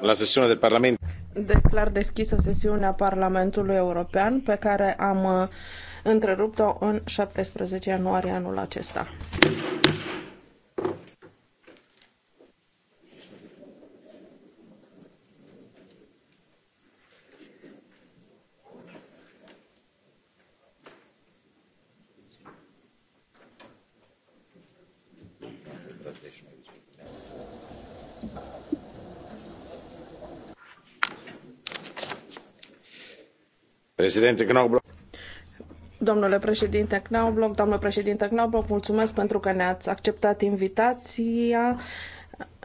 la Declar deschisă sesiunea Parlamentului European pe care am uh, întrerupt-o în șaptesprezece ianuarie anul acesta. președinte Domnule președinte Knobloch, domnule președinte Knobloch, mulțumesc pentru că ne-ați acceptat invitația.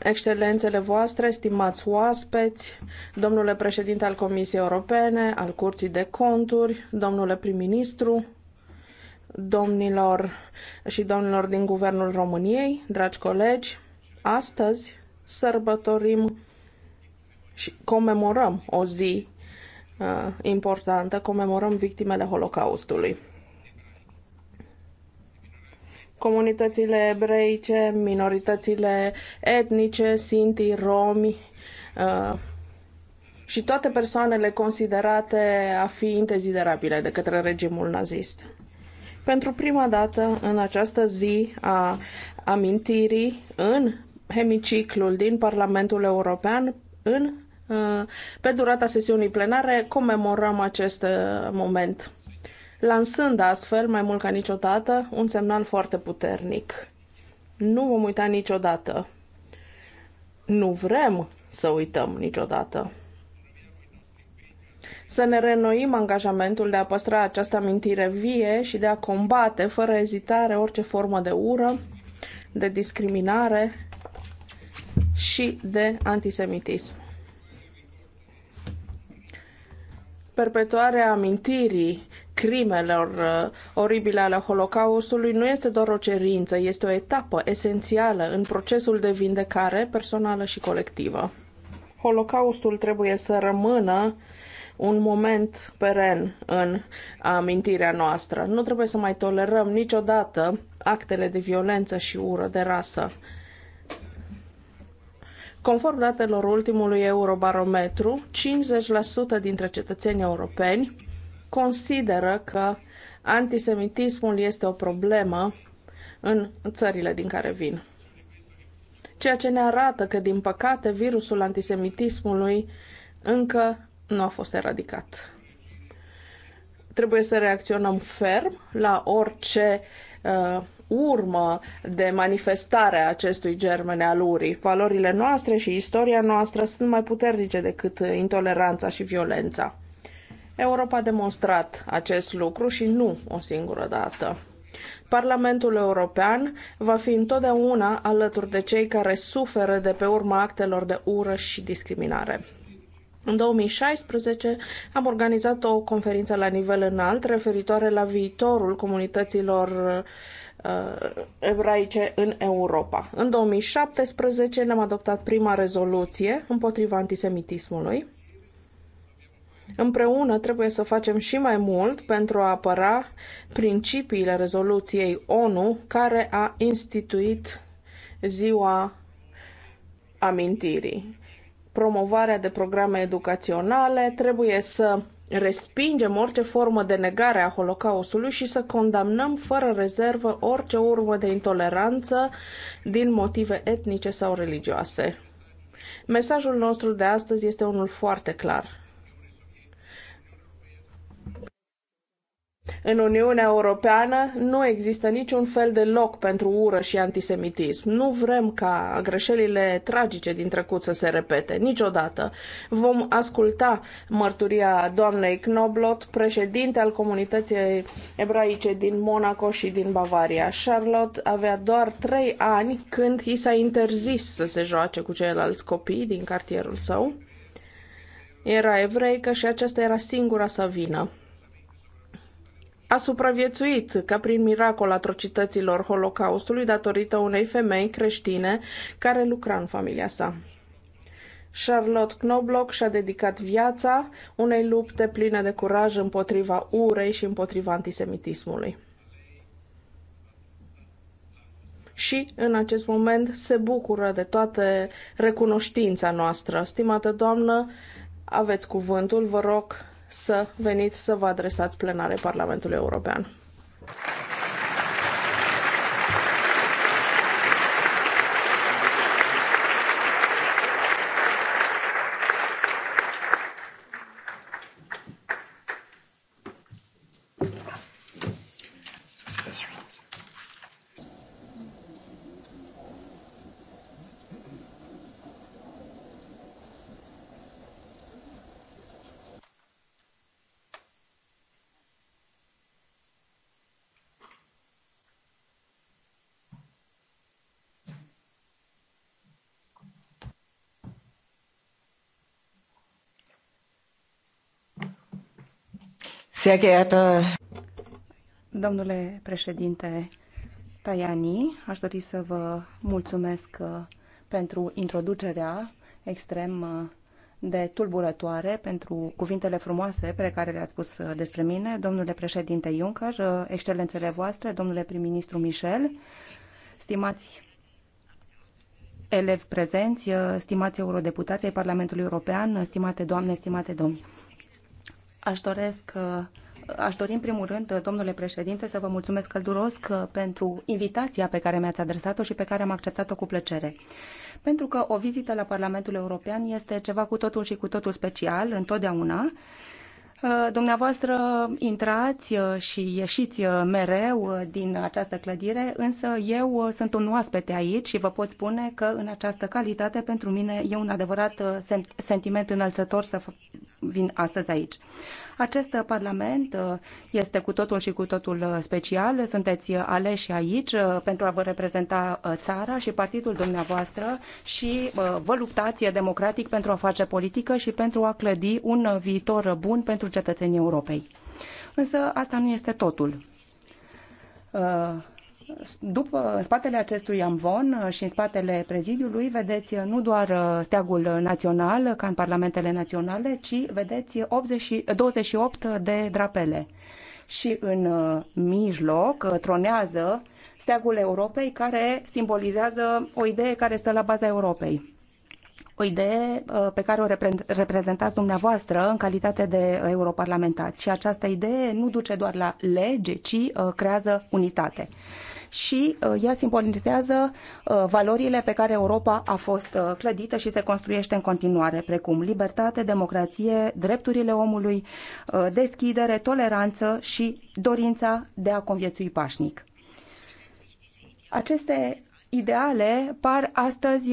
Excelențele voastre, stimați oaspeți, domnule președinte al Comisiei Europene, al Curții de Conturi, domnule prim-ministru, domnilor și domnilor din Guvernul României, dragi colegi, astăzi sărbătorim și comemorăm o zi uh, importantă, comemorăm victimele Holocaustului. Comunitățile ebreice, minoritățile etnice, sinti, romi uh, și toate persoanele considerate a fi inteziderabile de către regimul nazist. Pentru prima dată în această zi a amintirii în hemiciclul din Parlamentul European, în Uh, pe durata sesiunii plenare comemorăm acest uh, moment, lansând astfel, mai mult ca niciodată, un semnal foarte puternic. Nu vom uita niciodată. Nu vrem să uităm niciodată să ne renoim angajamentul de a păstra această amintire vie și de a combate fără ezitare orice formă de ură, de discriminare și de antisemitism. perpetuarea amintirii crimelor uh, oribile ale Holocaustului nu este doar o cerință, este o etapă esențială în procesul de vindecare personală și colectivă. Holocaustul trebuie să rămână un moment peren în amintirea noastră. Nu trebuie să mai tolerăm niciodată actele de violență și ură de rasă Conform datelor ultimului Eurobarometru, 50% dintre cetățenii europeni consideră că antisemitismul este o problemă în țările din care vin. Ceea ce ne arată că, din păcate, virusul antisemitismului încă nu a fost eradicat. Trebuie să reacționăm ferm la orice uh, urmă de a acestui germen al urii. Valorile noastre și istoria noastră sunt mai puternice decât intoleranța și violența. Europa a demonstrat acest lucru și nu o singură dată. Parlamentul European va fi întotdeauna alături de cei care suferă de pe urma actelor de ură și discriminare. În 2016 am organizat o conferință la nivel înalt referitoare la viitorul comunităților uh, ebraice în Europa. În 2017 ne-am adoptat prima rezoluție împotriva antisemitismului. Împreună trebuie să facem și mai mult pentru a apăra principiile rezoluției ONU care a instituit ziua amintirii. Promovarea de programe educaționale trebuie să respingem orice formă de negare a Holocaustului și să condamnăm fără rezervă orice urmă de intoleranță din motive etnice sau religioase. Mesajul nostru de astăzi este unul foarte clar. În Uniunea Europeană nu există niciun fel de loc pentru ură și antisemitism. Nu vrem ca greșelile tragice din trecut să se repete, niciodată. Vom asculta mărturia doamnei Knoblot, președinte al comunității ebraice din Monaco și din Bavaria. Charlotte avea doar trei ani când i s-a interzis să se joace cu ceilalți copii din cartierul său. Era evreică și aceasta era singura sa vină a supraviețuit ca prin miracol atrocităților Holocaustului datorită unei femei creștine care lucra în familia sa. Charlotte Knobloch și-a dedicat viața unei lupte pline de curaj împotriva urei și împotriva antisemitismului. Și, în acest moment, se bucură de toată recunoștința noastră. Stimată doamnă, aveți cuvântul, vă rog să veniți să vă adresați plenare Parlamentului European. Sehr geehrter Domnule președinte Tajani, aș dori să vă mulțumesc uh, pentru introducerea extrem uh, de tulburătoare pentru cuvintele frumoase pe care le-ați spus uh, despre mine, domnule președinte Juncker, excelențele voastre, domnule prim-ministru Michel, stimați elevi prezenți, stimați eurodeputații ai Parlamentului European, stimate doamne, stimate domni. Aș doresc uh, Aș dori în primul rând, uh, domnule președinte, să vă mulțumesc călduros uh, pentru invitația pe care mi-ați adresat-o și pe care am acceptat-o cu plăcere. Pentru că o vizită la Parlamentul European este ceva cu totul și cu totul special, întotdeauna, Dumneavoastră intrați și ieșiți mereu din această clădire, însă eu sunt un oaspete aici și vă pot spune că în această calitate pentru mine e un adevărat sentiment înălțător să vin astăzi aici. Acest Parlament uh, este cu totul și cu totul uh, special. Sunteți uh, aleși aici pentru a vă reprezenta țara și partidul dumneavoastră și vă luptați democratic pentru a face politică și pentru a clădi un viitor bun pentru cetățenii Europei. Însă asta nu este totul după, în spatele acestui amvon uh, și în spatele prezidiului vedeți uh, nu doar uh, steagul național, ca în parlamentele naționale, ci vedeți 80, 28 de drapele. Și în mijloc tronează steagul Europei, care simbolizează o idee care stă la baza Europei o idee pe care o reprezentați dumneavoastră în calitate de europarlamentați. Și această idee nu duce doar la lege, ci creează unitate și uh, ea simbolizează uh, valorile pe care Europa a fost uh, clădită și se construiește în continuare, precum libertate, democrație, drepturile omului, deschidere, toleranță și dorința de a conviețui pașnic. Aceste ideale par astăzi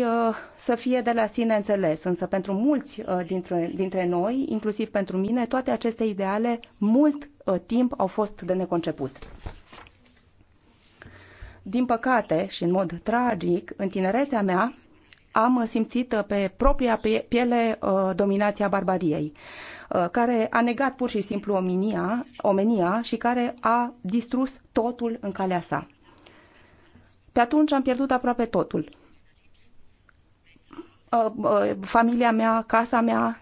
să fie de la sine înțeles, însă pentru mulți dintre, dintre noi, inclusiv pentru mine, toate aceste ideale mult timp au fost de neconceput. Din păcate și în mod tragic, în tinerețea mea am simțit uh, pe propria piele uh, dominația barbariei, uh, care a negat pur și simplu omenia, omenia și care a distrus totul în calea sa. Pe atunci am pierdut aproape totul. Familia mea, casa mea,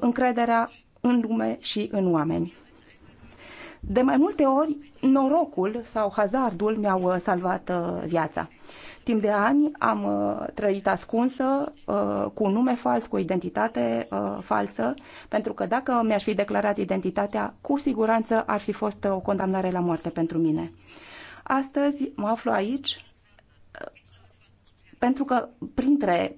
încrederea în lume și în oameni. De mai multe ori, norocul sau hazardul mi-au uh, salvat uh, viața. Timp de ani am uh, trăit ascunsă, cu nume fals, cu identitate falsă, pentru că dacă mi-aș fi declarat identitatea, cu siguranță ar fi fost o condamnare la moarte pentru mine. Astăzi mă aflu aici pentru că printre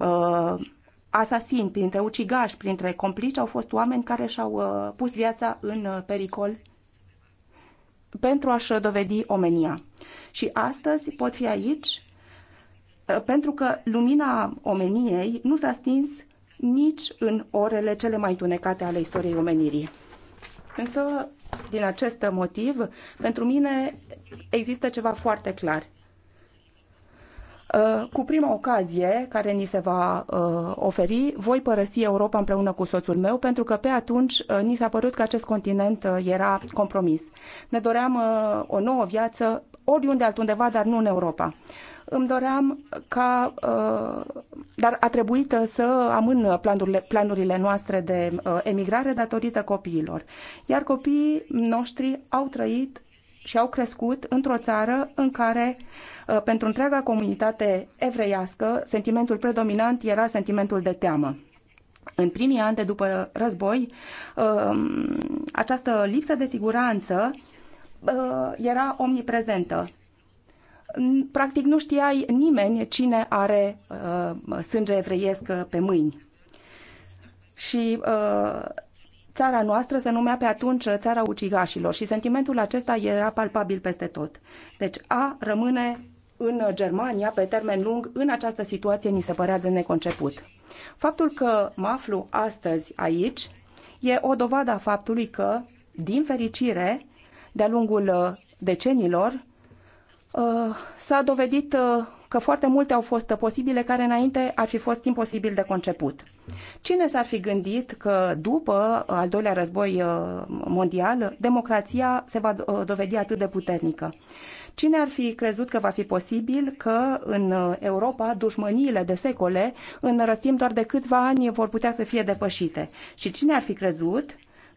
asasini, printre ucigași, printre complici au fost oameni care și-au pus viața în pericol pentru a-și dovedi omenia. Și astăzi pot fi aici uh, pentru că lumina omeniei nu s-a stins nici în orele cele mai tunecate ale istoriei omenirii. Însă, din acest motiv, pentru mine există ceva foarte clar. Uh, cu prima ocazie care ni se va uh, oferi, voi părăsi Europa împreună cu soțul meu, pentru că pe atunci uh, ni s-a părut că acest continent era compromis. Ne doream o nouă viață oriunde altundeva, dar nu în Europa îmi doream ca. Dar a trebuit să amân planurile, planurile noastre de emigrare datorită copiilor. Iar copiii noștri au trăit și au crescut într-o țară în care, uh, pentru întreaga comunitate evreiască, sentimentul predominant era sentimentul de teamă. În primii ani de după război, um, această lipsă de siguranță uh, era omniprezentă. Practic nu știai nimeni cine are uh, sânge evreiesc pe mâini. Și Țara noastră se numea pe atunci țara ucigașilor și sentimentul acesta era palpabil peste tot. Deci a rămâne în Germania pe termen lung în această situație ni se părea de neconceput. Faptul că mă aflu astăzi aici e o dovadă a faptului că, din fericire, de-a lungul uh, decenilor, uh, s-a dovedit uh, că foarte multe au fost posibile care înainte ar fi fost imposibil de conceput. Cine s-ar fi gândit că după al doilea război uh, mondial, democrația se va uh, dovedi atât de puternică? Cine ar fi crezut că va fi posibil că în uh, Europa dușmăniile de secole, în răstim doar de câțiva ani, vor putea să fie depășite? Și cine ar fi crezut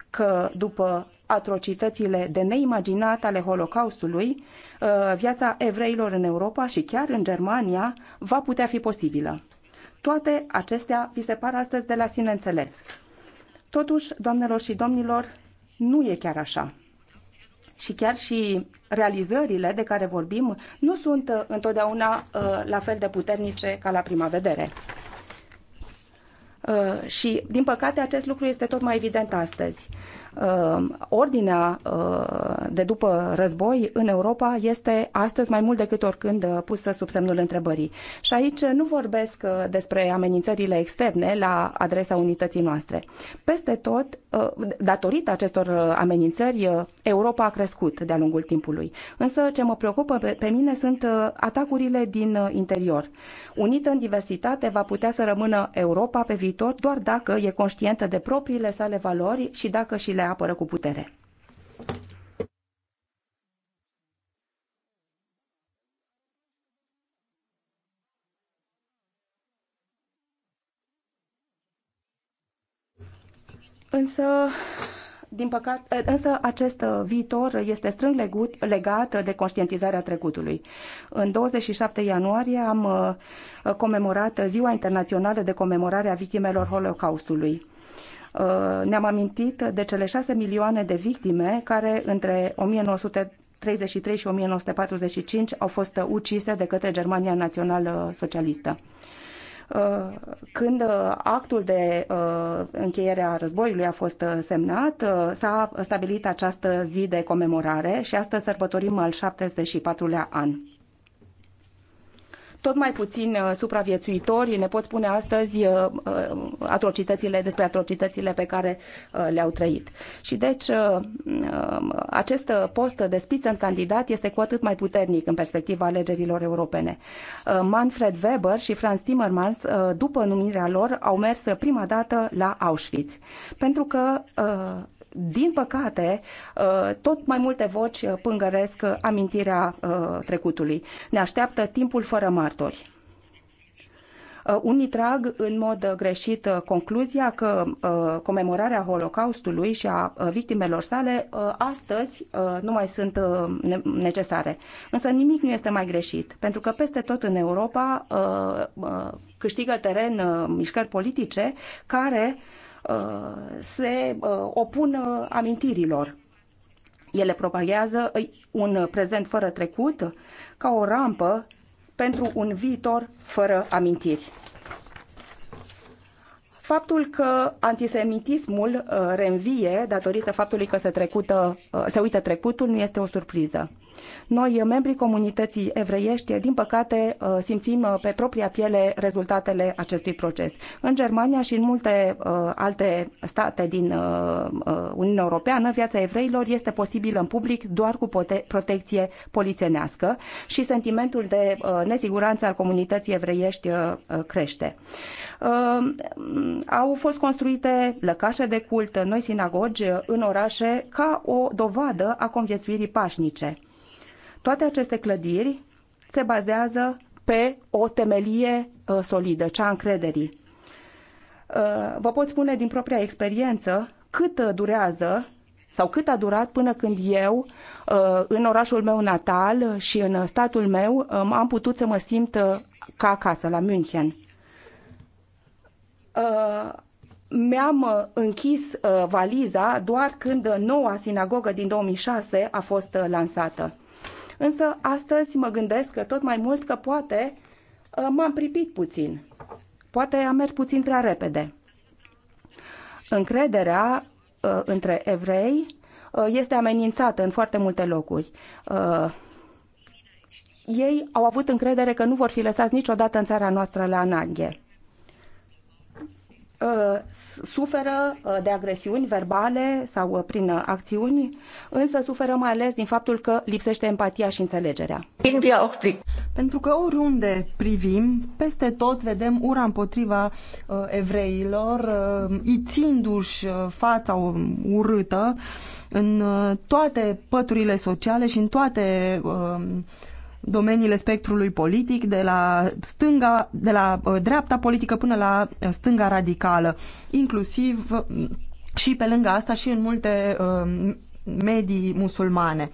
că după atrocitățile de neimaginat ale Holocaustului, Uh, viața evreilor în Europa și chiar în Germania va putea fi posibilă. Toate acestea vi se par astăzi de la sine înțeles. Totuși, doamnelor și domnilor, nu e chiar așa. Și chiar și realizările de care vorbim nu sunt uh, întotdeauna uh, la fel de puternice ca la prima vedere. Și, din păcate, acest lucru este tot mai evident astăzi. Ehm, ordinea ehm, de după război în Europa este astăzi mai mult decât oricând eh, pusă sub semnul întrebării. Și aici eh, nu vorbesc eh, despre amenințările externe la adresa unității noastre. Peste tot, datorită acestor amenințări, Europa a crescut de-a lungul timpului. Însă ce mă preocupă pe mine sunt atacurile din interior. Unită în diversitate va putea să rămână Europa pe viitor doar dacă e conștientă de propriile sale valori și dacă și le le apără cu putere. Însă, din păcate, eh, însă acest eh, viitor este strâng legut, legat de conștientizarea trecutului. În 27 ianuarie am eh, comemorat Ziua Internațională de Comemorare a Victimelor Holocaustului Uh, ne-am amintit de cele 6 milioane de victime care între 1900 33 și 1945 au fost ucise de către Germania Națională Socialistă. Uh, când uh, actul de încheiere a războiului a fost semnat, s-a stabilit această zi de comemorare și astăzi sărbătorim al 74-lea an tot mai puțin uh, supraviețuitori ne pot spune astăzi uh, uh, atrocitățile, despre atrocitățile pe care le-au trăit. Și deci um, acest post de spiță candidat este cu atât mai puternic în perspectiva alegerilor europene. Manfred Weber și Franz Timmermans, după numirea lor, au mers prima dată la Auschwitz, pentru că din păcate, uh, tot mai multe voci pângăresc amintirea uh, trecutului. Ne așteaptă timpul fără martori. Uh, unii trag în mod greșit concluzia că comemorarea Holocaustului și a victimelor sale astăzi nu mai sunt necesare. Însă nimic nu este mai greșit, pentru că peste tot în Europa câștigă teren mișcări politice care Uh, se uh, opun uh, amintirilor. Ele propagează un prezent fără trecut ca o rampă pentru un viitor fără amintiri. Faptul că antisemitismul reînvie datorită faptului că se, trecută, se uită trecutul nu este o surpriză. Noi, membrii comunității evreiești, din păcate, uh, simțim uh, pe propria piele rezultatele acestui proces. În Germania și în multe uh, alte state din Uniunea Europeană, viața evreilor este posibilă în public doar cu protecție polițienească și sentimentul de nesiguranță al comunității evreiești crește. Au fost construite lăcașe de cult, noi sinagogi în orașe ca o dovadă a conviețuirii pașnice. Toate aceste clădiri se bazează pe o temelie uh, solidă, cea a încrederii. Uh, vă pot spune din propria experiență cât uh, durează sau cât a durat până când eu, în orașul meu natal și în statul meu, um, am putut să mă simt ca acasă, la München. Mi-am închis valiza doar când noua sinagogă din 2006 a fost lansată. Însă astăzi mă gândesc că tot mai mult că poate uh, m-am pripit puțin. Poate am mers puțin prea repede. Încrederea uh, între evrei uh, este amenințată în foarte multe locuri. Ei au avut încredere că nu vor fi lăsați niciodată în țara noastră la anaghe. Uh, suferă uh, de agresiuni verbale sau uh, prin acțiuni, însă suferă mai ales din faptul că lipsește empatia și înțelegerea. Pentru că oriunde privim, peste tot vedem ura împotriva evreilor, ițindu-și fața um, urâtă în toate păturile sociale și în toate uh, domeniile spectrului politic, de la stânga, de la uh, dreapta politică până la uh, stânga radicală, inclusiv mm, și pe lângă asta și în multe uh, medii musulmane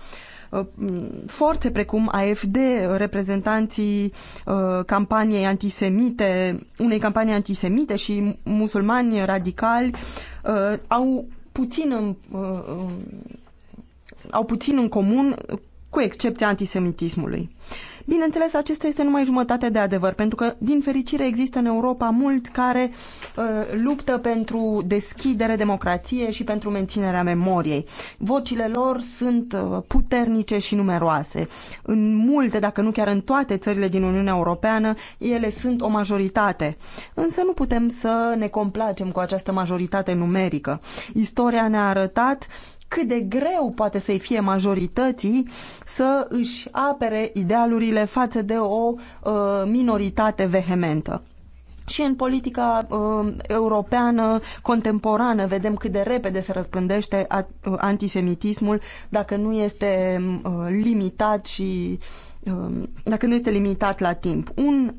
mm, forțe precum AFD, reprezentanții campaniei antisemite, unei campanii antisemite și musulmani radicali au puțin în, au puțin în comun cu excepția antisemitismului. Bineînțeles, acesta este numai jumătate de adevăr, pentru că, din fericire, există în Europa mult care uh, luptă pentru deschidere, democrație și pentru menținerea memoriei. Vocile lor sunt uh, puternice și numeroase. În multe, dacă nu chiar în toate țările din Uniunea Europeană, ele sunt o majoritate. Însă nu putem să ne complacem cu această majoritate numerică. Istoria ne-a arătat cât de greu poate să-i fie majorității să își apere idealurile față de o uh, minoritate vehementă. Și în politica uh, europeană contemporană vedem cât de repede se răspândește a, uh, antisemitismul dacă nu este uh, limitat și uh, dacă nu este limitat la timp. Un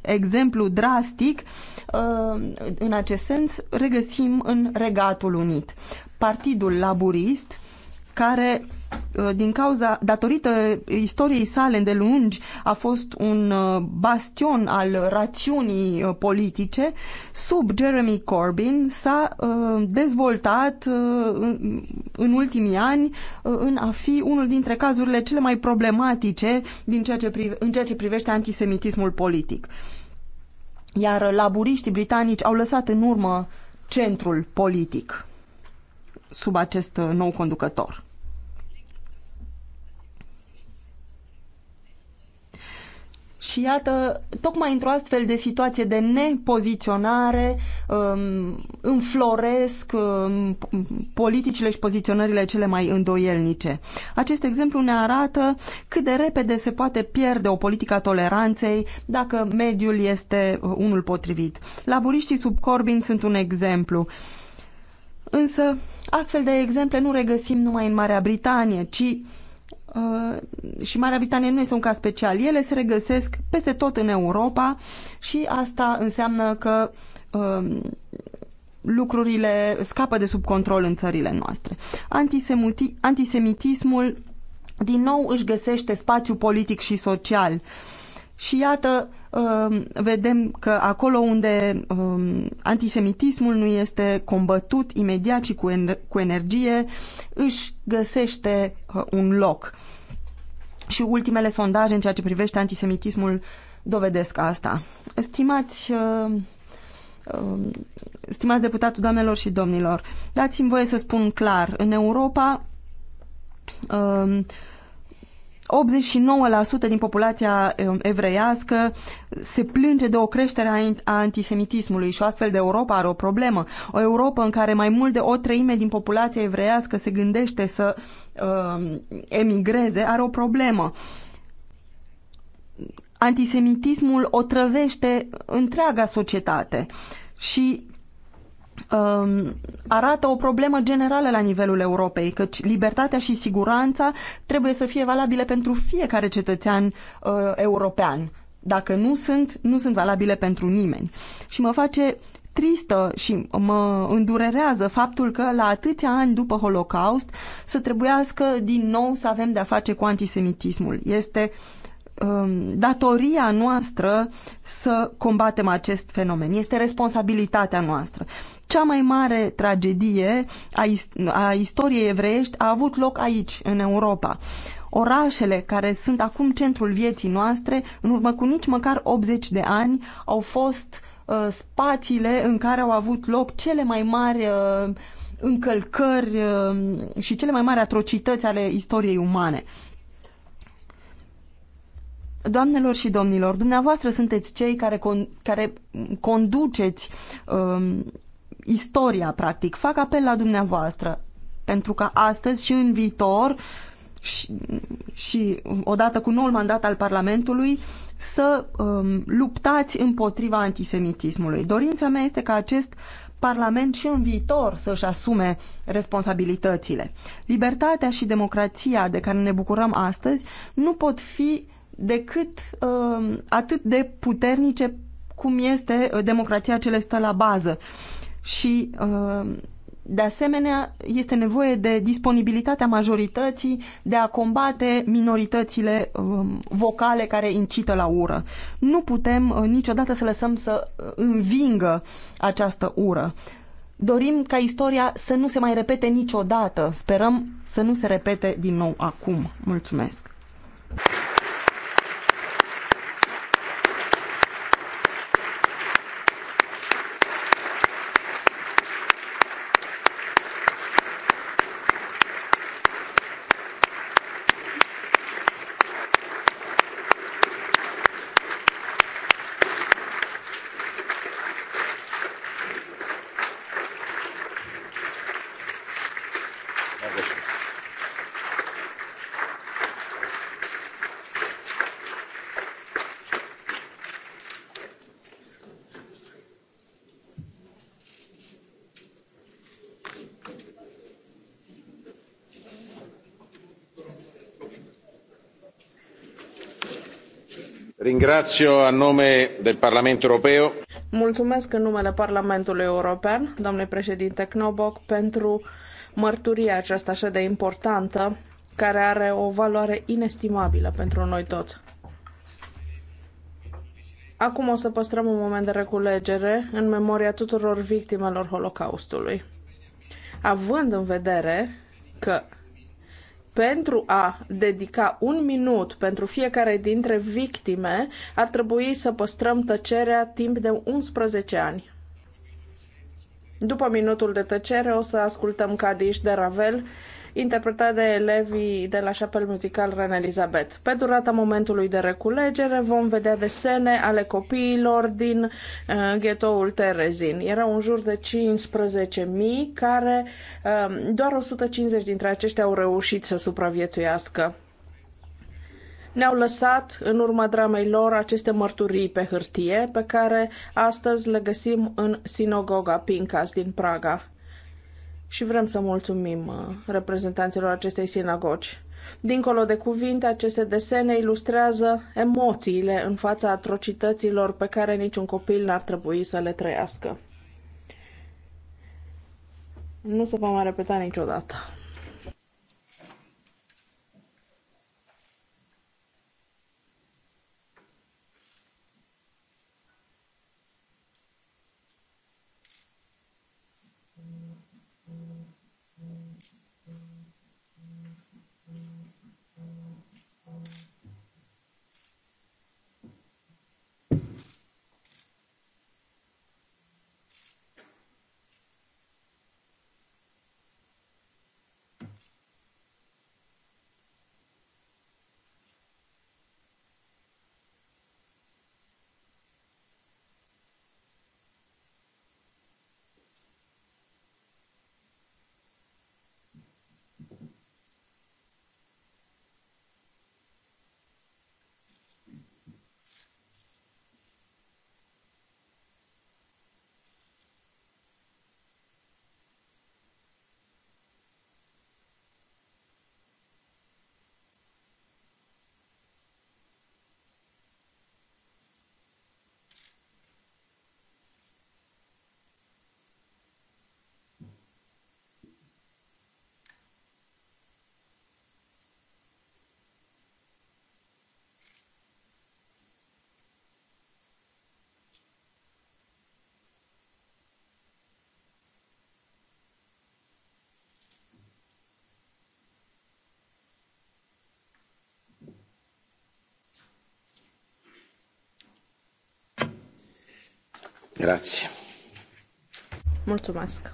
exemplu drastic uh, în acest sens regăsim în Regatul Unit. Partidul Laburist, care uh, din cauza, datorită istoriei sale îndelungi, a fost un uh, bastion al rațiunii uh, politice, sub Jeremy Corbyn s-a dezvoltat în ultimii ani în a fi unul dintre cazurile cele mai problematice din ceea ce prive, în ceea ce privește antisemitismul politic. Iar laburiștii britanici au lăsat în urmă centrul politic sub acest uh, nou conducător. Și iată, tocmai într-o astfel de situație de nepoziționare um, înfloresc um, politicile și poziționările cele mai îndoielnice. Acest exemplu ne arată cât de repede se poate pierde o politică a toleranței dacă mediul este uh, unul potrivit. Laburiștii sub Corbyn sunt un exemplu. Însă, astfel de exemple nu regăsim numai în Marea Britanie, ci uh, și Marea Britanie nu este un caz special. Ele se regăsesc peste tot în Europa și asta înseamnă că uh, lucrurile scapă de sub control în țările noastre. Antisemiti- antisemitismul din nou își găsește spațiu politic și social. Uh, și iată, um, vedem că acolo unde um, antisemitismul nu este combătut imediat și cu energie, își găsește uh, un loc. Și ultimele sondaje în ceea ce privește antisemitismul dovedesc asta. Uh, um, stimați stimați deputatul doamnelor și domnilor, dați-mi voie să spun clar, în Europa 89% din populația um, evreiască se plânge de o creștere a antisemitismului și astfel de Europa are o problemă. O Europa în care mai mult de o treime din populația evreiască se gândește să uh, emigreze are o problemă. Antisemitismul o trăvește întreaga societate și Um, arată o problemă generală la nivelul Europei, căci libertatea și siguranța trebuie să fie valabile pentru fiecare cetățean uh, european. Dacă nu sunt, nu sunt valabile pentru nimeni. Și mă face tristă și mă îndurerează faptul că la atâția ani după Holocaust să trebuiască din nou să avem de-a face cu antisemitismul. Este um, datoria noastră să combatem acest fenomen. Este responsabilitatea noastră. Cea mai mare tragedie a, ist a istoriei evreiești a avut loc aici, în Europa. Orașele care sunt acum centrul vieții noastre, în urmă cu nici măcar 80 de ani, au fost uh, spațiile în care au avut loc cele mai mari uh, încălcări uh, și cele mai mari atrocități ale istoriei umane. Doamnelor și domnilor, dumneavoastră sunteți cei care, con care conduceți uh, istoria, practic. Fac apel la dumneavoastră, pentru că astăzi și în viitor și, și odată cu noul mandat al Parlamentului să um, luptați împotriva antisemitismului. Dorința mea este ca acest Parlament și în viitor să-și asume responsabilitățile. Libertatea și democrația de care ne bucurăm astăzi nu pot fi decât um, atât de puternice cum este uh, democrația ce le stă la bază. Uh, și uh, de asemenea este nevoie de disponibilitatea majorității de a combate minoritățile um, vocale care incită la ură. Nu putem uh, niciodată să lăsăm să uh, învingă această ură. Dorim ca istoria să nu se mai repete niciodată. Sperăm să nu se repete din nou acum. Mulțumesc! Ringrazio a nome del Parlamento Europeo. Mulțumesc în numele Parlamentului European, domnule președinte Knoboc, pentru mărturia aceasta așa de importantă, care are o valoare inestimabilă pentru noi toți. Acum o să păstrăm un moment de reculegere în memoria tuturor victimelor Holocaustului. Având în vedere că pentru a dedica un minut pentru fiecare dintre victime, ar trebui să păstrăm tăcerea timp de 11 ani. După minutul de tăcere o să ascultăm Cadiș de Ravel, interpretat de elevii de la șapel muzical Reina Elizabeth. Pe durata momentului de reculegere vom vedea desene ale copiilor din uh, ghetoul Terezin. Erau în jur de 15.000 care uh, doar 150 dintre aceștia au reușit să supraviețuiască. Ne-au lăsat în urma dramei lor aceste mărturii pe hârtie, pe care astăzi le găsim în sinagoga Pincas din Praga și vrem să mulțumim uh, reprezentanților acestei sinagogi. Dincolo de cuvinte, aceste desene ilustrează emoțiile în fața atrocităților pe care niciun copil n-ar trebui să le trăiască. Nu se va mai repeta niciodată. Grazie. Mulțumesc.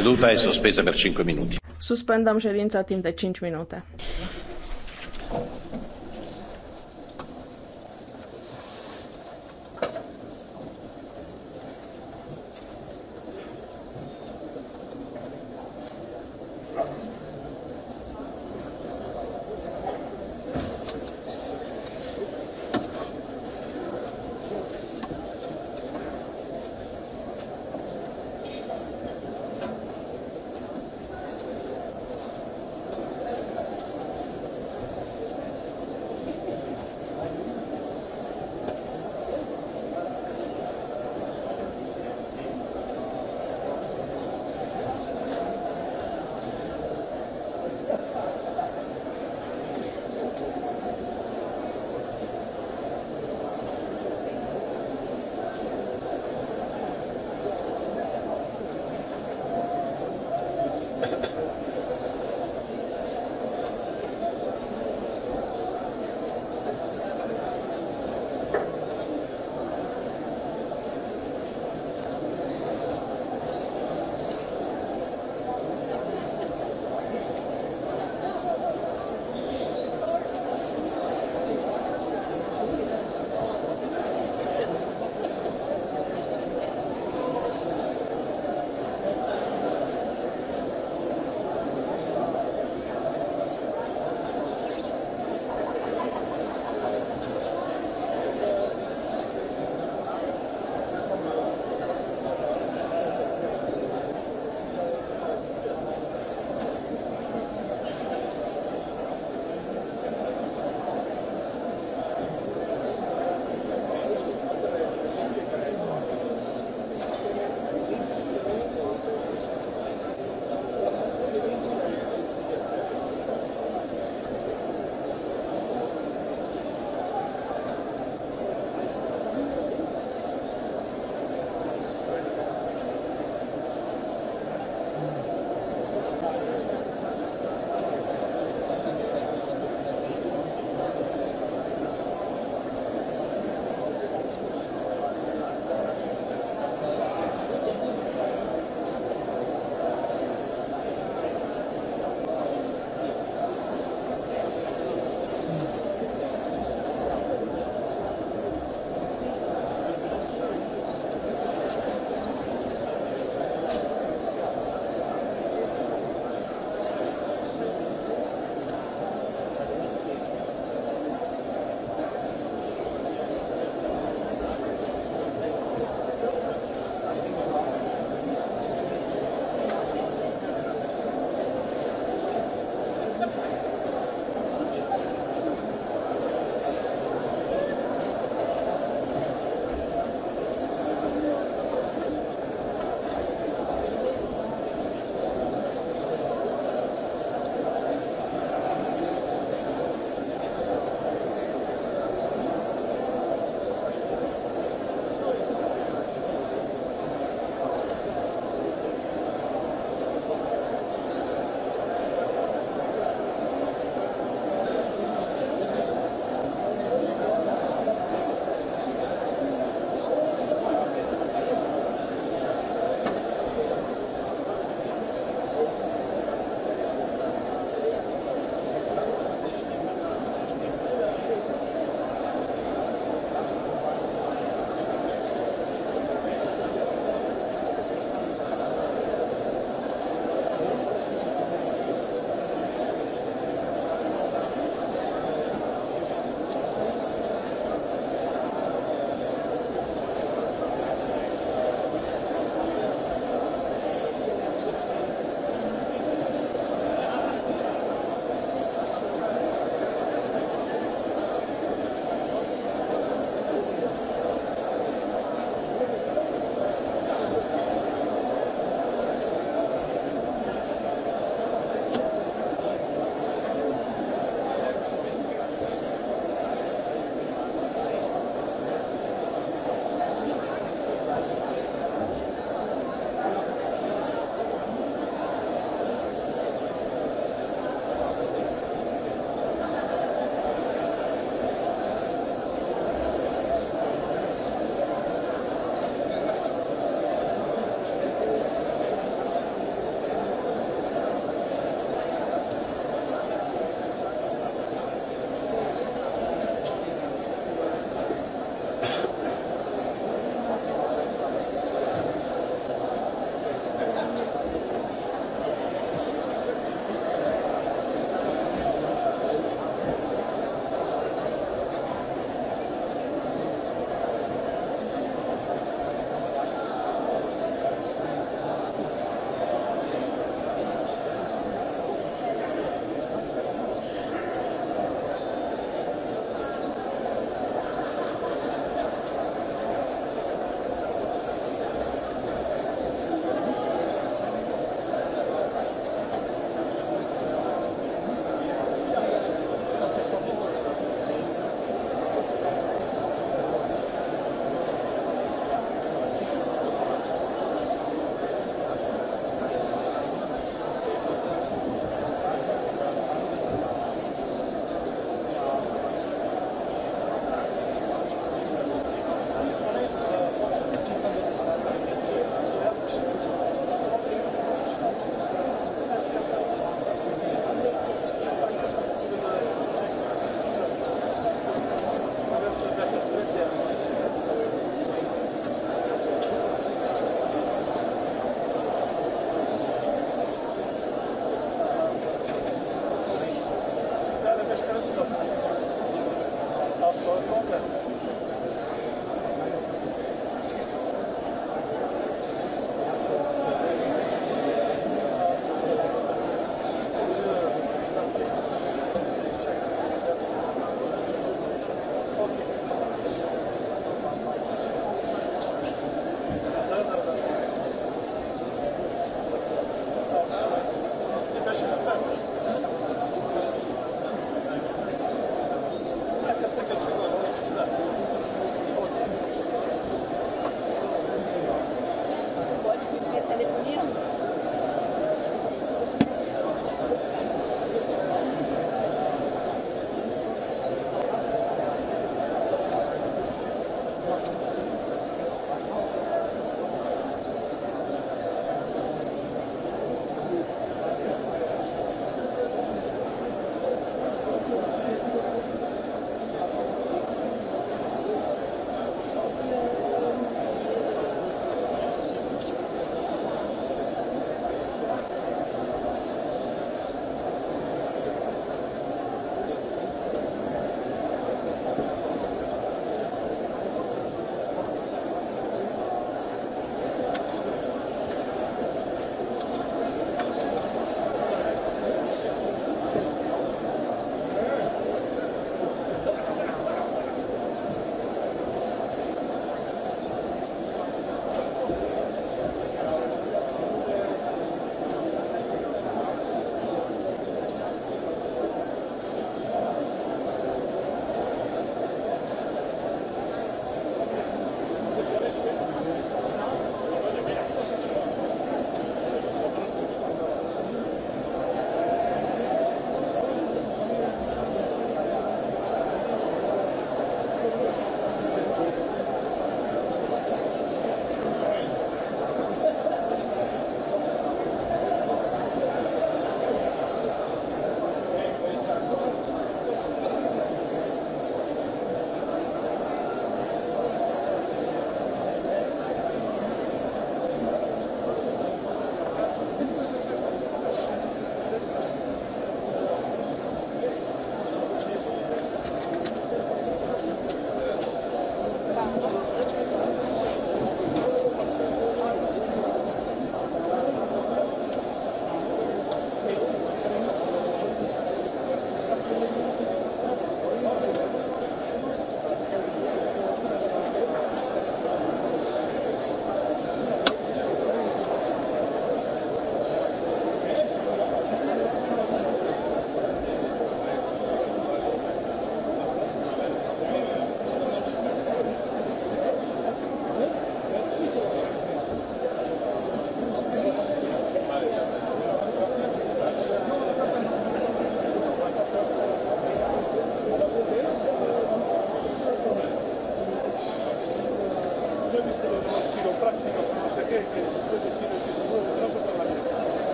seduta e sospesă per cinci minute. Suspendăm ședința timp de 5 minute.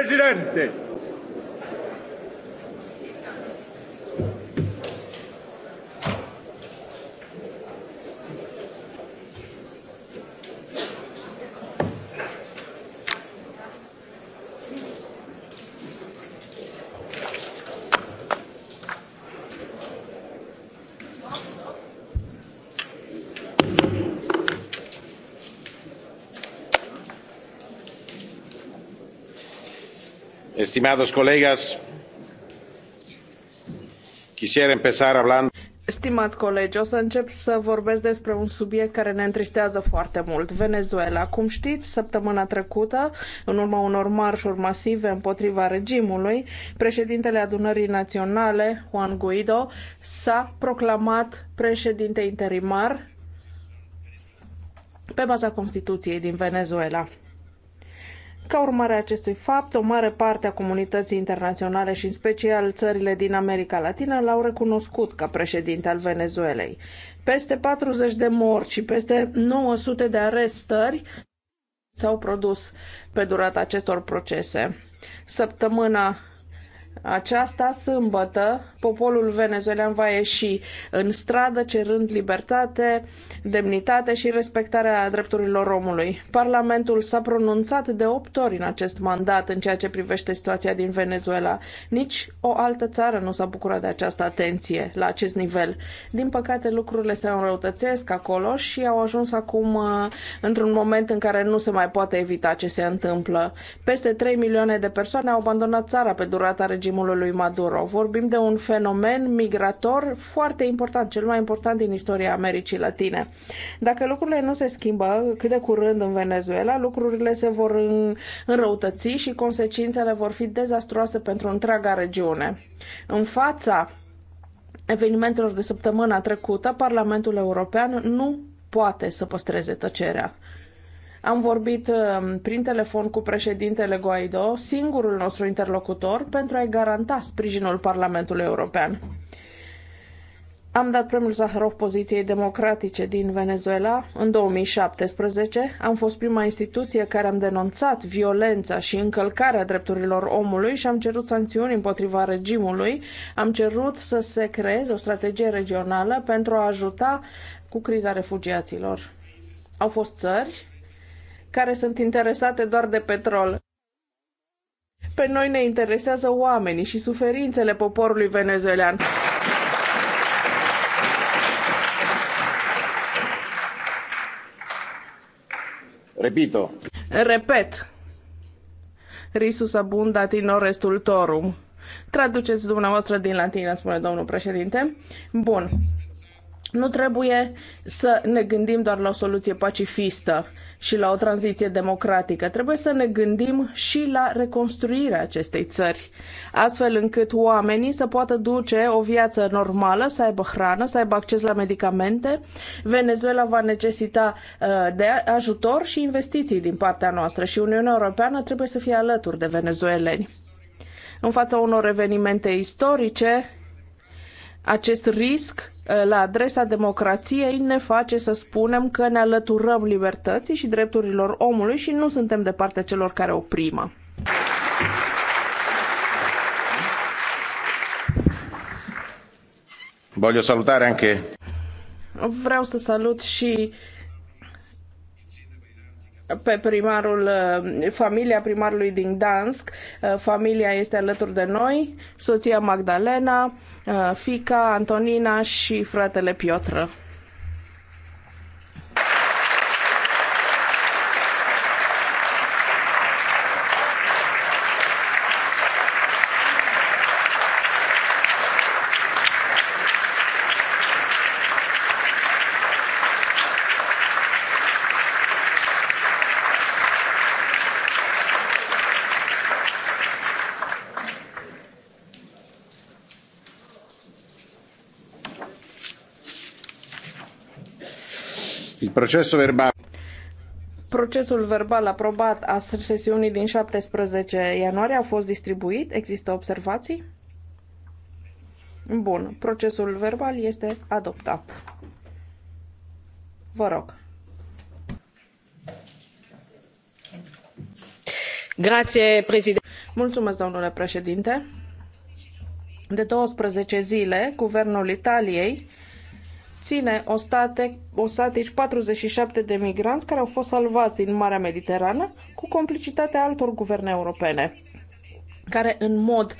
Presidente! Estimados colegas, quisiera empezar hablando. Stimați colegi, o să încep să vorbesc despre un subiect care ne întristează foarte mult, Venezuela. Cum știți, săptămâna trecută, în urma unor marșuri masive împotriva regimului, președintele Adunării Naționale, Juan Guaido, s-a proclamat președinte interimar pe baza Constituției din Venezuela urmare a acestui fapt, o mare parte a comunității internaționale și în special țările din America Latină l-au recunoscut ca președinte al Venezuelei. Peste 40 de morți și peste 900 de arestări s-au produs pe durata acestor procese. Săptămâna aceasta, sâmbătă, poporul venezuelan va ieși în stradă cerând libertate, demnitate și respectarea drepturilor omului. Parlamentul s-a pronunțat de opt ori în acest mandat în ceea ce privește situația din Venezuela. Nici o altă țară nu s-a bucurat de această atenție la acest nivel. Din păcate, lucrurile se înrăutățesc acolo și au ajuns acum uh, într-un moment în care nu se mai poate evita ce se întâmplă. Peste 3 milioane de persoane au abandonat țara pe durata regimului lui Maduro. Vorbim de un fenomen migrator foarte important, cel mai important din istoria Americii Latine. Dacă lucrurile nu se schimbă cât de curând în Venezuela, lucrurile se vor înrăutăți și consecințele vor fi dezastroase pentru întreaga regiune. În fața evenimentelor de săptămâna trecută, Parlamentul European nu poate să păstreze tăcerea. Am vorbit um, prin telefon cu președintele Guaido, singurul nostru interlocutor, pentru a-i garanta sprijinul Parlamentului European. Am dat premiul Zaharov poziției democratice din Venezuela în 2017. Am fost prima instituție care am denunțat violența și încălcarea drepturilor omului și am cerut sancțiuni împotriva regimului. Am cerut să se creeze o strategie regională pentru a ajuta cu criza refugiaților. Au fost țări care sunt interesate doar de petrol. Pe noi ne interesează oamenii și suferințele poporului venezuelan. Repito. Repet. Risus abundat in orestul torum. Traduceți dumneavoastră din latină, spune domnul președinte. Bun. Nu trebuie să ne gândim doar la o soluție pacifistă și la o tranziție democratică. Trebuie să ne gândim și la reconstruirea acestei țări, astfel încât oamenii să poată duce o viață normală, să aibă hrană, să aibă acces la medicamente. Venezuela va necesita uh, de ajutor și investiții din partea noastră și Uniunea Europeană trebuie să fie alături de venezueleni. În fața unor evenimente istorice, acest risc uh, la adresa democrației ne face să spunem că ne alăturăm libertății și drepturilor omului și nu suntem de partea celor care oprimă. Voglio salutare anche. Vreau să salut și pe primarul, eh, familia primarului din Dansk. Eh, familia este alături de noi, soția Magdalena, eh, fica Antonina și fratele Piotr. Procesul verbal. Procesul verbal aprobat a sesiunii din 17 ianuarie a fost distribuit. Există observații? Bun. Procesul verbal este adoptat. Vă rog. Grație, președinte. Mulțumesc, domnule președinte. De 12 zile, Guvernul Italiei ține ostate, ostatici 47 de migranți care au fost salvați din Marea Mediterană cu complicitatea altor guverne europene care în mod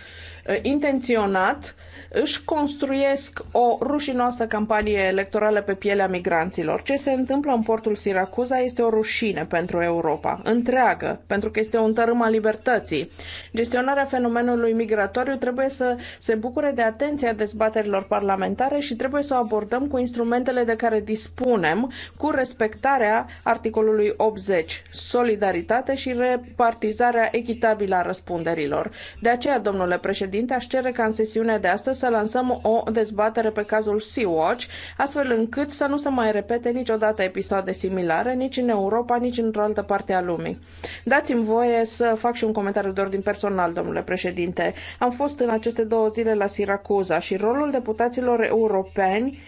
Uh, intenționat își construiesc o rușinoasă campanie electorală pe pielea migranților. Ce se întâmplă în portul Siracuza este o rușine pentru Europa, întreagă, pentru că este un tărâm al libertății. Gestionarea fenomenului migratoriu trebuie să se bucure de atenția dezbaterilor parlamentare și trebuie să o abordăm cu instrumentele de care dispunem, cu respectarea articolului 80, solidaritate și repartizarea echitabilă a răspunderilor. De aceea, domnule președinte, președinte, aș cere ca în sesiunea de astăzi să lansăm o dezbatere pe cazul Sea-Watch, astfel încât să nu se mai repete niciodată episoade similare, nici în Europa, nici într-o altă parte a lumii. Dați-mi voie să fac și un comentariu doar din personal, domnule președinte. Am fost în aceste două zile la Siracuza și rolul deputaților europeni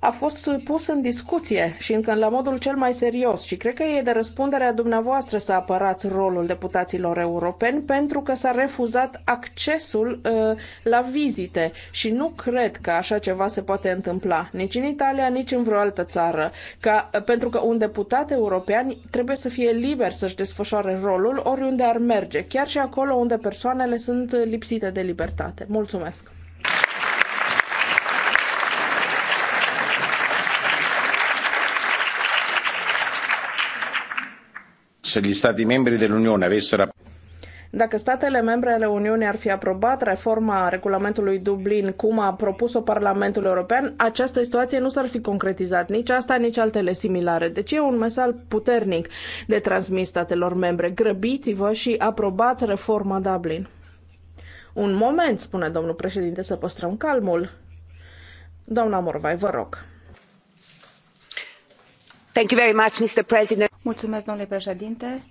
a fost pus în discuție și încă la modul cel mai serios și cred că e de răspunderea dumneavoastră să apărați rolul deputaților europeni pentru că s-a refuzat accesul uh, la vizite și nu cred că așa ceva se poate întâmpla nici în Italia, nici în vreo altă țară, ca, uh, pentru că un deputat european trebuie să fie liber să-și desfășoare rolul oriunde ar merge, chiar și acolo unde persoanele sunt lipsite de libertate. Mulțumesc! se gli stati membri dell'Unione avessero dacă statele membre ale Uniunii ar fi aprobat reforma regulamentului Dublin cum a propus-o Parlamentul European, această situație nu s-ar fi concretizat, nici asta, nici altele similare. Deci e un mesaj puternic de transmis statelor membre. Grăbiți-vă și aprobați reforma Dublin. Un moment, spune domnul președinte, să păstrăm calmul. Doamna Morvai, vă rog. Thank you very much, Mr. President. Mulțumesc, domnule președinte.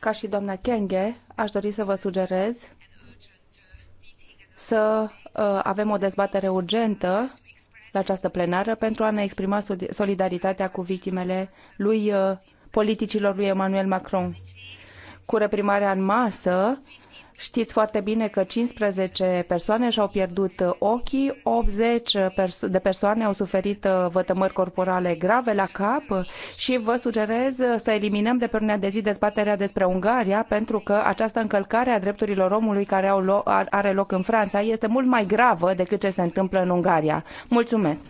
Ca și doamna Kenge, aș dori să vă sugerez să uh, avem o dezbatere urgentă la această plenară pentru a ne exprima solidaritatea cu victimele lui uh, politicilor lui Emmanuel Macron cu reprimarea în masă Știți foarte bine că 15 persoane și-au pierdut ochii, 80 de persoane au suferit uh, vătămări corporale grave la cap și vă sugerez să eliminăm de pe urmea de zi dezbaterea despre Ungaria pentru că această încălcare a drepturilor omului care au, are loc în Franța este mult mai gravă decât ce se întâmplă în Ungaria. Mulțumesc!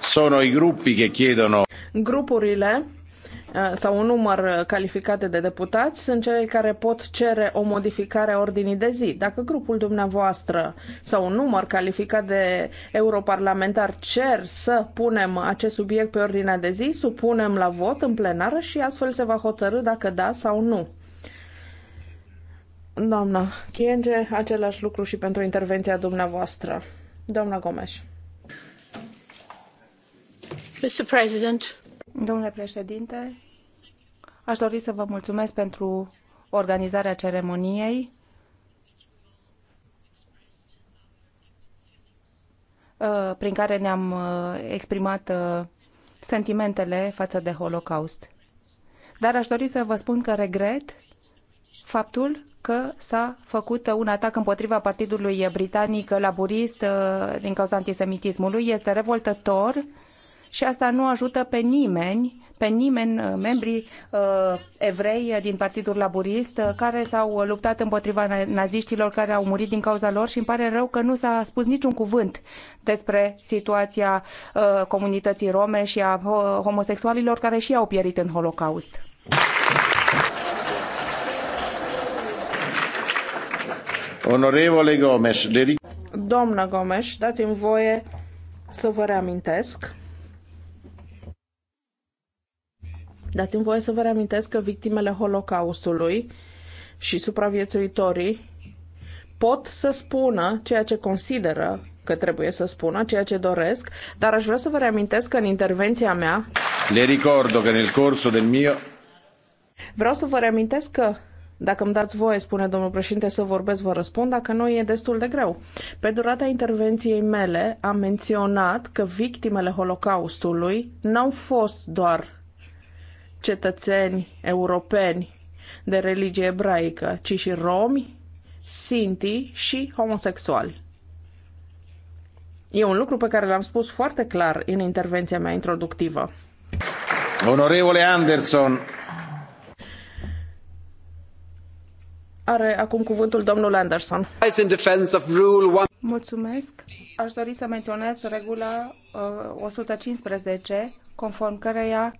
Sono i gruppi che chiedono. Grupurile Uh, sau un număr calificat de deputați sunt cele care pot cere o modificare a ordinii de zi. Dacă grupul dumneavoastră sau un număr calificat de europarlamentar cer să punem acest subiect pe ordinea de zi, supunem la vot în plenară și astfel se va hotărâ dacă da sau nu. Doamna Chienge, același lucru și pentru intervenția dumneavoastră. Doamna Gomes. Mr. President, Domnule președinte, aș dori să vă mulțumesc pentru organizarea ceremoniei. Uh, prin care ne-am uh, exprimat uh, sentimentele față de Holocaust. Dar aș dori să vă spun că regret faptul că s-a făcut un atac împotriva partidului britanic laburist din cauza antisemitismului. Este revoltător și asta nu ajută pe nimeni pe nimeni, uh, membrii uh, evrei din Partidul Laburist, uh, care s-au luptat împotriva naziștilor care au murit din cauza lor și îmi pare rău că nu s-a spus niciun cuvânt despre situația uh, comunității rome și a uh, homosexualilor care și au pierit în Holocaust. Onorevole Gomes, deri... Gomes, dați-mi voie să vă reamintesc Dați-mi voie să vă reamintesc că victimele Holocaustului și supraviețuitorii pot să spună ceea ce consideră că trebuie să spună, ceea ce doresc, dar aș vrea să vă reamintesc că în intervenția mea... Le ricordo că nel corso del mio... Vreau să vă reamintesc că dacă îmi dați voie, spune domnul președinte, să vorbesc, vă răspund, dacă nu e destul de greu. Pe durata intervenției mele am menționat că victimele Holocaustului n-au fost doar cetățeni europeni de religie ebraică, ci și romi, sinti și homosexuali. E un lucru pe care l-am spus foarte clar în intervenția mea introductivă. Onorevole Anderson. Are acum cuvântul domnul Anderson. Mulțumesc. Aș dori să menționez regula 115, uh, conform căreia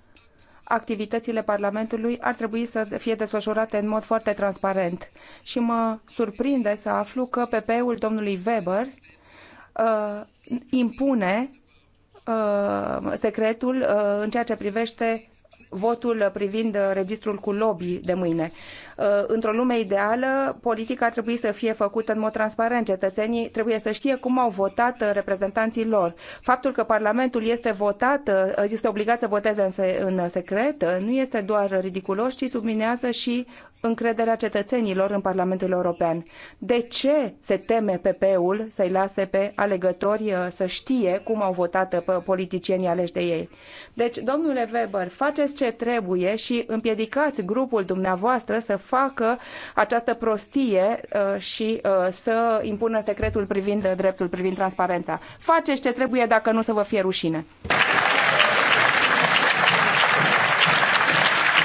activitățile Parlamentului ar trebui să fie desfășurate în mod foarte transparent. Și mă surprinde să aflu că PP-ul domnului Weber uh, impune uh, secretul uh, în ceea ce privește votul privind registrul cu lobby de mâine. Uh, într-o lume ideală, politica ar trebui să fie făcută în mod transparent. Cetățenii trebuie să știe cum au votat uh, reprezentanții lor. Faptul că Parlamentul este votat, uh, este obligat să voteze în secret, nu este doar ridiculos, ci subminează și încrederea cetățenilor în Parlamentul European. De ce se teme PP-ul să-i lase pe alegători să știe cum au votat politicienii aleși de ei? Deci, domnule Weber, faceți ce trebuie și împiedicați grupul dumneavoastră să facă această prostie uh, și uh, să impună secretul privind dreptul, privind transparența. Faceți ce trebuie dacă nu să vă fie rușine.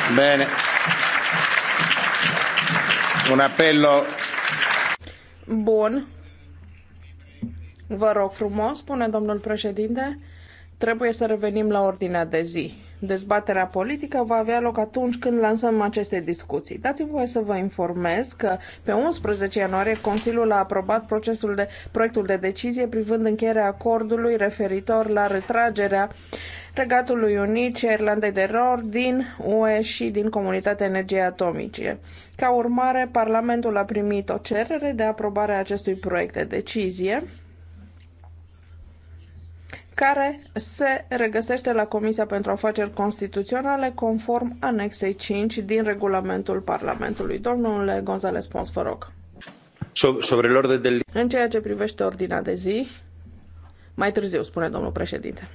Bine. Un apel Bun. Vă rog frumos, spune domnul președinte. Trebuie să revenim la ordinea de zi. Dezbaterea politică va avea loc atunci când lansăm aceste discuții. Dați-mi voie să vă informez că pe 11 ianuarie Consiliul a aprobat procesul de, proiectul de decizie privind încheierea acordului referitor la retragerea Regatului Unit și Irlandei de Nord din UE și din Comunitatea Energiei Atomice. Ca urmare, Parlamentul a primit o cerere de aprobare a acestui proiect de decizie care se regăsește la Comisia pentru Afaceri Constituționale conform anexei 5 din regulamentul Parlamentului. Domnule González Pons, vă rog. Sobre del... În ceea ce privește ordinea de zi, mai târziu, spune domnul președinte.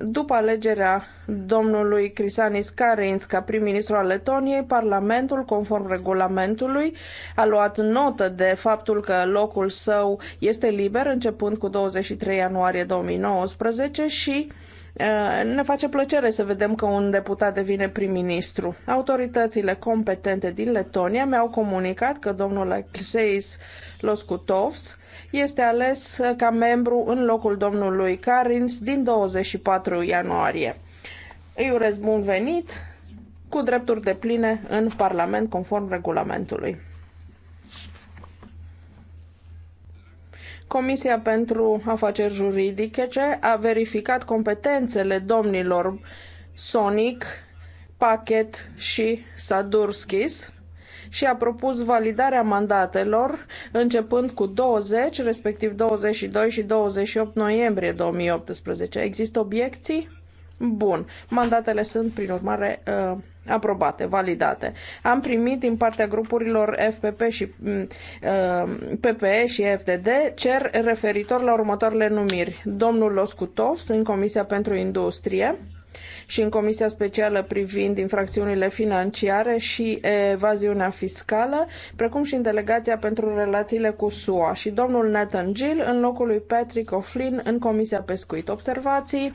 După alegerea domnului Crisanis Karins ca prim-ministru al Letoniei, Parlamentul, conform regulamentului, a luat notă de faptul că locul său este liber începând cu 23 ianuarie 2019 și ne face plăcere să vedem că un deputat devine prim-ministru. Autoritățile competente din Letonia mi-au comunicat că domnul Alexeis Loskutovs este ales ca membru în locul domnului Carins din 24 ianuarie. Îi urez bun venit cu drepturi de pline în Parlament conform regulamentului. Comisia pentru Afaceri Juridice a verificat competențele domnilor Sonic, Pachet și Sadurskis și a propus validarea mandatelor începând cu 20, respectiv 22 și 28 noiembrie 2018. Există obiecții? Bun. Mandatele sunt, prin urmare, uh, aprobate, validate. Am primit din partea grupurilor FPP și mm, uh, PPE și FDD cer referitor la următoarele numiri. Domnul Loscutov, sunt Comisia pentru Industrie și în Comisia Specială privind infracțiunile financiare și evaziunea fiscală, precum și în Delegația pentru Relațiile cu SUA și domnul Nathan Gill în locul lui Patrick O'Flynn în Comisia Pescuit. Observații?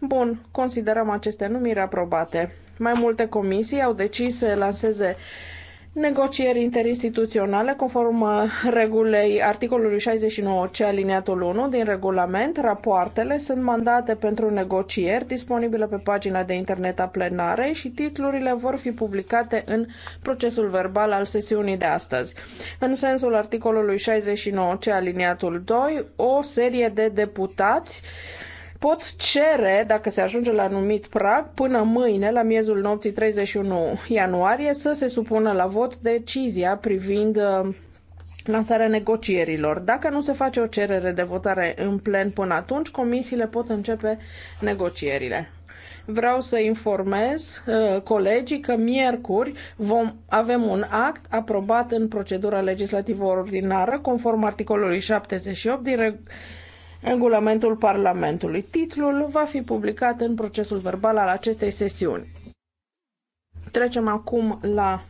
Bun, considerăm aceste numiri aprobate. Mai multe comisii au decis să lanseze negocieri interinstituționale conform uh, regulei articolului 69C aliniatul 1 din regulament. Rapoartele sunt mandate pentru negocieri disponibile pe pagina de internet a plenarei și titlurile vor fi publicate în procesul verbal al sesiunii de astăzi. În sensul articolului 69C aliniatul 2, o serie de deputați pot cere, dacă se ajunge la anumit prag, până mâine, la miezul nopții 31 ianuarie, să se supună la vot decizia privind uh, lansarea negocierilor. Dacă nu se face o cerere de votare în plen până atunci, comisiile pot începe negocierile. Vreau să informez uh, colegii că miercuri vom avem un act aprobat în procedura legislativă ordinară conform articolului 78 din regulamentul Parlamentului. Titlul va fi publicat în procesul verbal al acestei sesiuni. Trecem acum la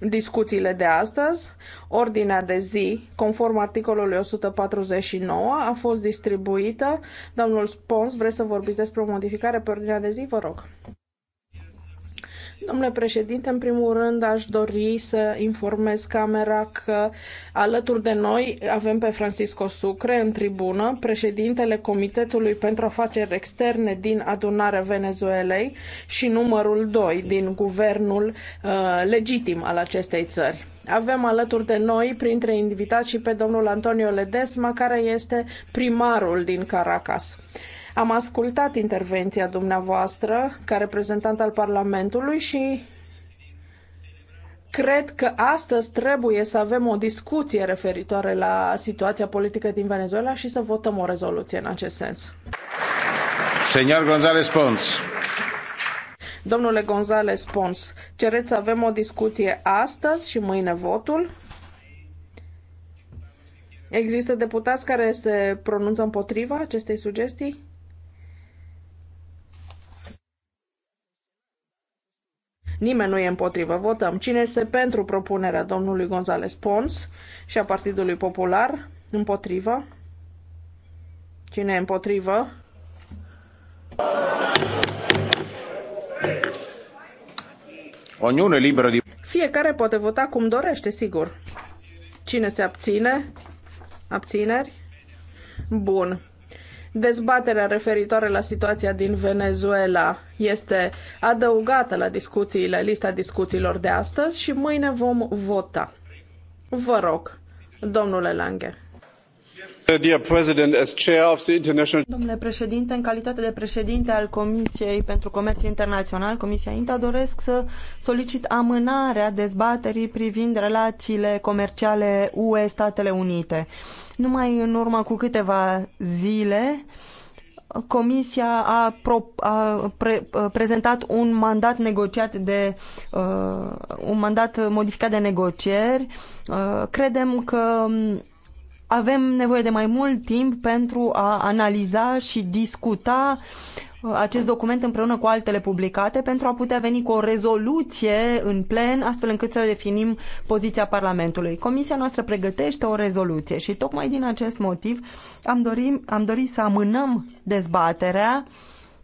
discuțiile de astăzi. Ordinea de zi, conform articolului 149, a fost distribuită. Domnul Spons, vreți să vorbiți despre o modificare pe ordinea de zi? Vă rog. Domnule președinte, în primul rând aș dori să informez camera că alături de noi avem pe Francisco Sucre în tribună, președintele Comitetului pentru Afaceri Externe din adunarea Venezuelei și numărul doi din guvernul uh, legitim al acestei țări. Avem alături de noi, printre invitați, și pe domnul Antonio Ledesma, care este primarul din Caracas. Uh, am ascultat intervenția dumneavoastră ca reprezentant al Parlamentului și cred că astăzi trebuie să avem o discuție referitoare la situația politică din Venezuela și să votăm o rezoluție în acest sens. Señor González Pons. Domnule González Pons, cereți să avem o discuție astăzi și mâine votul? Există deputați care se pronunță împotriva acestei sugestii? Nimeni nu e împotrivă. Votăm. Cine este pentru propunerea domnului Gonzales Pons și a Partidului Popular? Împotrivă. Cine e împotrivă? Ognuno liberă de... Fiecare poate vota cum dorește, sigur. Cine se abține? Abțineri? Bun. Dezbaterea referitoare la situația din Venezuela este adăugată la discuțiile, lista discuțiilor de astăzi și mâine vom vota. Vă rog, domnule Lange. Domnule președinte, în calitate de președinte al Comisiei pentru Comerț Internațional, Comisia INTA, doresc să solicit amânarea dezbaterii privind relațiile comerciale UE-Statele Unite. Numai în urmă cu câteva zile, Comisia a, pro, a pre, a prezentat un mandat negociat de uh, un mandat modificat de negocieri. Uh, credem că um, avem nevoie de mai mult timp pentru a analiza și discuta acest document împreună cu altele publicate pentru a putea veni cu o rezoluție în plen, astfel încât să definim poziția Parlamentului. Comisia noastră pregătește o rezoluție și tocmai din acest motiv am dorit, am dorit să amânăm dezbaterea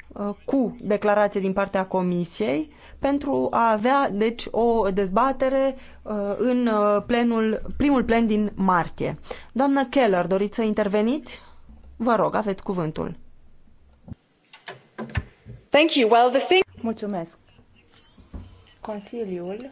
uh, cu declarație din partea Comisiei pentru a avea, deci, o dezbatere uh, în uh, plenul, primul plen din martie. Doamnă Keller, doriți să interveniți? Vă rog, aveți cuvântul. Mulțumesc. Consiliul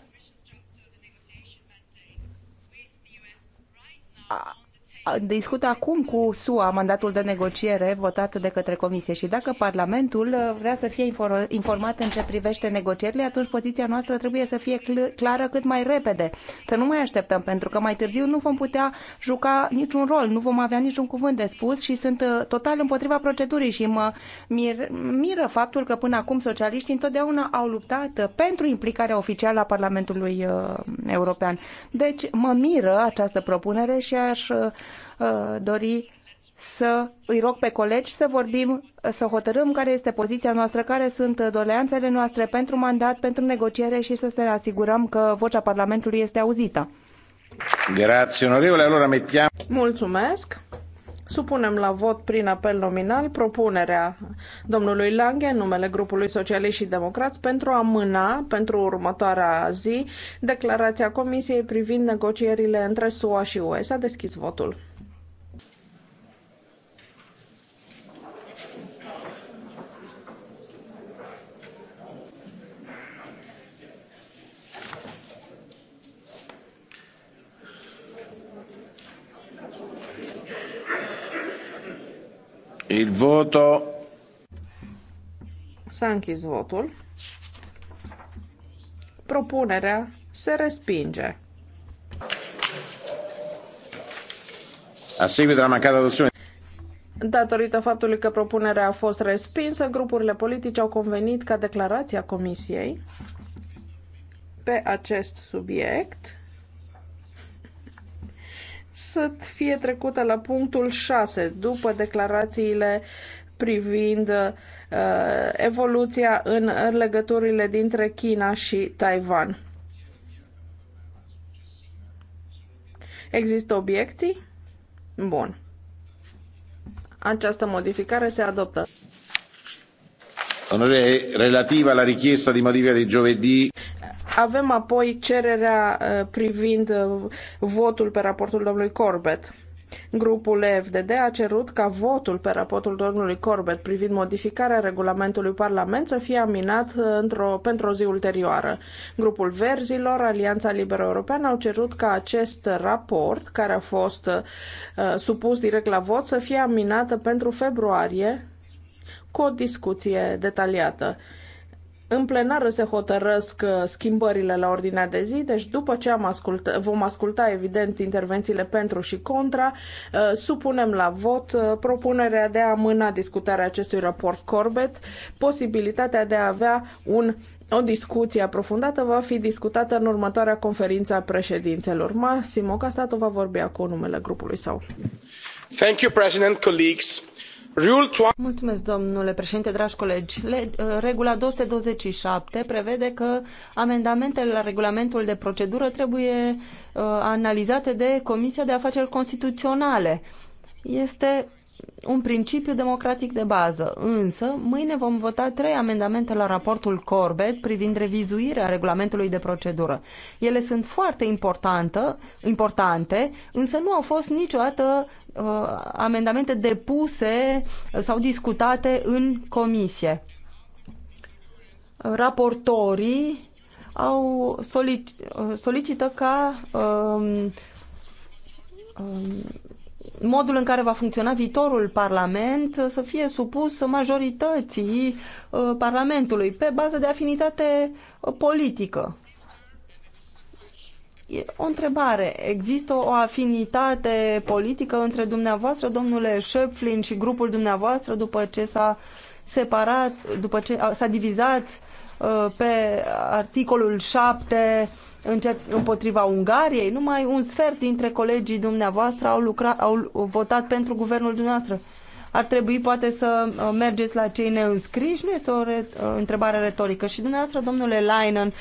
discută acum cu SUA mandatul de negociere votat de către Comisie și dacă Parlamentul uh, vrea să fie informat în ce privește negocierile, atunci poziția noastră trebuie să fie clară cât mai repede. Să nu mai așteptăm, pentru că mai târziu nu vom putea juca niciun rol, nu vom avea niciun cuvânt de spus și sunt uh, total împotriva procedurii și mă mir, miră faptul că până acum socialiștii întotdeauna au luptat uh, pentru implicarea oficială a Parlamentului European. Deci mă miră această propunere și aș Uh, dori să îi rog pe colegi să vorbim, să hotărâm care este poziția noastră, care sunt doleanțele noastre pentru mandat, pentru negociere și să se asigurăm că vocea Parlamentului este auzită. Grazie, onorevole. Allora mettiamo... Mulțumesc. Supunem la vot prin apel nominal propunerea domnului Lange în numele grupului Socialiști și Democrați pentru a mâna pentru următoarea zi declarația Comisiei privind negocierile între SUA și UE. deschis votul. Il voto. S-a închis votul. Propunerea se respinge. A seguito la mancata adozione. Datorită faptului că propunerea a fost respinsă, grupurile politice au convenit ca declarația Comisiei pe acest subiect să fie trecută la punctul 6, după declarațiile privind uh, evoluția în, legăturile dintre China și Taiwan. Există obiecții? Bun. Această modificare se adoptă. Relativa la richiesta di modifica di giovedì. Avem apoi cererea uh, privind uh, votul pe raportul domnului Corbett. Grupul FDD a cerut ca votul pe raportul domnului Corbett privind modificarea regulamentului Parlament să fie aminat uh, într-o, pentru o zi ulterioară. Grupul Verzilor, Alianța Liberă Europeană, au cerut ca acest raport, care a fost uh, supus direct la vot, să fie aminată pentru februarie cu o discuție detaliată. În plenară se hotărăsc uh, schimbările la ordinea de zi, deci după ce am asculta, vom asculta evident intervențiile pentru și contra, uh, supunem la vot uh, propunerea de a amâna discutarea acestui raport Corbett, posibilitatea de a avea un o discuție aprofundată va fi discutată în următoarea conferință a președințelor. Massimo Castato va vorbi acum numele grupului său. Thank you, President, colleagues. Mulțumesc, domnule președinte, dragi colegi. Uh, regula 227 prevede că amendamentele la regulamentul de procedură trebuie uh, analizate de Comisia de Afaceri Constituționale este un principiu democratic de bază. Însă, mâine vom vota trei amendamente la raportul Corbett privind revizuirea regulamentului de procedură. Ele sunt foarte importantă, importante, însă nu au fost niciodată uh, amendamente depuse sau discutate în comisie. Raportorii au solic uh, solicită ca uh, uh, modul în care va funcționa viitorul Parlament să fie supus majorității uh, Parlamentului pe bază de afinitate uh, politică. E o întrebare. Există o afinitate politică între dumneavoastră, domnule Șöpflin, și grupul dumneavoastră după ce s-a separat, după ce s-a divizat uh, pe articolul 7 împotriva Ungariei. Numai un sfert dintre colegii dumneavoastră au, lucrat, au votat pentru guvernul dumneavoastră. Ar trebui poate să uh, mergeți la cei neînscriși? Nu este o re- uh, întrebare retorică. Și dumneavoastră, domnule Leinen,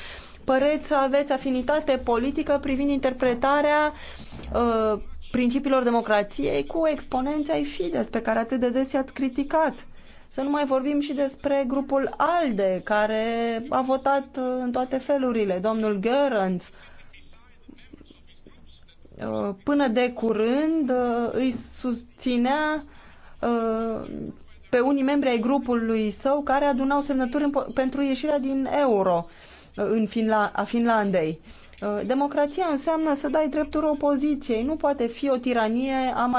păreți să aveți afinitate politică privind interpretarea uh, principiilor democrației cu exponenții ai Fides, pe care atât de des i-ați criticat. Să nu mai vorbim și despre grupul ALDE, care a votat uh, în toate felurile. Domnul Görans, uh, până de curând, uh, îi susținea pe unii membri ai grupului său care adunau semnături pentru ieșirea din euro în Finla- a Finlandei. Uh, democrația înseamnă să dai drepturi opoziției, nu poate fi o tiranie a,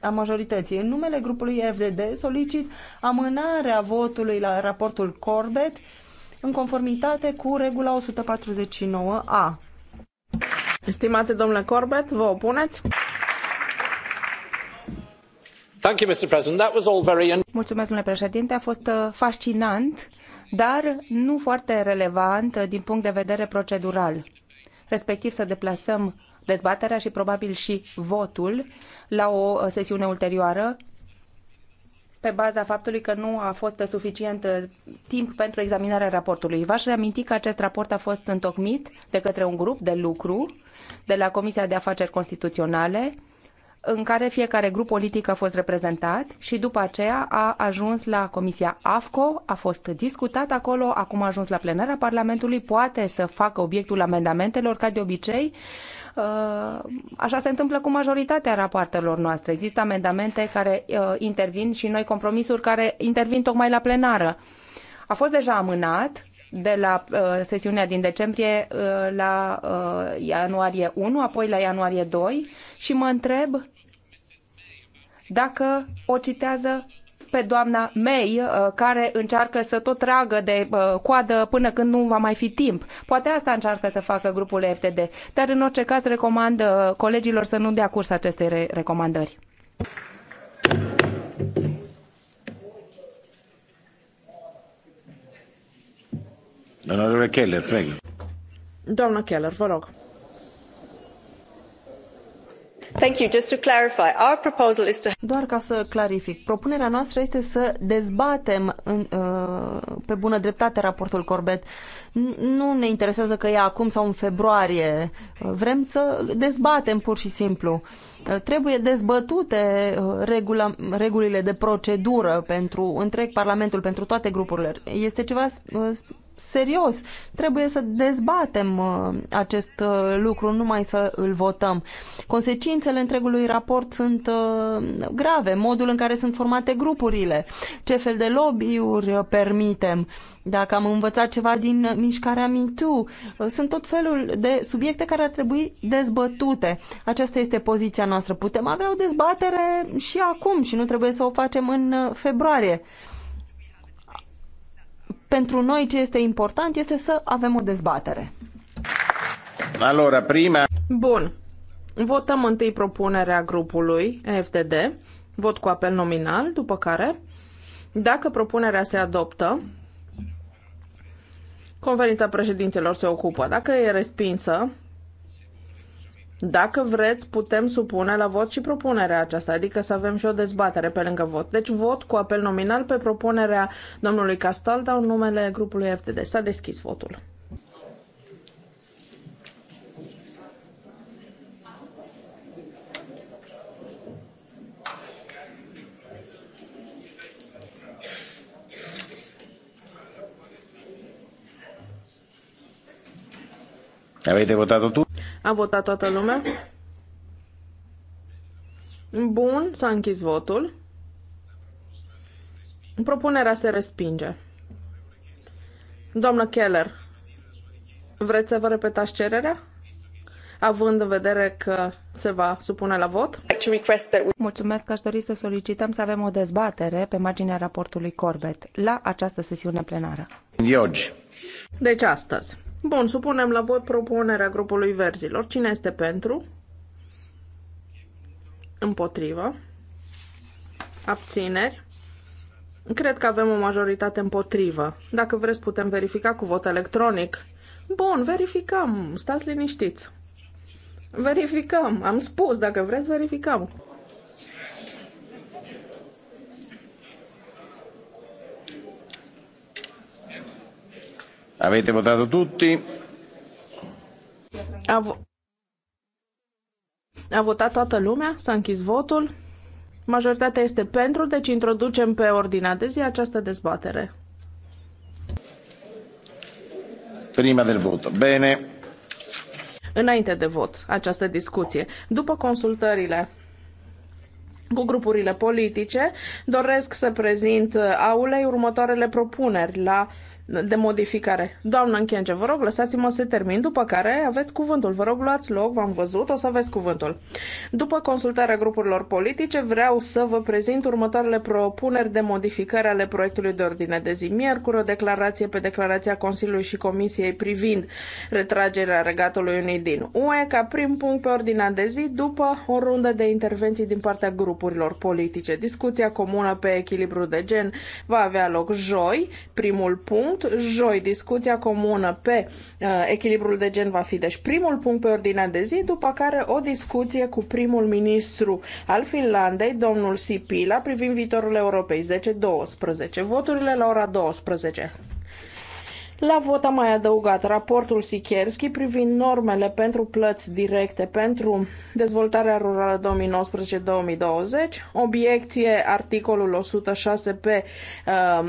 a majorității. În numele grupului FDD solicit amânarea votului la raportul Corbett în conformitate cu regula 149A. Estimate domnule Corbett, vă opuneți? Mulțumesc, domnule președinte. A fost uh, fascinant, dar nu foarte relevant uh, din punct de vedere procedural respectiv să deplasăm dezbaterea și probabil și votul la o uh, sesiune ulterioară pe baza faptului că nu a fost suficient uh, timp pentru examinarea raportului. V-aș reaminti că acest raport a fost întocmit de către un grup de lucru de la Comisia de Afaceri Constituționale în care fiecare grup politic a fost reprezentat și după aceea a ajuns la Comisia AFCO, a fost discutat acolo, acum a ajuns la plenarea Parlamentului, poate să facă obiectul amendamentelor ca de obicei. Uh, așa se întâmplă cu majoritatea rapoartelor noastre. Există amendamente care uh, intervin și noi compromisuri care intervin tocmai la plenară. A fost deja amânat, de la uh, sesiunea din decembrie la ianuarie 1, apoi la ianuarie 2 și mă întreb dacă o citează pe doamna May, uh, care încearcă să tot tragă de uh, coadă până când nu va mai fi timp. Poate asta încearcă să facă grupul FTD, dar în orice caz recomand uh, colegilor să nu dea curs acestei recomandări. Keller, Doamna Keller, vă rog. Doar ca să clarific, propunerea noastră este să dezbatem în, uh, pe bună dreptate raportul Corbett. Nu ne interesează că e acum sau în februarie. Uh, vrem să dezbatem pur și simplu. Uh, trebuie dezbătute regula, regulile de procedură pentru întreg Parlamentul, pentru toate grupurile. Este ceva serios. Trebuie să dezbatem uh, acest uh, lucru, numai să îl votăm. Consecințele întregului raport sunt uh, grave, modul în care sunt formate grupurile, ce fel de lobby-uri permitem, dacă am învățat ceva din mișcarea MeToo. Sunt tot felul de subiecte care ar trebui dezbătute. Aceasta este poziția noastră. Putem avea o dezbatere și acum și nu trebuie să o facem în februarie. Pentru noi ce este important este să avem o dezbatere. Alora prima... Bun. Votăm întâi propunerea grupului FDD, vot cu apel nominal, după care, dacă propunerea se adoptă, conferința președinților se ocupă. Dacă e respinsă, dacă vreți, putem supune la vot și propunerea aceasta, adică să avem și o dezbatere pe lângă vot. Deci vot cu apel nominal pe propunerea domnului Castalda în numele grupului FDD. S-a deschis votul. Avete votato tutti? A votat toată lumea? Bun, s-a închis votul. Propunerea se respinge. Doamnă Keller, vreți să vă repetați cererea? având în vedere că se va supune la vot. Mulțumesc, aș dori să solicităm să avem o dezbatere pe marginea raportului Corbett la această sesiune plenară. Deci astăzi. Bun, supunem la vot propunerea grupului verzilor. Cine este pentru? Împotrivă. Abțineri. Cred că avem o majoritate împotrivă. Dacă vreți, putem verifica cu vot electronic. Bun, verificăm. Stați liniștiți. Verificăm. Am spus, dacă vreți, verificăm. Avete votato tutti? A, vo- a votat toată lumea? S-a închis votul? Majoritatea este pentru, deci introducem pe ordinea de zi această dezbatere. Prima del voto. Bene. Înainte de vot, această discuție. După consultările cu grupurile politice, doresc să prezint uh, aulei următoarele propuneri la uh, de modificare. Doamna Închenge, vă rog, lăsați-mă să termin, după care aveți cuvântul. Vă rog, luați loc, v-am văzut, o să aveți cuvântul. După consultarea grupurilor politice, vreau să vă prezint următoarele propuneri de modificare ale proiectului de ordine de zi. Miercuri, o declarație pe declarația Consiliului și Comisiei privind retragerea Regatului Unit din UE ca prim punct pe ordinea de zi după o rundă de intervenții din partea grupurilor politice. Discuția comună pe echilibru de gen va avea loc joi, primul punct, punct. Joi, discuția comună pe uh, echilibrul de gen va fi deci primul punct pe ordinea de zi, după care o discuție cu primul ministru al Finlandei, domnul Sipila, privind viitorul Europei 10-12. Voturile la ora 12. La vot am mai adăugat raportul Sikierski privind normele pentru plăți directe pentru dezvoltarea rurală 2019-2020, obiecție articolul 106 pe uh,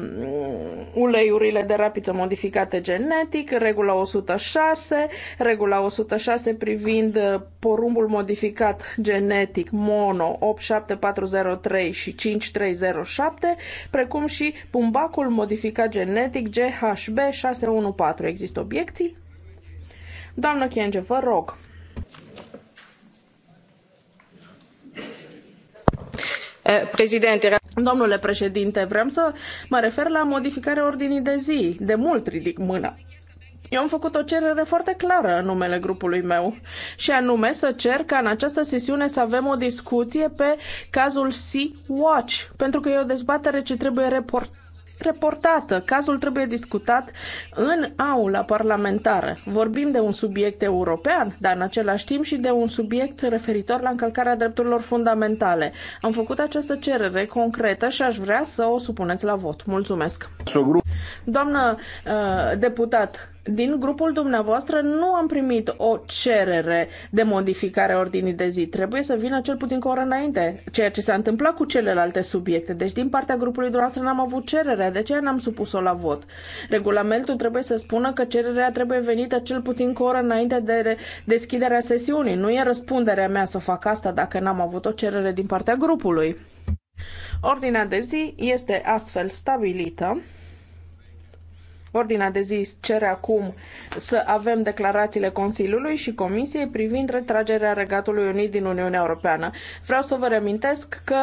uleiurile de rapiță modificate genetic, regula 106, regula 106 privind uh, porumbul modificat genetic mono 87403 și 5307, precum și pumbacul modificat genetic GHB 6 614. Există obiecții? Doamnă Chienge, vă rog. Președinte. Domnule președinte, vreau să mă refer la modificarea ordinii de zi. De mult ridic mâna. Eu am făcut o cerere foarte clară în numele grupului meu și anume să cer ca în această sesiune să avem o discuție pe cazul Sea Watch, pentru că e o dezbatere ce trebuie reportată reportată. Cazul trebuie discutat în aula parlamentară. Vorbim de un subiect european, dar în același timp și de un subiect referitor la încălcarea drepturilor fundamentale. Am făcut această cerere concretă și aș vrea să o supuneți la vot. Mulțumesc! Doamnă uh, deputat, din grupul dumneavoastră nu am primit o cerere de modificare a ordinii de zi. Trebuie să vină cel puțin cu o oră înainte, ceea ce s-a întâmplat cu celelalte subiecte. Deci din partea grupului dumneavoastră n-am avut cerere, de aceea n-am supus-o la vot. Regulamentul trebuie să spună că cererea trebuie venită cel puțin cu o oră înainte de deschiderea sesiunii. Nu e răspunderea mea să fac asta dacă n-am avut o cerere din partea grupului. Ordinea de zi este astfel stabilită. Ordinea de zi cere acum să avem declarațiile Consiliului și Comisiei privind retragerea Regatului Unit din Uniunea Europeană. Vreau să vă reamintesc că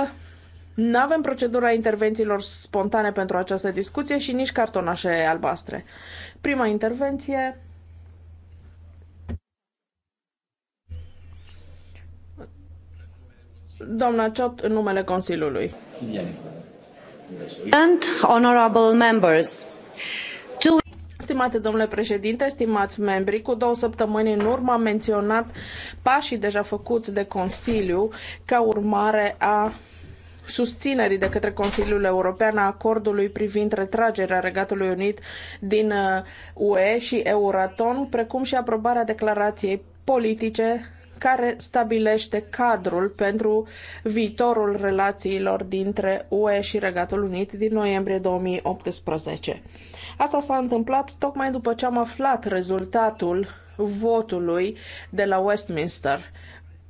nu avem procedura intervențiilor spontane pentru această discuție și nici cartonașe albastre. Prima intervenție. Doamna Ciot, în numele Consiliului. And honorable members, Stimate domnule președinte, stimați membri, cu două săptămâni în urmă am menționat pașii deja făcuți de Consiliu ca urmare a susținerii de către Consiliul European a acordului privind retragerea Regatului Unit din uh, UE și Euratom, precum și aprobarea declarației politice care stabilește cadrul pentru viitorul relațiilor dintre UE și Regatul Unit din noiembrie 2018. Asta s-a întâmplat tocmai după ce am aflat rezultatul votului de la Westminster.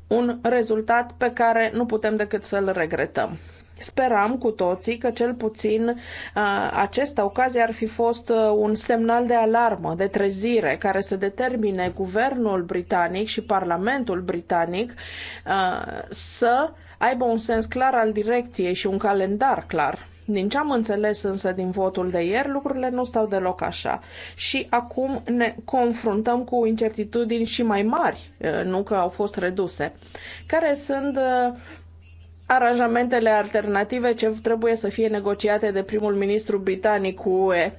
Un rezultat pe care nu putem decât să-l regretăm. Speram cu toții că cel puțin uh, această ocazie ar fi fost uh, un semnal de alarmă, de trezire, care să determine guvernul britanic și Parlamentul britanic uh, să aibă un sens clar al direcției și un calendar clar din ce am înțeles însă din votul de ieri, lucrurile nu stau deloc așa. Și acum ne confruntăm cu incertitudini și mai mari, nu că au fost reduse. Care sunt aranjamentele alternative ce trebuie să fie negociate de primul ministru britanic cu UE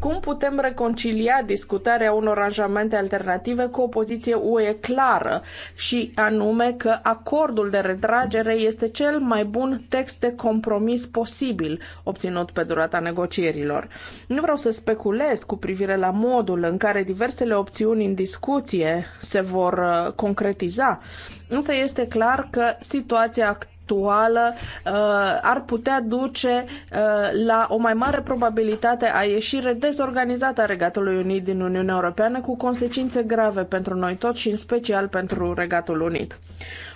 cum putem reconcilia discutarea unor aranjamente alternative cu o poziție UE clară și anume că acordul de retragere este cel mai bun text de compromis posibil obținut pe durata negocierilor? Nu vreau să speculez cu privire la modul în care diversele opțiuni în discuție se vor uh, concretiza, însă este clar că situația actuală actuală uh, ar putea duce uh, la o mai mare probabilitate a ieșire dezorganizată a Regatului Unit din Uniunea Europeană cu consecințe grave pentru noi toți și în special pentru Regatul Unit.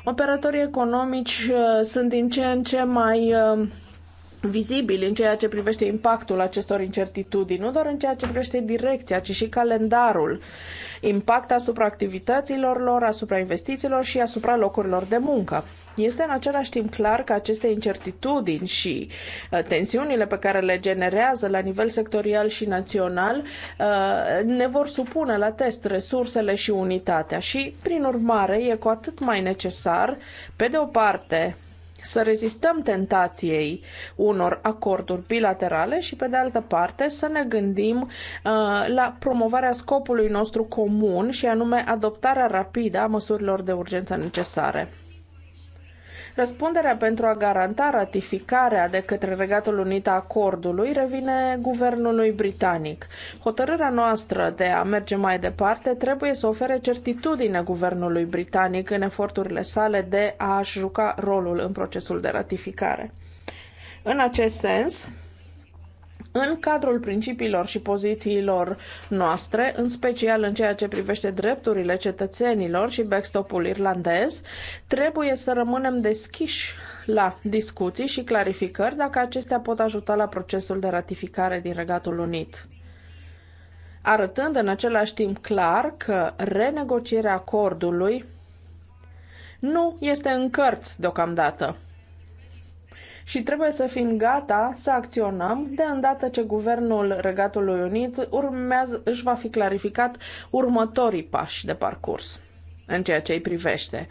Operatorii economici uh, sunt din ce în ce mai vizibil în ceea ce privește impactul acestor incertitudini, nu doar în ceea ce privește direcția, ci și calendarul, impact asupra activităților lor, asupra investițiilor și asupra locurilor de muncă. Este în același timp clar că aceste incertitudini și uh, tensiunile pe care le generează la nivel sectorial și național uh, ne vor supune la test resursele și unitatea și, prin urmare, e cu atât mai necesar, pe de o parte, să rezistăm tentației unor acorduri bilaterale și, pe de altă parte, să ne gândim uh, la promovarea scopului nostru comun și anume adoptarea rapidă a măsurilor de urgență necesare. Răspunderea pentru a garanta ratificarea de către Regatul Unit a acordului revine guvernului britanic. Hotărârea noastră de a merge mai departe trebuie să ofere certitudine guvernului britanic în eforturile sale de a-și juca rolul în procesul de ratificare. În acest sens, în cadrul principiilor și pozițiilor noastre, în special în ceea ce privește drepturile cetățenilor și backstop-ul irlandez, trebuie să rămânem deschiși la discuții și clarificări dacă acestea pot ajuta la procesul de ratificare din Regatul Unit arătând în același timp clar că renegocierea acordului nu este în cărți deocamdată și trebuie să fim gata să acționăm de îndată ce Guvernul Regatului Unit urmează, își va fi clarificat următorii pași de parcurs în ceea ce îi privește.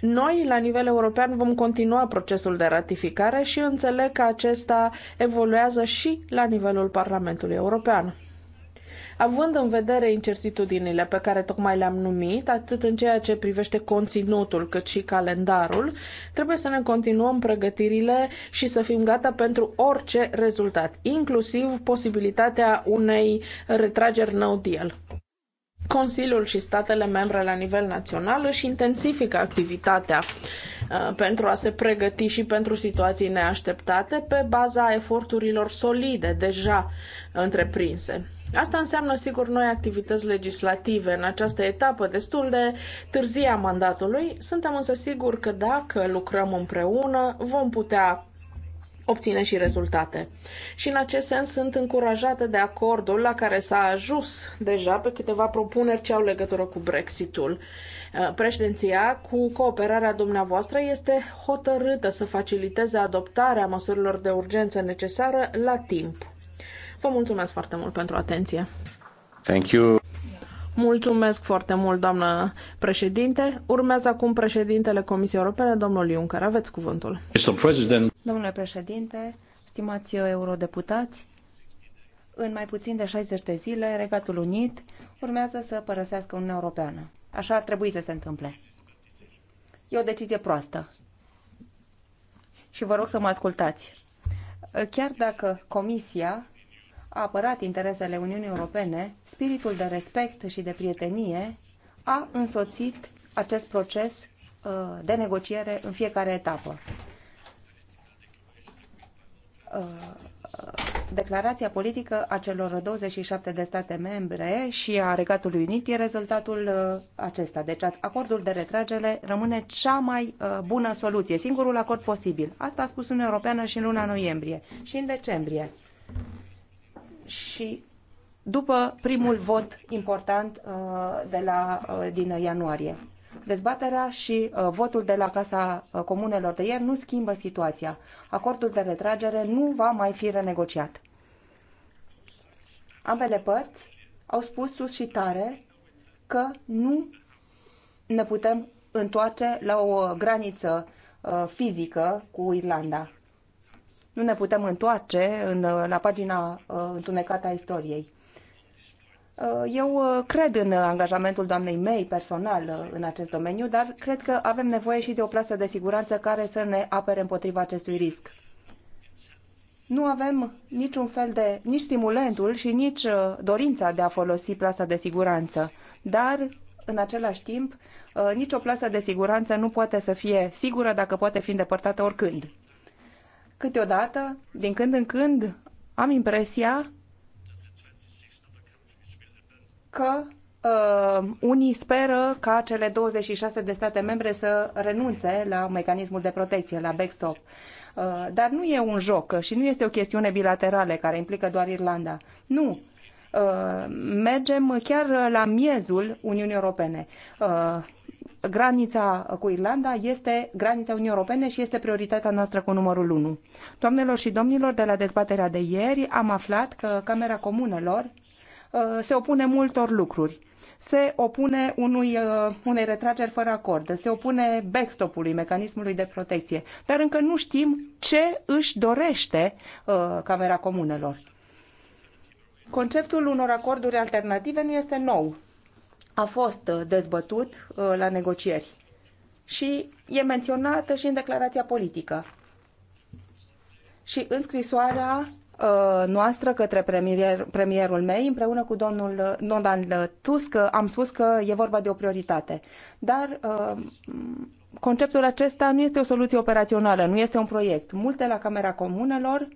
Noi, la nivel european, vom continua procesul de ratificare și înțeleg că acesta evoluează și la nivelul Parlamentului European. Având în vedere incertitudinile pe care tocmai le-am numit, atât în ceea ce privește conținutul cât și calendarul, trebuie să ne continuăm pregătirile și să fim gata pentru orice rezultat, inclusiv posibilitatea unei retrageri no deal. Consiliul și statele membre la nivel național își intensifică activitatea uh, pentru a se pregăti și pentru situații neașteptate pe baza eforturilor solide deja întreprinse. Asta înseamnă, sigur, noi activități legislative în această etapă destul de târzie a mandatului. Suntem însă siguri că dacă lucrăm împreună, vom putea obține și rezultate. Și în acest sens sunt încurajată de acordul la care s-a ajuns deja pe câteva propuneri ce au legătură cu Brexitul. Uh, președinția, cu cooperarea dumneavoastră, este hotărâtă să faciliteze adoptarea măsurilor de urgență necesară la timp. Vă mulțumesc foarte mult pentru atenție. Thank you. Mulțumesc foarte mult, doamnă președinte. Urmează acum președintele Comisiei Europene, domnul Juncker. Aveți cuvântul. Mr. President. Domnule președinte, stimați eurodeputați, în mai puțin de 60 de zile, Regatul Unit urmează să părăsească Uniunea Europeană. Așa ar trebui să se întâmple. E o decizie proastă. Și vă rog să mă ascultați. Chiar dacă Comisia a apărat interesele Uniunii Europene, spiritul de respect și de prietenie a însoțit acest proces uh, de negociere în fiecare etapă. Uh, uh, declarația politică a celor 27 de state membre și a Regatului Unit e rezultatul acesta. Deci acordul de retragere rămâne cea mai bună soluție, singurul acord posibil. Asta a spus Uniunea Europeană și în luna noiembrie și în decembrie și după primul vot important uh, de la, uh, din ianuarie. Dezbaterea și uh, votul de la Casa Comunelor de ieri nu schimbă situația. Acordul de retragere nu va mai fi renegociat. Ambele părți au spus sus și tare că nu ne putem întoarce la o graniță fizică cu Irlanda. Nu ne putem întoarce în, la pagina uh, întunecată a istoriei. Uh, eu uh, cred în angajamentul doamnei mei personal în acest domeniu, dar cred că avem nevoie și de o plasă de siguranță care să ne apere împotriva acestui risc. Nu avem niciun fel de, nici stimulentul și nici dorința de a folosi plasa de siguranță, dar în același timp, nicio plasă de siguranță nu poate să fie sigură dacă poate fi îndepărtată oricând câteodată, din când în când, am impresia că uh, unii speră ca cele 26 de state membre să renunțe la mecanismul de protecție, la backstop. Uh, dar nu e un joc și nu este o chestiune bilaterală care implică doar Irlanda. Nu. Uh, mergem chiar la miezul Uniunii Europene. Uh, granița cu Irlanda este granița Uniunii Europene și este prioritatea noastră cu numărul 1. Doamnelor și domnilor, de la dezbaterea de ieri am aflat că Camera Comunelor uh, se opune multor lucruri. Se opune unui, uh, unei retrageri fără acord, se opune backstop-ului, mecanismului de protecție, dar încă nu știm ce își dorește uh, Camera Comunelor. Conceptul unor acorduri alternative nu este nou a fost uh, dezbătut uh, la negocieri și e menționată și în declarația politică. Și în scrisoarea uh, noastră către premier, premierul mei, împreună cu domnul Donald Tusk, am spus că e vorba de o prioritate. Dar conceptul acesta nu este o soluție operațională, nu este un proiect. Multe la Camera Comunelor,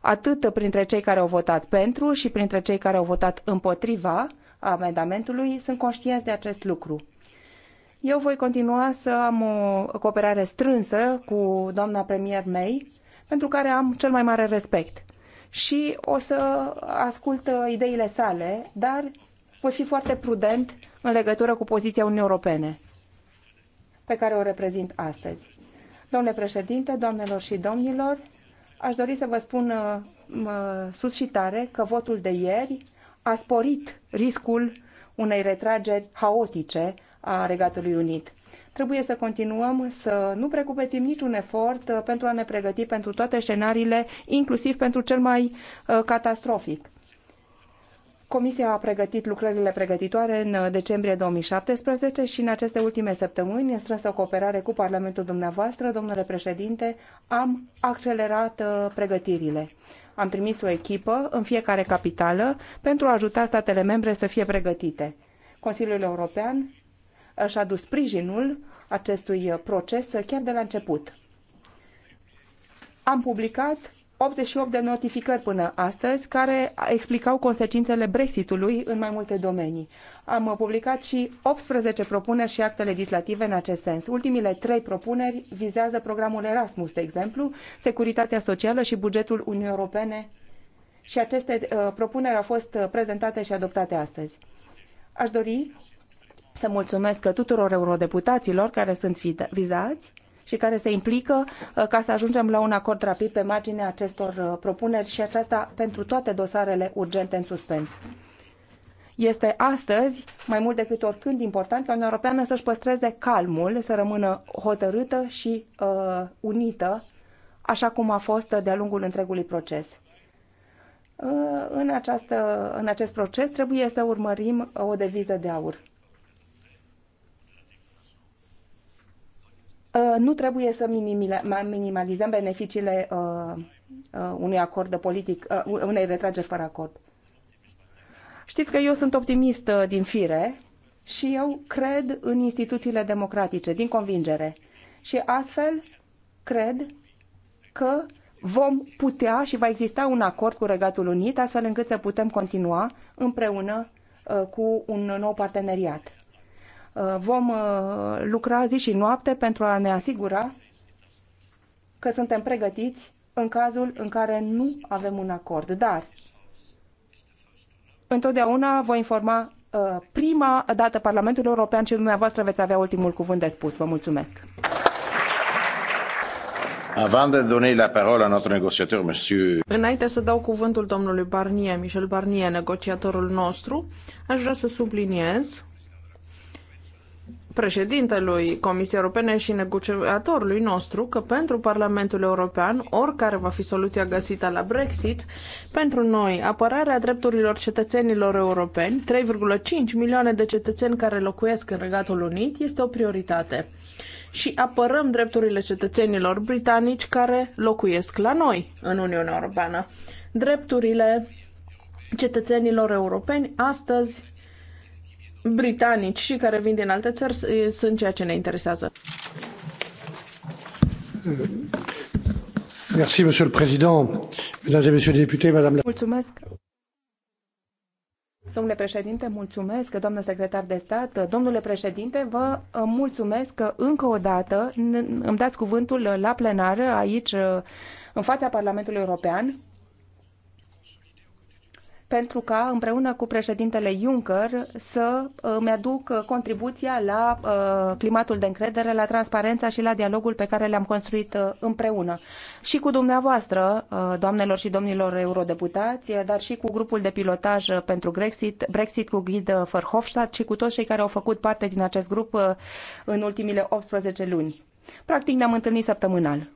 atât printre cei care au votat pentru și printre cei care au votat împotriva, amendamentului, sunt conștienți de acest lucru. Eu voi continua să am o cooperare strânsă cu doamna premier May, pentru care am cel mai mare respect. Și o să ascult uh, ideile sale, dar voi fi foarte prudent în legătură cu poziția Uniunii Europene, pe care o reprezint astăzi. Domnule președinte, doamnelor și domnilor, aș dori să vă spun uh, uh, sus și tare că votul de ieri a sporit riscul unei retrageri haotice a Regatului Unit. Trebuie să continuăm să nu precupețim niciun efort uh, pentru a ne pregăti pentru toate scenariile, inclusiv pentru cel mai uh, catastrofic. Comisia a pregătit lucrările pregătitoare în uh, decembrie 2017 și în aceste ultime săptămâni, în strânsă cooperare cu Parlamentul dumneavoastră, domnule președinte, am accelerat pregătirile am trimis o echipă în fiecare capitală pentru a ajuta statele membre să fie pregătite. Consiliul European și-a dus sprijinul acestui proces chiar de la început. Am publicat 88 de notificări până astăzi care explicau consecințele Brexitului în mai multe domenii. Am publicat și 18 propuneri și acte legislative în acest sens. Ultimile trei propuneri vizează programul Erasmus, de exemplu, securitatea socială și bugetul Uniunii Europene și aceste uh, propuneri au fost uh, prezentate și adoptate astăzi. Aș dori să mulțumesc tuturor eurodeputaților care sunt vizați și care se implică uh, ca să ajungem la un acord rapid pe marginea acestor uh, propuneri și aceasta pentru toate dosarele urgente în suspens. Este astăzi, mai mult decât oricând, important ca Uniunea Europeană să-și păstreze calmul, să rămână hotărâtă și uh, unită, așa cum a fost de-a lungul întregului proces. Uh, în, această, în acest proces trebuie să urmărim uh, o deviză de aur Uh, nu trebuie să minimalizăm beneficiile uh, uh, unui acord de politic, unei retrageri fără acord. Știți că eu sunt optimist din fire și eu cred în instituțiile democratice, din convingere. Și astfel cred că vom putea și va exista un acord cu Regatul Unit, astfel încât să putem continua împreună cu un nou parteneriat. Vom uh, lucra zi și noapte pentru a ne asigura că suntem pregătiți în cazul în care nu avem un acord. Dar întotdeauna voi informa uh, prima dată Parlamentul European și dumneavoastră veți avea ultimul cuvânt de spus. Vă mulțumesc. Avant de donner la parole à notre négociateur, monsieur... Înainte să dau cuvântul domnului Barnier, Michel Barnier, negociatorul nostru, aș vrea să subliniez președintelui Comisiei Europene și negociatorului nostru că pentru Parlamentul European, oricare va fi soluția găsită la Brexit, pentru noi, apărarea drepturilor cetățenilor europeni, 3,5 milioane de cetățeni care locuiesc în Regatul Unit, este o prioritate. Și apărăm drepturile cetățenilor britanici care locuiesc la noi, în Uniunea Europeană. Drepturile cetățenilor europeni astăzi britanici și care vin din alte țări sunt ceea ce ne interesează. Merci, Monsieur le Président, Mesdames et Messieurs les députés, Madame la... Mulțumesc. Domnule președinte, mulțumesc, doamnă secretar de stat. Domnule președinte, vă uh, mulțumesc că încă o dată îmi dați cuvântul la plenară aici uh, în fața Parlamentului European pentru ca, împreună cu președintele Juncker, să uh, îmi aduc uh, contribuția la uh, climatul de încredere, la transparența și la dialogul pe care le-am construit împreună. Și cu dumneavoastră, doamnelor și domnilor eurodeputați, dar și cu grupul de pilotaj pentru Brexit, Brexit cu Ghid Verhofstadt și cu toți cei care au făcut parte din acest grup în ultimile 18 luni. Practic ne-am întâlnit săptămânal.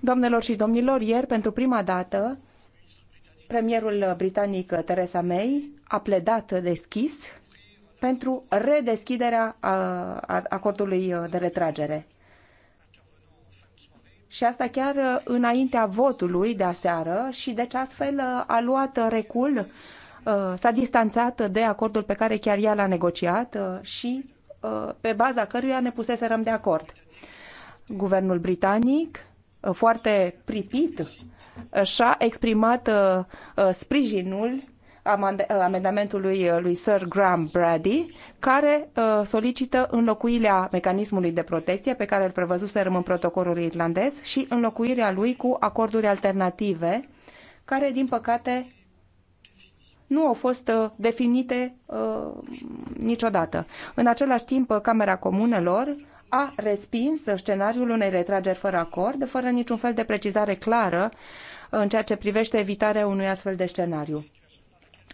Doamnelor și domnilor, ieri, pentru prima dată, Premierul britanic Theresa May a pledat deschis pentru redeschiderea acordului de retragere. Și asta chiar înaintea votului de aseară și deci astfel a luat recul, s-a distanțat de acordul pe care chiar ea l-a negociat și pe baza căruia ne puseserăm de acord. Guvernul britanic Uh, foarte pripit uh, și-a exprimat uh, sprijinul amendamentului lui Sir Graham Brady, care solicită înlocuirea mecanismului de protecție pe care îl prevăzuserăm în protocolul irlandez și înlocuirea lui cu acorduri alternative, care, din păcate, nu au fost definite uh, niciodată. În același timp, Camera Comunelor a respins scenariul unei retrageri fără acord, fără niciun fel de precizare clară în ceea ce privește evitarea unui astfel de scenariu.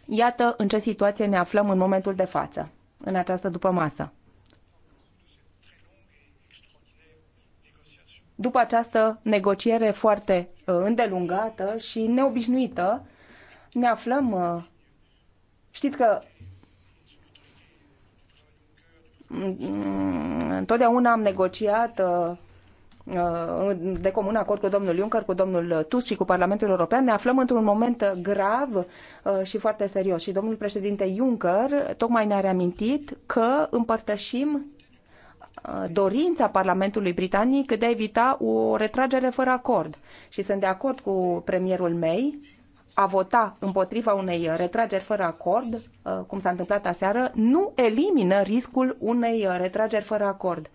Iată în ce situație ne aflăm în momentul de față, în această dupămasă. După această negociere foarte uh, îndelungată și neobișnuită, ne aflăm uh, Știți că Mm, întotdeauna am negociat uh, uh, de comun acord cu domnul Juncker, cu domnul Tusk și cu Parlamentul European, ne aflăm într-un moment grav uh, și foarte serios. Și domnul președinte Juncker tocmai ne-a reamintit că împărtășim dorința Parlamentului Britanic de a evita o retragere fără acord. Și sunt de acord cu premierul May a vota împotriva unei retrageri fără acord, uh, cum s-a întâmplat aseară, nu elimină riscul unei retrageri fără acord.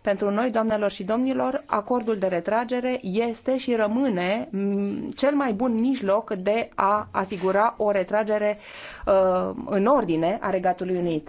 Pentru noi, doamnelor și domnilor, acordul de retragere este și rămâne mm, cel mai bun mijloc de a asigura o retragere uh, în ordine a Regatului Unit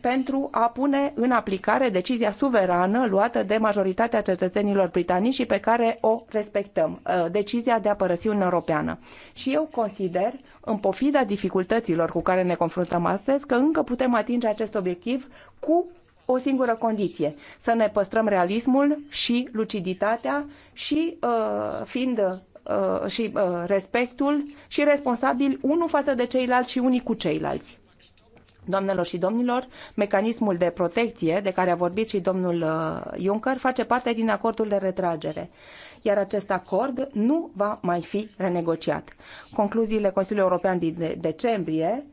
pentru a pune în aplicare decizia suverană luată de majoritatea cetățenilor britanici și pe care o respectăm, uh, decizia de a părăsi Uniunea Europeană. Și eu consider, în pofida dificultăților cu care ne confruntăm astăzi, că încă putem atinge acest obiectiv cu o singură condiție, să ne păstrăm realismul și luciditatea și uh, fiind uh, și uh, respectul și responsabil unul față de ceilalți și unii cu ceilalți. Doamnelor și domnilor, mecanismul de protecție de care a vorbit și domnul uh, Juncker face parte din acordul de retragere, iar acest acord nu va mai fi renegociat. Concluziile Consiliului European din decembrie,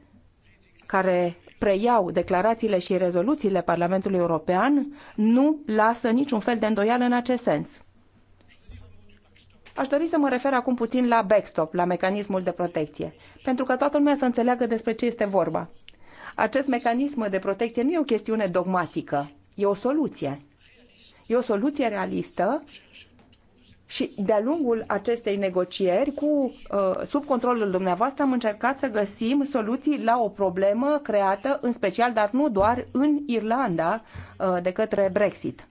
care preiau declarațiile și rezoluțiile Parlamentului European, nu lasă niciun fel de îndoială în acest sens. Aș dori să mă refer acum puțin la backstop, la mecanismul de protecție, pentru că toată lumea să înțeleagă despre ce este vorba. Acest mecanism de protecție nu e o chestiune dogmatică, e o soluție. E o soluție realistă și de-a lungul acestei negocieri, cu, uh, sub controlul dumneavoastră, am încercat să găsim soluții la o problemă creată, în special, dar nu doar, în Irlanda, uh, de către Brexit.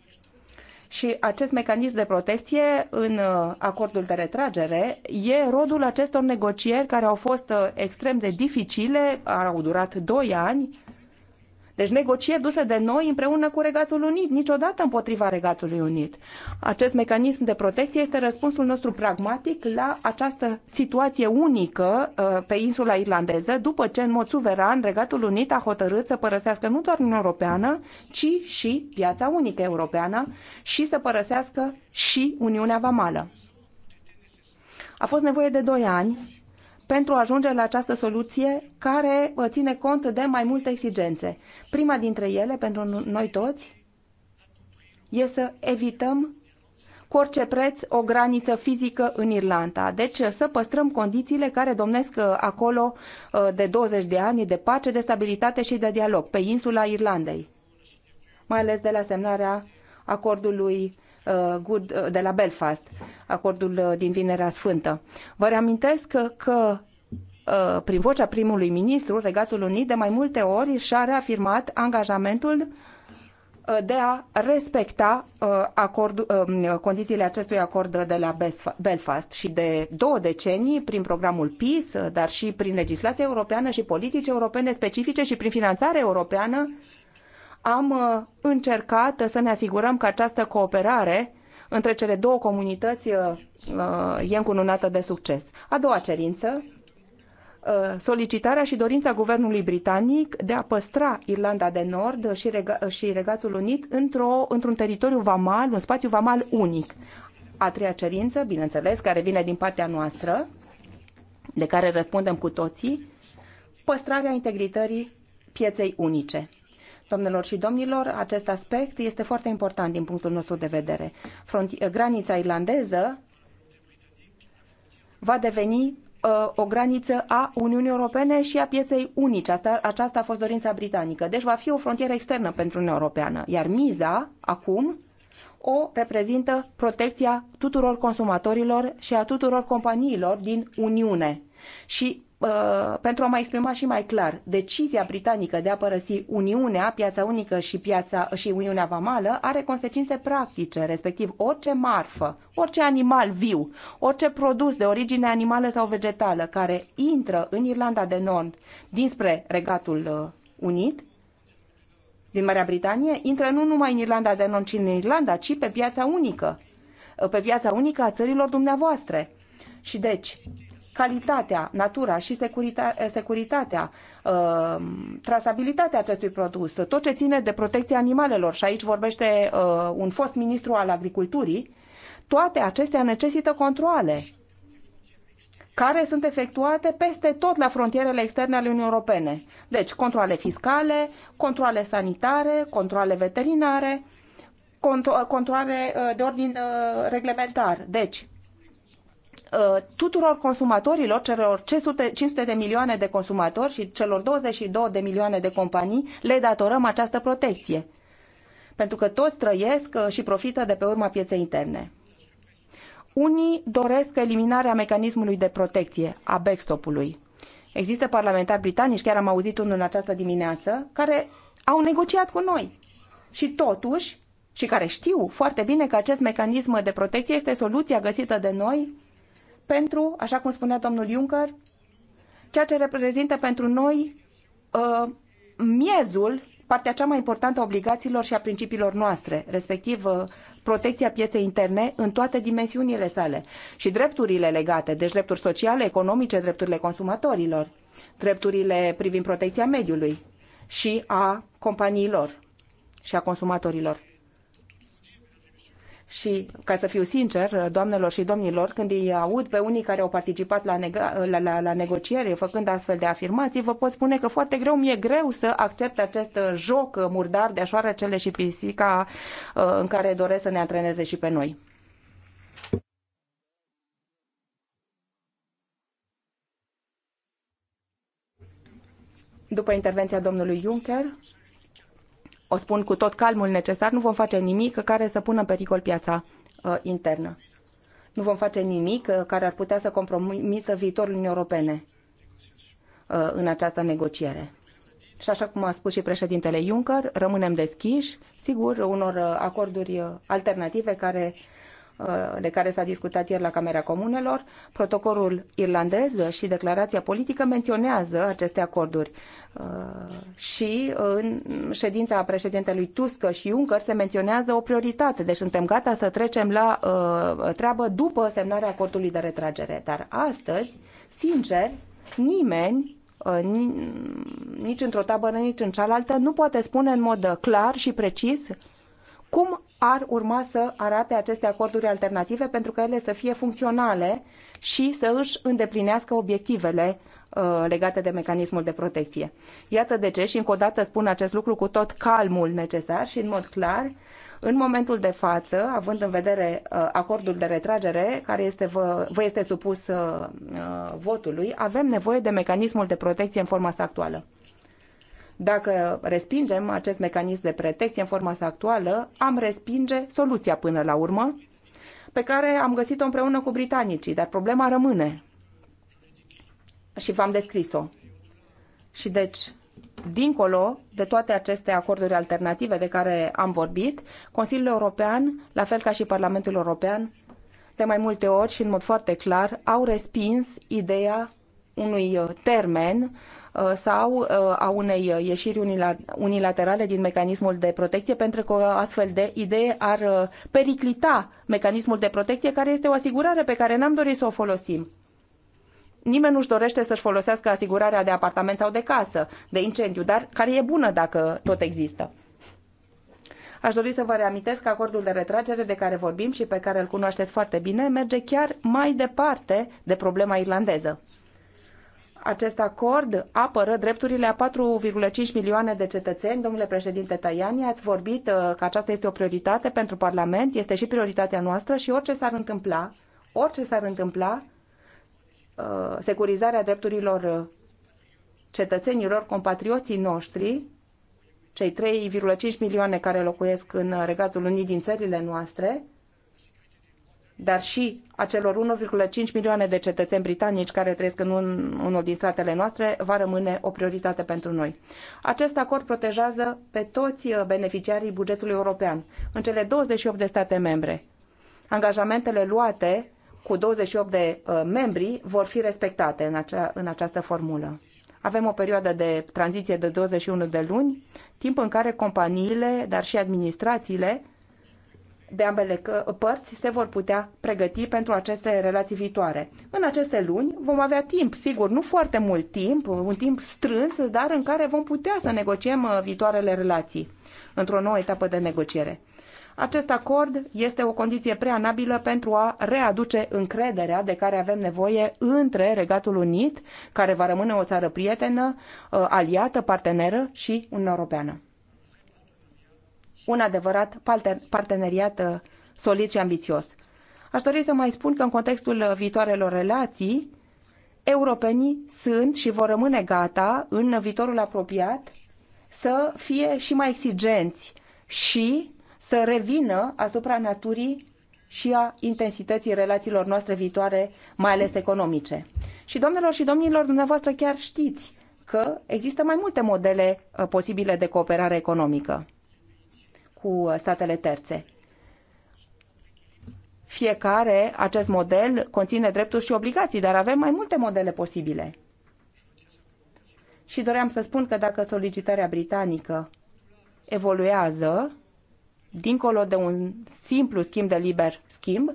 Și acest mecanism de protecție în uh, acordul de retragere e rodul acestor negocieri care au fost uh, extrem de dificile, au durat doi ani deci negocieri duse de noi împreună cu Regatul Unit, niciodată împotriva Regatului Unit. Acest mecanism de protecție este răspunsul nostru pragmatic la această situație unică uh, pe insula irlandeză, după ce în mod suveran Regatul Unit a hotărât să părăsească nu doar Uniunea Europeană, ci și piața unică europeană și să părăsească și Uniunea Vamală. A fost nevoie de doi ani pentru a ajunge la această soluție care uh, ține cont de mai multe exigențe. Prima dintre ele, pentru noi toți, e să evităm cu orice preț o graniță fizică în Irlanda. Deci uh, să păstrăm condițiile care domnesc uh, acolo de 20 de ani de pace, de stabilitate și de dialog pe insula Irlandei, mai ales de la semnarea acordului Uh, Good, uh, de la Belfast, acordul uh, din Vinerea Sfântă. Vă reamintesc că prin vocea primului ministru, Regatul Unit de mai multe ori și-a reafirmat angajamentul de a respecta acord, condițiile acestui acord de la Belfast și de două decenii, prin programul PIS, dar și prin legislația europeană și politici europene specifice și prin finanțare europeană, am uh, încercat să ne asigurăm că această cooperare între cele două comunități uh, uh, e încununată de succes. A doua cerință, solicitarea și dorința guvernului britanic de a păstra Irlanda de Nord și, Rega- și Regatul Unit într-o, într-un teritoriu vamal, un spațiu vamal unic. A treia cerință, bineînțeles, care vine din partea noastră, de care răspundem cu toții, păstrarea integrității pieței unice. Domnilor și domnilor, acest aspect este foarte important din punctul nostru de vedere. Fronti- granița irlandeză va deveni uh, o graniță a Uniunii Europene și a pieței unice. Asta, aceasta a fost dorința britanică. Deci va fi o frontieră externă pentru Uniunea Europeană. Iar miza, acum, o reprezintă protecția tuturor consumatorilor și a tuturor companiilor din Uniune. Și Uh, pentru a mai exprima și mai clar, decizia britanică de a părăsi Uniunea, piața unică și, piața, și Uniunea Vamală are consecințe practice, respectiv orice marfă, orice animal viu, orice produs de origine animală sau vegetală care intră în Irlanda de Nord dinspre Regatul uh, Unit, din Marea Britanie, intră nu numai în Irlanda de Nord, ci în Irlanda, ci pe piața unică, uh, pe piața unică a țărilor dumneavoastră. Și deci, calitatea, natura și securita eh, securitatea, uh, trasabilitatea acestui produs, tot ce ține de protecția animalelor, și aici vorbește uh, un fost ministru al agriculturii, toate acestea necesită controle care sunt efectuate peste tot la frontierele externe ale Uniunii Europene. Deci, controle fiscale, controle sanitare, controle veterinare, controle eh, de ordin reglementar. Deci, Uh, tuturor consumatorilor, celor 500 de milioane de consumatori și celor 22 de milioane de companii, le datorăm această protecție. Pentru că toți trăiesc uh, și profită de pe urma pieței interne. Unii doresc eliminarea mecanismului de protecție a backstop-ului. Există parlamentari britanici, chiar am auzit unul în această dimineață, care au negociat cu noi. Și totuși, și care știu foarte bine că acest mecanism de protecție este soluția găsită de noi pentru, așa cum spunea domnul Juncker, ceea ce reprezintă pentru noi uh, miezul, partea cea mai importantă a obligațiilor și a principiilor noastre, respectiv uh, protecția pieței interne în toate dimensiunile sale și drepturile legate, deci drepturi sociale, economice, drepturile consumatorilor, drepturile privind protecția mediului și a companiilor și a consumatorilor și, ca să fiu sincer, doamnelor și domnilor, când îi aud pe unii care au participat la, neg- la, la, la negociere făcând astfel de afirmații, vă pot spune că foarte greu mi-e greu să accept acest joc murdar de cele și pisica uh, în care doresc să ne antreneze și pe noi. După intervenția domnului Juncker, o spun cu tot calmul necesar, nu vom face nimic care să pună în pericol piața uh, internă. Nu vom face nimic uh, care ar putea să compromită viitorul Uniunii Europene uh, în această negociere. Și așa cum a spus și președintele Juncker, rămânem deschiși, sigur, unor uh, acorduri uh, alternative care Uh, de care s-a discutat ieri la Camera Comunelor, protocolul irlandez și declarația politică menționează aceste acorduri. Uh, și uh, în ședința președintelui Tusk și Juncker se menționează o prioritate, deci suntem gata să trecem la treabă după semnarea acordului de retragere. Dar astăzi, sincer, nimeni nici într-o tabără, nici în cealaltă, nu poate spune în mod clar și precis cum ar urma să arate aceste acorduri alternative pentru că ele să fie funcționale și să își îndeplinească obiectivele uh, legate de mecanismul de protecție. Iată de ce și încă o dată spun acest lucru cu tot calmul necesar și în mod clar, în momentul de față, având în vedere uh, acordul de retragere care este vă, vă este supus uh, votului, avem nevoie de mecanismul de protecție în forma sa actuală. Dacă respingem acest mecanism de protecție în forma sa actuală, am respinge soluția până la urmă, pe care am găsit-o împreună cu britanicii, dar problema rămâne. Și v-am descris-o. Și deci, dincolo de toate aceste acorduri alternative de care am vorbit, Consiliul European, la fel ca și Parlamentul European, de mai multe ori și în mod foarte clar, au respins ideea unui termen Uh, sau uh, a unei uh, ieșiri unilaterale din mecanismul de protecție, pentru că o astfel de idee ar periclita mecanismul de protecție, care este o asigurare pe care n-am dorit să o folosim. Nimeni nu-și dorește să-și folosească asigurarea de apartament sau de casă, de incendiu, dar care e bună dacă tot există. Aș dori să vă reamintesc că acordul de retragere de care vorbim și pe care îl cunoașteți foarte bine merge chiar mai departe de problema irlandeză. Acest acord apără drepturile a 4,5 milioane de cetățeni. Domnule președinte Tajani, ați vorbit uh, că aceasta este o prioritate pentru Parlament, este și prioritatea noastră și orice s-ar întâmpla, orice s-ar întâmpla, uh, securizarea drepturilor cetățenilor, compatrioții noștri, cei 3,5 milioane care locuiesc în Regatul Unit din țările noastre, dar și acelor 1,5 milioane de cetățeni britanici care trăiesc în un, unul din statele noastre, va rămâne o prioritate pentru noi. Acest acord protejează pe toți uh, beneficiarii bugetului european, în cele 28 de state membre. Angajamentele luate cu 28 de uh, membri vor fi respectate în, acea, în această formulă. Avem o perioadă de tranziție de 21 de luni, timp în care companiile, dar și administrațiile, de ambele părți se vor putea pregăti pentru aceste relații viitoare. În aceste luni vom avea timp, sigur, nu foarte mult timp, un timp strâns, dar în care vom putea să negociem uh, viitoarele relații într-o nouă etapă de negociere. Acest acord este o condiție preanabilă pentru a readuce încrederea de care avem nevoie între Regatul Unit, care va rămâne o țară prietenă, uh, aliată, parteneră și Uniunea Europeană un adevărat parteneriat uh, solid și ambițios. Aș dori să mai spun că în contextul viitoarelor relații, europenii sunt și vor rămâne gata în viitorul apropiat să fie și mai exigenți și să revină asupra naturii și a intensității relațiilor noastre viitoare, mai ales economice. Și domnilor și domnilor, dumneavoastră chiar știți că există mai multe modele uh, posibile de cooperare economică cu statele terțe. Fiecare, acest model, conține drepturi și obligații, dar avem mai multe modele posibile. Și doream să spun că dacă solicitarea britanică evoluează, dincolo de un simplu schimb de liber schimb,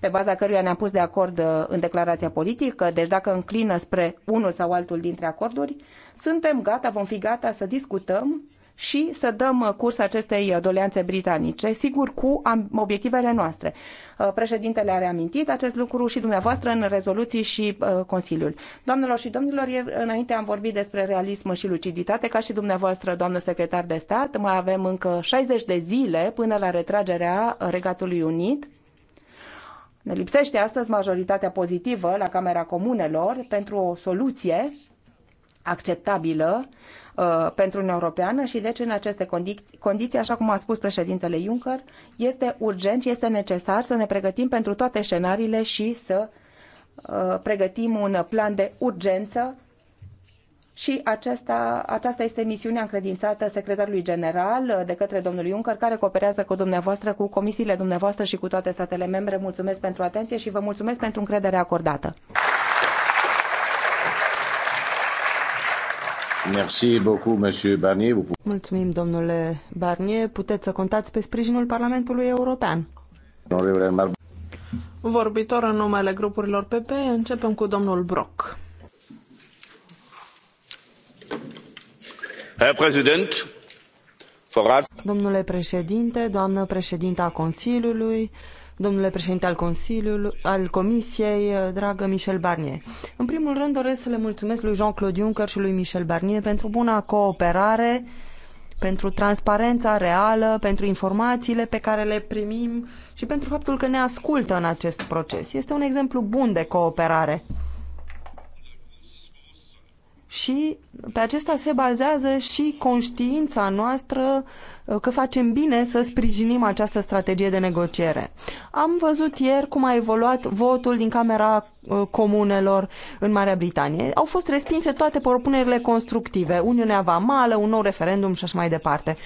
pe baza căruia ne-am pus de acord uh, în declarația politică, deci dacă înclină spre unul sau altul dintre acorduri, suntem gata, vom fi gata să discutăm și să dăm uh, curs acestei uh, doleanțe britanice, sigur cu obiectivele noastre. Uh, președintele a reamintit acest lucru și dumneavoastră în rezoluții și Consiliul. Doamnelor și domnilor, înainte am vorbit despre realism și luciditate, ca și dumneavoastră, doamnă secretar de stat, mai avem încă 60 de zile până la retragerea Regatului Unit ne lipsește astăzi majoritatea pozitivă la Camera Comunelor pentru o soluție acceptabilă uh, pentru Uniunea Europeană și deci în aceste condiții, condiții, așa cum a spus președintele Juncker, este urgent, este necesar să ne pregătim pentru toate scenariile și să uh, pregătim un plan de urgență și aceasta, aceasta este misiunea încredințată secretarului general uh, de către domnul Juncker, care cooperează cu dumneavoastră, cu comisiile dumneavoastră și cu toate statele membre. Mulțumesc pentru atenție și vă mulțumesc pentru încrederea acordată. Mulțumim, domnule Barnier. Puteți să contați pe sprijinul Parlamentului European. Vorbitor în numele grupurilor PP, începem cu domnul Brock. Domnule președinte, doamnă președinta Consiliului, domnule președinte al Consiliului, al Comisiei, dragă Michel Barnier. În primul rând doresc să le mulțumesc lui Jean-Claude Juncker și lui Michel Barnier pentru buna cooperare, pentru transparența reală, pentru informațiile pe care le primim și pentru faptul că ne ascultă în acest proces. Este un exemplu bun de cooperare și pe acesta se bazează și conștiința noastră uh, că facem bine să sprijinim această strategie de negociere. Am văzut ieri cum a evoluat votul din Camera uh, Comunelor în Marea Britanie. Au fost respinse toate propunerile constructive, Uniunea Vamală, un nou referendum și așa mai departe.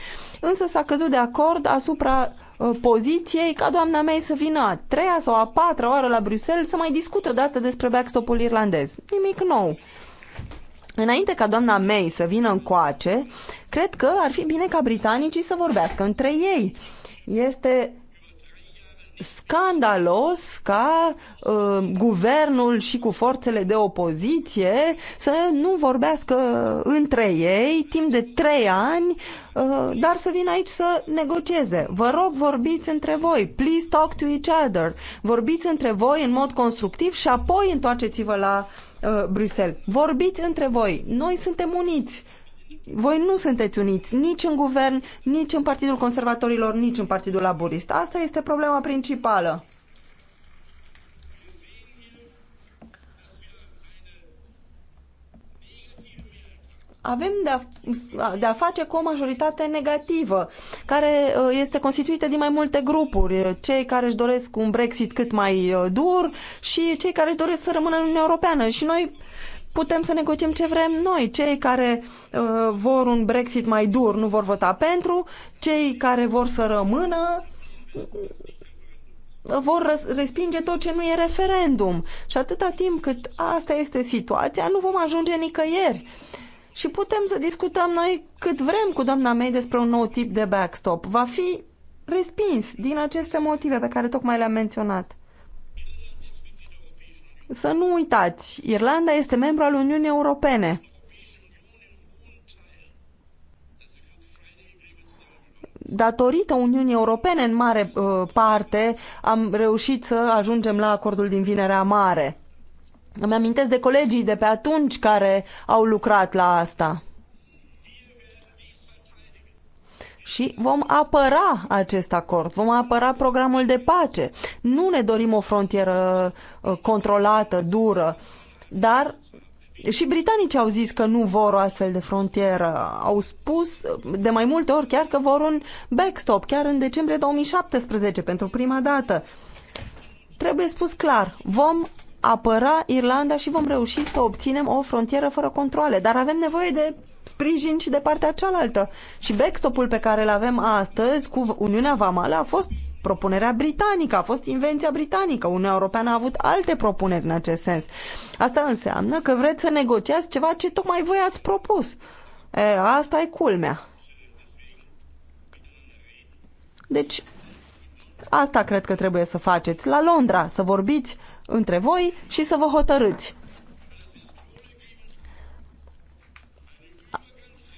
Însă s-a căzut de acord asupra uh, poziției ca doamna mea să vină a treia sau a patra oară la Bruxelles să mai discute o dată despre backstop-ul irlandez. Nimic nou Înainte ca doamna May să vină în coace, cred că ar fi bine ca britanicii să vorbească între ei. Este scandalos ca uh, guvernul și cu forțele de opoziție să nu vorbească între ei timp de trei ani, uh, dar să vină aici să negocieze. Vă rog, vorbiți între voi. Please talk to each other. Vorbiți între voi în mod constructiv și apoi întoarceți-vă la uh, Uh, Bruxelles. Vorbiți între voi. Noi suntem uniți. Voi nu sunteți uniți nici în guvern, nici în Partidul Conservatorilor, nici în Partidul Laborist. Asta este problema principală. avem de-a, de-a face cu o majoritate negativă, care uh, este constituită din mai multe grupuri, cei care își doresc un Brexit cât mai uh, dur și cei care își doresc să rămână în Uniunea Europeană. Și noi putem să negociem ce vrem noi. Cei care uh, vor un Brexit mai dur nu vor vota pentru, cei care vor să rămână uh, vor respinge tot ce nu e referendum. Și atâta timp cât asta este situația, nu vom ajunge nicăieri. Uh, și putem să discutăm noi cât vrem cu doamna May despre un nou tip de backstop. Va fi respins din aceste motive pe care tocmai le-am menționat. Să nu uitați, Irlanda este membru al Uniunii Europene. Datorită Uniunii Europene, în mare uh, parte, am reușit să ajungem la acordul din Vinerea Mare. Îmi amintesc de colegii de pe atunci care au lucrat la asta. și vom apăra acest acord, vom apăra programul de pace. Nu ne dorim o frontieră uh, controlată, dură, dar și britanicii au zis că nu vor o astfel de frontieră. Au spus uh, de mai multe ori chiar că vor un backstop, chiar în decembrie 2017, pentru prima dată. Trebuie spus clar, vom apăra Irlanda și vom reuși să obținem o frontieră fără controle. Dar avem nevoie de sprijin și de partea cealaltă. Și backstop-ul pe care îl avem astăzi cu Uniunea Vamală a fost propunerea britanică, a fost invenția britanică. Uniunea Europeană a avut alte propuneri în acest sens. Asta înseamnă că vreți să negociați ceva ce tocmai voi ați propus. E, asta e culmea. Deci, asta cred că trebuie să faceți. La Londra, să vorbiți între voi și să vă hotărâți.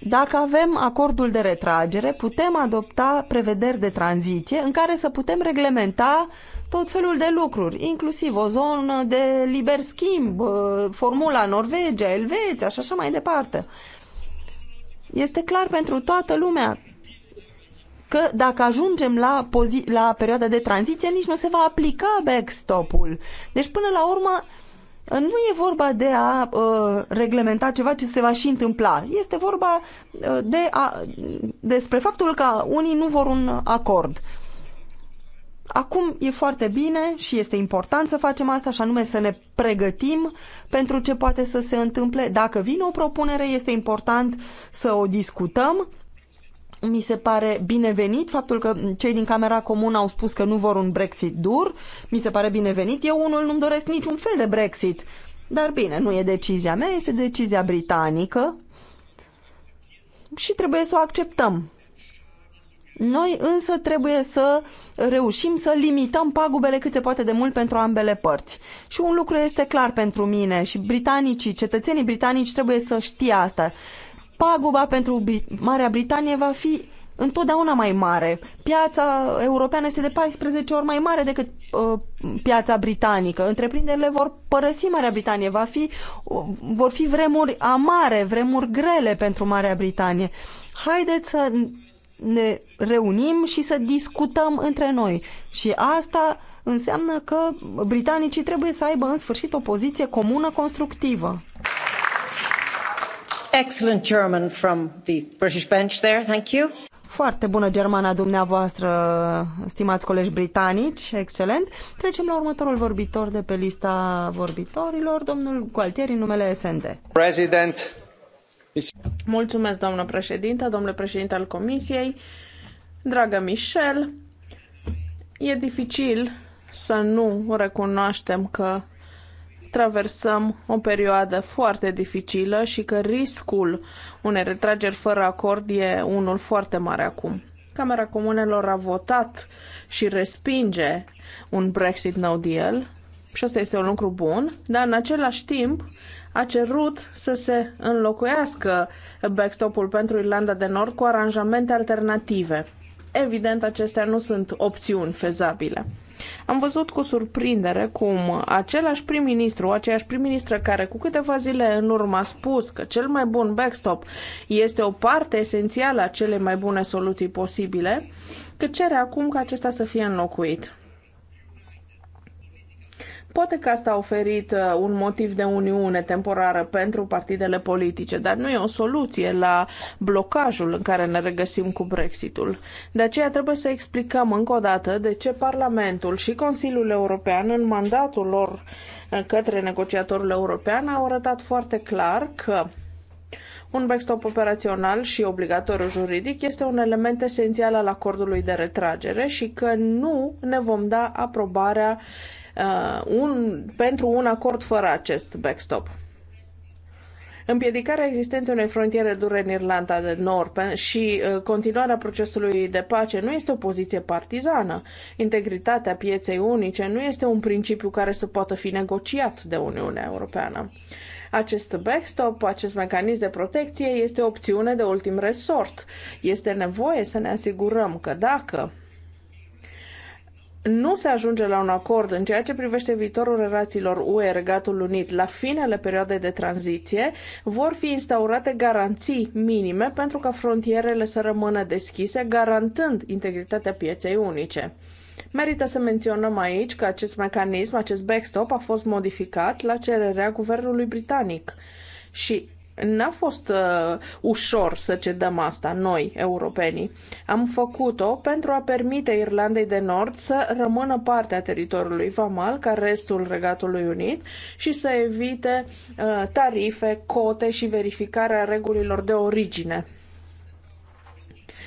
Dacă avem acordul de retragere, putem adopta prevederi de tranziție în care să putem reglementa tot felul de lucruri, inclusiv o zonă de liber schimb, formula Norvegia, Elveția și așa mai departe. Este clar pentru toată lumea că dacă ajungem la, la perioada de tranziție, nici nu se va aplica backstop-ul. Deci, până la urmă, nu e vorba de a uh, reglementa ceva ce se va și întâmpla. Este vorba uh, de a, despre faptul că unii nu vor un acord. Acum e foarte bine și este important să facem asta, și anume să ne pregătim pentru ce poate să se întâmple. Dacă vine o propunere, este important să o discutăm mi se pare binevenit faptul că cei din Camera Comună au spus că nu vor un Brexit dur, mi se pare binevenit, eu unul nu-mi doresc niciun fel de Brexit. Dar bine, nu e decizia mea, este decizia britanică și trebuie să o acceptăm. Noi însă trebuie să reușim să limităm pagubele cât se poate de mult pentru ambele părți. Și un lucru este clar pentru mine și britanicii, cetățenii britanici trebuie să știe asta paguba pentru Marea Britanie va fi întotdeauna mai mare. Piața europeană este de 14 ori mai mare decât uh, piața britanică. Întreprinderile vor părăsi Marea Britanie. Va fi, uh, vor fi vremuri amare, vremuri grele pentru Marea Britanie. Haideți să ne reunim și să discutăm între noi. Și asta înseamnă că britanicii trebuie să aibă în sfârșit o poziție comună constructivă. Excellent German from the British bench there, thank you. Foarte bună germana dumneavoastră, stimați colegi britanici, excelent. Trecem la următorul vorbitor de pe lista vorbitorilor, domnul Gualtieri, numele SND. President. Mulțumesc, doamnă președinte, domnule președinte al Comisiei, dragă Michel. E dificil să nu recunoaștem că traversăm o perioadă foarte dificilă și că riscul unei retrageri fără acord e unul foarte mare acum. Camera Comunelor a votat și respinge un Brexit no deal și asta este un lucru bun, dar în același timp a cerut să se înlocuiască backstop-ul pentru Irlanda de Nord cu aranjamente alternative. Evident, acestea nu sunt opțiuni fezabile. Am văzut cu surprindere cum același prim-ministru, aceeași prim-ministră care cu câteva zile în urmă a spus că cel mai bun backstop este o parte esențială a celei mai bune soluții posibile, că cere acum ca acesta să fie înlocuit. Poate că asta a oferit uh, un motiv de uniune temporară pentru partidele politice, dar nu e o soluție la blocajul în care ne regăsim cu Brexitul. De aceea trebuie să explicăm încă o dată de ce Parlamentul și Consiliul European în mandatul lor uh, către negociatorul european au arătat foarte clar că un backstop operațional și obligatoriu juridic este un element esențial al acordului de retragere și că nu ne vom da aprobarea uh, un, pentru un acord fără acest backstop. Împiedicarea existenței unei frontiere dure în Irlanda de Nord și uh, continuarea procesului de pace nu este o poziție partizană. Integritatea pieței unice nu este un principiu care să poată fi negociat de Uniunea Europeană. Acest backstop, acest mecanism de protecție este o opțiune de ultim resort. Este nevoie să ne asigurăm că dacă nu se ajunge la un acord în ceea ce privește viitorul relațiilor UE-Regatul Unit la finele perioadei de tranziție, vor fi instaurate garanții minime pentru ca frontierele să rămână deschise, garantând integritatea pieței unice. Merită să menționăm aici că acest mecanism, acest backstop, a fost modificat la cererea guvernului britanic și N-a fost uh, ușor să cedăm asta noi, europenii. Am făcut-o pentru a permite Irlandei de Nord să rămână parte a teritoriului Vamal, ca restul Regatului Unit, și să evite uh, tarife, cote și verificarea regulilor de origine.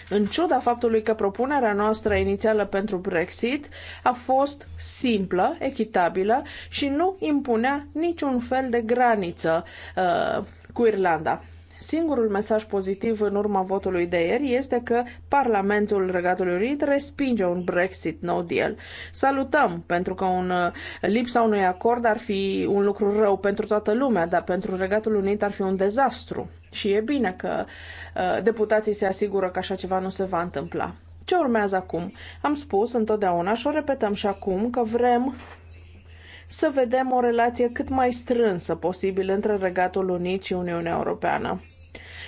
În ciuda faptului că propunerea noastră inițială pentru Brexit a fost simplă, echitabilă și nu impunea niciun fel de graniță uh, cu Irlanda. Singurul mesaj pozitiv în urma votului de ieri este că Parlamentul Regatului Unit respinge un Brexit no deal. Salutăm, pentru că un uh, lipsa unui acord ar fi un lucru rău pentru toată lumea, dar pentru Regatul Unit ar fi un dezastru. Și e bine că uh, deputații se asigură că așa ceva nu se va întâmpla. Ce urmează acum? Am spus întotdeauna și o repetăm și acum că vrem să vedem o relație cât mai strânsă posibil între Regatul Unit și Uniunea Europeană.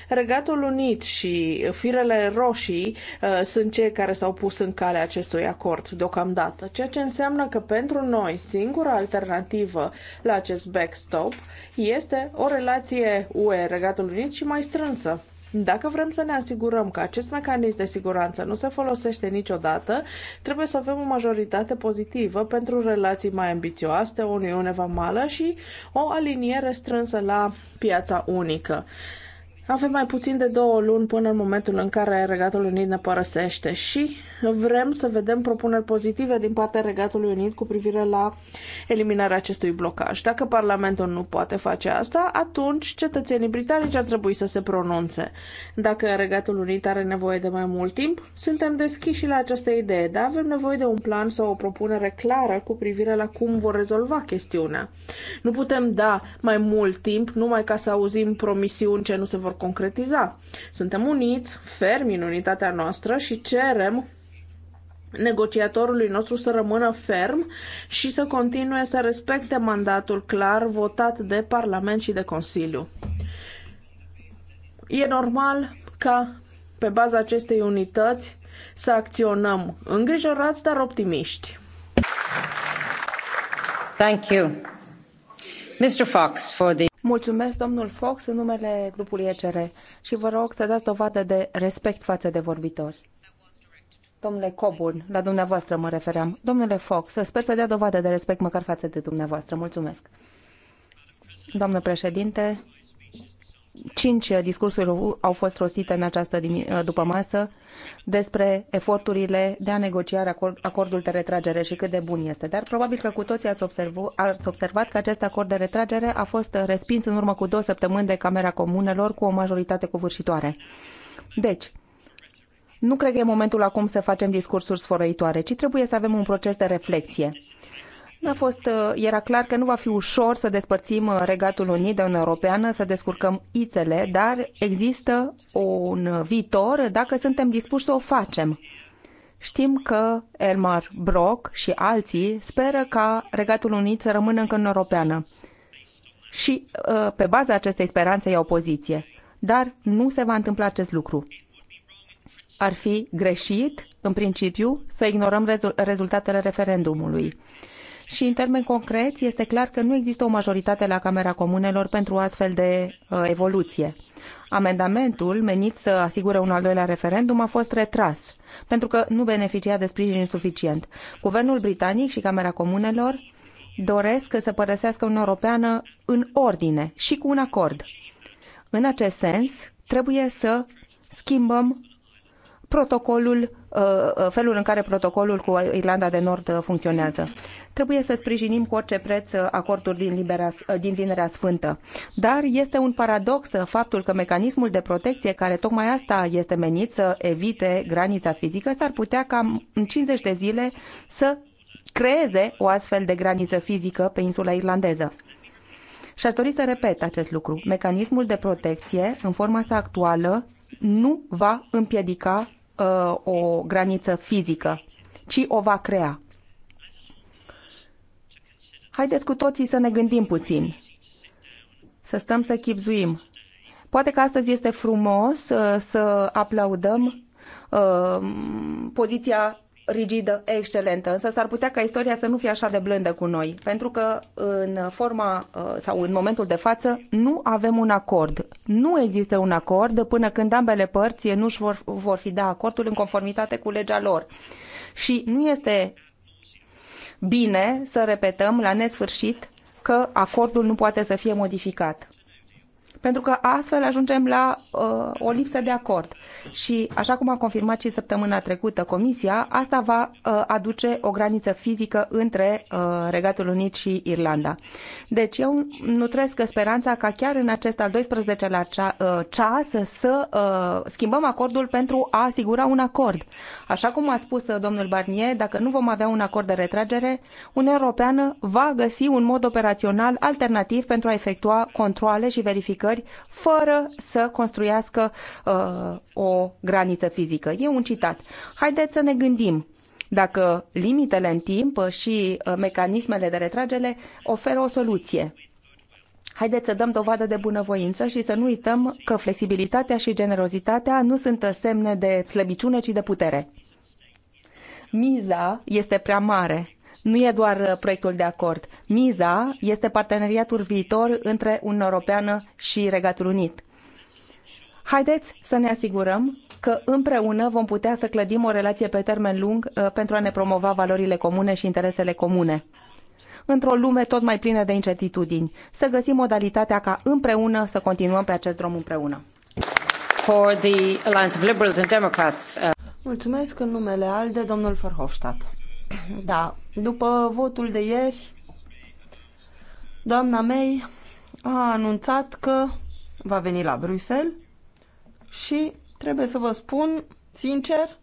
Regatul Unit și firele roșii uh, sunt cei care s-au pus în cale acestui acord deocamdată, ceea ce înseamnă că pentru noi singura alternativă la acest backstop este o relație UE-Regatul Unit și mai strânsă. Dacă vrem să ne asigurăm că acest mecanism de siguranță nu se folosește niciodată, trebuie să avem o majoritate pozitivă pentru relații mai ambițioase, o uniune vamală și o aliniere strânsă la piața unică. Avem mai puțin de două luni până în momentul în care Regatul Unit ne părăsește și Vrem să vedem propuneri pozitive din partea Regatului Unit cu privire la eliminarea acestui blocaj. Dacă Parlamentul nu poate face asta, atunci cetățenii britanici ar trebui să se pronunțe. Dacă Regatul Unit are nevoie de mai mult timp, suntem deschiși la această idee, dar avem nevoie de un plan sau o propunere clară cu privire la cum vor rezolva chestiunea. Nu putem da mai mult timp numai ca să auzim promisiuni ce nu se vor concretiza. Suntem uniți, fermi în unitatea noastră și cerem negociatorului nostru să rămână ferm și să continue să respecte mandatul clar votat de Parlament și de Consiliu. E normal ca pe baza acestei unități să acționăm îngrijorați, dar optimiști. Thank you. Mr. Fox, for the... Mulțumesc, domnul Fox, în numele grupului ECR și vă rog să dați dovadă de respect față de vorbitori. Domnule Coburn, la dumneavoastră mă refeream. Domnule Fox, sper să dea dovadă de respect măcar față de dumneavoastră. Mulțumesc. Doamnă președinte, cinci discursuri au fost rostite în această după masă despre eforturile de a negocia acordul de retragere și cât de bun este. Dar probabil că cu toții ați, observu, ați observat că acest acord de retragere a fost respins în urmă cu două săptămâni de Camera Comunelor cu o majoritate cuvârșitoare. Deci, nu cred că e momentul acum să facem discursuri sfărăitoare, ci trebuie să avem un proces de reflexie. N-a fost, uh, era clar că nu va fi ușor să despărțim uh, Regatul Unit de Uniunea Europeană, să descurcăm ițele, dar există un viitor dacă suntem dispuși să o facem. Știm că Elmar Brock și alții speră ca Regatul Unit să rămână încă în Europeană. Și uh, pe baza acestei speranțe iau poziție. Dar nu se va întâmpla acest lucru ar fi greșit, în principiu, să ignorăm rezultatele referendumului. Și în termeni concreți, este clar că nu există o majoritate la Camera Comunelor pentru astfel de uh, evoluție. Amendamentul menit să asigure un al doilea referendum a fost retras, pentru că nu beneficia de sprijin suficient. Guvernul britanic și Camera Comunelor doresc să părăsească Uniunea Europeană în ordine și cu un acord. În acest sens, trebuie să schimbăm protocolul, uh, uh, felul în care protocolul cu Irlanda de Nord uh, funcționează. Trebuie să sprijinim cu orice preț acordul din, libera, din Vinerea Sfântă. Dar este un paradox faptul că mecanismul de protecție, care tocmai asta este menit să evite granița fizică, s-ar putea cam în 50 de zile să creeze o astfel de graniță fizică pe insula irlandeză. Și aș dori să repet acest lucru. Mecanismul de protecție, în forma sa actuală, nu va împiedica Uh, o graniță fizică, ci o va crea. Haideți cu toții să ne gândim puțin, să stăm să chipzuim. Poate că astăzi este frumos uh, să aplaudăm uh, poziția rigidă, excelentă, însă s-ar putea ca istoria să nu fie așa de blândă cu noi, pentru că în forma uh, sau în momentul de față nu avem un acord. Nu există un acord până când ambele părți nu își vor, vor fi da acordul în conformitate cu legea lor. Și nu este bine să repetăm la nesfârșit că acordul nu poate să fie modificat pentru că astfel ajungem la uh, o lipsă de acord. Și, așa cum a confirmat și săptămâna trecută Comisia, asta va uh, aduce o graniță fizică între uh, Regatul Unit și Irlanda. Deci eu nutresc speranța ca chiar în acest al 12-lea cea, uh, ceas să uh, schimbăm acordul pentru a asigura un acord. Așa cum a spus uh, domnul Barnier, dacă nu vom avea un acord de retragere, Uniunea Europeană va găsi un mod operațional alternativ pentru a efectua controle și verificări întrebări fără să construiască uh, o graniță fizică. E un citat. Haideți să ne gândim dacă limitele în timp și uh, mecanismele de retragere oferă o soluție. Haideți să dăm dovadă de bunăvoință și să nu uităm că flexibilitatea și generozitatea nu sunt semne de slăbiciune, ci de putere. Miza este prea mare nu e doar uh, proiectul de acord. Miza este parteneriatul viitor între Uniunea Europeană și Regatul Unit. Haideți să ne asigurăm că împreună vom putea să clădim o relație pe termen lung uh, pentru a ne promova valorile comune și interesele comune. Într-o lume tot mai plină de incertitudini, să găsim modalitatea ca împreună să continuăm pe acest drum împreună. For the Alliance of Liberals and Democrats, uh... Mulțumesc în numele ALDE, domnul Verhofstadt. Da, după votul de ieri, doamna May a anunțat că va veni la Bruxelles și trebuie să vă spun sincer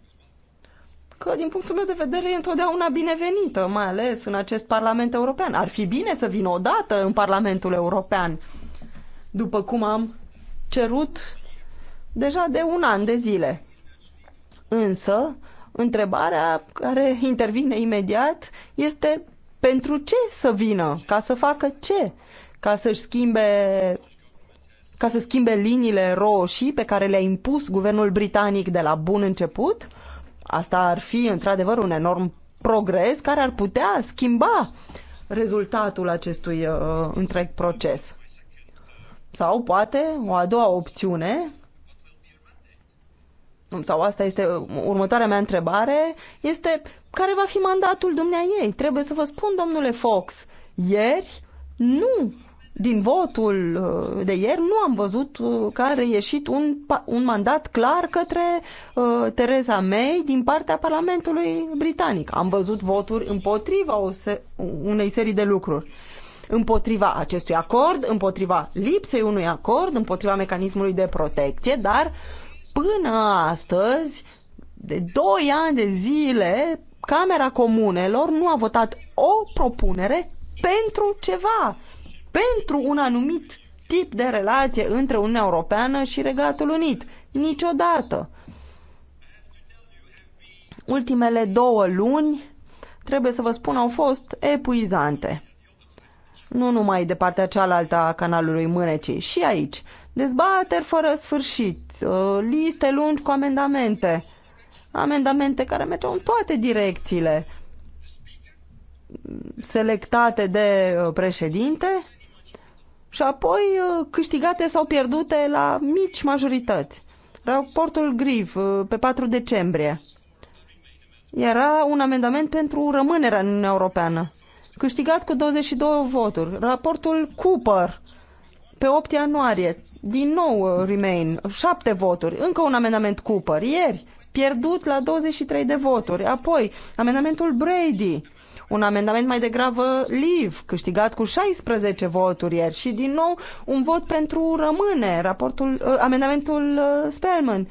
că din punctul meu de vedere e întotdeauna binevenită, mai ales în acest Parlament European. Ar fi bine să vină odată în Parlamentul European, după cum am cerut deja de un an de zile. Însă, întrebarea care intervine imediat este pentru ce să vină? Ca să facă ce? Ca să-și schimbe ca să schimbe liniile roșii pe care le-a impus guvernul britanic de la bun început? Asta ar fi într-adevăr un enorm progres care ar putea schimba rezultatul acestui uh, întreg proces. Sau poate o a doua opțiune sau asta este uh, următoarea mea întrebare, este care va fi mandatul dumnea ei. Trebuie să vă spun, domnule Fox, ieri nu, din votul uh, de ieri, nu am văzut uh, că a reieșit un, un mandat clar către uh, Tereza May din partea Parlamentului Britanic. Am văzut voturi împotriva o se, unei serii de lucruri împotriva acestui acord, împotriva lipsei unui acord, împotriva mecanismului de protecție, dar uh, Până astăzi, de 2 ani de zile, Camera Comunelor nu a votat o propunere pentru ceva, pentru un anumit tip de relație între Uniunea Europeană și Regatul Unit. Niciodată. Ultimele două luni, trebuie să vă spun, au fost epuizante. Nu numai de partea cealaltă a canalului Mânecii, și aici. Dezbateri fără sfârșit, uh, liste lungi cu amendamente, amendamente care mergeau în toate direcțiile, selectate de uh, președinte și apoi uh, câștigate sau pierdute la mici majorități. Raportul Griv pe 4 decembrie era un amendament pentru rămânerea în Uniunea Europeană. Câștigat cu 22 voturi. Raportul Cooper pe 8 ianuarie. Din nou uh, Remain, șapte voturi, încă un amendament Cooper, ieri, pierdut la 23 de voturi. Apoi, amendamentul Brady, un amendament mai degrabă Liv, câștigat cu 16 voturi ieri și din nou un vot pentru rămâne, raportul, uh, amendamentul uh, Spellman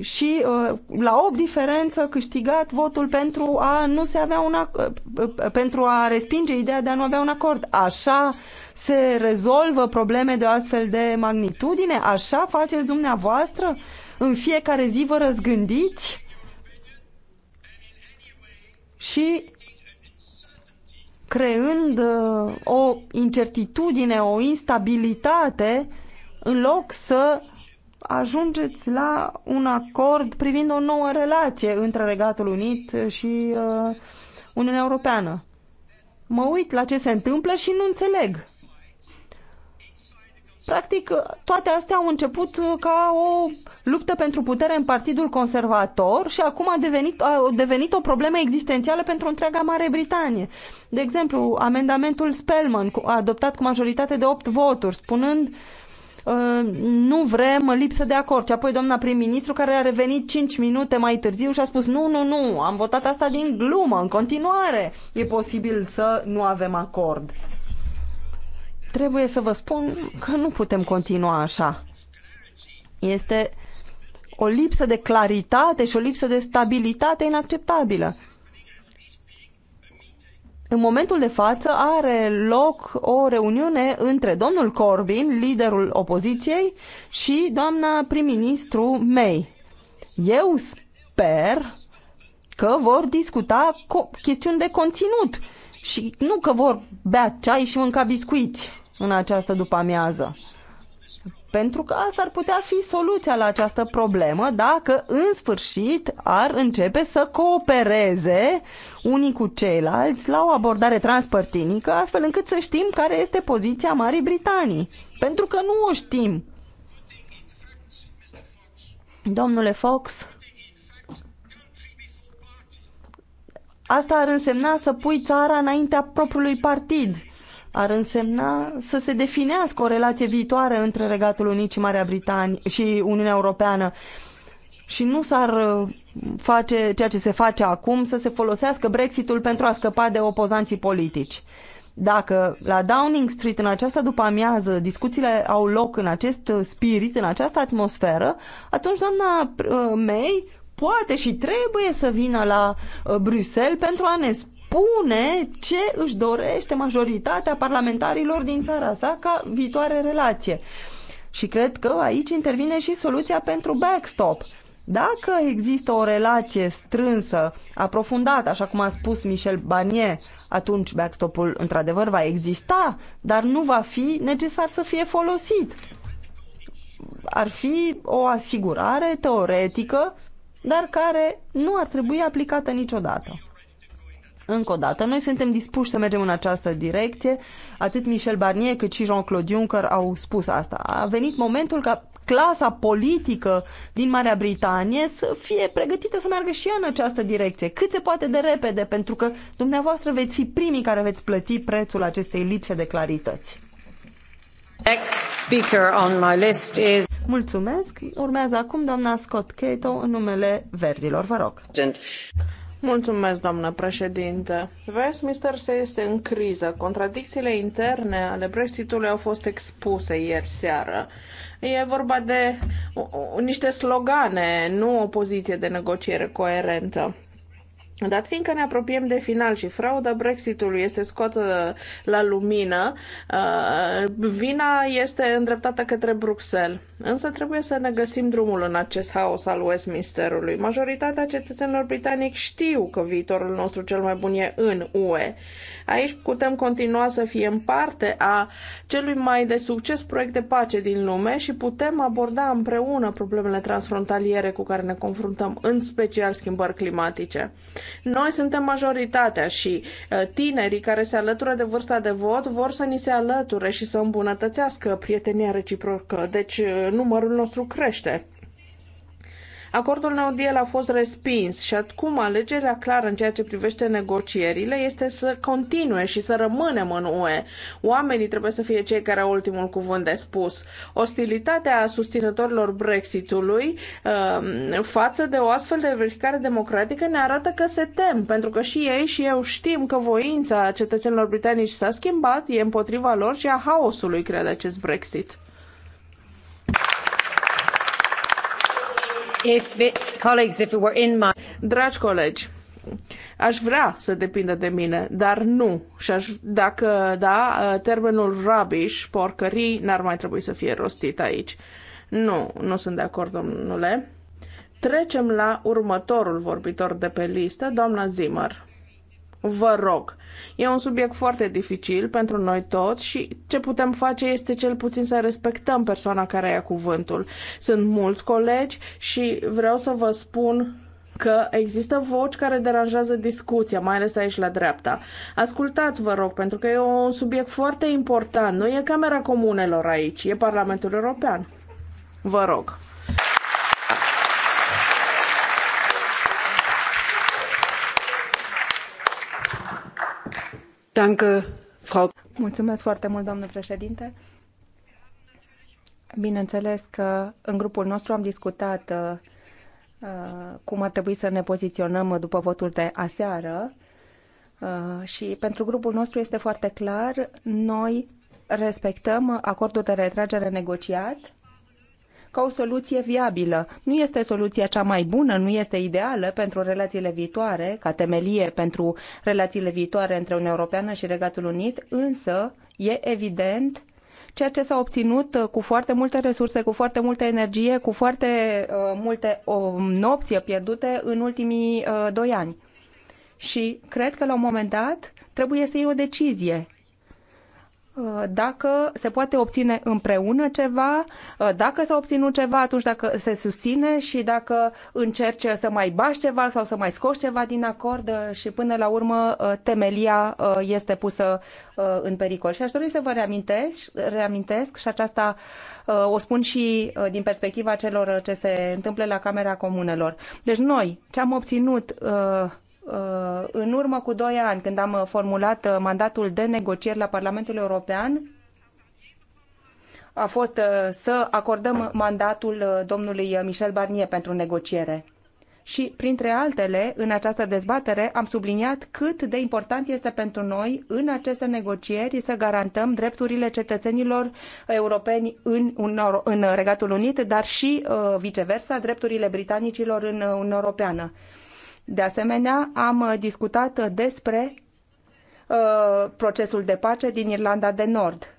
și uh, la 8 diferență câștigat votul pentru a nu se avea un uh, uh, pentru a respinge ideea de a nu avea un acord. Așa se rezolvă probleme de o astfel de magnitudine? Așa faceți dumneavoastră? În fiecare zi vă răzgândiți? Și creând o incertitudine, o instabilitate, în loc să ajungeți la un acord privind o nouă relație între Regatul Unit și uh, Uniunea Europeană. Mă uit la ce se întâmplă și nu înțeleg. Practic, toate astea au început ca o luptă pentru putere în Partidul Conservator și acum a devenit, a devenit o problemă existențială pentru întreaga Mare Britanie. De exemplu, amendamentul Spellman, adoptat cu majoritate de 8 voturi, spunând uh, Uh, nu vrem lipsă de acord. Și apoi doamna prim-ministru care a revenit 5 minute mai târziu și a spus nu, nu, nu, am votat asta din glumă, în continuare e posibil să nu avem acord. Trebuie să vă spun că nu putem continua așa. Este o lipsă de claritate și o lipsă de stabilitate inacceptabilă. În momentul de față are loc o reuniune între domnul Corbyn, liderul opoziției, și doamna prim-ministru May. Eu sper că vor discuta chestiuni de conținut și nu că vor bea ceai și mânca biscuiți în această după-amiază. Pentru că asta ar putea fi soluția la această problemă dacă, în sfârșit, ar începe să coopereze unii cu ceilalți la o abordare transpărtinică, astfel încât să știm care este poziția Marii Britanii. Pentru că nu o știm. Domnule Fox, asta ar însemna să pui țara înaintea propriului partid ar însemna să se definească o relație viitoare între Regatul Unit și Marea Britanie și Uniunea Europeană și nu s-ar uh, face ceea ce se face acum să se folosească Brexitul pentru a scăpa de opozanții politici. Dacă la Downing Street în această după-amiază discuțiile au loc în acest uh, spirit, în această atmosferă, atunci doamna uh, May poate și trebuie să vină la Bruxelles pentru a ne spune ce își dorește majoritatea parlamentarilor din țara sa ca viitoare relație. Și cred că aici intervine și soluția pentru backstop. Dacă există o relație strânsă, aprofundată, așa cum a spus Michel Barnier, atunci backstop-ul într-adevăr va exista, dar nu va fi necesar să fie folosit. Ar fi o asigurare teoretică, dar care nu ar trebui aplicată niciodată. Încă o dată, noi suntem dispuși să mergem în această direcție. Atât Michel Barnier cât și Jean-Claude Juncker au spus asta. A venit momentul ca clasa politică din Marea Britanie să fie pregătită să meargă și ea în această direcție, cât se poate de repede, pentru că dumneavoastră veți fi primii care veți plăti prețul acestei lipse de clarități. on my list is... Mulțumesc. Urmează acum doamna Scott Cato în numele verzilor. Vă rog. Gent. Mulțumesc, doamnă președinte. Westminster se este în criză. Contradicțiile interne ale Brexitului au fost expuse ieri seară. E vorba de niște slogane, nu o poziție de negociere coerentă. Dat fiindcă ne apropiem de final și frauda Brexitului este scoată la lumină, uh, vina este îndreptată către Bruxelles. Însă trebuie să ne găsim drumul în acest haos al Westminsterului. Majoritatea cetățenilor britanici știu că viitorul nostru cel mai bun e în UE. Aici putem continua să fim parte a celui mai de succes proiect de pace din lume și putem aborda împreună problemele transfrontaliere cu care ne confruntăm, în special schimbări climatice. Noi suntem majoritatea și uh, tinerii care se alătură de vârsta de vot vor să ni se alăture și să îmbunătățească prietenia reciprocă. Deci uh, numărul nostru crește. Acordul no deal a fost respins și acum alegerea clară în ceea ce privește negocierile este să continue și să rămânem în UE. Oamenii trebuie să fie cei care au ultimul cuvânt de spus. Ostilitatea susținătorilor Brexitului um, față de o astfel de verificare democratică ne arată că se tem, pentru că și ei și eu știm că voința cetățenilor britanici s-a schimbat, e împotriva lor și a haosului, cred, acest Brexit. Dragi colegi, aș vrea să depindă de mine, dar nu. Și aș, dacă da, termenul rubbish, porcării, n-ar mai trebui să fie rostit aici. Nu, nu sunt de acord, domnule. Trecem la următorul vorbitor de pe listă, doamna Zimmer. Vă rog, E un subiect foarte dificil pentru noi toți și ce putem face este cel puțin să respectăm persoana care ia cuvântul. Sunt mulți colegi și vreau să vă spun că există voci care deranjează discuția, mai ales aici la dreapta. Ascultați, vă rog, pentru că e un subiect foarte important. Nu e Camera Comunelor aici, e Parlamentul European. Vă rog. Danke, Frau. Mulțumesc foarte mult, doamnă președinte. Bineînțeles că în grupul nostru am discutat uh, cum ar trebui să ne poziționăm după votul de aseară uh, și pentru grupul nostru este foarte clar, noi respectăm acordul de retragere negociat ca o soluție viabilă. Nu este soluția cea mai bună, nu este ideală pentru relațiile viitoare, ca temelie pentru relațiile viitoare între Uniunea Europeană și Regatul Unit, însă e evident ceea ce s-a obținut uh, cu foarte multe resurse, cu foarte multă energie, cu foarte uh, multe uh, nopții pierdute în ultimii uh, doi ani. Și cred că la un moment dat trebuie să iei o decizie Uh, dacă se poate obține împreună ceva, uh, dacă s-a obținut ceva, atunci dacă se susține și dacă încerci să mai bași ceva sau să mai scoți ceva din acord uh, și până la urmă temelia este pusă în pericol. Și aș dori să vă reamintesc, reamintesc și aceasta o spun și din perspectiva celor ce se întâmplă la Camera Comunelor. Deci noi, ce am obținut Uh, în urmă cu doi ani, când am uh, formulat uh, mandatul de negocieri la Parlamentul European, a fost să acordăm mandatul domnului Michel Barnier pentru negociere. Și, printre altele, în această dezbatere am subliniat cât de important este pentru noi în aceste negocieri să garantăm drepturile cetățenilor europeni în, în Regatul Unit, dar și uh, viceversa, drepturile britanicilor în Uniunea Europeană. De asemenea, am uh, discutat uh, despre uh, procesul de pace din Irlanda de Nord.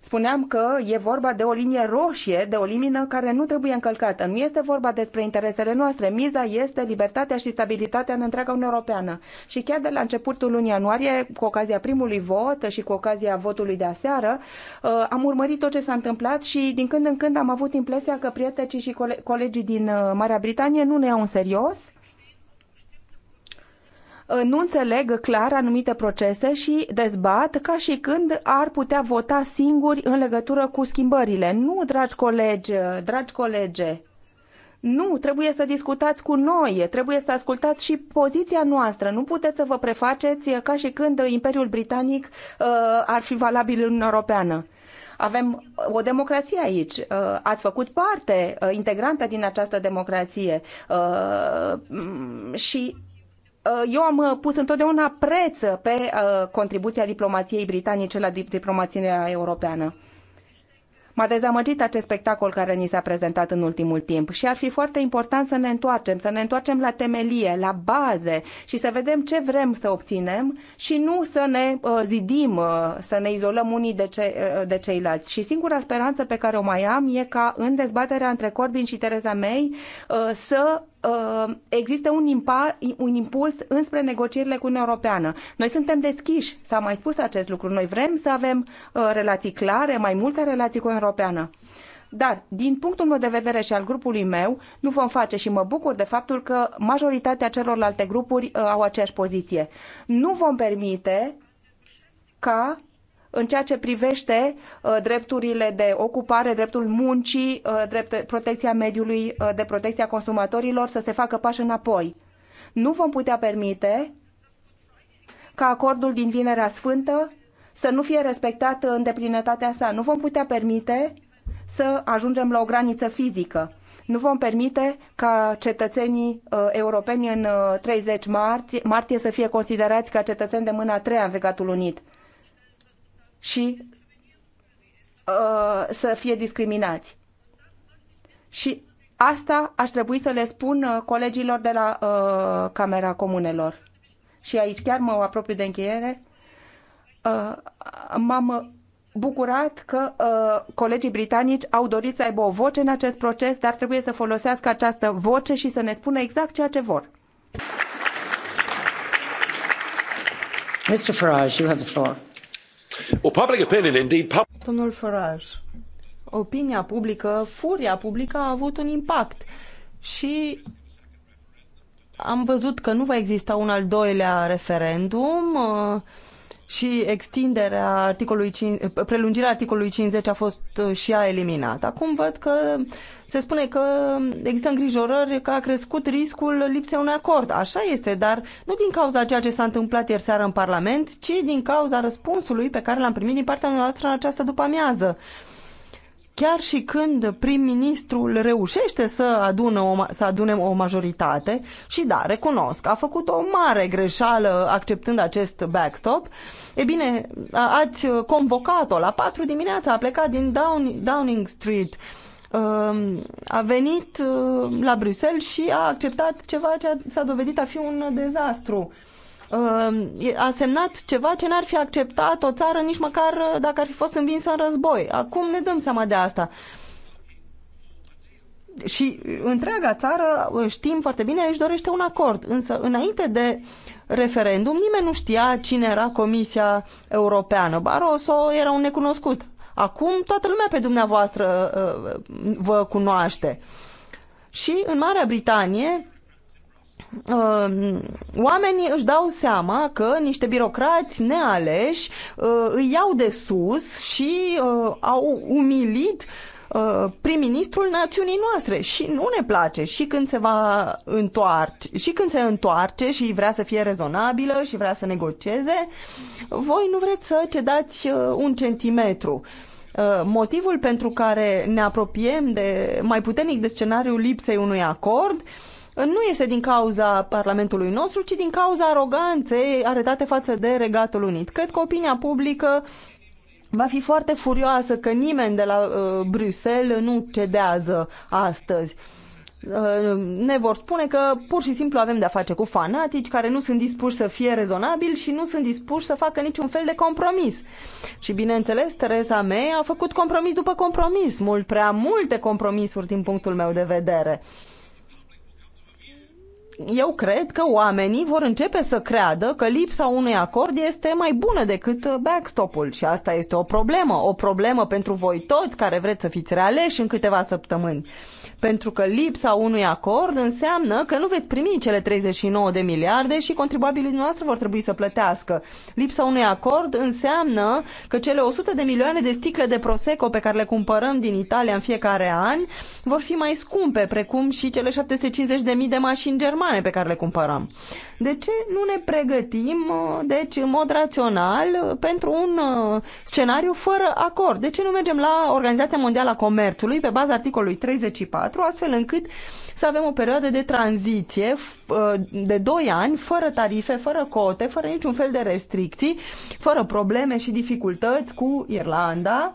Spuneam că e vorba de o linie roșie, de o limină care nu trebuie încălcată. Nu este vorba despre interesele noastre. Miza este libertatea și stabilitatea în întreaga Uniune Europeană. Și chiar de la începutul lunii ianuarie, cu ocazia primului vot și cu ocazia votului de aseară, am urmărit tot ce s-a întâmplat și din când în când am avut impresia că prietenii și colegii din Marea Britanie nu ne iau în serios Uh, nu înțeleg clar anumite procese și dezbat ca și când ar putea vota singuri în legătură cu schimbările. Nu, dragi colegi, uh, dragi colege, nu, trebuie să discutați cu noi, trebuie să ascultați și poziția noastră. Nu puteți să vă prefaceți ca și când Imperiul Britanic uh, ar fi valabil în Europeană. Avem o democrație aici. Uh, ați făcut parte uh, integrantă din această democrație uh, mm, și Uh, eu am uh, pus întotdeauna preț pe uh, contribuția diplomației britanice la diplomația europeană. M-a dezamăgit acest spectacol care ni s-a prezentat în ultimul timp și ar fi foarte important să ne întoarcem, să ne întoarcem la temelie, la baze și să vedem ce vrem să obținem și nu să ne zidim, să ne izolăm unii de, ce, de ceilalți. Și singura speranță pe care o mai am e ca în dezbaterea între Corbyn și Tereza May să Uh, există un, impa, un impuls înspre negocierile cu Uniunea Europeană. Noi suntem deschiși, s-a mai spus acest lucru, noi vrem să avem uh, relații clare, mai multe relații cu Uniunea Europeană. Dar, din punctul meu de vedere și al grupului meu, nu vom face și mă bucur de faptul că majoritatea celorlalte grupuri uh, au aceeași poziție. Nu vom permite ca în ceea ce privește uh, drepturile de ocupare, dreptul muncii, uh, drept protecția mediului, uh, de protecția consumatorilor, să se facă pași înapoi. Nu vom putea permite ca acordul din Vinerea Sfântă să nu fie respectat în deplinătatea sa. Nu vom putea permite să ajungem la o graniță fizică. Nu vom permite ca cetățenii uh, europeni în uh, 30 martie, martie să fie considerați ca cetățeni de mâna a treia în Regatul Unit și uh, să fie discriminați. Și asta aș trebui să le spun uh, colegilor de la uh, Camera Comunelor. Și aici chiar mă apropiu de încheiere. Uh, m-am bucurat că uh, colegii britanici au dorit să aibă o voce în acest proces, dar trebuie să folosească această voce și să ne spună exact ceea ce vor. Mr. Farage, you have the floor. Domnul Farage, opinia publică, furia publică a avut un impact și am văzut că nu va exista un al doilea referendum. Uh, și extinderea articolului 5, prelungirea articolului 50 a fost uh, și a eliminat. Acum văd că se spune că există îngrijorări că a crescut riscul lipsei unui acord. Așa este, dar nu din cauza ceea ce s-a întâmplat ieri seară în Parlament, ci din cauza răspunsului pe care l-am primit din partea noastră în această după-amiază chiar și când prim-ministrul reușește să, adună o, să adune o majoritate și da, recunosc, a făcut o mare greșeală acceptând acest backstop, e bine, ați convocat-o la 4 dimineața, a plecat din Down, Downing Street, um, a venit uh, la Bruxelles și a acceptat ceva ce s-a dovedit a fi un dezastru Ehm, a semnat ceva ce n-ar fi acceptat o țară nici măcar eh, dacă ar fi fost învinsă în război. Acum ne dăm seama de asta. Și întreaga țară, eh, știm foarte bine, își dorește un acord. Însă, înainte de referendum, nimeni nu știa cine era Comisia Europeană. Barroso era un necunoscut. Acum toată lumea pe dumneavoastră eh, vă cunoaște. Și în Marea Britanie, Uh, oamenii își dau seama că niște birocrați nealeși uh, îi iau de sus și uh, au umilit prim-ministrul națiunii noastre și nu ne place și când se va întoarce și când se întoarce și vrea să fie rezonabilă și vrea să negocieze voi nu vreți să cedați un centimetru motivul pentru care ne apropiem de mai puternic de scenariul lipsei unui acord uh, nu este din cauza Parlamentului nostru, ci din cauza aroganței arătate față de Regatul Unit. Cred că opinia publică va fi foarte furioasă că nimeni de la uh, Bruxelles nu cedează astăzi. Uh, ne vor spune că pur și simplu avem de-a face cu fanatici care nu sunt dispuși să fie rezonabili și nu sunt dispuși să facă niciun fel de compromis. Și bineînțeles, Teresa May a făcut compromis după compromis, mult prea multe compromisuri din punctul meu de vedere eu cred că oamenii vor începe să creadă că lipsa unui acord este mai bună decât uh, backstop-ul și asta este o problemă, o problemă pentru voi toți care vreți să fiți realeși în câteva săptămâni. Pentru că lipsa unui acord înseamnă că nu veți primi cele 39 de miliarde și contribuabilii noastre vor trebui să plătească. Lipsa unui acord înseamnă că cele 100 de milioane de sticle de Prosecco pe care le cumpărăm din Italia în fiecare an vor fi mai scumpe, precum și cele 750 de mii de mașini germane telefoane pe care le cumpărăm. De ce nu ne pregătim, uh, deci, în mod rațional, uh, pentru un uh, scenariu fără acord? De ce nu mergem la Organizația Mondială a Comerțului pe baza articolului 34, astfel încât să avem o perioadă de tranziție de 2 ani, fără tarife, fără cote, fără niciun fel de restricții, fără probleme și dificultăți cu Irlanda.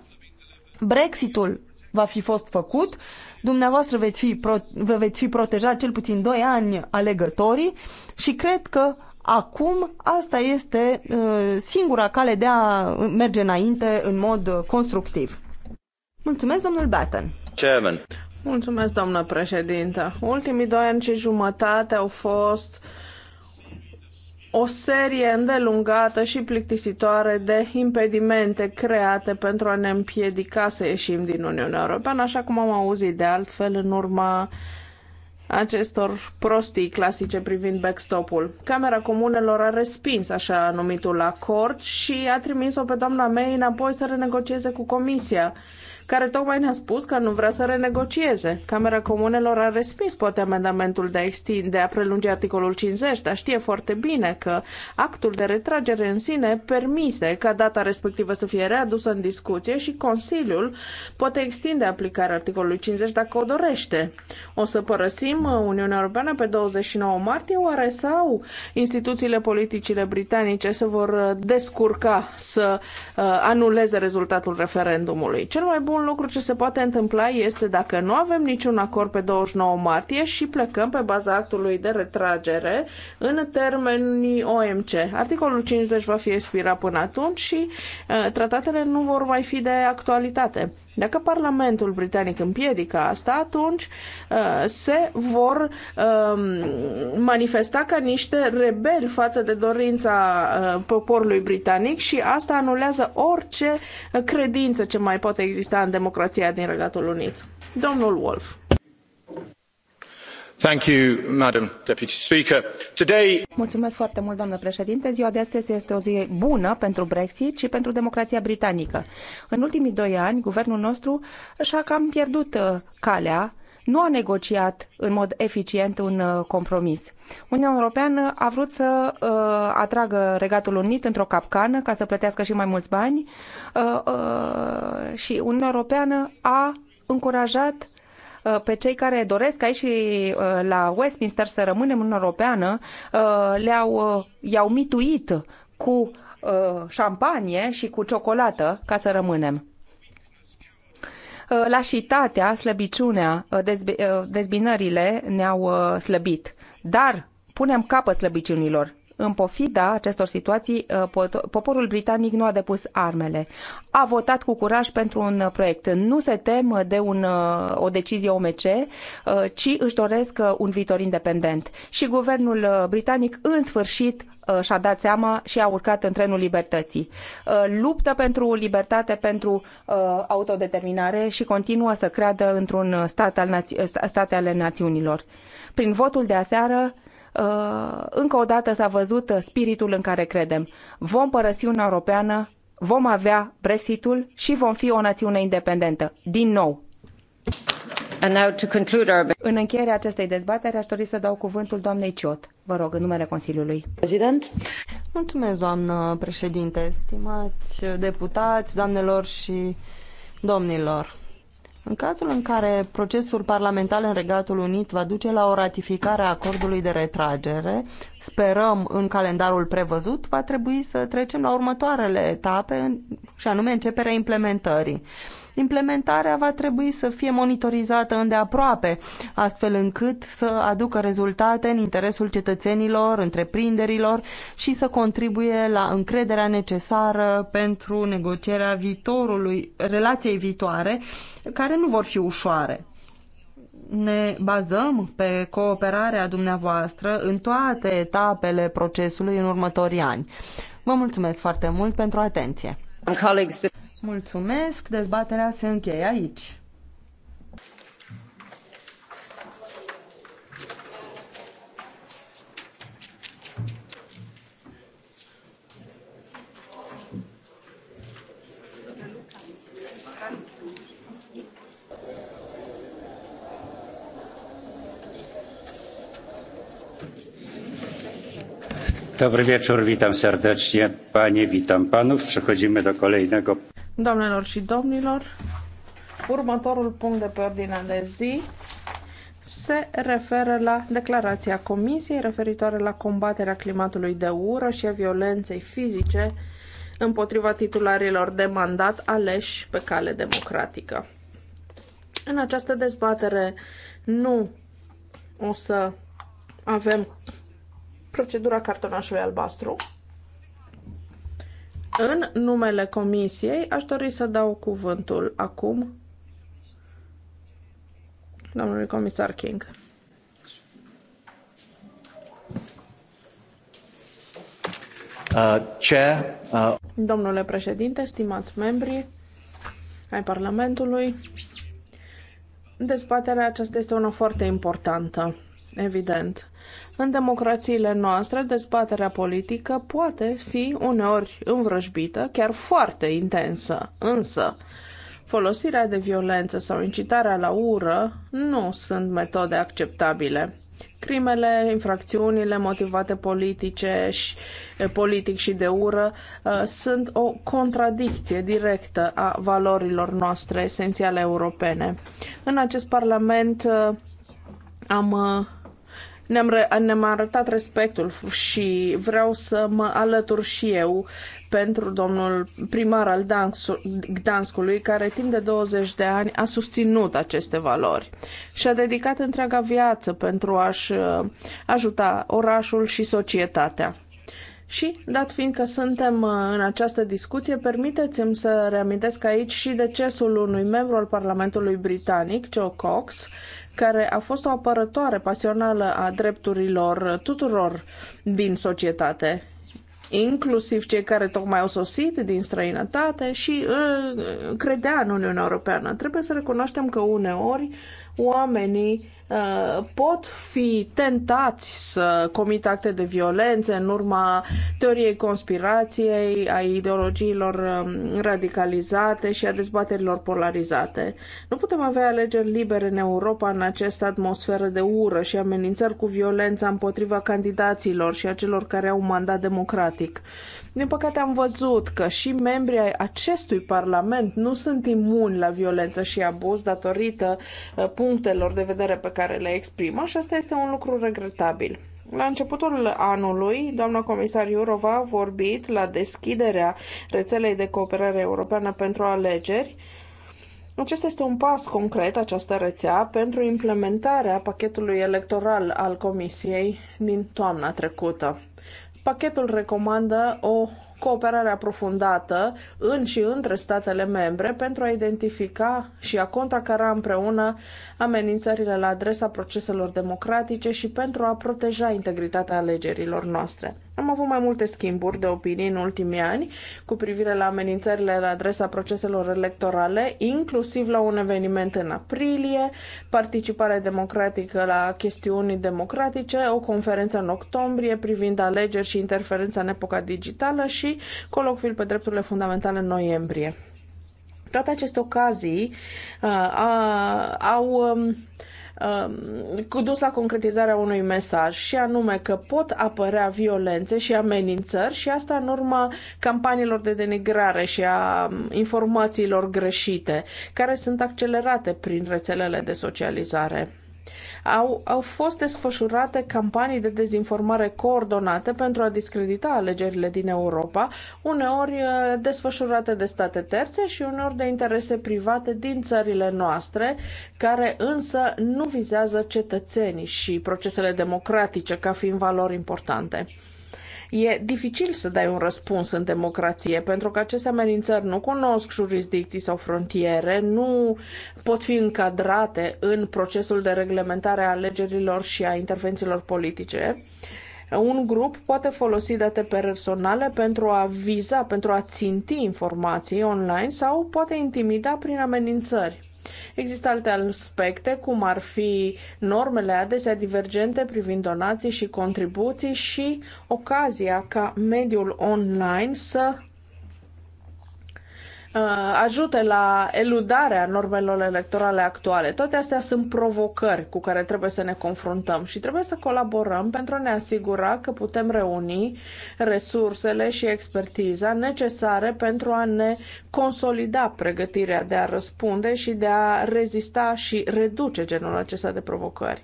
Brexitul va fi fost făcut Dumneavoastră veți fi pro, vă veți fi protejat cel puțin 2 ani alegătorii și cred că acum asta este uh, singura cale de a merge înainte în mod constructiv. Mulțumesc, domnul Batten. Chairman. Mulțumesc, doamnă președintă. Ultimii doi ani și jumătate au fost uh, o serie îndelungată și plictisitoare de impedimente create pentru a ne împiedica să ieșim din Uniunea Europeană, așa cum am auzit de altfel în urma acestor prostii clasice privind backstop-ul. Camera Comunelor a respins așa numitul acord și a trimis-o pe doamna May înapoi să renegocieze cu Comisia care tocmai ne-a spus că nu vrea să renegocieze. Camera Comunelor a respins poate amendamentul de a extinde, a prelungi articolul 50, dar știe foarte bine că actul de retragere în sine permite ca data respectivă să fie readusă în discuție și Consiliul poate extinde aplicarea articolului 50 dacă o dorește. O să părăsim Uniunea Europeană pe 29 martie, oare sau instituțiile politicile britanice se vor descurca să uh, anuleze rezultatul referendumului? Cel mai bun un lucru ce se poate întâmpla este dacă nu avem niciun acord pe 29 martie și plecăm pe baza actului de retragere în termenii OMC. Articolul 50 va fi expirat până atunci și uh, tratatele nu vor mai fi de actualitate. Dacă Parlamentul Britanic împiedică asta, atunci uh, se vor uh, manifesta ca niște rebeli față de dorința uh, poporului britanic și asta anulează orice uh, credință ce mai poate exista în democrația din Regatul Unit. Domnul Wolf. Thank you, Madam Deputy Speaker. Today... Mulțumesc foarte mult, doamnă președinte. Ziua de astăzi este o zi bună pentru Brexit și pentru democrația britanică. În ultimii doi ani, guvernul nostru și-a cam pierdut uh, calea nu a negociat în mod eficient un uh, compromis. Uniunea Europeană a vrut să uh, atragă Regatul Unit într-o capcană ca să plătească și mai mulți bani uh, uh, și Uniunea Europeană a încurajat uh, pe cei care doresc aici și uh, la Westminster să rămânem în Europeană, le-au, i-au mituit cu șampanie și cu ciocolată ca să rămânem. Uh, lașitatea, slăbiciunea, uh, uh, dezbinările ne-au slăbit. Dar punem capăt slăbiciunilor. În pofida acestor situații, poporul britanic nu a depus armele. A votat cu curaj pentru un proiect. Nu se tem de un, o decizie OMC, ci își doresc un viitor independent. Și guvernul britanic, în sfârșit, Uh, și-a dat seama și a urcat în trenul libertății. Uh, luptă pentru libertate, pentru uh, autodeterminare și continuă să creadă într-un stat al naț- state ale națiunilor. Prin votul de aseară, încă o dată s-a văzut spiritul în care credem. Vom părăsi Uniunea Europeană, vom avea Brexitul și vom fi o națiune independentă. Din nou. În încheierea acestei dezbateri aș dori să dau cuvântul doamnei Ciot. Vă rog, în numele Consiliului. Prezident. Mulțumesc, doamnă președinte, stimați deputați, doamnelor și domnilor. În cazul în care procesul parlamentar în Regatul Unit va duce la o ratificare a acordului de retragere, sperăm în calendarul prevăzut, va trebui să trecem la următoarele etape, și anume începerea implementării. Implementarea va trebui să fie monitorizată îndeaproape, astfel încât să aducă rezultate în interesul cetățenilor, întreprinderilor și să contribuie la încrederea necesară pentru negocierea viitorului, relației viitoare, care nu vor fi ușoare ne bazăm pe cooperarea dumneavoastră în toate etapele procesului în următorii ani. Vă mulțumesc foarte mult pentru atenție. Mulțumesc, dezbaterea se încheie aici. Dobry wieczór, witam serdecznie panie, witam panów. Przechodzimy do kolejnego. Doamnelor și domnilor, următorul punct de pe ordinea de zi se referă la declarația Comisiei referitoare la combaterea climatului de ură și a violenței fizice împotriva titularilor de mandat aleși pe cale democratică. În această dezbatere nu o să avem procedura cartonașului albastru, în numele Comisiei aș dori să dau cuvântul acum domnului comisar King. Uh, chair, uh... Domnule președinte, stimați membri ai Parlamentului, dezbaterea aceasta este una foarte importantă, evident. În democrațiile noastre, dezbaterea politică poate fi uneori învrăjbită, chiar foarte intensă, însă folosirea de violență sau incitarea la ură nu sunt metode acceptabile. Crimele, infracțiunile motivate politice și, politic și de ură sunt o contradicție directă a valorilor noastre esențiale europene. În acest Parlament am ne-am, re- ne-am arătat respectul și vreau să mă alătur și eu pentru domnul primar al Gdanskului, care timp de 20 de ani a susținut aceste valori și a dedicat întreaga viață pentru a-și uh, ajuta orașul și societatea. Și, dat fiind că suntem uh, în această discuție, permiteți-mi să reamintesc aici și decesul unui membru al Parlamentului Britanic, Joe Cox, care a fost o apărătoare pasională a drepturilor tuturor din societate, inclusiv cei care tocmai au sosit din străinătate și uh, credea în Uniunea Europeană. Trebuie să recunoaștem că uneori oamenii uh, pot fi tentați să comită acte de violență în urma teoriei conspirației, a ideologiilor um, radicalizate și a dezbaterilor polarizate. Nu putem avea alegeri libere în Europa în această atmosferă de ură și amenințări cu violența împotriva candidaților și a celor care au un mandat democratic. Din păcate am văzut că și membrii acestui parlament nu sunt imuni la violență și abuz datorită uh, punctelor de vedere pe care le exprimă și asta este un lucru regretabil. La începutul anului, doamna comisar Iurova a vorbit la deschiderea rețelei de cooperare europeană pentru alegeri. Acesta este un pas concret, această rețea, pentru implementarea pachetului electoral al Comisiei din toamna trecută. Pachetul recomandă o cooperare aprofundată în și între statele membre pentru a identifica și a contracara împreună amenințările la adresa proceselor democratice și pentru a proteja integritatea alegerilor noastre. Am avut mai multe schimburi de opinii în ultimii ani cu privire la amenințările la adresa proceselor electorale, inclusiv la un eveniment în aprilie, participare democratică la chestiuni democratice, o conferință în octombrie privind alegeri și interferența în epoca digitală și și colocviul pe drepturile fundamentale în noiembrie. Toate aceste ocazii uh, uh, au um, um, dus la concretizarea unui mesaj și anume că pot apărea violențe și amenințări și asta în urma campaniilor de denigrare și a um, informațiilor greșite care sunt accelerate prin rețelele de socializare. Au, au fost desfășurate campanii de dezinformare coordonate pentru a discredita alegerile din Europa, uneori uh, desfășurate de state terțe și uneori de interese private din țările noastre, care însă nu vizează cetățenii și procesele democratice ca fiind valori importante. E dificil să dai un răspuns în democrație, pentru că aceste amenințări nu cunosc jurisdicții sau frontiere, nu pot fi încadrate în procesul de reglementare a alegerilor și a intervențiilor politice. Un grup poate folosi date personale pentru a viza, pentru a ținti informații online sau poate intimida prin amenințări. Există alte aspecte, cum ar fi normele adesea divergente privind donații și contribuții și ocazia ca mediul online să Uh, ajute la eludarea normelor electorale actuale. Toate astea sunt provocări cu care trebuie să ne confruntăm și trebuie să colaborăm pentru a ne asigura că putem reuni resursele și expertiza necesare pentru a ne consolida pregătirea de a răspunde și de a rezista și reduce genul acesta de provocări.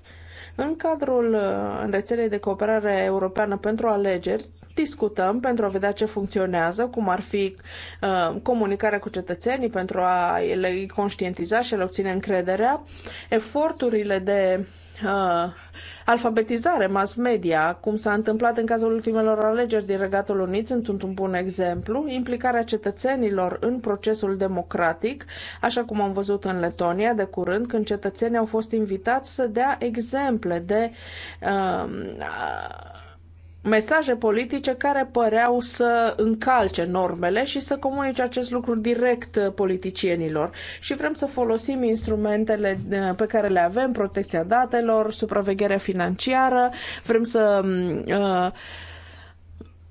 În cadrul uh, rețelei de cooperare europeană pentru alegeri, discutăm pentru a vedea ce funcționează, cum ar fi uh, comunicarea cu cetățenii pentru a le conștientiza și a le obține încrederea, eforturile de uh, alfabetizare mass media, cum s-a întâmplat în cazul ultimelor alegeri din Regatul Unit, sunt un bun exemplu, implicarea cetățenilor în procesul democratic, așa cum am văzut în Letonia de curând, când cetățenii au fost invitați să dea exemple de uh, mesaje politice care păreau să încalce normele și să comunice acest lucru direct uh, politicienilor. Și vrem să folosim instrumentele uh, pe care le avem, protecția datelor, supraveghere financiară, vrem să mm, uh,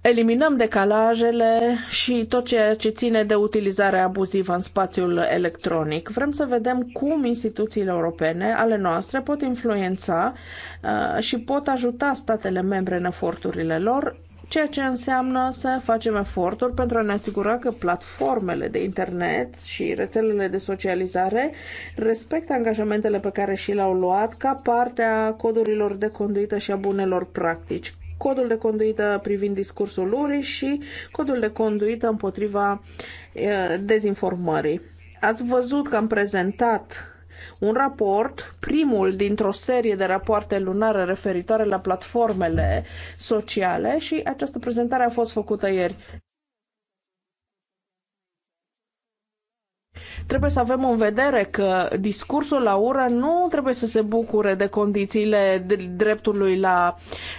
eliminăm decalajele și tot ceea ce ține de utilizarea abuzivă în spațiul electronic. Vrem să vedem cum instituțiile europene ale noastre pot influența uh, și pot ajuta statele membre în eforturile lor ceea ce înseamnă să facem eforturi pentru a ne asigura că platformele de internet și rețelele de socializare respectă angajamentele pe care și le-au luat ca parte a codurilor de conduită și a bunelor practici codul de conduită privind discursul lor și codul de conduită împotriva dezinformării. Ați văzut că am prezentat un raport, primul dintr-o serie de rapoarte lunare referitoare la platformele sociale și această prezentare a fost făcută ieri. Trebuie să avem în vedere că discursul la ură nu trebuie să se bucure de condițiile dreptului la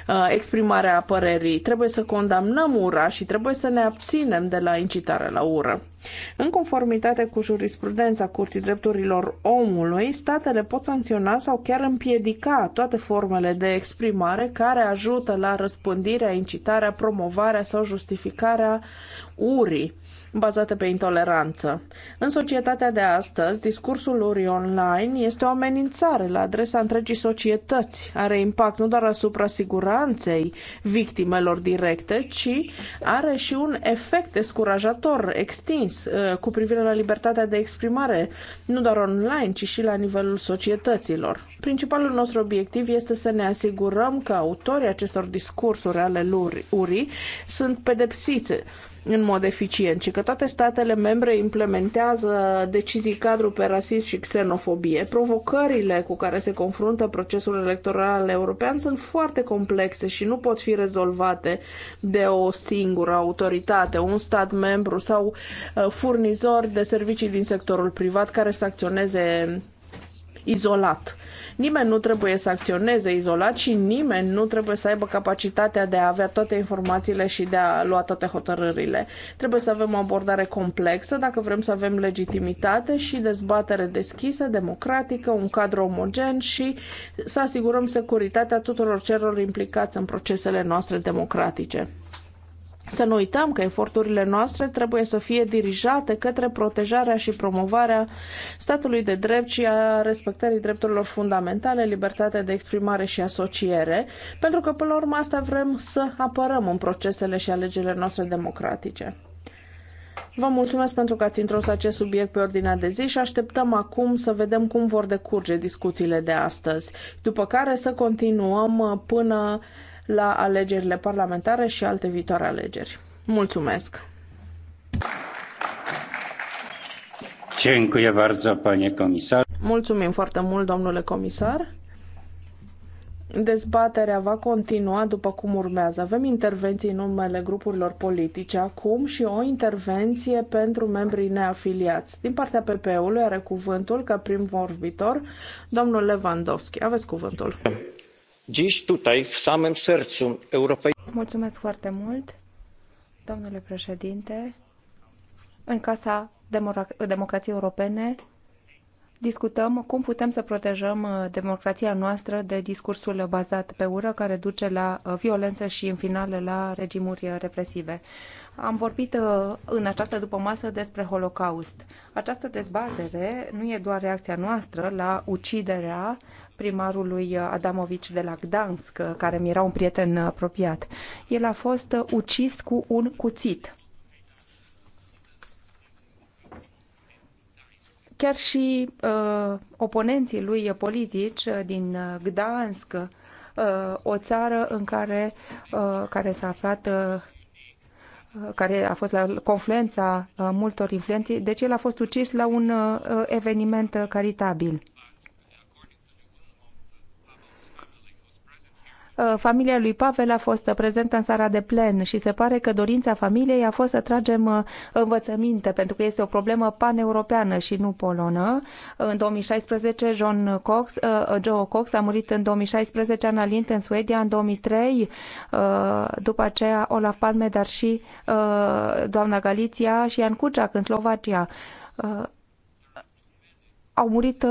uh, exprimarea părerii. Trebuie să condamnăm ura și trebuie să ne abținem de la incitarea la ură. În conformitate cu jurisprudența Curții Drepturilor Omului, statele pot sancționa sau chiar împiedica toate formele de exprimare care ajută la răspândirea, incitarea, promovarea sau justificarea urii bazate pe intoleranță. În societatea de astăzi, discursul lor online este o amenințare la adresa întregii societăți. Are impact nu doar asupra siguranței victimelor directe, ci are și un efect descurajator extins uh, cu privire la libertatea de exprimare, nu doar online, ci și la nivelul societăților. Principalul nostru obiectiv este să ne asigurăm că autorii acestor discursuri ale URI sunt pedepsiți în mod eficient, ci că toate statele membre implementează decizii cadru pe rasism și xenofobie. Provocările cu care se confruntă procesul electoral european sunt foarte complexe și nu pot fi rezolvate de o singură autoritate, un stat membru sau uh, furnizor de servicii din sectorul privat care să acționeze izolat. Nimeni nu trebuie să acționeze izolat și nimeni nu trebuie să aibă capacitatea de a avea toate informațiile și de a lua toate hotărârile. Trebuie să avem o abordare complexă dacă vrem să avem legitimitate și dezbatere deschisă, democratică, un cadru omogen și să asigurăm securitatea tuturor celor implicați în procesele noastre democratice. Să nu uităm că eforturile noastre trebuie să fie dirijate către protejarea și promovarea statului de drept și a respectării drepturilor fundamentale, libertatea de exprimare și asociere, pentru că, până la urmă, asta vrem să apărăm în procesele și alegerile noastre democratice. Vă mulțumesc pentru că ați introdus acest subiect pe ordinea de zi și așteptăm acum să vedem cum vor decurge discuțiile de astăzi, după care să continuăm uh, până la alegerile parlamentare și alte viitoare alegeri. Mulțumesc! Dziękuję bardzo, panie komisar. Mulțumim foarte mult, domnule comisar. Dezbaterea va continua după cum urmează. Avem intervenții în numele grupurilor politice acum și o intervenție pentru membrii neafiliați. Din partea PP-ului are cuvântul ca prim vorbitor domnul Lewandowski. Aveți cuvântul dziś tutaj w samym sercu europej. Mulțumesc foarte mult, domnule președinte. În Casa Democrației Europene discutăm cum putem să protejăm uh, democrația noastră de discursul bazat pe ură care duce la uh, violență și în final la regimuri uh, represive. Am vorbit în această dupămasă despre Holocaust. Această dezbatere nu e doar reacția noastră la uciderea primarului Adamovici de la Gdansk, care mi era un prieten apropiat. El a fost ucis cu un cuțit. Chiar și uh, oponenții lui politici din Gdansk, uh, o țară în care, uh, care s-a aflat uh, care a fost la confluența uh, multor influenții, deci el a fost ucis la un uh, eveniment caritabil. Uh, familia lui Pavel a fost uh, prezentă în sara de plen și se pare că dorința familiei a fost să tragem uh, învățăminte, pentru că este o problemă paneuropeană și nu polonă. În 2016, John Cox, Joe Cox a murit în 2016, Anna Lint în Suedia în 2003, după aceea Olaf Palme, dar și doamna Galiția și Ian Cuciac în Slovacia au murit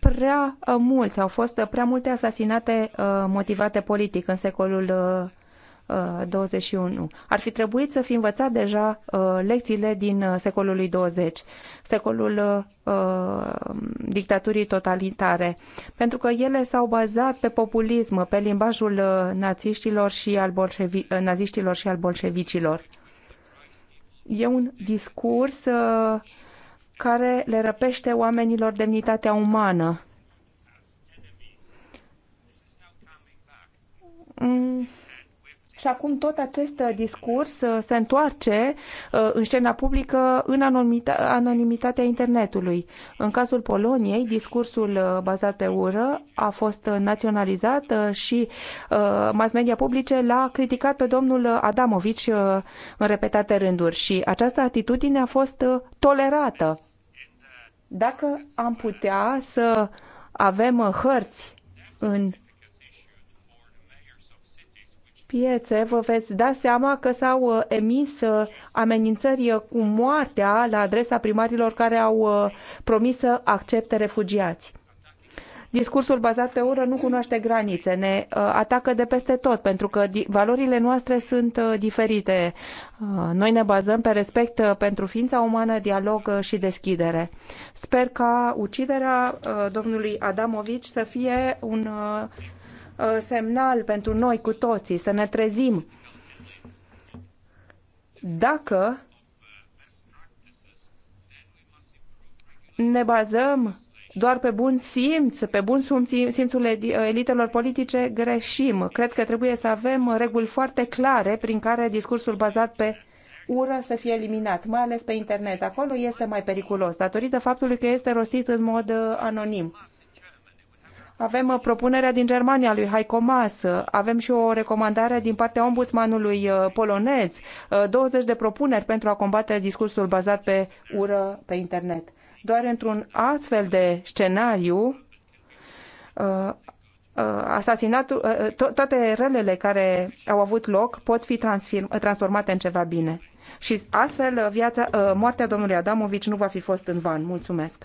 prea uh, mulți, au fost uh, prea multe asasinate uh, motivate politic în secolul 21. Ar fi trebuit să fi învățat deja lecțiile din secolului 20, secolul dictaturii totalitare, pentru că ele s-au bazat pe populism, pe limbajul naziștilor și al, bolșevi- naziștilor și al bolșevicilor. E un discurs uh, care le răpește oamenilor demnitatea umană. Mm, și acum tot acest uh, discurs uh, se întoarce uh, în scena publică în anonimitatea internetului. În cazul Poloniei, discursul bazat pe ură a fost naționalizat și mass media publice l-a criticat pe domnul Adamovici în repetate rânduri și această atitudine a fost tolerată. Dacă am putea să avem hărți în piețe, vă veți da seama că s-au uh, emis uh, amenințări uh, cu moartea la adresa primarilor care au promis să accepte refugiați. Discursul bazat pe ură nu cunoaște granițe, ne atacă de peste tot, pentru că valorile noastre sunt diferite. Noi ne bazăm pe respect pentru ființa umană, dialog și deschidere. Sper ca uciderea domnului Adamovici să fie un Uh, semnal pentru noi cu toții, să ne trezim. Dacă ne bazăm doar pe bun simț, pe bun simțul uh, elitelor politice, greșim. Cred că trebuie să avem reguli foarte clare prin care discursul bazat pe ură să fie eliminat, mai ales pe internet. Acolo este mai periculos, datorită faptului că este rostit în mod uh, anonim. Avem uh, propunerea din Germania lui Heiko Maas, uh, avem și o recomandare din partea ombudsmanului uh, polonez, 20 de propuneri pentru a combate discursul bazat pe ură pe internet. Doar într-un astfel de scenariu, asasinatul, to- toate relele care au avut loc pot fi transformate în ceva bine. Și astfel viața, moartea domnului Adamovici nu va fi fost în van. Mulțumesc!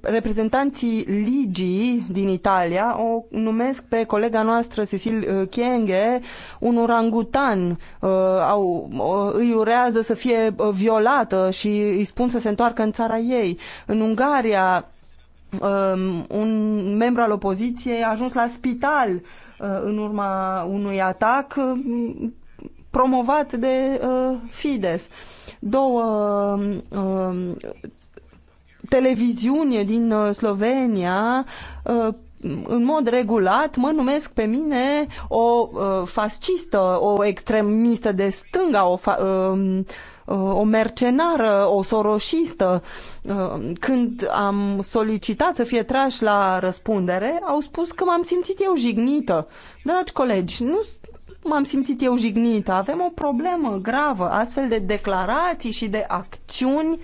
reprezentanții ligii din Italia o numesc pe colega noastră Cecil uh, Chienghe un orangutan uh, au, uh, îi urează să fie violată și îi spun să se întoarcă în țara ei. În Ungaria um, un membru al opoziției a ajuns la spital în urma unui atac promovat de Fides. Două um, televiziune din uh, Slovenia uh, în mod regulat mă numesc pe mine o uh, fascistă, o extremistă de stânga, o, um, o mercenară, o soroșistă. Când am solicitat să fie trași la răspundere, au spus că m-am simțit eu jignită. Dragi colegi, nu m-am simțit eu jignită. Avem o problemă gravă. Astfel de declarații și de acțiuni uh,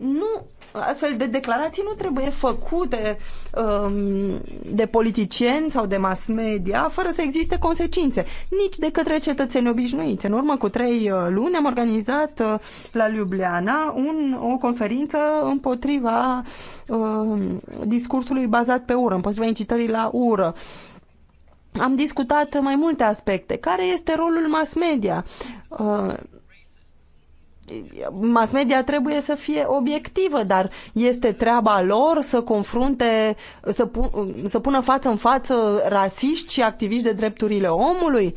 nu, astfel de declarații nu trebuie făcute um, de politicieni sau de mass media fără să existe consecințe, nici de către cetățeni obișnuiți. În urmă cu trei uh, luni am organizat uh, la Ljubljana un, o conferință împotriva um, discursului bazat pe ură, împotriva incitării la ură. Am discutat mai multe aspecte. Care este rolul mass media? Uh, mass media trebuie să fie obiectivă, dar este treaba lor să confrunte, să, pu- să pună față în față rasiști și activiști de drepturile omului.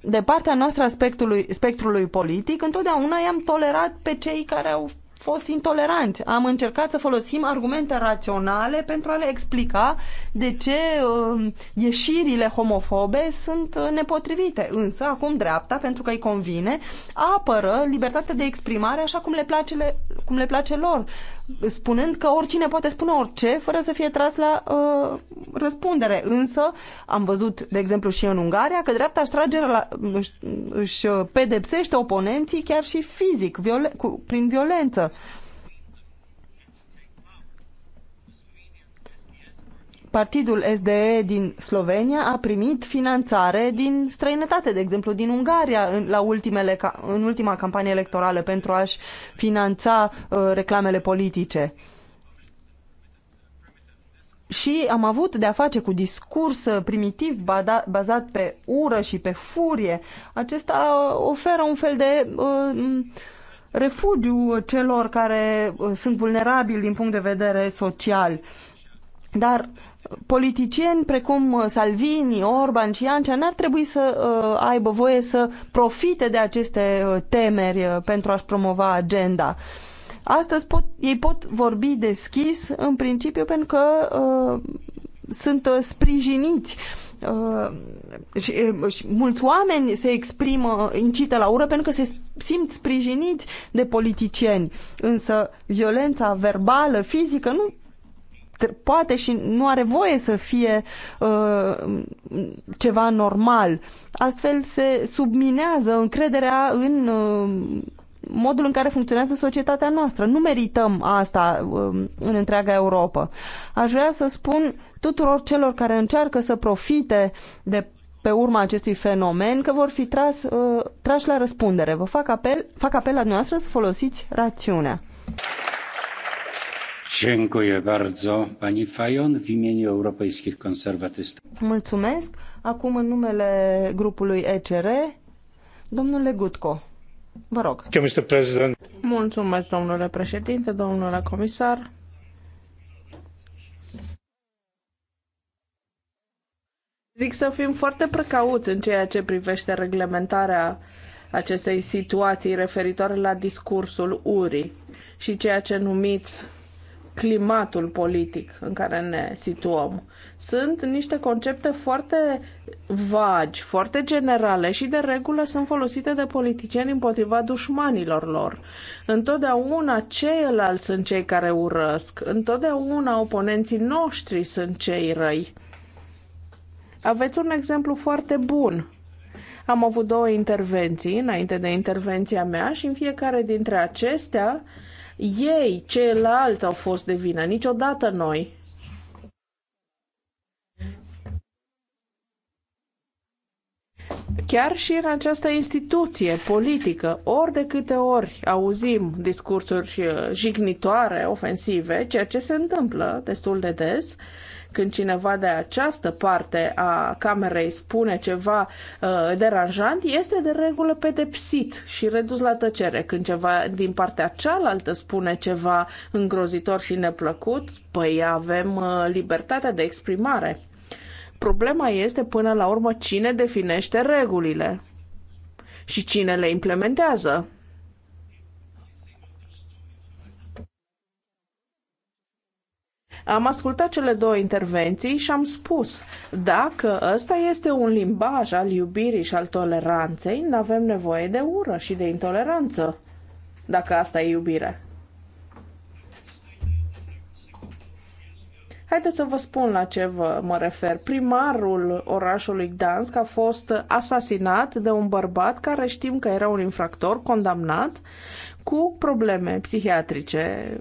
De partea noastră a spectrului, spectrului politic, întotdeauna i-am tolerat pe cei care au fost intoleranți. Am încercat să folosim argumente raționale pentru a le explica de ce uh, ieșirile homofobe sunt uh, nepotrivite. Însă, acum dreapta, pentru că îi convine, apără libertatea de exprimare așa cum le place, le, cum le place lor spunând că oricine poate spune orice fără să fie tras la uh, răspundere. Însă am văzut, de exemplu, și în Ungaria că dreapta își, trage la, își, își pedepsește oponenții chiar și fizic, viol- cu, prin violență. partidul SDE din Slovenia a primit finanțare din străinătate, de exemplu din Ungaria, în, la ultimele, în ultima campanie electorală pentru a-și finanța uh, reclamele politice. Și am avut de-a face cu discurs uh, primitiv bazat pe ură și pe furie. Acesta uh, oferă un fel de uh, refugiu uh, celor care sunt vulnerabili din punct de vedere social. Dar politicieni precum uh, Salvini, Orban și Iancea n-ar trebui să uh, aibă voie să profite de aceste uh, temeri pentru a-și promova agenda. Astăzi pot, ei pot vorbi deschis în principiu pentru că uh, sunt sprijiniți uh, și, și mulți oameni se exprimă, incită la ură pentru că se simt sprijiniți de politicieni. Însă violența verbală, fizică nu poate și nu are voie să fie uh, ceva normal. Astfel se subminează încrederea în uh, modul în care funcționează societatea noastră. Nu merităm asta uh, în întreaga Europa. Aș vrea să spun tuturor celor care încearcă să profite de pe urma acestui fenomen că vor fi tras, uh, trași la răspundere. Vă fac apel, fac apel la dumneavoastră să folosiți rațiunea. Mulțumesc. Acum în numele grupului ECR, domnule Gutko. Vă rog. Mulțumesc, domnule președinte, domnule comisar. Zic să fim foarte precauți în ceea ce privește reglementarea acestei situații referitoare la discursul Uri și ceea ce numiți climatul politic în care ne situăm. Sunt niște concepte foarte vagi, foarte generale și de regulă sunt folosite de politicieni împotriva dușmanilor lor. Întotdeauna ceilalți sunt cei care urăsc, întotdeauna oponenții noștri sunt cei răi. Aveți un exemplu foarte bun am avut două intervenții înainte de intervenția mea și în fiecare dintre acestea ei, ceilalți au fost de vină, niciodată noi. Chiar și în această instituție politică, ori de câte ori auzim discursuri uh, jignitoare, ofensive, ceea ce se întâmplă destul de des, uh, când cineva de această parte a camerei spune ceva uh, deranjant, este de regulă pedepsit și redus la tăcere. Când ceva din partea cealaltă spune ceva îngrozitor și neplăcut, păi avem uh, libertatea de exprimare. Problema este până la urmă cine definește regulile și cine le implementează. Am ascultat cele două intervenții și am spus, dacă ăsta este un limbaj al iubirii și al toleranței, nu avem nevoie de ură și de intoleranță, dacă asta e iubire. Haideți să vă spun la ce vă mă refer. Primarul orașului Gdansk a fost asasinat de un bărbat care știm că era un infractor condamnat cu probleme psihiatrice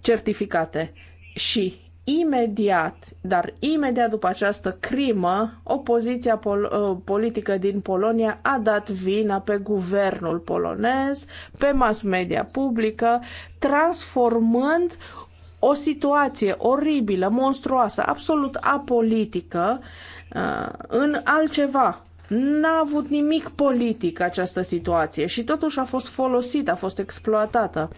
certificate și imediat, dar imediat după această crimă, opoziția pol- uh, politică din Polonia a dat vina pe guvernul polonez, pe mass media publică, transformând o situație oribilă, monstruoasă, absolut apolitică uh, în altceva. N-a avut nimic politic această situație și totuși a fost folosită, a fost exploatată.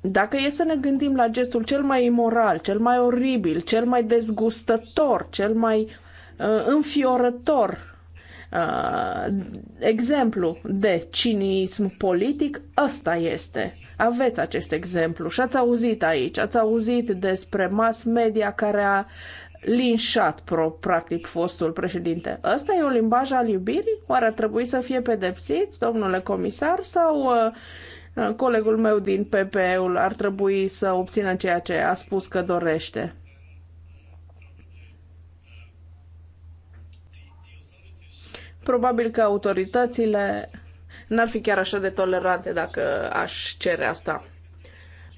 Dacă e să ne gândim la gestul cel mai imoral, cel mai oribil, cel mai dezgustător, cel mai uh, înfiorător uh, exemplu de cinism politic, ăsta este. Aveți acest exemplu și ați auzit aici, ați auzit despre mass media care a linșat pro, practic fostul președinte. Ăsta e un limbaj al iubirii? Oare ar trebui să fie pedepsiți, domnule comisar, sau uh, Eh, colegul meu din PPE-ul ar trebui să obțină ceea ce a spus că dorește. Probabil că autoritățile n-ar fi chiar așa de tolerante dacă aș cere asta.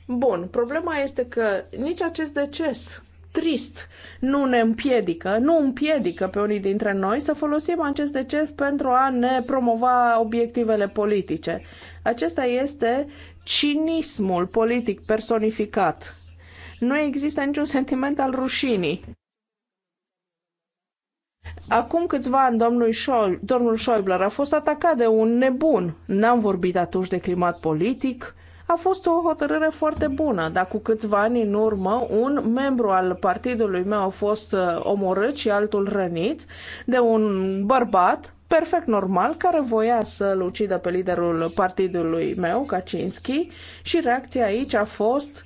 Bun, problema este că nici acest deces trist nu ne împiedică, nu împiedică pe unii dintre noi să folosim acest deces pentru a ne promova obiectivele politice. Acesta este cinismul politic personificat. Nu există niciun sentiment al rușinii. Acum câțiva ani, domnul, Șol, domnul Schäuble a fost atacat de un nebun. N-am vorbit atunci de climat politic. A fost o hotărâre foarte bună, dar cu câțiva ani în urmă un membru al partidului meu a fost uh, omorât și altul rănit de un bărbat perfect normal, care voia să-l ucidă pe liderul partidului meu, Kaczynski, și reacția aici a fost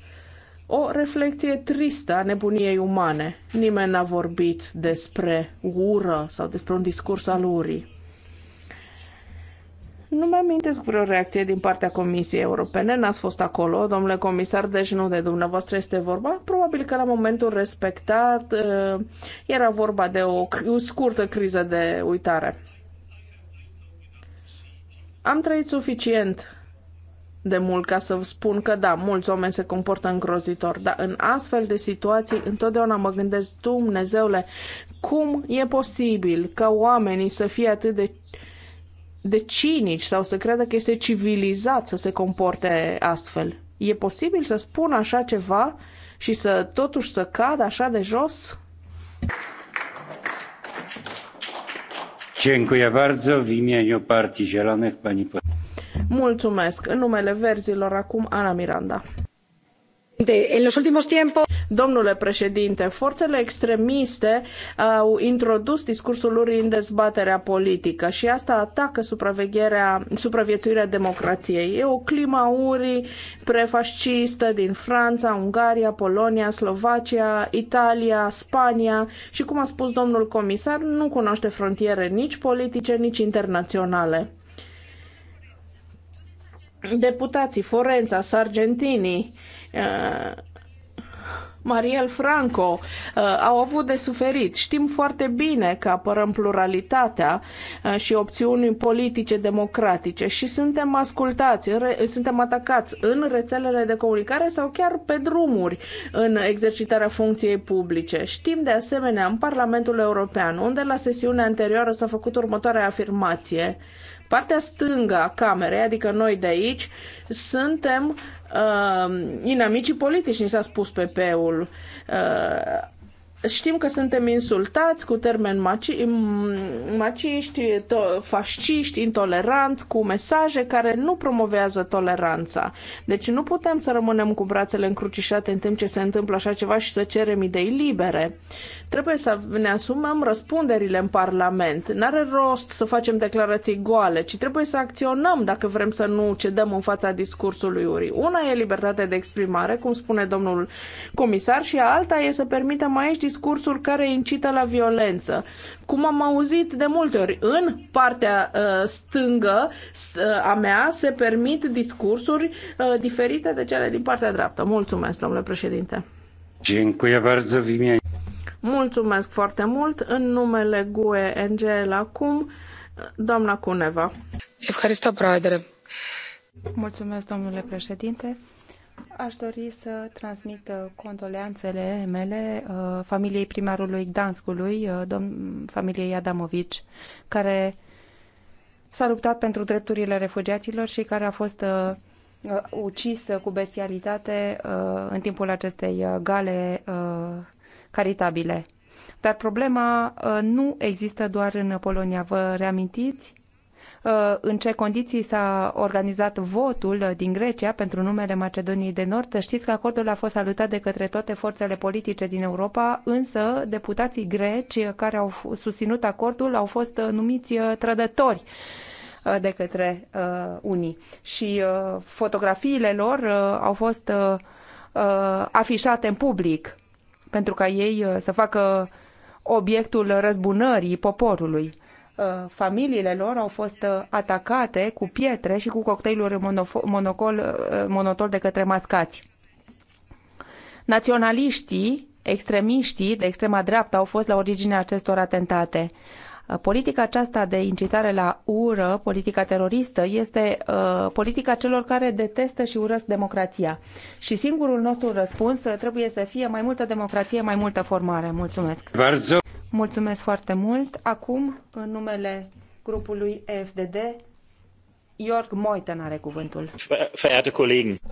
o reflexie tristă a nebuniei umane. Nimeni n-a vorbit despre ură sau despre un discurs al urii. Nu mai amintesc vreo reacție din partea Comisiei Europene, n-ați fost acolo, domnule comisar, deci nu de dumneavoastră este vorba. Probabil că la momentul respectat uh, era vorba de o scurtă criză de uitare. Am trăit suficient de mult ca să vă spun că da, mulți oameni se comportă îngrozitor, dar în astfel de situații întotdeauna mă gândesc, Dumnezeule, cum e posibil ca oamenii să fie atât de de cinici sau să creadă că este civilizat să se comporte astfel. E posibil să spun așa ceva și să totuși să cad așa de jos? Mulțumesc. În numele verzilor acum Ana Miranda. Domnule președinte, forțele extremiste au introdus discursul lor în dezbaterea politică și asta atacă supravegherea, supraviețuirea democrației. E o clima urii prefascistă din Franța, Ungaria, Polonia, Slovacia, Italia, Spania și, cum a spus domnul comisar, nu cunoaște frontiere nici politice, nici internaționale. Deputații Forența, Sargentinii, uh, Mariel Franco uh, au avut de suferit. Știm foarte bine că apărăm pluralitatea uh, și opțiuni politice democratice și suntem ascultați, suntem atacați în rețelele de comunicare sau chiar pe drumuri în exercitarea funcției publice. Știm de asemenea în Parlamentul European, unde la sesiunea anterioară s-a făcut următoarea afirmație partea stângă a camerei, adică noi de aici, suntem uh, inamicii politici, ni s-a spus PP-ul. Uh, Știm că suntem insultați cu termeni maci- maciști, to- fasciști, intoleranți, cu mesaje care nu promovează toleranța. Deci nu putem să rămânem cu brațele încrucișate în timp ce se întâmplă așa ceva și să cerem idei libere. Trebuie să ne asumăm răspunderile în Parlament. N-are rost să facem declarații goale, ci trebuie să acționăm dacă vrem să nu cedăm în fața discursului Uri. Una e libertatea de exprimare, cum spune domnul comisar, și alta e să permitem aici discursuri care incită la violență. Cum am auzit de multe ori, în partea uh, stângă uh, a mea se permit discursuri uh, diferite de cele din partea dreaptă. Mulțumesc, domnule președinte. Dziękuję bardzo w imieniu Mulțumesc foarte mult în numele GUE NGL acum, doamna Cuneva. Evharista Praedere. Mulțumesc, domnule președinte. Aș dori să transmit uh, condoleanțele mele uh, familiei primarului Gdanskului, uh, familiei Adamovici, care s-a luptat pentru drepturile refugiaților și care a fost ucis cu bestialitate în timpul acestei gale caritabile. Dar problema uh, nu există doar în Polonia. Vă reamintiți uh, în ce condiții s-a organizat votul din Grecia pentru numele Macedoniei de Nord? Știți că acordul a fost salutat de către toate forțele politice din Europa, însă deputații greci care au susținut acordul au fost uh, numiți trădători de către uh, unii. Și uh, fotografiile lor uh, au fost uh, uh, afișate în public pentru ca ei uh, să facă obiectul răzbunării poporului. Uh, familiile lor au fost uh, atacate cu pietre și cu cocktailuri monocol, monotol de către mascați. Naționaliștii, extremiștii de extrema dreaptă au fost la originea acestor atentate. Politica aceasta de incitare la ură, politica teroristă, este uh, politica celor care detestă și urăsc democrația. Și singurul nostru răspuns trebuie să fie mai multă democrație, mai multă formare. Mulțumesc! Mulțumesc foarte mult! Acum, în numele grupului FDD, Iorg Moiten are cuvântul.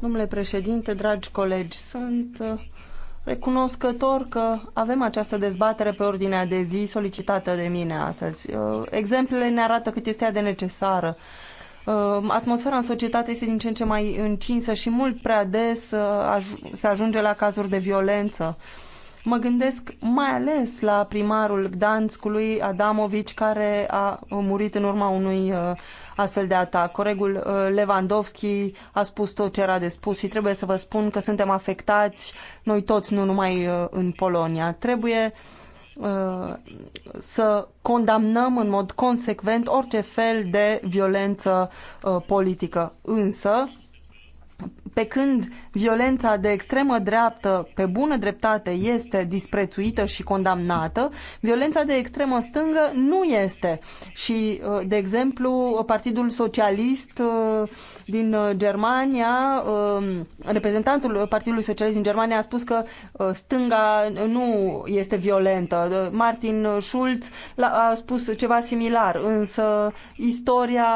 Domnule președinte, dragi colegi, sunt uh, recunoscător că avem această dezbatere pe ordinea de zi solicitată de mine astăzi. Uh, exemplele ne arată cât este ea de necesară. Uh, atmosfera în societate este din ce în ce mai încinsă și mult prea des uh, se ajunge la cazuri de violență. Mă gândesc mai ales la primarul Gdanskului, Adamovici, care a murit în urma unui astfel de atac. Coregul uh, Lewandowski a spus tot ce era de spus și trebuie să vă spun că suntem afectați noi toți, nu numai uh, în Polonia. Trebuie uh, să condamnăm în mod consecvent orice fel de violență politică. Însă, pe când violența de extremă dreaptă, pe bună dreptate, este disprețuită și condamnată, violența de extremă stângă nu este. Și, uh, de exemplu, Partidul Socialist uh, din uh, Germania, um, reprezentantul Partidului Socialist din Germania a spus că uh, stânga nu este violentă. Uh, Martin Schulz a spus ceva similar, însă istoria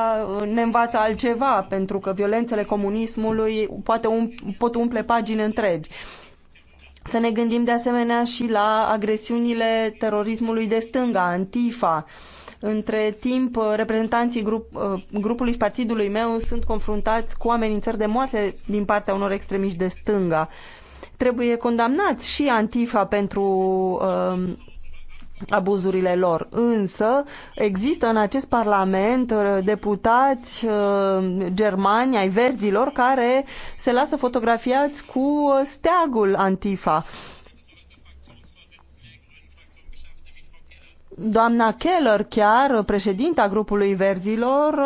ne învață altceva, pentru că violențele comunismului poate um, pot umple pagini întregi. Să ne gândim de asemenea și la agresiunile terorismului de stânga, Antifa, uh, între timp, uh, reprezentanții grup, uh, grupului și partidului meu sunt confruntați cu amenințări de moarte din partea unor extremiști de stânga. Trebuie condamnați și Antifa pentru uh, abuzurile lor. Însă există în acest parlament uh, deputați germani ai verzilor care se lasă fotografiați cu steagul Antifa. Doamna Keller, chiar președinta grupului verzilor,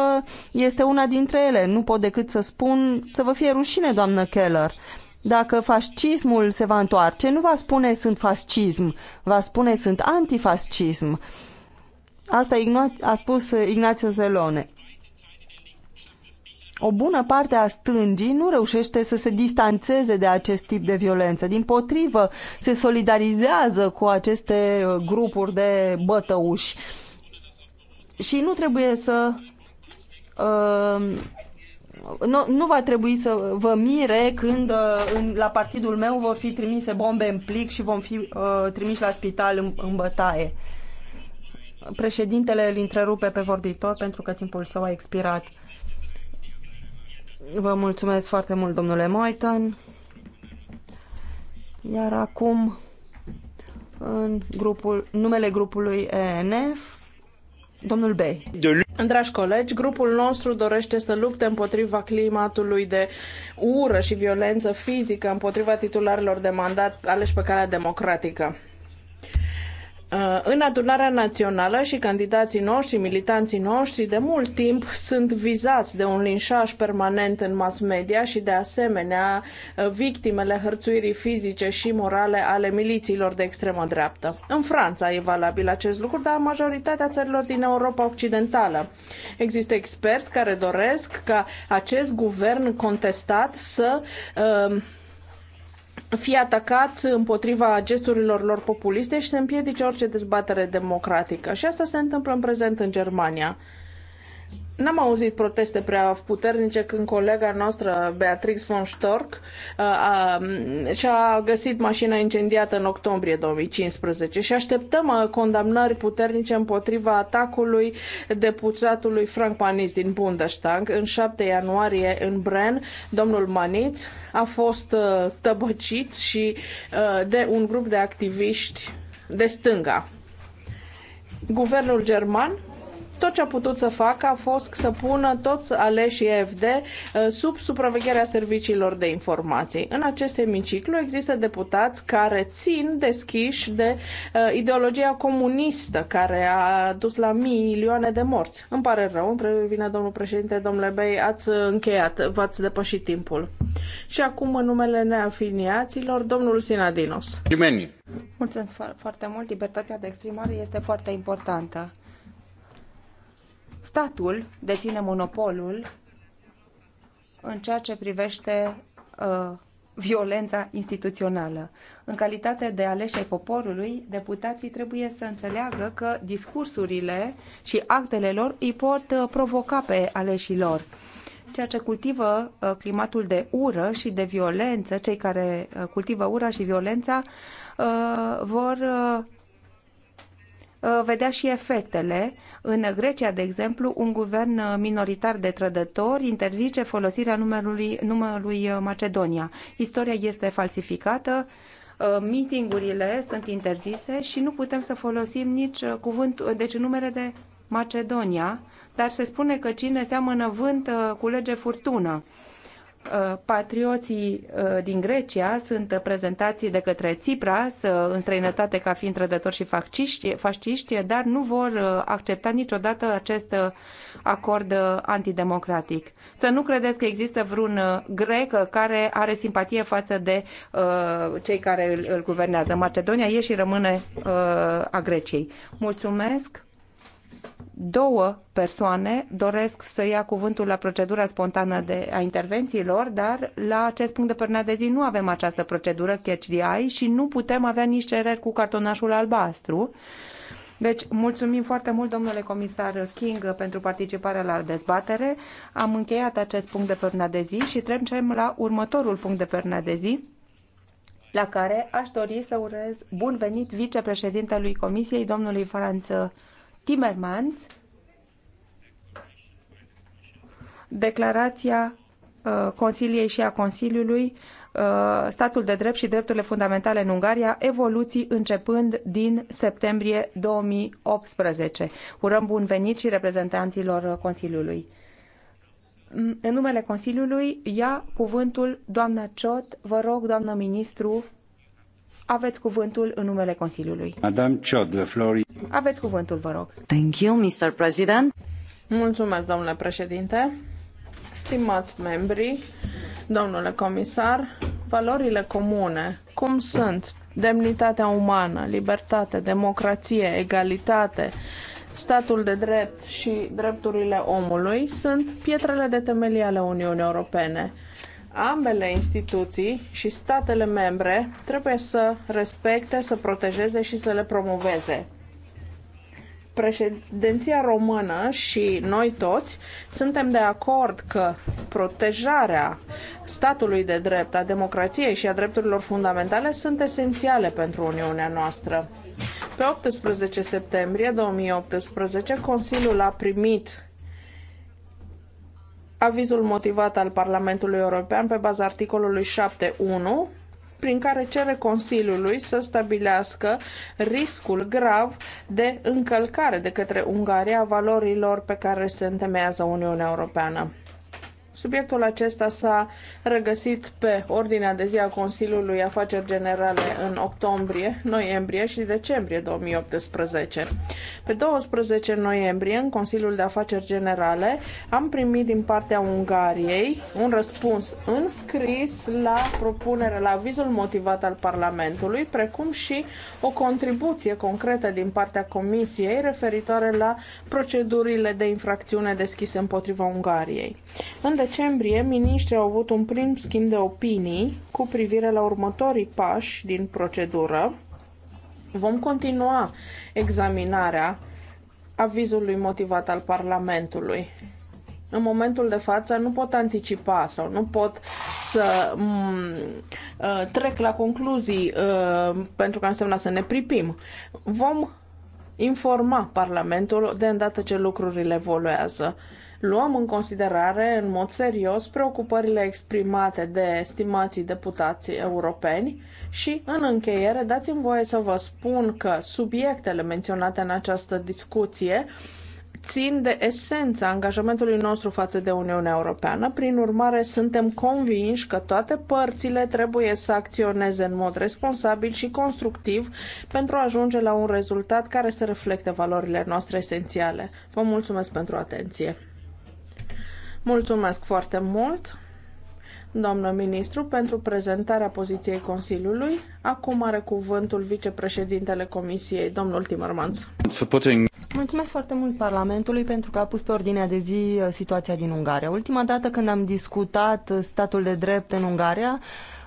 este una dintre ele. Nu pot decât să spun să vă fie rușine, doamnă Keller. Dacă fascismul se va întoarce, nu va spune sunt fascism, va spune sunt antifascism. Asta a spus Ignacio Zelone o bună parte a stângii nu reușește să se distanțeze de acest tip de violență. Din potrivă, se solidarizează cu aceste uh, grupuri de bătăuși. Și nu trebuie să... Uh, nu, nu va trebui să vă mire când uh, în, la partidul meu vor fi trimise bombe în plic și vom fi uh, trimiși la spital în, în bătaie. Președintele îl întrerupe pe vorbitor pentru că timpul său a expirat. Uh, Vă mulțumesc foarte mult, domnule Moitan. Iar acum, în grupul, numele grupului ENF, Domnul Bey. Dragi colegi, grupul nostru dorește să lupte împotriva climatului de ură și violență fizică împotriva titularilor de mandat aleși pe calea democratică. Uh, în adunarea națională și candidații noștri, militanții noștri, de mult timp sunt vizați de un linșaj permanent în mass media și de asemenea uh, victimele hărțuirii fizice și morale ale milițiilor de extremă dreaptă. În Franța e valabil acest lucru, dar majoritatea țărilor din Europa Occidentală. Există experți care doresc ca acest guvern contestat să uh, fie atacați împotriva gesturilor lor populiste și să împiedice orice dezbatere democratică. Și asta se întâmplă în prezent în Germania. N-am auzit proteste prea puternice când colega noastră, Beatrix von Storck, uh, uh, și-a găsit mașina incendiată în octombrie 2015 și așteptăm uh, condamnări puternice împotriva atacului deputatului Frank Maniț din Bundestag în 7 ianuarie în Bren. Domnul Maniț a fost tăbăcit și de un grup de activiști de stânga. Guvernul german tot ce a putut să facă a fost să pună toți aleșii EFD eh, sub supravegherea serviciilor de informații. În acest emiciclu există deputați care țin deschiși de uh, ideologia comunistă care a dus la milioane de morți. Îmi pare rău, îmi previne domnul președinte, domnule Bey, ați încheiat, v-ați depășit timpul. Și acum, în numele neafiniaților, domnul Sinadinos. Mulțumesc foarte mult. Libertatea de exprimare este foarte importantă statul deține monopolul în ceea ce privește uh, violența instituțională. În calitate de aleși ai poporului, deputații trebuie să înțeleagă că discursurile și actele lor îi pot uh, provoca pe aleșii lor ceea ce cultivă uh, climatul de ură și de violență, cei care uh, cultivă ura și violența vor Uh, vedea și efectele. În Grecia, de exemplu, un guvern uh, minoritar de trădători interzice folosirea numelui, numelui uh, Macedonia. Istoria este falsificată, mitingurile sunt interzise și nu putem să folosim nici cuvântul deci numere de Macedonia, dar se spune că cine seamănă vânt culege furtună. Uh, patrioții uh, din Grecia sunt prezentați de către Tsipras uh, în străinătate ca fiind trădători și fasciști, dar nu vor accepta niciodată acest acord antidemocratic. Să nu credeți că există vreun grec care are simpatie față de cei care îl, guvernează. Macedonia e și rămâne a Greciei. Mulțumesc! două persoane doresc să ia cuvântul la procedura spontană de, a intervențiilor, dar la acest punct de pernă de zi nu avem această procedură catch the eye și nu putem avea nici cereri cu cartonașul albastru. Deci, mulțumim foarte mult, domnule comisar King, pentru participarea la dezbatere. Am încheiat acest punct de pernă de zi și trecem la următorul punct de pernă de zi la care aș dori să urez bun venit vicepreședintelui Comisiei, domnului Franță Timmermans, declarația uh, Consiliei și a Consiliului uh, statul de drept și drepturile fundamentale în Ungaria, evoluții începând din septembrie 2018. Urăm bun venit și reprezentanților Consiliului. Mm, în numele Consiliului ia cuvântul doamna Ciot. Vă rog, doamnă ministru, aveți cuvântul în numele Consiliului. Madame Chod, the floor. Aveți cuvântul, vă rog. Thank you, Mr. President. Mulțumesc, domnule președinte. Stimați membri, domnule comisar, valorile comune, cum sunt demnitatea umană, libertate, democrație, egalitate, statul de drept și drepturile omului sunt pietrele de temelie ale Uniunii Europene. Ambele instituții și statele membre trebuie să respecte, să protejeze și să le promoveze. Președinția română și noi toți suntem de acord că protejarea statului de drept, a democrației și a drepturilor fundamentale sunt esențiale pentru Uniunea noastră. Pe 18 septembrie 2018, Consiliul a primit avizul motivat al Parlamentului European pe baza articolului 7.1 prin care cere Consiliului să stabilească riscul grav de încălcare de către Ungaria a valorilor pe care se întemeiază Uniunea Europeană. Subiectul acesta s-a regăsit pe ordinea de zi a Consiliului Afaceri Generale în octombrie, noiembrie și decembrie 2018. Pe 12 noiembrie, în Consiliul de Afaceri Generale, am primit din partea Ungariei un răspuns înscris la propunere, la avizul motivat al Parlamentului, precum și o contribuție concretă din partea Comisiei referitoare la procedurile de infracțiune deschise împotriva Ungariei. În decembrie, miniștrii au avut un prim schimb de opinii cu privire la următorii pași din procedură. Vom continua examinarea avizului motivat al Parlamentului. În momentul de față nu pot anticipa sau nu pot să mm, uh, trec la concluzii uh, pentru că înseamnă să ne pripim. Vom informa Parlamentul de îndată ce lucrurile evoluează luăm în considerare în mod serios preocupările exprimate de estimații deputații europeni și, în încheiere, dați-mi voie să vă spun că subiectele menționate în această discuție țin de esența angajamentului nostru față de Uniunea Europeană. Prin urmare, suntem convinși că toate părțile trebuie să acționeze în mod responsabil și constructiv pentru a ajunge la un rezultat care să reflecte valorile noastre esențiale. Vă mulțumesc pentru atenție! Mulțumesc foarte mult, doamnă ministru, pentru prezentarea poziției Consiliului. Acum are cuvântul vicepreședintele Comisiei, domnul Timmermans. Mulțumesc foarte mult Parlamentului pentru că a pus pe ordinea de zi uh, situația din Ungaria. Ultima dată când am discutat uh, statul de drept în Ungaria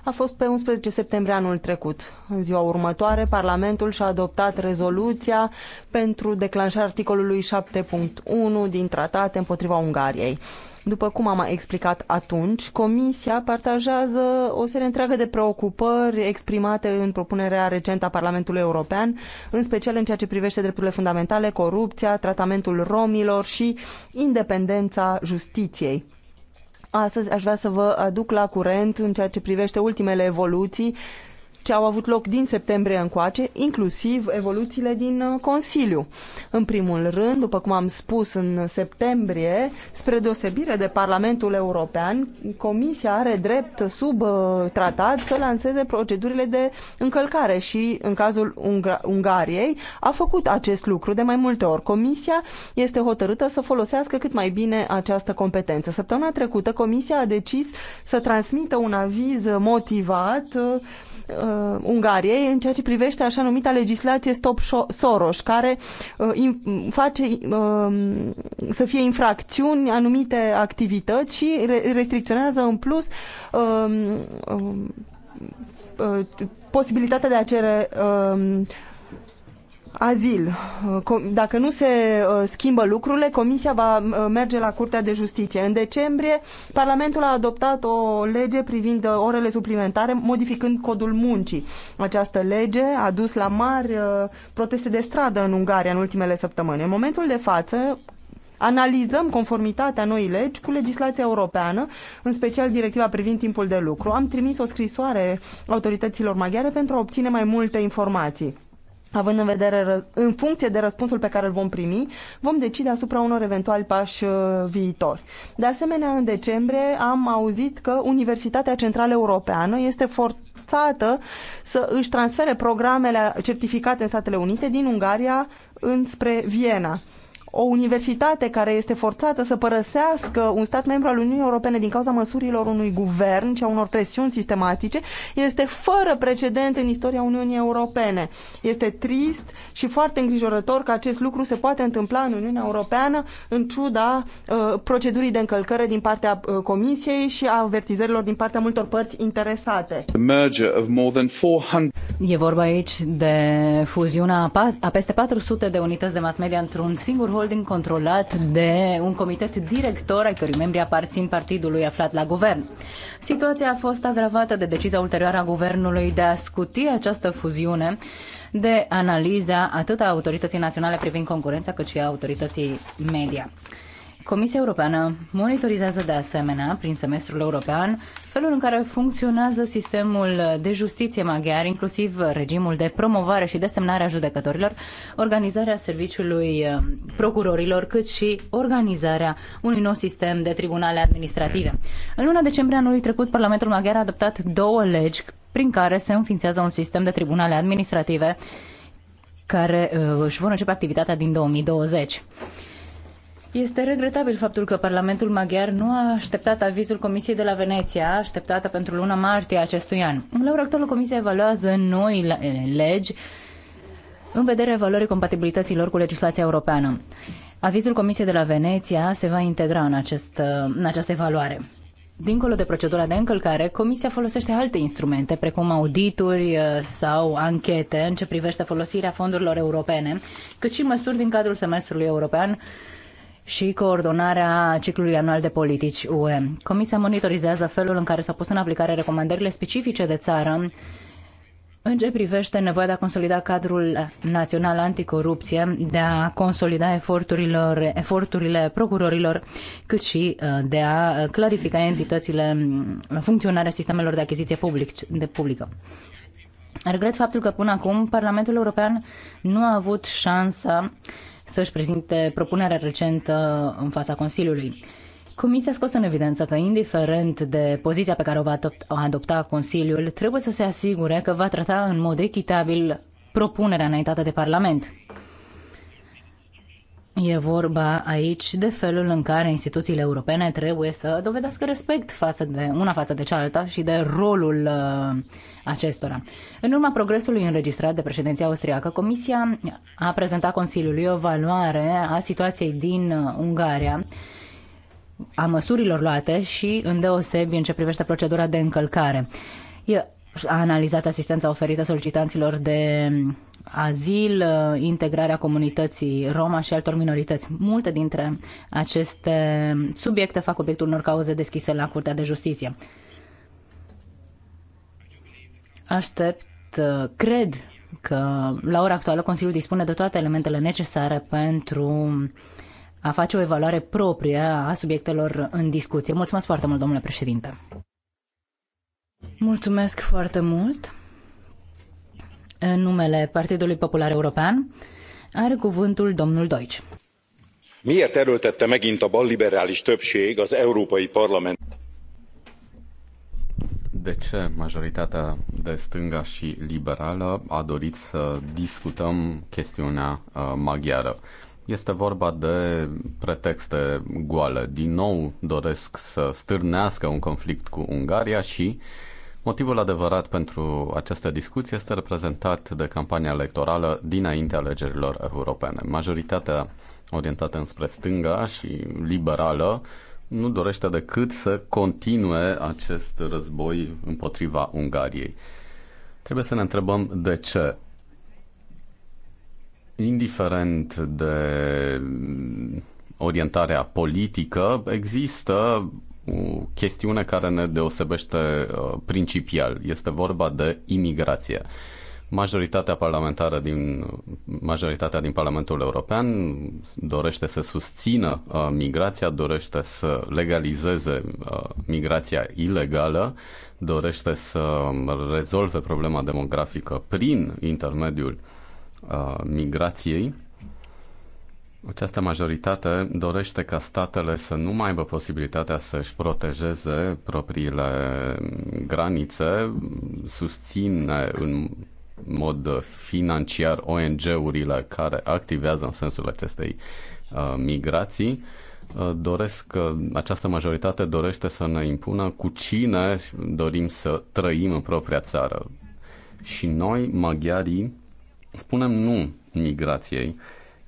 a fost pe 11 septembrie anul trecut. În ziua următoare, Parlamentul și-a adoptat rezoluția pentru declanșarea articolului 7.1 din tratate împotriva Ungariei. După cum am explicat atunci, Comisia partajează o serie întreagă de preocupări exprimate în propunerea recentă a Parlamentului European, în special în ceea ce privește drepturile fundamentale, corupția, tratamentul romilor și independența justiției. Astăzi aș vrea să vă aduc la curent în ceea ce privește ultimele evoluții ce au avut loc din septembrie încoace, inclusiv evoluțiile din uh, Consiliu. În primul rând, după cum am spus în septembrie, spre deosebire de Parlamentul European, Comisia are drept sub uh, tratat să lanseze procedurile de încălcare și în cazul Ungra Ungariei a făcut acest lucru de mai multe ori. Comisia este hotărâtă să folosească cât mai bine această competență. Săptămâna trecută, Comisia a decis să transmită un aviz motivat uh, uh, Ungariei în ceea ce privește așa numita legislație Stop Soros, care uh, face uh, să fie infracțiuni anumite activități și re- restricționează în plus uh, uh, uh, posibilitatea de a cere uh, Azil. Dacă nu se uh, schimbă lucrurile, Comisia va uh, merge la Curtea de Justiție. În decembrie, Parlamentul a adoptat o lege privind uh, orele suplimentare, modificând codul muncii. Această lege a dus la mari proteste de stradă în Ungaria în ultimele săptămâni. În momentul de față, Analizăm conformitatea noii legi cu legislația europeană, în special directiva privind timpul de lucru. Am trimis o scrisoare autorităților maghiare pentru a obține mai multe informații având în vedere, în funcție de răspunsul pe care îl vom primi, vom decide asupra unor eventuali pași uh, viitori. De asemenea, în decembrie am auzit că Universitatea Centrală Europeană este forțată să își transfere programele certificate în Statele Unite din Ungaria înspre Viena o universitate care este forțată să părăsească un stat membru al Uniunii Europene din cauza măsurilor unui guvern și a unor presiuni sistematice este fără precedent în istoria Uniunii Europene. Este trist și foarte îngrijorător că acest lucru se poate întâmpla în Uniunea Europeană în ciuda uh, procedurii de încălcare din partea uh, Comisiei și a avertizărilor din partea multor părți interesate. E vorba aici de fuziunea a, a peste 400 de unități de mass media într-un singur hol holding controlat de un comitet director ai cărui membri aparțin partidului aflat la guvern. Situația a fost agravată de decizia ulterioară a guvernului de a scuti această fuziune de analiza atât a Autorității Naționale privind concurența cât și a Autorității Media. Comisia Europeană monitorizează de asemenea, prin semestrul european, felul în care funcționează sistemul de justiție maghiar, inclusiv regimul de promovare și desemnare a judecătorilor, organizarea serviciului uh, procurorilor, cât și organizarea unui nou sistem de tribunale administrative. În luna decembrie anului trecut, Parlamentul maghiar a adoptat două legi prin care se înființează un sistem de tribunale administrative care uh, își vor începe activitatea din 2020. Este regretabil faptul că Parlamentul maghiar nu a așteptat avizul Comisiei de la Veneția, așteptată pentru luna martie acestui an. La ora actuală, Comisia evaluează noi legi în vederea valorii compatibilității lor cu legislația europeană. Avizul Comisiei de la Veneția se va integra în, acest, în această evaluare. Dincolo de procedura de încălcare, Comisia folosește alte instrumente, precum audituri uh, sau anchete în ce privește folosirea fondurilor europene, cât și măsuri din cadrul semestrului european și coordonarea ciclului anual de politici UE. Comisia monitorizează felul în care s-au pus în aplicare recomandările specifice de țară în ce privește nevoia de a consolida cadrul național anticorupție, de a consolida eforturilor, eforturile procurorilor, cât și uh, de a clarifica entitățile uh, funcționarea sistemelor de achiziție public, de publică. Regret faptul că până acum Parlamentul European nu a avut șansa să-și prezinte propunerea recentă în fața Consiliului. Comisia a scos în evidență că, indiferent de poziția pe care o va adopta Consiliul, trebuie să se asigure că va trata în mod echitabil propunerea înaintată de Parlament. E vorba aici de felul în care instituțiile europene trebuie să dovedească respect față de una față de cealaltă și de rolul uh, acestora. În urma progresului înregistrat de președinția austriacă, Comisia a prezentat Consiliului o valoare a situației din uh, Ungaria a măsurilor luate și îndeosebi în ce privește procedura de încălcare. E, a analizat asistența oferită solicitanților de azil, uh, integrarea comunității Roma și altor minorități. Multe dintre aceste subiecte fac obiectul unor cauze deschise la Curtea de Justiție. Aștept, uh, cred că la ora actuală Consiliul dispune de toate elementele necesare pentru a face o evaluare proprie a subiectelor în discuție. Mulțumesc foarte mult, domnule președinte! Mulțumesc foarte mult! În numele Partidului Popular European are cuvântul domnul Deutsch. Miért erőltette megint a balliberális többség az Európai Parlament? De ce majoritatea de stânga și liberală a dorit să discutăm chestiunea uh, maghiară? Este vorba de pretexte goale. Din nou doresc să stârnească un conflict cu Ungaria și uh, Motivul adevărat pentru această discuție este reprezentat de campania electorală dinaintea alegerilor europene. Majoritatea orientată înspre stânga și liberală nu dorește decât să continue acest război împotriva Ungariei. Trebuie să ne întrebăm de ce. Indiferent de orientarea politică, există chestiune care ne deosebește uh, principial. Este vorba de imigrație. Majoritatea parlamentară din majoritatea din Parlamentul European dorește să susțină uh, migrația, dorește să legalizeze uh, migrația ilegală, dorește să rezolve problema demografică prin intermediul uh, migrației această majoritate dorește ca statele să nu mai aibă posibilitatea să-și protejeze propriile granițe, susține în mod financiar ONG-urile care activează în sensul acestei uh, migrații uh, doresc, uh, această majoritate dorește să ne impună cu cine dorim să trăim în propria țară. Și noi, maghiarii, spunem nu migrației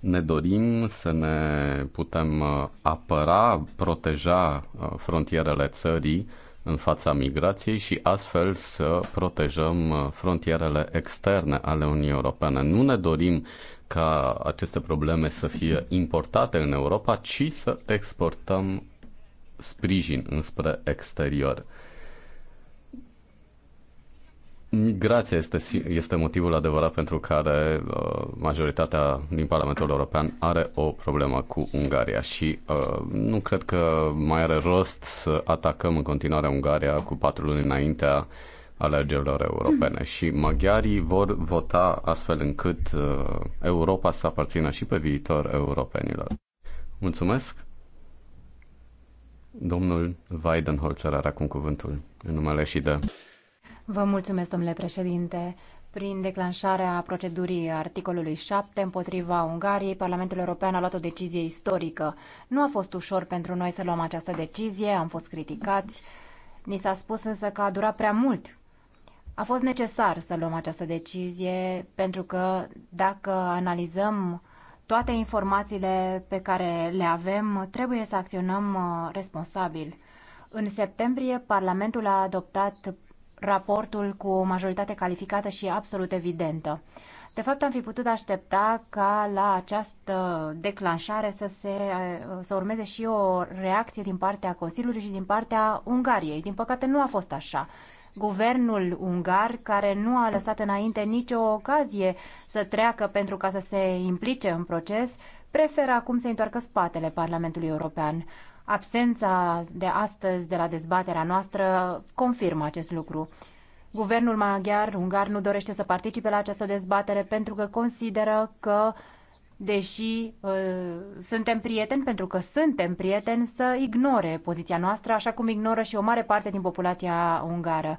ne dorim să ne putem uh, apăra, proteja uh, frontierele țării în fața migrației și astfel să protejăm uh, frontierele externe ale Uniunii Europene. Nu ne dorim ca aceste probleme să fie importate în Europa, ci să exportăm sprijin înspre exterior. Grația este, este motivul adevărat pentru care uh, majoritatea din Parlamentul European are o problemă cu Ungaria și uh, nu cred că mai are rost să atacăm în continuare Ungaria cu patru luni înaintea alegerilor europene și maghiarii vor vota astfel încât uh, Europa să aparțină și pe viitor europenilor. Mulțumesc! Domnul Weidenholzer are acum cuvântul în numele și de... Vă mulțumesc, domnule președinte. Prin declanșarea procedurii articolului 7 împotriva Ungariei, Parlamentul European a luat o decizie istorică. Nu a fost ușor pentru noi să luăm această decizie, am fost criticați. Ni s-a spus însă că a durat prea mult. A fost necesar să luăm această decizie pentru că dacă analizăm toate informațiile pe care le avem, trebuie să acționăm uh, responsabil. În septembrie, Parlamentul a adoptat raportul cu o majoritate calificată și absolut evidentă. De fapt, am fi putut aștepta ca la această declanșare să, se, să urmeze și o reacție din partea Consiliului și din partea Ungariei. Din păcate, nu a fost așa. Guvernul ungar, care nu a lăsat înainte nicio ocazie să treacă pentru ca să se implice în proces, preferă acum să întoarcă spatele Parlamentului European. Absența de astăzi de la dezbaterea noastră confirmă acest lucru. Guvernul maghiar ungar nu dorește să participe la această dezbatere pentru că consideră că, deși uh, suntem prieteni, pentru că suntem prieteni, să ignore poziția noastră, așa cum ignoră și o mare parte din populația ungară.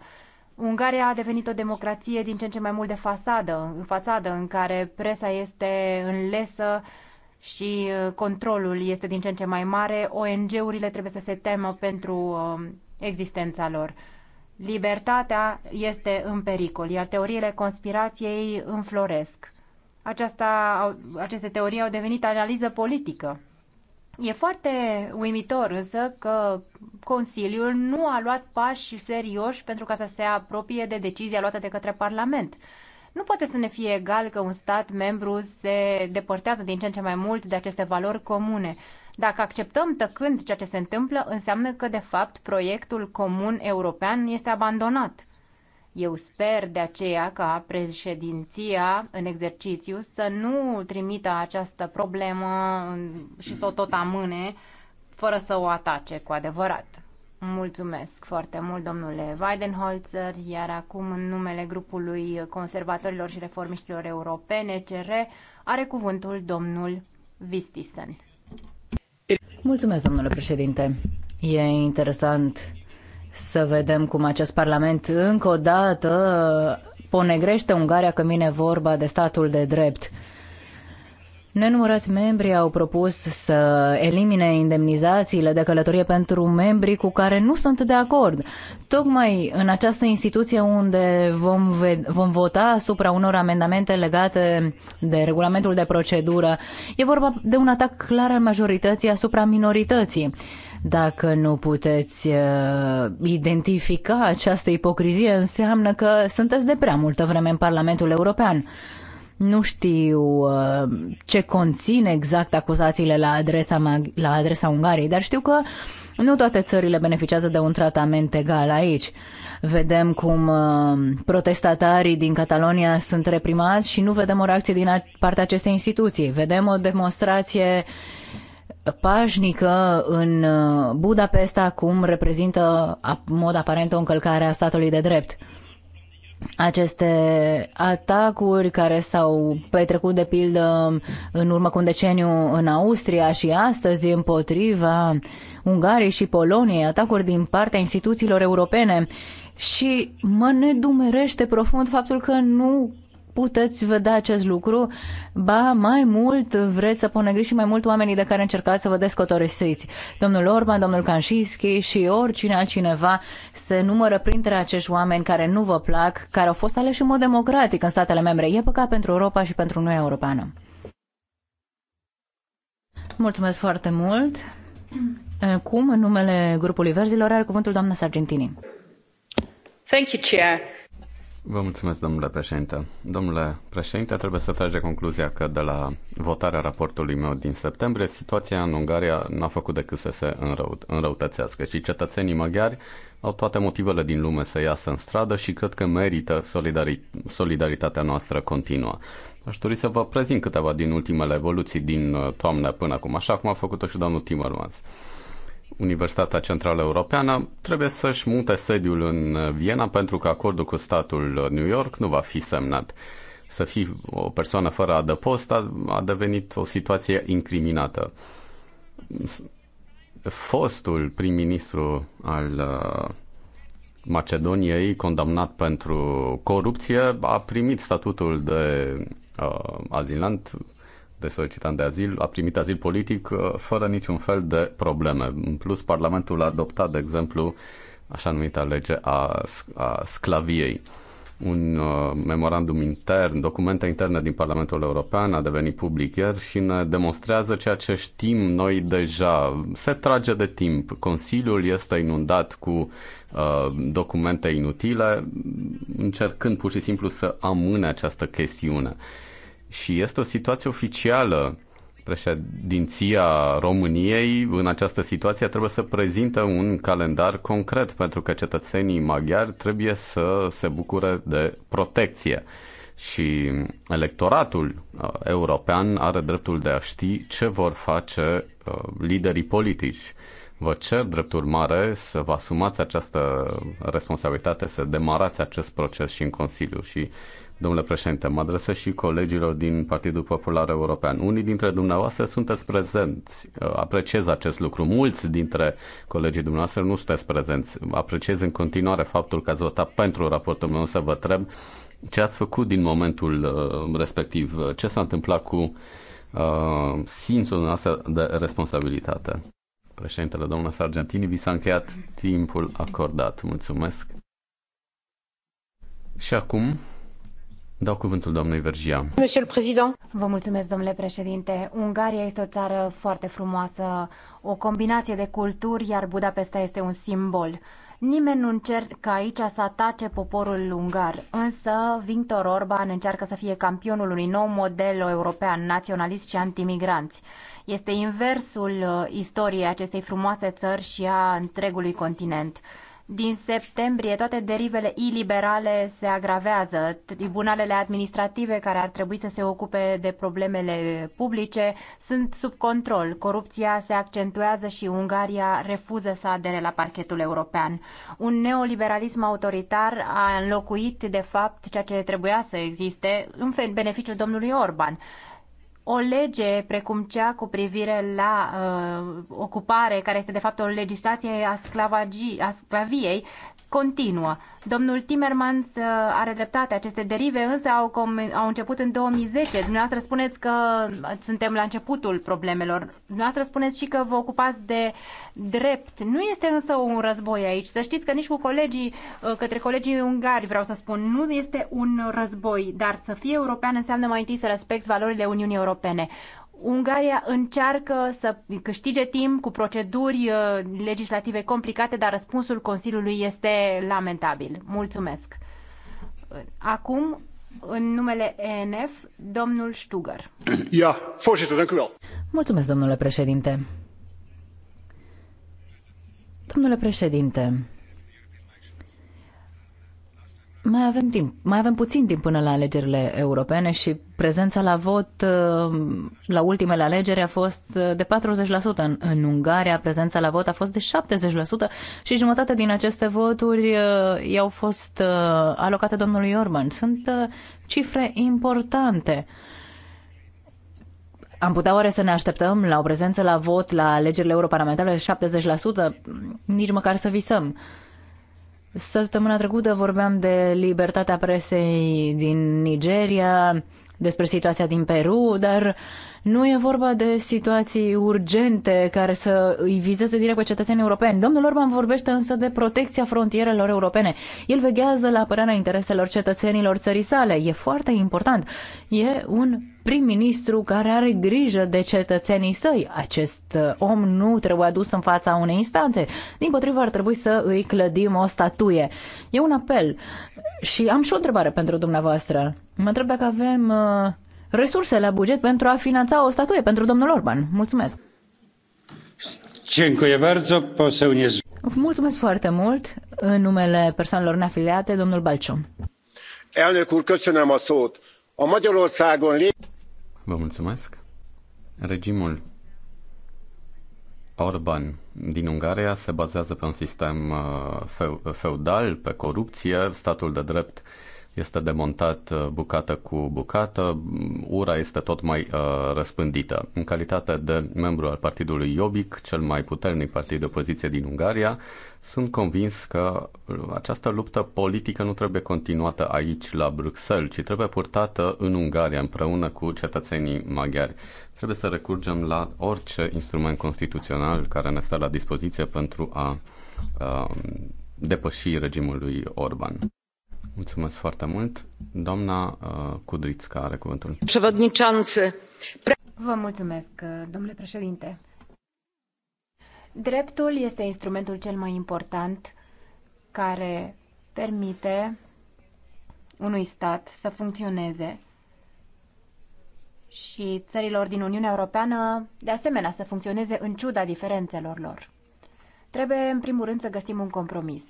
Ungaria a devenit o democrație din ce în ce mai mult de fasadă, fațadă în care presa este înlesă uh, și uh, controlul este din ce în ce mai mare, ONG-urile trebuie să se temă pentru um, existența lor. Libertatea este în pericol, iar teoriile conspirației înfloresc. Aceasta, aceste teorii au devenit analiză politică. E foarte uimitor însă că Consiliul nu a luat pași serioși pentru ca să se apropie de decizia luată de către Parlament. Nu poate să ne fie egal că un stat membru se depărtează din ce în ce mai mult de aceste valori comune. Dacă acceptăm tăcând ceea ce se întâmplă, înseamnă că, de fapt, proiectul comun european este abandonat. Eu sper de aceea ca președinția în exercițiu să nu trimită această problemă și să o tot amâne fără să o atace cu adevărat. Mulțumesc foarte mult, domnule Weidenholzer, iar acum în numele grupului conservatorilor și reformiștilor europene, CR, are cuvântul domnul Vistisen. Mulțumesc, domnule președinte. E interesant să vedem cum acest parlament încă o dată ponegrește Ungaria când vine vorba de statul de drept. Nenumărați membri au propus să elimine indemnizațiile de călătorie pentru membrii cu care nu sunt de acord. Tocmai în această instituție unde vom, vom vota asupra unor amendamente legate de regulamentul de procedură, e vorba de un atac clar al majorității asupra minorității. Dacă nu puteți uh, identifica această ipocrizie, înseamnă că sunteți de prea multă vreme în Parlamentul European. Nu știu uh, ce conțin exact acuzațiile la adresa, la adresa Ungariei, dar știu că nu toate țările beneficiază de un tratament egal aici. Vedem cum uh, protestatarii din Catalonia sunt reprimați și nu vedem o reacție din partea acestei instituții. Vedem o demonstrație pașnică în uh, Budapesta, cum reprezintă în mod aparent o încălcare a statului de drept aceste atacuri care s-au petrecut de pildă în urmă cu un deceniu în Austria și astăzi împotriva Ungariei și Poloniei, atacuri din partea instituțiilor europene. Și mă nedumerește profund faptul că nu puteți vedea acest lucru. Ba, mai mult vreți să pune griji și mai mult oamenii de care încercați să vă descotorisiți. Domnul Orban, domnul Kanșinski și oricine altcineva se numără printre acești oameni care nu vă plac, care au fost aleși în mod democratic în statele membre. E păcat pentru Europa și pentru noi Europeană. Mulțumesc foarte mult. Cum, în numele grupului Verzilor, are cuvântul doamna Sargentini. Thank you, Chair. Vă mulțumesc, domnule președinte. Domnule președinte, trebuie să trage concluzia că de la votarea raportului meu din septembrie, situația în Ungaria n-a făcut decât să se înrău- înrăutățească și cetățenii maghiari au toate motivele din lume să iasă în stradă și cred că merită solidari- solidaritatea noastră continuă. Aș dori să vă prezint câteva din ultimele evoluții din uh, toamnă până acum, așa cum a făcut-o și domnul Timmermans. Universitatea Centrală Europeană trebuie să-și mute sediul în Viena pentru că acordul cu statul New York nu va fi semnat. Să fii o persoană fără adăpost a, a devenit o situație incriminată. Fostul prim-ministru al uh, Macedoniei, condamnat pentru corupție, a primit statutul de uh, azilant de solicitant de azil a primit azil politic uh, fără niciun fel de probleme. În plus, Parlamentul a adoptat, de exemplu, așa numita lege a, a sclaviei. Un uh, memorandum intern, documente interne din Parlamentul European a devenit public ieri și ne demonstrează ceea ce știm noi deja. Se trage de timp. Consiliul este inundat cu uh, documente inutile, încercând pur și simplu să amâne această chestiune. Uh, și este o situație oficială. Președinția României în această situație trebuie să prezintă un calendar concret pentru că cetățenii maghiari trebuie să se bucure de protecție și electoratul uh, european are dreptul de a ști ce vor face uh, liderii politici. Vă cer dreptul mare să vă asumați această responsabilitate, să demarați acest proces și în Consiliu și Domnule președinte, mă adresez și colegilor din Partidul Popular European. Unii dintre dumneavoastră sunteți prezenți. Apreciez acest lucru. Mulți dintre colegii dumneavoastră nu sunteți prezenți. Apreciez în continuare faptul că ați votat pentru raportul meu, să vă întreb ce ați făcut din momentul uh, respectiv, ce s-a întâmplat cu uh, simțul noastră de responsabilitate. Președintele, domnul Sargentini, vi s-a încheiat timpul acordat. Mulțumesc. Și acum Dau cuvântul doamnei Vergia. Monsieur le Président. Vă mulțumesc, domnule președinte. Ungaria este o țară foarte frumoasă, o combinație de culturi, iar Budapesta este un simbol. Nimeni nu încerca aici să atace poporul ungar, însă Victor Orban încearcă să fie campionul unui nou model european naționalist și antimigranți. Este inversul uh, istoriei acestei frumoase țări și a întregului continent. Din septembrie, toate derivele iliberale se agravează. Tribunalele administrative care ar trebui să se ocupe de problemele publice sunt sub control. Corupția se accentuează și Ungaria refuză să adere la parchetul european. Un neoliberalism autoritar a înlocuit, de fapt, ceea ce trebuia să existe în beneficiul domnului Orban o lege precum cea cu privire la uh, ocupare, care este de fapt o legislație a, sclavagii, a sclaviei, continuă. Domnul Timmermans uh, are dreptate, aceste derive însă au, com- au început în 2010. Dumneavoastră spuneți că suntem la începutul problemelor. Dumneavoastră spuneți și că vă ocupați de drept. Nu este însă un război aici. Să știți că nici cu colegii, uh, către colegii ungari vreau să spun, nu este un război, dar să fii european înseamnă mai întâi să respecti valorile Uniunii Europene. Ungaria încearcă să câștige timp cu proceduri uh, legislative complicate, dar răspunsul Consiliului este lamentabil. Mulțumesc. Acum, în numele ENF, domnul Stugăr. Ia, foșită, Mulțumesc, domnule președinte. Domnule președinte, mai avem timp, mai avem puțin timp până la alegerile europene și prezența la vot uh, la ultimele alegeri a fost uh, de 40%. În, în Ungaria prezența la vot a fost de 70% și jumătate din aceste voturi uh, i-au fost alocate domnului Orban. Sunt cifre importante. Am putea oare să ne așteptăm la o prezență la vot la alegerile europarlamentare de 70%? Nici măcar să visăm. Uh, Săptămâna trecută vorbeam de libertatea presei din Nigeria, despre situația din Peru, dar nu e vorba de situații urgente care să îi vizeze direct pe cetățenii europeni. Domnul Orban vorbește însă de protecția frontierelor europene. El veghează la apărarea intereselor cetățenilor țării sale. E foarte important. E un prim-ministru care are grijă de cetățenii săi. Acest uh, om nu trebuie adus în fața unei instanțe. Din potrivă, ar trebui să îi clădim o statuie. E un apel. Și am și o întrebare pentru dumneavoastră. Mă întreb dacă avem uh, resurse la buget pentru a finanța o statuie pentru domnul Orban. Mulțumesc! Mulțumesc foarte mult în numele persoanelor neafiliate, domnul Balciu. Vă mulțumesc. Regimul Orban din Ungaria se bazează pe un sistem uh, feudal, pe corupție, statul de drept este demontat uh, bucată cu bucată, mm, ura este tot mai uh, răspândită. În calitate de membru al partidului Iobic, cel mai puternic partid de opoziție din Ungaria, sunt convins că uh, această luptă politică nu trebuie continuată aici, la Bruxelles, ci trebuie purtată în Ungaria, împreună cu cetățenii maghiari. Trebuie să recurgem la orice instrument constituțional care ne stă la dispoziție pentru a uh, depăși regimul lui Orban. Mulțumesc foarte mult. Doamna uh, Cudrițca are cuvântul. Vă mulțumesc, uh, domnule președinte. Dreptul este instrumentul cel mai important care permite unui stat să funcționeze și țărilor din Uniunea Europeană, de asemenea, să funcționeze în ciuda diferențelor lor. Trebuie, în primul rând, să găsim un compromis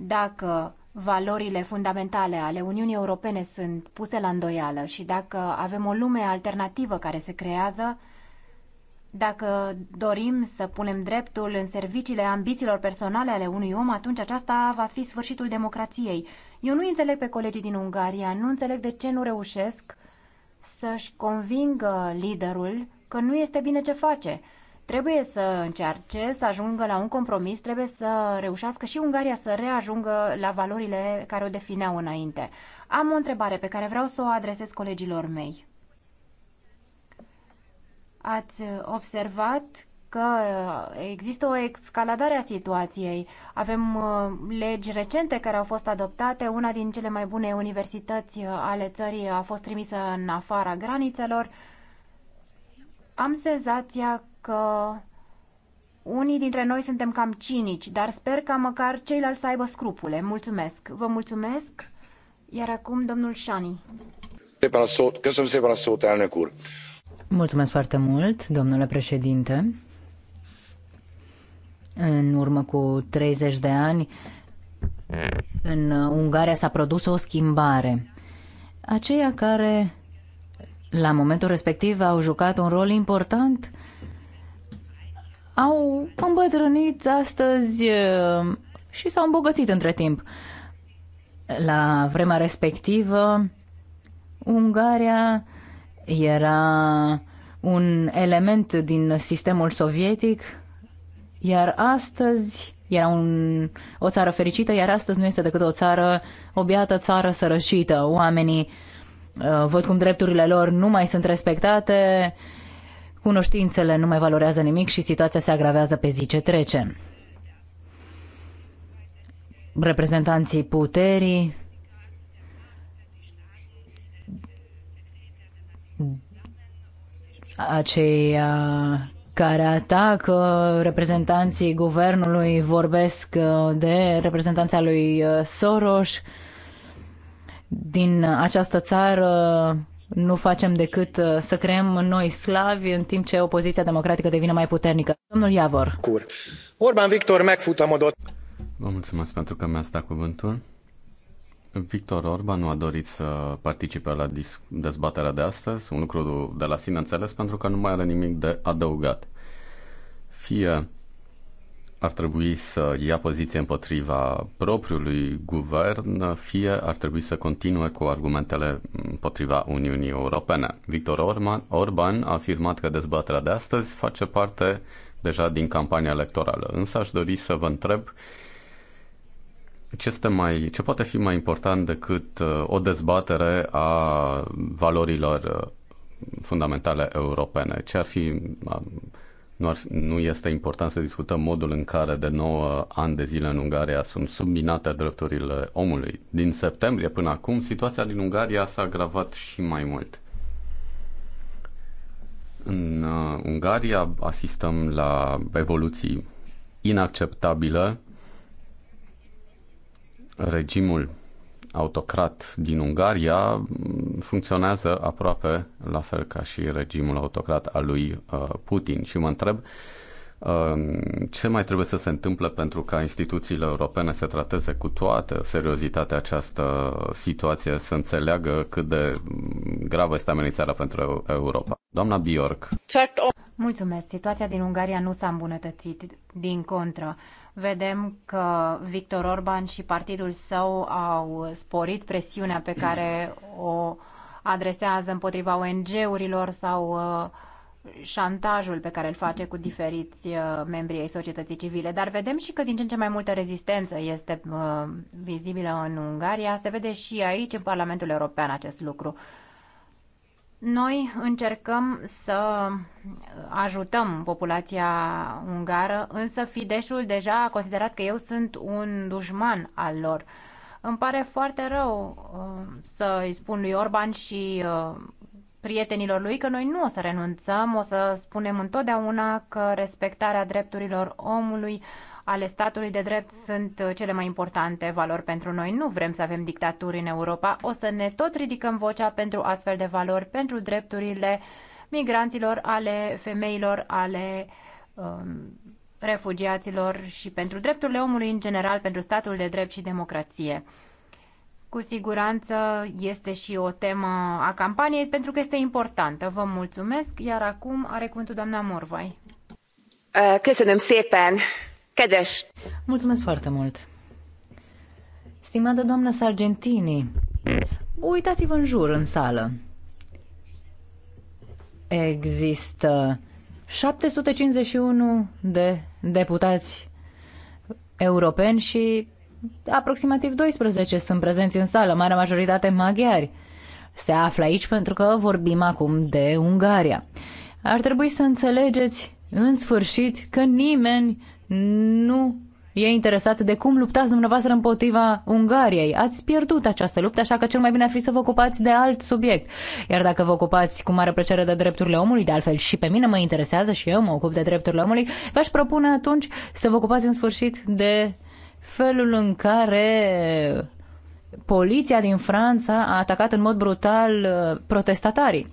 dacă valorile fundamentale ale Uniunii Europene sunt puse la îndoială și dacă avem o lume alternativă care se creează, dacă dorim să punem dreptul în serviciile ambițiilor personale ale unui om, atunci aceasta va fi sfârșitul democrației. Eu nu înțeleg pe colegii din Ungaria, nu înțeleg de ce nu reușesc să-și convingă liderul că nu este bine ce face Trebuie să încearce să ajungă la un compromis, trebuie să reușească și Ungaria să reajungă la valorile care o defineau înainte. Am o întrebare pe care vreau să o adresez colegilor mei. Ați observat că există o escaladare a situației. Avem uh, legi recente care au fost adoptate. Una din cele mai bune universități uh, ale țării a fost trimisă în afara granițelor. Am senzația că unii dintre noi suntem cam cinici, dar sper ca măcar ceilalți să aibă scrupule. Mulțumesc! Vă mulțumesc! Iar acum domnul Șani. Mulțumesc foarte mult, domnule președinte. În urmă cu 30 de ani, în Ungaria s-a produs o schimbare. Aceia care la momentul respectiv au jucat un rol important au îmbătrânit astăzi uh, și s-au îmbogățit între timp. La vremea respectivă, Ungaria era un element din sistemul sovietic, iar astăzi era un, o țară fericită, iar astăzi nu este decât o țară, o țară sărășită. Oamenii uh, văd cum drepturile lor nu mai sunt respectate, uh, cunoștințele nu mai valorează nimic și situația se agravează pe zi ce trece. Reprezentanții puterii aceia care atacă reprezentanții guvernului, vorbesc de reprezentanța lui Soros din această țară nu facem decât uh, să creăm noi slavi în timp ce opoziția democratică devine mai puternică. Domnul Iavor. Cur. Orban Victor Modot. Vă mulțumesc pentru că mi-ați dat cuvântul. Victor Orban nu a dorit să participe la dezbaterea de astăzi, un lucru de la sine înțeles, pentru că nu mai are nimic de adăugat. Fie ar trebui să ia poziție împotriva propriului guvern, fie ar trebui să continue cu argumentele împotriva Uniunii Europene. Victor Orman, Orban a afirmat că dezbaterea de astăzi face parte deja din campania electorală. Însă aș dori să vă întreb ce, este mai, ce poate fi mai important decât uh, o dezbatere a valorilor uh, fundamentale europene? Ce ar fi um, nu, ar, nu este important să discutăm modul în care de 9 ani de zile în Ungaria sunt subminate drepturile omului. Din septembrie până acum, situația din Ungaria s-a agravat și mai mult. În uh, Ungaria asistăm la evoluții inacceptabile. Regimul autocrat din Ungaria mm, funcționează aproape la fel ca și regimul autocrat al lui uh, Putin. Și mă întreb um, ce mai trebuie să se întâmple pentru ca instituțiile europene să trateze cu toată seriozitatea această situație, să înțeleagă cât de mm, gravă este amenințarea pentru Europa? Doamna Bjork. Mulțumesc. Situația din Ungaria nu s-a îmbunătățit, din contră vedem că Victor Orban și partidul său au sporit presiunea pe care o adresează împotriva ONG-urilor sau uh, șantajul pe care îl face cu diferiți uh, membrii ai societății civile. Dar vedem și că din ce în ce mai multă rezistență este uh, vizibilă în Ungaria. Se vede și aici, în Parlamentul European, acest lucru. Noi încercăm să ajutăm populația ungară, însă Fideșul deja a considerat că eu sunt un dușman al lor. Îmi pare foarte rău uh, să i spun lui Orban și uh, prietenilor lui că noi nu o să renunțăm, o să spunem întotdeauna că respectarea drepturilor omului ale statului de drept sunt uh, cele mai importante valori pentru noi. Nu vrem să avem dictaturi în Europa. O să ne tot ridicăm vocea pentru astfel de valori, pentru drepturile migranților, ale femeilor, ale um, refugiaților și pentru drepturile omului în general, pentru statul de drept și democrație. Cu siguranță este și o temă a campaniei pentru că este importantă. Vă mulțumesc, iar acum are cuvântul doamna Morvai. Köszönöm szépen, Kedves! Mulțumesc foarte mult! Stimată doamnă Sargentini, uitați-vă în jur, în sală. Există 751 de deputați europeni și aproximativ 12 sunt prezenți în sală, marea majoritate maghiari. Se află aici pentru că vorbim acum de Ungaria. Ar trebui să înțelegeți în sfârșit că nimeni nu e interesat de cum luptați dumneavoastră împotriva Ungariei. Ați pierdut această luptă, așa că cel mai bine ar fi să vă ocupați de alt subiect. Iar dacă vă ocupați cu mare plăcere de drepturile omului, de altfel și pe mine mă interesează și eu mă ocup de drepturile omului, v-aș propune atunci să vă ocupați în sfârșit de felul în care poliția din Franța a atacat în mod brutal uh, protestatarii.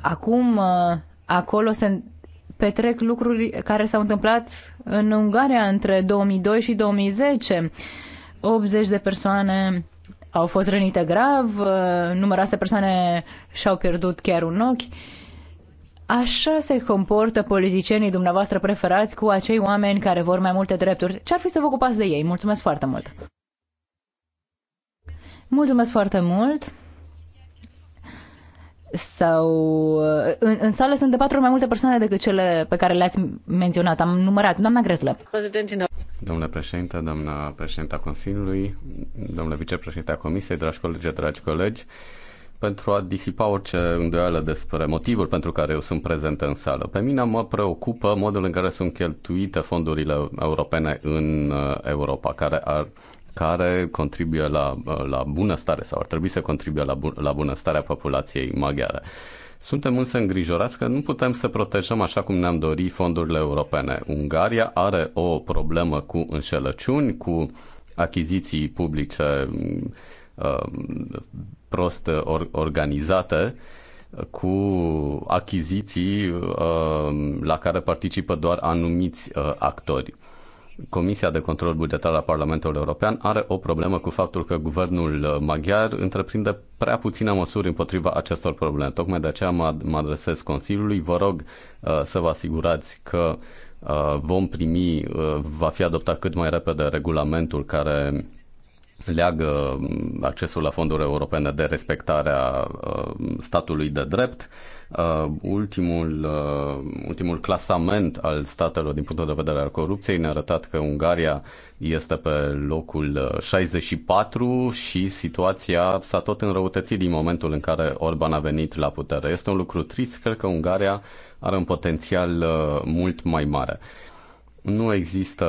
Acum uh, acolo se petrec lucruri care s-au întâmplat în Ungaria între 2002 și 2010. 80 de persoane au fost rănite grav, numeroase persoane și-au pierdut chiar un ochi. Așa se comportă politicienii dumneavoastră preferați cu acei oameni care vor mai multe drepturi. Ce-ar fi să vă ocupați de ei? Mulțumesc foarte mult! Mulțumesc foarte mult! sau uh, în, în sală sunt de patru ori mai multe persoane decât cele pe care le-ați menționat. Am numărat. Doamna Grezlă. Domnule președinte, doamna a Consiliului, domnule vicepreședinte a Comisiei, dragi colegi, dragi colegi, pentru a disipa orice îndoială despre motivul pentru care eu sunt prezent în sală. Pe mine mă preocupă modul în care sunt cheltuite fondurile europene în uh, Europa, care ar care contribuie la, la bunăstare sau ar trebui să contribuie la, bun, la bunăstarea populației maghiare. Suntem însă îngrijorați că nu putem să protejăm așa cum ne-am dorit fondurile europene. Ungaria are o problemă cu înșelăciuni, cu achiziții publice um, prost organizate, cu achiziții um, la care participă doar anumiți uh, actori. Comisia de Control Bugetar a Parlamentului European are o problemă cu faptul că guvernul uh, maghiar întreprinde prea puține măsuri împotriva acestor probleme. Tocmai de aceea mă adresez Consiliului. Vă rog uh, să vă asigurați că uh, vom primi, va fi adoptat cât mai repede regulamentul care leagă um, accesul la fonduri europene de respectarea statului de drept Uh, ultimul, uh, ultimul clasament al statelor din punctul de vedere al corupției ne-a arătat că Ungaria este pe locul 64 uh, și situația s-a tot înrăutățit din momentul în care Orban a venit la putere. Este un lucru trist, cred că Ungaria are un potențial mult mai mare nu există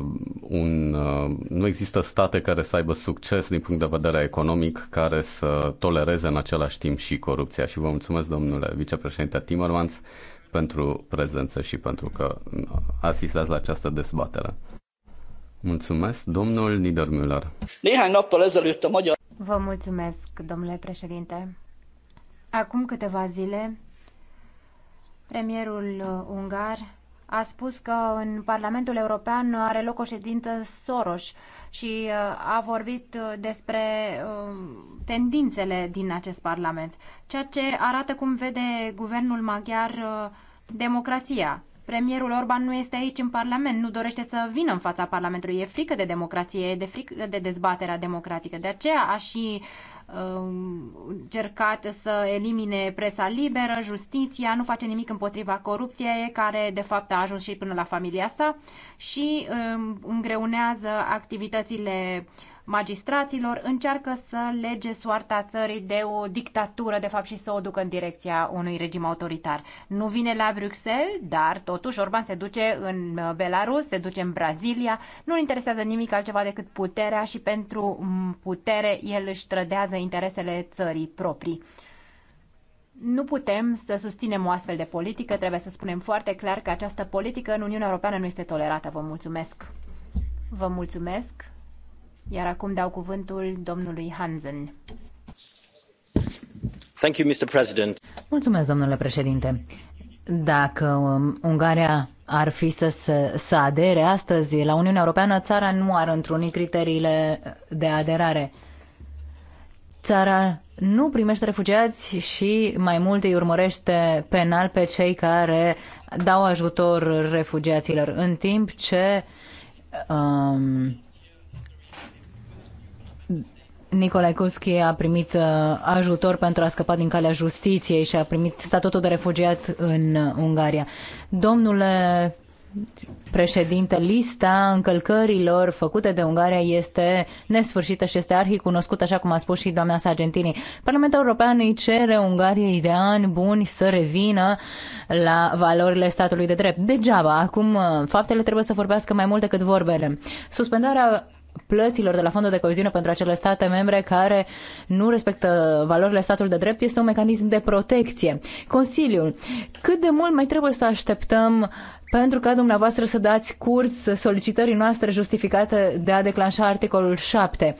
uh, un uh, nu există state care să aibă succes din punct de vedere economic care să tolereze în același timp și corupția și vă mulțumesc domnule vicepreședinte Timmermans pentru prezență și pentru că uh, asistați la această dezbatere. Mulțumesc, domnul Niedermüller. Vă mulțumesc, domnule președinte. Acum câteva zile, premierul uh, ungar a spus că în Parlamentul European are loc o ședință Soros și uh, a vorbit uh, despre um, tendințele din acest Parlament, ceea ce arată cum vede guvernul maghiar uh, democrația. Premierul Orban nu este aici în Parlament, nu dorește să vină în fața Parlamentului. E frică de democrație, e de frică de dezbaterea democratică. De aceea a și Um, încercat să elimine presa liberă, justiția, nu face nimic împotriva corupției, care de fapt a ajuns și până la familia sa și um, îngreunează activitățile magistraților, încearcă să lege soarta țării de o dictatură, de fapt, și să o ducă în direcția unui regim autoritar. Nu vine la Bruxelles, dar totuși Orban se duce în uh, Belarus, se duce în Brazilia, nu interesează nimic altceva decât puterea și pentru mm, putere el își trădează interesele țării proprii. Nu putem să susținem o astfel de politică, trebuie să spunem foarte clar că această politică în Uniunea Europeană nu este tolerată. Vă mulțumesc! Vă mulțumesc! Iar acum dau cuvântul domnului Hansen. Thank you, Mr. President. Mulțumesc, domnule președinte. Dacă um, Ungaria ar fi să, se, să adere astăzi la Uniunea Europeană, țara nu ar întruni criteriile de aderare. Țara nu primește refugiați și mai mult îi urmărește penal pe cei care dau ajutor refugiaților, în timp ce um, Nicolae Kuski a primit uh, ajutor pentru a scăpa din calea justiției și a primit statutul de refugiat în Ungaria. Domnule președinte, lista încălcărilor făcute de Ungaria este nesfârșită și este cunoscută, așa cum a spus și doamna Sargentini. Parlamentul European îi cere Ungariei de ani buni să revină la valorile statului de drept. Degeaba, acum uh, faptele trebuie să vorbească mai mult decât vorbele. Suspendarea plăților de la fondul de coeziune pentru acele state membre care nu respectă valorile statului de drept este un mecanism de protecție. Consiliul, cât de mult mai trebuie să așteptăm pentru ca dumneavoastră să dați curs solicitării noastre justificate de a declanșa articolul 7?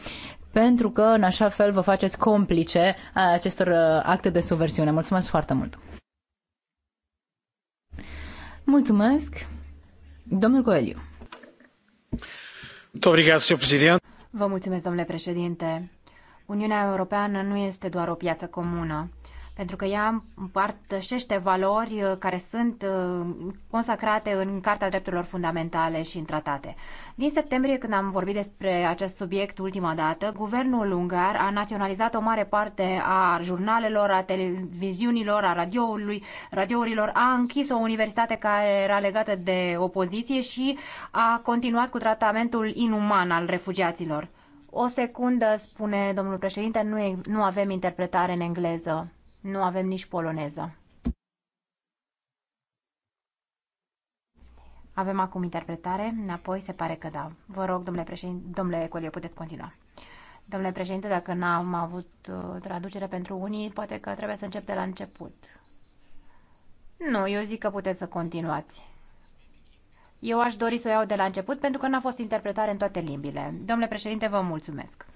pentru că în așa fel vă faceți complice a acestor uh, acte de subversiune. Mulțumesc foarte mult! Mulțumesc, domnul Coeliu. Vă mulțumesc, domnule președinte. Uniunea Europeană nu este doar o piață comună pentru că ea împărtășește valori uh, care sunt uh, consacrate în Carta Drepturilor Fundamentale și în tratate. Din septembrie, când am vorbit despre acest subiect ultima dată, guvernul ungar a naționalizat o mare parte a jurnalelor, a televiziunilor, a radioului, radiourilor, a închis o universitate care era legată de opoziție și a continuat cu tratamentul inuman al refugiaților. O secundă, spune domnul președinte, nu, e, nu avem interpretare în engleză. Nu avem nici poloneză. Avem acum interpretare, înapoi se pare că da. Vă rog, domnule președinte, domnule ecolie, puteți continua. Domnule președinte, dacă n-am avut uh, traducere pentru unii, poate că trebuie să încep de la început. Nu, eu zic că puteți să continuați. Eu aș dori să o iau de la început pentru că n-a fost interpretare în toate limbile. Domnule președinte, vă mulțumesc.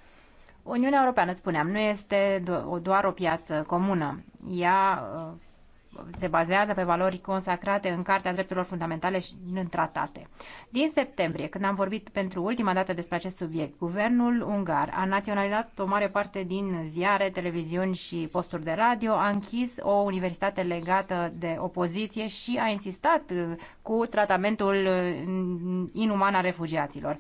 Uniunea Europeană, spuneam, nu este doar o piață comună. Ea uh, se bazează pe valori consacrate în Cartea Drepturilor Fundamentale și în tratate. Din septembrie, când am vorbit pentru ultima dată despre acest subiect, guvernul ungar a naționalizat o mare parte din ziare, televiziuni și posturi de radio, a închis o universitate legată de opoziție și a insistat uh, cu tratamentul uh, inuman a refugiaților.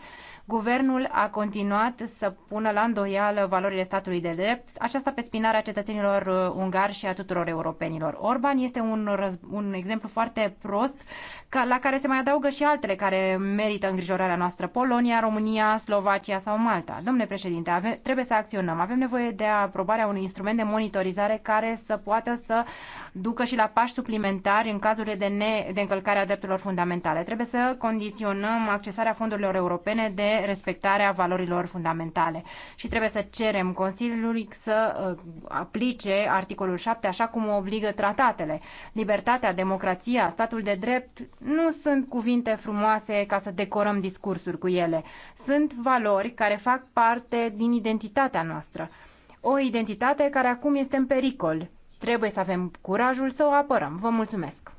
Guvernul a continuat să pună la îndoială valorile statului de drept, aceasta pe spinarea cetățenilor uh, ungari și a tuturor europenilor. Orban este un, un exemplu foarte prost ca, la care se mai adaugă și altele care merită îngrijorarea noastră, Polonia, România, Slovacia sau Malta. Domnule președinte, ave, trebuie să acționăm. Avem nevoie de aprobarea unui instrument de monitorizare care să poată să ducă și la pași suplimentari în cazurile de, ne, de încălcare a drepturilor fundamentale. Trebuie să condiționăm accesarea fondurilor europene de respectarea valorilor fundamentale și trebuie să cerem Consiliului să uh, aplice articolul 7 așa cum o obligă tratatele. Libertatea, democrația, statul de drept nu sunt cuvinte frumoase ca să decorăm discursuri cu ele. Sunt valori care fac parte din identitatea noastră. O identitate care acum este în pericol. Trebuie să avem curajul să o apărăm. Vă mulțumesc!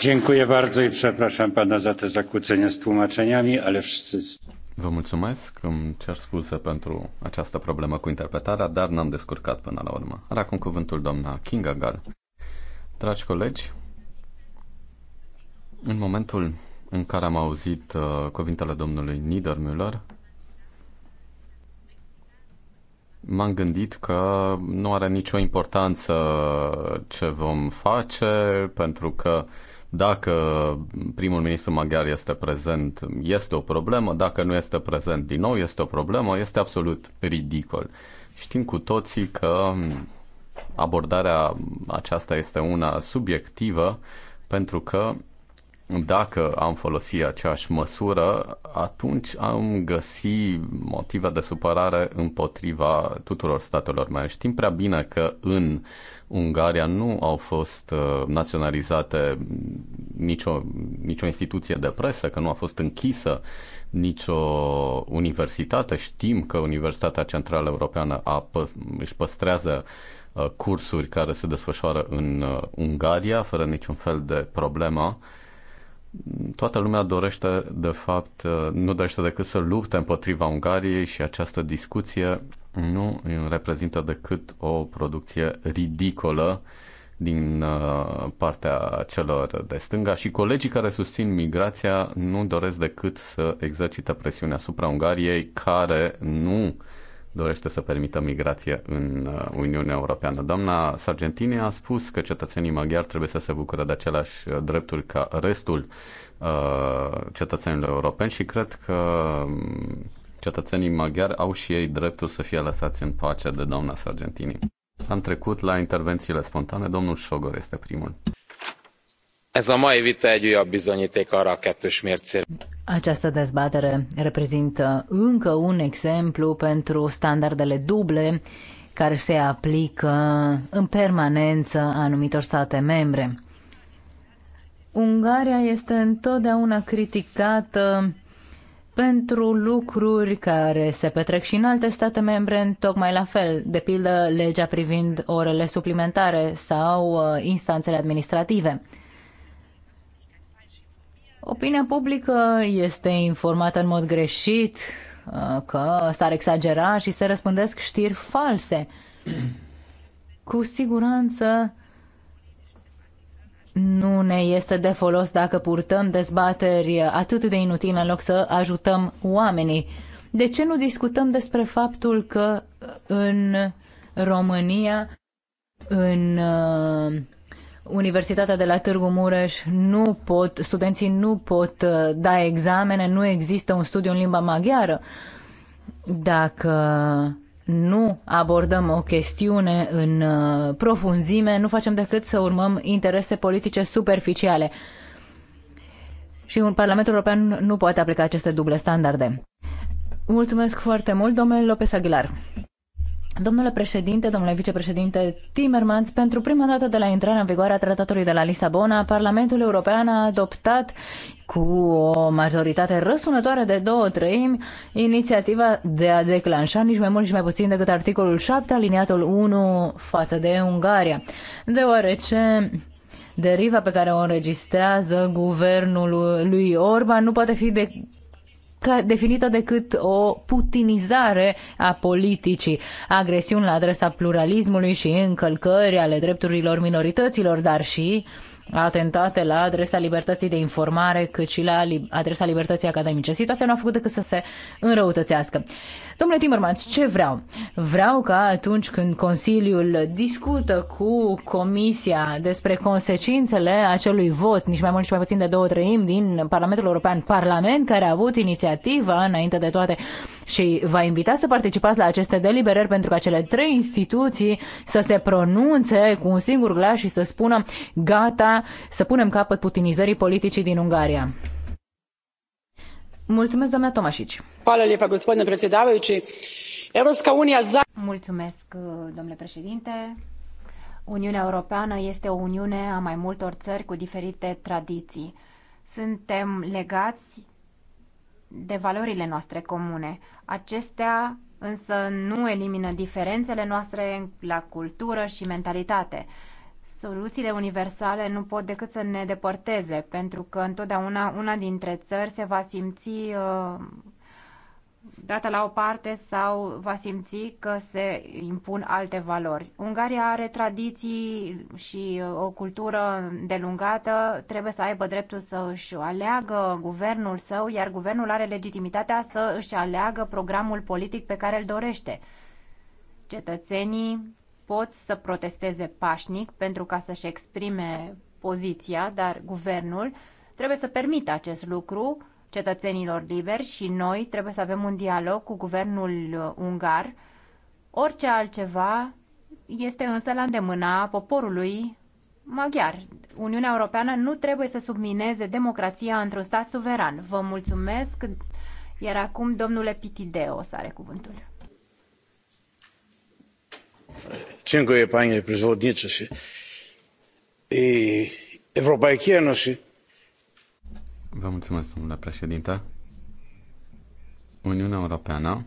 Dziękuję bardzo i przepraszam pana za te zakłócenia z tłumaczeniami, ale wszyscy... Vă mulțumesc, îmi cer scuze pentru această problemă cu interpretarea, dar n-am descurcat până la urmă. Are acum cuvântul doamna Kinga Gal. Dragi colegi, în momentul în care am auzit uh, cuvintele domnului Niedermüller, m-am gândit că nu are nicio importanță ce vom face, pentru că dacă primul ministru maghiar este prezent, este o problemă, dacă nu este prezent din nou, este o problemă, este absolut ridicol. Știm cu toții că abordarea aceasta este una subiectivă, pentru că dacă am folosit aceeași măsură, atunci am găsi motive de supărare împotriva tuturor statelor mai. Știm prea bine că în Ungaria nu au fost uh, naționalizate nicio, nicio instituție de presă, că nu a fost închisă nicio universitate. Știm că Universitatea Centrală Europeană a, își păstrează uh, Uh, cursuri care se desfășoară în uh, Ungaria, fără niciun fel de problemă. Toată lumea dorește, de fapt, uh, nu dorește decât să lupte împotriva Ungariei și această discuție nu reprezintă decât o producție ridicolă din partea celor de stânga și colegii care susțin migrația nu doresc decât să exercite presiunea asupra Ungariei, care nu dorește să permită migrație în uh, Uniunea Europeană. Doamna Sargentini a spus că cetățenii maghiari trebuie să se bucure de aceleași uh, drepturi ca restul uh, cetățenilor europeni și cred că um, cetățenii maghiari au și ei dreptul să fie lăsați în pace de doamna Sargentini. Am trecut la intervențiile spontane. Domnul Șogor este primul ez a mai vita egy újabb bizonyíték arra a kettős mércére. Această dezbatere reprezintă încă un exemplu pentru standardele duble care se aplică în permanență a anumitor state membre. Ungaria este întotdeauna criticată pentru lucruri care se petrec și în alte state membre, tocmai la fel, de pildă legea privind orele suplimentare sau uh, instanțele administrative. Opinia publică este informată în mod greșit uh, că s-ar exagera și se răspândesc știri false. Cu siguranță nu ne este de folos dacă purtăm dezbateri atât de inutile în loc să ajutăm oamenii. De ce nu discutăm despre faptul că în România, în uh, Universitatea de la Târgu Mureș nu pot, studenții nu pot uh, da examene, nu există un studiu în limba maghiară. Dacă nu abordăm o chestiune în uh, profunzime, nu facem decât să urmăm interese politice superficiale. Și un Parlamentul European nu poate aplica aceste duble standarde. Mulțumesc foarte mult, domnule Lopez Aguilar. Domnule președinte, domnule vicepreședinte Timmermans, pentru prima dată de la intrarea în vigoare a tratatului de la Lisabona, Parlamentul European a adoptat cu o majoritate răsunătoare de două treimi inițiativa de a declanșa nici mai mult, nici mai puțin decât articolul 7, aliniatul 1 față de Ungaria. Deoarece deriva pe care o înregistrează guvernul lui Orban nu poate fi de ca definită decât o putinizare a politicii, agresiuni la adresa pluralismului și încălcări ale drepturilor minorităților, dar și atentate la adresa libertății de informare, cât și la adresa libertății academice. Situația nu a făcut decât să se înrăutățească. Domnule Timmermans, ce vreau? Vreau ca atunci când Consiliul discută cu Comisia despre consecințele acelui vot, nici mai mult, nici mai puțin de două treimi din Parlamentul European, Parlament care a avut inițiativa înainte de toate și va invita să participați la aceste deliberări pentru ca cele trei instituții să se pronunțe cu un singur glas și să spună gata, să punem capăt putinizării politicii din Ungaria. Mulțumesc, Mulțumesc, uh, domnule președinte. Uniunea Europeană este o uniune a mai multor țări cu diferite tradiții. Suntem legați de valorile noastre comune. Acestea însă nu elimină diferențele noastre la cultură și mentalitate soluțiile universale nu pot decât să ne depărteze, pentru că întotdeauna una dintre țări se va simți uh, dată la o parte sau va simți că se impun alte valori. Ungaria are tradiții și uh, o cultură delungată, trebuie să aibă dreptul să își aleagă guvernul său, iar guvernul are legitimitatea să își aleagă programul politic pe care îl dorește. Cetățenii pot să protesteze pașnic pentru ca să-și exprime poziția, dar guvernul trebuie să permită acest lucru cetățenilor liberi și noi trebuie să avem un dialog cu guvernul ungar. Orice altceva este însă la îndemâna poporului maghiar. Uniunea Europeană nu trebuie să submineze democrația într-un stat suveran. Vă mulțumesc, iar acum domnule Pitideo să are cuvântul panie przewodniczący! Vă mulțumesc, domnule președinte. Uniunea Europeană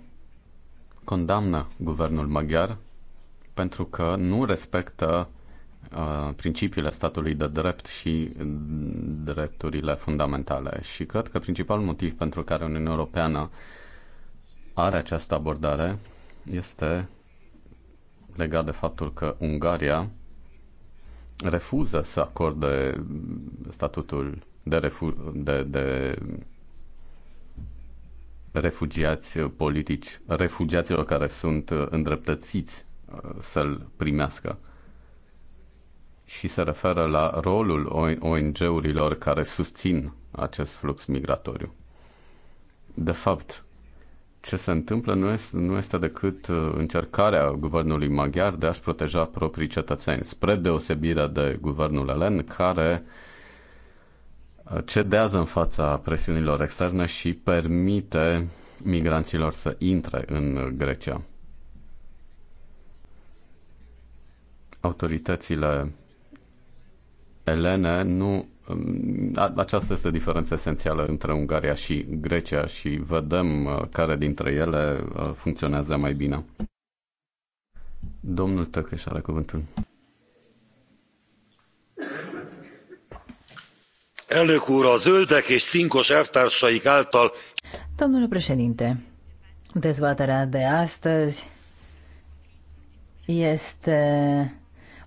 condamnă guvernul maghiar pentru că nu respectă uh, principiile statului de drept și drepturile fundamentale. Și cred că principalul motiv pentru care Uniunea Europeană are această abordare este legat de faptul că Ungaria refuză să acorde statutul de, refu- de, de refugiați politici, refugiaților care sunt îndreptățiți uh, să-l primească. Și se referă la rolul ONG-urilor care susțin acest flux migratoriu. De fapt, ce se întâmplă nu este, nu este decât uh, încercarea guvernului maghiar de a-și proteja proprii cetățeni, spre deosebire de guvernul elen, care uh, cedează în fața presiunilor externe și permite migranților să intre în Grecia. Autoritățile elene nu aceasta este diferența esențială între Ungaria și Grecia și vedem uh, care dintre ele uh, funcționează mai bine. Domnul Tăcăș are cuvântul. Elnök úr, a zöldek és cinkos elvtársaik által... Domnule președinte, dezbaterea de astăzi este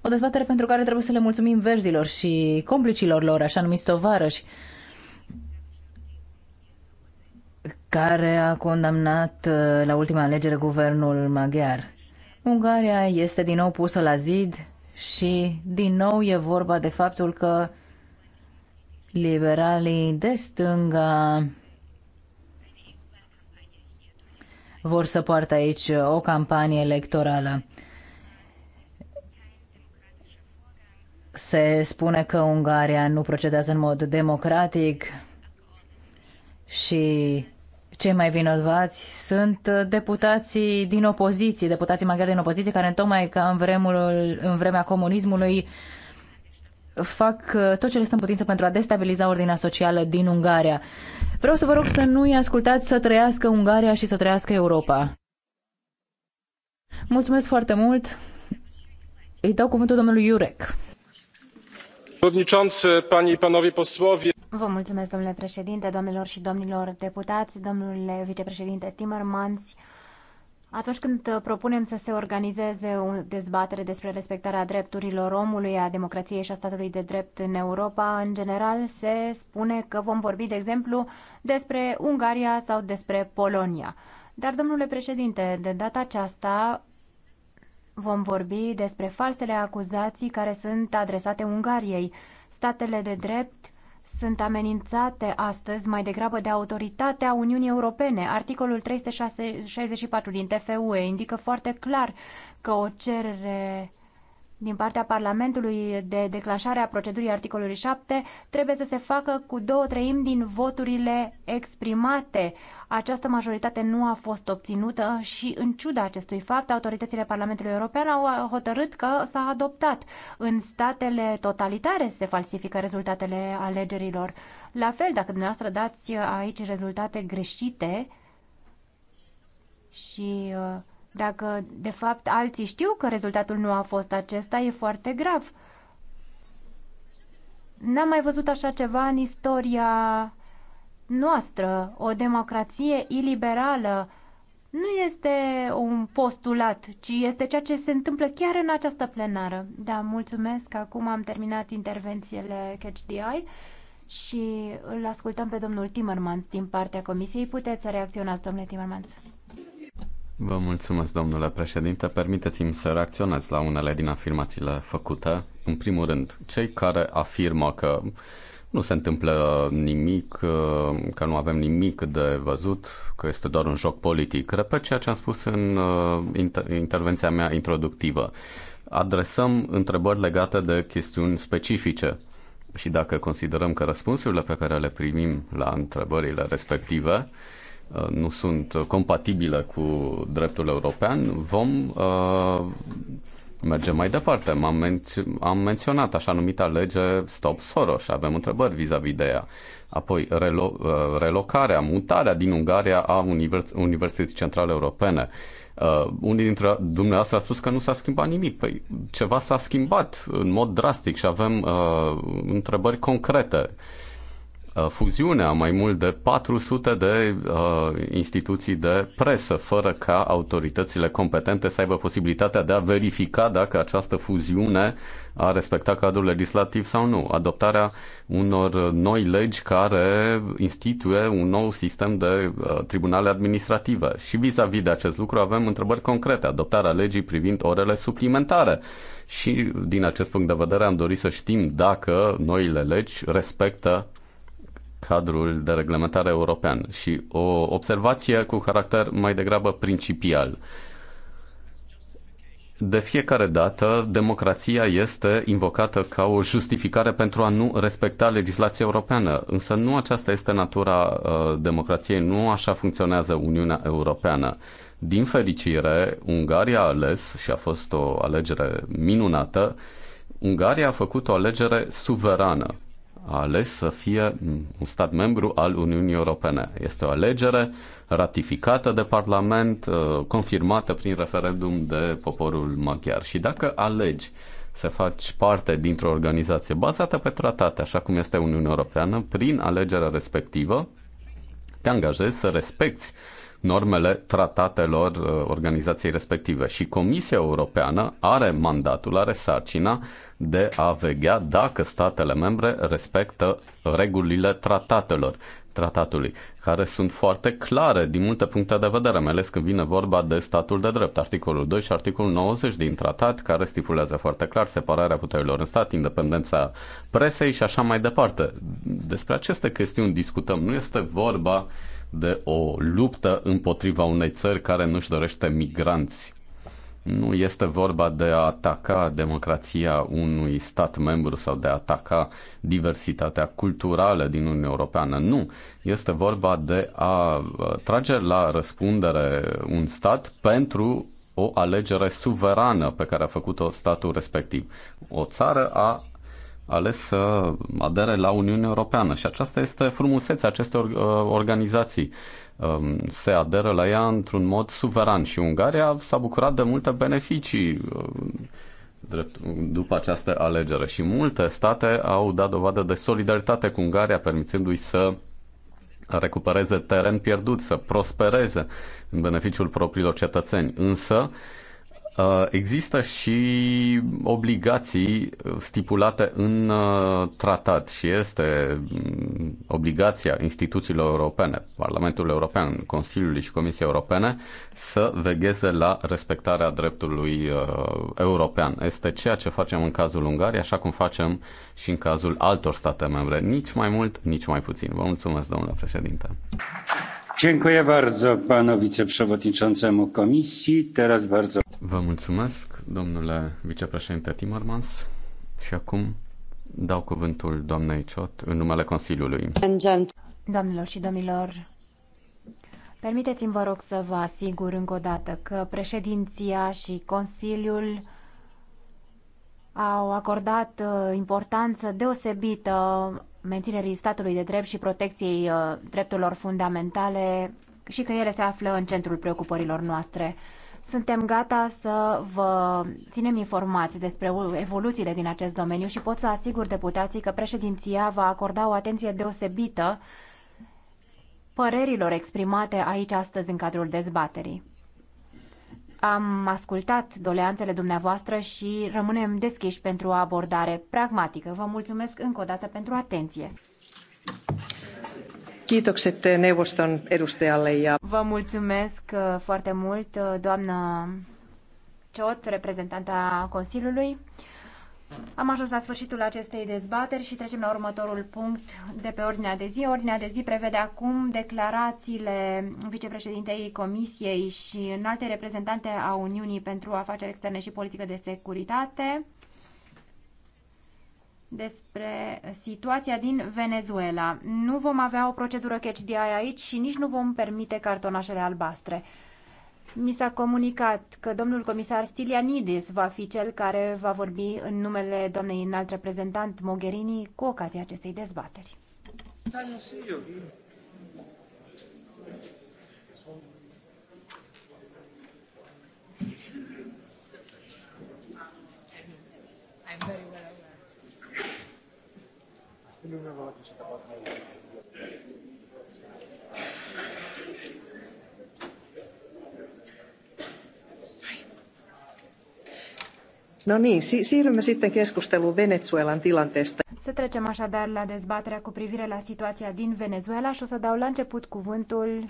o dezbatere pentru care trebuie să le mulțumim verzilor și complicilor lor, așa numiți tovarăși, care a condamnat uh, la ultima alegere guvernul maghiar. Ungaria este din nou pusă la zid și din nou e vorba de faptul că liberalii de stânga vor să poartă aici o campanie electorală. Se spune că Ungaria nu procedează în mod democratic și cei mai vinovați sunt deputații din opoziție, deputații maghiari din opoziție, care tocmai ca în, vremul, în vremea comunismului fac uh, tot ce le stă în putință pentru a destabiliza ordinea socială din Ungaria. Vreau să vă rog să nu-i ascultați să trăiască Ungaria și să trăiască Europa. Mulțumesc foarte mult. Îi dau cuvântul domnului Iurec domnule președinte, domnilor și domnilor deputați, domnule vicepreședinte Timmermans. Atunci când propunem să se organizeze o dezbatere despre respectarea drepturilor omului, a democrației și a statului de drept în Europa, în general se spune că vom vorbi, de exemplu, despre Ungaria sau despre Polonia. Dar, domnule președinte, de data aceasta Vom vorbi despre falsele acuzații care sunt adresate Ungariei. Statele de drept sunt amenințate astăzi mai degrabă de autoritatea Uniunii Europene. Articolul 364 din TFUE indică foarte clar că o cerere din partea Parlamentului de declanșare a procedurii articolului 7 trebuie să se facă cu două treimi din voturile exprimate. Această majoritate nu a fost obținută și, în ciuda acestui fapt, autoritățile Parlamentului European au hotărât că s-a adoptat. În statele totalitare se falsifică rezultatele alegerilor. La fel, dacă dumneavoastră dați aici rezultate greșite și uh, dacă, de fapt, alții știu că rezultatul nu a fost acesta, e foarte grav. N-am mai văzut așa ceva în istoria noastră. O democrație iliberală nu este un postulat, ci este ceea ce se întâmplă chiar în această plenară. Da, mulțumesc. Acum am terminat intervențiile Catch the Eye și îl ascultăm pe domnul Timmermans din partea Comisiei. Puteți să reacționați, domnule Timmermans. Vă mulțumesc, domnule președinte. Permiteți-mi să reacționez la unele din afirmațiile făcute. În primul rând, cei care afirmă că nu se întâmplă nimic, că nu avem nimic de văzut, că este doar un joc politic. Repet ceea ce am spus în uh, inter- intervenția mea introductivă. Adresăm întrebări legate de chestiuni specifice și dacă considerăm că răspunsurile pe care le primim la întrebările respective uh, Uh, nu sunt compatibile cu dreptul european, vom uh, merge mai departe. am men- am menționat așa numita lege Stop Soros, avem întrebări vis-a-vis de ea. Apoi relo- uh, relocarea, mutarea din Ungaria a univers- Universității Centrale Europene. Uh, unii dintre dumneavoastră a spus că nu s-a schimbat nimic. Păi ceva s-a schimbat în mod drastic și avem uh, întrebări concrete. Uh, Uh, fuziunea mai mult de 400 de uh, instituții de presă, fără ca autoritățile competente să aibă posibilitatea de a verifica dacă această fuziune a respectat cadrul legislativ sau nu. Adoptarea unor noi legi care instituie un nou sistem de uh, tribunale administrative. Și vis-a-vis -vis de acest lucru avem întrebări concrete. Adoptarea legii privind orele suplimentare. Și din acest punct de vedere am dorit să știm dacă noile legi respectă cadrul de reglementare european și o observație cu caracter mai degrabă principial. De fiecare dată, democrația este invocată ca o justificare pentru a nu respecta legislația europeană, însă nu aceasta este natura uh, democrației, nu așa funcționează Uniunea Europeană. Din fericire, Ungaria a ales, și a fost o alegere minunată, Ungaria a făcut o alegere suverană a ales să fie un stat membru al Uniunii Europene. Este o alegere ratificată de Parlament, uh, confirmată prin referendum de poporul maghiar. Și dacă alegi să faci parte dintr-o organizație bazată pe tratate, așa cum este Uniunea Europeană, prin alegerea respectivă, te angajezi să respecti normele tratatelor uh, organizației respective. Și Comisia Europeană are mandatul, are sarcina de a veghea dacă statele membre respectă regulile tratatelor tratatului, care sunt foarte clare din multe puncte de vedere, mai ales când vine vorba de statul de drept, articolul 2 și articolul 90 din tratat, care stipulează foarte clar separarea puterilor în stat, independența presei și așa mai departe. Despre aceste chestiuni discutăm, nu este vorba uh, de o luptă împotriva unei țări care nu-și dorește migranți. Nu este vorba de a ataca democrația unui stat membru sau de a ataca diversitatea culturală din Uniunea Europeană. Nu. Este vorba de a uh, trage la răspundere un stat pentru o alegere suverană pe care a făcut-o statul respectiv. O țară a ales să adere la Uniunea Europeană și aceasta este frumusețea acestei uh, organizații. Um, se aderă la ea într-un mod suveran și Ungaria s-a bucurat de multe beneficii uh, drept, după această alegere și multe state au dat dovadă de solidaritate cu Ungaria, permițându-i să recupereze teren pierdut, să prospereze în beneficiul propriilor cetățeni. Însă, Uh, există și obligații uh, stipulate în uh, tratat și este mm, obligația instituțiilor europene, Parlamentul European, Consiliului și Comisiei Europene să vegheze la respectarea dreptului european. Este ceea ce facem în cazul Ungariei, așa cum facem și în cazul altor state membre, nici mai mult, nici mai puțin. Vă mulțumesc, domnule președinte. Teraz, Vă mulțumesc, domnule vicepreședinte Timmermans. Și acum dau cuvântul doamnei Ciot în numele Consiliului. Domnilor și domnilor, permiteți-mi, vă rog, să vă asigur încă o dată că președinția și Consiliul au acordat uh, importanță deosebită menținerii statului de drept și protecției uh, drepturilor fundamentale și că ele se află în centrul preocupărilor noastre. Suntem gata să vă ținem informați despre evoluțiile din acest domeniu și pot să asigur deputații că președinția va acorda o atenție deosebită părerilor exprimate aici astăzi în cadrul dezbaterii. Am ascultat doleanțele dumneavoastră și rămânem deschiși pentru o abordare pragmatică. Vă mulțumesc încă o dată pentru atenție. Kiitokset neuvoston edustajalle ja... Vă mulțumesc uh, foarte mult, uh, doamnă Ciot, reprezentanta Consiliului. Am ajuns la sfârșitul acestei dezbateri și trecem la următorul punct de pe ordinea de zi. Ordinea de zi prevede acum declarațiile vicepreședintei Comisiei și alte reprezentante a Uniunii pentru Afaceri Externe și Politică de Securitate despre situația din Venezuela. Nu vom avea o procedură catch de aici și nici nu vom permite cartonașele albastre. Mi s-a comunicat că domnul comisar Stilianidis va fi cel care va vorbi în numele doamnei înalt reprezentant Mogherini cu ocazia acestei dezbateri. I'm very well aware. No niin, si- siirrymme sitten keskusteluun Venezuelan tilanteesta. Să trecem așadar la dezbaterea cu privire la situația din Venezuela și o să dau la început cuvântul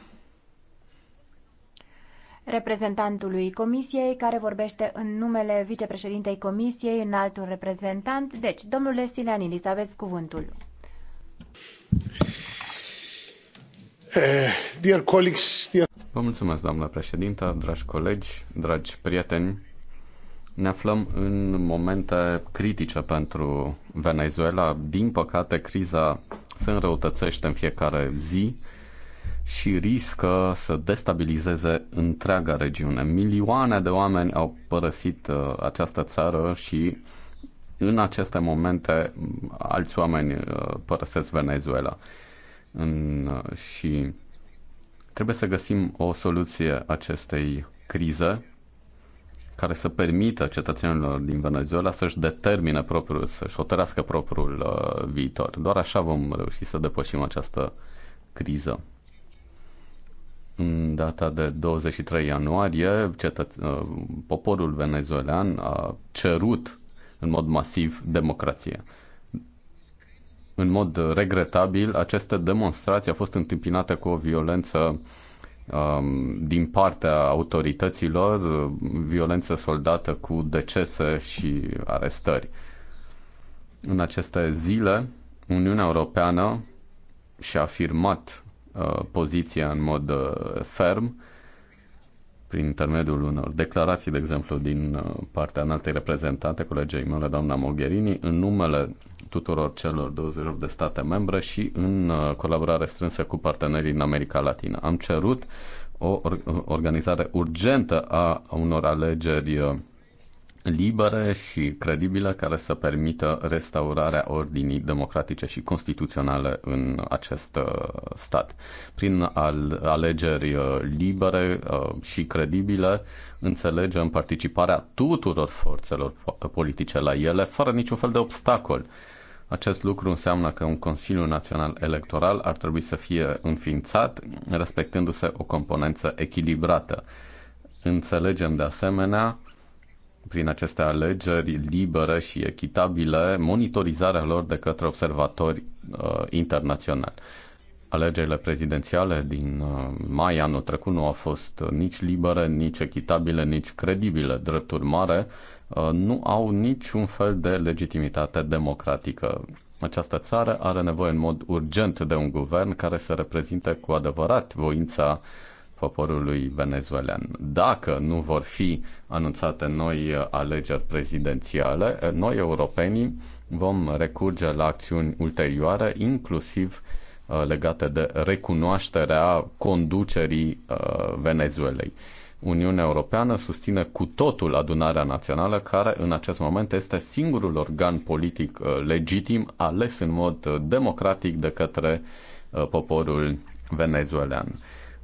reprezentantului Comisiei, care vorbește în numele vicepreședintei Comisiei, în altul reprezentant. Deci, domnule Ilis, aveți cuvântul. Eh, dear colleagues, dear... Vă mulțumesc, doamnă președintă, dragi colegi, dragi prieteni. Ne aflăm în momente critice pentru Venezuela. Din păcate, criza se înrăutățește în fiecare zi și riscă să destabilizeze întreaga regiune. Milioane de oameni au părăsit uh, această țară și în aceste momente alți oameni uh, părăsesc Venezuela. În, uh, și trebuie să găsim o soluție acestei crize care să permită cetățenilor din Venezuela să-și determine propriul, să-și hotărească propriul uh, viitor. Doar așa vom reuși să depășim această criză. În data de 23 ianuarie, uh, poporul venezuelan a cerut în mod masiv democrație. În mod regretabil, aceste demonstrații au fost întâmpinate cu o violență uh, Um, din partea autorităților violență soldată cu decese și arestări. În aceste zile, Uniunea Europeană și-a afirmat uh, poziția în mod uh, ferm prin intermediul unor declarații, de exemplu, din uh, partea înaltei reprezentante, colegei mele, doamna Mogherini, în numele tuturor celor 28 de state membre și în uh, colaborare strânsă cu partenerii în America Latină. Am cerut o organizare urgentă a unor alegeri uh, libere și credibile care să permită restaurarea ordinii democratice și constituționale în acest uh, stat. Prin alegeri libere și credibile înțelegem participarea tuturor forțelor politice la ele, fără niciun fel de obstacol acest lucru înseamnă că un Consiliu Național Electoral ar trebui să fie înființat, respectându-se o componență echilibrată. Înțelegem de asemenea prin aceste alegeri libere și echitabile, monitorizarea lor de către observatori uh, internaționali. Alegerile prezidențiale din uh, mai anul trecut nu au fost nici libere, nici echitabile, nici credibile. Drept urmare, uh, Uh, nu au niciun fel de legitimitate democratică. Această țară are nevoie în mod urgent de un guvern care să reprezinte cu adevărat voința poporului venezuelan. Dacă nu vor fi anunțate noi alegeri prezidențiale, eh, noi europenii vom recurge la acțiuni ulterioare, inclusiv eh, legate de recunoașterea conducerii eh, Venezuelei. Uniunea Europeană susține cu totul adunarea națională, care în acest moment este singurul organ politic uh, legitim ales în mod uh, democratic de către uh, poporul venezuelan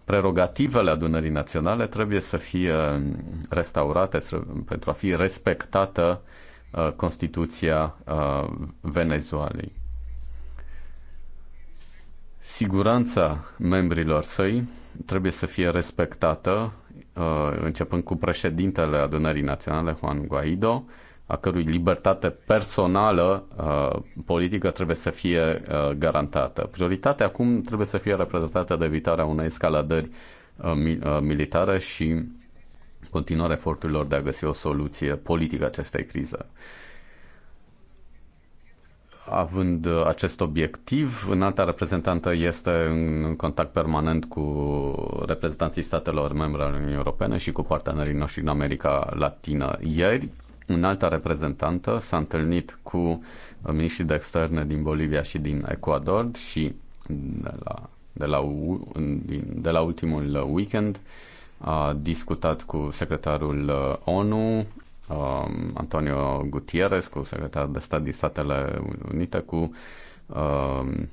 prerogativele adunării naționale trebuie să fie um, restaurate pentru a fi respectată Constituția Venezuelei. Siguranța membrilor săi trebuie să fie respectată Uh, începând cu președintele Adunării Naționale, Juan Guaido, a cărui libertate personală uh, politică trebuie să fie uh, garantată. Prioritatea acum trebuie să fie reprezentată de evitarea unei escaladări militare și continuarea eforturilor de a găsi o soluție politică acestei crize. Având uh, acest obiectiv, înalta reprezentantă este în contact permanent cu reprezentanții statelor membre ale Uniunii Europene și cu partenerii noștri în America Latină. Ieri, înalta reprezentantă s-a întâlnit cu uh, miniștrii de externe din Bolivia și din Ecuador și de la, de la, de la ultimul weekend a discutat cu secretarul uh, ONU, Um, Antonio Gutierrez, cu secretarul de stat din Statele Unite, cu um,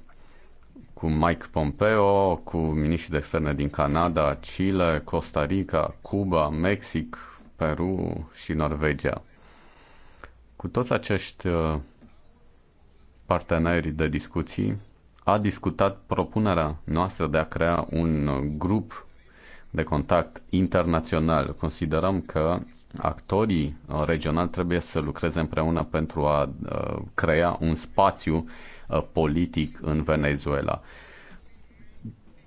cu Mike Pompeo, cu miniștri de externe din Canada, Chile, Costa Rica, Cuba, Mexic, Peru și Norvegia. Cu toți acești uh, parteneri de discuții, a discutat propunerea noastră de a crea un grup de contact internațional. Considerăm că actorii uh, regionali trebuie să lucreze împreună pentru a uh, crea un spațiu uh, politic în Venezuela.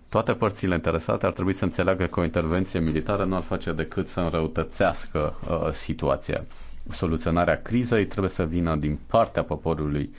Toate părțile interesate ar trebui să înțeleagă că o intervenție militară nu ar face decât să înrăutățească situația. Soluționarea crizei trebuie să vină din partea poporului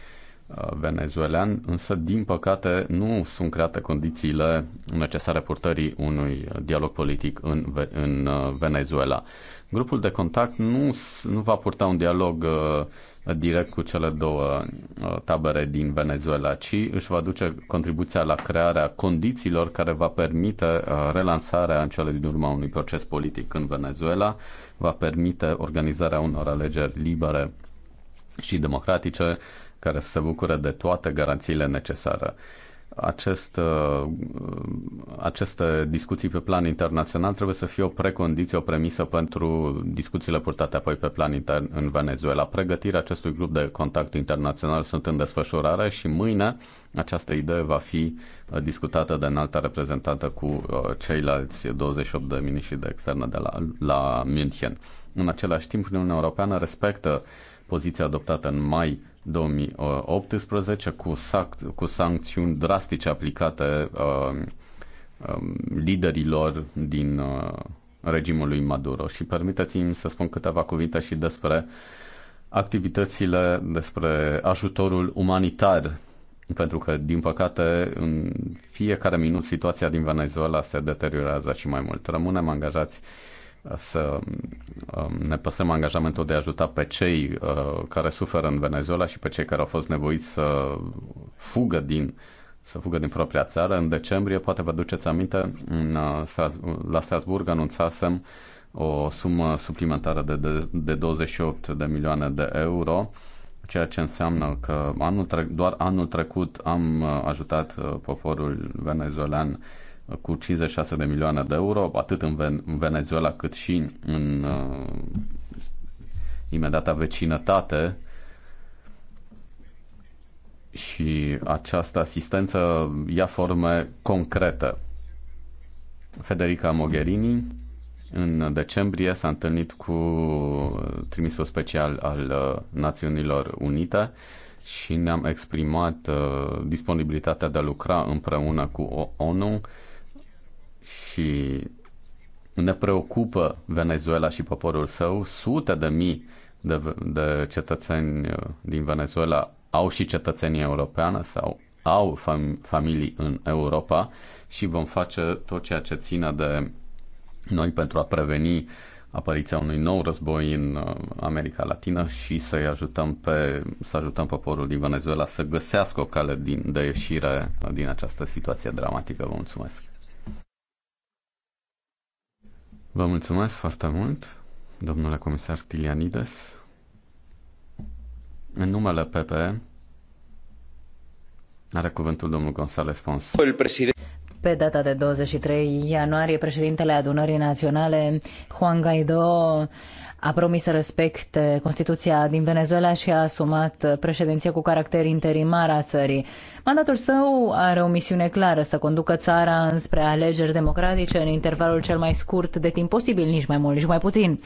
venezuelan, însă, din păcate, nu sunt create condițiile necesare purtării unui dialog politic în, în Venezuela. Grupul de contact nu, nu va purta un dialog uh, direct cu cele două uh, tabere din Venezuela, ci își va duce contribuția la crearea condițiilor care va permite uh, relansarea în cele din urma unui proces politic în Venezuela, va permite organizarea unor alegeri libere și democratice care să se bucure de toate garanțiile necesare acest, uh, uh, aceste discuții pe plan internațional trebuie să fie o precondiție, o premisă pentru discuțiile purtate apoi pe plan intern în Venezuela. Pregătirea acestui grup de contact internațional sunt în desfășurare și mâine această idee va fi uh, discutată de înalta reprezentată cu ceilalți 28 de miniștri de externe de la, la München. În același timp, Uniunea Europeană respectă poziția adoptată în mai 2018 cu, sac- cu sancțiuni drastice aplicate uh, um, liderilor din uh, regimul lui Maduro. Și permiteți-mi să spun câteva cuvinte și despre activitățile, despre ajutorul umanitar, pentru că, din păcate, în fiecare minut situația din Venezuela se deteriorează și mai mult. Rămânem angajați uh, să um, ne păstrăm angajamentul de a ajuta pe cei uh, care suferă în Venezuela și pe cei care au fost nevoiți să fugă din să fugă din propria țară. În decembrie, poate vă duceți aminte, în, uh, la Strasburg anunțasem o sumă suplimentară de, de, de 28 de milioane de euro, ceea ce înseamnă că anul tre- doar anul trecut am uh, ajutat poporul venezuelan cu 56 de milioane de euro, atât în, Ven- în Venezuela cât și în uh, imediata vecinătate. Și această asistență ia forme concrete. Federica Mogherini în decembrie s-a întâlnit cu trimisul special al uh, Națiunilor Unite și ne-am exprimat uh, disponibilitatea de a lucra împreună cu ONU și ne preocupă Venezuela și poporul său. Sute de mii de, de cetățeni uh, din Venezuela au și cetățenie europeană sau au fam- familii în Europa și vom face tot ceea ce ține de noi pentru a preveni apariția unui nou război în uh, America Latină și să-i ajutăm pe, să ajutăm poporul din Venezuela să găsească o cale din, de ieșire uh, din această situație dramatică. Vă mulțumesc! Vă mulțumesc foarte mult, domnule comisar Stilianides. În numele PPE are cuvântul domnul González Pons. Pe data de 23 ianuarie, președintele Adunării Naționale, Juan Guaido, a promis să respecte Constituția din Venezuela și a asumat președinția cu caracter interimar a țării. Mandatul său are o misiune clară, să conducă țara înspre alegeri democratice în intervalul cel mai scurt de timp posibil, nici mai mult, nici mai puțin.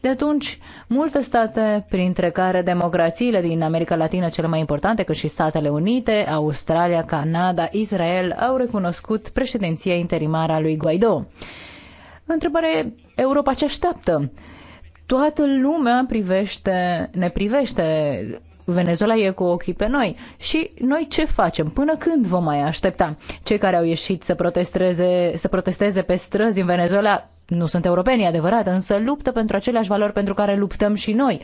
De atunci, multe state, printre care democrațiile din America Latină cele mai importante, cât și Statele Unite, Australia, Canada, Israel, au recunoscut președinția interimară a lui Guaido. Întrebare, Europa ce așteaptă? Toată lumea privește, ne privește. Venezuela e cu ochii pe noi. Și noi ce facem? Până când vom mai aștepta? Cei care au ieșit să protesteze, să protesteze pe străzi în Venezuela nu sunt europeni, adevărat, însă luptă pentru aceleași valori pentru care luptăm și noi.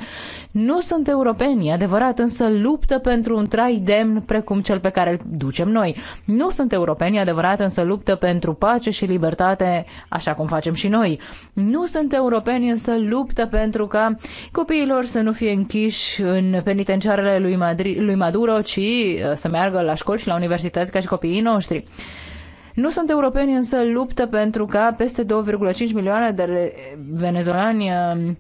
Nu sunt europeni, adevărat, însă luptă pentru un trai demn precum cel pe care îl ducem noi. Nu sunt europeni, adevărat, însă luptă pentru pace și libertate, așa cum facem și noi. Nu sunt europeni, însă luptă pentru ca copiilor să nu fie închiși în penitenciarele lui, Madri- lui Maduro, ci uh, să meargă la școli și la universități ca și copiii noștri. Nu sunt europeni, însă luptă pentru ca peste 2,5 milioane de venezolani um,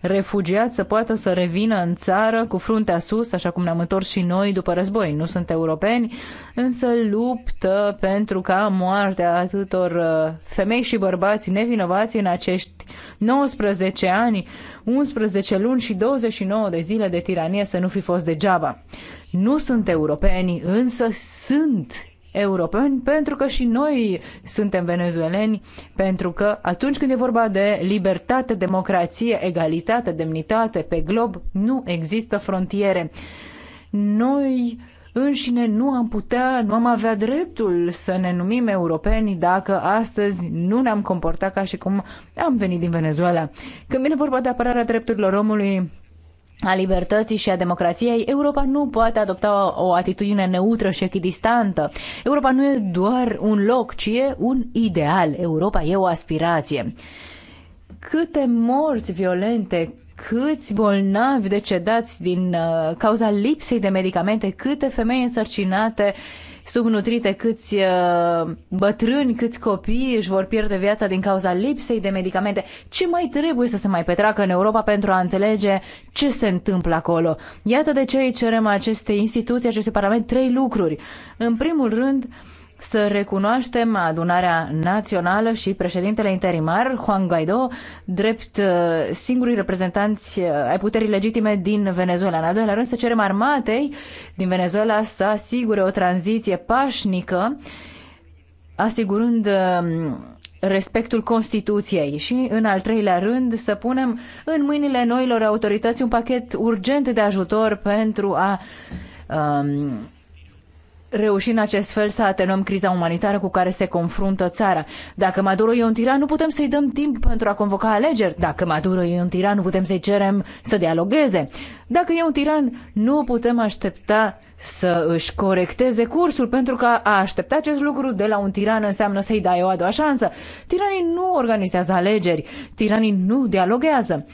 refugiați să poată să revină în țară cu fruntea sus, așa cum ne-am întors și noi după război. Nu sunt europeni, însă luptă pentru ca moartea atâtor uh, femei și bărbați nevinovați în acești 19 ani, 11 luni și 29 de zile de tiranie să nu fi fost degeaba. Nu sunt europeni, însă sunt europeni, pentru că și noi suntem venezueleni, pentru că atunci când e vorba de libertate, democrație, egalitate, demnitate pe glob, nu există frontiere. Noi înșine nu am putea, nu am avea dreptul să ne numim europeni dacă astăzi nu ne-am comportat ca și cum am venit din Venezuela. Când vine vorba de apărarea drepturilor omului, a libertății și a democrației, Europa nu poate adopta o, o atitudine neutră și echidistantă. Europa nu e doar un loc, ci e un ideal. Europa e o aspirație. Câte morți violente, câți bolnavi decedați din uh, cauza lipsei de medicamente, câte femei însărcinate uh, subnutrite, câți uh, bătrâni, câți copii își vor pierde viața din cauza lipsei de medicamente. Ce mai trebuie să se mai petreacă în Europa pentru a înțelege ce se întâmplă acolo? Iată de ce îi cerem aceste instituții, acestui parlament, trei lucruri. În primul rând, să recunoaștem adunarea națională și președintele interimar, Juan Guaido, drept uh, singurii reprezentanți uh, ai puterii legitime din Venezuela. În al doilea rând, să cerem armatei din Venezuela să asigure o tranziție pașnică, asigurând um, respectul Constituției și, în al treilea rând, să punem în mâinile noilor autorități un pachet urgent de ajutor pentru a um, reuși în acest fel să atenuăm criza umanitară cu care se confruntă țara. Dacă Maduro e un tiran, nu putem să-i dăm timp pentru a convoca alegeri. Dacă Maduro e un tiran, nu putem să-i cerem să dialogueze. Dacă e un tiran, nu putem aștepta să își corecteze cursul, pentru că a aștepta acest lucru de la un tiran înseamnă să-i dai o a doua șansă. Tiranii nu organizează alegeri, tiranii nu dialoguează.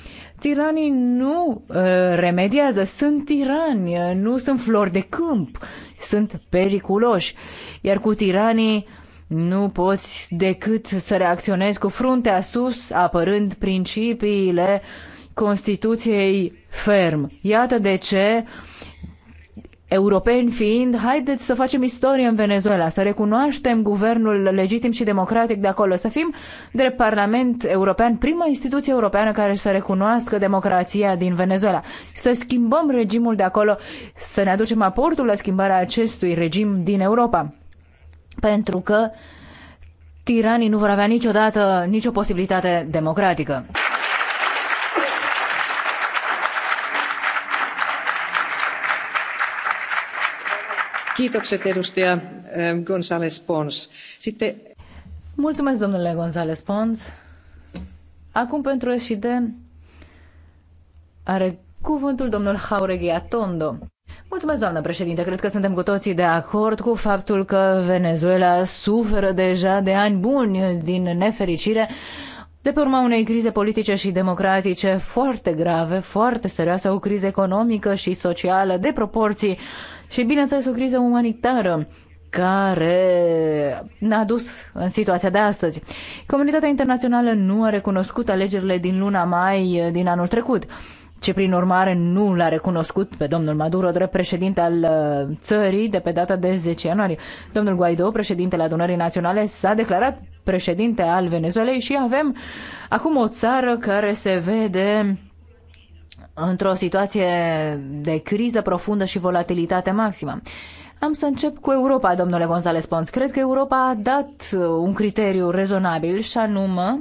Tiranii nu uh, remediază, sunt tirani, uh, nu sunt flori de câmp, sunt periculoși. Iar cu tiranii nu poți decât să reacționezi cu fruntea sus, apărând principiile Constituției ferm. Iată de ce europeni fiind, haideți să facem istorie în Venezuela, să recunoaștem guvernul legitim și democratic de acolo, să fim drept Parlament European, prima instituție europeană care să recunoască democrația din Venezuela, să schimbăm regimul de acolo, să ne aducem aportul la schimbarea acestui regim din Europa. Pentru că tiranii nu vor avea niciodată nicio posibilitate democratică. Eh, González Pons. Mulțumesc, domnule González Pons. Acum pentru SID are cuvântul domnul Jauregui Atondo. Mulțumesc, doamnă președinte. Cred că suntem cu toții de acord cu faptul că Venezuela suferă deja de ani buni din nefericire de pe urma unei crize politice și democratice foarte grave, foarte serioase, o criză economică și socială de proporții și, bineînțeles, o criză umanitară care ne-a dus în situația de astăzi. Comunitatea internațională nu a recunoscut alegerile din luna mai din anul trecut, ce prin urmare nu l-a recunoscut pe domnul Maduro drept președinte al uh, țării de pe data de 10 ianuarie. Domnul Guaido, președintele adunării naționale, s-a declarat președinte al Venezuelei și avem acum o țară care se vede într-o situație de criză profundă și volatilitate maximă. Am să încep cu Europa, domnule González Pons. Cred că Europa a dat un criteriu rezonabil și anume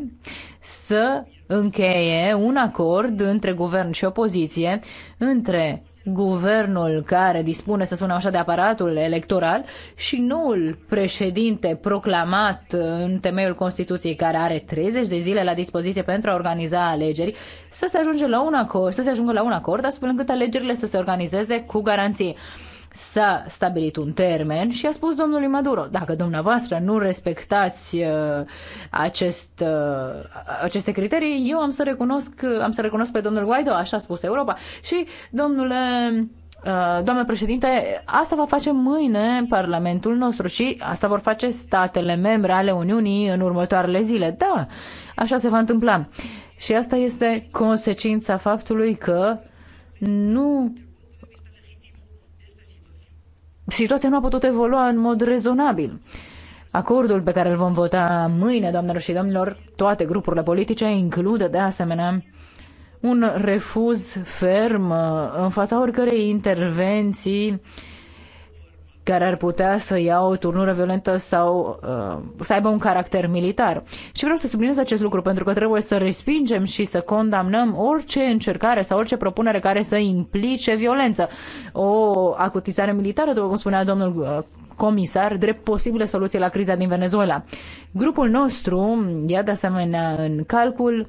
să încheie un acord între guvern și opoziție, între guvernul care dispune, să spunem așa, de aparatul electoral și noul președinte proclamat în temeiul Constituției, care are 30 de zile la dispoziție pentru a organiza alegeri, să se, ajunge la un acord, să se ajungă la un acord, astfel încât alegerile să se organizeze cu garanție s-a stabilit un termen și a spus domnului Maduro, dacă dumneavoastră nu respectați uh, acest, uh, aceste criterii, eu am să recunosc, am să recunosc pe domnul Guaido, așa a spus Europa. Și domnule uh, Doamne președinte, asta va face mâine Parlamentul nostru și asta vor face statele membre ale Uniunii în următoarele zile. Da, așa se va întâmpla. Și asta este consecința faptului că nu situația nu a putut evolua în mod rezonabil. Acordul pe care îl vom vota mâine, doamnelor și domnilor, toate grupurile politice includă, de asemenea un refuz ferm uh, în fața oricărei intervenții uh, care ar putea să ia o turnură violentă sau uh, să aibă un caracter militar. Și vreau să subliniez acest lucru pentru că trebuie să respingem și să condamnăm orice încercare sau orice propunere care să implice violență. O acutizare militară, după cum spunea domnul uh, comisar drept posibile soluții la criza din Venezuela. Grupul nostru ia de asemenea în calcul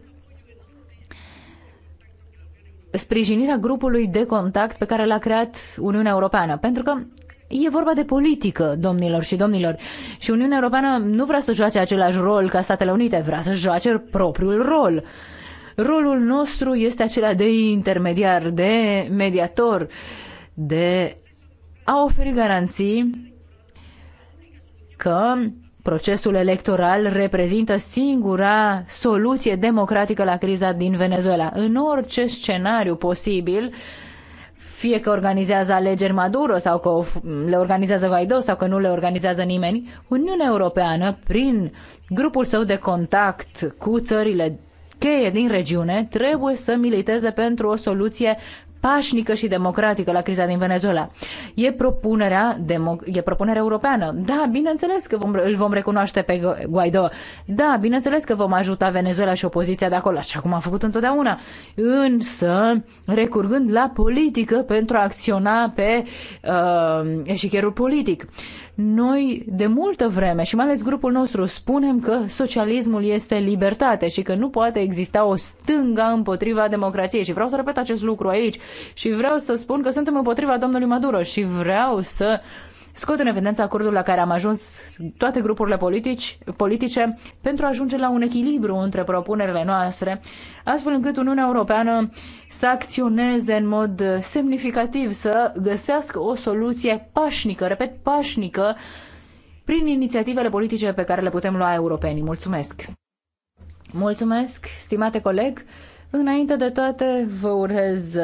sprijinirea grupului de contact pe care l-a creat Uniunea Europeană, pentru că E vorba de politică, domnilor și domnilor. Și Uniunea Europeană nu vrea să joace același rol ca Statele Unite, vrea să joace propriul rol. Rolul nostru este acela de intermediar, de mediator, de a oferi garanții că procesul electoral reprezintă singura soluție democratică la criza din Venezuela. În orice scenariu posibil, uh, fie că organizează alegeri Maduro sau că le organizează Guaido sau că nu le organizează nimeni, Uniunea Europeană, prin grupul său de contact cu țările cheie din regiune, trebuie să militeze pentru o soluție pașnică și democratică la criza din Venezuela. E propunerea, e propunerea europeană. Da, bineînțeles că vom, îl vom recunoaște pe Guaido. Da, bineînțeles că vom ajuta Venezuela și opoziția de acolo, așa cum am făcut întotdeauna. Însă, recurgând la politică pentru a acționa pe uh, eșicherul politic. Noi, de multă vreme, și mai ales grupul nostru, spunem că socialismul este libertate și că nu poate exista o stânga împotriva democrației. Și vreau să repet acest lucru aici și vreau să spun că suntem împotriva domnului Maduro și vreau să uh, scot în evidență acordul la care am ajuns toate grupurile politici, politice pentru a ajunge la un echilibru între propunerile noastre, astfel încât Uniunea Europeană să acționeze în mod semnificativ, să găsească o soluție pașnică, repet, pașnică, prin inițiativele politice pe care le putem lua europenii. Mulțumesc! Mulțumesc, stimate coleg! Înainte de toate, vă urez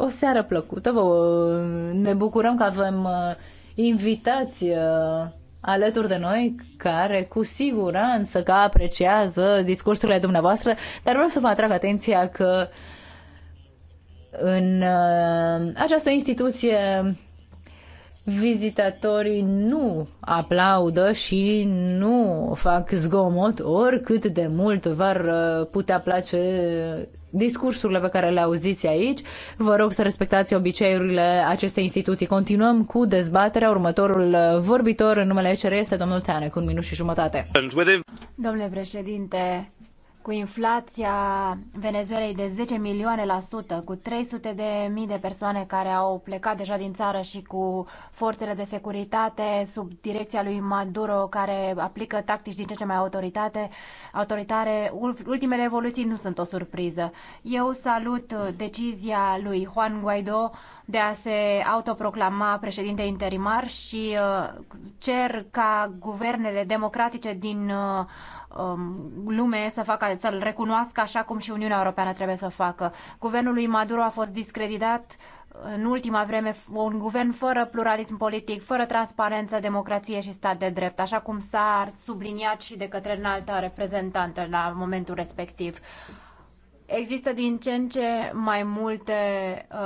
o seară plăcută. Vă, ne bucurăm că avem uh, invitați uh, alături de noi care cu siguranță că apreciază discursurile dumneavoastră, dar vreau să vă atrag atenția că în uh, această instituție vizitatorii nu aplaudă și nu fac zgomot oricât de mult v-ar putea place discursurile pe care le auziți aici. Vă rog să respectați obiceiurile acestei instituții. Continuăm cu dezbaterea. Următorul uh, vorbitor în numele ECR este domnul Teanec, un minut și jumătate. Domnule președinte, cu inflația Venezuelei de 10 milioane la sută, cu 300 de mii de persoane care au plecat deja din țară și cu forțele de securitate sub direcția lui Maduro care aplică tactici din ce ce mai autoritate, autoritare, ultimele evoluții nu sunt o surpriză. Eu salut decizia lui Juan Guaido de a se autoproclama președinte interimar și uh, cer ca guvernele democratice din uh, Um, lume să facă, să-l recunoască așa cum și Uniunea Europeană trebuie să o facă. Guvernul lui Maduro a fost discreditat în ultima vreme un guvern fără pluralism politic, fără transparență, democrație și stat de drept, așa cum s-a subliniat și de către înalta reprezentantă la momentul respectiv. Există din ce în ce mai multe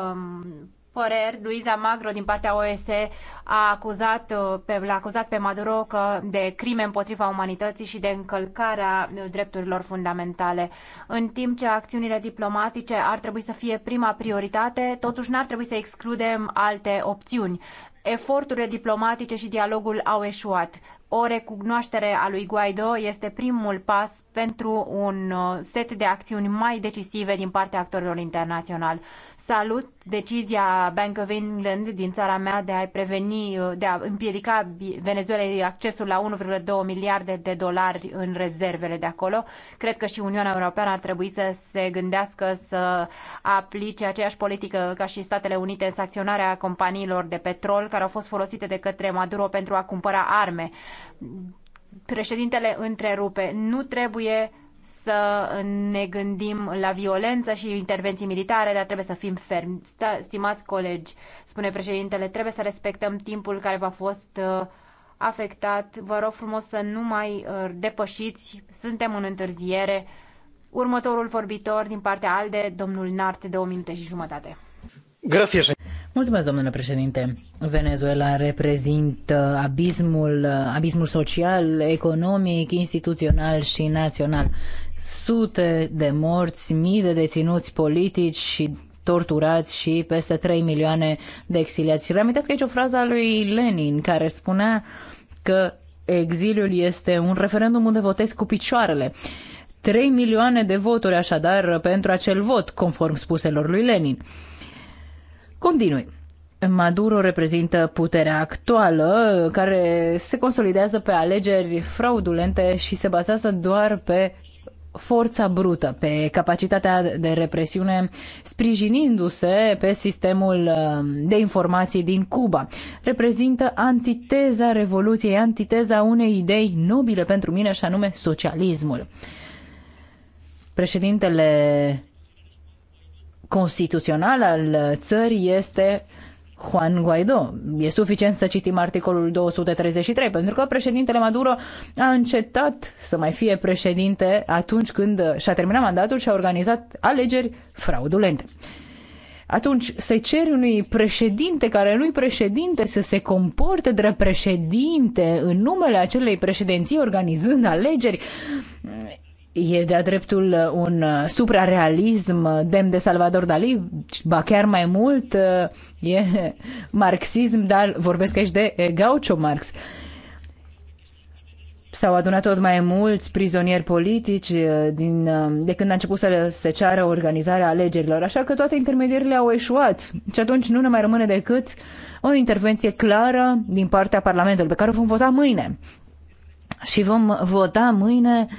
um, păreri, Luisa Magro din partea OSE a acuzat uh, pe, l-a acuzat pe Maduro că de crime împotriva umanității și de încălcarea uh, drepturilor fundamentale. În timp ce acțiunile diplomatice ar trebui să fie prima prioritate, totuși n-ar trebui să excludem alte opțiuni eforturile diplomatice și dialogul au eșuat o recunoaștere a lui Guaido este primul pas pentru un uh, set de acțiuni mai decisive din partea actorilor internaționali. Salut decizia Bank of England din țara mea de a preveni, uh, de a împiedica Venezuela accesul la 1,2 miliarde de dolari în rezervele de acolo. Cred că și Uniunea Europeană ar trebui să se gândească să aplice aceeași politică ca și Statele Unite în sancționarea companiilor de petrol care au fost folosite de către Maduro pentru a cumpăra arme. Președintele întrerupe. Nu trebuie să ne gândim la violență și intervenții militare, dar trebuie să fim fermi. Stimați colegi, spune președintele, trebuie să respectăm timpul care v-a fost uh, afectat. Vă rog frumos să nu mai uh, depășiți. Suntem în întârziere. Următorul vorbitor din partea ALDE, domnul Nart, de o minute și jumătate. Mulțumesc, domnule președinte. Venezuela reprezintă abismul, abismul social, economic, instituțional și național. Sute de morți, mii de deținuți politici și torturați și peste 3 milioane de exiliați. Reamintesc aici o frază a lui Lenin care spunea că exiliul este un referendum unde votezi cu picioarele. 3 milioane de voturi așadar pentru acel vot, conform spuselor lui Lenin. Continui. Maduro reprezintă puterea actuală care se consolidează pe alegeri fraudulente și se bazează doar pe forța brută, pe capacitatea de represiune, sprijinindu-se pe sistemul um, de informații din Cuba. Reprezintă antiteza revoluției, antiteza unei idei nobile pentru mine și anume socialismul. Președintele constituțional al țării este Juan Guaido. E suficient să citim articolul 233, pentru că președintele Maduro a încetat să mai fie președinte atunci când și-a terminat mandatul și a organizat alegeri fraudulente. Atunci, să-i ceri unui președinte care nu-i președinte să se comporte drept președinte în numele acelei președinții organizând alegeri, E de-a dreptul uh, un uh, suprarealism uh, demn de Salvador Dali, ba chiar mai mult e marxism, dar vorbesc aici de Gaucho Marx. S-au adunat tot mai mulți prizonieri politici din, de când a început să se ceară organizarea alegerilor, așa că toate intermedierile au eșuat și atunci nu ne mai rămâne decât o intervenție clară din partea Parlamentului, pe care o vom vota mâine. Și vom vota mâine uh,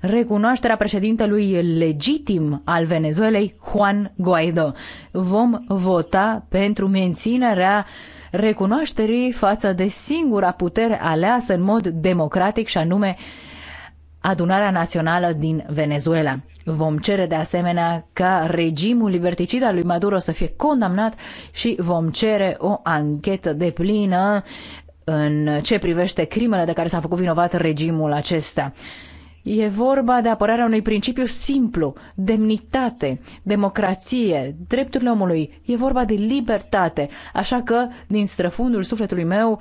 recunoașterea președintelui legitim al Venezuelei, Juan Guaido. Vom vota pentru menținerea recunoașterii față de singura putere aleasă în mod democratic și anume Adunarea Națională din Venezuela. Vom cere de asemenea ca regimul liberticid al lui Maduro să fie condamnat și vom cere o anchetă de plină în ce privește crimele de care s-a făcut vinovat regimul acesta. E vorba de apărarea unui principiu simplu, demnitate, democrație, drepturile omului. E vorba de libertate. Așa că, din străfundul sufletului meu,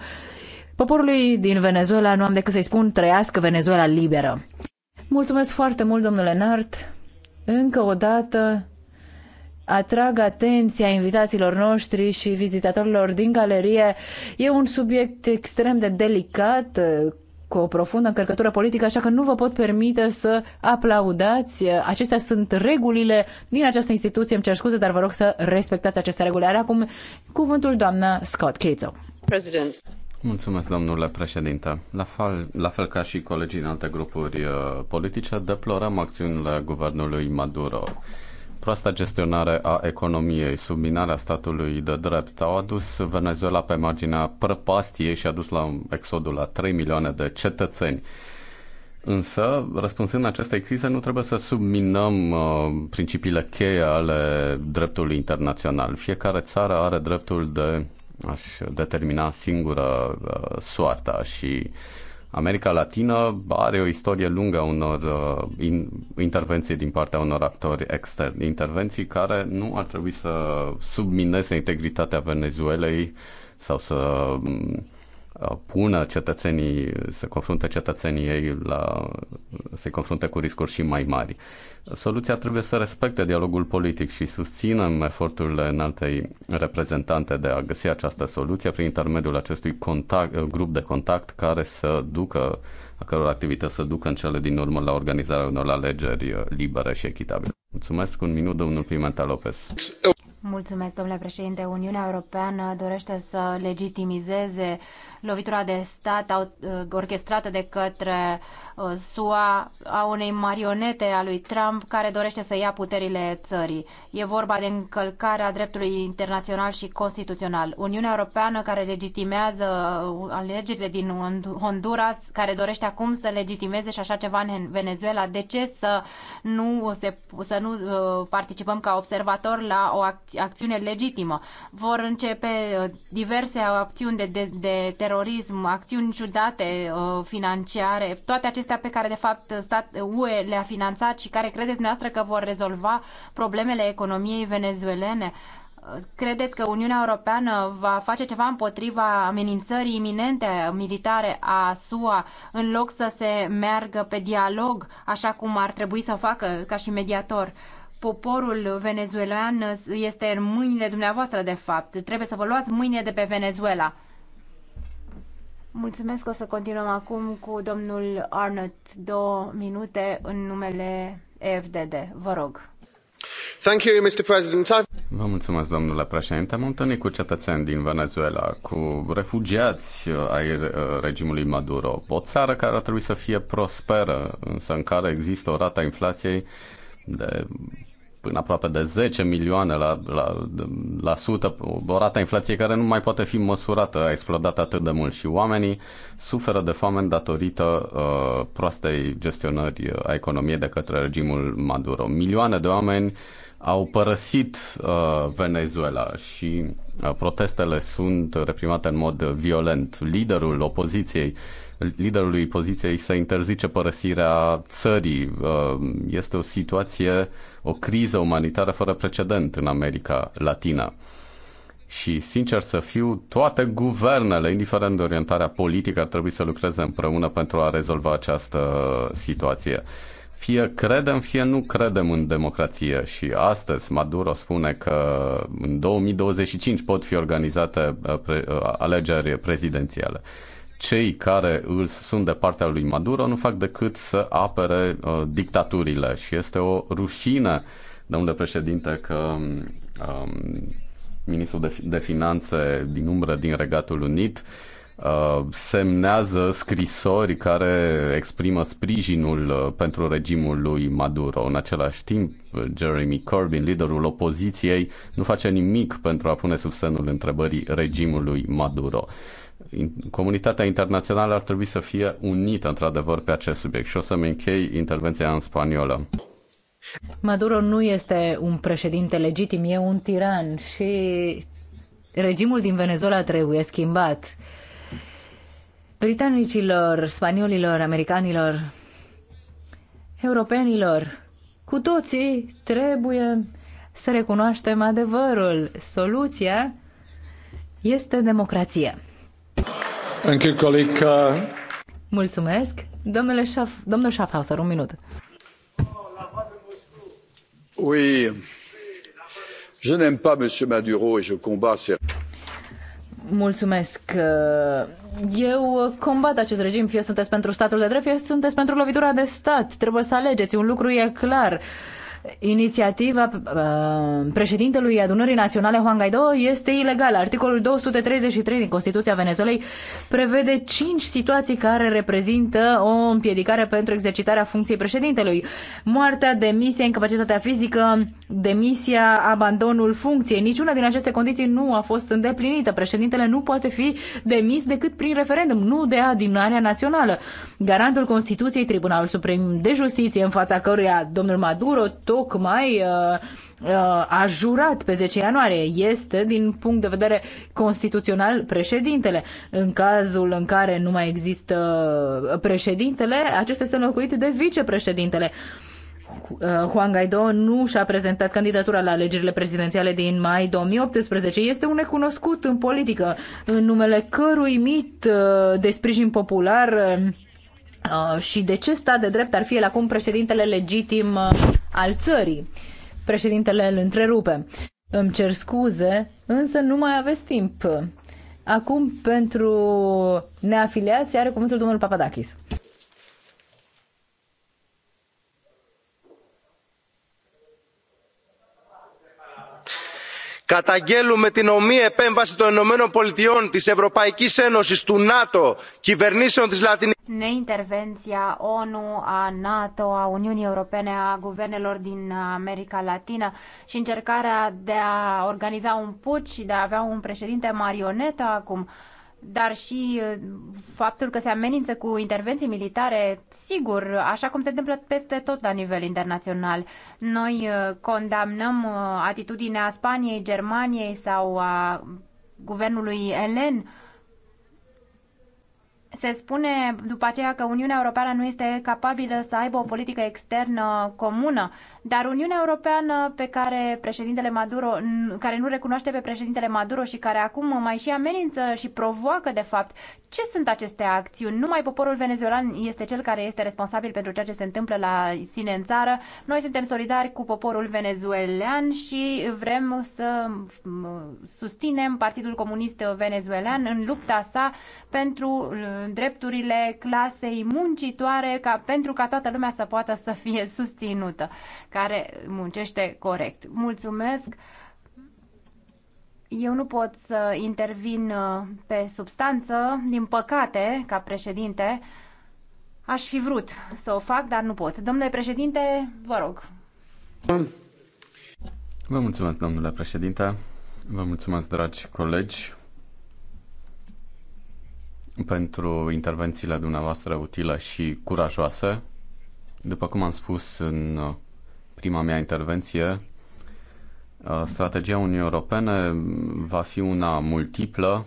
poporului din Venezuela nu am decât să-i spun trăiască Venezuela liberă. Mulțumesc foarte mult, domnule Nart. Încă o dată atrag atenția invitaților noștri și vizitatorilor din galerie. E un subiect extrem de delicat, cu o profundă încărcătură politică, așa că nu vă pot permite să aplaudați. Acestea sunt regulile din această instituție. Îmi cer scuze, dar vă rog să respectați aceste reguli. Are acum cuvântul doamna Scott Cato. President. Mulțumesc, domnule președinte. La fel, la fel ca și colegii din alte grupuri uh, politice, deplorăm acțiunile guvernului Maduro proasta gestionare a economiei, subminarea statului de drept au adus Venezuela pe marginea prăpastiei și a dus la exodul la 3 milioane de cetățeni. Însă, răspunsând acestei crize, nu trebuie să subminăm uh, principiile cheie ale dreptului internațional. Fiecare țară are dreptul de a-și determina singură uh, soarta și uh, America Latină are o istorie lungă a unor uh, intervenții din partea unor actori externi, intervenții care nu ar trebui să submineze integritatea Venezuelei sau să mm, Uh, pună cetățenii, să confrunte cetățenii ei la, se confrunte cu riscuri și mai mari. Soluția trebuie să respecte dialogul politic și susținem eforturile înaltei reprezentante de a găsi această soluție prin intermediul acestui contact, uh, grup de contact care să ducă, a căror activități să ducă în cele din urmă la organizarea unor alegeri uh, libere și echitabile. Mulțumesc un minut, domnul Pimenta Lopez. Mulțumesc, domnule președinte. Uniunea Europeană dorește să legitimizeze lovitura de stat uh, orchestrată de către uh, SUA a unei marionete a lui Trump care dorește să ia puterile țării. E vorba de încălcarea dreptului internațional și constituțional. Uniunea Europeană care legitimează uh, alegerile din Honduras, care dorește acum să legitimeze și așa ceva în Venezuela, de ce să nu, se, să nu participăm ca observator la o acțiune legitimă? Vor începe diverse acțiuni de, de, de terorism, acțiuni ciudate uh, financiare, toate acestea pe care de fapt stat, UE le-a finanțat și care credeți noastră că vor rezolva problemele economiei venezuelene? Uh, credeți că Uniunea Europeană va face ceva împotriva amenințării iminente militare a SUA în loc să se meargă pe dialog, așa cum ar trebui să facă ca și mediator? poporul venezuelan este în mâinile dumneavoastră, de fapt. Trebuie să vă luați mâine de pe Venezuela. Mulțumesc, o să continuăm acum cu domnul Arnott, două minute în numele EFDD. Vă rog. Thank you, Mr. President. Vă mulțumesc, domnule președinte. Am întâlnit cu cetățeni din Venezuela, cu refugiați uh, ai uh, regimului Maduro, o țară care ar trebui să fie prosperă, însă în care există o rată a inflației de până aproape de 10 milioane la, la, la sută, o rată inflației care nu mai poate fi măsurată, a explodat atât de mult și oamenii suferă de foame datorită uh, proastei gestionări a economiei de către regimul Maduro. Milioane de oameni au părăsit uh, Venezuela și uh, protestele sunt reprimate în mod violent. Liderul opoziției uh, liderului poziției să interzice părăsirea țării. Uh, este o situație, o criză umanitară fără precedent în America Latina. Și, sincer să fiu, toate guvernele, indiferent de orientarea politică, ar trebui să lucreze împreună pentru a rezolva această situație. Fie credem, fie nu credem în democrație și astăzi Maduro spune că în 2025 pot fi organizate uh, uh, alegeri prezidențiale cei care îl sunt de partea lui Maduro nu fac decât să apere uh, dictaturile și este o rușine, domnule președinte, că um, ministrul de, de finanțe din umbră din Regatul Unit uh, semnează scrisori care exprimă sprijinul uh, pentru regimul lui Maduro. În același timp, Jeremy Corbyn, liderul opoziției, nu face nimic pentru a pune sub semnul întrebării regimului Maduro comunitatea internațională ar trebui să fie unită, într-adevăr, pe acest subiect. Și o să-mi închei intervenția în spaniolă. Maduro nu este un președinte legitim, e un tiran și regimul din Venezuela trebuie schimbat. Britanicilor, spaniolilor, americanilor, europenilor, cu toții trebuie să recunoaștem adevărul. Soluția este democrația. Thank you, colleague. Mulțumesc. Domnule Schaff, domnul Schaffhauser, un minut. Oui. Je n'aime pas monsieur Maduro et je combat ses... Mulțumesc. Eu combat acest regim, fie sunteți pentru statul de drept, fie sunteți pentru lovitura de stat. Trebuie să alegeți, un lucru e clar. Uh, Inițiativa uh, președintelui Adunării Naționale Juan Guaido este ilegală. Articolul 233 din Constituția Venezuelei prevede cinci situații care reprezintă o împiedicare pentru exercitarea funcției președintelui. Moartea, demisia, incapacitatea fizică, demisia, abandonul funcției. Niciuna din aceste condiții nu a fost îndeplinită. Președintele nu poate fi demis decât prin referendum, nu de adunarea națională. Garantul Constituției, Tribunalul Suprem de Justiție, în fața căruia domnul Maduro, tocmai uh, uh, a jurat pe 10 ianuarie. Este, din punct de vedere constituțional, președintele. În cazul în care nu mai există președintele, acesta este înlocuit de vicepreședintele. Uh, Juan Guaido nu și-a prezentat candidatura la alegerile prezidențiale din mai 2018. Este un necunoscut în politică, în numele cărui mit de sprijin popular Uh, și de ce stat de drept ar fi el acum președintele legitim uh, al țării. Președintele îl întrerupe. Îmi cer scuze, însă nu mai aveți timp. Acum, pentru neafiliați, are cuvântul domnul Papadakis. καταγγέλλουμε την ομοίη επέμβαση των ηνωμένων πολιτειών της ευρωπαϊκής ένωσης του νατο κυβερνήσεων της λατινικής ONU, a NATO, a Uniunii Europene, a guvernelor din America Latina și încercarea de a organiza un puci și de a avea un președinte marionetă acum dar și uh, faptul că se amenință cu intervenții militare, sigur, așa cum se întâmplă peste tot la nivel internațional. Noi uh, condamnăm uh, atitudinea Spaniei, Germaniei sau a guvernului elen. Se spune după aceea că Uniunea Europeană nu este capabilă să aibă o politică externă comună, dar Uniunea Europeană pe care președintele Maduro, care nu recunoaște pe președintele Maduro și care acum mai și amenință și provoacă de fapt, ce sunt aceste acțiuni? Numai poporul venezuelan este cel care este responsabil pentru ceea ce se întâmplă la sine în țară. Noi suntem solidari cu poporul venezuelan și vrem să susținem Partidul Comunist Venezuelan în lupta sa pentru drepturile clasei muncitoare ca, pentru ca toată lumea să poată să fie susținută care muncește corect. Mulțumesc! Eu nu pot să intervin uh, pe substanță, din păcate, ca președinte. Aș fi vrut să o fac, dar nu pot. Domnule președinte, vă rog. Vă mulțumesc, domnule președinte. Vă mulțumesc, dragi colegi, pentru intervențiile dumneavoastră utile și curajoase. După cum am spus în uh, prima mea intervenție, uh, strategia Uniunii Europene va fi una multiplă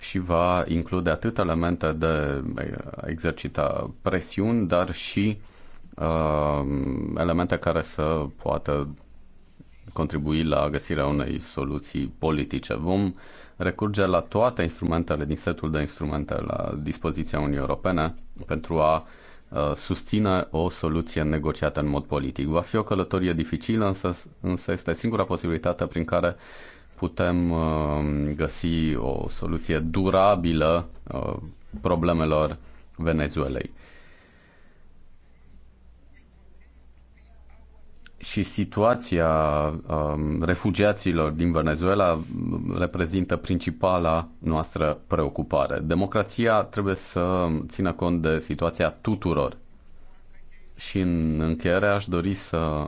și va include atât elemente de uh, exercita presiuni, dar și uh, elemente care să poată contribui la găsirea unei soluții politice. Vom recurge la toate instrumentele din setul de instrumente la dispoziția Uniunii Europene pentru a uh, Uh, susține o soluție negociată în mod politic. Va fi o călătorie dificilă, însă, însă este singura posibilitate prin care putem uh, găsi o soluție durabilă uh, problemelor Venezuelei. și situația um, refugiaților din Venezuela reprezintă principala noastră preocupare. Democrația trebuie să țină cont de situația tuturor. Și în încheiere aș dori să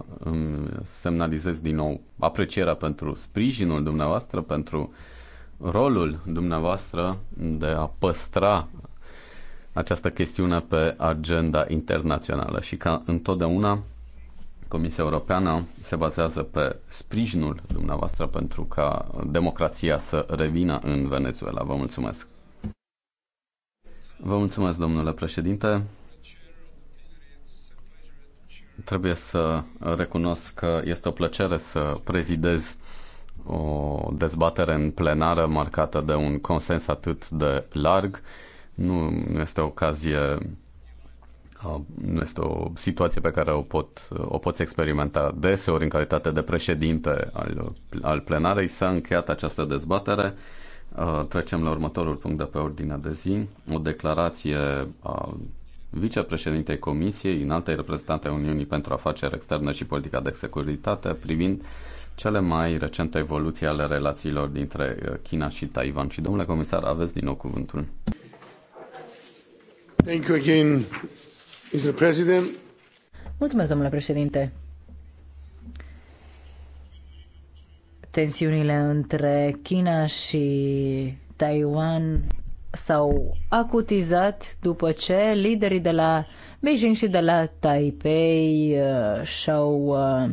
semnalizez din nou aprecierea pentru sprijinul dumneavoastră, pentru rolul dumneavoastră de a păstra această chestiune pe agenda internațională și ca întotdeauna Comisia Europeană se bazează pe sprijinul dumneavoastră pentru ca democrația să revină în Venezuela. Vă mulțumesc. Vă mulțumesc, domnule președinte. Trebuie să recunosc că este o plăcere să prezidez o dezbatere în plenară marcată de un consens atât de larg. Nu este o ocazie Uh, nu este o situație pe care o, pot, o poți experimenta deseori în calitate de președinte al, al plenarei. S-a încheiat această dezbatere. Uh, trecem la următorul punct de pe ordinea de zi. O declarație a vicepreședintei Comisiei, înaltei reprezentante a Uniunii pentru Afaceri Externe și Politica de Securitate, privind cele mai recente evoluții ale relațiilor dintre uh, China și Taiwan. Și, domnule comisar, aveți din nou cuvântul. Thank you again, domnule președinte. Tensiunile între China și Taiwan s-au acutizat după ce liderii de la Beijing și de la Taipei uh, și-au uh,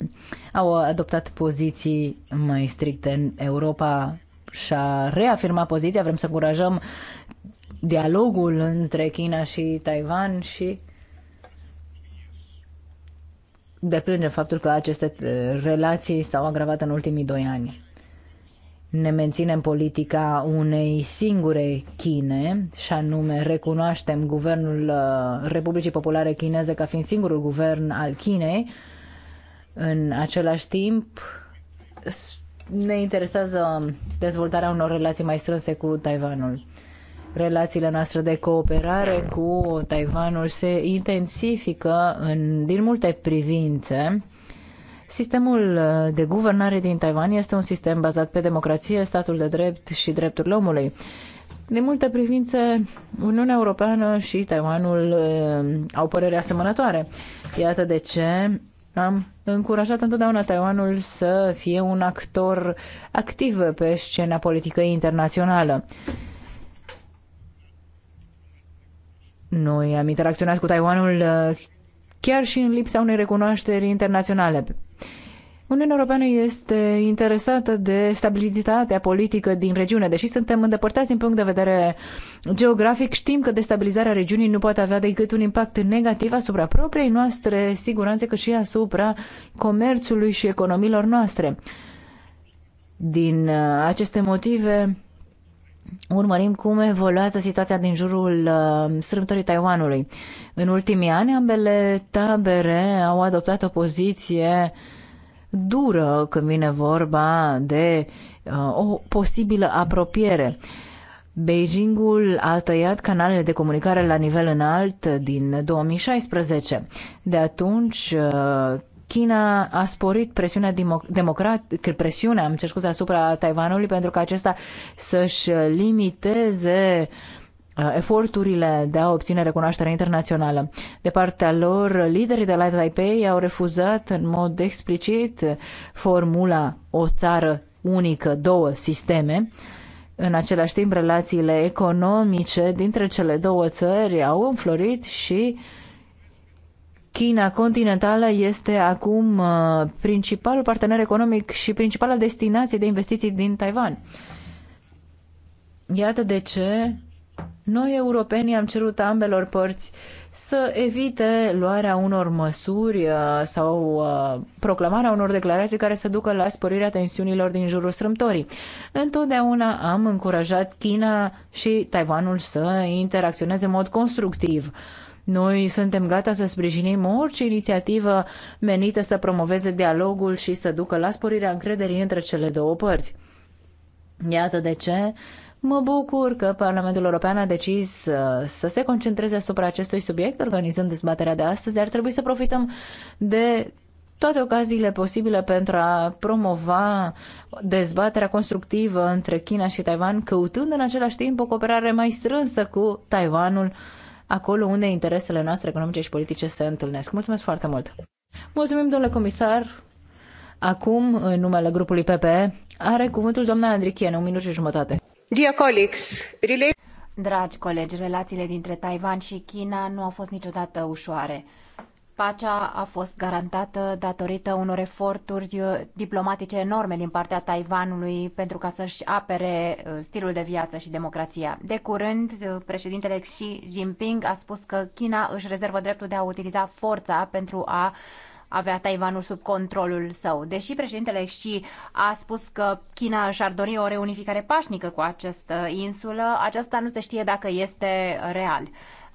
au adoptat poziții mai stricte în Europa și-a reafirmat poziția, vrem să încurajăm dialogul între China și Taiwan și deplângem faptul că aceste uh, relații s-au agravat în ultimii doi ani. Ne menținem politica unei singure Chine și anume recunoaștem guvernul uh, Republicii Populare Chineze ca fiind singurul guvern al Chinei. În același timp, ne interesează dezvoltarea unor relații mai strânse cu Taiwanul. Relațiile noastre de cooperare cu Taiwanul se intensifică în, din multe privințe. Sistemul de guvernare din Taiwan este un sistem bazat pe democrație, statul de drept și drepturile omului. Din multe privințe, Uniunea Europeană și Taiwanul eh, au păreri asemănătoare. Iată de ce am încurajat întotdeauna Taiwanul să fie un actor activ pe scena politică internațională. Noi am interacționat cu Taiwanul uh, chiar și în lipsa unei recunoașteri internaționale. Uniunea Europeană este interesată de stabilitatea politică din regiune. Deși suntem îndepărtați din punct de vedere geografic, știm că destabilizarea regiunii nu poate avea decât un impact negativ asupra propriei noastre siguranțe, cât și asupra comerțului și economiilor noastre. Din uh, aceste motive, urmărim cum evoluează situația din jurul uh, strâmtorii Taiwanului. În ultimii ani, ambele tabere au adoptat o poziție dură când vine vorba de uh, o posibilă apropiere. Beijingul a tăiat canalele de comunicare la nivel înalt din 2016. De atunci, uh, China a sporit presiunea democratică, presiunea, am cer scuze, asupra Taiwanului pentru că acesta să-și limiteze uh, eforturile de a obține recunoaștere internațională. De partea lor, liderii de la Taipei au refuzat în mod explicit formula o țară unică, două sisteme. În același timp, relațiile economice dintre cele două țări au înflorit și uh, China continentală este acum uh, principalul partener economic și principala destinație de investiții din Taiwan. Iată de ce noi, europenii, am cerut ambelor părți să evite luarea unor măsuri uh, sau uh, proclamarea unor declarații care să ducă la sporirea tensiunilor din jurul strâmtorii. Întotdeauna am încurajat China și Taiwanul să interacționeze în mod constructiv noi suntem gata să sprijinim orice inițiativă menită să promoveze dialogul și să ducă la sporirea încrederii între cele două părți. Iată de ce Mă bucur că Parlamentul European a decis uh, să se concentreze asupra acestui subiect, organizând dezbaterea de astăzi, ar trebui să profităm de toate ocaziile posibile pentru a promova dezbaterea constructivă între China și Taiwan, căutând în același timp o cooperare mai strânsă cu Taiwanul acolo unde interesele noastre economice și politice se întâlnesc. Mulțumesc foarte mult! Mulțumim, domnule comisar! Acum, în numele grupului PPE, are cuvântul doamna Andrichiene, un minut și jumătate. Dear colleagues, relate... Dragi colegi, relațiile dintre Taiwan și China nu au fost niciodată ușoare. Pacea a fost garantată datorită unor eforturi uh, diplomatice enorme din partea Taiwanului pentru ca să-și apere uh, stilul de viață și democrația. De curând, uh, președintele Xi Jinping a spus că China își rezervă dreptul de a utiliza forța pentru a avea Taiwanul sub controlul său. Deși președintele Xi a spus că China și-ar dori o reunificare pașnică cu această insulă, aceasta nu se știe dacă este real.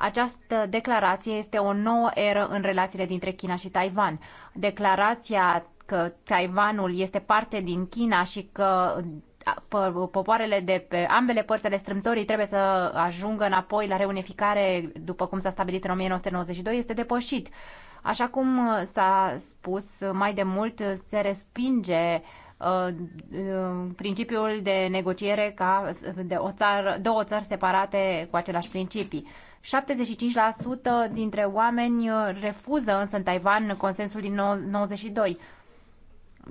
Această declarație este o nouă eră în relațiile dintre China și Taiwan. Declarația că Taiwanul este parte din China și că popoarele de pe ambele părți ale strâmtorii trebuie să ajungă înapoi la reunificare, după cum s-a stabilit în 1992, este depășit. Așa cum s-a spus mai de mult, se respinge uh, uh, principiul de negociere ca de o țară, două țări separate cu același principii. 75% dintre oameni uh, refuză însă în Taiwan consensul din 92.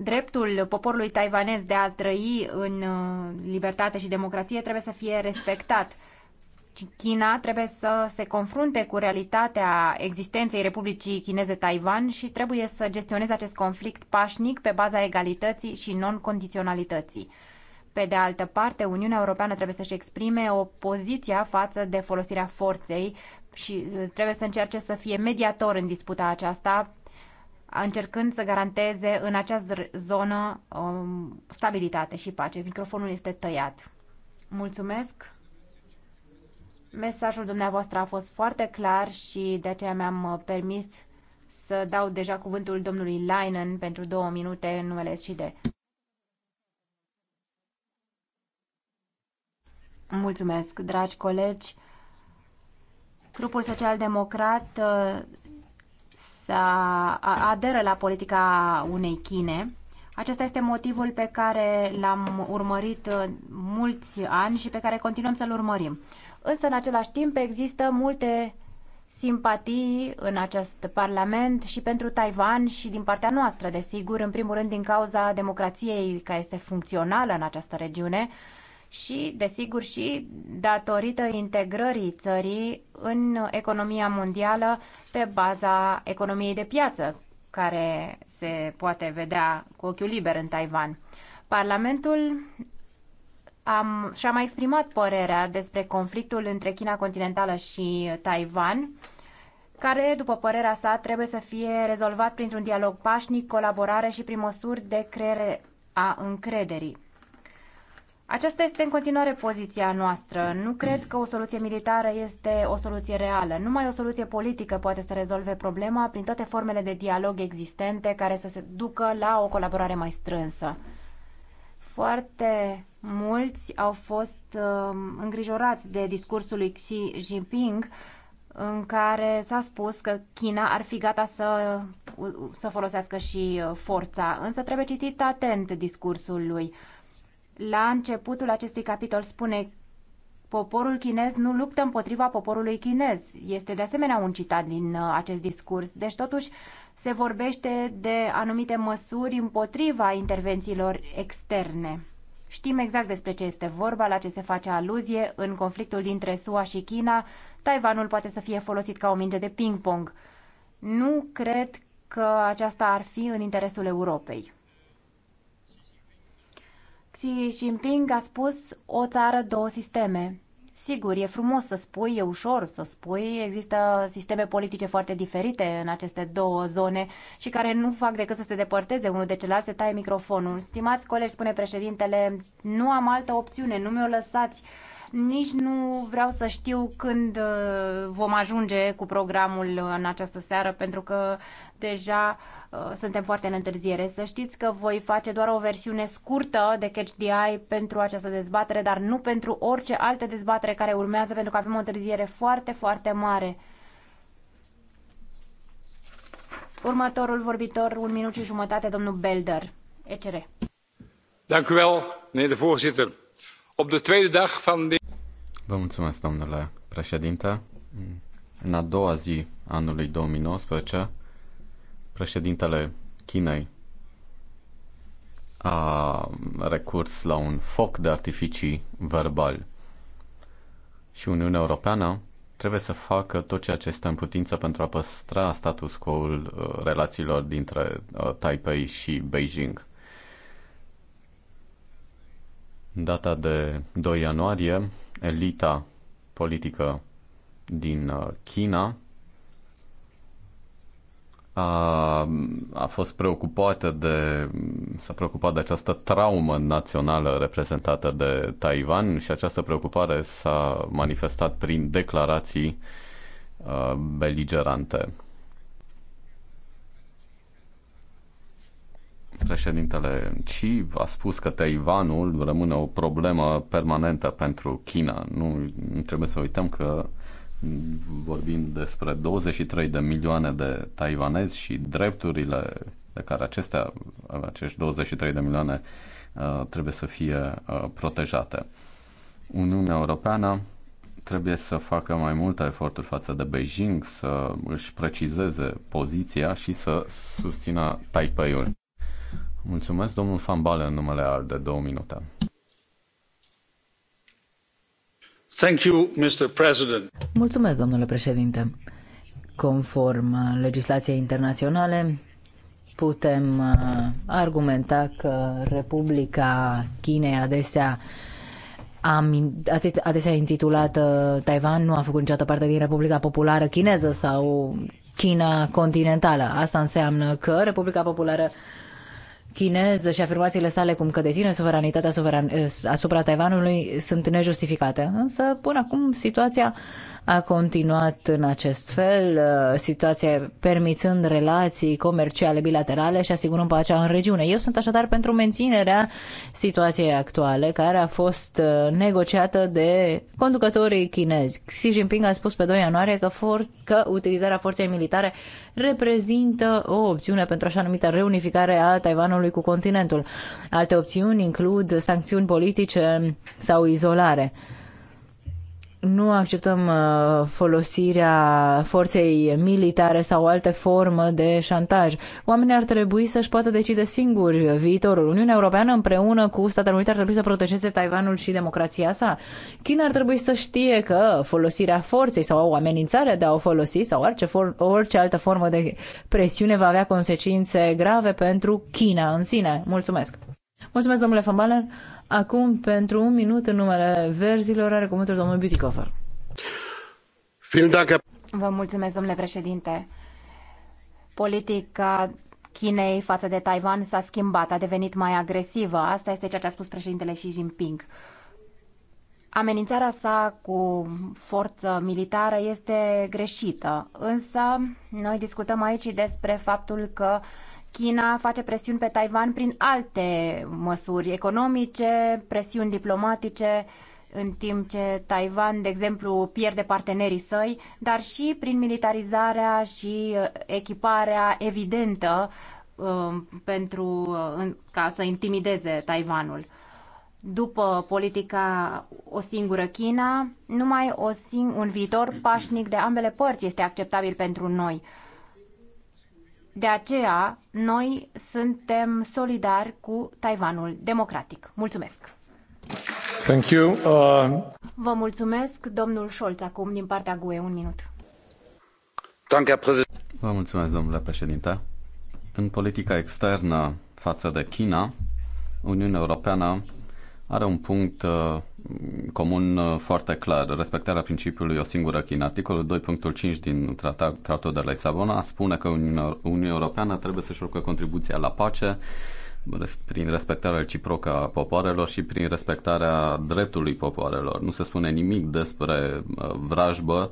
Dreptul poporului taiwanez de a trăi în uh, libertate și democrație trebuie să fie respectat. China trebuie să se confrunte cu realitatea existenței Republicii Chineze Taiwan și trebuie să gestioneze acest conflict pașnic pe baza egalității și non-condiționalității. Pe de altă parte, Uniunea Europeană trebuie să-și exprime o poziție față de folosirea forței și uh, trebuie să încerce să fie mediator în disputa aceasta, încercând să garanteze în această zonă um, stabilitate și pace. Microfonul este tăiat. Mulțumesc! Mesajul dumneavoastră a fost foarte clar și de aceea mi-am uh, permis să dau deja cuvântul domnului Leinen pentru două minute în numele și de Mulțumesc, dragi colegi. Grupul Social-Democrat uh, aderă la politica unei Chine. Acesta este motivul pe care l-am urmărit uh, mulți ani și pe care continuăm să-l urmărim. Însă, în același timp, există multe simpatii în acest Parlament și pentru Taiwan și din partea noastră, desigur, în primul rând din cauza democrației care este funcțională în această regiune și, desigur, și datorită integrării țării în economia mondială pe baza economiei de piață, care se poate vedea cu ochiul liber în Taiwan. Parlamentul am, și-a mai exprimat părerea despre conflictul între China continentală și Taiwan, care, după părerea sa, trebuie să fie rezolvat printr-un dialog pașnic, colaborare și prin măsuri de creere a încrederii. Aceasta este în continuare poziția noastră. Nu cred că o soluție militară este o soluție reală. Numai o soluție politică poate să rezolve problema prin toate formele de dialog existente care să se ducă la o colaborare mai strânsă. Foarte mulți au fost uh, îngrijorați de discursul lui Xi Jinping în care s-a spus că China ar fi gata să, să folosească și uh, forța, însă trebuie citit atent discursul lui. Uh, la începutul acestui capitol spune Poporul chinez nu luptă împotriva poporului chinez. Este de asemenea un citat din uh, acest discurs. Deci, totuși, se vorbește de anumite măsuri împotriva intervențiilor externe. Știm exact despre ce este vorba, la ce se face aluzie în conflictul dintre SUA și China. Taiwanul poate să fie folosit ca o minge de ping-pong. Nu cred că aceasta ar fi în interesul Europei. Xi Jinping a spus o țară, două sisteme. Sigur, e frumos să spui, e ușor să spui, există sisteme politice foarte diferite în aceste două zone și care nu fac decât să se depărteze unul de celălalt, se taie microfonul. Stimați colegi, spune președintele, nu am altă opțiune, nu mi-o lăsați nici nu vreau să știu când uh, vom ajunge cu programul uh, în această seară, pentru că deja uh, suntem foarte în întârziere. Să știți că voi face doar o versiune scurtă de Catch the Eye pentru această dezbatere, dar nu pentru orice altă dezbatere care urmează, pentru că avem o întârziere foarte, foarte mare. Următorul vorbitor, un minut și jumătate, domnul Belder, ECR. Dank u wel, meneer de voorzitter Op de tweede dag van de... Vă mulțumesc, domnule președinte. În a doua zi anului 2019, președintele Chinei a recurs la un foc de artificii verbal. Și Uniunea Europeană trebuie să facă tot ceea ce este în putință pentru a păstra status quo-ul uh, relațiilor dintre uh, Taipei și Beijing data de 2 ianuarie, elita politică din uh, China a, a fost preocupată de, s-a preocupat de această traumă națională reprezentată de Taiwan și această preocupare s-a manifestat prin declarații uh, beligerante. Președintele Xi a spus că Taiwanul rămâne o problemă permanentă pentru China. Nu, trebuie să uităm că vorbim despre 23 de milioane de taiwanezi și drepturile de care acestea, acești 23 de milioane uh, trebuie să fie uh, protejate. Uniunea Europeană trebuie să facă mai multe eforturi față de Beijing, să își precizeze poziția și să susțină Taipei-ul. Mulțumesc, domnul Fambale, în numele al de două minute. Thank you, Mr. President. Mulțumesc, domnule președinte. Conform legislației internaționale, putem uh, argumenta că Republica Chinei adesea adesea intitulată Taiwan nu a făcut niciodată parte din Republica Populară Chineză sau China continentală. Asta înseamnă că Republica Populară chinez și afirmațiile sale cum că deține suveranitatea suveran, eh, asupra Taiwanului sunt nejustificate. Însă, până acum, situația a continuat în acest fel, uh, situația permițând relații comerciale bilaterale și asigurând pacea în regiune. Eu sunt așadar pentru menținerea situației actuale, care a fost uh, negociată de conducătorii chinezi. Xi Jinping a spus pe 2 ianuarie că, for- că utilizarea forței militare reprezintă o opțiune pentru așa numită reunificare a Taiwanului cu continentul. Alte opțiuni includ sancțiuni politice sau izolare nu acceptăm uh, folosirea forței militare sau alte formă de șantaj. Oamenii ar trebui să-și poată decide singuri viitorul. Uniunea Europeană împreună cu Statele Unite ar trebui să protejeze Taiwanul și democrația sa. China ar trebui să știe că folosirea forței sau o amenințare de a o folosi sau orice, for- orice altă formă de presiune va avea consecințe grave pentru China în sine. Mulțumesc! Mulțumesc, domnule Fambaler! Acum, pentru un minut, în numele verzilor, are cuvântul domnul Butikofer. Vă mulțumesc, domnule președinte. Politica Chinei față de Taiwan s-a schimbat, a devenit mai agresivă. Asta este ceea ce a spus președintele Xi Jinping. Amenințarea sa cu forță militară este greșită, însă noi discutăm aici despre faptul că China face presiuni pe Taiwan prin alte măsuri economice, presiuni diplomatice, în timp ce Taiwan, de exemplu, pierde partenerii săi, dar și prin militarizarea și uh, echiparea evidentă um, pentru uh, ca să intimideze Taiwanul. După politica o singură China, numai o sing- un viitor pașnic de ambele părți este acceptabil pentru noi. De aceea, noi suntem solidari cu Taiwanul democratic. Mulțumesc! Thank you. Uh... Vă mulțumesc, domnul Scholz, acum din partea GUE, un minut. Vă mulțumesc, domnule președinte. În politica externă față de China, Uniunea Europeană are un punct uh, comun uh, foarte clar, respectarea principiului o singură China. Articolul 2.5 din Tratatul de la Lisabona spune că Uniunea Europeană trebuie să-și facă contribuția la pace prin respectarea reciprocă a popoarelor și prin respectarea dreptului popoarelor. Nu se spune nimic despre uh, vrajbă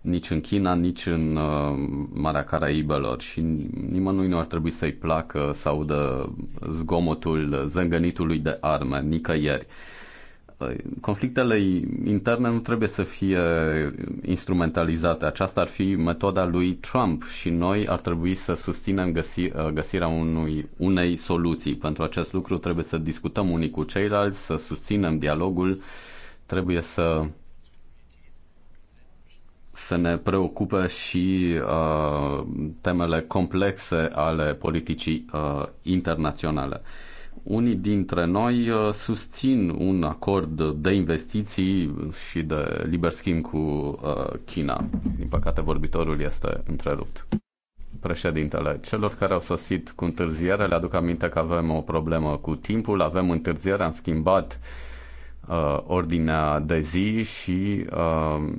nici în China, nici în uh, Marea Caraibelor și nimănui nu ar trebui să-i placă să audă zgomotul zângănitului de arme, nicăieri conflictele interne nu trebuie să fie instrumentalizate. Aceasta ar fi metoda lui Trump și noi ar trebui să susținem găsi, uh, găsirea unui, unei soluții. Pentru acest lucru trebuie să discutăm unii cu ceilalți, să susținem dialogul, trebuie să să ne preocupe și uh, temele complexe ale politicii uh, internaționale. Uh, unii dintre noi uh, susțin un acord de investiții și de liber schimb cu uh, China. Din păcate, vorbitorul este întrerupt. Președintele, celor care au sosit cu întârziere, le aduc aminte că avem o problemă cu timpul, avem întârziere, am schimbat uh, ordinea de zi și uh,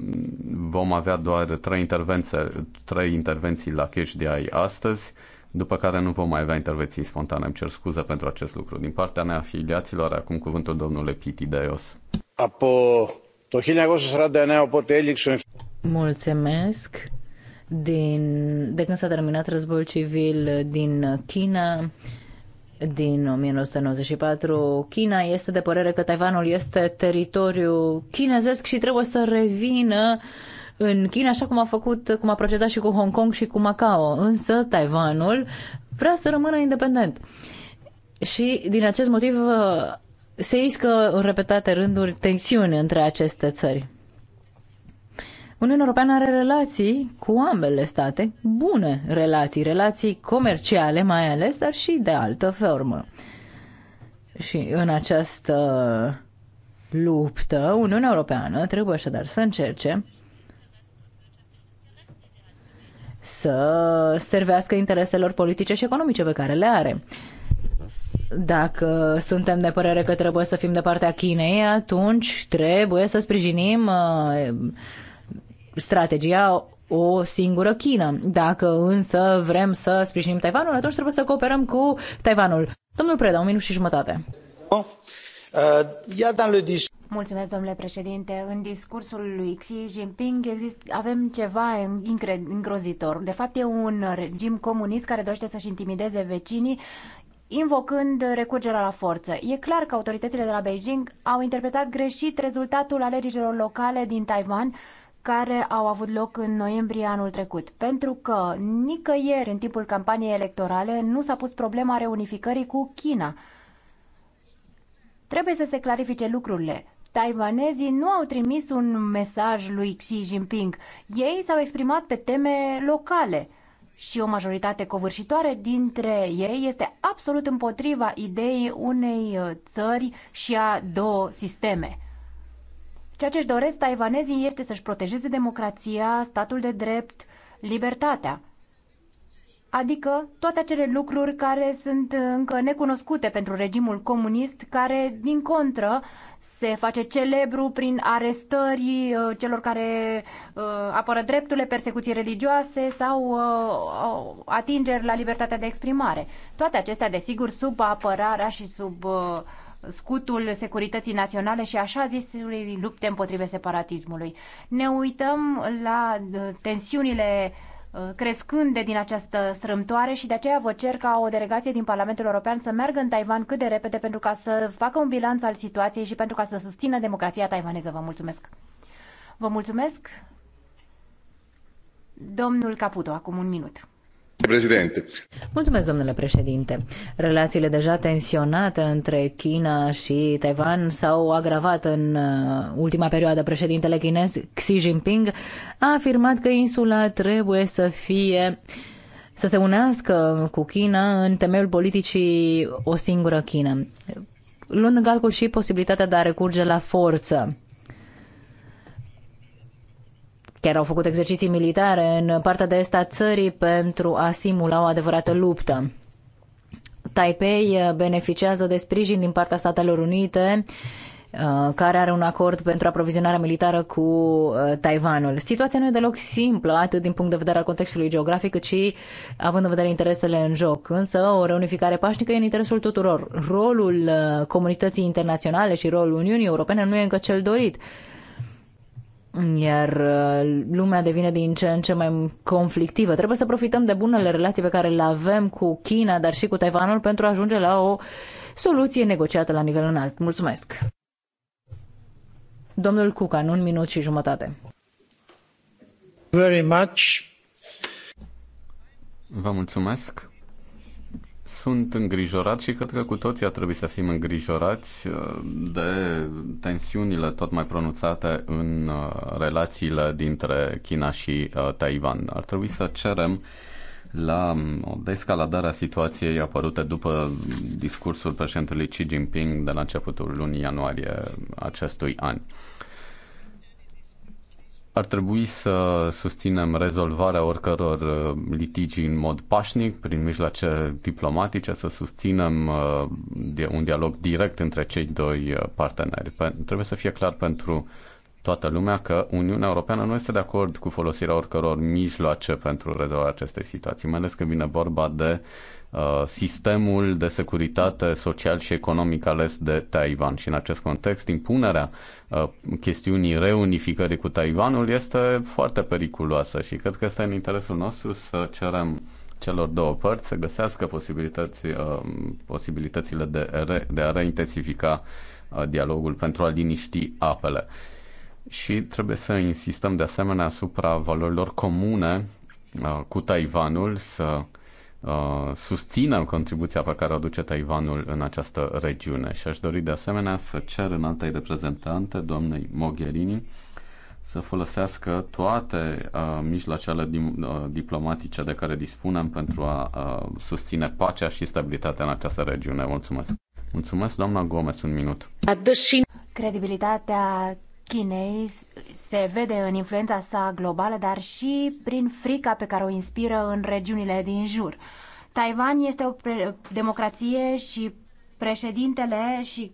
vom avea doar trei intervenții, trei intervenții la Cash ai astăzi. Uh, după care nu vom mai avea intervenții spontane. Îmi cer scuză pentru acest lucru. Din partea mea, afiliaților, acum cuvântul domnule Piti Deos. Apo, to 1949 όποτε έληξε... Mulțumesc. Din, de când s-a terminat războiul civil din China, din 1994, China este de părere că Taiwanul este teritoriu chinezesc și trebuie să revină uh, în China, așa cum a făcut, cum a procedat și cu Hong Kong și cu Macao. Însă Taiwanul vrea să rămână independent. Și din acest motiv se iscă în repetate rânduri tensiuni între aceste țări. Uniunea Europeană are relații cu ambele state, bune relații, relații comerciale mai ales, dar și de altă formă. Și în această luptă, Uniunea Europeană trebuie așadar să încerce să servească intereselor politice și economice pe care le are. Dacă suntem de părere că trebuie să fim de partea Chinei, atunci trebuie să sprijinim uh, strategia o singură China. Dacă însă vrem să sprijinim Taiwanul, atunci trebuie să cooperăm cu Taiwanul. Domnul Preda, un minut și jumătate. Bon. Uh, Mulțumesc, domnule președinte. În discursul lui Xi Jinping exist, avem ceva incre, îngrozitor. De fapt, e un regim comunist care dorește să-și intimideze vecinii invocând recurgerea la forță. E clar că autoritățile de la Beijing au interpretat greșit rezultatul alegerilor locale din Taiwan, care au avut loc în noiembrie anul trecut. Pentru că nicăieri în timpul campaniei electorale nu s-a pus problema reunificării cu China. Trebuie să se clarifice lucrurile taiwanezii nu au trimis un mesaj lui Xi Jinping. Ei s-au exprimat pe teme locale și o majoritate covârșitoare dintre ei este absolut împotriva ideii unei uh, țări și a două sisteme. Ceea ce își doresc taiwanezii este să-și protejeze democrația, statul de drept, libertatea. Adică toate acele lucruri care sunt uh, încă necunoscute pentru regimul comunist, care, din contră, se face celebru prin arestări uh, celor care uh, apără drepturile, persecuții religioase sau uh, atingeri la libertatea de exprimare. Toate acestea, desigur, sub apărarea și sub scutul securității naționale și așa zisului lupte împotriva separatismului. Ne uităm la tensiunile Uh, crescânde din această strâmtoare și de aceea vă cer ca o delegație din Parlamentul European să meargă în Taiwan cât de repede pentru ca să facă un bilanț al situației și pentru ca să susțină democrația taiwaneză. Vă mulțumesc! Vă mulțumesc! Domnul Caputo, acum un minut. Președinte. Mulțumesc, domnule președinte. Relațiile deja tensionate între China și Taiwan s-au agravat în uh, ultima perioadă. Președintele chinez Xi Jinping a afirmat că insula trebuie să fie să se unească cu China în temeiul politicii o singură China, luând în calcul și posibilitatea de a recurge la forță. Chiar au făcut exerciții militare în partea de est a țării pentru a simula o adevărată luptă. Taipei beneficiază de sprijin din partea Statelor Unite, uh, care are un acord pentru aprovizionarea militară cu uh, Taiwanul. Situația nu e deloc simplă, atât din punct de vedere al contextului geografic, cât și având în vedere interesele în joc. Însă, o reunificare pașnică e în interesul tuturor. Rolul uh, comunității internaționale și rolul Uniunii Europene nu e încă cel dorit iar uh, lumea devine din ce în ce mai conflictivă. Trebuie să profităm de bunele relații pe care le avem cu China, dar și cu Taiwanul, pentru a ajunge la o soluție negociată la nivel înalt. Mulțumesc! Domnul în un minut și jumătate. Very much. Vă mulțumesc sunt îngrijorat și cred că cu toții ar trebui să fim îngrijorați uh, de tensiunile tot mai pronunțate în uh, relațiile dintre China și uh, Taiwan. Ar trebui să cerem la um, o descaladare a situației apărute după discursul președintelui Xi Jinping de la începutul lunii ianuarie acestui an. Ar trebui să susținem rezolvarea oricăror uh, litigi în mod pașnic, prin mijloace diplomatice, să susținem uh, un dialog direct între cei doi uh, parteneri. Trebuie să fie clar pentru toată lumea că Uniunea Europeană nu este de acord cu folosirea oricăror mijloace pentru rezolvarea acestei situații, mai ales când vine vorba de uh, Uh, sistemul de securitate social și economic ales de Taiwan. Și în acest context, impunerea uh, chestiunii reunificării cu Taiwanul este foarte periculoasă și cred că este în interesul nostru să cerem celor două părți să găsească posibilități, uh, posibilitățile de, re, de a reintensifica dialogul pentru a liniști apele. Și trebuie să insistăm de asemenea asupra valorilor comune cu Taiwanul, să Uh, susținem contribuția pe care o aduce Taiwanul în această regiune și aș dori de asemenea să cer în altei reprezentante, doamnei Mogherini, să folosească toate uh, mijloacele dim, uh, diplomatice de care dispunem pentru a uh, susține pacea și stabilitatea în această regiune. Mulțumesc! Mulțumesc, doamna Gomez, un minut. Credibilitatea Chinei se vede în influența sa globală, dar și prin frica pe care o inspiră în regiunile din jur. Taiwan este o democrație și președintele și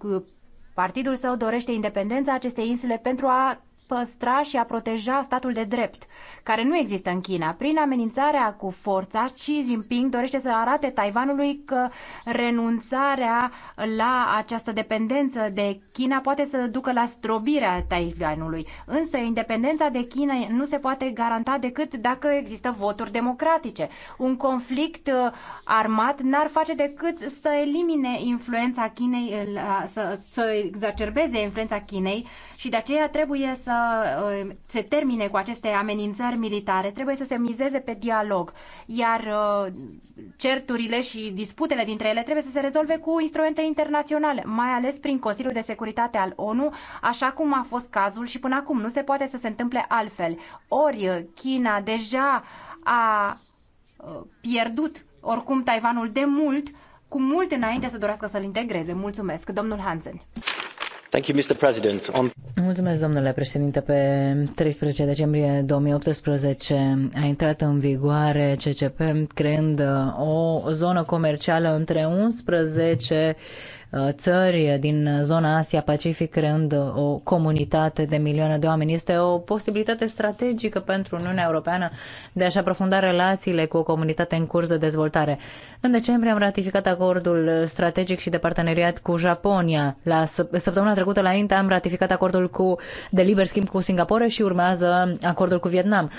partidul său dorește independența acestei insule pentru a păstra și a proteja statul de drept, care nu există în China. Prin amenințarea cu forța, Xi Jinping dorește să arate Taiwanului că renunțarea la această dependență de China poate să ducă la strobirea Taiwanului. Însă independența de China nu se poate garanta decât dacă există voturi democratice. Un conflict uh, armat n-ar face decât să elimine influența Chinei, uh, să, să exacerbeze influența Chinei și de aceea trebuie să Uh, se termine cu aceste amenințări militare, trebuie să se mizeze pe dialog, iar uh, certurile și disputele dintre ele trebuie să se rezolve cu instrumente internaționale, mai ales prin Consiliul de Securitate al ONU, așa cum a fost cazul și până acum. Nu se poate să se întâmple altfel. Ori uh, China deja a pierdut oricum Taiwanul de mult, cu mult înainte să dorească să-l integreze. Mulțumesc, domnul Hansen. Mulțumesc, domnule președinte. Pe 13 decembrie 2018 a intrat în vigoare CCP, creând uh, o zonă comercială între 11 Uh, țări din zona Asia-Pacific, creând o comunitate de milioane de oameni. Este o posibilitate strategică pentru Uniunea Europeană de a-și aprofunda relațiile cu o comunitate în curs de dezvoltare. În decembrie am ratificat acordul strategic și de parteneriat cu Japonia. La săptămâna trecută la INTA am ratificat acordul cu, de liber schimb cu Singapore și urmează acordul cu Vietnam.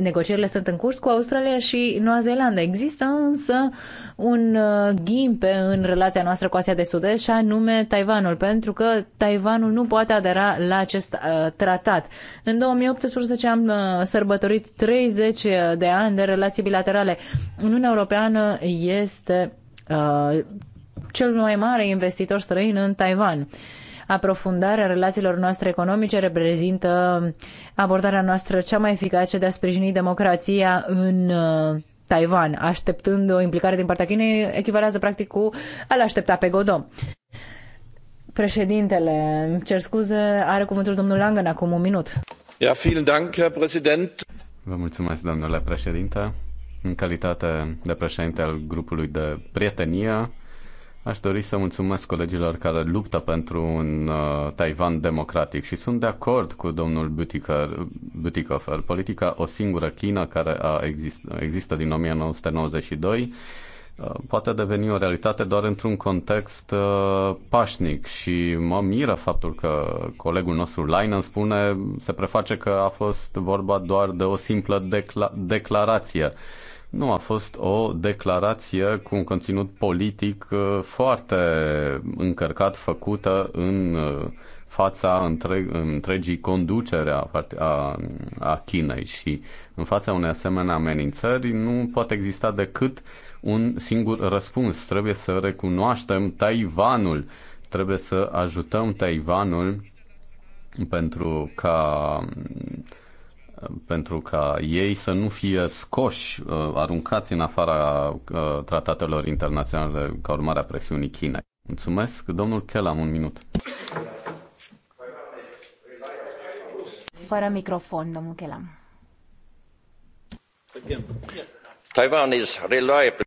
Negocierile sunt în curs cu Australia și Noua Zeelandă. Există însă uh, un uh, ghimpe în relația noastră cu Asia de sud și anume Taiwanul, pentru că Taiwanul nu poate adera la acest uh, tratat. În 2018 am uh, sărbătorit 30 de ani de relații bilaterale. Uniunea Europeană este uh, cel mai mare investitor străin în Taiwan. Aprofundarea relațiilor noastre economice reprezintă abordarea noastră cea mai eficace de a sprijini democrația în uh, Taiwan, așteptând o implicare din partea Chinei, echivalează practic cu a-l aștepta pe Godot. Președintele, cer scuze, are cuvântul domnul Langen acum un minut. Ja, vielen Dank, Herr Präsident. Vă mulțumesc, domnule președinte. În calitate de președinte al grupului de prietenie, Aș dori să mulțumesc colegilor care luptă pentru un uh, Taiwan democratic și sunt de acord cu domnul Butikofer. Politica o singură China care a exist, există din 1992 uh, poate deveni o realitate doar într-un context uh, pașnic și mă miră faptul că colegul nostru Leinen spune, se preface că a fost vorba doar de o simplă decla- declarație. Uh, nu a fost o declarație cu un conținut politic uh, foarte încărcat, făcută în uh, fața întreg, întregii conducere a, a, a Chinei și în fața unei asemenea amenințări nu poate exista decât un singur răspuns. Trebuie să recunoaștem Taiwanul, trebuie să ajutăm Taiwanul pentru ca pentru ca ei să nu fie scoși, uh, aruncați în afara uh, tratatelor internaționale ca urmare a presiunii Chinei. Mulțumesc. Domnul Chelam, un minut. Fără microfon, domnul Kelam. Taiwan is reliable.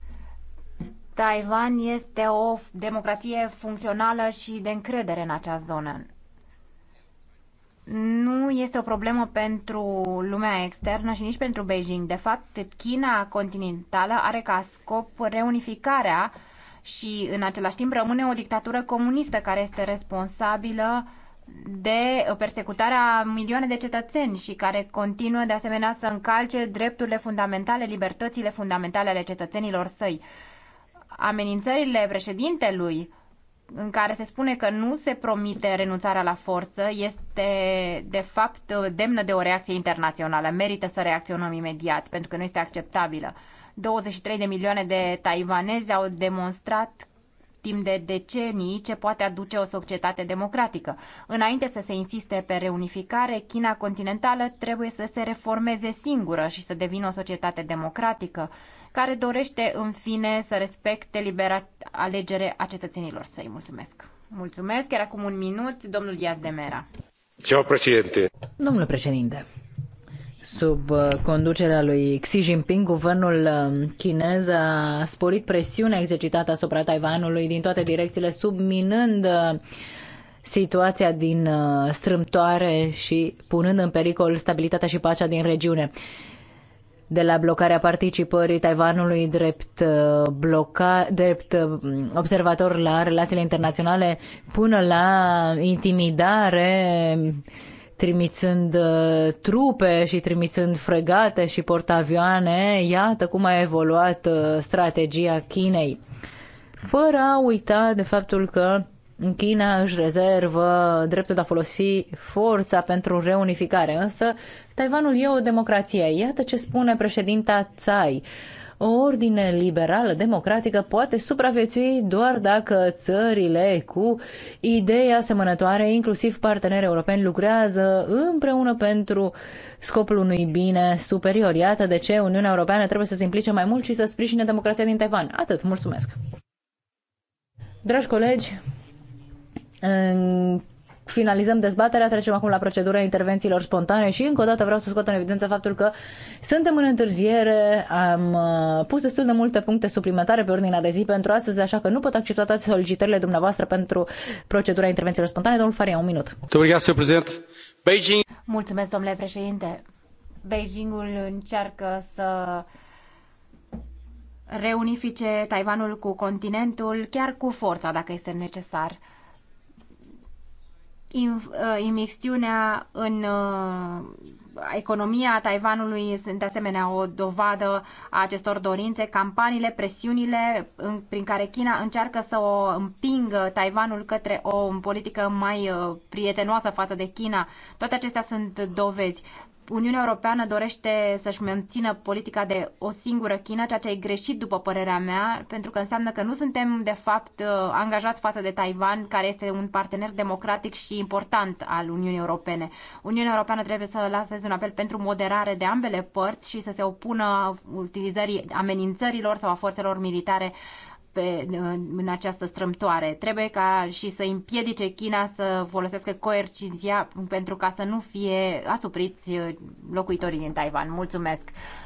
Taiwan este o democrație funcțională și de încredere în acea zonă nu este o problemă pentru lumea externă și nici pentru Beijing. De fapt, China continentală are ca scop reunificarea și în același timp rămâne o dictatură comunistă care este responsabilă de persecutarea milioane de cetățeni și care continuă de asemenea să încalce drepturile fundamentale, libertățile fundamentale ale cetățenilor săi. Amenințările președintelui în care se spune că nu se promite renunțarea la forță este, de fapt, demnă de o reacție internațională. Merită să reacționăm imediat, pentru că nu este acceptabilă. 23 de milioane de taiwanezi au demonstrat timp de decenii ce poate aduce o societate democratică. Înainte să se insiste pe reunificare, China continentală trebuie să se reformeze singură și să devină o societate democratică care dorește în fine să respecte libera alegere a cetățenilor săi. Mulțumesc! Mulțumesc, chiar acum un minut, domnul Diaz de Mera. Ceau, președinte! Domnule președinte, Sub uh, conducerea lui Xi Jinping, guvernul um, chinez a sporit presiunea exercitată asupra Taiwanului din toate direcțiile, subminând uh, situația din uh, strâmtoare și punând în pericol stabilitatea și pacea din regiune de la blocarea participării Taiwanului drept, uh, bloca, drept um, observator la relațiile internaționale până la intimidare trimițând uh, trupe și trimițând fregate și portavioane, iată cum a evoluat uh, strategia Chinei. Fără a uita de faptul că China își rezervă dreptul de a folosi forța pentru reunificare, însă Taiwanul e o democrație. Iată ce spune președinta Tsai. O ordine liberală, democratică poate supraviețui doar dacă țările cu idei asemănătoare, inclusiv parteneri europeni, lucrează împreună pentru scopul unui bine superior. Iată de ce Uniunea Europeană trebuie să se implice mai mult și să sprijine democrația din Taiwan. Atât, mulțumesc! Dragi colegi, finalizăm dezbaterea, trecem acum la procedura intervențiilor spontane și încă o dată vreau să scot în evidență faptul că suntem în întârziere, am uh, pus destul de multe puncte suplimentare pe ordinea de zi pentru astăzi, așa că nu pot accepta toate solicitările dumneavoastră pentru procedura intervențiilor spontane. Domnul Faria, un minut. Mulțumesc, domnule președinte. Beijingul încearcă să reunifice Taiwanul cu continentul, chiar cu forța, dacă este necesar. Uh, imixtiunea în uh, economia Taiwanului sunt de asemenea o dovadă a acestor dorințe. Campaniile, presiunile prin care China încearcă să o împingă Taiwanul către o politică mai uh, prietenoasă față de China, toate acestea sunt dovezi. Uniunea Europeană dorește să-și mențină politica de o singură China, ceea ce e greșit după părerea mea, pentru că înseamnă că nu suntem de fapt uh, angajați față de Taiwan, care este un partener democratic și important al Uniunii Europene. Uniunea Europeană trebuie să lanseze un apel pentru moderare de ambele părți și să se opună utilizării amenințărilor sau a forțelor militare uh, pe, în această strâmtoare. Trebuie ca și să împiedice China să folosească coerciția pentru ca să nu fie asupriți uh, locuitorii din Taiwan. Mulțumesc.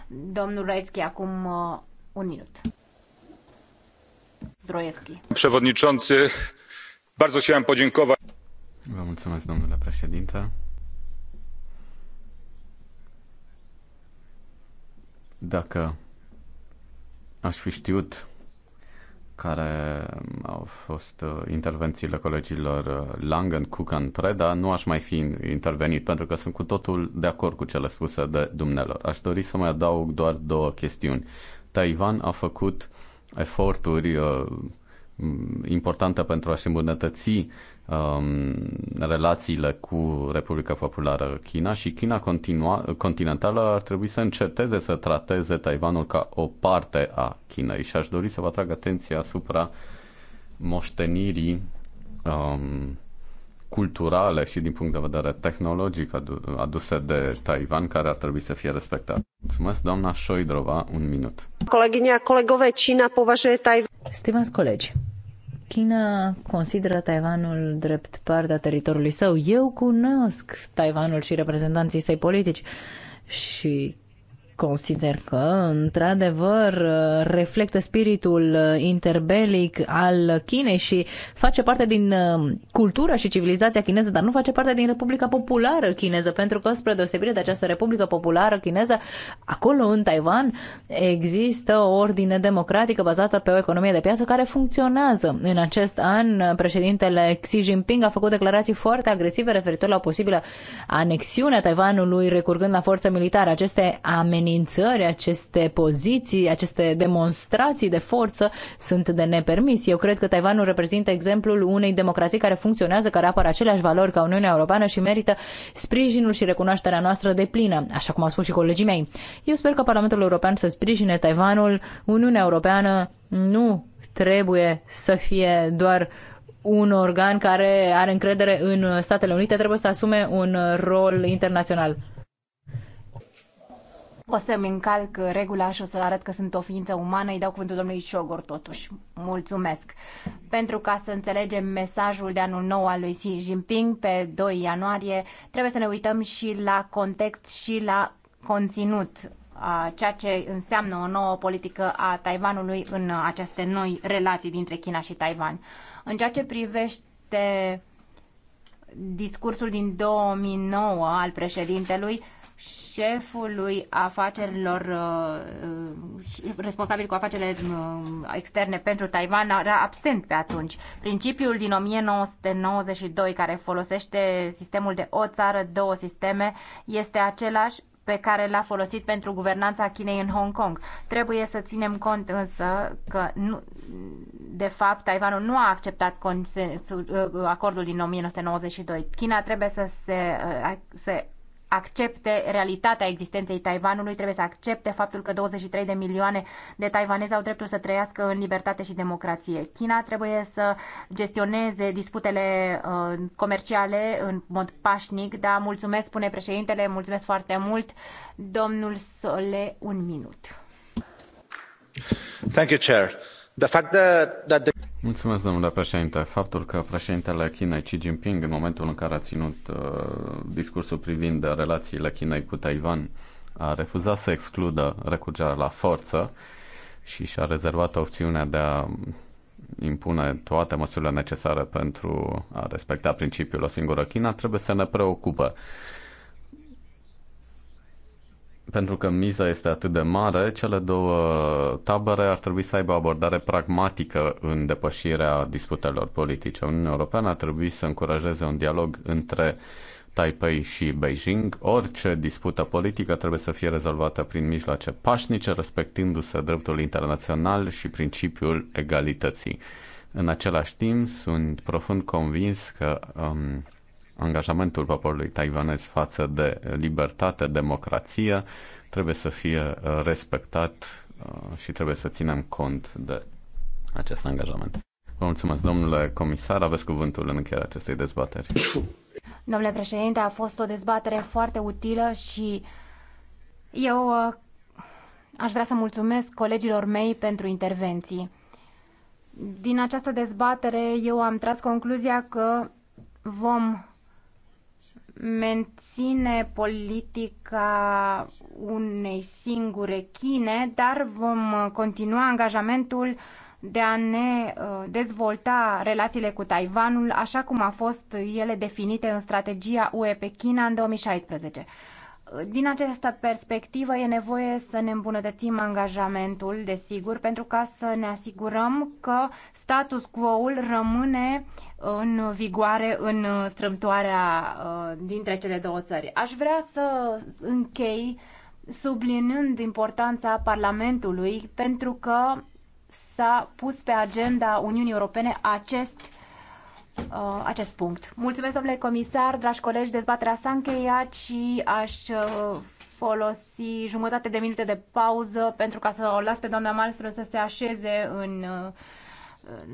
Domnul Rețchi, acum uh, un minut. Zdrojewski. Przewodniczący, bardzo chciałem podziękować. Vă mulțumesc, domnule președinte. Dacă aș fi știut care au fost uh, intervențiile colegilor uh, Langen, Cucan, Preda, nu aș mai fi intervenit pentru că sunt cu totul de acord cu cele spuse de dumnelor. Aș dori să mai adaug doar două chestiuni. Taiwan a făcut eforturi uh, Mm, importantă pentru a-și îmbunătăți um, relațiile cu Republica Populară China și China continua, continentală ar trebui să înceteze să trateze Taiwanul ca o parte a Chinei și aș dori să vă atrag atenția asupra moștenirii um, culturale și din punct de vedere tehnologic aduse de Taiwan care ar trebui să fie respectate. Mulțumesc, doamna Șoidrova, un minut. Coleginia, colegove, China považuje Taiwan... Stimați colegi, China consideră Taiwanul drept partea teritoriului său. Eu cunosc Taiwanul și reprezentanții săi politici și Consider că, într-adevăr, reflectă spiritul uh, interbelic al Chinei și face parte din uh, cultura și civilizația chineză, dar nu face parte din Republica Populară Chineză, pentru că, spre deosebire de această Republică Populară Chineză, acolo, în Taiwan, există o ordine democratică bazată pe o economie de piață care funcționează. În acest an, președintele Xi Jinping a făcut declarații foarte agresive referitor la o posibilă anexiune a Taiwanului, recurgând la forță militară. Aceste amenințări amenințări, aceste poziții, aceste demonstrații de forță sunt de nepermis. Eu cred că Taiwanul reprezintă exemplul unei democrații care funcționează, care apără aceleași valori ca Uniunea Europeană și merită sprijinul și recunoașterea noastră de plină, așa cum au spus și colegii mei. Eu sper că Parlamentul European să sprijine Taiwanul. Uniunea Europeană nu trebuie să fie doar un organ care are încredere în Statele Unite, trebuie să asume un rol internațional. O să-mi încalc regula și o să arăt că sunt o ființă umană. Îi dau cuvântul domnului Șogor totuși. Mulțumesc. Pentru ca să înțelegem mesajul de anul nou al lui Xi Jinping pe 2 ianuarie, trebuie să ne uităm și la context și la conținut ceea ce înseamnă o nouă politică a Taiwanului în aceste noi relații dintre China și Taiwan. În ceea ce privește discursul din 2009 al președintelui, șefului afacerilor uh, uh, responsabil cu afacerile uh, externe pentru Taiwan era absent pe atunci. Principiul din 1992 care folosește sistemul de o țară, două sisteme este același pe care l-a folosit pentru guvernanța Chinei în Hong Kong. Trebuie să ținem cont însă că, nu, de fapt, Taiwanul nu a acceptat acordul din 1992. China trebuie să se, să accepte realitatea existenței Taiwanului, trebuie să accepte faptul că 23 de milioane de taiwanezi au dreptul să trăiască în libertate și democrație. China trebuie să gestioneze disputele uh, comerciale în mod pașnic, dar mulțumesc, spune președintele, mulțumesc foarte mult. Domnul Sole, un minut. Thank you, Chair. The fact that, that the... Mulțumesc, domnule președinte. Faptul că președintele Chinei Xi Jinping, în momentul în care a ținut uh, discursul privind relațiile Chinei cu Taiwan, a refuzat să excludă recurgerea la forță și și-a rezervat opțiunea de a impune toate măsurile necesare pentru a respecta principiul o singură China, trebuie să ne preocupă pentru că miza este atât de mare, cele două tabere ar trebui să aibă o abordare pragmatică în depășirea disputelor politice. Uniunea Europeană ar trebui să încurajeze un dialog între Taipei și Beijing. Orice dispută politică trebuie să fie rezolvată prin mijloace pașnice, respectându-se dreptul internațional și principiul egalității. În același timp, sunt profund convins că um, angajamentul poporului taiwanez față de libertate, democrație, trebuie să fie uh, respectat uh, și trebuie să ținem cont de acest angajament. Vă mulțumesc, domnule comisar. Aveți cuvântul în încheierea acestei dezbateri. Domnule președinte, a fost o dezbatere foarte utilă și eu uh, aș vrea să mulțumesc colegilor mei pentru intervenții. Din această dezbatere eu am tras concluzia că vom menține politica unei singure Chine, dar vom uh, continua angajamentul de a ne uh, dezvolta relațiile cu Taiwanul așa cum a fost ele definite în strategia UE pe China în 2016. Din această perspectivă e nevoie să ne îmbunătățim angajamentul, desigur, pentru ca să ne asigurăm că status quo-ul rămâne în vigoare în strâmtoarea uh, dintre cele două țări. Aș vrea să închei sublinând importanța Parlamentului pentru că s-a pus pe agenda Uniunii Europene acest uh, acest punct. Mulțumesc, domnule comisar, dragi colegi, dezbaterea s-a încheiat și aș uh, folosi jumătate de minute de pauză pentru ca să o las pe doamna Malmström să se așeze în, uh, în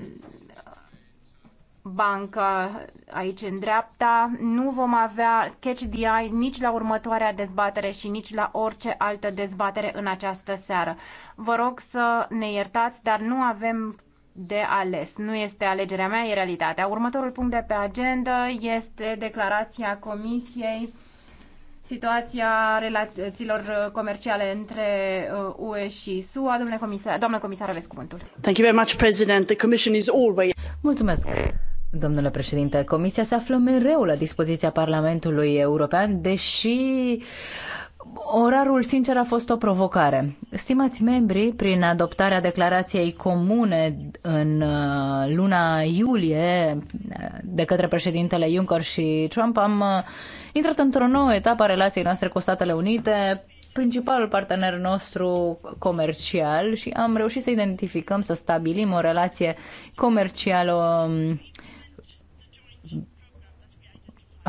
banca aici în dreapta. Nu vom avea catch the eye nici la următoarea dezbatere și nici la orice altă dezbatere în această seară. Vă rog să ne iertați, dar nu avem de ales. Nu este alegerea mea, e realitatea. Următorul punct de pe agenda este declarația Comisiei situația relațiilor comerciale între UE uh, și SUA. Domnule comisar, doamnă comisar, aveți cuvântul. Thank you very much, President. The Commission is always... Mulțumesc. Domnule președinte, Comisia se află mereu la dispoziția Parlamentului European, deși Orarul, sincer, a fost o provocare. Stimați membri, prin adoptarea declarației comune în uh, luna iulie uh, de către președintele Juncker și Trump, am uh, intrat într-o nouă etapă a relației noastre cu Statele Unite, principalul partener nostru comercial și am reușit să identificăm, să stabilim o relație comercială um,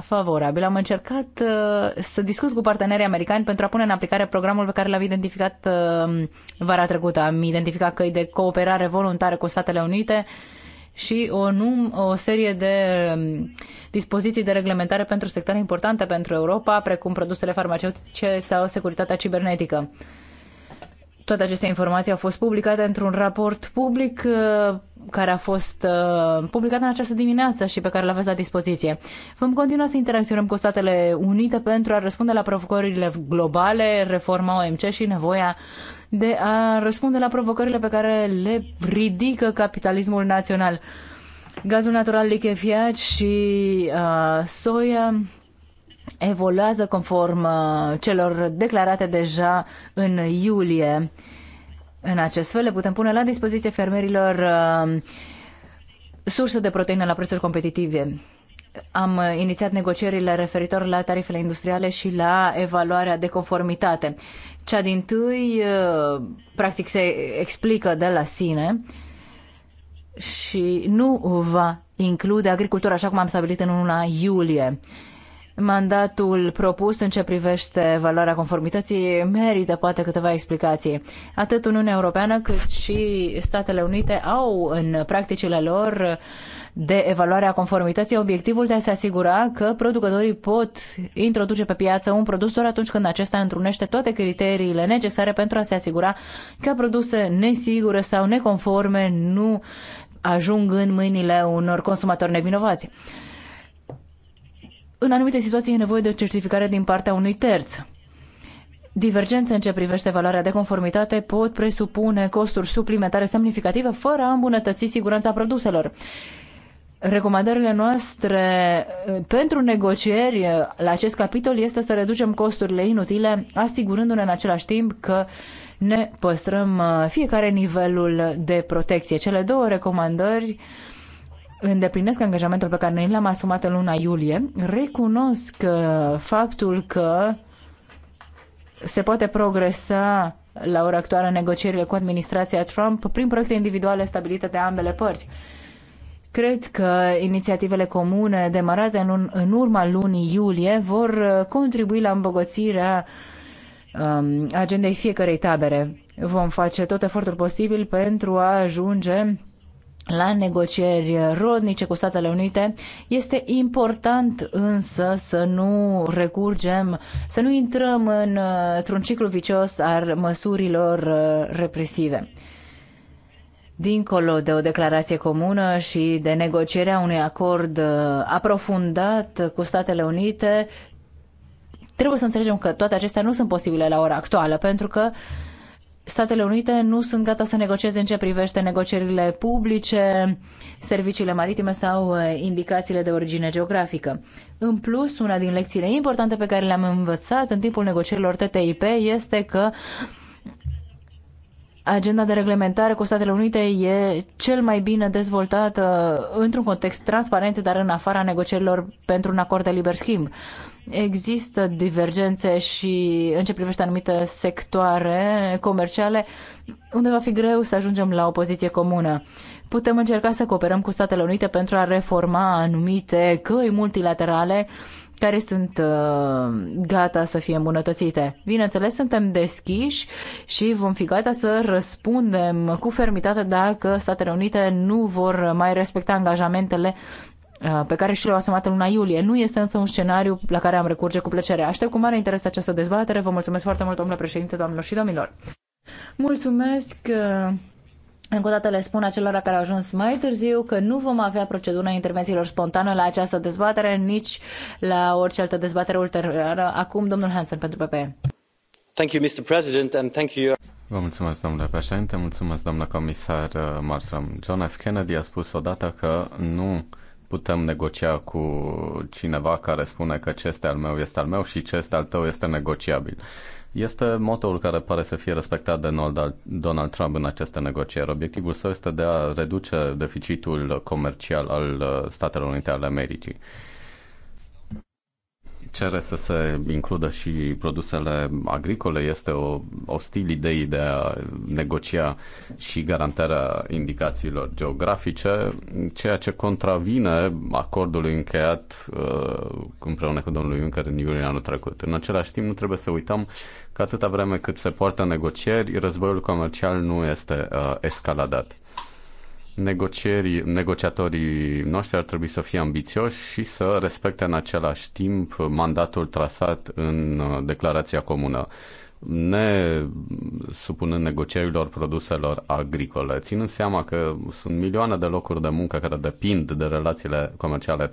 favorabil. Am încercat uh, să discut cu partenerii americani pentru a pune în aplicare programul pe care l-am identificat uh, vara trecută. Am identificat căi de cooperare voluntară cu Statele Unite și o, num, o serie de um, dispoziții de reglementare pentru sectoare importante pentru Europa, precum produsele farmaceutice sau securitatea cibernetică. Toate aceste informații au fost publicate într-un raport public uh, care a fost uh, publicat în această dimineață și pe care l aveți la dispoziție. Vom continua să interacționăm cu Statele Unite pentru a răspunde la provocările globale, reforma OMC și nevoia de a răspunde la provocările pe care le ridică capitalismul național. Gazul natural lichefiat și uh, soia evoluează conform uh, celor declarate deja în iulie. Uh, în acest fel le putem pune la dispoziție fermierilor uh, surse de proteine la prețuri competitive. Am uh, inițiat negocierile referitor la tarifele industriale și la evaluarea de conformitate. Cea din tâi, uh, practic, se explică de la sine și nu va include agricultura, așa cum am stabilit în luna iulie. Mandatul propus în ce privește valoarea conformității merită poate câteva explicații. Atât Uniunea Europeană cât și Statele Unite au în practicile lor de evaluare a conformității obiectivul de a se asigura că producătorii pot introduce pe piață un produs doar atunci când acesta întrunește toate criteriile necesare pentru a se asigura că produse nesigure sau neconforme nu ajung în mâinile unor consumatori nevinovați în anumite situații e nevoie de o certificare din partea unui terț. Divergențe în ce privește valoarea de conformitate pot presupune costuri suplimentare semnificative fără a îmbunătăți siguranța produselor. Recomandările noastre uh, pentru negocieri uh, la acest capitol este să reducem costurile inutile, asigurându-ne în același timp că ne păstrăm uh, fiecare nivelul de protecție. Cele două recomandări uh, îndeplinesc angajamentul pe care ne l-am asumat în luna iulie, recunosc uh, faptul că se poate progresa la ora actuală în negocierile cu administrația Trump prin proiecte individuale stabilite de ambele părți. Cred că inițiativele comune demarate în, în urma lunii iulie vor uh, contribui la îmbogățirea um, agendei fiecarei tabere. Vom face tot efortul posibil pentru a ajunge la negocieri rodnice cu Statele Unite. Este important însă să nu recurgem, să nu intrăm în, într-un ciclu vicios al măsurilor uh, represive. Dincolo de o declarație comună și de negocierea unui acord uh, aprofundat cu Statele Unite, trebuie să înțelegem că toate acestea nu sunt posibile la ora actuală, pentru că uh, Statele Unite nu sunt gata să negocieze în ce privește negocierile publice, serviciile maritime sau uh, indicațiile de origine geografică. În plus, una din lecțiile importante pe care le-am învățat în timpul negocierilor TTIP este că agenda de reglementare cu Statele Unite e cel mai bine dezvoltată într-un context transparent, dar în afara negocierilor pentru un acord de liber schimb. Există divergențe și în ce privește anumite sectoare comerciale unde va fi greu să ajungem la o poziție comună. Putem încerca să cooperăm cu Statele Unite pentru a reforma anumite căi multilaterale care sunt uh, gata să fie îmbunătățite. Bineînțeles, suntem deschiși și vom fi gata să răspundem cu fermitate dacă Statele Unite nu vor mai respecta angajamentele Uh, pe care și le-au asumat în luna iulie. Nu este însă un scenariu la care am recurge cu plăcere. Aștept cu mare interes această dezbatere. Vă mulțumesc foarte mult, domnule președinte, doamnelor și domnilor. Mulțumesc. Uh, încă o dată le spun acelora care au ajuns mai târziu că nu vom avea procedura intervențiilor spontane la această dezbatere, nici la orice altă dezbatere ulterioară. Acum, domnul Hansen, pentru PP. Thank you, Mr. President, and thank you. Vă mulțumesc, domnule președinte, mulțumesc, doamnă comisar uh, Marsram. John F. Kennedy a spus odată că nu putem negocia cu cineva care spune că ce este al meu este al meu și ce este al tău este negociabil. Este motoul care pare să fie respectat de Donald Trump în aceste negocieri. Obiectivul său este de a reduce deficitul comercial al uh, Statelor Unite ale Americii cere să se includă și produsele agricole. Este o ostil idei de a negocia și garantarea indicațiilor geografice, ceea ce contravine acordului încheiat uh, împreună cu domnul Juncker în iulie anul trecut. În același timp, nu trebuie să uităm că atâta vreme cât se poartă negocieri, războiul comercial nu este uh, escaladat negocierii, negociatorii noștri ar trebui să fie ambițioși și să respecte în același timp mandatul trasat în uh, declarația comună ne supunând negocierilor produselor agricole, ținând seama că sunt milioane de locuri de muncă care depind de relațiile comerciale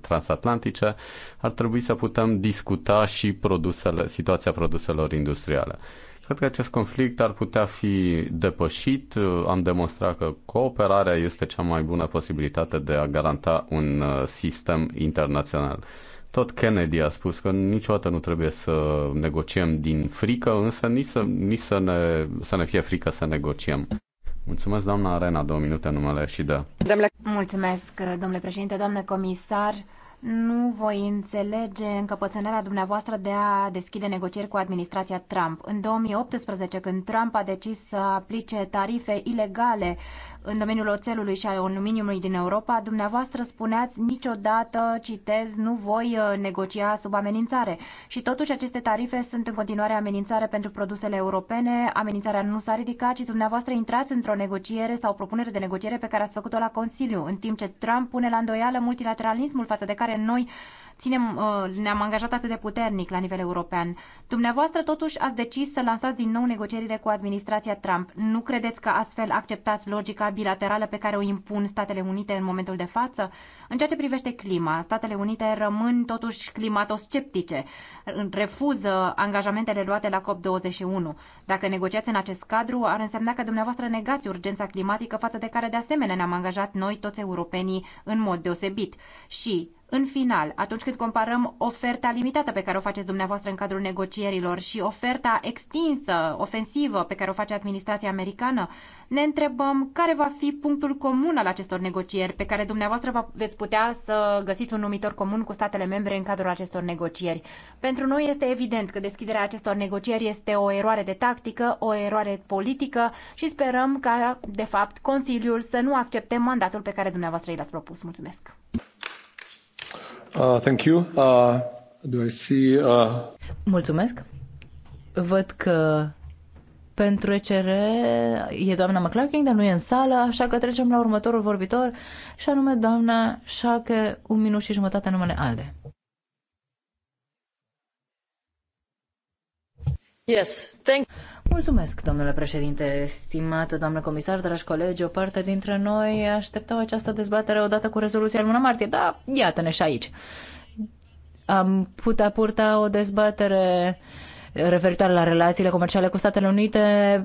transatlantice, ar trebui să putem discuta și produsele, situația produselor industriale. Cred că acest conflict ar putea fi depășit. Am demonstrat că cooperarea este cea mai bună posibilitate de a garanta un uh, sistem internațional. Tot Kennedy a spus că niciodată nu trebuie să negociem din frică, însă nici să, nici să, ne, să ne fie frică să negociem. Mulțumesc, doamna Arena, două minute numele și da. Mulțumesc, domnule președinte, doamne comisar nu voi înțelege încăpățânarea dumneavoastră de a deschide negocieri cu administrația Trump. În 2018, când Trump a decis să aplice tarife ilegale în domeniul oțelului și al aluminiumului din Europa, dumneavoastră spuneați niciodată, citez, nu voi uh, negocia sub amenințare. Și totuși aceste tarife sunt în continuare amenințare pentru produsele europene, amenințarea nu s-a ridicat și dumneavoastră intrați într-o negociere sau propunere de negociere pe care ați făcut-o la Consiliu, în timp ce Trump pune la îndoială multilateralismul față de care noi ținem, uh, ne-am angajat atât de puternic la nivel european. Dumneavoastră, totuși, ați decis să lansați din nou negocierile cu administrația Trump. Nu credeți că astfel acceptați logica bilaterală pe care o impun Statele Unite în momentul de față? În ceea ce privește clima, Statele Unite rămân totuși climatosceptice, refuză angajamentele luate la COP21. Dacă negociați în acest cadru, ar însemna că dumneavoastră negați urgența climatică față de care de asemenea ne-am angajat noi toți europenii în mod deosebit. Și în final, atunci când comparăm oferta limitată pe care o faceți dumneavoastră în cadrul negocierilor și oferta extinsă, ofensivă pe care o face administrația americană, ne întrebăm care va fi punctul comun al acestor negocieri pe care dumneavoastră va, veți putea să găsiți un numitor comun cu statele membre în cadrul acestor negocieri. Pentru noi este evident că deschiderea acestor negocieri este o eroare de tactică, o eroare politică și sperăm ca, de fapt, Consiliul să nu accepte mandatul pe care dumneavoastră i l-ați propus. Mulțumesc! Uh, thank you. Uh, do I see, uh... Mulțumesc. Văd că pentru ECR e doamna McClarkin, dar nu e în sală, așa că trecem la următorul vorbitor și anume doamna Șache, un minut și jumătate numele ALDE. Yes, thank you. Mulțumesc, domnule președinte, stimată doamnă comisar, dragi colegi, o parte dintre noi așteptau această dezbatere odată cu rezoluția luna martie, dar iată-ne și aici. Am putea purta o dezbatere referitoare la relațiile comerciale cu Statele Unite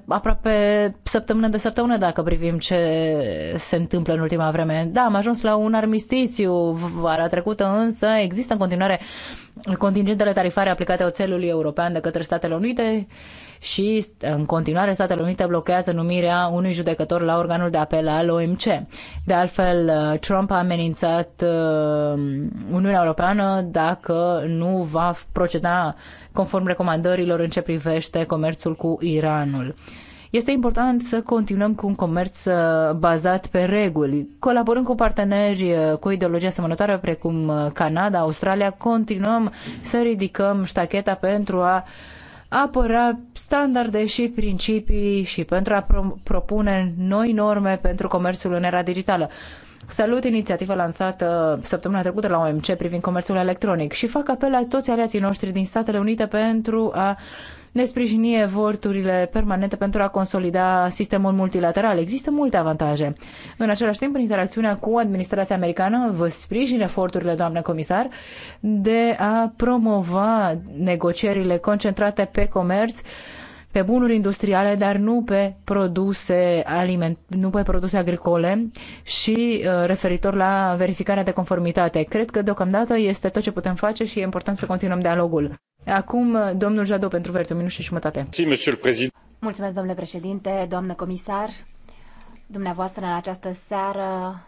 aproape săptămână de săptămână dacă privim ce se întâmplă în ultima vreme. Da, am ajuns la un armistițiu vara trecută, însă există în continuare contingentele tarifare aplicate oțelului european de către Statele Unite și în continuare Statele Unite blochează numirea unui judecător la organul de apel al OMC. De altfel, uh, Trump a amenințat uh, Uniunea Europeană dacă nu va proceda conform recomandărilor în ce privește comerțul cu Iranul este important să continuăm cu un comerț uh, bazat pe reguli. Colaborând cu parteneri cu ideologie asemănătoare precum Canada, Australia, continuăm să ridicăm ștacheta pentru a apăra standarde și principii și pentru a pro- propune noi norme pentru comerțul în era digitală. Salut inițiativa lansată uh, săptămâna trecută la OMC privind comerțul electronic și fac apel la toți aliații noștri din Statele Unite pentru a ne sprijini eforturile permanente pentru a consolida sistemul multilateral. Există multe avantaje. În același timp, în interacțiunea cu administrația americană, vă sprijin eforturile, doamnă comisar, de a promova negocierile concentrate pe comerț pe bunuri industriale, dar nu pe produse, aliment, nu pe produse agricole și uh, referitor la verificarea de conformitate. Cred că deocamdată este tot ce putem face și e important să continuăm dialogul. Acum, uh, domnul Jadot, pentru verzi, minut și jumătate. Mulțumesc, domnule președinte, doamnă comisar. Dumneavoastră, în această seară,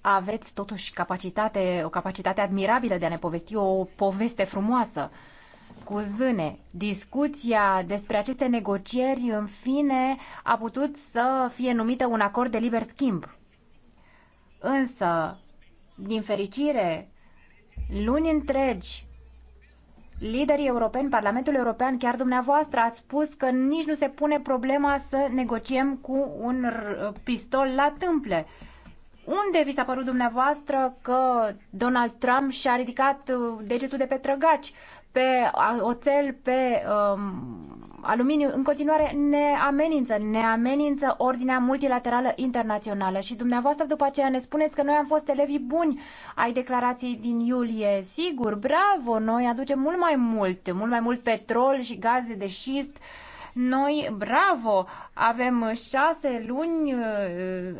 aveți totuși capacitate, o capacitate admirabilă de a ne povesti o poveste frumoasă cu zâne. Discuția despre aceste negocieri, în fine, a putut să fie numită un acord de liber schimb. Însă, din fericire, luni întregi, liderii europeni, Parlamentul European, chiar dumneavoastră, ați spus că nici nu se pune problema să negociem cu un pistol la tâmple. Unde vi s-a părut dumneavoastră că Donald Trump și-a ridicat uh, degetul de pe trăgaci, pe oțel, pe um, aluminiu? În continuare ne amenință, ne amenință ordinea multilaterală internațională și dumneavoastră după aceea ne spuneți că noi am fost elevii buni ai declarației din iulie. Sigur, bravo, noi aducem mult mai mult, mult mai mult petrol și gaze de șist, uh, noi, bravo, avem șase luni, uh,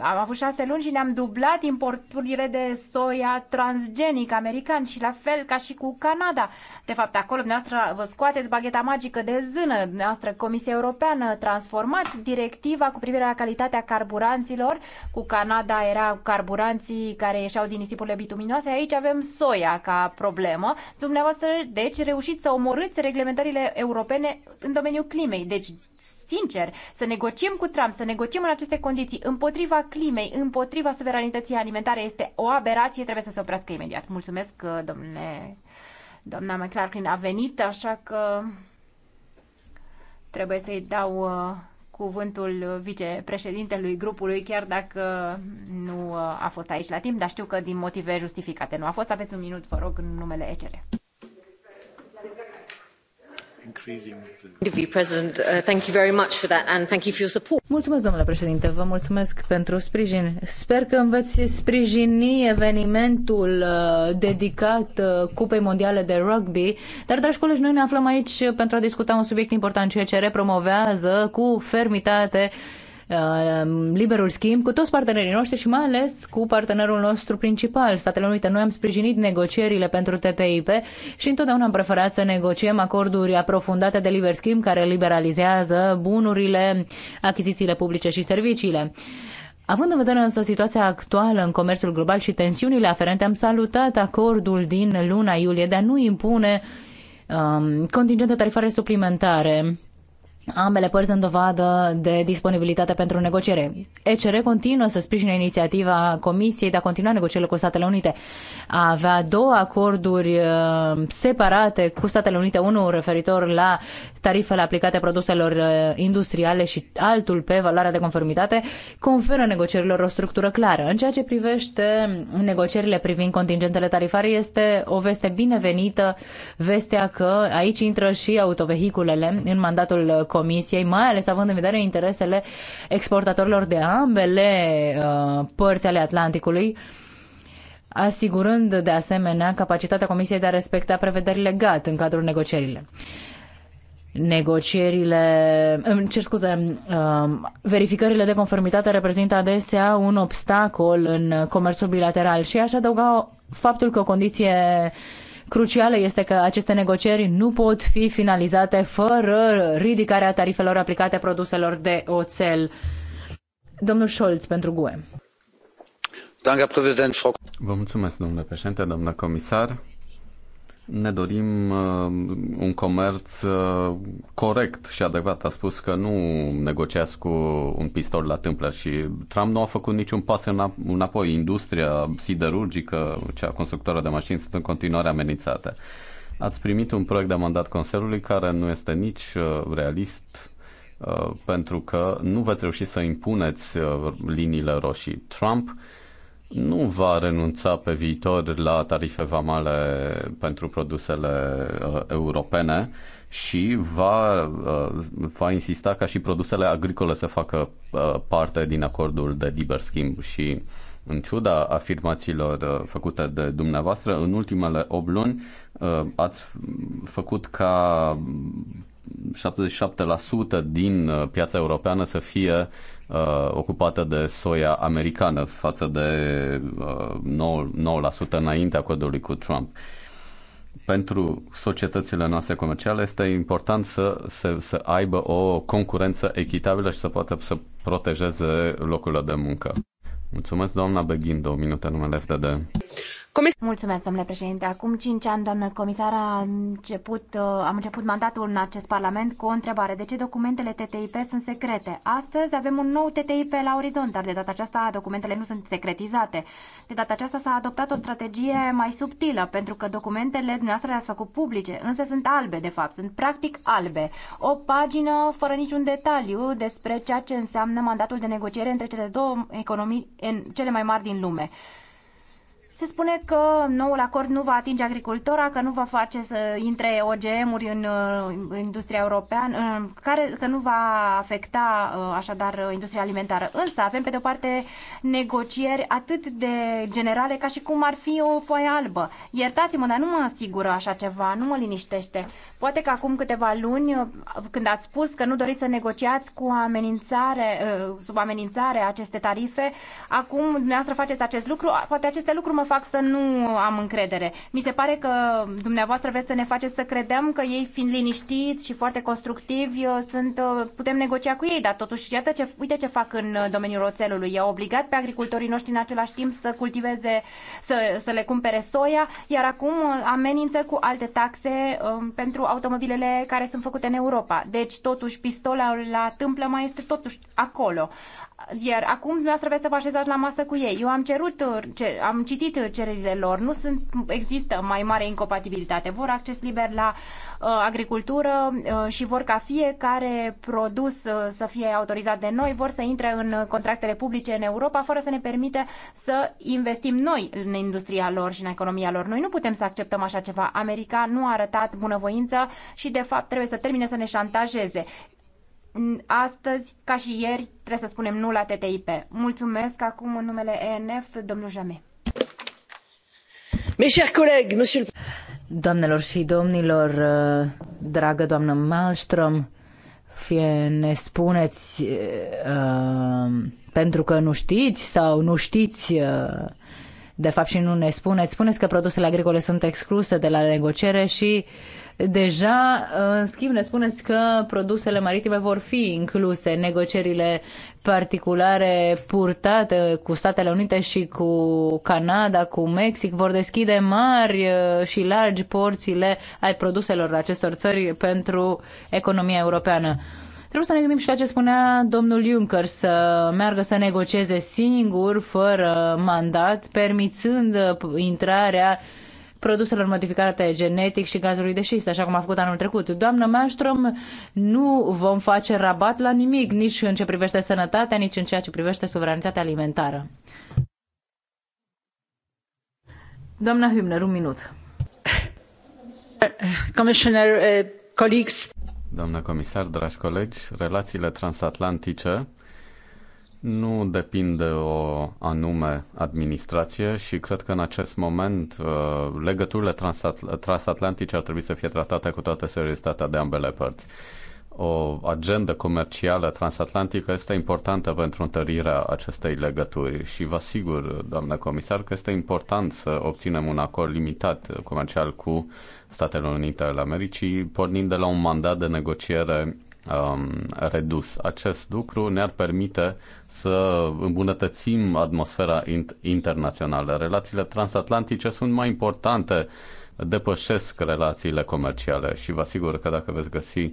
am avut șase luni și ne-am dublat importurile de soia transgenic american și la fel ca și cu Canada. De fapt, acolo dumneavoastră vă scoateți bagheta magică de zână, dumneavoastră Comisia Europeană transformat directiva cu privire la calitatea carburanților. Cu Canada era carburanții care ieșeau din nisipurile bituminoase, aici avem soia ca problemă. Dumneavoastră, deci, reușiți să omorâți reglementările europene în domeniul climei. Deci, deci, sincer, să negociem cu Trump, să negociem în aceste condiții împotriva climei, împotriva suveranității alimentare este o aberație, trebuie să se oprească imediat. Mulțumesc, uh, domnule, doamna McClarkin a venit, așa că trebuie să-i dau uh, cuvântul vicepreședintelui grupului, chiar dacă nu uh, a fost aici la timp, dar știu că din motive justificate nu a fost. Aveți un minut, vă rog, în numele ECR. Mulțumesc, domnule președinte, vă mulțumesc pentru sprijin. Sper că îmi veți sprijini evenimentul uh, dedicat uh, Cupei Mondiale de Rugby, dar, dragi colegi, noi ne aflăm aici pentru a discuta un subiect important, ceea ce repromovează cu fermitate Uh, liberul schimb cu toți partenerii noștri și mai ales cu partenerul nostru principal, Statele Unite. Noi am sprijinit negocierile pentru TTIP și întotdeauna am preferat să negociem acorduri aprofundate de liber schimb care liberalizează bunurile, achizițiile publice și serviciile. Având în vedere însă situația actuală în comerțul global și tensiunile aferente, am salutat acordul din luna iulie de a nu impune um, contingente tarifare suplimentare Ambele părți dând dovadă de disponibilitate pentru negociere. ECR continuă să sprijine inițiativa Comisiei de a continua negocierile cu Statele Unite. A avea două acorduri uh, separate cu Statele Unite, unul referitor la tarifele aplicate produselor uh, industriale și altul pe valoarea de conformitate, conferă negocierilor o structură clară. În ceea ce privește negocierile privind contingentele tarifare, este o veste binevenită, vestea că aici intră și autovehiculele în mandatul Comisiei, mai ales având în vedere interesele exportatorilor de ambele uh, părți ale Atlanticului, asigurând de asemenea capacitatea Comisiei de a respecta prevederile GATT în cadrul negocierilor negocierile, ce cer scuze, um, verificările de conformitate reprezintă adesea un obstacol în comerțul bilateral și aș adăuga faptul că o condiție Crucială este că aceste negocieri nu pot fi finalizate fără ridicarea tarifelor aplicate produselor de oțel. Domnul Scholz pentru GUE. Vă mulțumesc, domnule președinte, doamnă comisar. Ne dorim uh, un comerț uh, corect și adecvat. A spus că nu negociați cu un pistol la tâmplă și Trump nu a făcut niciun pas înapoi. Industria siderurgică, cea constructoră de mașini, sunt în continuare amenințate. Ați primit un proiect de mandat Consiliului care nu este nici uh, realist uh, pentru că nu veți reuși să impuneți uh, liniile roșii. Trump uh, nu va renunța pe viitor la tarife vamale pentru produsele uh, europene și va, uh, va insista ca și produsele agricole să facă uh, parte din acordul de liber schimb și în ciuda afirmațiilor uh, făcute de dumneavoastră, în ultimele 8 luni uh, ați făcut ca 77% din uh, piața europeană să fie uh, ocupată de soia americană față de uh, 9%, 9% înaintea acordului cu Trump. Pentru societățile noastre comerciale este important să, să, să aibă o concurență echitabilă și să poată să protejeze locurile de muncă. Mulțumesc, doamna Beghin, două minute numele FDD. Comis- Mulțumesc, domnule președinte. Acum cinci ani, doamnă comisar, a început, uh, am început mandatul în acest parlament cu o întrebare. De ce documentele TTIP sunt secrete? Astăzi avem un nou TTIP la orizont, dar de data aceasta documentele nu sunt secretizate. De data aceasta s-a adoptat o strategie mai subtilă, pentru că documentele dumneavoastră le-ați făcut publice, însă sunt albe, de fapt, sunt practic albe. O pagină fără niciun detaliu despre ceea ce înseamnă mandatul de negociere între cele două economii în cele mai mari din lume. Se spune că noul acord nu va atinge agricultura, că nu va face să intre OGM-uri în uh, industria europeană, uh, care, că nu va afecta uh, așadar industria alimentară. Însă avem pe de o parte negocieri atât de generale ca și cum ar fi o foaie albă. Iertați-mă, dar nu mă asigură așa ceva, nu mă liniștește. Poate că acum câteva luni, când ați spus că nu doriți să negociați cu amenințare, sub amenințare aceste tarife, acum dumneavoastră faceți acest lucru, poate aceste lucruri mă fac să nu am încredere. Mi se pare că dumneavoastră vreți să ne faceți să credem că ei, fiind liniștiți și foarte constructivi, uh, sunt, uh, putem negocia cu ei, dar totuși, iată ce, uite ce fac în uh, domeniul oțelului. I-au obligat pe agricultorii noștri în același timp să cultiveze, să, să le cumpere soia, iar acum amenință cu alte taxe um, pentru automobilele care sunt făcute în Europa. Deci, totuși, pistola la tâmplă mai este totuși acolo. Iar acum dumneavoastră vreți să vă așezați la masă cu ei. Eu am cerut, cer, am citit cererile lor, nu sunt, există mai mare incompatibilitate. Vor acces liber la uh, agricultură uh, și vor ca fiecare produs uh, să fie autorizat de noi, vor să intre în contractele publice în Europa fără să ne permite să investim noi în industria lor și în economia lor. Noi nu putem să acceptăm așa ceva. America nu a arătat bunăvoință și de fapt trebuie să termine să ne șantajeze. Mm, astăzi, ca și ieri, trebuie să spunem nu la TTIP. Mulțumesc acum în numele ENF, domnul Jame. Mes chers collègues, monsieur... Doamnelor și domnilor, uh, dragă doamnă Malmström, fie ne spuneți uh, pentru că nu știți sau nu știți uh, de fapt și nu ne spuneți, spuneți că produsele agricole sunt excluse de la negociere și uh, Deja, în schimb, ne spuneți că produsele maritime vor fi incluse în negocierile particulare purtate cu Statele Unite și cu Canada, cu Mexic, vor deschide mari uh, și largi porțile ai produselor acestor țări pentru economia europeană. Trebuie să ne gândim și la ce spunea domnul Juncker, să meargă să negocieze singur, fără mandat, permițând intrarea uh, produselor modificate genetic și gazului de șist, așa cum a făcut anul trecut. Doamnă Maestrom, nu vom face rabat la nimic, nici în ce privește sănătatea, nici în ceea ce privește suveranitatea alimentară. Doamna Hübner, un minut. Commissioner, uh, colleagues. Doamna comisar, dragi colegi, relațiile transatlantice nu depinde o anume administrație și cred că în acest moment uh, legăturile transatlantice ar trebui să fie tratate cu toată seriozitatea de ambele părți. O agendă comercială transatlantică este importantă pentru întărirea acestei legături și vă asigur, doamnă comisar, că este important să obținem un acord limitat comercial cu Statele Unite ale Americii, pornind de la un mandat de negociere um, redus. Acest lucru ne-ar permite să îmbunătățim atmosfera int- internațională. Relațiile transatlantice sunt mai importante, depășesc relațiile comerciale și vă asigur că dacă veți găsi uh,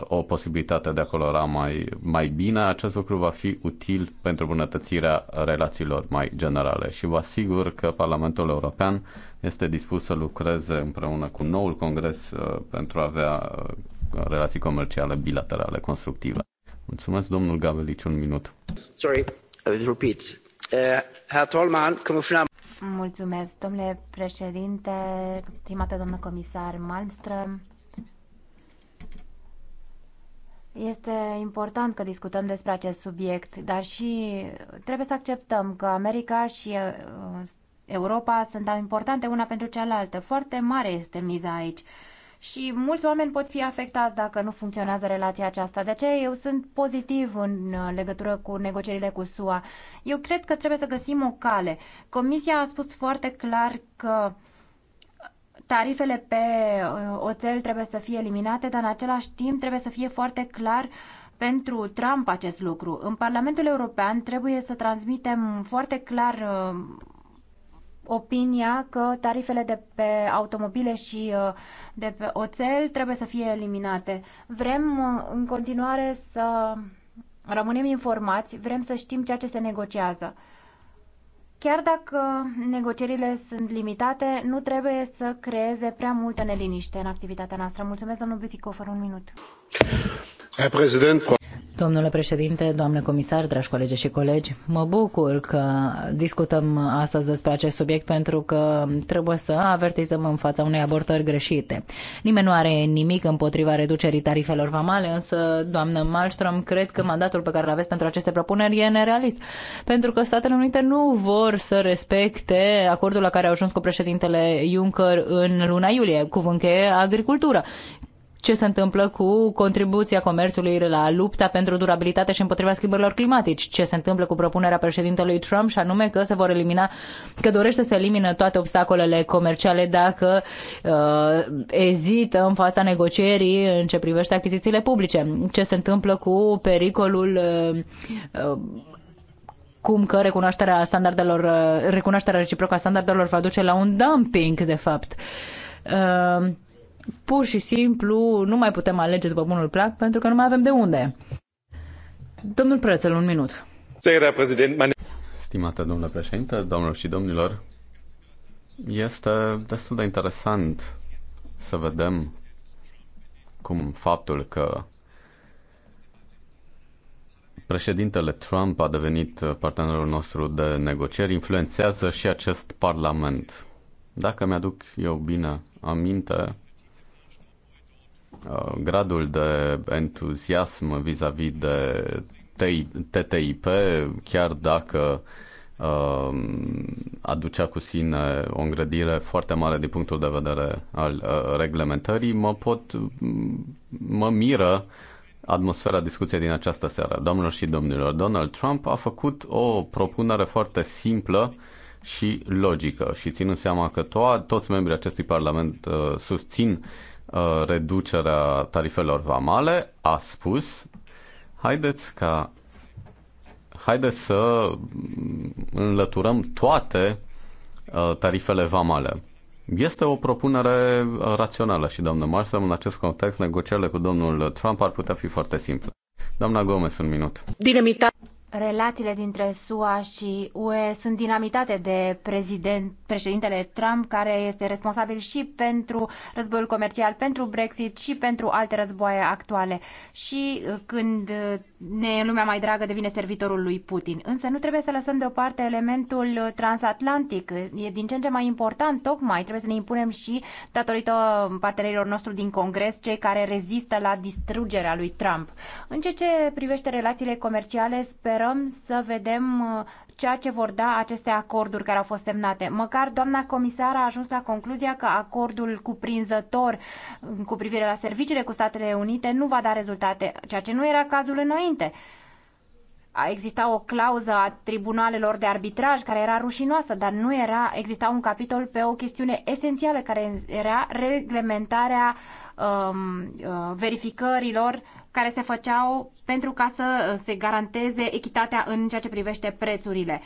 o posibilitate de a colora mai, mai bine, acest lucru va fi util pentru bunătățirea relațiilor mai generale și vă asigur că Parlamentul European este dispus să lucreze împreună cu noul Congres uh, pentru a avea uh, relații comerciale bilaterale constructive. Mulțumesc, domnul Gavelici, un minut. Sorry, I will repeat. Uh, Herr Tolman, Commissioner... Mulțumesc, domnule președinte, stimată doamnă comisar Malmström. Este important că discutăm despre acest subiect, dar și trebuie să acceptăm că America și uh, Europa sunt importante una pentru cealaltă. Foarte mare este miza aici și mulți oameni pot fi afectați dacă nu funcționează relația aceasta. De aceea eu sunt pozitiv în uh, legătură cu negocierile cu SUA. Eu cred că trebuie să găsim o cale. Comisia a spus foarte clar că tarifele pe uh, oțel trebuie să fie eliminate, dar în același timp trebuie să fie foarte clar pentru Trump acest lucru. În Parlamentul European trebuie să transmitem foarte clar uh, opinia că tarifele de pe automobile și uh, de pe oțel trebuie să fie eliminate. Vrem uh, în continuare să rămânem informați, vrem să știm ceea ce se negociază. Chiar dacă negocierile sunt limitate, nu trebuie să creeze prea multă neliniște în activitatea noastră. Mulțumesc, domnul Buticofer, un minut. Herr Präsident, Domnule președinte, doamne comisar, dragi colegi și colegi, mă bucur că discutăm astăzi despre acest subiect pentru că trebuie să avertizăm în fața unei abortări greșite. Nimeni nu are nimic împotriva reducerii tarifelor vamale, însă, doamnă Malmström, cred că mandatul pe care îl aveți pentru aceste propuneri e nerealist, pentru că Statele Unite nu vor să respecte acordul la care au ajuns cu președintele Juncker în luna iulie, cuvânt cheie agricultură ce se întâmplă cu contribuția comerțului la lupta pentru durabilitate și împotriva schimbărilor climatice, ce se întâmplă cu propunerea președintelui Trump și anume că se vor elimina, că dorește să elimine toate obstacolele comerciale dacă uh, ezită în fața negocierii în ce privește achizițiile publice, ce se întâmplă cu pericolul uh, uh, cum că recunoașterea standardelor, uh, recunoașterea reciprocă a standardelor va duce la un dumping, de fapt. Uh, pur și simplu nu mai putem alege după bunul plac pentru că nu mai avem de unde. Domnul Prețel, un minut. Seara, Stimată domnule președinte, domnilor și domnilor, este destul de interesant să vedem cum faptul că președintele Trump a devenit partenerul nostru de negocieri influențează și acest parlament. Dacă mi-aduc eu bine aminte, Uh, gradul de entuziasm vis-a-vis de TTIP, chiar dacă uh, aducea cu sine o îngrădire foarte mare din punctul de vedere al uh, reglementării, mă pot, mă miră atmosfera discuției din această seară. Domnilor și domnilor, Donald Trump a făcut o propunere foarte simplă și logică și ținând seama că to- toți membrii acestui parlament uh, susțin uh, Uh, reducerea tarifelor vamale, a spus, haideți ca haideți să înlăturăm toate uh, tarifele vamale. Este o propunere uh, rațională și, doamnă Marshall, în acest context, negocierile cu domnul Trump ar putea fi foarte simple. Doamna Gomez, un minut. Dinamita. Relațiile dintre SUA și UE sunt dinamitate de prezident, președintele Trump, care este responsabil și pentru războiul comercial, pentru Brexit și pentru alte războaie actuale. Și uh, când uh, ne lumea mai dragă devine servitorul lui Putin. Însă nu trebuie să lăsăm deoparte elementul transatlantic. E din ce în ce mai important, tocmai trebuie să ne impunem și datorită partenerilor nostru din Congres, cei care rezistă la distrugerea lui Trump. În ceea ce privește relațiile comerciale, sperăm să vedem ceea ce vor da aceste acorduri care au fost semnate. Măcar doamna comisar a ajuns la concluzia că acordul cuprinzător mm, cu privire la serviciile cu Statele Unite nu va da rezultate, ceea ce nu era cazul înainte. A exista o clauză a tribunalelor de arbitraj care era rușinoasă, dar nu era, exista un capitol pe o chestiune esențială care era reglementarea um, uh, verificărilor care se făceau pentru ca să uh, se garanteze echitatea în ceea ce privește prețurile.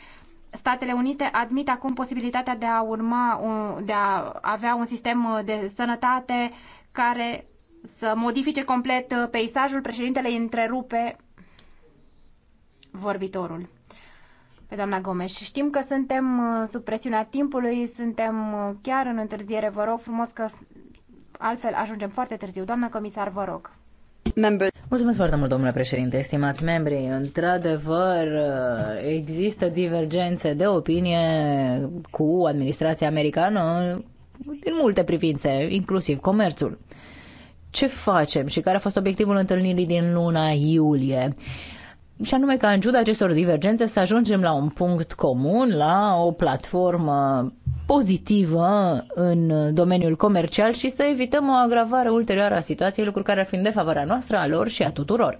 Statele Unite admit acum posibilitatea de a urma, de a avea un sistem uh, de sănătate care să modifice complet uh, peisajul. Președintele întrerupe vorbitorul pe doamna Gomes. Știm că suntem sub presiunea timpului, suntem chiar în întârziere. Vă rog frumos că altfel ajungem foarte târziu. Doamna comisar, vă rog. Member. Mulțumesc foarte mult, domnule președinte, estimați membri. Într-adevăr, există divergențe de opinie cu administrația americană din multe privințe, inclusiv comerțul. Ce facem și care a fost obiectivul întâlnirii din luna iulie? și anume ca în ciuda acestor divergențe să ajungem la un punct comun, la o platformă pozitivă în domeniul comercial și să evităm o agravare ulterioară a situației, lucruri care ar fi în defavoarea noastră, a lor și a tuturor.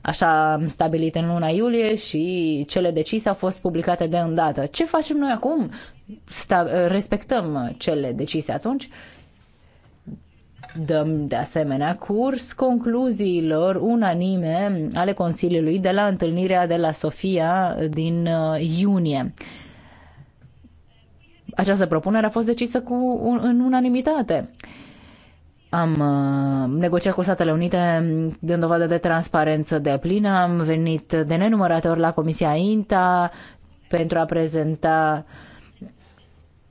Așa am stabilit în luna iulie și cele decise au fost publicate de îndată. Ce facem noi acum? Sta- respectăm cele decise atunci Dăm de asemenea curs concluziilor unanime ale Consiliului de la întâlnirea de la Sofia din uh, iunie. Această propunere a fost decisă cu, în unanimitate. Am uh, negociat cu Statele Unite de dovadă de transparență de plină, am venit de nenumărate ori la Comisia INTA pentru a prezenta uh,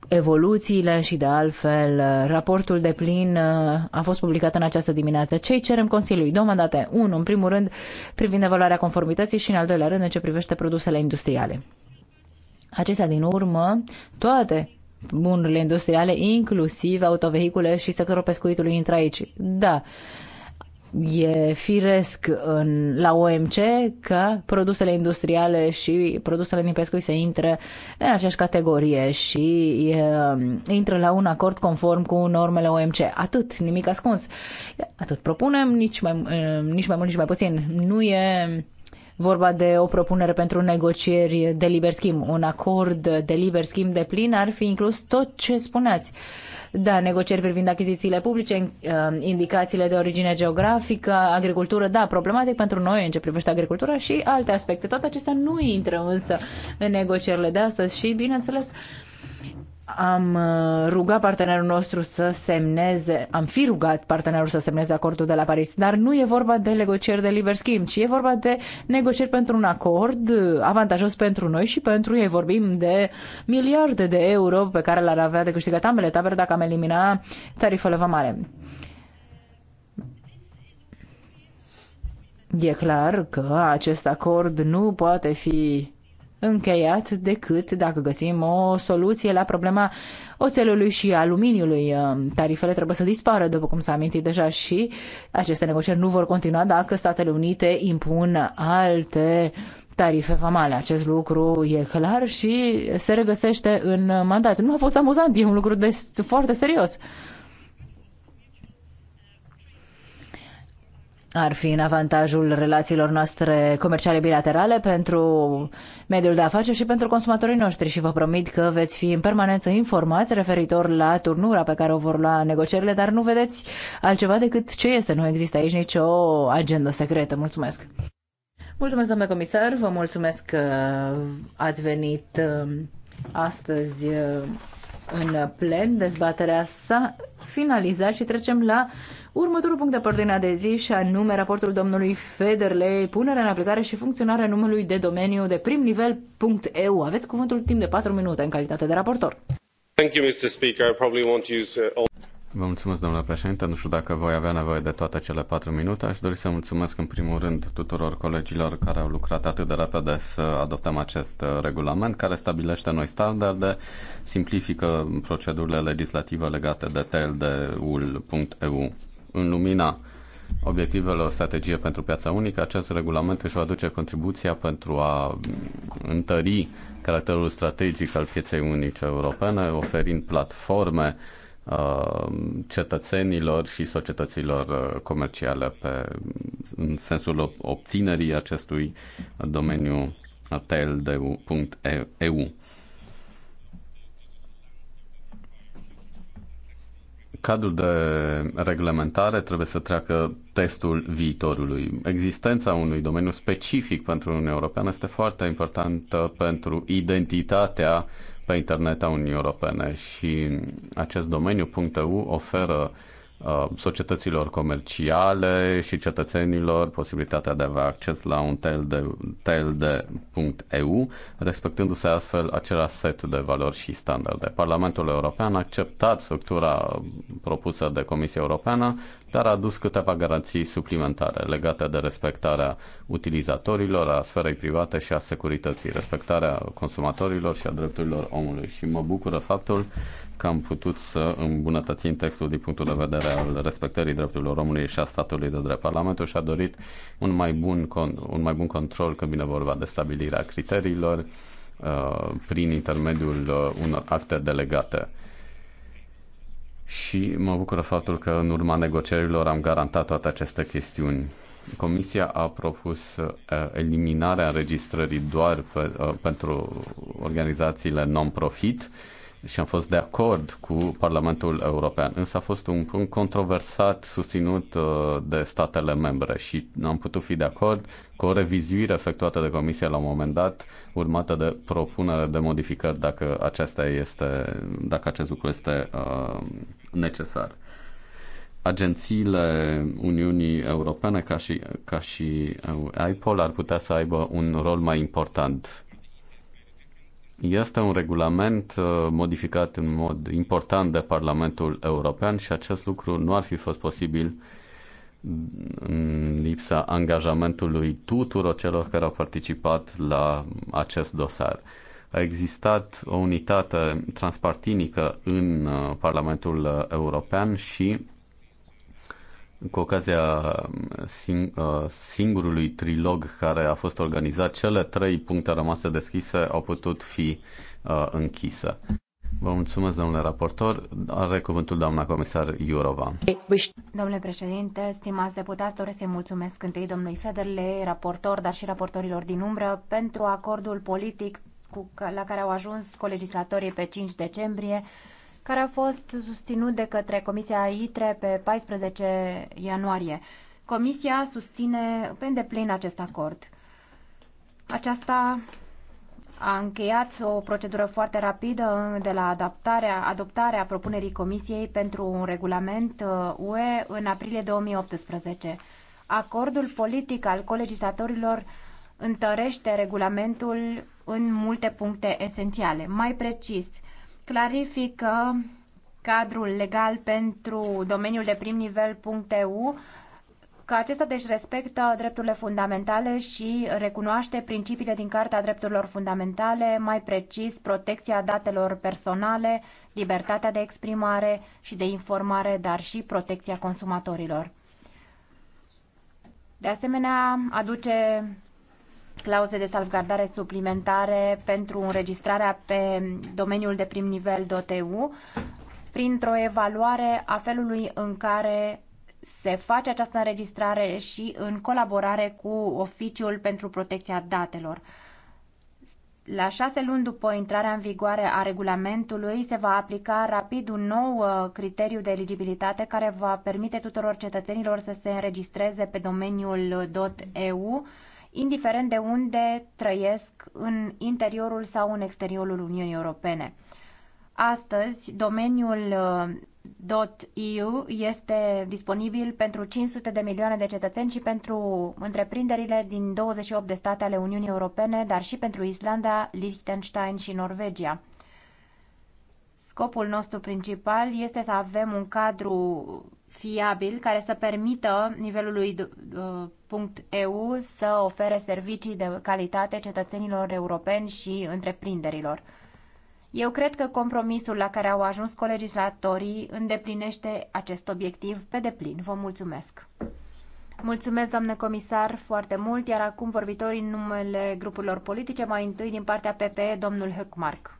evoluțiile și, de altfel, raportul de plin uh, a fost publicat în această dimineață. Cei cerem Consiliului? Două mandate. Unu, în primul rând, privind evaluarea conformității și, în al doilea rând, în ce privește produsele industriale. Acestea, din urmă, toate bunurile industriale, inclusiv autovehicule și sectorul pescuitului, intră aici. Da, e firesc în, la OMC că produsele industriale și produsele din pescuit se intre în aceeași categorie și e, um, intră la un acord conform cu normele OMC. Atât, nimic ascuns. Atât propunem, nici mai, um, nici mai mult, nici mai puțin. Nu e vorba de o propunere pentru negocieri de liber schimb. Un acord de liber schimb de plin ar fi inclus tot ce spuneați. Uh, da, negocieri privind achizițiile publice, uh, indicațiile de origine geografică, agricultură, da, problematic pentru noi în ce privește agricultura și alte aspecte. Toate acestea nu intră însă în negocierile de astăzi și, bineînțeles, am uh, rugat partenerul nostru să semneze, am fi rugat partenerul să semneze acordul de la Paris, dar nu e vorba de negocieri de liber schimb, ci e vorba de negocieri pentru un acord uh, avantajos pentru noi și pentru ei. Vorbim de miliarde de euro pe care l-ar avea de câștigat ambele tabere dacă am elimina tarifele vamale. E clar că acest acord nu poate fi încheiat decât dacă găsim o soluție la problema oțelului și aluminiului. Um, tarifele trebuie să dispară, după cum s-a amintit deja și aceste negocieri nu vor continua dacă Statele Unite impun alte tarife vamale. Acest lucru e clar și se regăsește în mandat. Nu a fost amuzant, e un lucru de, foarte serios. ar fi în avantajul relațiilor noastre comerciale bilaterale pentru mediul de afaceri și pentru consumatorii noștri și vă promit că veți fi în permanență informați referitor la turnura pe care o vor lua negocierile, dar nu vedeți altceva decât ce este. Nu există aici nicio agendă secretă. Mulțumesc! Mulțumesc, domnule comisar, vă mulțumesc că ați venit uh, astăzi uh, în plen. Dezbaterea s-a finalizat și trecem la următorul punct de ordine de zi și anume raportul domnului Federle, punerea în aplicare și funcționarea numelui de domeniu de prim nivel .eu. Aveți cuvântul timp de 4 minute în calitate de raportor. Thank you, Mr. Speaker. I probably won't use uh, all... Vă mulțumesc, domnule președinte. Nu știu dacă voi avea nevoie de toate cele patru minute. Aș dori să mulțumesc în primul rând tuturor colegilor care au lucrat atât de repede să adoptăm acest uh, regulament care stabilește noi standarde, simplifică procedurile legislative legate de tldul.eu. În lumina obiectivelor strategie pentru piața unică, acest regulament își va aduce contribuția pentru a mm, întări caracterul strategic al pieței unice europene, oferind platforme Uh, cetățenilor și societăților uh, comerciale pe, în sensul obținerii acestui domeniu tld.eu. Cadrul de reglementare trebuie să treacă testul viitorului. Existența unui domeniu specific pentru Uniunea Europeană este foarte importantă pentru identitatea pe internet a Uniunii Europene și acest domeniu .eu oferă Uh, societăților comerciale și cetățenilor posibilitatea de a avea acces la un tld.eu, respectându-se astfel același set de valori și standarde. Parlamentul European a acceptat structura propusă de Comisia Europeană, dar a adus câteva garanții suplimentare legate de respectarea utilizatorilor, a sferei private și a securității, respectarea consumatorilor și a drepturilor omului. Și mă bucură faptul că am putut să îmbunătățim textul din punctul de vedere al respectării drepturilor omului și a statului de drept. Parlamentul și-a dorit un mai bun, con- un mai bun control când vine vorba de stabilirea criteriilor uh, prin intermediul uh, unor acte delegate. Și mă bucură faptul că în urma negocierilor am garantat toate aceste chestiuni. Comisia a propus uh, eliminarea înregistrării doar pe, uh, pentru organizațiile non-profit și am fost de acord cu Parlamentul European, însă a fost un punct controversat susținut uh, de statele membre și nu am putut fi de acord cu o revizuire efectuată de Comisie la un moment dat, urmată de propunere de modificări dacă, aceasta este, dacă acest lucru este uh, necesar agențiile Uniunii Europene, ca și, ca și IPOL, uh, ar putea să aibă un rol mai important. Este un regulament uh, modificat în mod important de Parlamentul European și acest lucru nu ar fi fost posibil în lipsa angajamentului tuturor celor care au participat la acest dosar. A existat o unitate transpartinică în uh, Parlamentul European și cu ocazia sing- uh, singurului trilog care a fost organizat, cele trei puncte rămase deschise au putut fi uh, închise. Vă mulțumesc, domnule raportor. Are cuvântul doamna comisar Iurova. Domnule președinte, stimați deputați, doresc să-i mulțumesc întâi domnului Federle, raportor, dar și raportorilor din umbră, pentru acordul politic cu, la care au ajuns colegislatorii pe 5 decembrie care a fost susținut de către Comisia ITRE pe 14 ianuarie. Comisia susține pe îndeplin acest acord. Aceasta a încheiat o procedură foarte rapidă de la adaptarea, adoptarea propunerii Comisiei pentru un regulament UE uh, în aprilie 2018. Acordul politic al colegislatorilor întărește regulamentul în multe puncte esențiale. Mai precis, clarifică cadrul legal pentru domeniul de prim nivel.eu că acesta deci respectă drepturile fundamentale și recunoaște principiile din Carta Drepturilor Fundamentale, mai precis protecția datelor personale, libertatea de exprimare și de informare, dar și protecția consumatorilor. De asemenea, aduce clauze de salvgardare suplimentare pentru înregistrarea pe domeniul de prim nivel DOTU printr-o evaluare a felului în care se face această înregistrare și în colaborare cu Oficiul pentru Protecția Datelor. La șase luni după intrarea în vigoare a regulamentului, se va aplica rapid un nou uh, criteriu de eligibilitate care va permite tuturor cetățenilor să se înregistreze pe domeniul uh, .eu indiferent de unde trăiesc în interiorul sau în exteriorul Uniunii Europene. Astăzi, domeniul uh, .eu este disponibil pentru 500 de milioane de cetățeni și pentru întreprinderile din 28 de state ale Uniunii Europene, dar și pentru Islanda, Liechtenstein și Norvegia. Scopul nostru principal este să avem un cadru fiabil care să permită nivelului uh, .eu să ofere servicii de calitate cetățenilor europeni și întreprinderilor. Eu cred că compromisul la care au ajuns colegislatorii îndeplinește acest obiectiv pe deplin. Vă mulțumesc! Mulțumesc, doamnă comisar, foarte mult, iar acum vorbitorii în numele grupurilor politice, mai întâi din partea PPE, domnul Höckmark.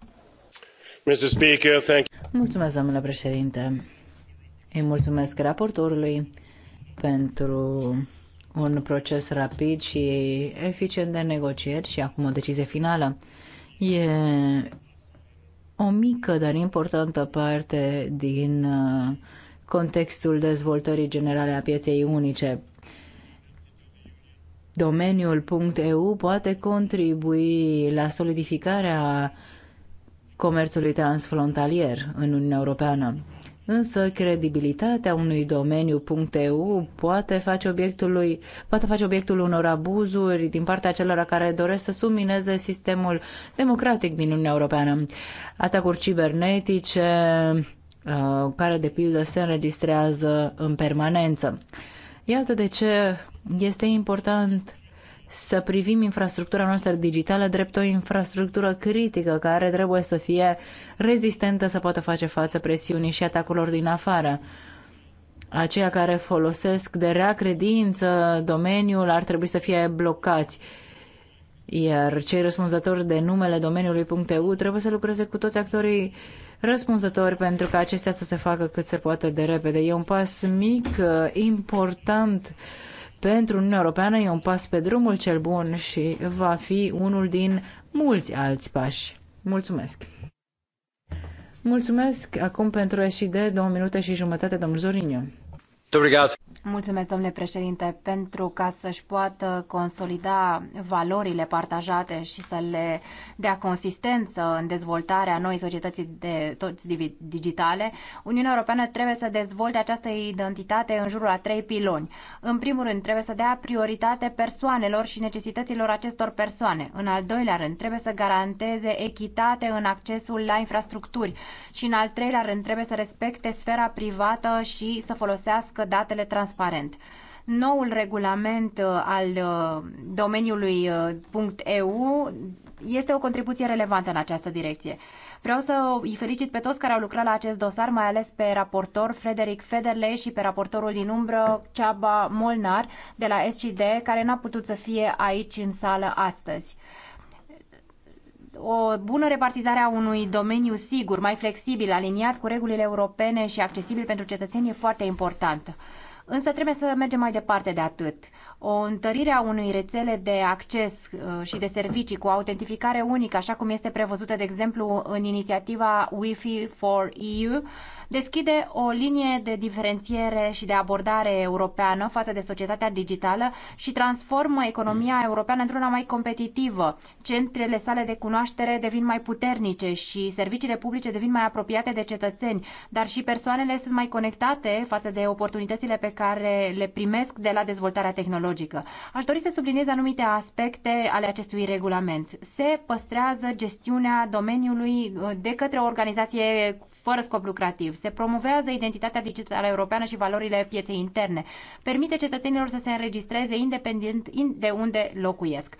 Mulțumesc, domnule președinte. Îi mulțumesc raportorului pentru un proces rapid și eficient de negocieri și acum o decizie finală. E o mică, dar importantă parte din uh, contextul dezvoltării generale a pieței unice. Domeniul .eu poate contribui la solidificarea comerțului transfrontalier în Uniunea Europeană însă credibilitatea unui domeniu .eu poate face, lui, poate face obiectul unor abuzuri din partea celor care doresc să submineze sistemul democratic din Uniunea Europeană. Atacuri cibernetice, uh, care de pildă se înregistrează în permanență. Iată de ce este important să privim infrastructura noastră digitală drept o infrastructură critică care trebuie să fie rezistentă să poată face față presiunii și atacurilor din afară. Aceia care folosesc de rea credință domeniul ar trebui să fie blocați iar cei răspunzători de numele domeniului .eu trebuie să lucreze cu toți actorii răspunzători pentru ca acestea să se facă cât se poate de repede. E un pas mic, eh, important pentru Uniunea Europeană e un pas pe drumul cel bun și va fi unul din mulți alți pași. Mulțumesc! Mulțumesc acum pentru SID, două minute și jumătate, domnul Zoriniu. Obrigado. Mulțumesc, domnule președinte, pentru ca să-și poată consolida valorile partajate și să le dea consistență în dezvoltarea noi societății de toți digitale, Uniunea Europeană trebuie să dezvolte această identitate în jurul a trei piloni. În primul rând, trebuie să dea prioritate persoanelor și necesităților acestor persoane. În al doilea rând, trebuie să garanteze echitate în accesul la infrastructuri și în al treilea rând, trebuie să respecte sfera privată și să folosească datele transparente transparent. Noul regulament uh, al uh, domeniului uh, .eu este o contribuție relevantă în această direcție. Vreau să îi felicit pe toți care au lucrat la acest dosar, mai ales pe raportor Frederic Federle și pe raportorul din umbră Ceaba Molnar de la SCD, care n-a putut să fie aici în sală astăzi o bună repartizare a unui domeniu sigur, mai flexibil, aliniat cu regulile europene și accesibil pentru cetățeni e foarte importantă. Însă trebuie să mergem mai departe de atât. O întărire a unei rețele de acces uh, și de servicii cu autentificare unică, așa cum este prevăzută, de exemplu, în inițiativa Wi-Fi for EU, deschide o linie de diferențiere și de abordare europeană față de societatea digitală și transformă economia europeană într-una mai competitivă. Centrele sale de cunoaștere devin mai puternice și serviciile publice devin mai apropiate de cetățeni, dar și persoanele sunt mai conectate față de oportunitățile pe care le primesc de la dezvoltarea tehnologică. Aș dori să subliniez anumite aspecte ale acestui regulament. Se păstrează gestiunea domeniului uh, de către o organizație fără scop lucrativ. Se promovează identitatea digitală europeană și valorile pieței interne. Permite cetățenilor să se înregistreze independent de unde locuiesc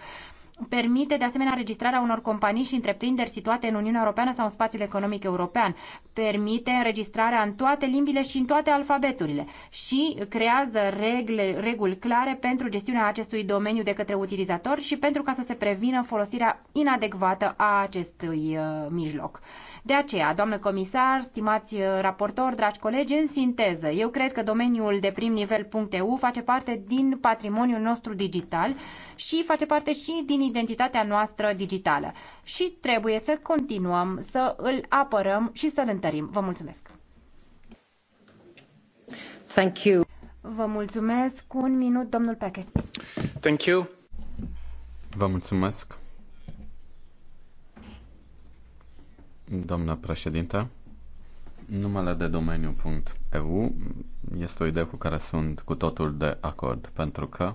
permite de asemenea înregistrarea unor companii și întreprinderi situate în Uniunea Europeană sau în spațiul economic european. Permite înregistrarea în toate limbile și în toate alfabeturile și creează regle, reguli clare pentru gestiunea acestui domeniu de către utilizator și pentru ca să se prevină folosirea inadecvată a acestui uh, mijloc. De aceea, doamnă comisar, stimați uh, raportori, dragi colegi, în sinteză, eu cred că domeniul de prim nivel.eu face parte din patrimoniul nostru digital și face parte și din identitatea noastră digitală. Și trebuie să continuăm să îl apărăm și să-l întărim. Vă mulțumesc! Thank you. Vă mulțumesc. Un minut, domnul Pechet. Thank you. Vă mulțumesc. Doamna președintă, numele de domeniu.eu este o idee cu care sunt cu totul de acord, pentru că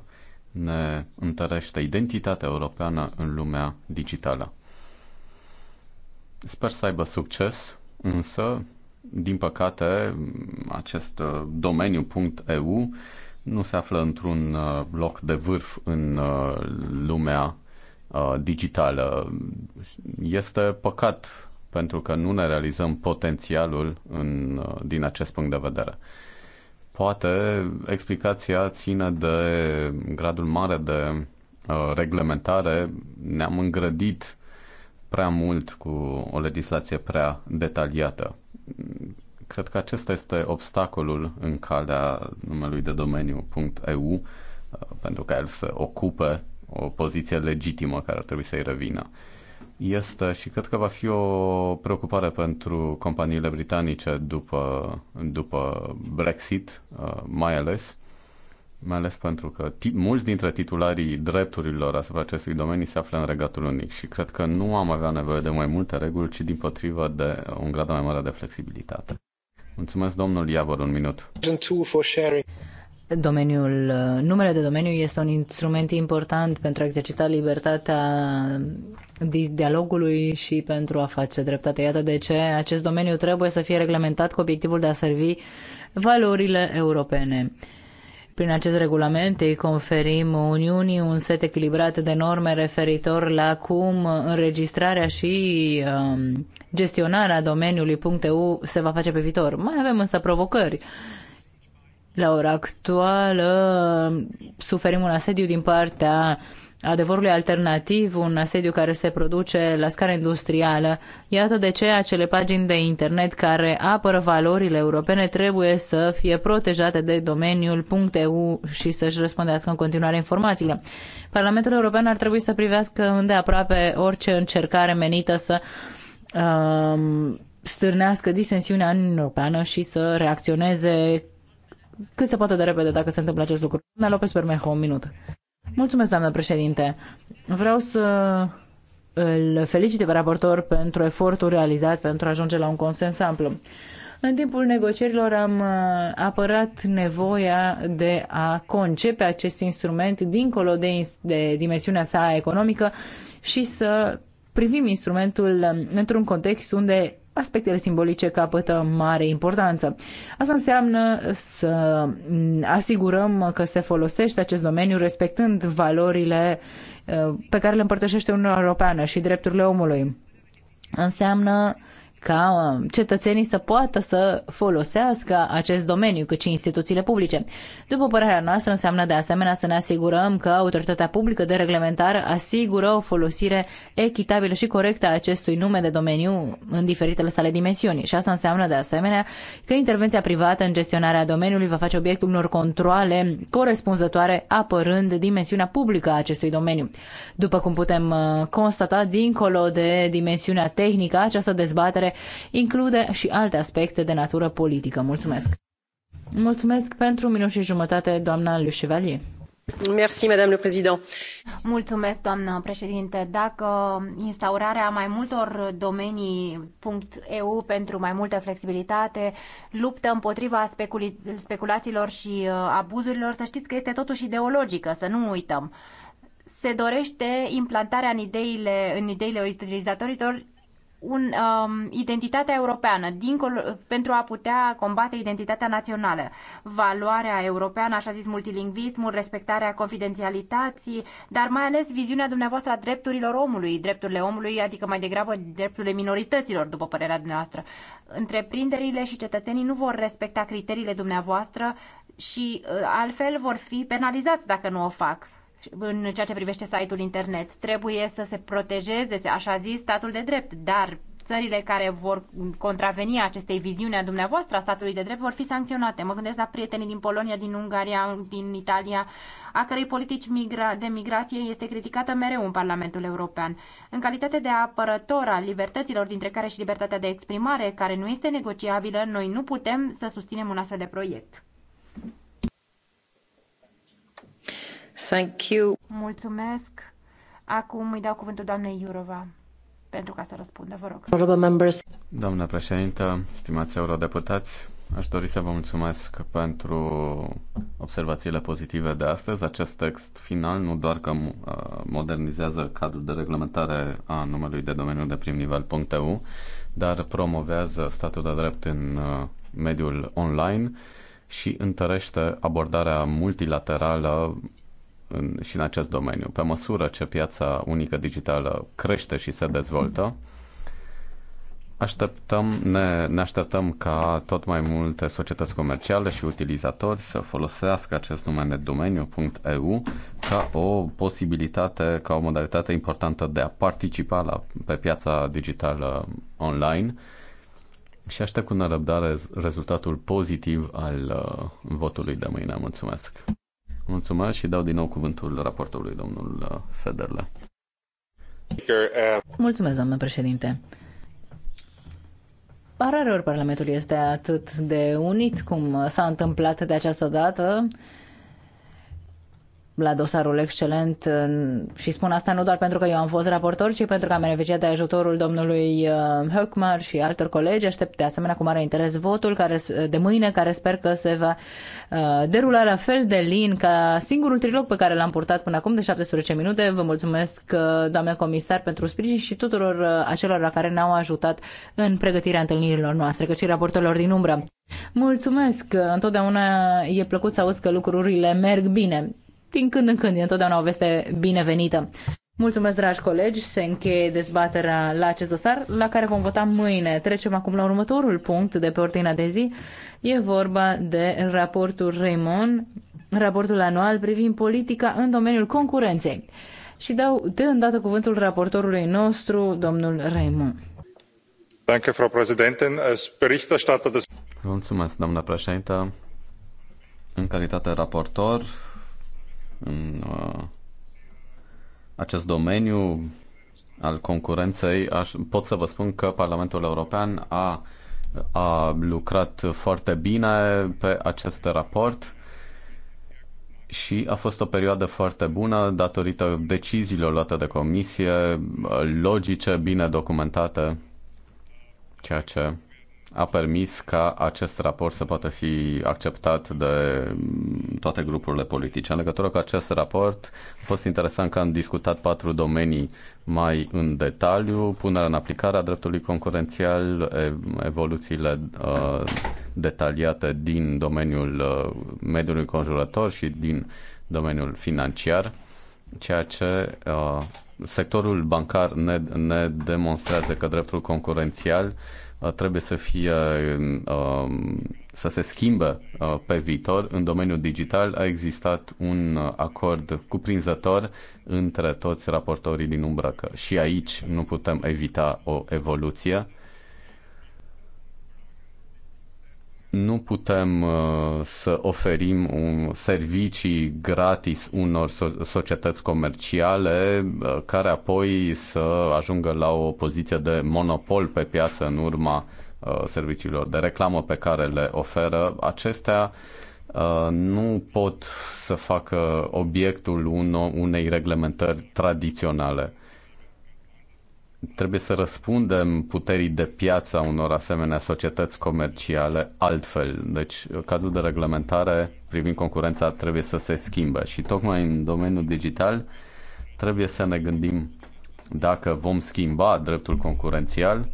ne întărește identitatea europeană în lumea digitală. Sper să aibă succes, însă, din păcate, acest uh, domeniu.eu nu se află într-un uh, loc de vârf în uh, lumea digitală. Este păcat pentru că nu ne realizăm potențialul în, uh, din acest punct de vedere. Poate explicația ține de gradul mare de uh, reglementare. Ne-am îngrădit prea mult cu o legislație prea detaliată. Cred că acesta este obstacolul în calea numelui de domeniu.eu uh, pentru ca el să ocupe o poziție legitimă care ar trebui să-i revină este și cred că va fi o preocupare pentru companiile britanice după, după Brexit, uh, mai ales, mai ales pentru că mulți dintre titularii drepturilor asupra acestui domeniu se află în regatul unic și cred că nu am avea nevoie de mai multe reguli, ci din potrivă de un grad mai mare de flexibilitate. Mulțumesc, domnul Iavor, un minut. Domeniul, numele de domeniu este un instrument important pentru a exercita libertatea dialogului și pentru a face dreptate. Iată de ce acest domeniu trebuie să fie reglementat cu obiectivul de a servi valorile europene. Prin acest regulament îi conferim Uniunii un set echilibrat de norme referitor la cum înregistrarea și um, gestionarea domeniului .eu se va face pe viitor. Mai avem însă provocări. Uh, la ora actuală suferim un asediu din partea adevărului alternativ, un asediu care se produce la scară industrială. Iată de ce acele pagini de internet care apără valorile europene trebuie să fie protejate de domeniul .eu și să-și răspundească în continuare informațiile. Parlamentul European ar trebui să privească îndeaproape orice încercare menită să um, stârnească disensiunea în Europeană și să reacționeze cât se poate de repede dacă se întâmplă acest lucru. Doamna Lopez Bermejo, un minut. Mulțumesc, doamnă președinte. Vreau să îl felicit pe raportor pentru efortul realizat pentru a ajunge la un consens amplu. În timpul negocierilor am uh, apărat nevoia de a concepe acest instrument dincolo de, de dimensiunea sa economică și să privim instrumentul um, într-un context unde aspectele simbolice capătă mare importanță. Asta înseamnă să asigurăm că se folosește acest domeniu respectând valorile uh, pe care le împărtășește Uniunea Europeană și drepturile omului. Înseamnă ca um, cetățenii să poată să folosească acest domeniu, cât și instituțiile publice. După părerea noastră, înseamnă de asemenea să ne asigurăm că autoritatea publică de reglementare asigură o folosire echitabilă și corectă a acestui nume de domeniu în diferitele sale dimensiuni. Și asta înseamnă de asemenea că intervenția privată în gestionarea domeniului va face obiectul unor controle corespunzătoare apărând dimensiunea publică a acestui domeniu. După cum putem uh, constata, dincolo de dimensiunea tehnică, această dezbatere include și alte aspecte de natură politică. Mulțumesc! Mulțumesc pentru minut și jumătate, doamna Le Chevalier. Merci, Madame le Président. Mulțumesc, doamnă președinte. Dacă instaurarea mai multor domenii .eu pentru mai multă flexibilitate luptă împotriva speculațiilor și uh, abuzurilor, să știți că este totuși ideologică, să nu uităm se dorește implantarea în ideile, în ideile utilizatorilor un, um, identitatea europeană dincolo, pentru a putea combate identitatea națională. Valoarea europeană, așa zis multilingvismul, respectarea confidențialității, dar mai ales viziunea dumneavoastră a drepturilor omului, drepturile omului, adică mai degrabă drepturile minorităților, după părerea dumneavoastră. Întreprinderile și cetățenii nu vor respecta criteriile dumneavoastră și uh, altfel vor fi penalizați dacă nu o fac în ceea ce privește site-ul internet. Trebuie să se protejeze, așa zis, statul de drept, dar țările care vor contraveni acestei viziuni a dumneavoastră a statului de drept vor fi sancționate. Mă gândesc la prietenii din Polonia, din Ungaria, din Italia, a cărei politici migra- de migrație este criticată mereu în Parlamentul European. În calitate de apărător al libertăților, dintre care și libertatea de exprimare, care nu este negociabilă, noi nu putem să susținem un astfel de proiect. Thank you. Mulțumesc. Acum îi dau cuvântul doamnei Iurova pentru ca să răspundă, vă rog. Doamna președintă, stimați eurodeputați, aș dori să vă mulțumesc pentru observațiile pozitive de astăzi. Acest text final nu doar că uh, modernizează cadrul de reglementare a numelui de domeniu de prim nivel.eu, dar promovează statul de drept în uh, mediul online și întărește abordarea multilaterală în, și în acest domeniu. Pe măsură ce piața unică digitală crește și se dezvoltă, Așteptăm, ne, ne așteptăm ca tot mai multe societăți comerciale și utilizatori să folosească acest nume de domeniu.eu ca o posibilitate, ca o modalitate importantă de a participa la, pe piața digitală online și aștept cu nerăbdare rezultatul pozitiv al uh, votului de mâine. Mulțumesc! Mulțumesc și dau din nou cuvântul raportului domnul uh, Federle. Mulțumesc, doamnă președinte. Rareori Parlamentul este atât de unit cum s-a întâmplat de această dată la dosarul excelent și spun asta nu doar pentru că eu am fost raportor, ci pentru că am beneficiat de ajutorul domnului uh, Höckmar și altor colegi. Aștept de asemenea cu mare interes votul care, de mâine, care sper că se va uh, derula la fel de lin ca singurul trilog pe care l-am purtat până acum de 17 minute. Vă mulțumesc, uh, doamne comisar, pentru sprijin și tuturor acelor la care ne-au ajutat în pregătirea întâlnirilor noastre, cât și raportorilor din umbră. Mulțumesc! Întotdeauna e plăcut să auzi că lucrurile merg bine din când în când. E întotdeauna o veste binevenită. Mulțumesc, dragi colegi, se încheie dezbaterea la acest dosar, la care vom vota mâine. Trecem acum la următorul punct de pe ordinea de zi. E vorba de raportul Raymond, raportul anual privind politica în domeniul concurenței. Și dau de îndată cuvântul raportorului nostru, domnul Raymond. Danke, Frau Präsidentin. Als Berichterstatter des... Mulțumesc, doamna președintă. În calitate raportor, în uh, acest domeniu al concurenței, aș, pot să vă spun că Parlamentul European a, a lucrat foarte bine pe acest raport și a fost o perioadă foarte bună datorită deciziilor luate de comisie, logice, bine documentate, ceea ce a permis ca acest raport să poată fi acceptat de toate grupurile politice. În legătură cu acest raport, a fost interesant că am discutat patru domenii mai în detaliu, punerea în aplicare a dreptului concurențial, evoluțiile uh, detaliate din domeniul uh, mediului conjurător și din domeniul financiar, ceea ce uh, sectorul bancar ne, ne demonstrează că dreptul concurențial Uh, trebuie să fie um, să se schimbe uh, pe viitor. În domeniul digital a existat un uh, acord cuprinzător între toți raportorii din umbră și aici nu putem evita o evoluție nu putem uh, să oferim un servicii gratis unor societăți comerciale uh, care apoi să ajungă la o poziție de monopol pe piață în urma uh, serviciilor de reclamă pe care le oferă. Acestea nu pot să facă obiectul unei reglementări tradiționale trebuie să răspundem puterii de piață a unor asemenea societăți comerciale altfel. Deci, cadrul de reglementare privind concurența trebuie să se schimbe și tocmai în domeniul digital trebuie să ne gândim dacă vom schimba dreptul concurențial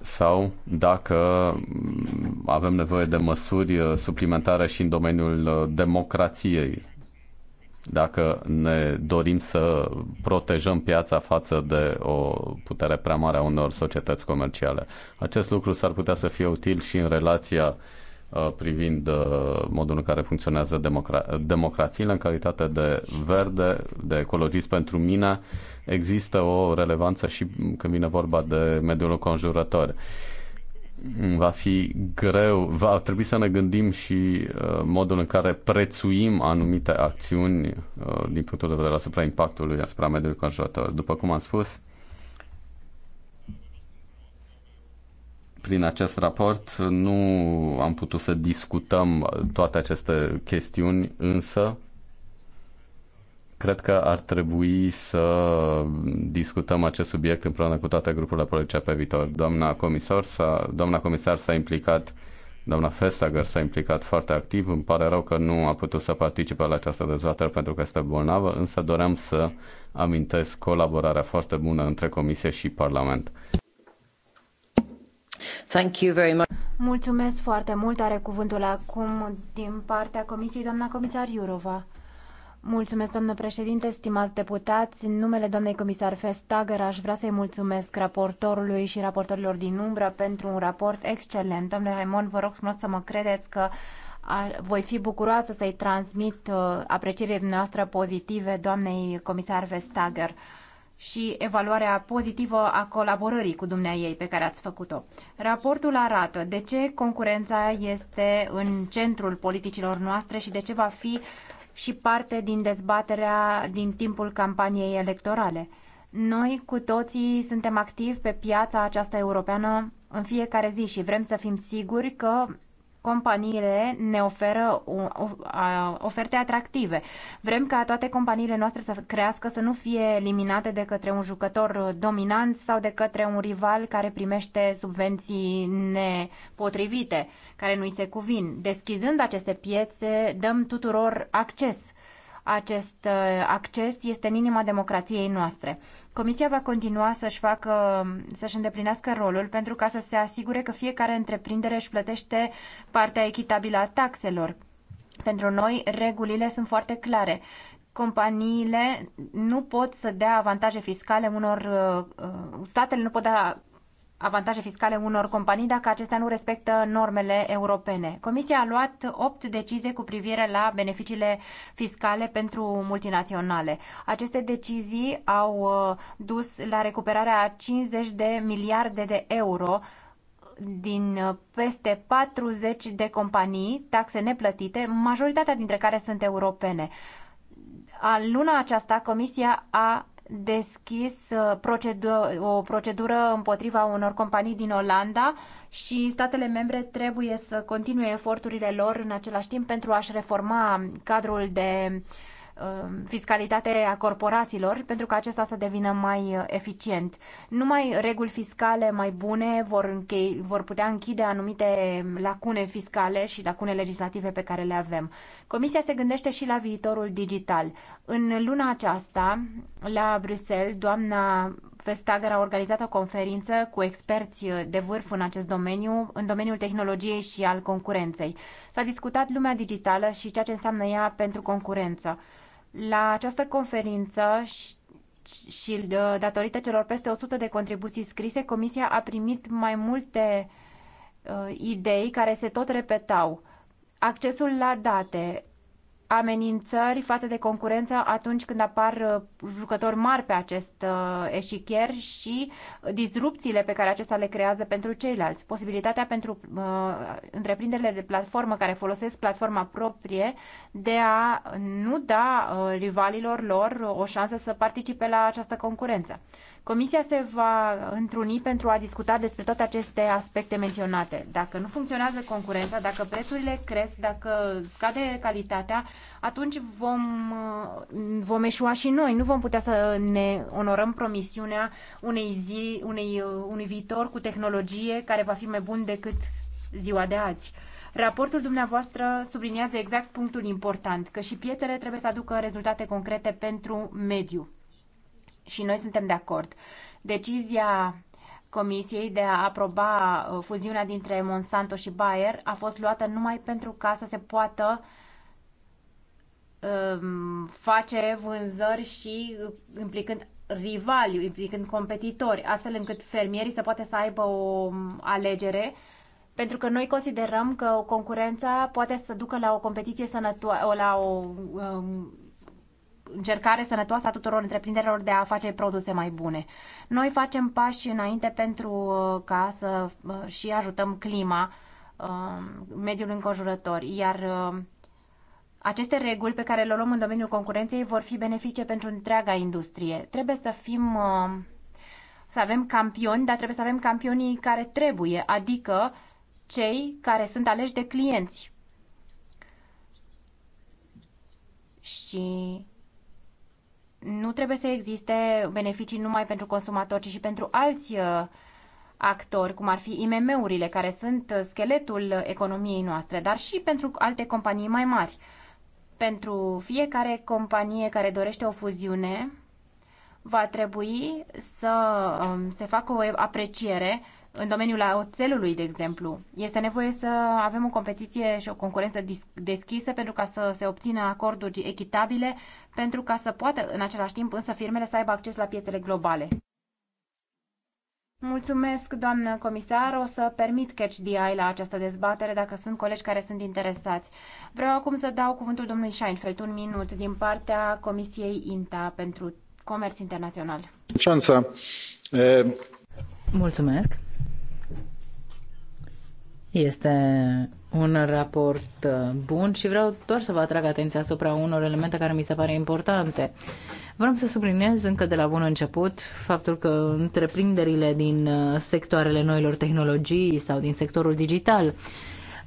sau dacă avem nevoie de măsuri suplimentare și în domeniul democrației, dacă ne dorim să protejăm piața față de o putere prea mare a unor societăți comerciale. Acest lucru s-ar putea să fie util și în relația uh, privind uh, modul în care funcționează democra- democrațiile în calitate de verde, de ecologist pentru mine, există o relevanță și când vine vorba de mediul înconjurător va fi greu, va trebui să ne gândim și uh, modul în care prețuim anumite acțiuni uh, din punctul de vedere asupra impactului asupra mediului conjurător. După cum am spus, prin acest raport nu am putut să discutăm toate aceste chestiuni, însă Cred că ar trebui să discutăm acest subiect împreună cu toate grupurile politice pe viitor. Doamna comisar s-a, doamna comisar s-a implicat, doamna Festager s-a implicat foarte activ. Îmi pare rău că nu a putut să participe la această dezbatere pentru că este bolnavă, însă doream să amintesc colaborarea foarte bună între Comisie și Parlament. Thank you very much. Mulțumesc foarte mult. Are cuvântul acum din partea Comisiei doamna comisar Iurova. Mulțumesc, doamnă președinte, stimați deputați. În numele doamnei comisar Vestager aș vrea să-i mulțumesc raportorului și raportorilor din umbră pentru un raport excelent. Domnule Raimond, vă rog frumos să mă credeți că voi fi bucuroasă să-i transmit uh, aprecierile noastre pozitive doamnei comisar Vestager și evaluarea pozitivă a colaborării cu dumnea ei pe care ați făcut-o. Raportul arată de ce concurența este în centrul politicilor noastre și de ce va fi uh, și parte din dezbaterea din timpul campaniei electorale. Noi cu toții suntem activi pe piața aceasta europeană în fiecare zi și vrem să fim siguri că companiile ne oferă oferte atractive. Vrem ca toate companiile noastre să crească, să nu fie eliminate de către un jucător dominant sau de către un rival care primește subvenții nepotrivite, care nu-i se cuvin. Deschizând aceste piețe, dăm tuturor acces. Acest uh, acces este în inima democrației noastre. Comisia va continua să-și facă, să-și îndeplinească rolul pentru ca să se asigure că fiecare întreprindere își plătește partea echitabilă a taxelor. Pentru noi, regulile sunt foarte clare. Companiile nu pot să dea avantaje fiscale unor. Uh, uh, statele nu pot da avantaje fiscale unor companii dacă acestea nu respectă normele europene. Comisia a luat opt decizii cu privire la beneficiile fiscale pentru multinaționale. Aceste decizii au uh, dus la recuperarea a 50 de miliarde de euro din uh, peste 40 de companii, taxe neplătite, majoritatea dintre care sunt europene. A luna aceasta, Comisia a deschis uh, procedu- o procedură împotriva unor companii din Olanda și statele membre trebuie să continue eforturile lor în același timp pentru a-și reforma cadrul de uh, Um, fiscalitate a corporațiilor pentru ca acesta să devină mai uh, eficient. Numai reguli fiscale mai bune vor, închei, vor putea închide anumite lacune fiscale și lacune legislative pe care le avem. Comisia se gândește și la viitorul digital. În luna aceasta, la Bruxelles, doamna Vestager a organizat o conferință cu experți uh, de vârf în acest domeniu, în domeniul tehnologiei și al concurenței. S-a discutat lumea digitală și ceea ce înseamnă ea pentru concurență. La această conferință și, și uh, datorită celor peste 100 de contribuții scrise, Comisia a primit mai multe uh, idei care se tot repetau. Accesul la date, amenințări față de concurență atunci când apar uh, jucători mari pe acest uh, eșichier și disrupțiile pe care acesta le creează pentru ceilalți. Posibilitatea pentru uh, întreprinderile de platformă care folosesc platforma proprie de a nu da uh, rivalilor lor o șansă să participe la această concurență. Comisia se va întruni pentru a discuta despre toate aceste aspecte menționate. Dacă nu funcționează concurența, dacă prețurile cresc, dacă scade calitatea, atunci vom, vom eșua și noi. Nu vom putea să ne onorăm promisiunea unei zi, unei, unui viitor cu tehnologie care va fi mai bun decât ziua de azi. Raportul dumneavoastră subliniază exact punctul important, că și piețele trebuie să aducă rezultate concrete pentru mediu și noi suntem de acord. Decizia Comisiei de a aproba uh, fuziunea dintre Monsanto și Bayer a fost luată numai pentru ca să se poată um, face vânzări și uh, implicând rivali, implicând competitori, astfel încât fermierii să poată să aibă o um, alegere pentru că noi considerăm că o concurență poate să ducă la o competiție sănătoasă, la o um, încercare sănătoasă a tuturor întreprinderilor de a face produse mai bune. Noi facem pași înainte pentru uh, ca să uh, și ajutăm clima, um, mediul înconjurător, iar uh, aceste reguli pe care le luăm în domeniul concurenței vor fi benefice pentru întreaga industrie. Trebuie să fim să avem campioni, dar trebuie să avem campionii care trebuie, adică cei care sunt aleși de clienți. Și nu trebuie să existe beneficii numai pentru consumatori, ci și pentru alți uh, actori, cum ar fi IMM-urile, care sunt uh, scheletul economiei noastre, dar și pentru alte companii mai mari. Pentru fiecare companie care dorește o fuziune, va trebui să um, se facă o apreciere în domeniul oțelului, de exemplu. Este nevoie să avem o competiție și o concurență deschisă pentru ca să se obțină acorduri echitabile, pentru ca să poată în același timp însă firmele să aibă acces la piețele globale. Mulțumesc, doamnă comisar. O să permit Catch the Eye la această dezbatere dacă sunt colegi care sunt interesați. Vreau acum să dau cuvântul domnului Scheinfeld, un minut, din partea Comisiei INTA pentru Comerț Internațional. Șansa. E... Mulțumesc. Este un raport uh, bun și vreau doar să vă atrag atenția asupra unor elemente care mi se pare importante. Vreau să subliniez încă de la bun început faptul că întreprinderile din uh, sectoarele noilor tehnologii sau din sectorul digital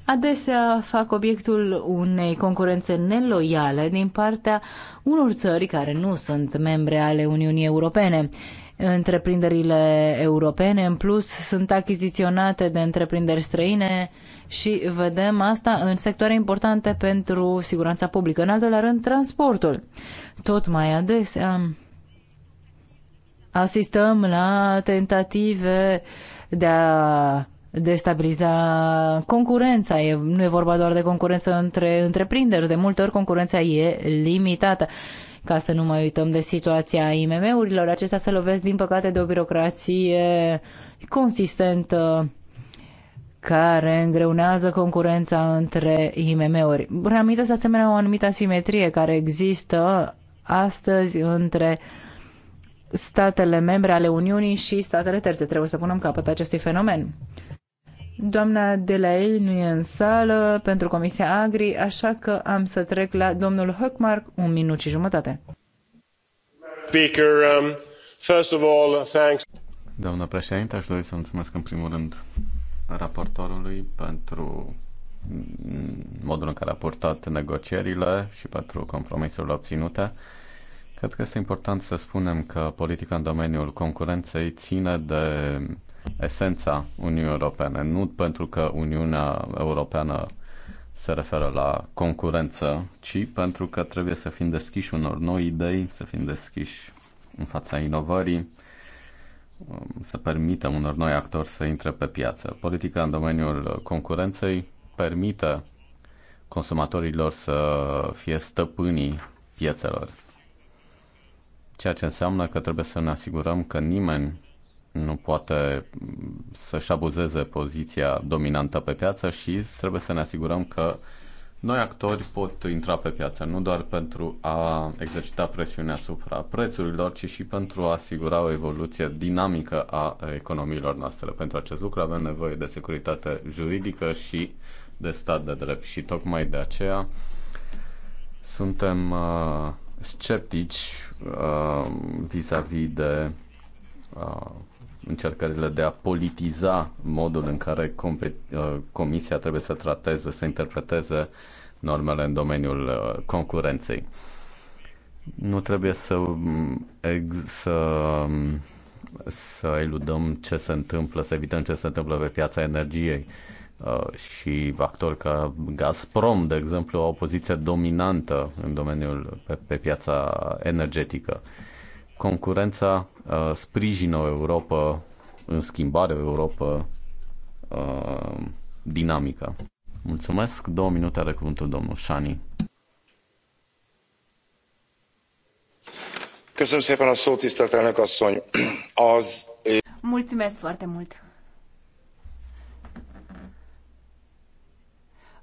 adesea fac obiectul unei concurențe neloiale din partea unor țări care nu sunt membre ale Uniunii Europene întreprinderile europene, în plus sunt achiziționate de întreprinderi străine și vedem asta în sectoare importante pentru siguranța publică. În al doilea rând, transportul. Tot mai adesea asistăm la tentative de a destabiliza concurența. E, nu e vorba doar de concurență între întreprinderi, de multe ori concurența e limitată ca să nu mai uităm de situația IMM-urilor. Acestea se lovesc, din păcate, de o birocrație consistentă care îngreunează concurența între IMM-uri. Reamintesc asemenea o anumită asimetrie care există astăzi între statele membre ale Uniunii și statele terțe. Trebuie să punem capăt acestui fenomen. Doamna de nu e în sală pentru Comisia Agri, așa că am să trec la domnul Höckmark un minut și jumătate. Speaker, um, first of all, thanks. Doamna președinte, aș dori să mulțumesc în primul rând raportorului pentru modul în care a portat negocierile și pentru compromisurile obținute. Cred că este important să spunem că politica în domeniul concurenței ține de esența Uniunii Europene, nu pentru că Uniunea Europeană se referă la concurență, ci pentru că trebuie să fim deschiși unor noi idei, să fim deschiși în fața inovării, um, să permită unor noi actori să intre pe piață. Politica în domeniul concurenței permite consumatorilor să fie stăpânii piețelor. Ceea ce înseamnă că trebuie să ne asigurăm că nimeni nu poate să-și abuzeze poziția dominantă pe piață și trebuie să ne asigurăm că noi actori pot intra pe piață, nu doar pentru a exercita presiunea asupra prețurilor, ci și pentru a asigura o evoluție dinamică a economiilor noastre. Pentru acest lucru avem nevoie de securitate juridică și de stat de drept și tocmai de aceea suntem uh, sceptici uh, vis-a-vis de uh, încercările de a politiza modul în care uh, Comisia trebuie să trateze, să interpreteze normele în domeniul uh, concurenței. Nu trebuie să, mm, ex, să, mm, să eludăm ce se întâmplă, să evităm ce se întâmplă pe piața energiei uh, și actori ca Gazprom, de exemplu, au o poziție dominantă în domeniul pe, pe piața energetică. Concurența Uh, sprijină o Europa în schimbare, o Europa uh, dinamică. Mulțumesc. Două minute are cuvântul domnul Șani. Mulțumesc foarte mult.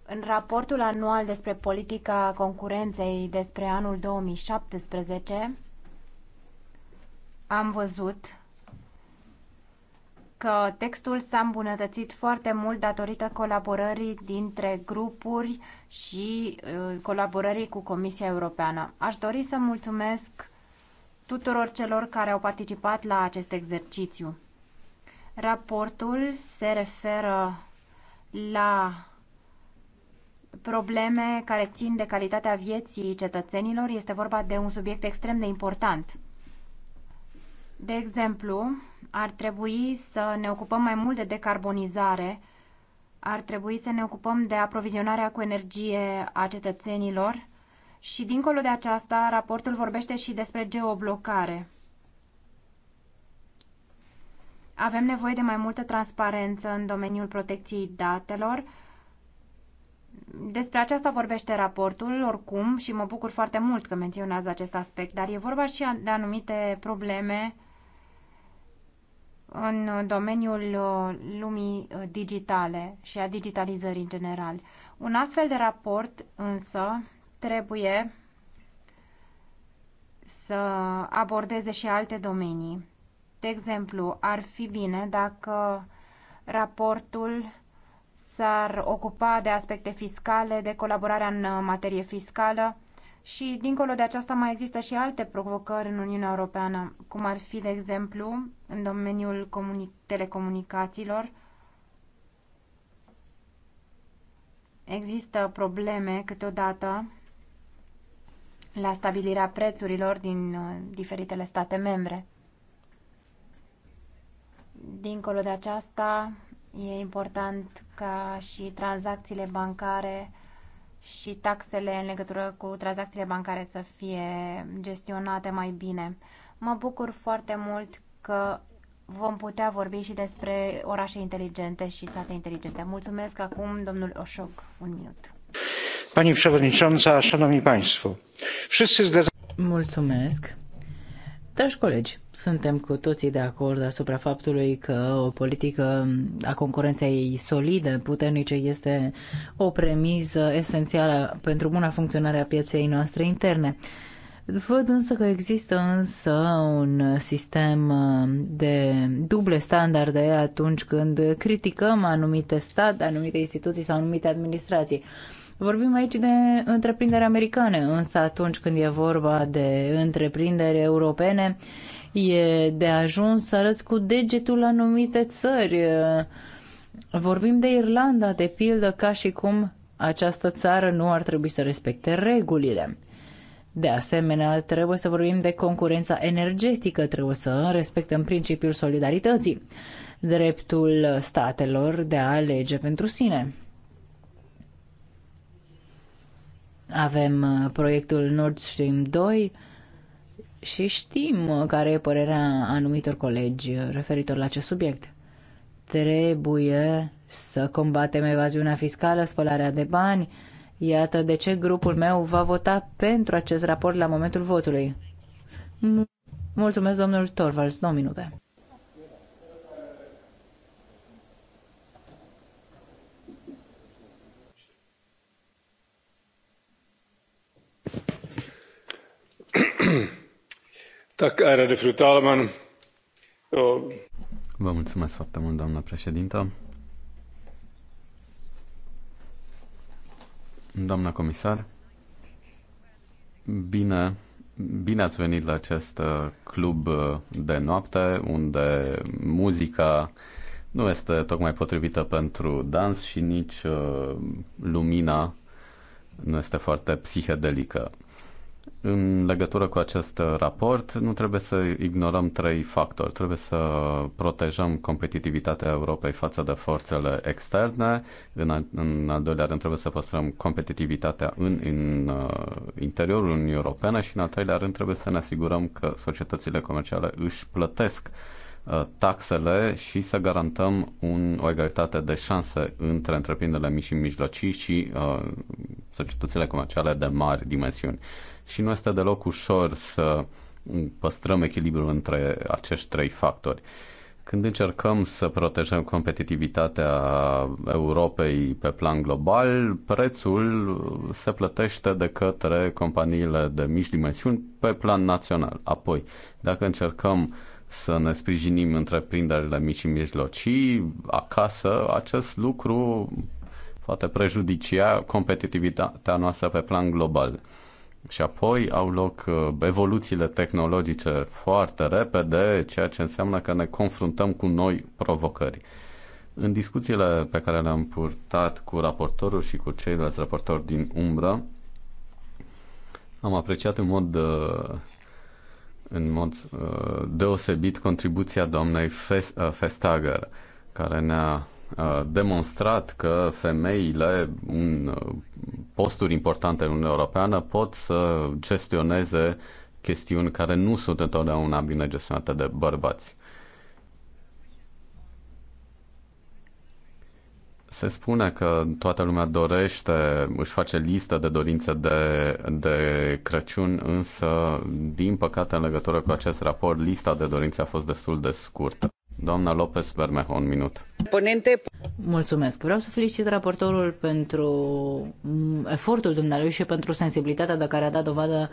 În raportul anual despre politica concurenței despre anul 2017, am văzut că textul s-a îmbunătățit foarte mult datorită colaborării dintre grupuri și uh, colaborării cu Comisia Europeană. Aș dori să mulțumesc tuturor celor care au participat la acest exercițiu. Raportul se referă la probleme care țin de calitatea vieții cetățenilor. Este vorba de un subiect extrem de important. De exemplu, ar trebui să ne ocupăm mai mult de decarbonizare, ar trebui să ne ocupăm de aprovizionarea cu energie a cetățenilor și, dincolo de aceasta, raportul vorbește și despre geoblocare. Avem nevoie de mai multă transparență în domeniul protecției datelor. Despre aceasta vorbește raportul, oricum, și mă bucur foarte mult că menționează acest aspect, dar e vorba și de anumite probleme în domeniul uh, lumii uh, digitale și a digitalizării în general. Un astfel de raport însă trebuie să abordeze și alte domenii. De exemplu, ar fi bine dacă raportul s-ar ocupa de aspecte fiscale, de colaborarea în uh, materie fiscală, și dincolo de aceasta mai există și alte provocări în Uniunea Europeană, cum ar fi, de exemplu, în domeniul telecomunicațiilor. Există probleme câteodată la stabilirea prețurilor din uh, diferitele state membre. Dincolo de aceasta, e important ca și tranzacțiile bancare și taxele în legătură cu tranzacțiile bancare să fie gestionate mai bine. Mă bucur foarte mult că vom putea vorbi și despre orașe inteligente și sate inteligente. Mulțumesc acum, domnul Oșoc, un minut. Pani przewodnicząca, szanowni państwo, wszyscy zgadzamy Mulțumesc. Dragi colegi, suntem cu toții de acord asupra faptului că o politică a concurenței solide, puternice, este o premiză esențială pentru buna funcționare a pieței noastre interne. Văd însă că există însă un sistem de duble standarde atunci când criticăm anumite state, anumite instituții sau anumite administrații. Vorbim aici de întreprinderi americane, însă atunci când e vorba de întreprinderi europene, e de ajuns să arăți cu degetul anumite țări. Vorbim de Irlanda, de pildă, ca și cum această țară nu ar trebui să respecte regulile. De asemenea, trebuie să vorbim de concurența energetică, trebuie să respectăm principiul solidarității, dreptul statelor de a alege pentru sine. Avem uh, proiectul Nord Stream 2 și știm uh, care e părerea anumitor colegi uh, referitor la acest subiect. Trebuie să combatem evaziunea fiscală, spălarea de bani. Iată de ce grupul meu va vota pentru acest raport la momentul votului. Mulțumesc, domnul Torvalds. Două minute. Vă mulțumesc foarte mult, doamnă președintă. Doamna comisar, bine, bine ați venit la acest uh, club uh, de noapte unde muzica nu este tocmai potrivită pentru dans și nici uh, lumina nu este foarte psihedelică. În legătură cu acest raport, nu trebuie să ignorăm trei factori. Trebuie să protejăm competitivitatea Europei față de forțele externe. În, în al doilea rând, trebuie să păstrăm competitivitatea în, în uh, interiorul Uniunii Europene și, în al treilea rând, trebuie să ne asigurăm că societățile comerciale își plătesc uh, taxele și să garantăm un, o egalitate de șanse între întreprinderile mici și mijlocii și uh, societățile comerciale de mari dimensiuni și nu este deloc ușor să păstrăm echilibrul între acești trei factori. Când încercăm să protejăm competitivitatea Europei pe plan global, prețul se plătește de către companiile de mici dimensiuni pe plan național. Apoi, dacă încercăm să ne sprijinim întreprinderile mici și mijlocii acasă, acest lucru poate prejudicia competitivitatea noastră pe plan global și apoi au loc uh, evoluțiile tehnologice foarte repede, ceea ce înseamnă că ne confruntăm cu noi provocări. În discuțiile pe care le-am purtat cu raportorul și cu ceilalți raportori din umbră, am apreciat în mod, uh, în mod uh, deosebit contribuția doamnei Festager, care ne-a demonstrat că femeile în uh, posturi importante în Uniunea Europeană pot să gestioneze chestiuni care nu sunt întotdeauna bine gestionate de bărbați. Se spune că toată lumea dorește, își face listă de dorințe de, de Crăciun, însă, din păcate, în legătură cu acest raport, lista de dorințe a fost destul de scurtă. Doamna Lopez Bermejo, un minut. Ponente. Mulțumesc. Vreau să felicit raportorul pentru efortul dumnealui și pentru sensibilitatea de care a dat dovadă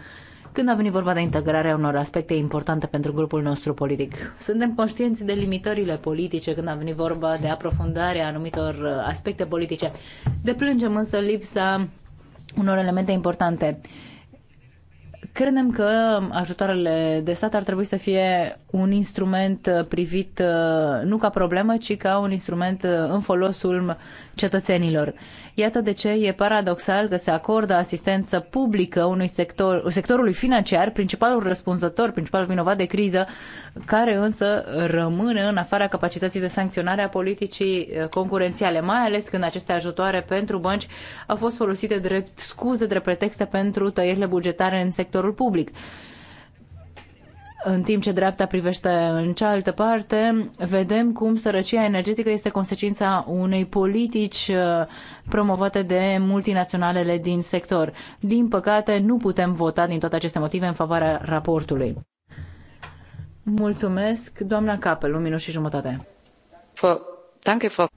când a venit vorba de integrarea unor aspecte importante pentru grupul nostru politic. Suntem conștienți de limitările politice când a venit vorba de aprofundarea anumitor aspecte politice. Deplângem însă lipsa unor elemente importante. Uh, Credem că ajutoarele de stat ar trebui să fie un instrument privit uh, nu ca problemă, ci ca un instrument uh, în folosul cetățenilor. Iată de ce e paradoxal că se acordă asistență publică unui sector, sectorului financiar, principalul răspunzător, principalul vinovat de criză, care însă rămâne în afara capacității de sancționare a politicii eh, concurențiale, mai ales când aceste ajutoare pentru bănci au fost folosite drept scuze, drept pretexte pentru tăierile bugetare în sectorul public în timp ce dreapta privește în cealaltă parte, vedem cum sărăcia energetică este consecința unei politici uh, promovate de multinaționalele din sector. Din păcate, nu putem vota din toate aceste motive în favoarea raportului. Mulțumesc, doamna Capel, un minut și jumătate.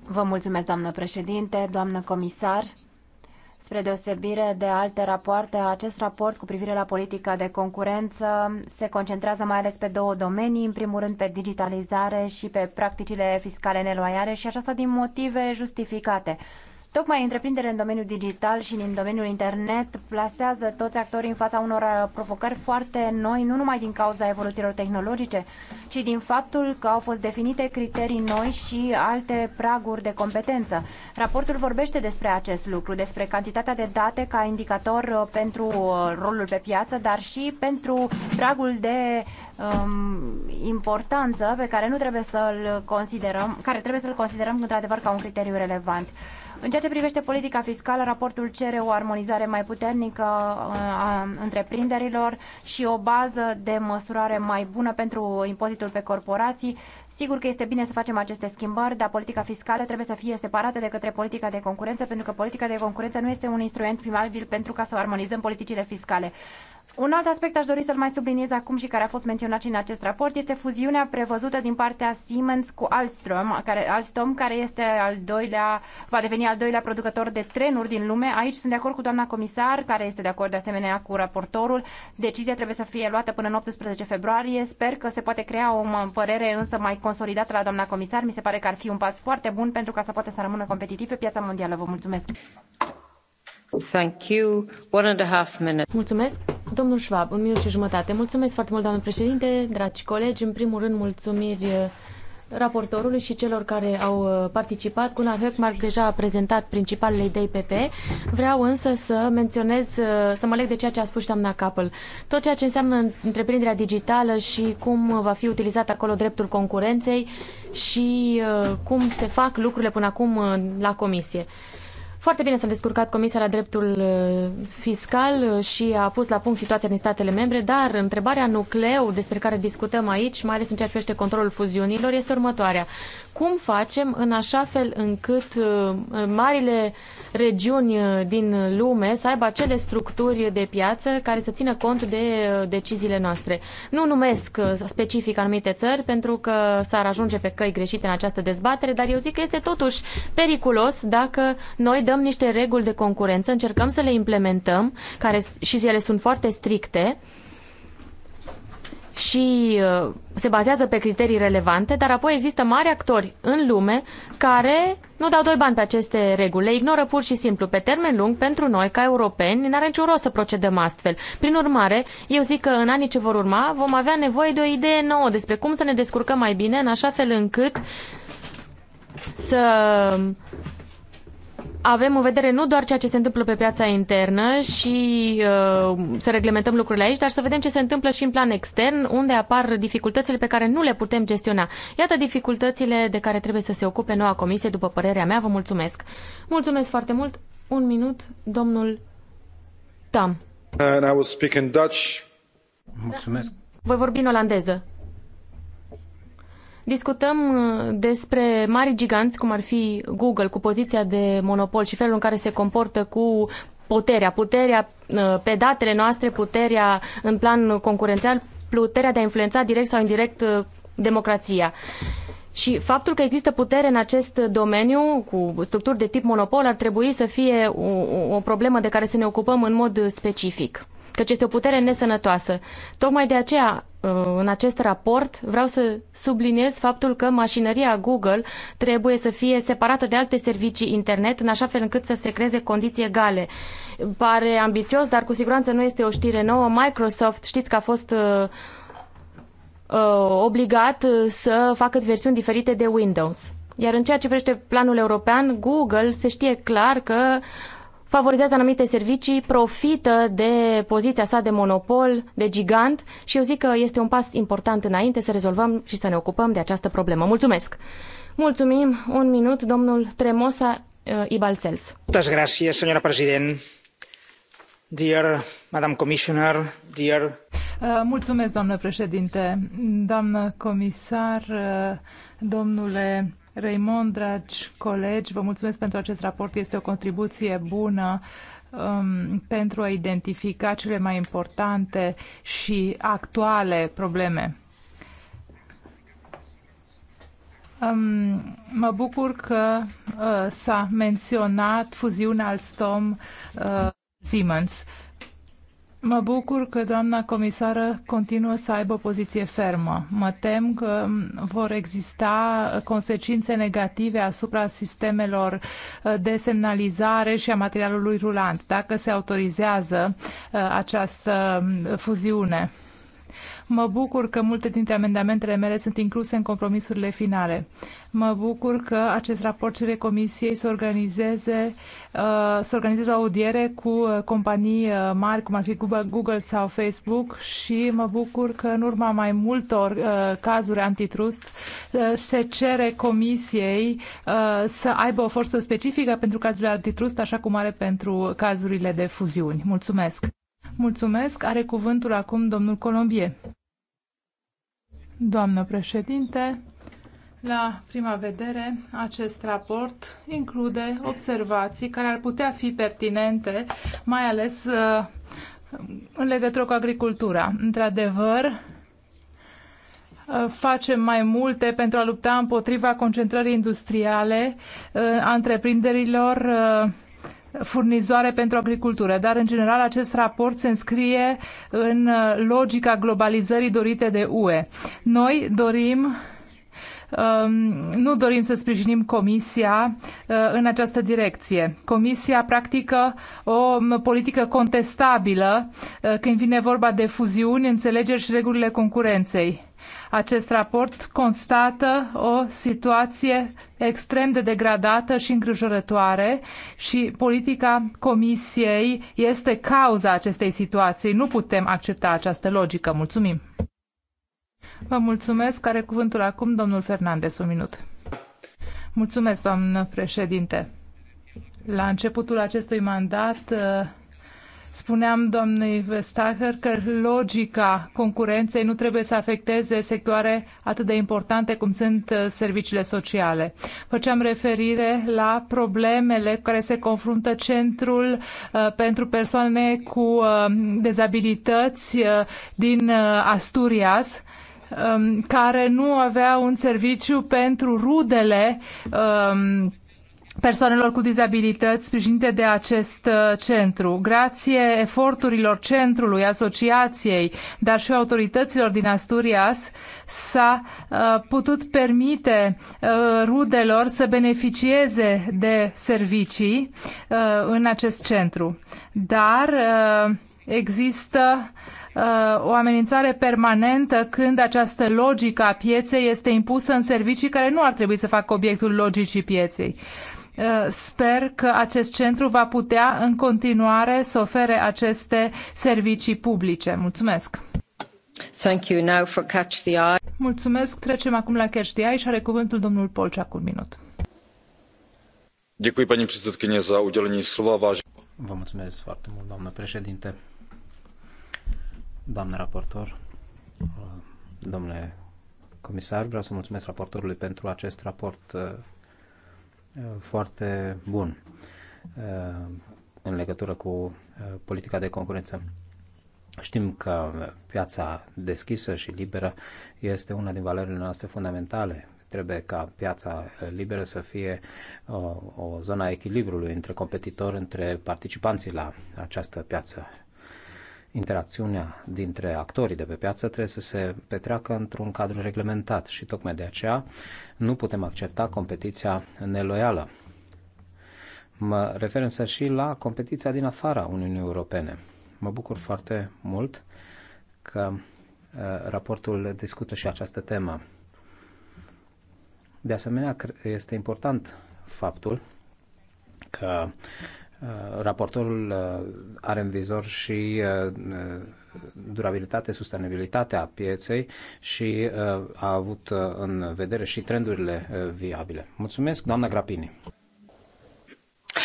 Vă mulțumesc, doamnă președinte, doamnă comisar. Spre deosebire de alte rapoarte, acest raport cu privire la politica de concurență se concentrează mai ales pe două domenii, în primul rând pe digitalizare și pe practicile fiscale neloiale și aceasta din motive justificate. Tocmai întreprinderile în domeniul digital și în domeniul internet plasează toți actorii în fața unor uh, provocări foarte noi, nu numai din cauza evoluțiilor tehnologice, ci din faptul că au fost definite criterii noi și alte praguri de competență. Raportul vorbește despre acest lucru, despre cantitatea de date ca indicator uh, pentru uh, rolul pe piață, dar și pentru pragul de um, importanță pe care nu trebuie să-l considerăm, care trebuie să-l considerăm într-adevăr ca un criteriu relevant. În ceea ce privește politica fiscală, raportul cere o armonizare mai puternică uh, a întreprinderilor și o bază de măsurare mai bună pentru impozitul pe corporații. Sigur că este bine să facem aceste schimbări, dar politica fiscală trebuie să fie separată de către politica de concurență, pentru că politica de concurență nu este un instrument primabil pentru ca să armonizăm politicile fiscale. Un alt aspect aș dori să-l mai subliniez acum și care a fost menționat și în acest raport este fuziunea prevăzută din partea Siemens cu Alstom, care, Alstom, care este al doilea, va deveni al doilea producător de trenuri din lume. Aici sunt de acord cu doamna comisar, care este de acord de asemenea cu raportorul. Decizia trebuie să fie luată până în 18 februarie. Sper că se poate crea o părere însă mai consolidată la doamna comisar. Mi se pare că ar fi un pas foarte bun pentru ca să poată să rămână competitiv pe piața mondială. Vă mulțumesc! Mulțumesc. Domnul Schwab, un minut și jumătate. Mulțumesc foarte mult, doamnă președinte, dragi colegi. În primul rând, mulțumiri uh, raportorului și celor care au uh, participat. Gunnar Höckmark deja a prezentat principalele idei PP. Vreau însă să menționez, uh, să mă leg de ceea ce a spus doamna Capel. Tot ceea ce înseamnă întreprinderea digitală și cum va fi utilizat acolo dreptul concurenței și cum se fac lucrurile până acum la comisie. Foarte bine s-a descurcat Comisia la dreptul uh, fiscal uh, și a pus la punct situația din statele membre, dar întrebarea nucleu despre care discutăm aici, mai ales în ceea ce privește controlul fuziunilor, este următoarea. Cum facem în așa fel încât uh, marile regiuni uh, din lume să aibă acele structuri de piață care să țină cont de uh, deciziile noastre. Nu numesc uh, specific anumite țări pentru că s-ar ajunge pe căi greșite în această dezbatere, dar eu zic că este totuși periculos dacă noi dăm niște reguli de concurență, încercăm să le implementăm, care și ele sunt foarte stricte, și uh, se bazează pe criterii relevante, dar apoi există mari actori în lume care nu dau doi bani pe aceste reguli, le ignoră pur și simplu. Pe termen lung, pentru noi, ca europeni, n-are niciun rost să procedăm astfel. Prin urmare, eu zic că în anii ce vor urma vom avea nevoie de o idee nouă despre cum să ne descurcăm mai bine, în așa fel încât să avem în vedere nu doar ceea ce se întâmplă pe piața internă și uh, să reglementăm lucrurile aici, dar să vedem ce se întâmplă și în plan extern, unde apar dificultățile pe care nu le putem gestiona. Iată dificultățile de care trebuie să se ocupe noua comisie, după părerea mea. Vă mulțumesc. Mulțumesc foarte mult. Un minut, domnul Tam. And I will speak in Dutch. Mulțumesc. Voi vorbi în olandeză discutăm uh, despre mari giganți, cum ar fi Google, cu poziția de monopol și felul în care se comportă cu puterea, puterea uh, pe datele noastre, puterea în plan concurențial, puterea de a influența direct sau indirect uh, democrația. Și faptul că există putere în acest domeniu cu structuri de tip monopol ar trebui să fie o, o problemă de care să ne ocupăm în mod specific căci este o putere nesănătoasă. Tocmai de aceea, uh, în acest raport, vreau să subliniez faptul că mașinăria Google trebuie să fie separată de alte servicii internet, în așa fel încât să se creeze condiții egale. Pare ambițios, dar cu siguranță nu este o știre nouă. Microsoft, știți că a fost uh, uh, obligat să facă versiuni diferite de Windows. Iar în ceea ce privește planul european, Google se știe clar că favorizează anumite servicii, profită de poziția sa de monopol, de gigant și eu zic că este un pas important înainte să rezolvăm și să ne ocupăm de această problemă. Mulțumesc! Mulțumim! Un minut, domnul Tremosa uh, Ibalsels. Muchas gracias, señora president. Dear Madam Commissioner, dear... Uh, mulțumesc, domnule președinte, doamnă comisar, uh, domnule Raymond, dragi colegi, vă mulțumesc pentru acest raport. Este o contribuție bună um, pentru a identifica cele mai importante și actuale probleme. Um, mă bucur că uh, s-a menționat fuziunea Alstom-Siemens. Uh, Mă bucur că doamna comisară continuă să aibă o poziție fermă. Mă tem că vor exista consecințe negative asupra sistemelor de semnalizare și a materialului rulant dacă se autorizează uh, această fuziune. Mă bucur că multe dintre amendamentele mele sunt incluse în compromisurile finale. Mă bucur că acest raport cere comisiei să organizeze, uh, să organizeze audiere cu uh, companii uh, mari, cum ar fi Google sau Facebook și mă bucur că în urma mai multor cazuri antitrust se cere comisiei să aibă o forță specifică pentru cazurile antitrust, așa cum are pentru cazurile de fuziuni. Mulțumesc! Mulțumesc! Are cuvântul acum domnul Colombie. Doamnă președinte, la prima vedere, acest raport include observații care ar putea fi pertinente, mai ales uh, în legătură cu agricultura. Într-adevăr, uh, facem mai multe pentru a lupta împotriva concentrării industriale uh, a întreprinderilor furnizoare pentru agricultură, dar în general acest raport se înscrie în logica globalizării dorite de UE. Noi dorim Um, nu dorim să sprijinim Comisia uh, în această direcție. Comisia practică o um, politică contestabilă uh, când vine vorba de fuziuni, înțelegeri și regulile concurenței. Acest raport constată o situație extrem de degradată și îngrijorătoare și politica Comisiei este cauza acestei situații. Nu putem accepta această logică. Mulțumim! Vă mulțumesc. Care cuvântul acum, domnul Fernandez, un minut. Mulțumesc, doamnă președinte. La începutul acestui mandat, uh, spuneam doamnei Vestager că logica concurenței nu trebuie să afecteze sectoare atât de importante cum sunt uh, serviciile sociale. Făceam referire la problemele cu care se confruntă Centrul uh, pentru persoane cu dezabilități din Asturias, um, care nu avea un serviciu pentru rudele um, persoanelor cu dizabilități sprijinite de acest uh, centru. Grație eforturilor centrului, asociației, dar și autorităților din Asturias, s-a uh, putut permite uh, rudelor să beneficieze de servicii uh, în acest centru. Dar uh, există Uh, o amenințare permanentă când această logică a pieței este impusă în servicii care nu ar trebui să facă obiectul logicii pieței. Uh, sper că acest centru va putea în continuare să ofere aceste servicii publice. Mulțumesc! Thank you now for catch the eye. Mulțumesc. Trecem acum la Catch the Eye și are cuvântul domnul cu un minut. Děkuji, paní předsedkyně, za udělení slova. Vă mulțumesc foarte mult, doamnă președinte. Doamnă raportor, domnule comisar, vreau să mulțumesc raportorului pentru acest raport uh, foarte bun uh, în legătură cu uh, politica de concurență. Știm că piața deschisă și liberă este una din valorile noastre fundamentale. Trebuie ca piața liberă să fie o, o zonă a echilibrului între competitori, între participanții la această piață interacțiunea dintre actorii de pe piață trebuie să se petreacă într-un cadru reglementat și tocmai de aceea nu putem accepta competiția neloială. Mă refer însă și la competiția din afara Uniunii Europene. Mă bucur foarte mult că uh, raportul discută și această temă. De asemenea, este important faptul că Uh, raportorul uh, are în vizor și uh, durabilitatea, sustenabilitatea pieței și a avut în vedere și trendurile viabile. Mulțumesc, doamna Grapini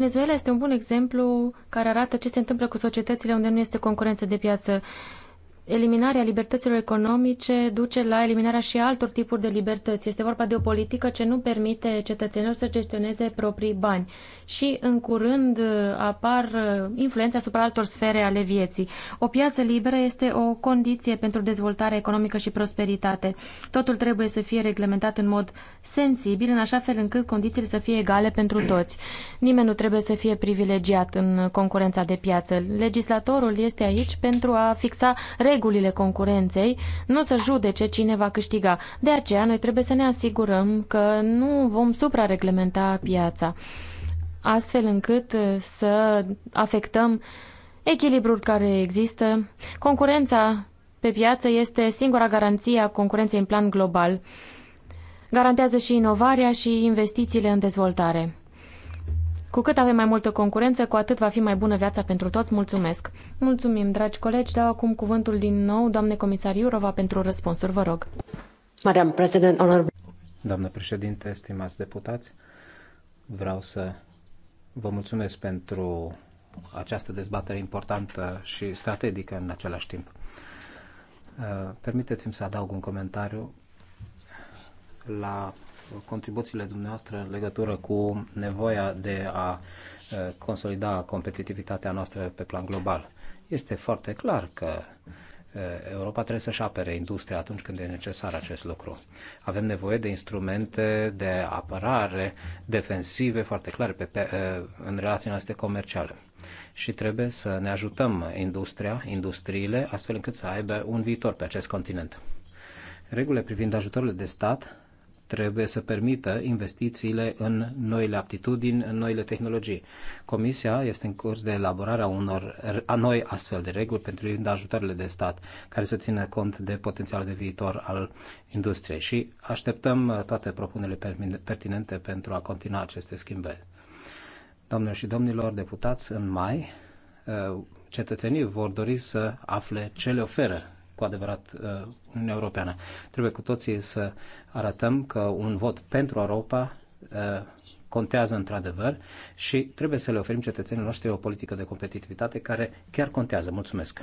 Venezuela este un bun exemplu care arată ce se întâmplă cu societățile unde nu este concurență de piață eliminarea libertăților economice duce la eliminarea și altor tipuri de libertăți. Este vorba de o politică ce nu permite cetățenilor să gestioneze proprii bani și în curând apar uh, influențe asupra altor sfere ale vieții. O piață liberă este o condiție pentru dezvoltare economică și prosperitate. Totul trebuie să fie reglementat în mod sensibil, în așa fel încât condițiile să fie egale pentru toți. Nimeni nu trebuie să fie privilegiat în concurența de piață. Legislatorul este aici pentru a fixa reguli regulile concurenței, nu să judece cine va câștiga. De aceea, noi trebuie să ne asigurăm că nu vom suprareglementa piața, astfel încât uh, să afectăm echilibrul care există. Concurența pe piață este singura garanție a concurenței în plan global. Garantează și inovarea și investițiile în dezvoltare. Cu cât avem mai multă concurență, cu atât va fi mai bună viața pentru toți. Mulțumesc! Mulțumim, dragi colegi. Dau acum cuvântul din nou, doamne comisar Iurova, pentru răspunsuri. Vă rog. Madam President, Honorable. Doamnă președinte, stimați deputați, vreau să vă mulțumesc pentru această dezbatere importantă și strategică în același timp. Uh, permiteți-mi să adaug un comentariu la contribuțiile dumneavoastră în legătură cu nevoia de a consolida competitivitatea noastră pe plan global. Este foarte clar că Europa trebuie să-și apere industria atunci când e necesar acest lucru. Avem nevoie de instrumente de apărare defensive foarte clare pe, pe, în relațiile noastre comerciale. Și trebuie să ne ajutăm industria, industriile, astfel încât să aibă un viitor pe acest continent. Regulile privind ajutorul de stat trebuie să permită investițiile în noile aptitudini, în noile tehnologii. Comisia este în curs de elaborarea unor a noi astfel de reguli pentru ajutoarele de stat care să țină cont de potențialul de viitor al industriei și așteptăm uh, toate propunerile pertinente pentru a continua aceste schimbări. Domnilor și domnilor deputați, în mai uh, cetățenii vor dori să afle ce le oferă cu adevărat uh, Uniunea Europeană. Trebuie cu toții să arătăm că un vot pentru Europa uh, contează într-adevăr și trebuie să le oferim cetățenilor noștri o politică de competitivitate care chiar contează. Mulțumesc!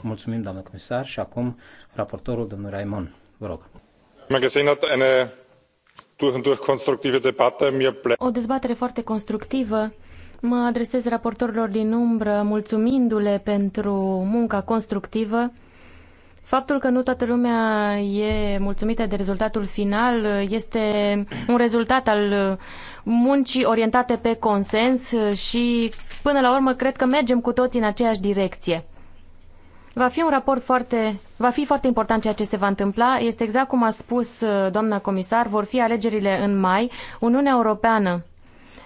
Mulțumim, doamnă comisar, și acum raportorul, domnul Raimon. Vă rog. O dezbatere foarte constructivă. Mă adresez raportorilor din umbră mulțumindu-le pentru munca constructivă. Faptul că nu toată lumea e mulțumită de rezultatul final este un rezultat al muncii orientate pe consens și până la urmă cred că mergem cu toții în aceeași direcție. Va fi un raport foarte, va fi foarte important ceea ce se va întâmpla. Este exact cum a spus uh, doamna comisar, vor fi alegerile în mai. Uniunea Europeană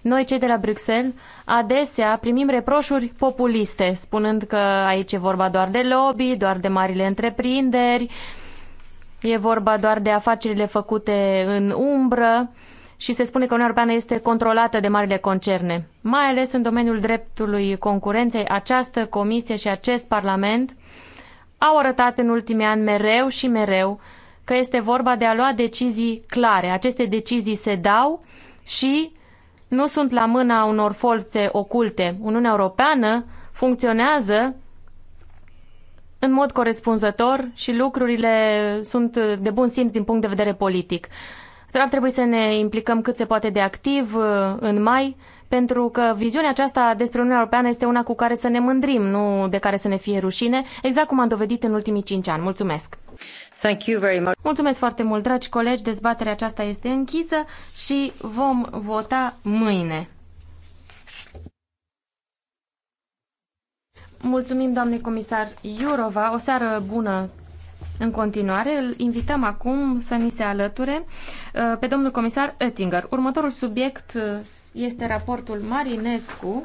noi, cei de la Bruxelles, adesea primim reproșuri populiste, spunând că aici e vorba doar de lobby, doar de marile întreprinderi, e vorba doar de afacerile făcute în umbră și se spune că Uniunea Europeană este controlată de marile concerne. Mai ales în domeniul dreptului concurenței, această comisie și acest parlament au arătat în ultimii ani mereu și mereu că este vorba de a lua decizii clare. Aceste decizii se dau și nu sunt la mâna unor forțe oculte. Uniunea Europeană funcționează în mod corespunzător și lucrurile sunt de bun simț din punct de vedere politic. Ar trebui să ne implicăm cât se poate de activ uh, în mai, pentru că viziunea aceasta despre Uniunea Europeană este una cu care să ne mândrim, nu de care să ne fie rușine, exact cum am dovedit în ultimii cinci ani. Mulțumesc! Thank you very much. Mulțumesc foarte mult, dragi colegi. Dezbaterea aceasta este închisă și vom vota mâine. Mulțumim, doamne comisar Iurova. O seară bună în continuare, îl invităm acum să ni se alăture uh, pe domnul comisar Oettinger. Următorul subiect uh, este raportul Marinescu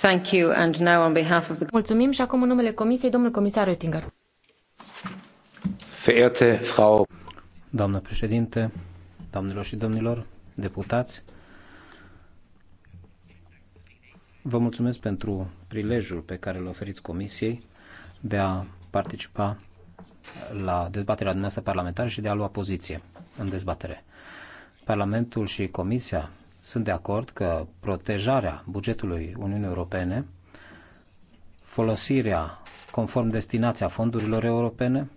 Thank you. And now on behalf of the... Mulțumim și acum în numele Comisiei, domnul comisar Oettinger. Verehrte Frau... Doamnă președinte, doamnelor și domnilor deputați, vă mulțumesc pentru prilejul pe care îl oferiți Comisiei de a participa la dezbaterea dumneavoastră parlamentară și de a lua poziție în dezbatere. Parlamentul și Comisia sunt de acord că protejarea bugetului Uniunii Europene, folosirea conform destinația fondurilor europene,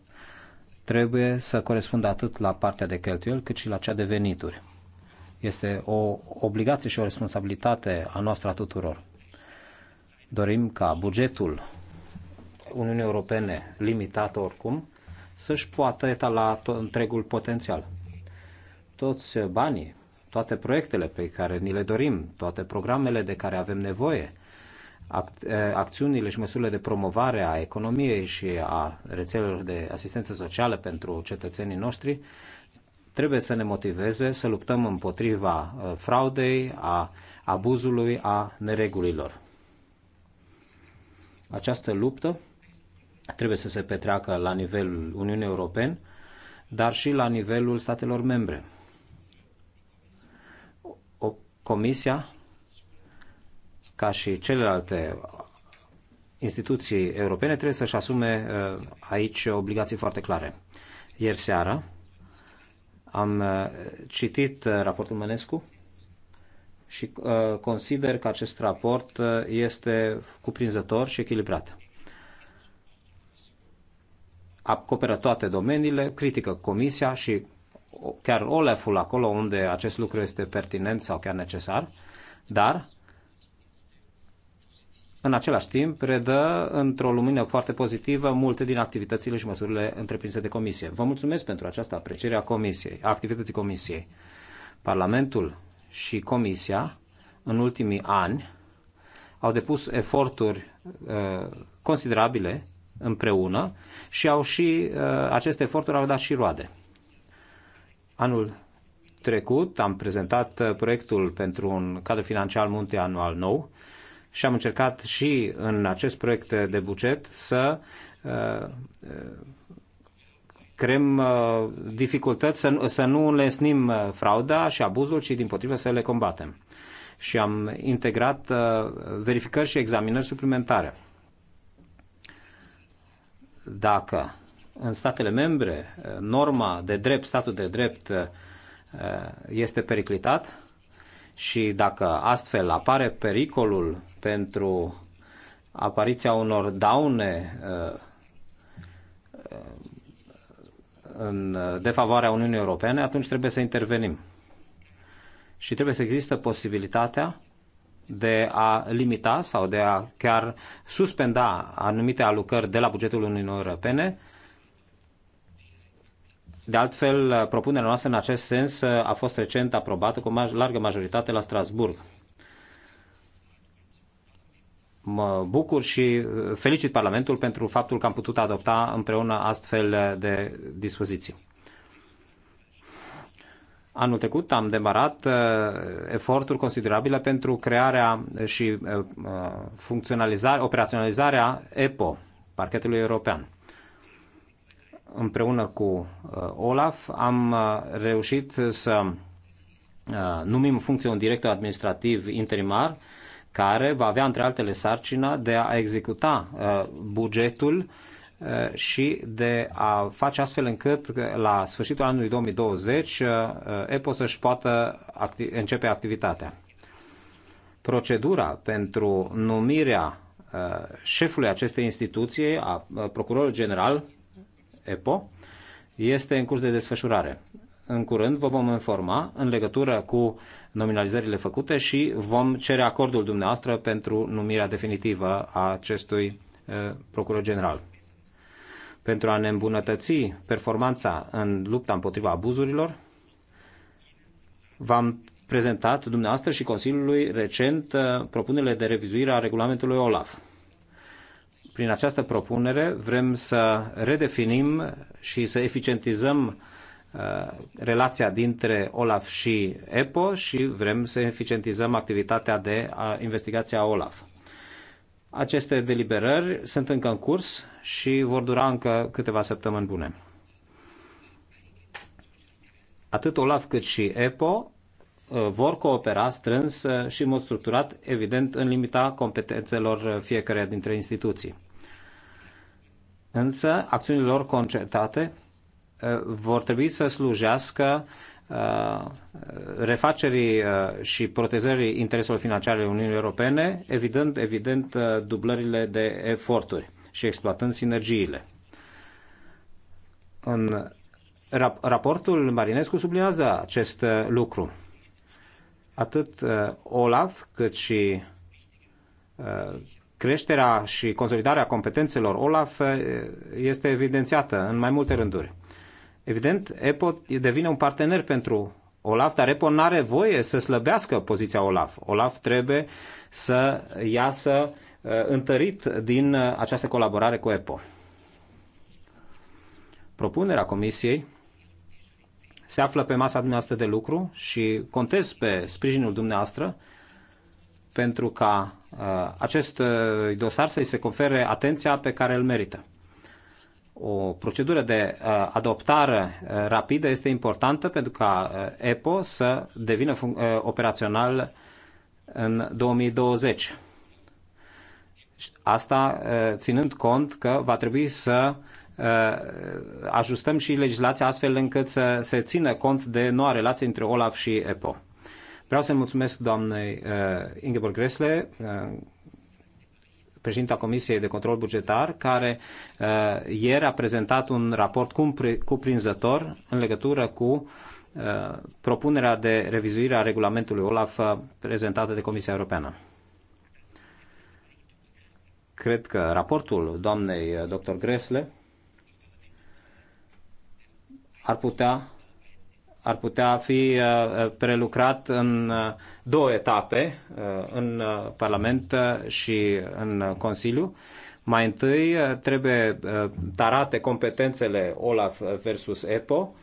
trebuie să corespundă atât la partea de cheltuieli cât și la cea de venituri. Este o obligație și o responsabilitate a noastră a tuturor. Dorim ca bugetul Uniunii Europene, limitat oricum, să-și poată etala întregul potențial. Toți banii toate proiectele pe care ni le dorim, toate programele de care avem nevoie, eh, acțiunile și măsurile de promovare a economiei și a rețelelor de asistență socială pentru cetățenii noștri, trebuie să ne motiveze să luptăm împotriva eh, fraudei, a abuzului, a neregulilor. Această luptă trebuie să se petreacă la nivelul Uniunii Europene, dar și la nivelul statelor membre. Comisia, ca și celelalte instituții europene, trebuie să-și asume uh, aici obligații foarte clare. Ieri seara am uh, citit uh, raportul Mănescu și consider că acest raport este cuprinzător și echilibrat acoperă toate domeniile, critică Comisia și chiar OLAF-ul acolo unde acest lucru este pertinent sau chiar necesar, dar în același timp predă într-o lumină foarte pozitivă multe din activitățile și măsurile întreprinse de comisie. Vă mulțumesc pentru această apreciere a comisiei, a activității comisiei. Parlamentul și comisia în ultimii ani au depus eforturi uh, considerabile împreună și au și uh, aceste eforturi au dat și roade. Anul trecut am prezentat uh, proiectul pentru un cadru financiar multianual nou și am încercat și în acest proiect de buget să uh, uh, creăm dificultăți, să, să nu înlesnim frauda și abuzul, ci din potrivă să le combatem. Și am integrat verificări și examinări suplimentare. Dacă în statele membre norma de drept, statul de drept uh, este periclitat și dacă astfel apare pericolul pentru apariția unor daune uh, uh, în defavoarea Uniunii Europene, atunci trebuie să intervenim. Și trebuie să există posibilitatea de a limita sau de a chiar suspenda anumite alocări de la bugetul Uniunii Europene de altfel, propunerea noastră în acest sens uh, a fost recent aprobată cu largă majoritate la Strasburg. Mă bucur și uh, felicit Parlamentul pentru faptul că am putut adopta împreună astfel de dispoziții. Anul trecut am demarat uh, eforturi considerabile pentru crearea și uh, uh funcționalizarea, operaționalizarea EPO, parchetului european împreună cu uh, Olaf am uh, reușit să uh, numim funcție un director administrativ interimar care va avea între altele sarcina de a executa bugetul și de a face astfel încât la sfârșitul anului 2020 EPO să-și poată acti- începe activitatea. Procedura pentru numirea șefului acestei instituții, a procurorului general, EPO este în curs de desfășurare. În curând vă vom informa în legătură cu nominalizările făcute și vom cere acordul dumneavoastră pentru numirea definitivă a acestui procuror general. Pentru a ne îmbunătăți performanța în lupta împotriva abuzurilor, v-am prezentat dumneavoastră și Consiliului recent propunerile de revizuire a regulamentului OLAF. Prin această propunere vrem să redefinim și să eficientizăm uh, relația dintre OLAF și EPO și vrem să eficientizăm activitatea de investigație a OLAF. Aceste deliberări sunt încă în curs și vor dura încă câteva săptămâni bune. Atât OLAF cât și EPO Uh, vor coopera strâns uh, și în mod structurat, evident, în limita competențelor uh, fiecare dintre instituții. Însă, acțiunile lor concertate vor trebui să slujească refacerii și protezării intereselor financiare ale Uniunii Europene, evident, evident, dublările de eforturi și exploatând sinergiile. În raportul Marinescu sublinează acest lucru atât uh, OLAF cât și uh, creșterea și consolidarea competențelor OLAF uh, este evidențiată în mai multe rânduri. Evident, EPO devine un partener pentru Olaf, dar EPO nu are voie să slăbească poziția Olaf. Olaf trebuie să iasă întărit din această colaborare cu EPO. Propunerea Comisiei se află pe masa dumneavoastră de lucru și contez pe sprijinul dumneavoastră pentru ca uh, acest uh, dosar să-i se confere atenția pe care îl merită. O procedură de uh, adoptare rapidă este importantă pentru ca EPO să devină operațional în 2020. Asta ținând cont că va trebui să uh, Uh, ajustăm și legislația astfel încât să se țină cont de noua relație între OLAF și EPO. Vreau să-i mulțumesc doamnei uh, Ingeborg Gresle, uh, președinta Comisiei de Control Bugetar, care uh, ieri a prezentat un raport cuprinzător în legătură cu uh, propunerea de revizuire a regulamentului OLAF uh, prezentată de Comisia Europeană. Cred că raportul doamnei dr. Gresle ar putea, ar putea fi uh, prelucrat în uh, două etape, uh, în Parlament și în Consiliu. Mai întâi trebuie tarate competențele OLAF versus EPO,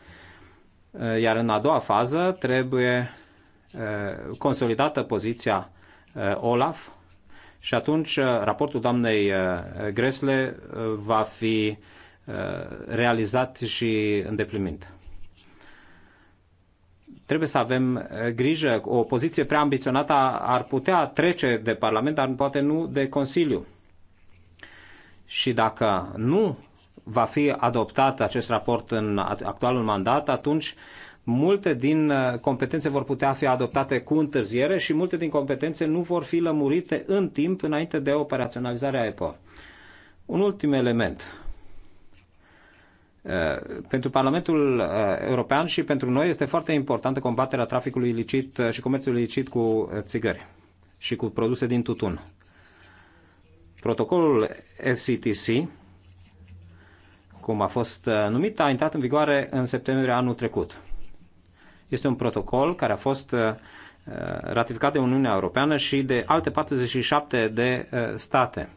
iar în a doua fază trebuie consolidată poziția OLAF și atunci raportul doamnei Gresle va fi Uh, realizat și îndeplinit. Trebuie să avem uh, grijă. O poziție prea ambiționată ar putea trece de Parlament, dar poate nu de Consiliu. Și dacă nu va fi adoptat acest raport în actualul mandat, atunci multe din uh, competențe vor putea fi adoptate cu întârziere și multe din competențe nu vor fi lămurite în timp înainte de operaționalizarea EPO. Un ultim element Uh, pentru Parlamentul uh, European și pentru noi este foarte importantă combaterea traficului ilicit uh, și comerțului ilicit cu țigări și cu produse din tutun. Protocolul FCTC, cum a fost numit, a intrat în vigoare în septembrie anul trecut. Este un protocol care a fost ratificat de Uniunea Europeană și de alte 47 de state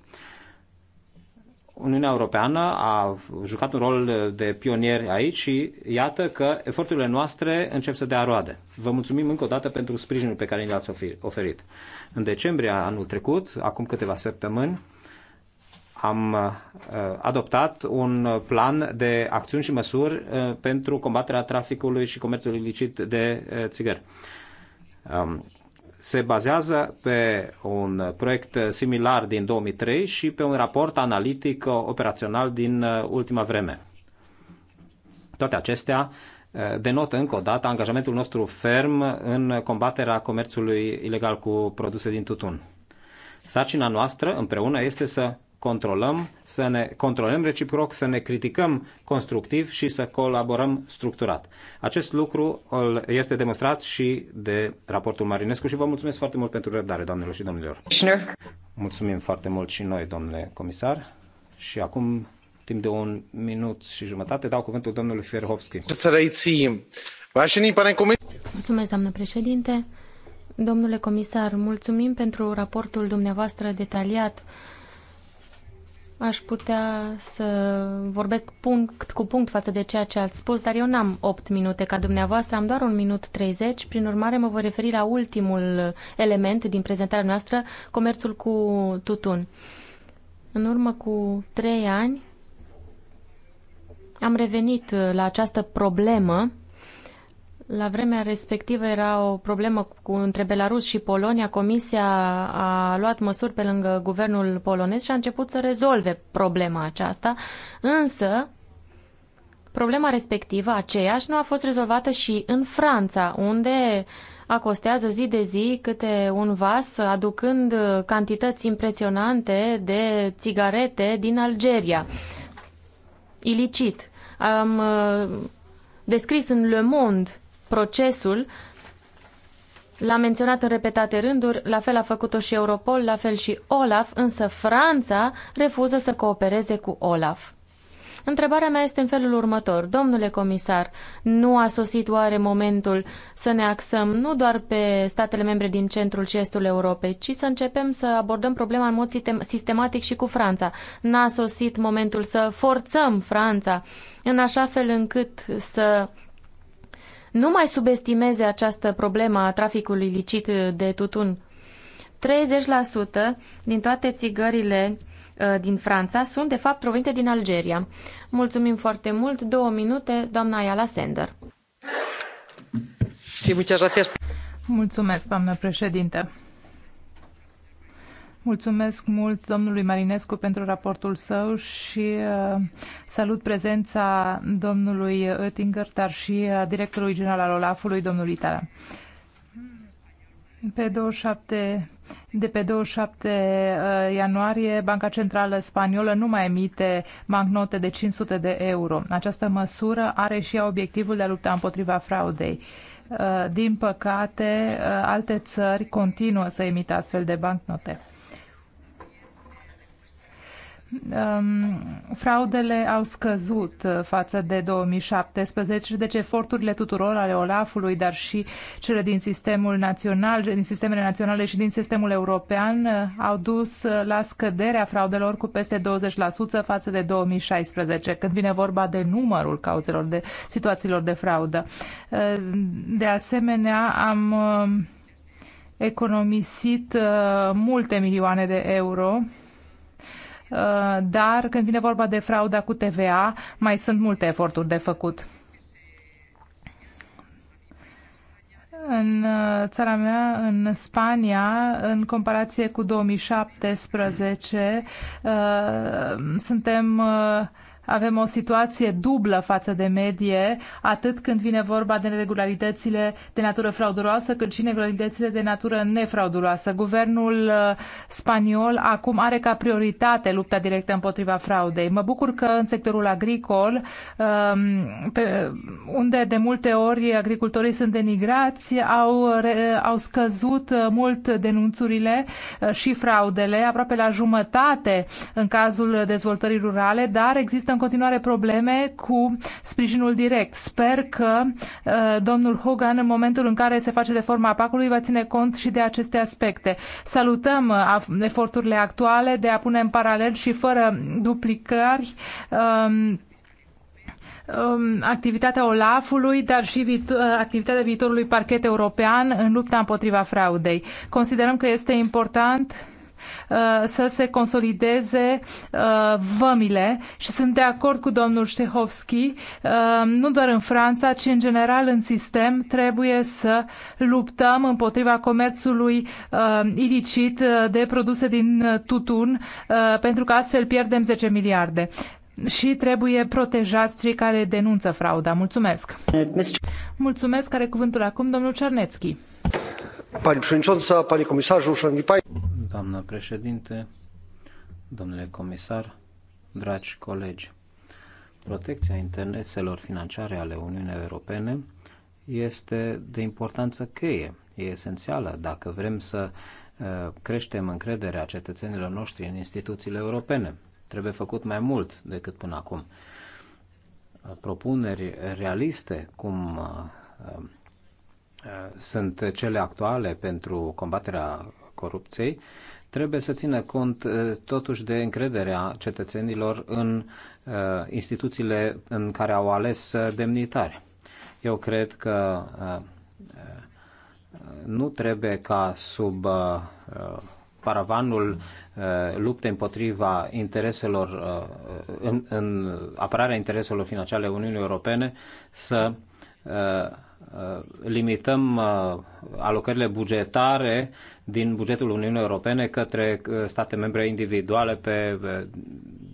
Uniunea Europeană a jucat un rol de pionier aici și iată că eforturile noastre încep să dea roade. Vă mulțumim încă o dată pentru sprijinul pe care ni l-ați oferit. În decembrie anul trecut, acum câteva săptămâni, am uh, adoptat un plan de acțiuni și măsuri uh, pentru combaterea traficului și comerțului ilicit de uh, țigări. Um, se bazează pe un proiect similar din 2003 și pe un raport analitic operațional din uh, ultima vreme. Toate acestea uh, denotă încă o dată angajamentul nostru ferm în combaterea comerțului ilegal cu produse din tutun. Sarcina noastră împreună este să controlăm, să ne controlăm reciproc, să ne criticăm constructiv și să colaborăm structurat. Acest lucru este demonstrat și de raportul Marinescu și vă mulțumesc foarte mult pentru răbdare, doamnelor și domnilor. Mulțumim foarte mult și noi, domnule comisar. Și acum, timp de un minut și jumătate, dau cuvântul domnului Fierhovski. Mulțumesc, doamnă președinte. Domnule comisar, mulțumim pentru raportul dumneavoastră detaliat aș putea să vorbesc punct cu punct față de ceea ce ați spus, dar eu n-am 8 minute ca dumneavoastră, am doar un minut 30, prin urmare mă voi referi la ultimul element din prezentarea noastră, comerțul cu tutun. În urmă cu 3 ani am revenit la această problemă la vremea respectivă era o problemă cu, între Belarus și Polonia. Comisia a luat măsuri pe lângă guvernul polonez și a început să rezolve problema aceasta. Însă, problema respectivă, aceeași, nu a fost rezolvată și în Franța, unde acostează zi de zi câte un vas, aducând cantități impresionante de țigarete din Algeria. Ilicit. Am uh, descris în Le Monde procesul L-a menționat în repetate rânduri, la fel a făcut-o și Europol, la fel și Olaf, însă Franța refuză să coopereze cu Olaf. Întrebarea mea este în felul următor. Domnule comisar, nu a sosit oare momentul să ne axăm nu doar pe statele membre din centrul și estul Europei, ci să începem să abordăm problema în mod sistematic și cu Franța? N-a sosit momentul să forțăm Franța în așa fel încât să nu mai subestimeze această problemă a traficului licit de tutun. 30% din toate țigările uh, din Franța sunt, de fapt, provinte din Algeria. Mulțumim foarte mult. Două minute, doamna Ayala Sender. Mulțumesc, doamnă președinte. Mulțumesc mult domnului Marinescu pentru raportul său și uh, salut prezența domnului Oettinger, dar și a uh, directorului general al Olafului, domnul Itala. Pe 27, de pe 27 uh, ianuarie, Banca Centrală Spaniolă nu mai emite bancnote de 500 de euro. Această măsură are și ea obiectivul de a lupta împotriva fraudei. Din păcate, alte țări continuă să emită astfel de bancnote. Um, fraudele au scăzut uh, față de 2017, deci eforturile tuturor ale Olafului, dar și cele din sistemul național, din sistemele naționale și din sistemul european uh, au dus uh, la scăderea fraudelor cu peste 20% față de 2016, când vine vorba de numărul cauzelor de situațiilor de fraudă. De asemenea, am economisit multe milioane de euro Uh, dar când vine vorba de frauda cu TVA, mai sunt multe eforturi de făcut. În uh, țara mea, în Spania, în comparație cu 2017, uh, suntem avem o situație dublă față de medie, atât când vine vorba de neregularitățile de natură frauduloasă, cât și neregularitățile de natură nefrauduloasă. Guvernul uh, spaniol acum are ca prioritate lupta directă împotriva fraudei. Mă bucur că în sectorul agricol, um, unde de multe ori agricultorii sunt denigrați, au, au scăzut mult denunțurile uh, și fraudele, aproape la jumătate în cazul dezvoltării rurale, dar există în continuare probleme cu sprijinul direct. Sper că uh, domnul Hogan, în momentul în care se face reforma PAC-ului, va ține cont și de aceste aspecte. Salutăm uh, eforturile actuale de a pune în paralel și fără duplicări um, um activitatea OLAF-ului, dar și viitor, uh, activitatea viitorului parchet european în lupta împotriva fraudei. Considerăm că este important Uh, să se consolideze uh, vămile și sunt de acord cu domnul Ștehovski, uh, nu doar în Franța, ci în general în sistem trebuie să luptăm împotriva comerțului ilicit de produse din tutun, pentru că astfel pierdem 10 miliarde și trebuie protejați cei care denunță frauda. Mulțumesc! Mulțumesc, care cuvântul acum, domnul Cernețchi. Pani przewodnicząca, pani komisarzu, szanowni państwo doamnă președinte, domnule comisar, dragi colegi. Protecția intereselor financiare ale Uniunii Europene este de importanță cheie, e esențială dacă vrem să uh, creștem încrederea cetățenilor noștri în instituțiile europene. Trebuie făcut mai mult decât până acum. Propuneri realiste, cum uh, uh, sunt cele actuale pentru combaterea corupției, trebuie să țină cont eh, totuși de încrederea cetățenilor în eh, instituțiile în care au ales eh, demnitari. Eu cred că nu trebuie ca sub paravanul luptei împotriva intereselor, în, în apărarea intereselor financiare ale Uniunii Europene, să Uh, limităm uh, alocările bugetare din bugetul Uniunii Europene către uh, state membre individuale pe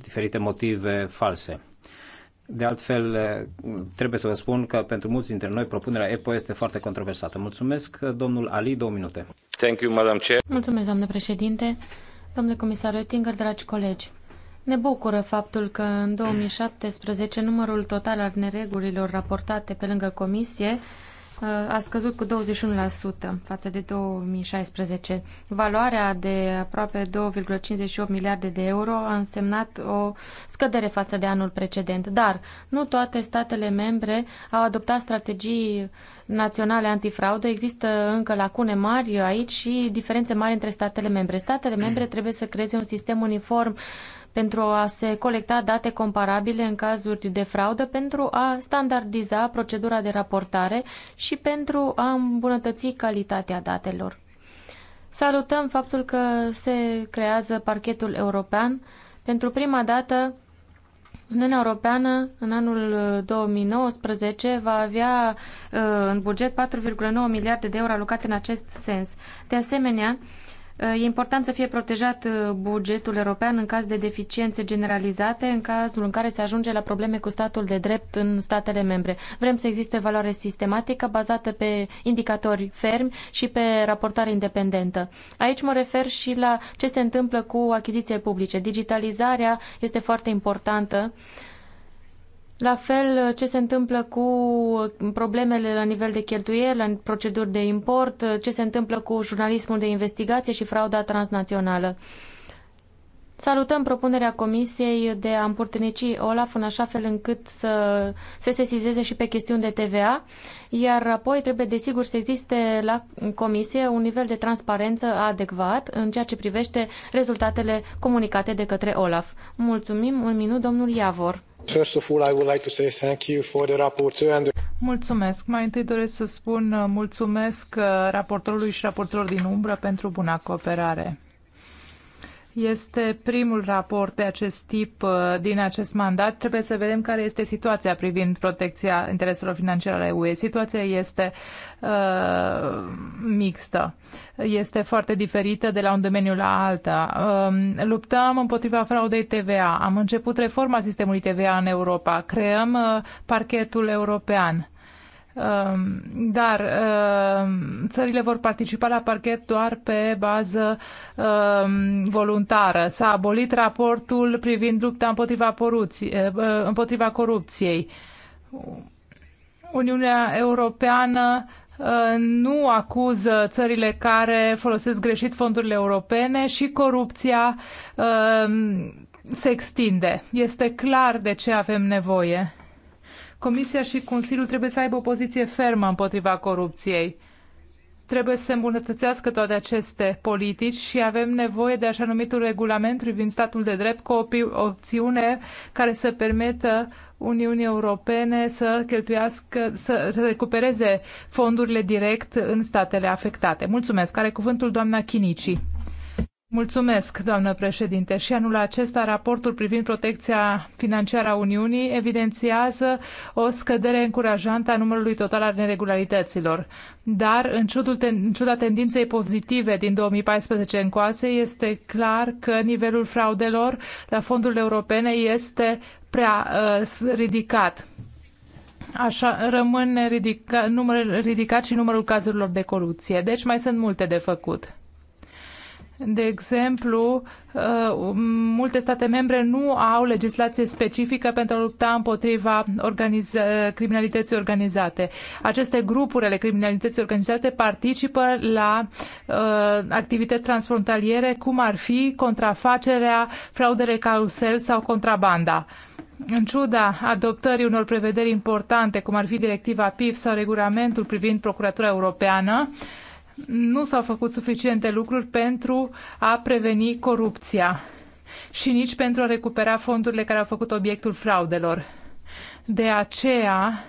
diferite motive false. De altfel, trebuie să vă spun că pentru mulți dintre noi propunerea EPO este foarte controversată. Mulțumesc, domnul Ali, două minute. Thank you, Madam Chair. Mulțumesc, doamne președinte, domnule comisar Oettinger, dragi colegi. Ne bucură faptul că în 2017 numărul total al neregulilor raportate pe lângă comisie a scăzut cu 21% față de 2016. Valoarea de aproape 2,58 miliarde de euro a însemnat o scădere față de anul precedent, dar nu toate statele membre au adoptat strategii naționale antifraudă. Există încă lacune mari aici și diferențe mari între statele membre. Statele membre trebuie să creeze un sistem uniform uh, pentru a se colecta date comparabile în cazuri de fraudă, pentru a standardiza procedura de raportare și pentru a îmbunătăți calitatea datelor. Salutăm faptul că se creează parchetul european. Pentru prima dată, Uniunea Europeană în anul 2019 uh, va avea uh, în buget 4,9 miliarde de euro alocate în acest sens. De asemenea, E important să fie protejat uh, bugetul european în caz de deficiențe generalizate, în cazul în care se ajunge la probleme cu statul de drept în statele membre. Vrem să existe o valoare sistematică bazată pe indicatori fermi și pe raportare independentă. Aici mă refer și la ce se întâmplă cu achizițiile publice. Digitalizarea este foarte importantă la fel, ce se întâmplă cu problemele la nivel de cheltuieli, la proceduri de import, ce se întâmplă cu jurnalismul de investigație și frauda transnațională. Salutăm propunerea Comisiei de a împurtănici OLAF în așa fel încât să se sesizeze și pe chestiuni de TVA, iar apoi trebuie desigur să existe la Comisie un nivel de transparență adecvat în ceea ce privește rezultatele comunicate de către OLAF. Mulțumim, un minut, domnul Iavor. First of all, I would like to say thank you for the rapporteur and the... Mulțumesc. Mai întâi doresc să spun uh, mulțumesc uh, raportorului și raportorilor din umbră pentru buna cooperare. Este primul raport de acest tip uh, din acest mandat. Trebuie să vedem care este situația privind protecția intereselor financiare ale UE. Situația este uh, mixtă. Este foarte diferită de la un domeniu la alta. Uh, luptăm împotriva fraudei TVA. Am început reforma sistemului TVA în Europa. Creăm uh, parchetul european Um, dar um, țările vor participa la parchet doar pe bază um, voluntară. S-a abolit raportul privind lupta împotriva, poruție, uh, uh, împotriva corupției. Uniunea Europeană uh, nu acuză țările care folosesc greșit fondurile europene și corupția se extinde. Este clar de ce avem nevoie. Comisia și Consiliul trebuie să aibă o poziție fermă împotriva corupției. Trebuie să se îmbunătățească toate aceste politici și avem nevoie de așa numitul regulament privind statul de drept cu o opțiune care să permită Uniunii Europene să cheltuiască, să recupereze fondurile direct în statele afectate. Mulțumesc. Are cuvântul doamna Chinici. Mulțumesc, doamnă președinte. Și anul acesta, raportul privind protecția financiară a Uniunii evidențiază o scădere încurajantă a numărului total al neregularităților. Dar, în, ciudul ten, în ciuda tendinței pozitive din 2014 încoase, este clar că nivelul fraudelor la fondurile europene este prea uh, ridicat. Așa rămâne ridica, număr, ridicat și numărul cazurilor de corupție. Deci mai sunt multe de făcut. De exemplu, uh, um, multe state membre nu au legislație specifică pentru a lupta împotriva organiz- uh, criminalității organizate. Aceste grupuri ale criminalității organizate participă la uh, activități transfrontaliere, cum ar fi contrafacerea, fraudele carusel sau contrabanda. În ciuda adoptării unor prevederi importante, cum ar fi directiva PIF sau regulamentul privind Procuratura Europeană, uh, nu s-au făcut suficiente lucruri pentru a preveni corupția și nici pentru a recupera fondurile care au făcut obiectul fraudelor. De aceea,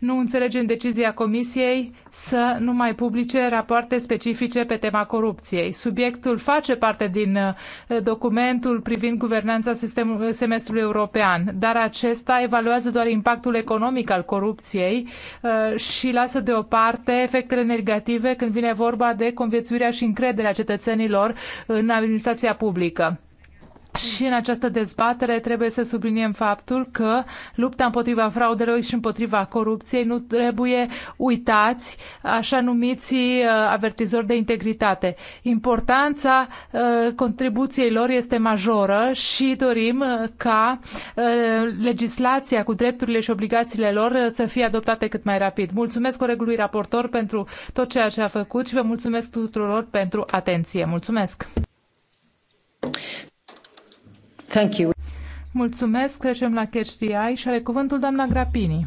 nu înțelegem decizia Comisiei să nu mai publice rapoarte specifice pe tema corupției. Subiectul face parte din uh, documentul privind guvernanța sistemului, uh, semestrului european, dar acesta evaluează doar impactul economic al corupției uh, și lasă deoparte efectele negative când vine vorba de conviețuirea și încrederea cetățenilor în administrația publică. Și în această dezbatere trebuie să subliniem faptul că lupta împotriva fraudelor și împotriva corupției nu trebuie uitați așa numiți uh, avertizori de integritate. Importanța uh, contribuției lor este majoră și dorim uh, ca legislația cu drepturile și obligațiile lor să fie adoptate cât mai rapid. Mulțumesc colegului raportor pentru tot ceea ce a făcut și vă mulțumesc tuturor pentru atenție. Mulțumesc! Thank you. Mulțumesc. Trecem la Catch the Eye și are cuvântul doamna Grapini.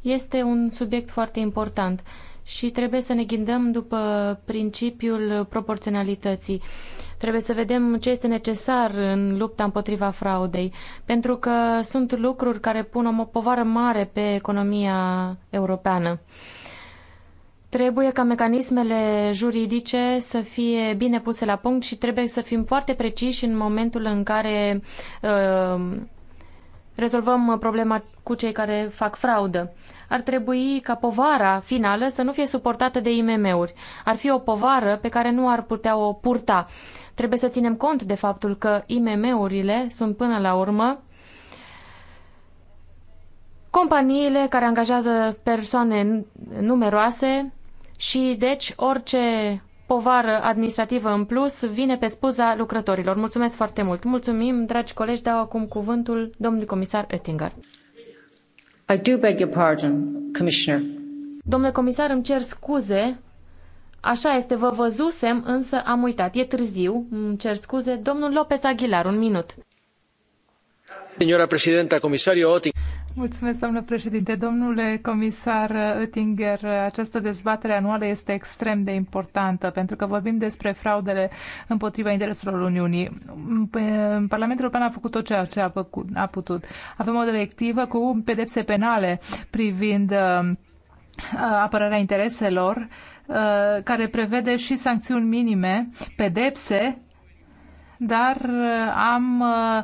este un subiect foarte important și trebuie să ne ghindăm după principiul proporționalității. Trebuie să vedem ce este necesar în lupta împotriva fraudei, pentru că sunt lucruri care pun o povară mare pe economia europeană. Trebuie ca mecanismele juridice să fie bine puse la punct și trebuie să fim foarte preciși în momentul în care uh, rezolvăm uh, problema cu cei care fac fraudă. Ar trebui ca povara finală să nu fie suportată de IMM-uri. Ar fi o povară pe care nu ar putea o purta. Trebuie să ținem cont de faptul că IMM-urile sunt până la urmă companiile care angajează persoane numeroase și deci orice povară administrativă în plus vine pe spuza lucrătorilor. Mulțumesc foarte mult. Mulțumim, dragi colegi, dau acum cuvântul domnului comisar Oettinger. I do beg your pardon, Commissioner. Domnule comisar, îmi cer scuze. Așa este, vă văzusem, însă am uitat. E târziu, îmi cer scuze. Domnul Lopez Aguilar, un minut. Señora presidenta, comisario Oettinger. Mulțumesc, doamnă președinte. Domnule comisar Oettinger, această dezbatere anuală este extrem de importantă pentru că vorbim despre fraudele împotriva intereselor Uniunii. Parlamentul European a făcut tot ceea ce a, făcut, a putut. Avem o directivă cu pedepse penale privind uh, apărarea intereselor, uh, care prevede și sancțiuni minime, pedepse dar uh, am uh,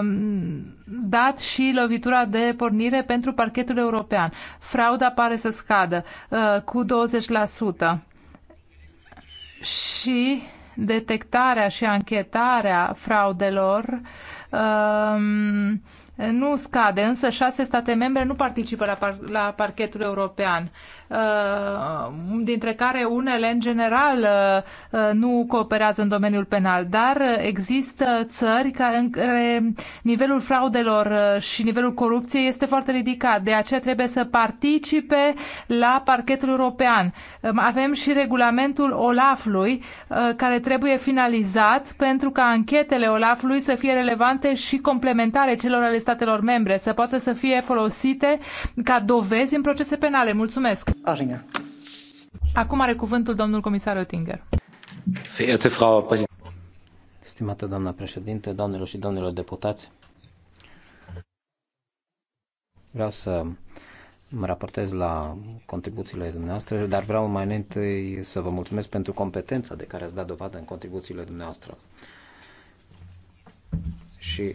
um, dat și lovitura de pornire pentru parchetul european. Frauda pare să scadă uh, cu 20% și detectarea și anchetarea fraudelor um, nu scade, însă șase state membre nu participă la, par- la parchetul european, uh, dintre care unele, în general, uh, uh, nu cooperează în domeniul penal, dar există țări în care nivelul fraudelor și nivelul corupției este foarte ridicat, de aceea trebuie să participe la parchetul european. Um, avem și regulamentul Olafului, care trebuie finalizat pentru ca anchetele Olafului să fie relevante și complementare celor ale statelor membre să poată să fie folosite ca dovezi în procese penale. Mulțumesc! Aringer. Acum are cuvântul domnul comisar Oettinger. Stimată doamna președinte, doamnelor și domnilor deputați, vreau să mă raportez la contribuțiile dumneavoastră, dar vreau mai întâi să vă mulțumesc pentru competența de care ați dat dovadă în contribuțiile dumneavoastră. Și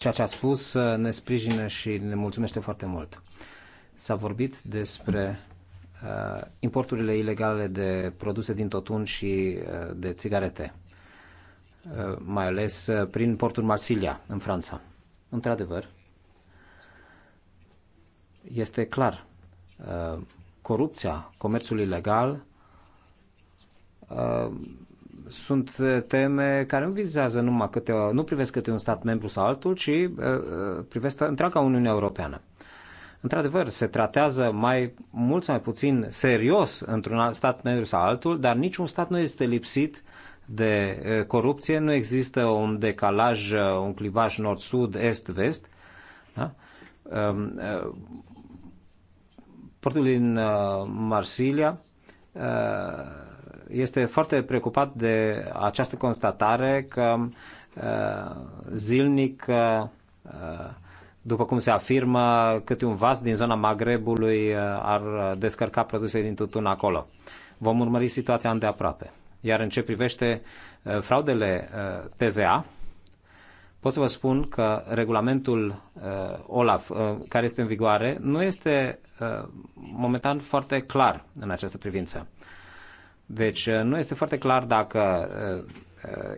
Ceea ce a spus ne sprijină și ne mulțumește foarte mult. S-a vorbit despre uh, importurile ilegale de produse din totun și uh, de țigarete, uh, mai ales uh, prin portul Marsilia, în Franța. Într-adevăr, este clar, uh, corupția, comerțul ilegal uh, sunt uh, teme care nu vizează numai câte, nu privesc câte un stat membru sau altul, ci uh, uh, privesc întreaga Uniune Europeană. Într-adevăr, se tratează mai mult sau mai puțin serios într-un stat membru sau altul, dar niciun stat nu este lipsit de corupție, nu există un decalaj, un clivaj nord-sud, est-vest. Da? Um, portul din Marsilia este foarte preocupat de această constatare că uh, zilnic, uh, după cum se afirmă, câte un vas din zona Magrebului uh, ar descărca produse din tutun acolo. Vom urmări situația îndeaproape. Iar în ce privește fraudele TVA, pot să vă spun că regulamentul OLAF, care este în vigoare, nu este momentan foarte clar în această privință. Deci uh, nu este foarte clar dacă uh,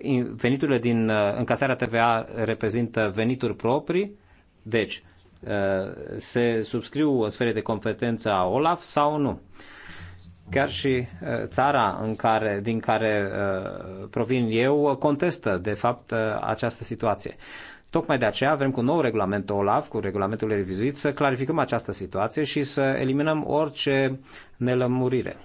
uh, veniturile din încasarea TVA reprezintă venituri proprii, deci se subscriu o sferă de competență a OLAF sau nu. Chiar și țara în care, din care provin eu contestă, de fapt, această situație. Tocmai de aceea avem cu nou regulament OLAF, cu regulamentul revizuit, să clarificăm această situație și să eliminăm orice nelămurire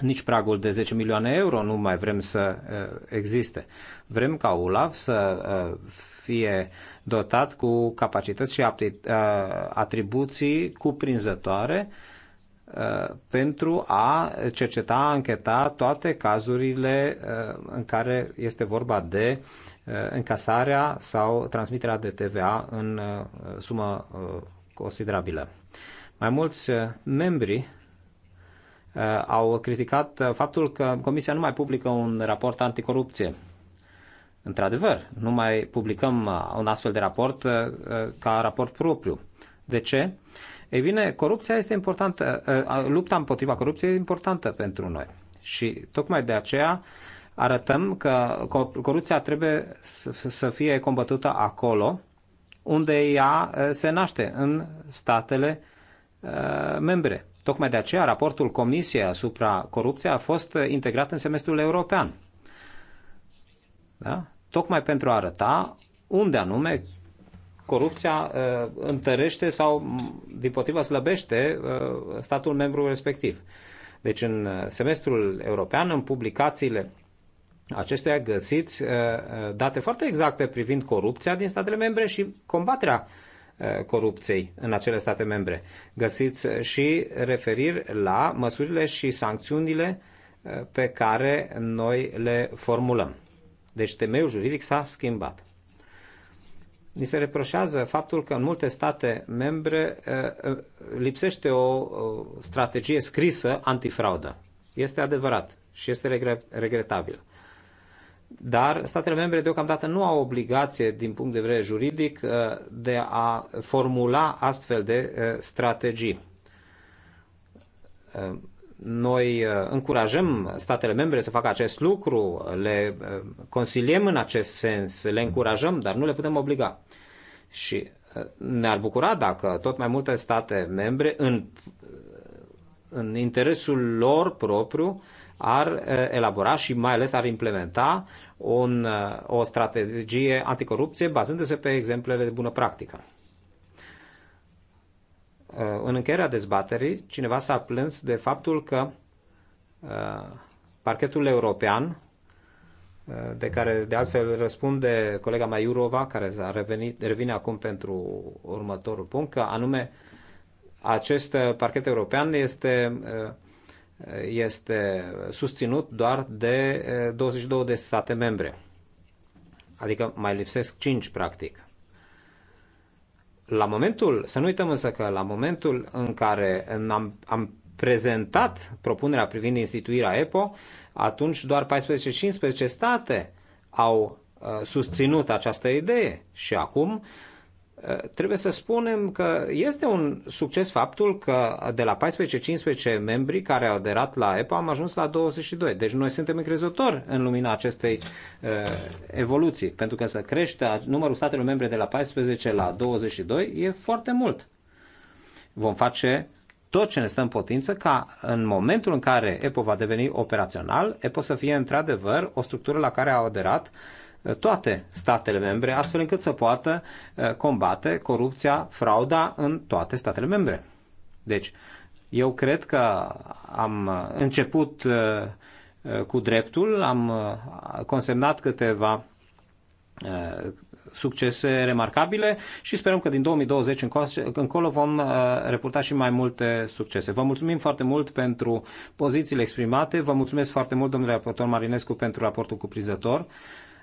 nici pragul de 10 milioane euro nu mai vrem să uh, existe. Vrem ca ULAF să uh, fie dotat cu capacități și uh, atribuții cuprinzătoare pentru a cerceta, a încheta toate cazurile în care este vorba de încasarea sau transmiterea de TVA în sumă considerabilă. Mai mulți membri Uh, au criticat uh, faptul că Comisia nu mai publică un raport anticorupție. Într-adevăr, nu mai publicăm uh, un astfel de raport ca raport propriu. De ce? Ei bine, corupția este importantă, lupta împotriva corupției este importantă pentru noi. Și tocmai de aceea arătăm că corupția trebuie să fie combătută acolo unde ea se naște, în statele membre. Tocmai de aceea raportul Comisiei asupra corupției a fost integrat în semestrul european. Da? Tocmai pentru a arăta unde anume corupția uh, întărește sau, din potriva, slăbește uh, statul membru respectiv. Deci, în uh, semestrul european, în publicațiile acestuia găsiți uh, uh, date foarte exacte privind corupția din statele membre și combaterea uh, Uh, corupției în acele state membre. Găsiți uh, și referiri la măsurile și sancțiunile uh, pe care noi le formulăm. Deci temeiul juridic s-a schimbat. Ni se reproșează faptul că în multe state membre lipsește o strategie scrisă antifraudă. Este adevărat și este regretabil. Dar statele membre deocamdată nu au obligație din punct de vedere juridic uh, de a formula astfel de uh, strategii. Uh, noi încurajăm statele membre să facă acest lucru, le consiliem în acest sens, le încurajăm, dar nu le putem obliga. Și ne-ar bucura dacă tot mai multe state membre, în, în interesul lor propriu, ar uh, elabora și mai ales ar implementa un, uh, o strategie anticorupție bazându-se pe exemplele de bună practică. Uh, în încheierea dezbaterii, cineva s-a plâns de faptul că parchetul european, de care de altfel răspunde colega mea Iurova, care a revenit, revine acum pentru următorul punct, că anume acest parchet european este uh, este susținut doar de 22 de state membre. Adică mai lipsesc 5, practic. La momentul, să nu uităm însă că la momentul în care am, am prezentat propunerea privind instituirea EPO, atunci doar 14-15 state au susținut această idee și acum uh, Eh, trebuie să spunem că este un succes faptul că de la 14-15 membri care au aderat la EPA am ajuns la 22. Deci noi suntem încrezători în lumina acestei uh, evoluții, pentru că să crește numărul statelor membre de la 14 la 22 e foarte mult. Vom face tot ce ne stă în potință ca în momentul în care EPO va deveni operațional, EPO să fie într-adevăr o structură la care au aderat uh, toate statele membre, astfel încât să poată eh, combate corupția, frauda în toate statele membre. Deci, eu cred că am eh, început eh, cu dreptul, am consemnat câteva succese remarcabile și sperăm că din 2020 încolo vom reporta și mai multe succese. Vă mulțumim foarte mult pentru pozițiile exprimate, vă mulțumesc foarte mult, domnule raportor Marinescu, pentru raportul cuprizător.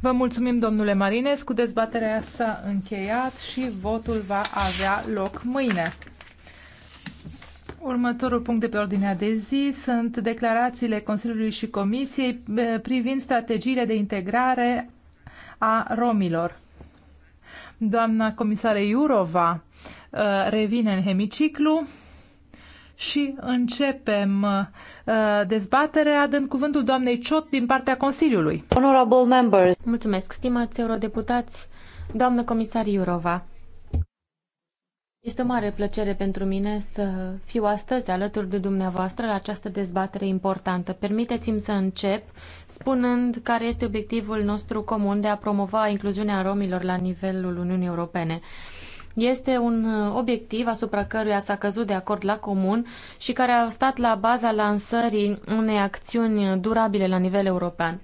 Vă mulțumim, domnule Marinescu. Dezbaterea s-a încheiat și votul va avea loc mâine. Următorul punct de pe ordinea de zi sunt declarațiile Consiliului și Comisiei eh, privind strategiile de integrare a romilor. Doamna comisară Iurova eh, revine în hemiciclu și începem uh, uh, dezbaterea dând cuvântul doamnei Ciot din partea Consiliului. Honorable members. Mulțumesc, stimați eurodeputați, doamnă comisar Iurova. Este o mare plăcere pentru mine să fiu astăzi alături de dumneavoastră la această dezbatere importantă. Permiteți-mi să încep spunând care este obiectivul nostru comun de a promova incluziunea romilor la nivelul Uniunii Europene este un uh, obiectiv asupra căruia s-a căzut de acord la comun și care a stat la baza lansării unei acțiuni durabile la nivel european.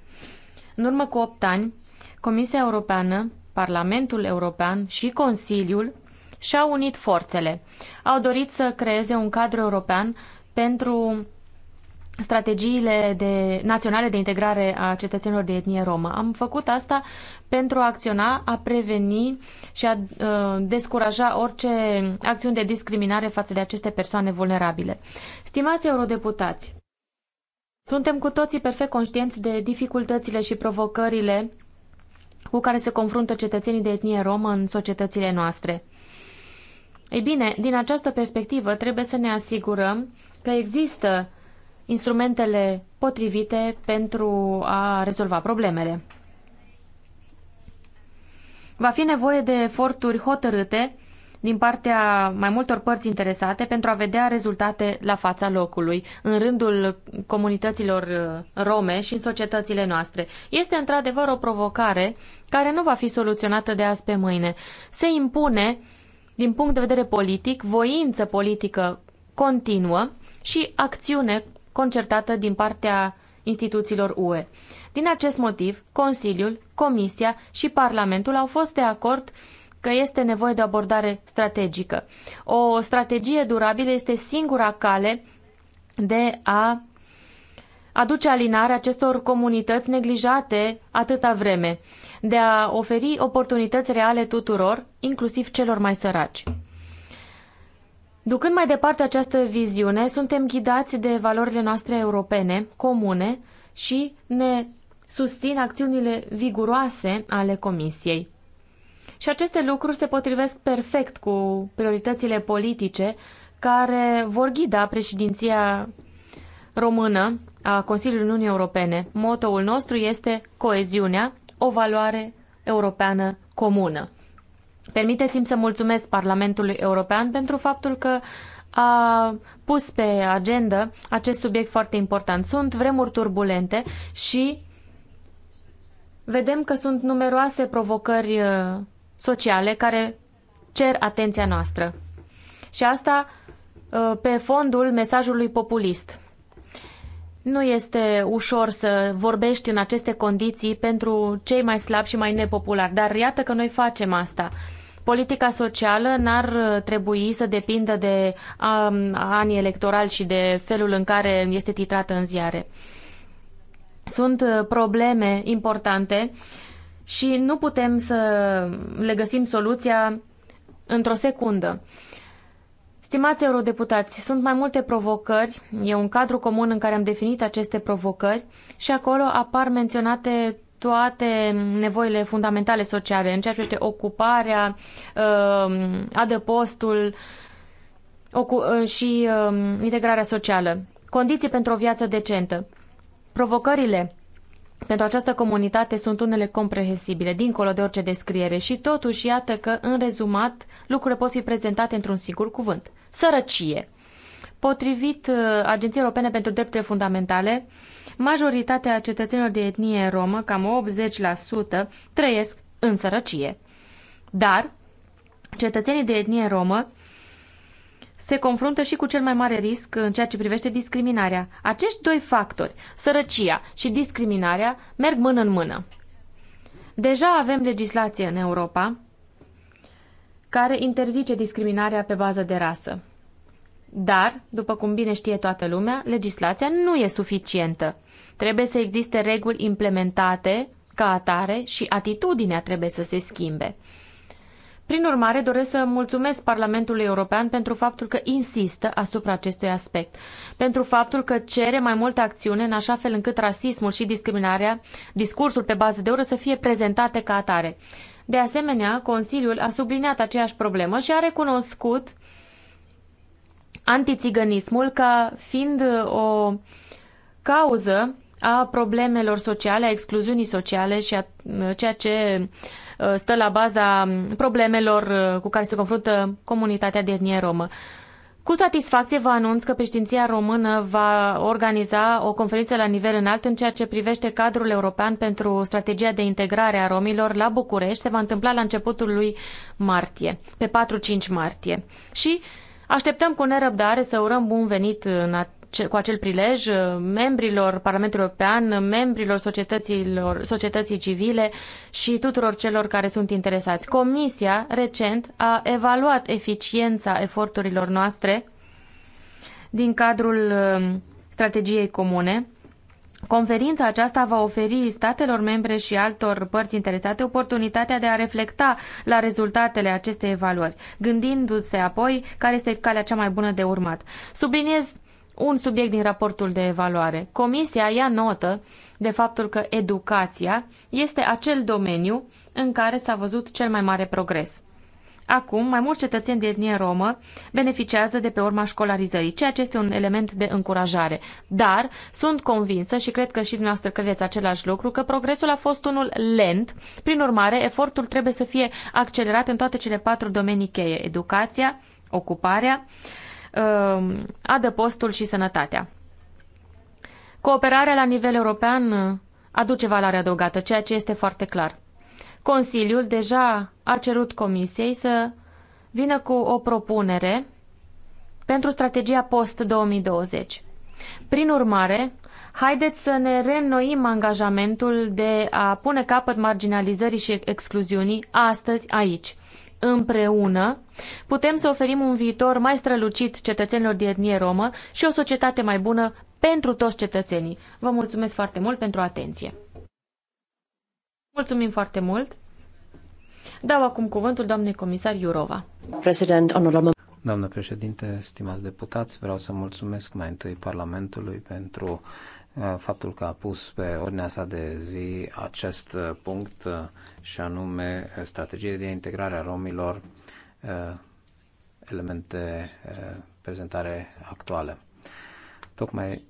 În urmă cu 8 ani, Comisia Europeană, Parlamentul European și Consiliul și-au unit forțele. Au dorit să creeze un cadru european pentru strategiile de, naționale de integrare a cetățenilor de etnie romă. Am făcut asta pentru a acționa, a preveni și a uh, descuraja orice acțiuni de discriminare față de aceste persoane vulnerabile. Stimați eurodeputați, suntem cu toții perfect conștienți de dificultățile și provocările cu care se confruntă cetățenii de etnie romă în societățile noastre. Ei bine, din această perspectivă trebuie să ne asigurăm că există instrumentele potrivite pentru a rezolva problemele. Va fi nevoie de eforturi hotărâte din partea mai multor părți interesate pentru a vedea rezultate la fața locului, în rândul comunităților uh, rome și în societățile noastre. Este într-adevăr o provocare care nu va fi soluționată de azi pe mâine. Se impune, din punct de vedere politic, voință politică continuă și acțiune concertată din partea instituțiilor UE. Din acest motiv, Consiliul, Comisia și Parlamentul au fost de acord că este nevoie de o abordare strategică. O strategie durabilă este singura cale de a aduce alinare acestor comunități neglijate atâta vreme, de a oferi oportunități reale tuturor, inclusiv celor mai săraci. Ducând mai departe această viziune, suntem ghidați de valorile noastre europene, comune și ne susțin acțiunile viguroase ale Comisiei. Și aceste lucruri se potrivesc perfect cu prioritățile politice care vor ghida președinția română a Consiliului Uniunii Europene. Motoul nostru este coeziunea, o valoare europeană comună. Permiteți-mi să mulțumesc Parlamentului European pentru faptul că a pus pe agenda acest subiect foarte important. Sunt vremuri turbulente și vedem că sunt numeroase provocări uh, sociale care cer atenția noastră. Și asta uh, pe fondul mesajului populist. Nu este ușor să vorbești în aceste condiții pentru cei mai slabi și mai nepopulari, dar iată că noi facem asta. Politica socială n-ar uh, trebui să depindă de um, anii electorali și de felul în care este titrată în ziare. Sunt uh, probleme importante și nu putem să le găsim soluția într-o secundă. Stimați eurodeputați, sunt mai multe provocări, e un cadru comun în care am definit aceste provocări și acolo apar menționate toate nevoile fundamentale sociale, în ceea ce privește ocuparea, um, adăpostul uh, și um, integrarea socială. Condiții pentru o viață decentă. Provocările pentru această comunitate sunt unele comprehensibile, dincolo de orice descriere și totuși iată că, în rezumat, lucrurile pot fi prezentate într-un singur cuvânt. Sărăcie. Potrivit uh, Agenției Europene pentru Drepturile Fundamentale, uh, Majoritatea cetățenilor de etnie romă, cam 80%, trăiesc în sărăcie. Dar cetățenii de etnie romă se confruntă și cu cel mai mare risc în ceea ce privește discriminarea. Acești doi factori, sărăcia și discriminarea, merg mână în mână. Deja avem legislație în Europa care interzice discriminarea pe bază de rasă. Dar, după cum bine știe toată lumea, legislația nu e suficientă. Trebuie să existe reguli implementate ca atare și atitudinea trebuie să se schimbe. Prin urmare, doresc să mulțumesc Parlamentului European pentru faptul că insistă asupra acestui aspect, pentru faptul că cere mai multă acțiune în așa fel încât rasismul și discriminarea, discursul pe bază de oră să fie prezentate ca atare. De asemenea, Consiliul a subliniat aceeași problemă și a recunoscut antiziganismul ca fiind uh, o cauză a problemelor sociale, a excluziunii sociale și a ceea ce uh, stă la baza problemelor uh, cu care se confruntă comunitatea de etnie romă. Cu satisfacție vă anunț că președinția română va organiza o conferință la nivel înalt în ceea ce privește cadrul european pentru strategia de integrare a romilor la București. Se va întâmpla la începutul lui martie, pe 4-5 martie. Și Așteptăm cu nerăbdare să urăm bun venit în cu acel prilej uh, membrilor Parlamentului European, membrilor societăților, societății civile și tuturor celor care sunt interesați. Comisia recent a evaluat eficiența eforturilor noastre din cadrul uh, strategiei comune. Conferința aceasta va oferi statelor membre și altor părți interesate oportunitatea de a reflecta la rezultatele acestei evaluări, gândindu-se apoi care este calea cea mai bună de urmat. Subliniez un subiect din raportul de evaluare. Comisia ia notă de faptul că educația este acel domeniu în care s-a văzut cel mai mare progres. Acum, mai mulți cetățeni de etnie romă beneficiază de pe urma școlarizării, ceea ce este un element de încurajare. Dar sunt convinsă și cred că și dumneavoastră credeți același lucru, că progresul a fost unul lent. Prin urmare, efortul trebuie să fie accelerat în toate cele patru domenii cheie. Educația, ocuparea, uh, Um, adăpostul și sănătatea. Cooperarea la nivel european uh, aduce valoare adăugată, ceea ce este foarte clar. Consiliul deja a cerut Comisiei să vină cu o propunere pentru strategia post-2020. Prin urmare, haideți să ne reînnoim angajamentul de a pune capăt marginalizării și excluziunii astăzi aici împreună putem să oferim un viitor mai strălucit cetățenilor din etnie romă și o societate mai bună pentru toți cetățenii. Vă mulțumesc foarte mult pentru atenție. Mulțumim foarte mult. Dau acum cuvântul doamnei comisar Iurova. President, Doamnă președinte, stimați deputați, vreau să mulțumesc mai întâi Parlamentului pentru Uh, faptul că a pus pe ordinea sa de zi acest uh, punct uh, și anume strategie de integrare a romilor, elemente prezentare actuale. Tocmai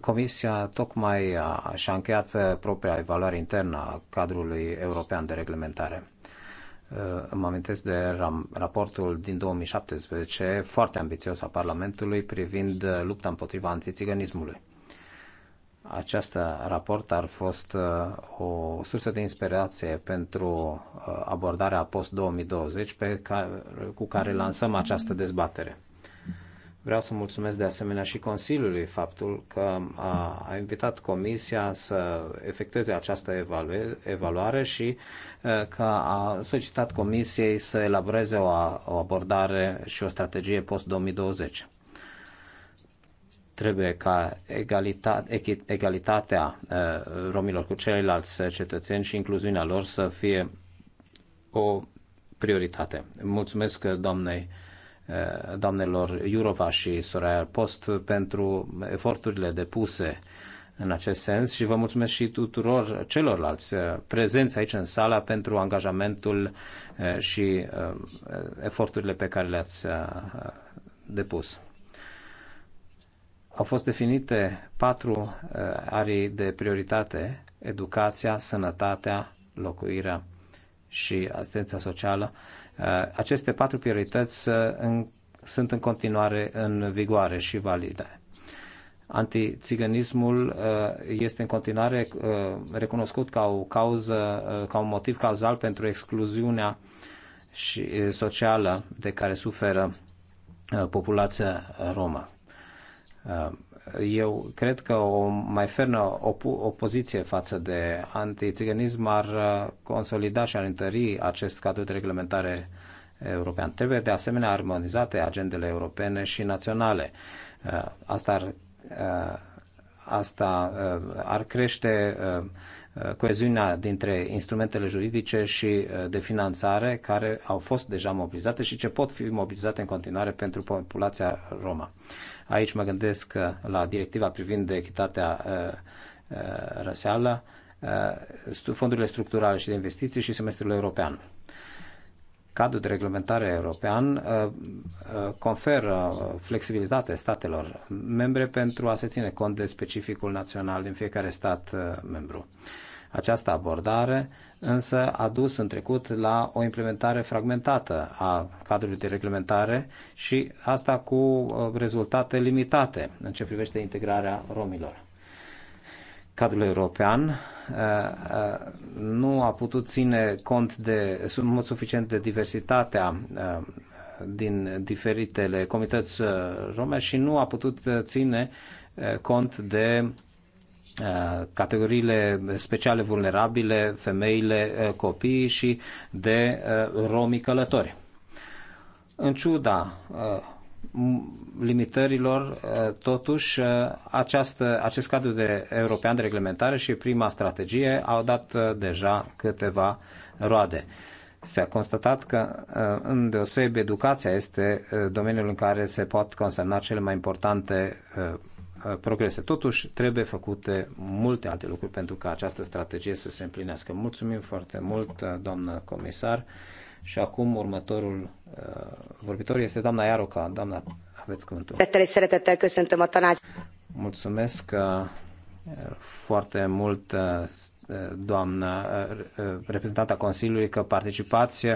Comisia tocmai a, și-a încheiat pe propria evaluare internă a cadrului european de reglementare. Îmi amintesc de raportul din 2017, foarte ambițios a Parlamentului, privind lupta împotriva antițiganismului acest raport ar fost uh, o sursă de inspirație pentru uh, abordarea post-2020 pe care, cu care lansăm această dezbatere. Vreau să mulțumesc de asemenea și Consiliului faptul că a, a invitat Comisia să efectueze această evaluare, evaluare și uh, că a solicitat Comisiei să elaboreze o, o abordare și o strategie post-2020. Trebuie ca egalitate, egalitatea uh, romilor cu ceilalți uh, cetățeni și incluziunea lor să fie o prioritate. Mulțumesc uh, doamnei doamnelor Iurova și Soraya Post pentru eforturile depuse în acest sens și vă mulțumesc și tuturor celorlalți prezenți aici în sala pentru angajamentul și eforturile pe care le-ați depus. Au fost definite patru uh, arii de prioritate, educația, sănătatea, locuirea și asistența socială. Uh, aceste patru priorități sunt în continuare în vigoare și valide. Antițiganismul uh, este în continuare recunoscut ca o cauză, ca un motiv cauzal pentru excluziunea și socială de care suferă populația romă. Um, eu cred că o mai fernă op- opoziție față de antițiganism ar uh, consolida și ar întări acest cadru de reglementare european. Trebuie de asemenea armonizate agendele europene și naționale. Uh, asta ar, uh, asta ar crește Uh, coeziunea dintre instrumentele juridice și uh, de finanțare care au fost deja mobilizate și ce pot fi mobilizate în continuare pentru populația romă. Aici mă gândesc uh, la directiva privind echitatea răseală, fondurile structurale și de investiții și semestrul european cadrul de reglementare european uh, uh, conferă flexibilitate statelor membre pentru a se ține cont de specificul național din fiecare stat uh, membru. Această abordare însă a dus în trecut la o implementare fragmentată a cadrului de reglementare și asta cu rezultate limitate în ce privește integrarea romilor cadrul european uh, uh, nu a putut ține cont de, în mod suficient de diversitatea uh, din diferitele comități rome și nu a putut ține cont de categoriile speciale vulnerabile, femeile, copiii și de romii călători. În ciuda limitărilor, uh, totuși, uh, această, acest cadru de european de reglementare și prima strategie au dat uh, deja câteva roade. S-a constatat că, în deosebi, educația este domeniul în care se pot consemna cele mai importante progrese. Totuși, trebuie făcute multe alte lucruri pentru ca această strategie să se împlinească. Mulțumim foarte mult, doamnă comisar. Și acum următorul Uh, vorbitor este doamna Iaroca. Doamna, aveți cuvântul. Mulțumesc uh, foarte mult, uh, doamna reprezentanta Consiliului, că participați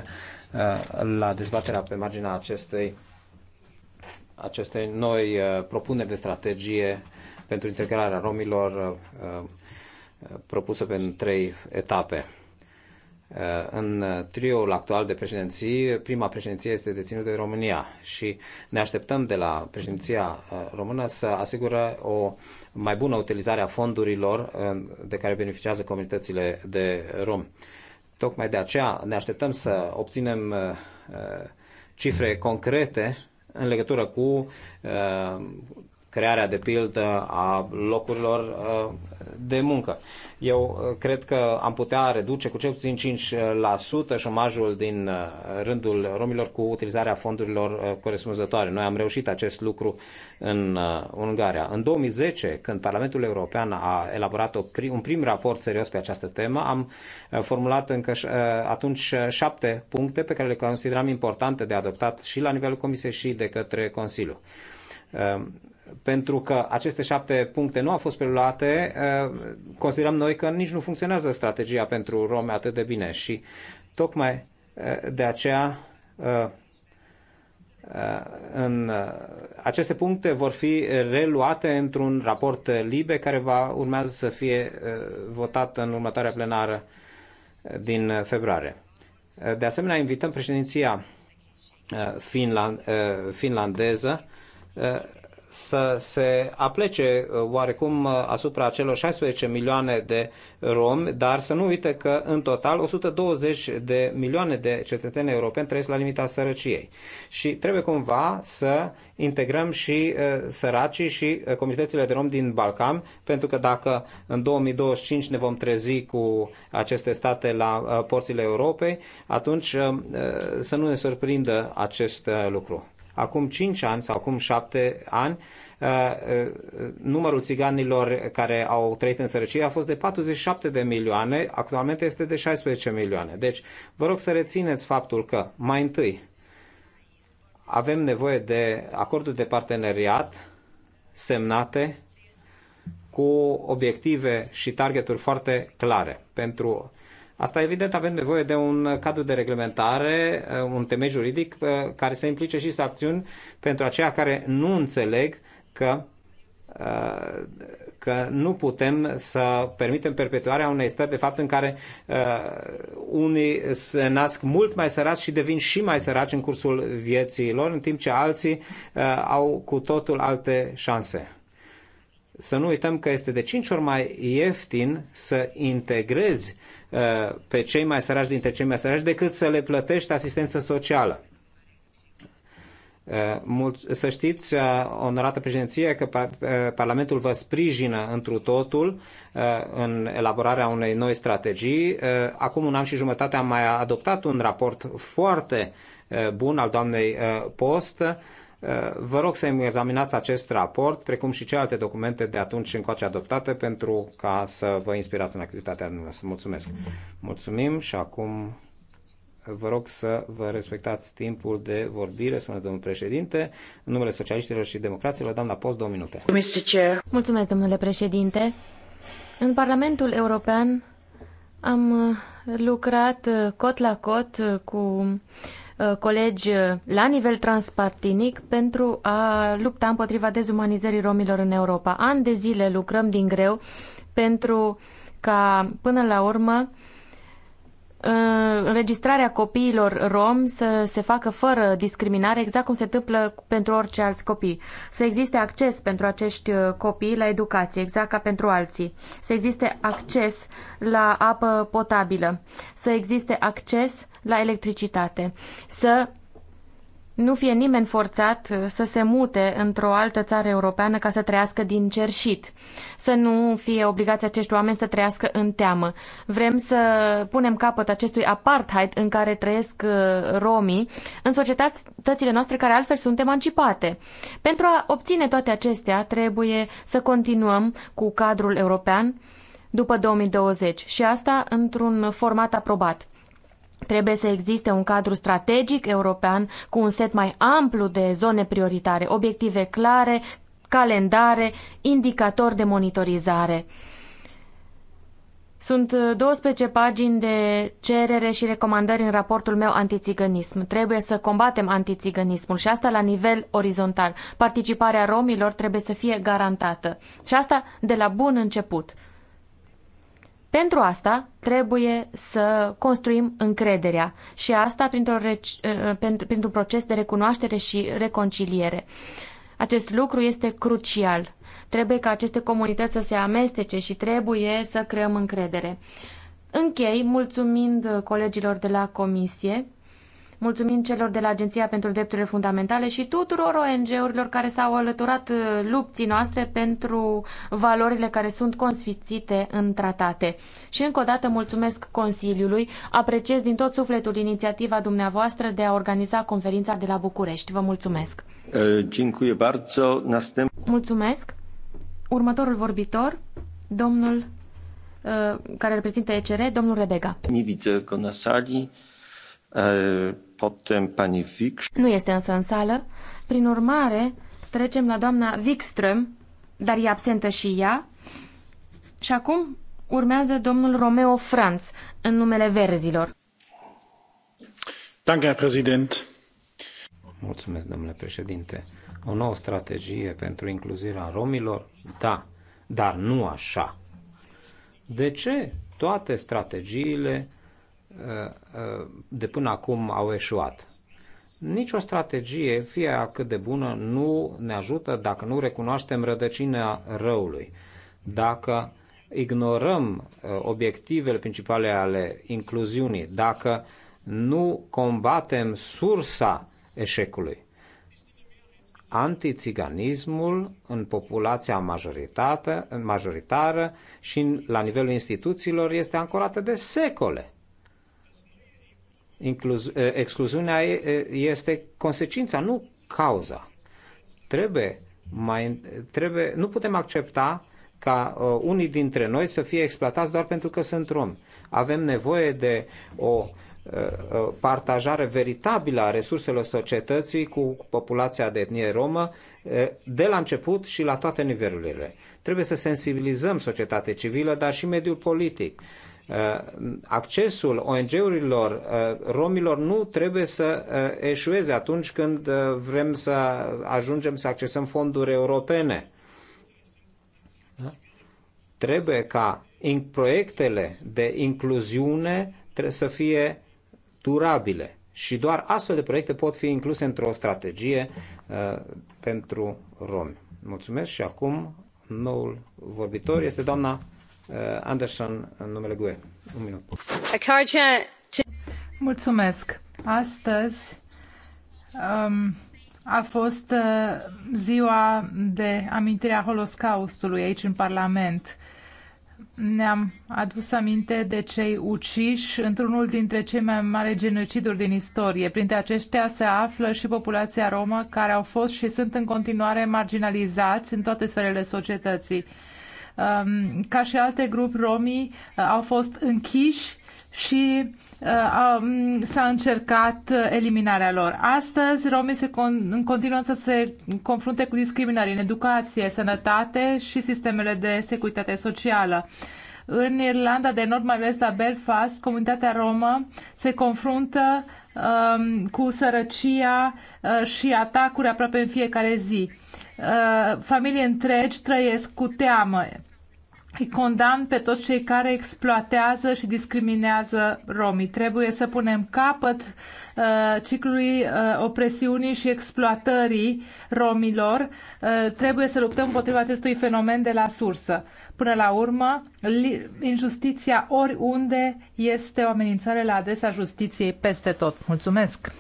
la dezbaterea pe marginea acestei, acestei noi propuneri de strategie pentru integrarea romilor propusă pe trei etape. Uh, în trioul actual de președinții, prima președinție este deținută de România și ne așteptăm de la președinția uh, română să asigură o mai bună utilizare a fondurilor uh, de care beneficiază comunitățile de rom. Tocmai de aceea ne așteptăm să obținem cifre concrete în legătură cu crearea de pildă a locurilor uh, de muncă. Eu uh, cred că am putea reduce cu cel puțin 5% șomajul din uh, rândul romilor cu utilizarea fondurilor corespunzătoare. Noi am reușit acest lucru în Ungaria. În 2010, când Parlamentul European a elaborat un prim raport serios pe această temă, am formulat încă atunci șapte puncte pe care le consideram importante de adoptat și la nivelul Comisiei și de către Consiliu pentru că aceste șapte puncte nu au fost preluate, eh, considerăm noi că nici nu funcționează strategia pentru Rome atât de bine și tocmai eh, de aceea eh, în aceste puncte vor fi reluate într-un raport libe care va urmează să fie votat în următoarea plenară din februarie. De asemenea, invităm președinția finlandeză să se aplece uh, oarecum uh, asupra celor 16 milioane de romi, dar să nu uite că în total 120 de milioane de cetățeni europeni trăiesc la limita sărăciei. Și trebuie cumva să integrăm și uh, săracii și comunitățile de rom din Balcan, pentru că dacă în 2025 ne vom trezi cu aceste state la porțile Europei, atunci să nu ne surprindă acest lucru acum 5 ani sau acum 7 ani, uh, uh, numărul țiganilor care au trăit în sărăcie a fost de 47 de milioane, actualmente este de 16 milioane. Deci, vă rog să rețineți faptul că, mai întâi, avem nevoie de acorduri de parteneriat semnate cu obiective și targeturi foarte clare pentru Asta, evident, avem nevoie de un cadru de reglementare, uh, un temei juridic uh, care să implice și sancțiuni pentru aceia care nu înțeleg că uh, că nu putem să permitem perpetuarea unei stări de fapt în care unii se nasc mult mai săraci și devin și mai săraci în cursul vieții lor, în timp ce alții au cu totul alte șanse. Să nu uităm că este de 5 ori mai ieftin să integrezi uh, pe cei mai săraci dintre cei mai săraci decât să le plătești asistență socială. Uh, să știți, uh, onorată președinție, că Parlamentul vă sprijină întru totul în elaborarea unei noi strategii. Acum un an și jumătate am mai adoptat un raport foarte bun al doamnei Post Uh, vă rog să examinați acest raport, precum și celelalte documente de atunci încoace adoptate, pentru ca să vă inspirați în activitatea noastră. Mulțumesc! Mulțumim și acum vă rog să vă respectați timpul de vorbire, spune domnul președinte. În numele socialiștilor și dăm la Post, două minute. Mulțumesc, domnule președinte. În Parlamentul European am lucrat cot la cot cu Uh, colegi uh, la nivel transpartinic pentru a lupta împotriva dezumanizării romilor în Europa. An de zile lucrăm din greu pentru ca până la urmă uh, înregistrarea copiilor rom să se facă fără discriminare, exact cum se întâmplă pentru orice alți copii. Să existe acces pentru acești copii la educație, exact ca pentru alții. Să existe acces la apă potabilă. Să existe acces la electricitate. Să nu fie nimeni forțat uh, să se mute într-o altă țară europeană ca să trăiască din cerșit. Să nu fie obligați acești oameni să trăiască în teamă. Vrem să punem capăt acestui apartheid în care trăiesc uh, romii în societățile noastre care altfel sunt emancipate. Pentru a obține toate acestea trebuie să continuăm cu cadrul european după 2020 și asta într-un format aprobat. Trebuie să existe un cadru strategic european cu un set mai amplu de zone prioritare, obiective clare, calendare, indicatori de monitorizare. Sunt 12 pagini de cerere și recomandări în raportul meu antițiganism. Trebuie să combatem antițiganismul și asta la nivel orizontal. Participarea romilor trebuie să fie garantată. Și asta de la bun început. Pentru asta trebuie să construim încrederea și asta eh, eh, printr-un printr, proces de recunoaștere și reconciliere. Acest lucru este crucial. Trebuie ca aceste comunități să se amestece și trebuie să creăm încredere. Închei mulțumind colegilor de la comisie Mulțumim celor de la Agenția pentru Drepturile Fundamentale și tuturor ONG-urilor care s-au alăturat uh, lupții noastre pentru valorile care sunt consfințite în tratate. Și încă o dată mulțumesc Consiliului. Apreciez din tot sufletul inițiativa dumneavoastră de a organiza conferința de la București. Vă mulțumesc! Uh, mulțumesc! Următorul vorbitor, domnul uh, care reprezintă ECR, domnul Rebega. Nu văd că sali. Eh, potem Nu este însă în sală. Prin urmare, trecem la doamna Wikström, dar e absentă și ea. Și acum urmează domnul Romeo Franz, în numele verzilor. Danke, prezident. Mulțumesc, domnule președinte. O nouă strategie pentru incluzirea romilor? Da, dar nu așa. De ce toate strategiile de până acum au eșuat. Nici o strategie, fie a cât de bună, nu ne ajută dacă nu recunoaștem rădăcina răului. Dacă ignorăm uh, obiectivele principale ale incluziunii, dacă nu combatem sursa eșecului. Antiziganismul în populația majoritară și la nivelul instituțiilor este ancorată de secole Incluz, eh, excluziunea eh, este consecința, nu cauza. Trebuie mai, trebuie, nu putem accepta ca uh, unii dintre noi să fie exploatați doar pentru că sunt romi. Avem nevoie de o uh, partajare veritabilă a resurselor societății cu populația de etnie romă uh, de la început și la toate nivelurile. Trebuie să sensibilizăm societatea civilă, dar și mediul politic. Uh, Uh, accesul ONG-urilor uh, romilor nu trebuie să uh, eșueze atunci când vrem să ajungem să accesăm fonduri europene. Da? Trebuie ca proiectele de incluziune trebuie să fie durabile și doar astfel de proiecte pot fi incluse într-o strategie uh, pentru romi. Mulțumesc și acum noul vorbitor este doamna Uh, Mulțumesc. Astăzi um, a fost uh, ziua de amintire a Holocaustului aici în Parlament. Ne-am adus aminte de cei uciși într-unul dintre cei mai mari genociduri din istorie. Printre aceștia se află și populația romă, care au fost și sunt în continuare marginalizați în toate sferele societății. Um, ca și alte grupuri romii uh, au fost închiși și uh, um, s-a încercat uh, eliminarea lor. Astăzi, romii se con- continuă să se confrunte cu discriminări în educație, sănătate și sistemele de securitate socială. În Irlanda de Nord, mai ales la Belfast, comunitatea romă se confruntă um, cu sărăcia uh, și atacuri aproape în fiecare zi. Uh, familii întregi trăiesc cu teamă. Îi condamn pe toți cei care exploatează și discriminează romii. Trebuie să punem capăt uh, Uh, ciclului uh, opresiunii și exploatării romilor. Uh, trebuie să luptăm împotriva acestui fenomen de la sursă. Până la urmă, injustiția oriunde este o amenințare la adresa justiției peste tot. Mulțumesc!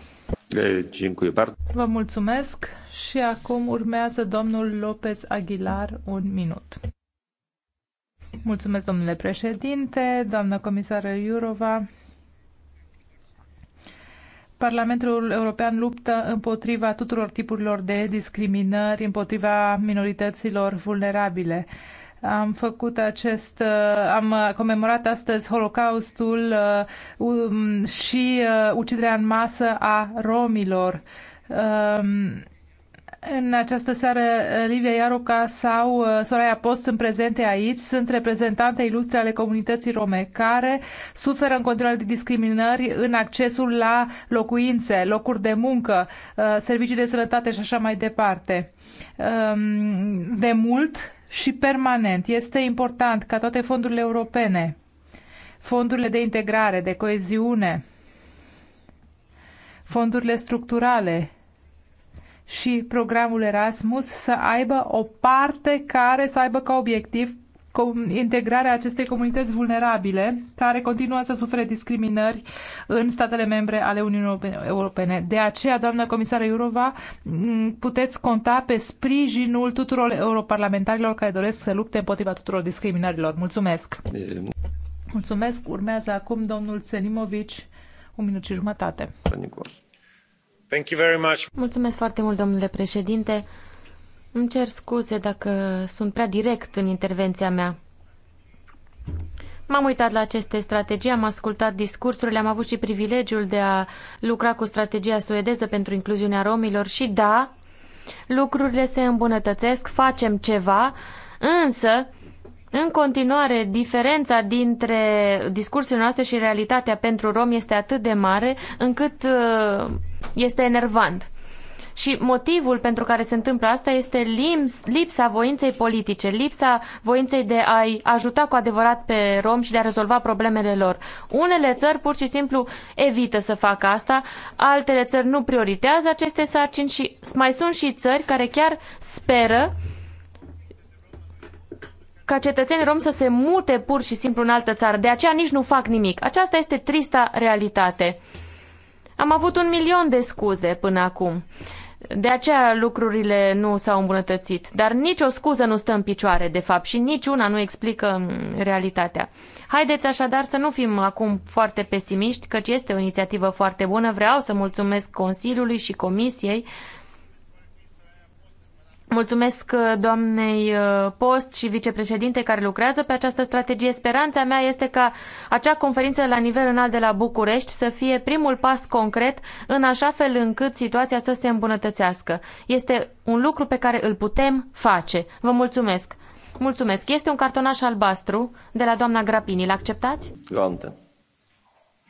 Vă mulțumesc și acum urmează domnul Lopez Aguilar un minut. Mulțumesc, domnule președinte, doamnă comisară Iurova. Parlamentul European luptă împotriva tuturor tipurilor de discriminări, împotriva minorităților vulnerabile. Am făcut acest, uh, am comemorat astăzi Holocaustul uh, um, și uh, uciderea în masă a romilor. Um, în această seară, Livia Iaruca sau uh, Soraya Post sunt prezente aici, sunt reprezentante ilustre ale comunității rome, care suferă în continuare de discriminări în accesul la locuințe, locuri de muncă, uh, servicii de sănătate și așa mai departe. Um, de mult și permanent. Este important ca toate fondurile europene, fondurile de integrare, de coeziune, fondurile structurale, și programul Erasmus să aibă o parte care să aibă ca obiectiv integrarea acestei comunități vulnerabile care continuă să sufere discriminări în statele membre ale Uniunii Europene. De aceea, doamnă comisară Iurova, puteți conta pe sprijinul tuturor europarlamentarilor care doresc să lupte împotriva tuturor discriminărilor. Mulțumesc! Mulțumesc! Urmează acum domnul Senimovici, un minut și jumătate. Nicos. Thank you very much. Mulțumesc foarte mult, domnule președinte. Îmi cer scuze dacă sunt prea direct în intervenția mea. M-am uitat la aceste strategii, am ascultat discursurile, am avut și privilegiul de a lucra cu strategia suedeză pentru incluziunea romilor și da, lucrurile se îmbunătățesc, facem ceva, însă în continuare, diferența dintre discursurile noastre și realitatea pentru romi este atât de mare încât uh, este enervant. Și motivul pentru care se întâmplă asta este lipsa voinței politice, lipsa voinței de a-i ajuta cu adevărat pe rom și de a rezolva problemele lor. Unele țări pur și simplu evită să facă asta, altele țări nu prioritează aceste sarcini și mai sunt și țări care chiar speră ca cetățenii rom să se mute pur și simplu în altă țară. De aceea nici nu fac nimic. Aceasta este trista realitate. Am avut un milion de scuze până acum. De aceea lucrurile nu s-au îmbunătățit. Dar nici o scuză nu stă în picioare, de fapt, și nici una nu explică mm, realitatea. Haideți așadar să nu fim acum foarte pesimiști, căci este o inițiativă foarte bună. Vreau să mulțumesc Consiliului și Comisiei Mulțumesc uh, doamnei uh, Post și vicepreședinte care lucrează pe această strategie. Speranța mea este ca acea conferință la nivel înalt de la București să fie primul pas concret în așa fel încât situația să se îmbunătățească. Este un lucru pe care îl putem face. Vă mulțumesc! Mulțumesc! Este un cartonaș albastru de la doamna Grapini. L-acceptați? Gante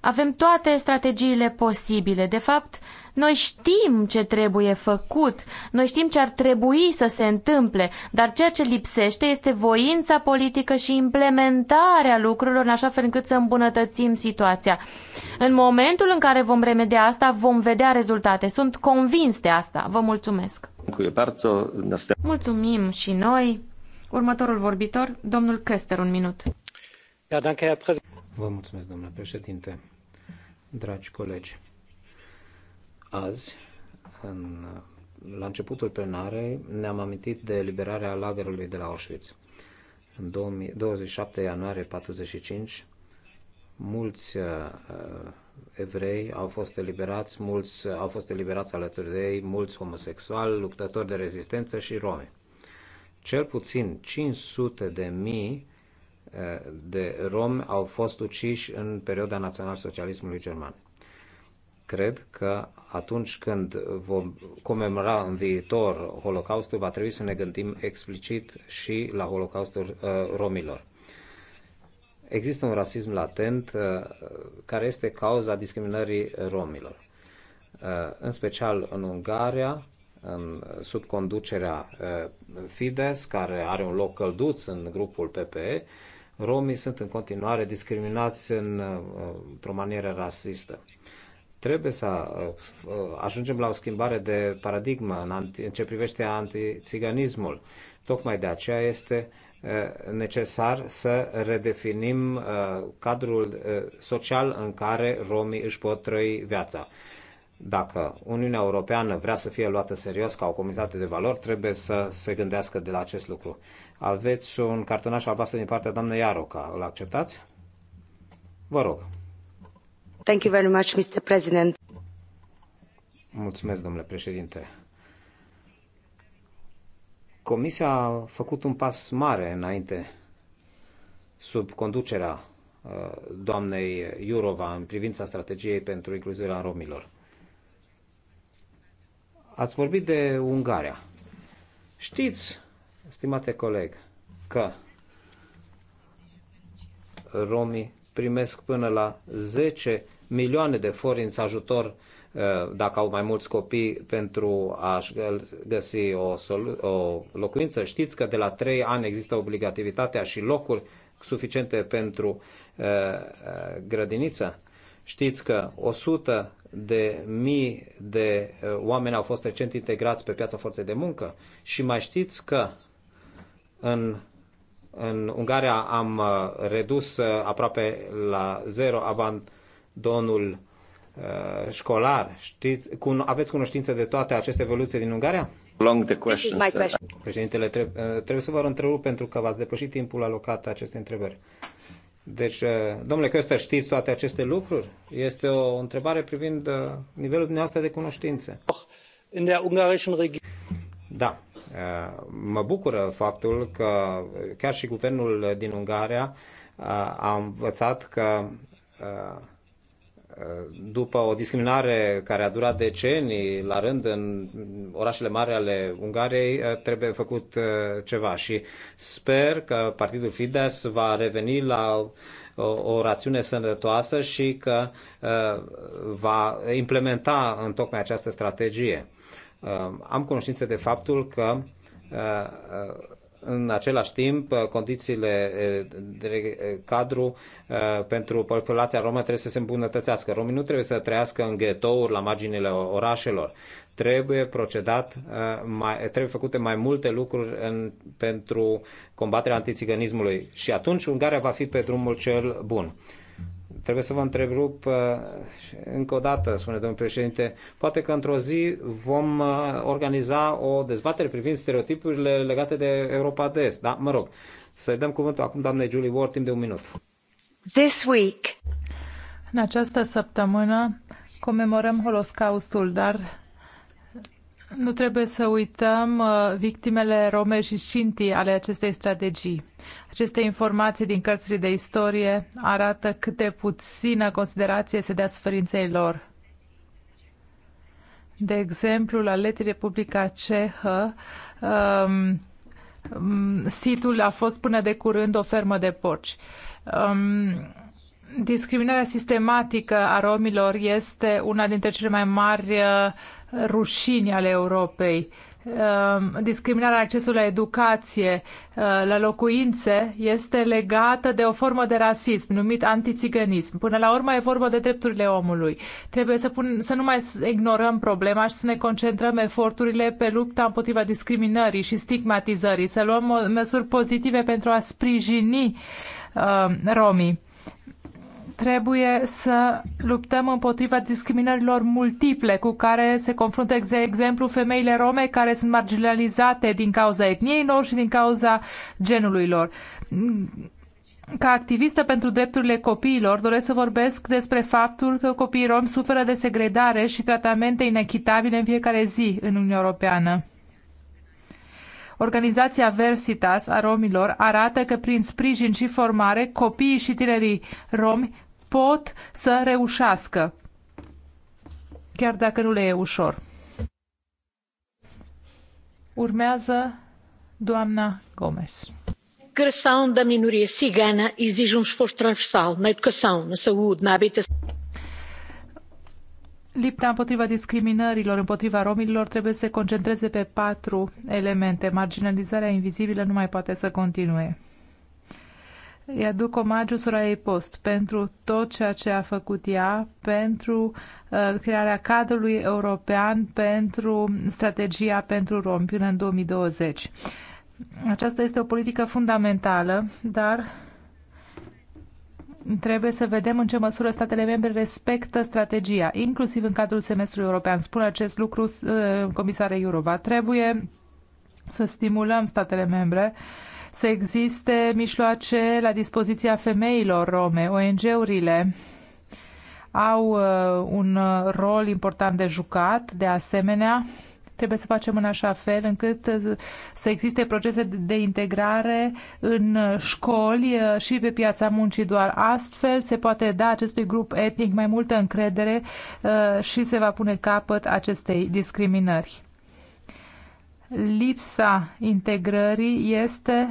Avem toate strategiile posibile. De fapt, noi știm ce trebuie făcut, noi știm ce ar trebui să se întâmple, dar ceea ce lipsește este voința politică și implementarea lucrurilor în așa fel încât să îmbunătățim situația. În momentul în care vom remedia asta, vom vedea rezultate. Sunt convins de asta. Vă mulțumesc. Mulțumim și noi. Următorul vorbitor, domnul Căster, un minut. Vă mulțumesc, domnule președinte, dragi colegi. Azi, în, la începutul plenarei, ne-am amintit de liberarea lagărului de la Auschwitz. În 2000, 27 ianuarie 1945. mulți uh, evrei au fost eliberați, mulți au fost eliberați alături de ei, mulți homosexuali, luptători de rezistență și romi. Cel puțin 500 de mii de romi au fost uciși în perioada național-socialismului german. Cred că atunci când vom comemora în viitor Holocaustul, va trebui să ne gândim explicit și la Holocaustul uh, romilor. Există un rasism latent uh, care este cauza discriminării romilor. Uh, în special în Ungaria, în, sub conducerea Fides, care are un loc călduț în grupul PPE, romii sunt în continuare discriminați în, uh, într-o manieră rasistă. Trebuie să uh, uh, ajungem la o schimbare de paradigmă în, anti, în ce privește antiziganismul. Tocmai de aceea este necesar să redefinim cadrul social în care romii își pot trăi viața. Dacă Uniunea Europeană vrea să fie luată serios ca o comunitate de valori, trebuie să se gândească de la acest lucru. Aveți un cartonaș albastru din partea doamnei Iaroca. Îl acceptați? Vă rog. Thank you very much, Mr. President. Mulțumesc, domnule președinte. Comisia a făcut un pas mare înainte sub conducerea uh, doamnei Iurova în privința strategiei pentru incluziunea romilor. Ați vorbit de Ungaria. Știți, stimate coleg, că romii primesc până la 10 milioane de forinți ajutor eh, dacă au mai mulți copii pentru a-și găsi o, o locuință. Știți că de la 3 ani există obligativitatea și locuri suficiente pentru uh, grădiniță. Știți că 100 de mii de uh, oameni au fost recent integrați pe piața forței de muncă și mai știți că în, în Ungaria am uh, redus uh, aproape la zero abandonul școlar. Știți, cun, aveți cunoștință de toate aceste evoluții din Ungaria? Long the question, Președintele, trebuie, trebuie să vă întrerup pentru că v-ați depășit timpul alocat acestei întrebări. Deci, uh, domnule Căster, știți toate aceste lucruri? Este o întrebare privind uh, nivelul dumneavoastră de cunoștințe. În der ungarischen Da. Uh, mă bucură faptul că chiar și guvernul din Ungaria a învățat că după o discriminare care a durat decenii la rând în orașele mari ale Ungariei, eh, trebuie făcut eh, ceva și sper că Partidul Fidesz va reveni la o, o rațiune sănătoasă și că eh, va implementa în tocmai această strategie. Am conștiință de faptul că în același timp, uh, condițiile uh, de uh, cadru pentru populația romă trebuie să se îmbunătățească. Romii nu trebuie să trăiască în ghetouri la marginile orașelor. Trebuie procedat, mai, trebuie făcute mai multe lucruri în, pentru combaterea antițiganismului și atunci Ungaria va fi pe drumul cel bun. Trebuie să vă întrerup uh, încă o dată, spune domnul președinte. Poate că într-o zi vom uh, organiza o dezbatere privind stereotipurile legate de Europa de Est. Da, mă rog. Să-i dăm cuvântul acum doamne Julie Ward timp de un minut. This week. În această săptămână comemorăm Holocaustul, dar nu trebuie să uităm uh, victimele rome și șinti ale acestei strategii. Aceste informații din cărțile de istorie arată cât de puțină considerație se dea suferinței lor. De exemplu, la Leti Republica Cehă, um, situl a fost până de curând o fermă de porci. Um, discriminarea sistematică a romilor este una dintre cele mai mari uh, rușini ale Europei. Um, discriminarea accesului la educație, uh, la locuințe, este legată de o formă de rasism numit antițiganism. Până la urmă e vorba de drepturile omului. Trebuie să, pun, să nu mai ignorăm problema și să ne concentrăm eforturile pe lupta împotriva discriminării și stigmatizării, să luăm măsuri pozitive pentru a sprijini uh, romii Trebuie să luptăm împotriva discriminărilor multiple cu care se confruntă, de exemplu, femeile rome care sunt marginalizate din cauza etniei lor și din cauza genului lor. Ca activistă pentru drepturile copiilor, doresc să vorbesc despre faptul că copiii romi suferă de segredare și tratamente inechitabile în fiecare zi în Uniunea Europeană. Organizația Versitas a romilor arată că prin sprijin și formare, copiii și tinerii romi pot să reușească, chiar dacă nu le e ușor. Urmează doamna Gomes. Integração da minoria cigana exige um esforço transversal na educação, na saúde, na habitação. Lipta împotriva discriminărilor, împotriva romilor, trebuie să se concentreze pe patru elemente. Marginalizarea invizibilă nu mai poate să continue îi aduc omagiu ei Post pentru tot ceea ce a făcut ea, pentru uh, crearea cadrului european, pentru strategia pentru rom până în 2020. Aceasta este o politică fundamentală, dar trebuie să vedem în ce măsură statele membre respectă strategia, inclusiv în cadrul semestrului european. Spun acest lucru uh, Comisarul Iurova. Trebuie să stimulăm statele membre uh, să existe mijloace la dispoziția femeilor rome, ONG-urile au uh, un uh, rol important de jucat, de asemenea, trebuie să facem în așa fel încât uh, să existe procese de integrare în uh, școli și pe piața muncii. Doar astfel se poate da acestui grup etnic mai multă încredere și se va pune capăt acestei discriminări. Lipsa integrării este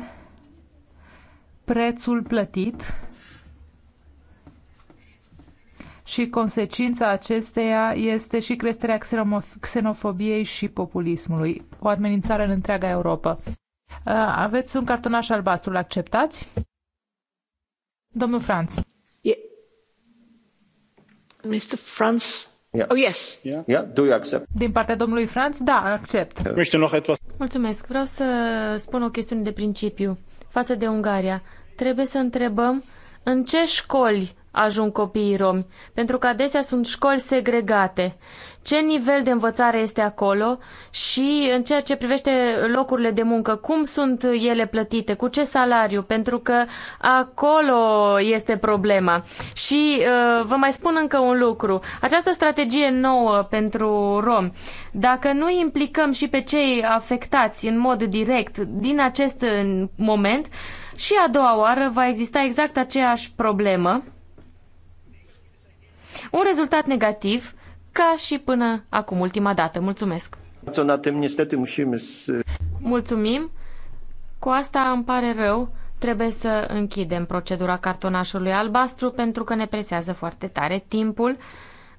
prețul plătit și consecința acesteia este și creșterea xenofobiei și populismului, o amenințare în întreaga Europa. Uh, aveți un cartonaș albastru, îl acceptați? Domnul Franz. Mr. Franz Yeah. Oh, yes. Yeah. Yeah. Do you accept? Din partea domnului Franz, da, accept. Mulțumesc. Vreau să spun o chestiune de principiu față de Ungaria. Trebuie să întrebăm în ce școli ajung copiii romi, pentru că adesea sunt școli segregate. Ce nivel de învățare este acolo și în ceea ce privește locurile de muncă, cum sunt ele plătite, cu ce salariu, pentru că acolo este problema. Și uh, vă mai spun încă un lucru. Această strategie nouă pentru rom, dacă nu implicăm și pe cei afectați în mod direct din acest moment, și a doua oară va exista exact aceeași problemă un rezultat negativ, ca și până acum ultima dată. Mulțumesc! Mulțumim! Cu asta îmi pare rău, trebuie să închidem procedura cartonașului albastru pentru că ne presează foarte tare timpul.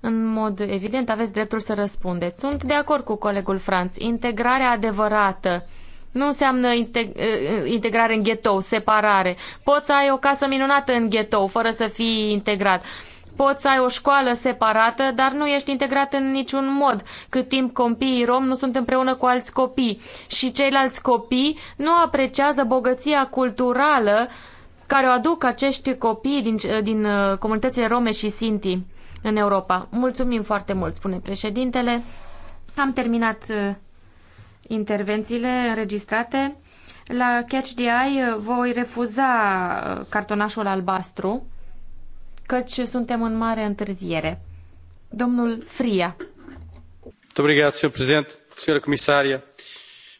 În mod evident, aveți dreptul să răspundeți. Sunt de acord cu colegul Franț. Integrarea adevărată nu înseamnă integ- eh, integrare în ghetou, separare. Poți să ai o casă minunată în ghetou, fără să fii integrat. Poți să ai o școală separată, dar nu ești integrat în niciun mod, cât timp copiii rom nu sunt împreună cu alți copii. Și ceilalți copii nu apreciază bogăția culturală care o aduc acești copii din, din uh, comunitățile rome și sinti în Europa. Mulțumim foarte mult, spune președintele. Am terminat uh, intervențiile înregistrate. La Catch the Eye uh, voi refuza cartonașul albastru căci suntem în mare întârziere. Domnul Fria. Obrigado, Sr. Presidente, Sra. Comissária.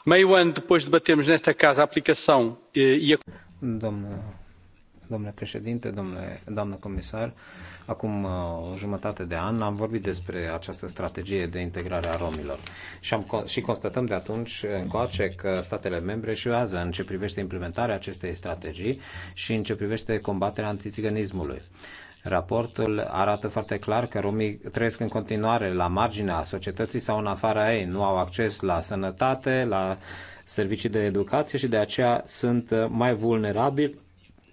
Meio ano depois de batermos nesta casa a aplicação eh, e a... domnule președinte, domnule, doamnă comisar, acum uh, o jumătate de an am vorbit despre această strategie de integrare a romilor și, am, și constatăm de atunci încoace că statele membre șuează în ce privește implementarea acestei strategii și în ce privește combaterea antiziganismului. Raportul arată foarte clar că romii trăiesc în continuare la marginea societății sau în afara ei, nu au acces la sănătate, la servicii de educație și de aceea sunt uh, mai vulnerabili,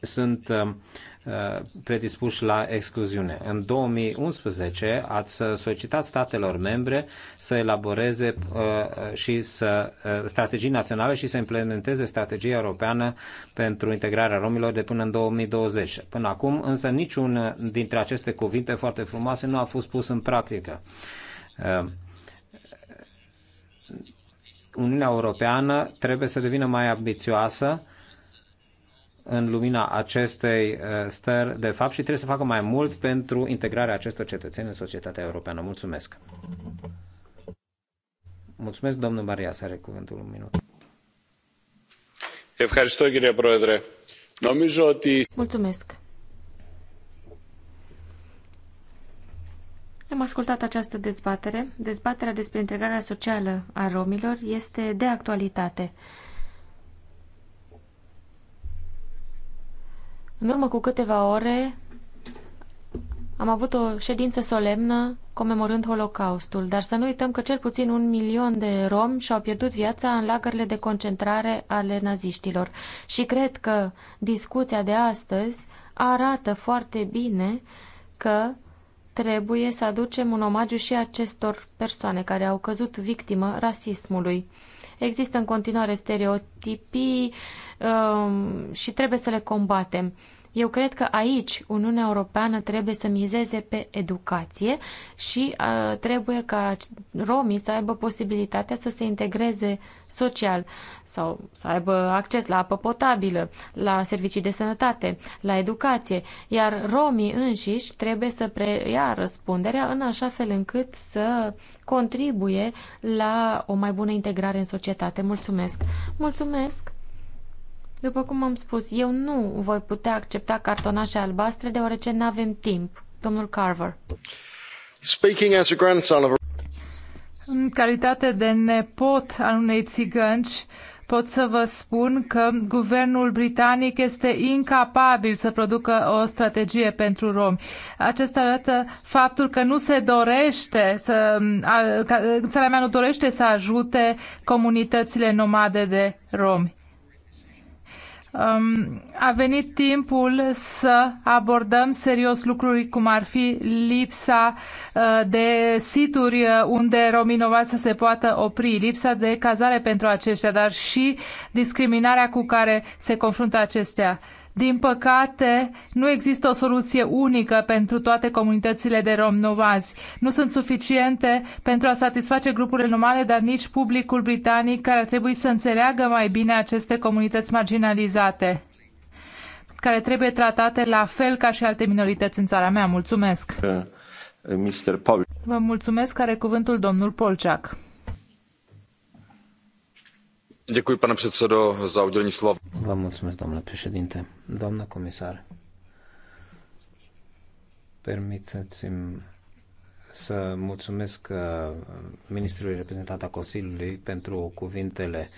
sunt uh, Uh, predispuși la excluziune. În 2011 ați solicitat statelor membre să elaboreze uh, și să uh, strategii naționale și să implementeze strategia europeană pentru integrarea romilor de până în 2020. Până acum, însă, niciun dintre aceste cuvinte foarte frumoase nu a fost pus în practică. Uniunea Europeană trebuie să devină mai ambițioasă în lumina acestei uh, stări de fapt și trebuie să facă mai mult pentru integrarea acestor cetățeni în societatea europeană. Mulțumesc! Mulțumesc, domnul Maria, să are cuvântul un minut. Mulțumesc. Am ascultat această dezbatere. Dezbaterea despre integrarea socială a romilor este de actualitate. În urmă cu câteva ore am avut o ședință solemnă comemorând Holocaustul, dar să nu uităm că cel puțin un milion de romi și-au pierdut viața în lagările de concentrare ale naziștilor. Și cred că discuția de astăzi arată foarte bine că trebuie să aducem un omagiu și acestor persoane care au căzut victimă rasismului. Există în continuare stereotipii, Um, și trebuie să le combatem. Eu cred că aici Uniunea Europeană trebuie să mizeze pe educație și uh, trebuie ca romii să aibă posibilitatea să se integreze social sau să aibă acces la apă potabilă, la servicii de sănătate, la educație, iar romii înșiși trebuie să preia răspunderea în așa fel încât să contribuie la o mai bună integrare în societate. Mulțumesc! Mulțumesc! După cum am spus, eu nu voi putea accepta cartonașe albastre deoarece nu avem timp. Domnul Carver. Speaking as a grandson of a... În calitate de nepot al unei țigănci, pot să vă spun că guvernul britanic este incapabil să producă o strategie pentru romi. Acesta arată faptul că nu se dorește să, țara mea nu dorește să ajute comunitățile nomade de romi. Um, a venit timpul să abordăm serios lucruri cum ar fi lipsa uh, de situri uh, unde Rominova să se poată opri, lipsa de cazare pentru aceștia, dar și discriminarea cu care se confruntă acestea. Din păcate, nu există o soluție unică pentru toate comunitățile de rom novazi. Nu sunt suficiente pentru a satisface grupurile nomade, dar nici publicul britanic care ar trebui să înțeleagă mai bine aceste comunități marginalizate care trebuie tratate la fel ca și alte minorități în țara mea. Mulțumesc! Uh, Mr. Paul. Vă mulțumesc, care cuvântul domnul Polciac pane președinte vă mulțumesc domnule doamnă comisar permiteți mi să mulțumesc uh, ministrului reprezentant al Consiliului pentru cuvintele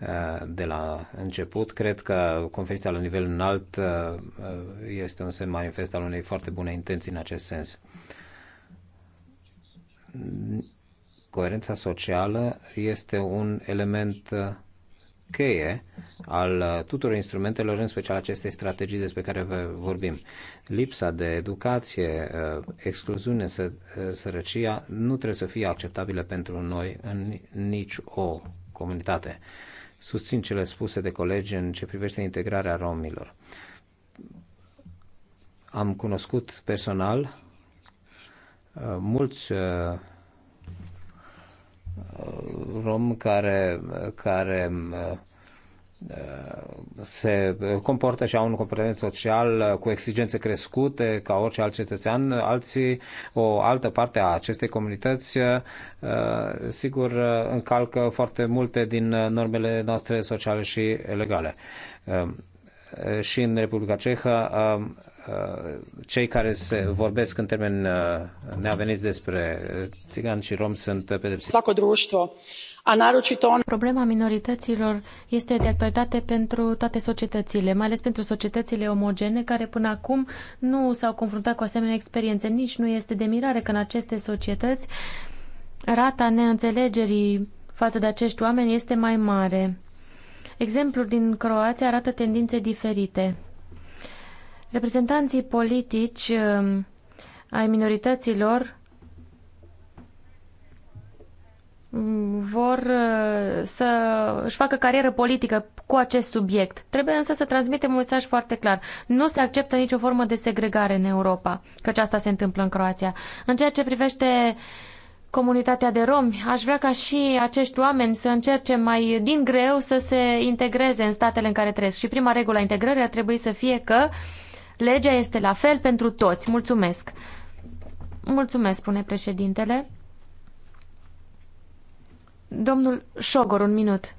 uh, de la început. Cred că conferința la nivel înalt uh, este un semn manifest al unei foarte bune intenții în acest sens coerența socială este un element cheie al uh, tuturor instrumentelor, în special acestei strategii despre care vă vorbim. Lipsa de educație, uh, excluziune, uh, sărăcia nu trebuie să fie acceptabile pentru noi în nici o comunitate. Susțin cele spuse de colegi în ce privește integrarea romilor. Am cunoscut personal mulți rom care, care uh, se comportă și au un comportament social cu exigențe crescute ca orice alt cetățean, alții, o altă parte a acestei comunități, uh, sigur, încalcă foarte multe din normele noastre sociale și legale. Uh, și în Republica Cehă Uh, cei care se vorbesc în termeni uh, neaveniți despre uh, țigani și romi sunt pedepsiți. Problema minorităților este de actualitate pentru toate societățile, mai ales pentru societățile omogene care până acum nu s-au confruntat cu asemenea experiențe. Nici nu este de mirare că în aceste societăți rata neînțelegerii față de acești oameni este mai mare. Exemplul din Croația arată tendințe diferite. Reprezentanții politici um, ai minorităților um, vor uh, să își facă carieră politică cu acest subiect. Trebuie însă să transmitem un mesaj foarte clar. Nu se acceptă nicio formă de segregare în Europa, căci asta se întâmplă în Croația. În ceea ce privește comunitatea de romi, aș vrea ca și acești oameni să încerce mai din greu să se integreze în statele în care trăiesc. Și prima regulă a integrării ar trebui să fie că uh, Legea este la fel pentru toți. Mulțumesc. Mulțumesc, spune președintele. Domnul Șogor, un minut.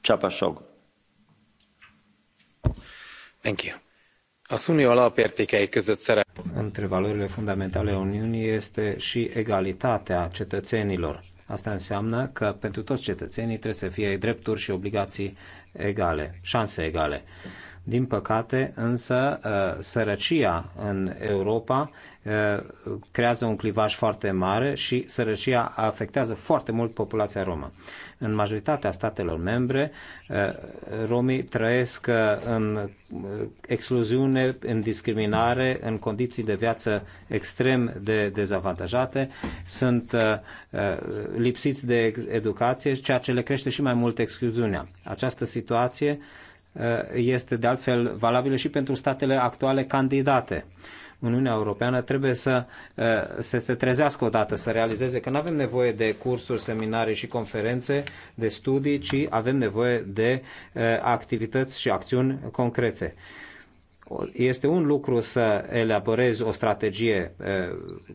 Ceapa Șogor. Thank you. Az la alapértékei között szerepel. Între valorile fundamentale a Uniunii este și egalitatea cetățenilor. Asta înseamnă că pentru toți cetățenii trebuie să fie drepturi și obligații egale, șanse egale. Uh, din păcate, însă, uh, sărăcia în Europa uh, creează un clivaj foarte mare și sărăcia afectează foarte mult populația romă. În majoritatea statelor membre, uh, romii trăiesc în excluziune, în discriminare, în condiții de viață extrem de dezavantajate, sunt lipsiți de educație, ceea ce le crește și mai mult excluziunea. Această situație Uh, este de altfel valabilă și pentru statele actuale candidate. Uniunea Europeană trebuie să, uh, să se trezească odată, să realizeze că nu avem nevoie de cursuri, seminarii și conferințe, de studii, ci avem nevoie de uh, activități și acțiuni concrete este un lucru să elaborezi o strategie eh,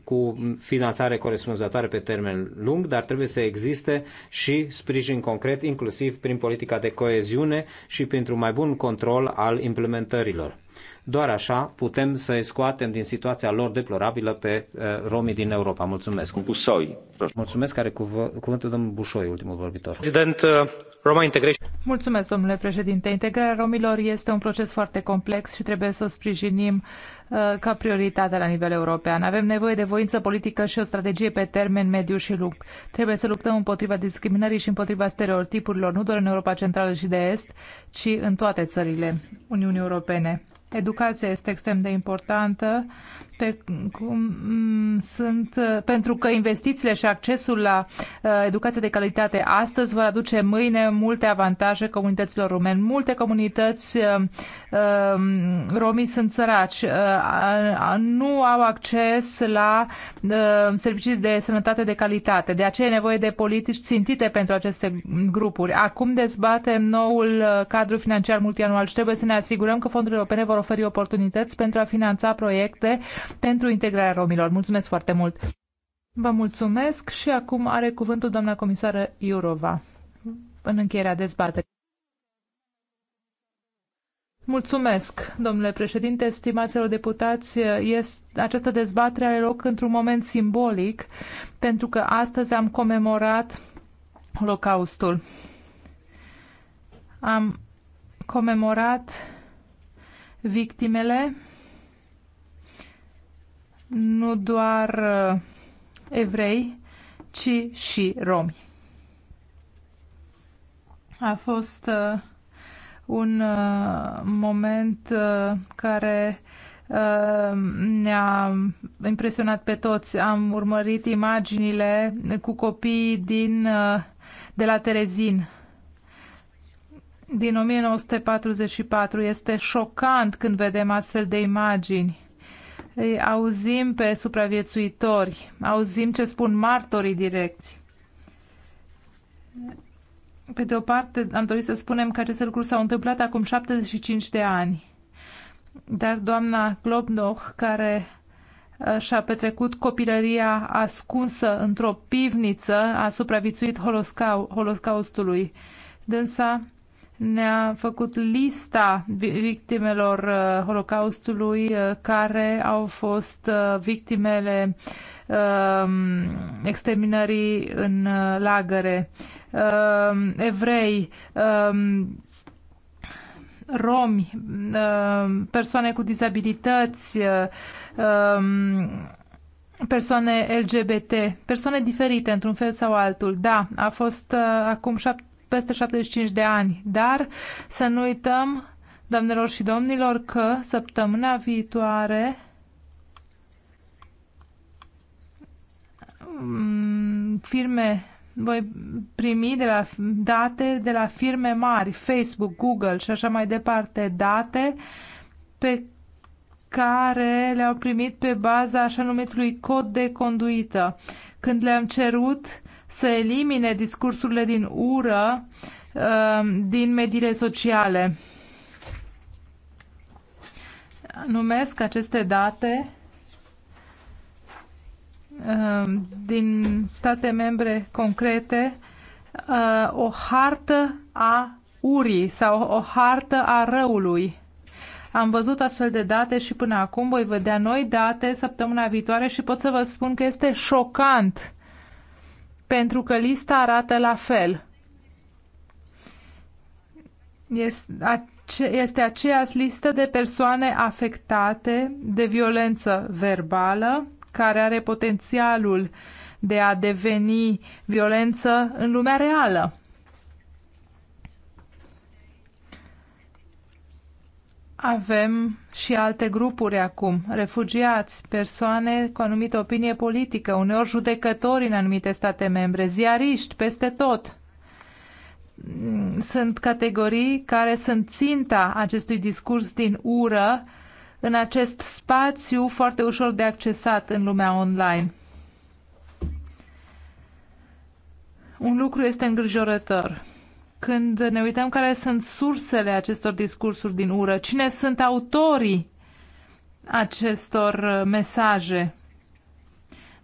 cu finanțare corespunzătoare pe termen lung, dar trebuie să existe și sprijin concret, inclusiv prin politica de coeziune și pentru mai bun control al implementărilor. Doar așa putem să-i scoatem din situația lor deplorabilă pe eh, romii din Europa. Mulțumesc. Busoi. Mulțumesc, care cuv- cuvântul domnul Bușoi, ultimul vorbitor. Prezident, eh, Roma Integration. Mulțumesc, domnule președinte. Integrarea romilor este un proces foarte complex și trebuie să o sprijinim eh, ca prioritate la nivel european. Avem nevoie de voință politică și o strategie pe termen mediu și lung. Trebuie să luptăm împotriva discriminării și împotriva stereotipurilor, nu doar în Europa Centrală și de Est, ci în toate țările Uniunii Europene. Educația este extrem de importantă pe cum mm, sunt, pentru că investițiile și accesul la uh, educație de calitate astăzi vor aduce mâine multe avantaje comunităților rumeni. Multe comunități uh, uh, romii sunt săraci, nu au acces la servicii de sănătate de calitate. De aceea e nevoie de politici țintite pentru aceste grupuri. Acum dezbatem noul cadru financiar multianual și trebuie să ne asigurăm că fondurile europene vor oferi oportunități pentru a finanța proiecte pentru integrarea romilor. Mulțumesc foarte mult! Vă mulțumesc și acum are cuvântul doamna comisară Iurova în încheierea dezbaterii. Mulțumesc, domnule președinte, stimați deputați. Este, această dezbatere are loc într-un moment simbolic, pentru că astăzi am comemorat Holocaustul. Am comemorat victimele nu doar uh, evrei, ci și romi. A fost uh, un uh, moment care ne-a impresionat pe toți. Am urmărit imaginile cu copii din, de la Terezin din 1944. Este șocant când vedem astfel de imagini îi auzim pe supraviețuitori, auzim ce spun martorii direcți. Pe de o parte, am dorit să spunem că aceste lucruri s-au întâmplat acum 75 de ani. Dar doamna Globnoch, care uh, și-a petrecut copilăria ascunsă într-o pivniță, a supraviețuit holocaustului. Dânsa ne-a făcut lista victimelor uh, Holocaustului uh, care au fost uh, victimele um, exterminării în lagăre, um, evrei, um, romi, persoane cu dizabilități, persoane LGBT, persoane diferite într-un fel sau altul. Da, a fost acum șapte peste 75 de ani. Dar să nu uităm, doamnelor și domnilor, că săptămâna viitoare mm, firme voi primi de la date de la firme mari, Facebook, Google și așa mai departe, date pe care le-au primit pe baza așa numitului cod de conduită. Când le-am cerut să elimine discursurile din ură uh, din mediile sociale. Numesc aceste date uh, din state membre concrete uh, o hartă a urii sau o hartă a răului. Am văzut astfel de date și până acum voi vedea noi date săptămâna viitoare și pot să vă spun că este șocant pentru că lista arată la fel. Este aceeași listă de persoane afectate de violență verbală care are potențialul de a deveni violență în lumea reală. Avem și alte grupuri acum, refugiați, persoane cu anumită opinie politică, uneori judecători în anumite state membre, ziariști peste tot. Sunt categorii care sunt ținta acestui discurs din ură în acest spațiu foarte ușor de accesat în lumea online. Un lucru este îngrijorător când ne uităm care sunt sursele acestor discursuri din ură, cine sunt autorii acestor uh, mesaje.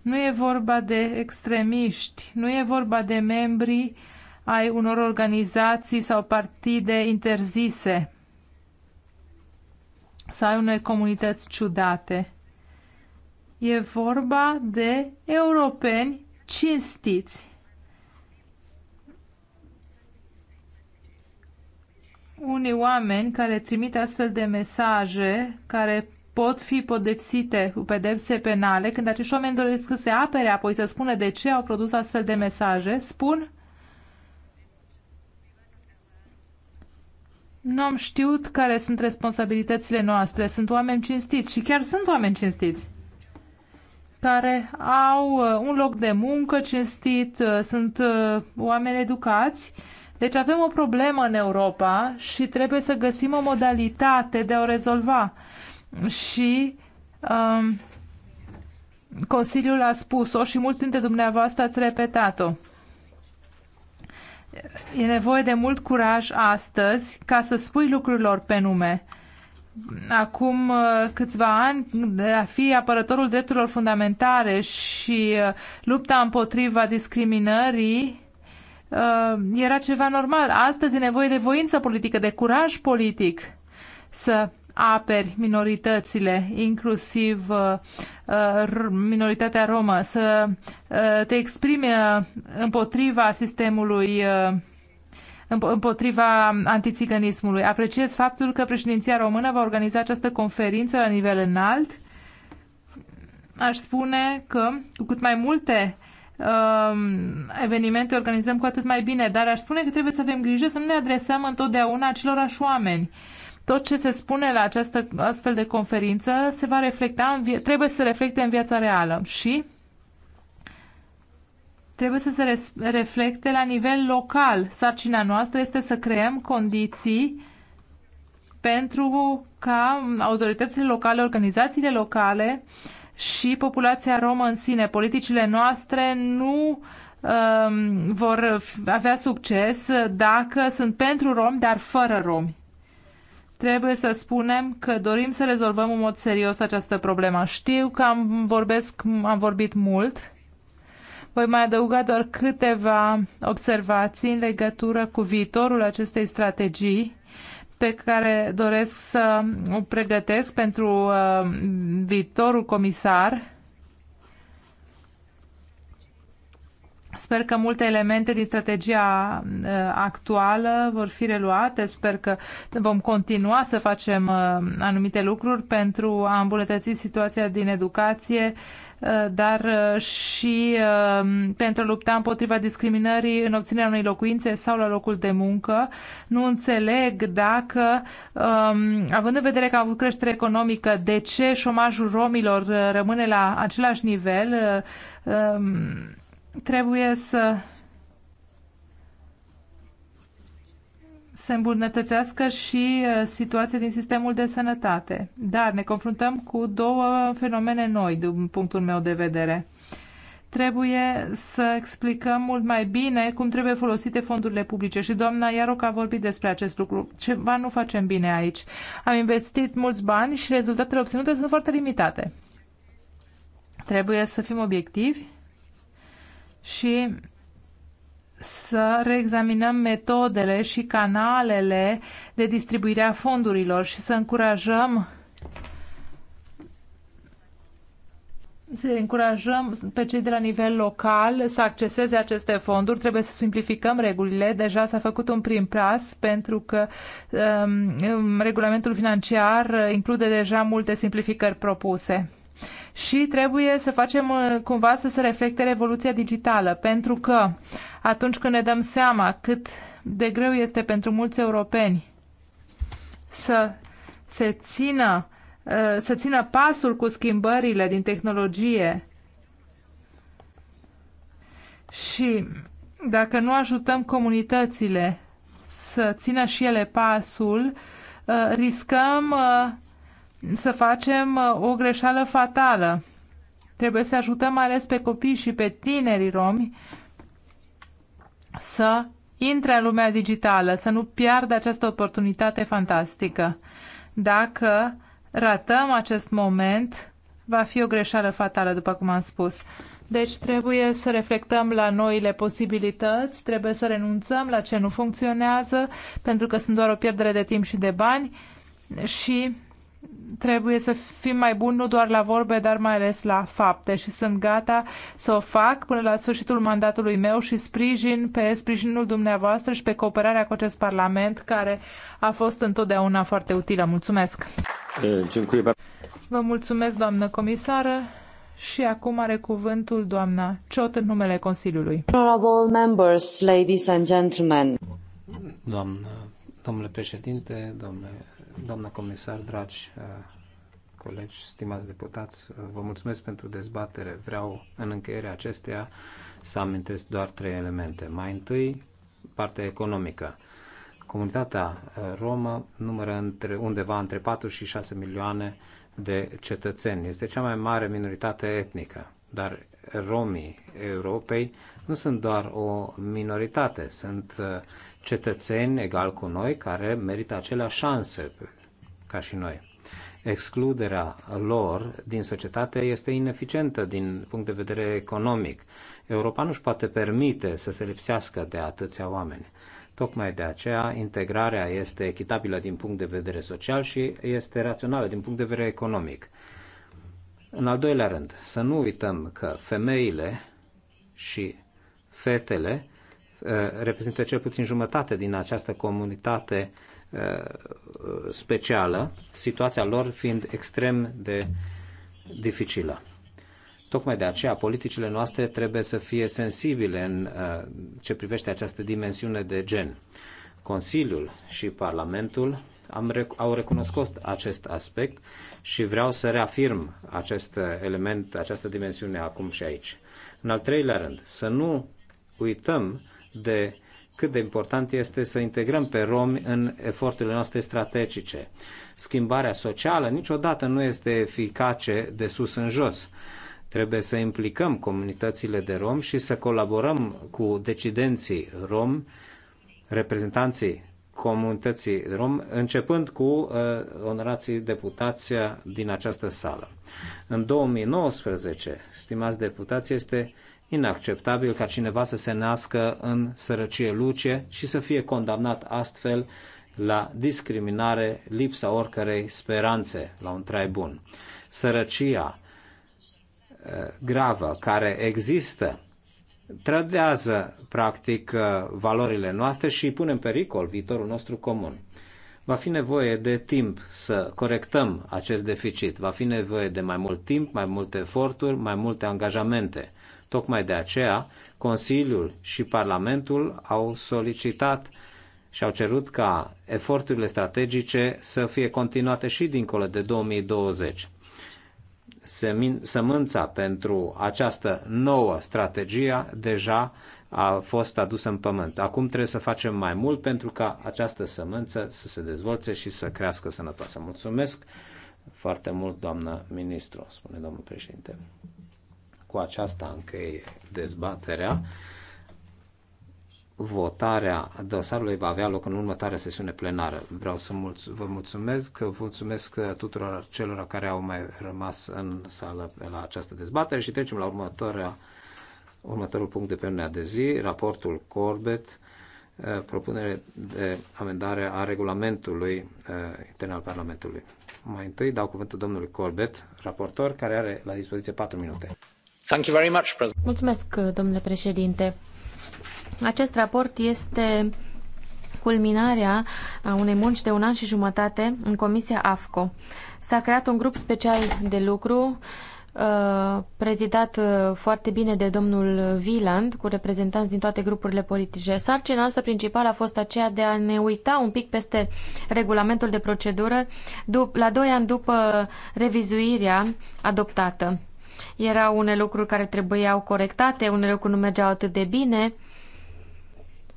Nu e vorba de extremiști, nu e vorba de membri ai unor organizații sau partide interzise sau ai unei comunități ciudate. E vorba de europeni cinstiți unii oameni care trimit astfel de mesaje care pot fi podepsite cu pedepse penale, când acești oameni doresc să se apere, apoi să spună de ce au produs astfel de mesaje, spun Nu am știut care sunt responsabilitățile noastre. Sunt oameni cinstiți și chiar sunt oameni cinstiți care au uh, un loc de muncă cinstit, uh, sunt uh, oameni educați deci avem o problemă în Europa și trebuie să găsim o modalitate de a o rezolva. Și um, Consiliul a spus-o și mulți dintre dumneavoastră ați repetat-o. E nevoie de mult curaj astăzi ca să spui lucrurilor pe nume. Acum uh, câțiva ani, a fi apărătorul drepturilor fundamentale și uh, lupta împotriva discriminării Uh, era ceva normal. Astăzi e nevoie de voință politică, de curaj politic să aperi minoritățile, inclusiv uh, uh, minoritatea romă, să te exprime împotriva sistemului împotriva antițiganismului. Apreciez faptul că președinția română va organiza această conferință la nivel înalt. Aș spune că cu cât mai multe uh, Um, evenimente organizăm, cu atât mai bine. Dar aș spune că trebuie să avem grijă să nu ne adresăm întotdeauna acelorași oameni tot ce se spune la această astfel de conferință se va reflecta în trebuie să se reflecte în viața reală și trebuie să se reflecte la nivel local. Sarcina noastră este să creăm condiții pentru ca autoritățile locale, organizațiile locale și populația romă în sine. Politicile noastre nu um, vor avea succes dacă sunt pentru romi, dar fără romi. Trebuie să spunem că dorim să rezolvăm în mod serios această problemă. Știu că am, vorbesc, am vorbit mult. Voi mai adăuga doar câteva observații în legătură cu viitorul acestei strategii pe care doresc să o pregătesc pentru uh, viitorul comisar. Sper că multe elemente din strategia uh, actuală vor fi reluate. Sper că vom continua să facem uh, anumite lucruri pentru a îmbunătăți situația din educație, Eh, dar eh, și eh, pentru a lupta împotriva discriminării în obținerea unei locuințe sau la locul de muncă. Nu înțeleg dacă, având în vedere că am avut creștere economică, de ce șomajul romilor rămâne la același nivel. Trebuie să se îmbunătățească și uh, situația din sistemul de sănătate. Dar ne confruntăm cu două fenomene noi, din punctul meu de vedere. Trebuie să explicăm mult mai bine cum trebuie folosite fondurile publice și doamna Iaroc a vorbit despre acest lucru. Ceva nu facem bine aici. Am investit mulți bani și rezultatele obținute sunt foarte limitate. Trebuie să fim obiectivi și să reexaminăm metodele și canalele de distribuire a fondurilor și să încurajăm să încurajăm pe cei de la nivel local să acceseze aceste fonduri. Trebuie să simplificăm regulile. Deja s-a făcut un prim pas pentru că um, regulamentul financiar include deja multe simplificări propuse și trebuie să facem uh, cumva să se reflecte revoluția digitală, pentru că atunci când ne dăm seama cât de greu este pentru mulți europeni să se țină uh, să țină pasul cu schimbările din tehnologie și dacă nu ajutăm comunitățile să țină și ele pasul, uh, riscăm să facem uh, o greșeală fatală. Trebuie să ajutăm mai ales pe copii și pe tinerii romi să intre în lumea digitală, să nu piardă această oportunitate fantastică. Dacă ratăm acest moment, va fi o greșeală fatală, după cum am spus. Deci trebuie să reflectăm la noile posibilități, trebuie să renunțăm la ce nu funcționează, pentru că sunt doar o pierdere de timp și de bani și trebuie să fim mai buni nu doar la vorbe, dar mai ales la fapte și sunt gata să o fac până la sfârșitul mandatului meu și sprijin pe sprijinul dumneavoastră și pe cooperarea cu acest Parlament care a fost întotdeauna foarte utilă. Mulțumesc! Vă mulțumesc, doamnă comisară. Și acum are cuvântul doamna Ciot în numele Consiliului. Honorable members, ladies and gentlemen. Doamnă, domnule președinte, domnule Doamna comisar, dragi uh, colegi, stimați deputați, uh, vă mulțumesc pentru dezbatere. Vreau, în încheierea acesteia, să amintesc doar trei elemente. Mai întâi, partea economică. Comunitatea uh, romă numără între, undeva între 4 și 6 milioane de cetățeni. Este cea mai mare minoritate etnică, dar romii Europei nu sunt doar o minoritate, sunt cetățeni egal cu noi care merită aceleași șanse ca și noi. Excluderea lor din societate este ineficientă din punct de vedere economic. Europa nu și poate permite să se lipsească de atâția oameni. Tocmai de aceea, integrarea este echitabilă din punct de vedere social și este rațională din punct de vedere economic. În al doilea rând, să nu uităm că femeile și fetele Eh, reprezintă cel puțin jumătate din această comunitate eh, specială, situația lor fiind extrem de dificilă. Tocmai de aceea, politicile noastre trebuie să fie sensibile în eh, ce privește această dimensiune de gen. Consiliul și Parlamentul am rec- au recunoscut acest aspect și vreau să reafirm acest element, această dimensiune acum și aici. În al treilea rând, să nu uităm de cât de important este să integrăm pe romi în eforturile noastre strategice. Schimbarea socială niciodată nu este eficace de sus în jos. Trebuie să implicăm comunitățile de rom și să colaborăm cu decidenții rom, reprezentanții comunității rom, începând cu uh, onorații deputația din această sală. În 2019, stimați deputați, este inacceptabil ca cineva să se nască în sărăcie luce și să fie condamnat astfel la discriminare, lipsa oricărei speranțe la un trai bun. Sărăcia eh, gravă care există trădează practic eh, valorile noastre și îi pune în pericol viitorul nostru comun. Va fi nevoie de timp să corectăm acest deficit, va fi nevoie de mai mult timp, mai multe eforturi, mai multe angajamente Tocmai de aceea, Consiliul și Parlamentul au solicitat și au cerut ca eforturile strategice să fie continuate și dincolo de 2020. Sămânța pentru această nouă strategie deja a fost adusă în pământ. Acum trebuie să facem mai mult pentru ca această sămânță să se dezvolte și să crească sănătoasă. Mulțumesc foarte mult, doamnă ministru, spune domnul președinte. Cu aceasta încheie dezbaterea. Votarea dosarului va avea loc în următoarea sesiune plenară. Vreau să mulț- vă mulțumesc, mulțumesc tuturor celor care au mai rămas în sală la această dezbatere și trecem la următoarea, următorul punct de pe ordinea de zi, raportul Corbett eh, propunere de amendare a regulamentului eh, intern al Parlamentului. Mai întâi dau cuvântul domnului Corbett, raportor, care are la dispoziție 4 minute. Mulțumesc, domnule președinte. Acest raport este culminarea a unei munci de un an și jumătate în Comisia AFCO. S-a creat un grup special de lucru uh, prezidat uh, foarte bine de domnul Wieland, cu reprezentanți din toate grupurile politice. Sarcina noastră principală a fost aceea de a ne uita un pic peste regulamentul de procedură la doi ani după revizuirea adoptată. Erau unele lucruri care trebuiau corectate, unele lucruri nu mergeau atât de bine.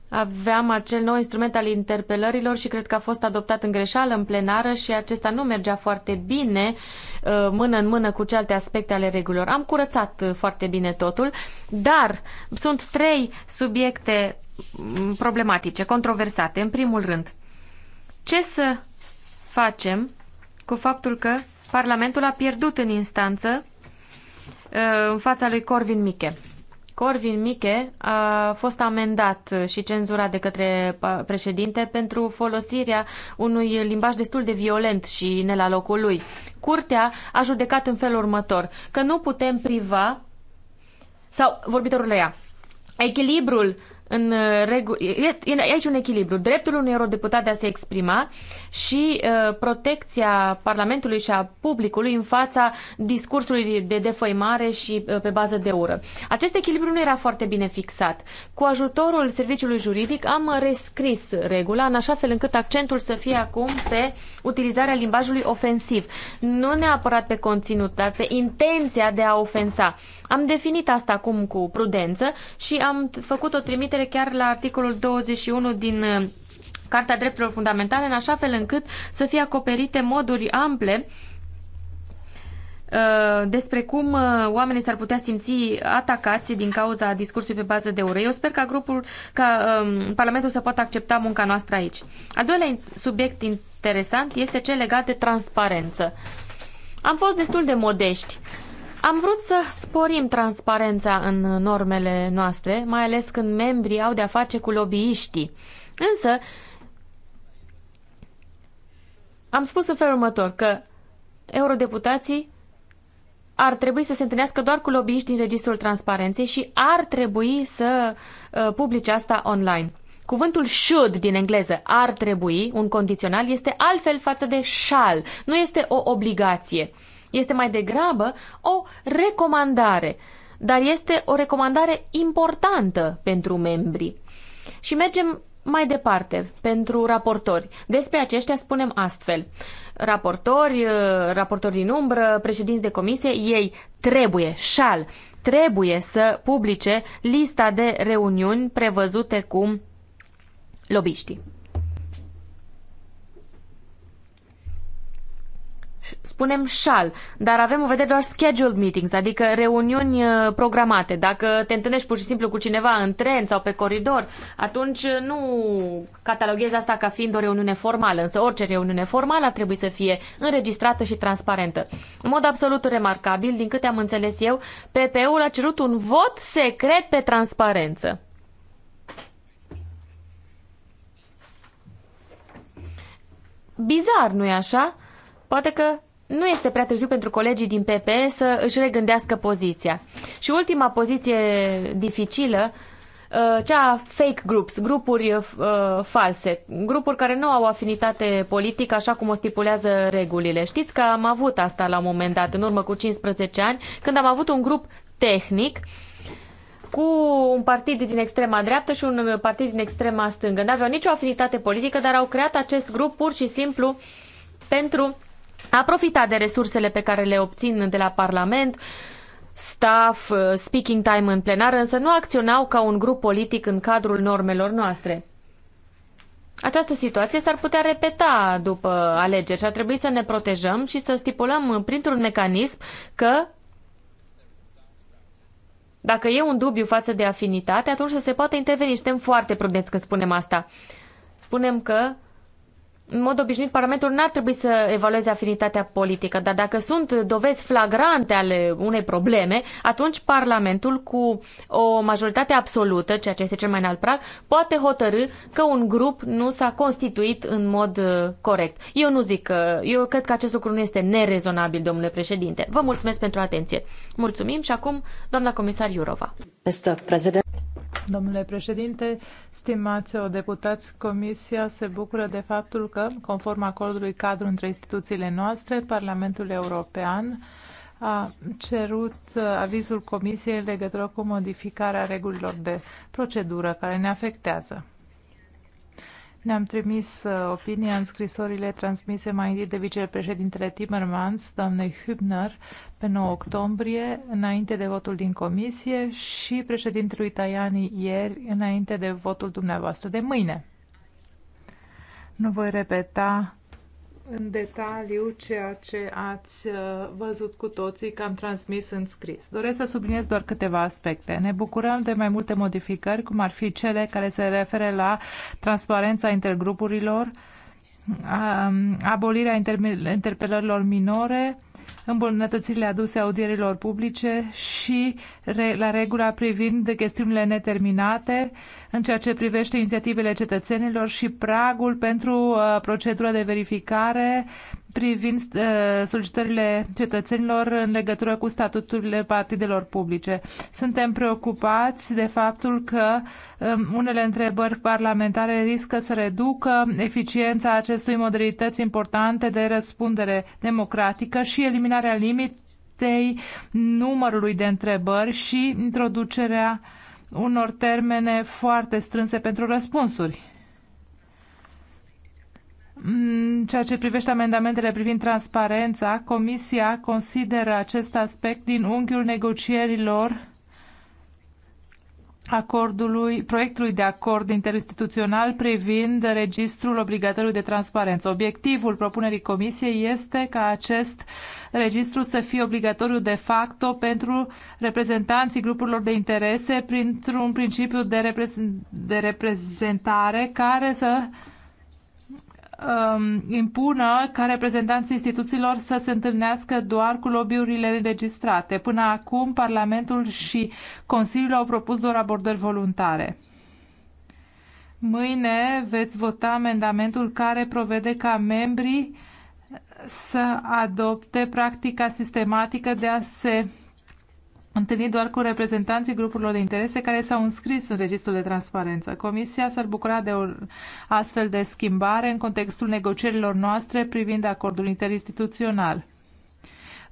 Aveam acel nou instrument al interpelărilor și cred că a fost adoptat în greșeală în plenară și acesta nu mergea foarte bine uh, mână în mână cu celelalte aspecte ale regulilor. Am curățat uh, foarte bine totul, dar sunt trei subiecte mm, problematice, controversate. În primul rând, ce să facem cu faptul că Parlamentul a pierdut în instanță Uh, în fața lui Corvin Miche. Corvin Miche a fost amendat și cenzurat de către uh, președinte pentru folosirea unui limbaj destul de violent și ne la locul lui. Curtea a judecat în felul următor că nu putem priva sau vorbitorul ea. Echilibrul în regulă. E aici un echilibru. Dreptul unui eurodeputat de a se exprima și uh, protecția Parlamentului și a publicului în fața discursului de defăimare și uh, pe bază de ură. Acest echilibru nu era foarte bine fixat. Cu ajutorul serviciului juridic am rescris regula în așa fel încât accentul să fie acum pe utilizarea limbajului ofensiv. Nu neapărat pe conținut, dar pe intenția de a ofensa. Am definit asta acum cu prudență și am făcut o trimitere chiar la articolul 21 din uh, Carta Drepturilor Fundamentale, în așa fel încât să fie acoperite moduri ample uh, despre cum uh, oamenii s-ar putea simți atacați din cauza discursului pe bază de ură. Eu sper ca grupul, ca um, Parlamentul să poată accepta munca noastră aici. Al doilea subiect interesant este cel legat de transparență. Am fost destul de modești. Am vrut să sporim transparența în normele noastre, mai ales când membrii au de-a face cu lobbyiștii. Însă, am spus în felul următor că eurodeputații ar trebui să se întâlnească doar cu lobbyiști din Registrul Transparenței și ar trebui să uh, publice asta online. Cuvântul should din engleză, ar trebui, un condițional, este altfel față de shall. Nu este o obligație. Este mai degrabă o recomandare. Dar este o recomandare importantă pentru membri. Și mergem mai departe, pentru raportori. Despre aceștia spunem astfel. Raportori, uh, raportori din umbră, președinți de comisie, ei trebuie, șal, trebuie să publice lista de reuniuni prevăzute cu lobiștii. spunem șal, dar avem în vedere doar scheduled meetings, adică reuniuni uh, programate. Dacă te întâlnești pur și simplu cu cineva în tren sau pe coridor, atunci uh, nu cataloghezi asta ca fiind o reuniune formală, însă orice reuniune formală ar trebui să fie înregistrată și transparentă. În mod absolut remarcabil, din câte am înțeles eu, PPU ul a cerut un vot secret pe transparență. Bizar, nu-i așa? Poate că nu este prea târziu pentru colegii din PP să își regândească poziția. Și ultima poziție dificilă, uh, cea fake groups, grupuri uh, false, grupuri care nu au afinitate politică așa cum o stipulează regulile. Știți că am avut asta la un moment dat, în urmă cu 15 ani, când am avut un grup tehnic cu un partid din extrema dreaptă și un partid din extrema stângă. Nu aveau nicio afinitate politică, dar au creat acest grup pur și simplu pentru a profitat de resursele pe care le obțin de la Parlament, staff, uh, speaking time în plenară, însă nu acționau ca un grup politic în cadrul normelor noastre. Această situație s-ar putea repeta după alegeri și ar trebui să ne protejăm și să stipulăm printr-un mecanism că dacă e un dubiu față de afinitate, atunci să se poate interveni. Suntem foarte prudenți când spunem asta. Spunem că în mod obișnuit, Parlamentul n-ar trebui să evalueze afinitatea politică, dar dacă sunt dovezi flagrante ale unei probleme, atunci Parlamentul, cu o majoritate absolută, ceea ce este cel mai înalt prag, poate hotărâ că un grup nu s-a constituit în mod uh, corect. Eu nu zic că, eu cred că acest lucru nu este nerezonabil, domnule președinte. Vă mulțumesc pentru atenție. Mulțumim și acum, doamna comisar Iurova. Domnule președinte, stimați o deputați, Comisia se bucură de faptul că, conform acordului cadru între instituțiile noastre, Parlamentul European a cerut uh, avizul Comisiei legătură cu modificarea regulilor de procedură care ne afectează. Ne-am trimis uh, opinia în scrisorile transmise mai întâi de vicepreședintele Timmermans, doamnei Hübner, pe 9 octombrie, înainte de votul din comisie și președintelui Tajani ieri, înainte de votul dumneavoastră de mâine. Nu voi repeta în detaliu ceea ce ați uh, văzut cu toții că am transmis în scris. Doresc să subliniez doar câteva aspecte. Ne bucurăm de mai multe modificări, cum ar fi cele care se referă la transparența intergrupurilor, um, abolirea interpelărilor minore, îmbunătățirile aduse audierilor publice și la regula privind de chestiunile neterminate în ceea ce privește inițiativele cetățenilor și pragul pentru uh, procedura de verificare privind ă, solicitările cetățenilor în legătură cu statuturile partidelor publice. Suntem preocupați de faptul că ă, unele întrebări parlamentare riscă să reducă eficiența acestui modalități importante de răspundere democratică și eliminarea limitei numărului de întrebări și introducerea unor termene foarte strânse pentru răspunsuri ceea ce privește amendamentele privind transparența, Comisia consideră acest aspect din unghiul negocierilor acordului, proiectului de acord interinstituțional privind registrul obligatoriu de transparență. Obiectivul propunerii comisiei este ca acest registru să fie obligatoriu de facto pentru reprezentanții grupurilor de interese printr-un principiu de, reprezentare care să um, impună ca reprezentanții instituțiilor să se întâlnească doar cu lobbyurile înregistrate. Până acum, Parlamentul și Consiliul au propus doar abordări voluntare. Mâine veți vota amendamentul care provede ca membrii să adopte practica sistematică de a se întâlnit doar cu reprezentanții grupurilor de interese care s-au înscris în registrul de transparență. Comisia s-ar bucura de o astfel de schimbare în contextul negocierilor noastre privind acordul interinstituțional.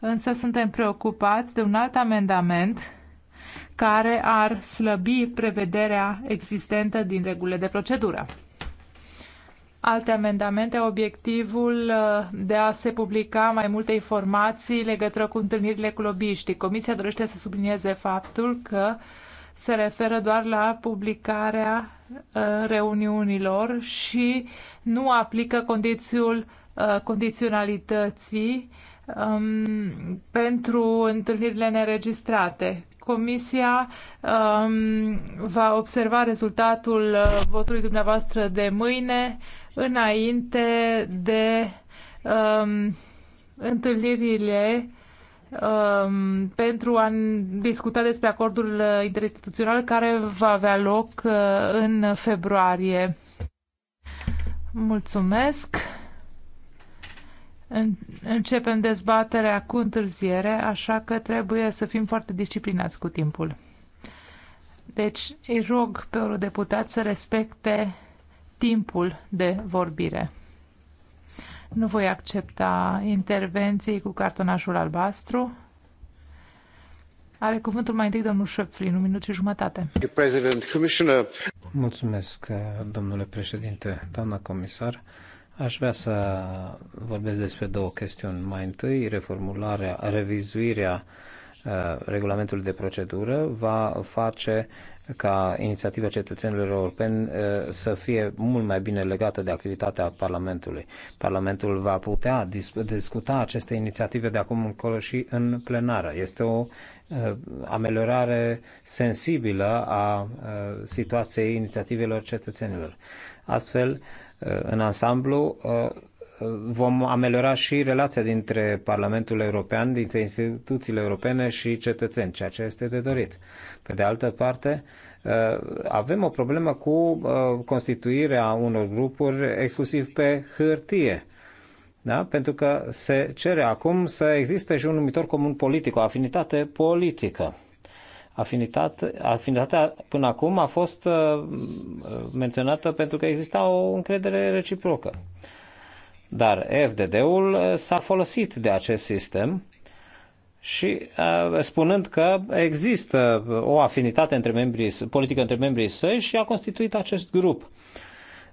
Însă suntem preocupați de un alt amendament care ar slăbi prevederea existentă din regulile de procedură alte amendamente au obiectivul uh, de a se publica mai multe informații legătură cu întâlnirile cu lobbyiștii. Comisia dorește să sublinieze faptul că se referă doar la publicarea uh, reuniunilor și nu aplică condițiul uh, condiționalității um, pentru întâlnirile neregistrate. Comisia um, va observa rezultatul votului dumneavoastră de mâine înainte de um, întâlnirile um, pentru a discuta despre acordul interinstituțional care va avea loc uh, în februarie. Mulțumesc. Începem dezbaterea cu întârziere, așa că trebuie să fim foarte disciplinați cu timpul. Deci îi rog pe deputat să respecte timpul de vorbire. Nu voi accepta intervenții cu cartonașul albastru. Are cuvântul mai întâi domnul Șöpflin, un minut și jumătate. Mulțumesc, domnule președinte, doamna comisar. Aș vrea să vorbesc despre două chestiuni. Mai întâi, reformularea, revizuirea uh, regulamentului de procedură va face ca inițiativa cetățenilor europeni uh, să fie mult mai bine legată de activitatea Parlamentului. Parlamentul va putea discuta aceste inițiative de acum încolo și în plenară. Este o uh, ameliorare sensibilă a uh, situației inițiativelor cetățenilor. Astfel, în ansamblu, vom ameliora și relația dintre Parlamentul European, dintre instituțiile europene și cetățeni, ceea ce este de dorit. Pe de altă parte, uh, avem o problemă cu uh, constituirea unor grupuri exclusiv pe hârtie. Da? Pentru că se cere acum să existe și un numitor comun politic, o afinitate politică. Afinitate, afinitatea până acum a fost uh, menționată pentru că exista o încredere reciprocă. Dar FDD-ul eh, s-a folosit de acest sistem și eh, spunând că există o afinitate între membrii, politică între membrii săi și a constituit acest grup.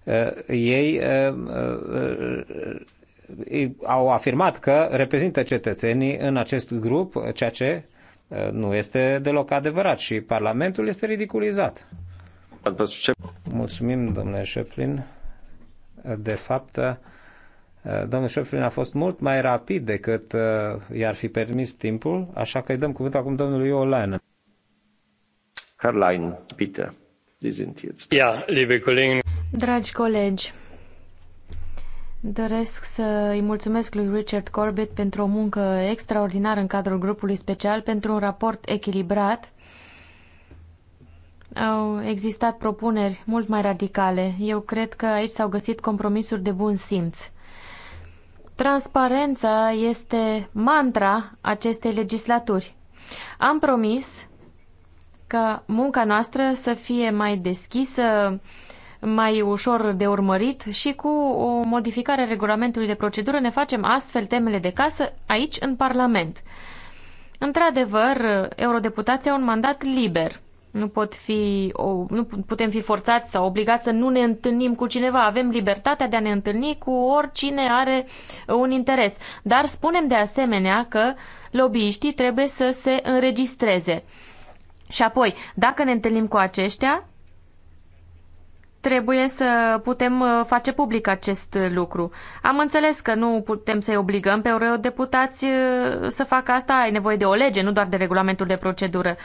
Eh, ei au afirmat că reprezintă cetățenii în acest grup, ceea ce nu este deloc adevărat și Parlamentul este ridiculizat. Mulțumim, domnule Șeflin. De fapt, Eh, domnul Șoplin a fost mult mai rapid decât eh, i-ar fi permis timpul, așa că îi dăm cuvântul acum domnului Olaine. Carline, bitte, Sie sind jetzt. Da. Ja, liebe Kollegen. Dragi colegi, doresc să îi mulțumesc lui Richard Corbett pentru o muncă extraordinară în cadrul grupului special, pentru un raport echilibrat. Au existat propuneri mult mai radicale. Eu cred că aici s-au găsit compromisuri de bun simț. Transparența este mantra acestei legislaturi. Am promis ca munca noastră să fie mai deschisă, mai ușor de urmărit și cu o modificare a regulamentului de procedură ne facem astfel temele de casă aici în Parlament. Într-adevăr, eurodeputații au un mandat liber nu, pot fi, o, nu putem fi forțați sau obligați să nu ne întâlnim cu cineva. Avem libertatea de a ne întâlni cu oricine are un interes. Dar spunem de asemenea că lobbyiștii trebuie să se înregistreze. Și apoi, dacă ne întâlnim cu aceștia, trebuie să putem uh, face public acest lucru. Am înțeles că nu putem să-i obligăm pe eurodeputați uh, să facă asta, ai nevoie de o lege, nu doar de regulamentul de procedură.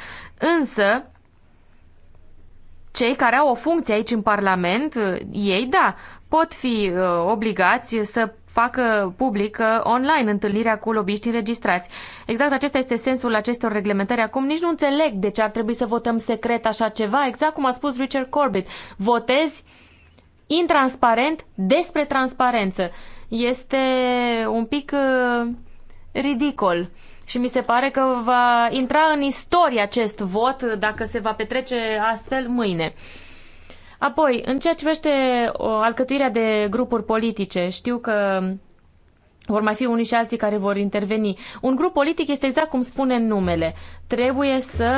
Însă, cei care au o funcție aici în Parlament, uh, ei, da, pot fi uh, obligați să facă publică online întâlnirea cu lobiștii înregistrați. Exact acesta este sensul acestor reglementări. Acum nici nu înțeleg de ce ar trebui să votăm secret așa ceva, exact cum a spus Richard Corbett. Votezi intransparent despre transparență. Este un pic uh, ridicol și mi se pare că va intra în istorie acest vot dacă se va petrece astfel mâine. Apoi, în ceea ce vește uh, alcătuirea de grupuri politice, știu că vor mai fi unii și alții care vor interveni. Un grup politic este exact cum spune numele. Trebuie să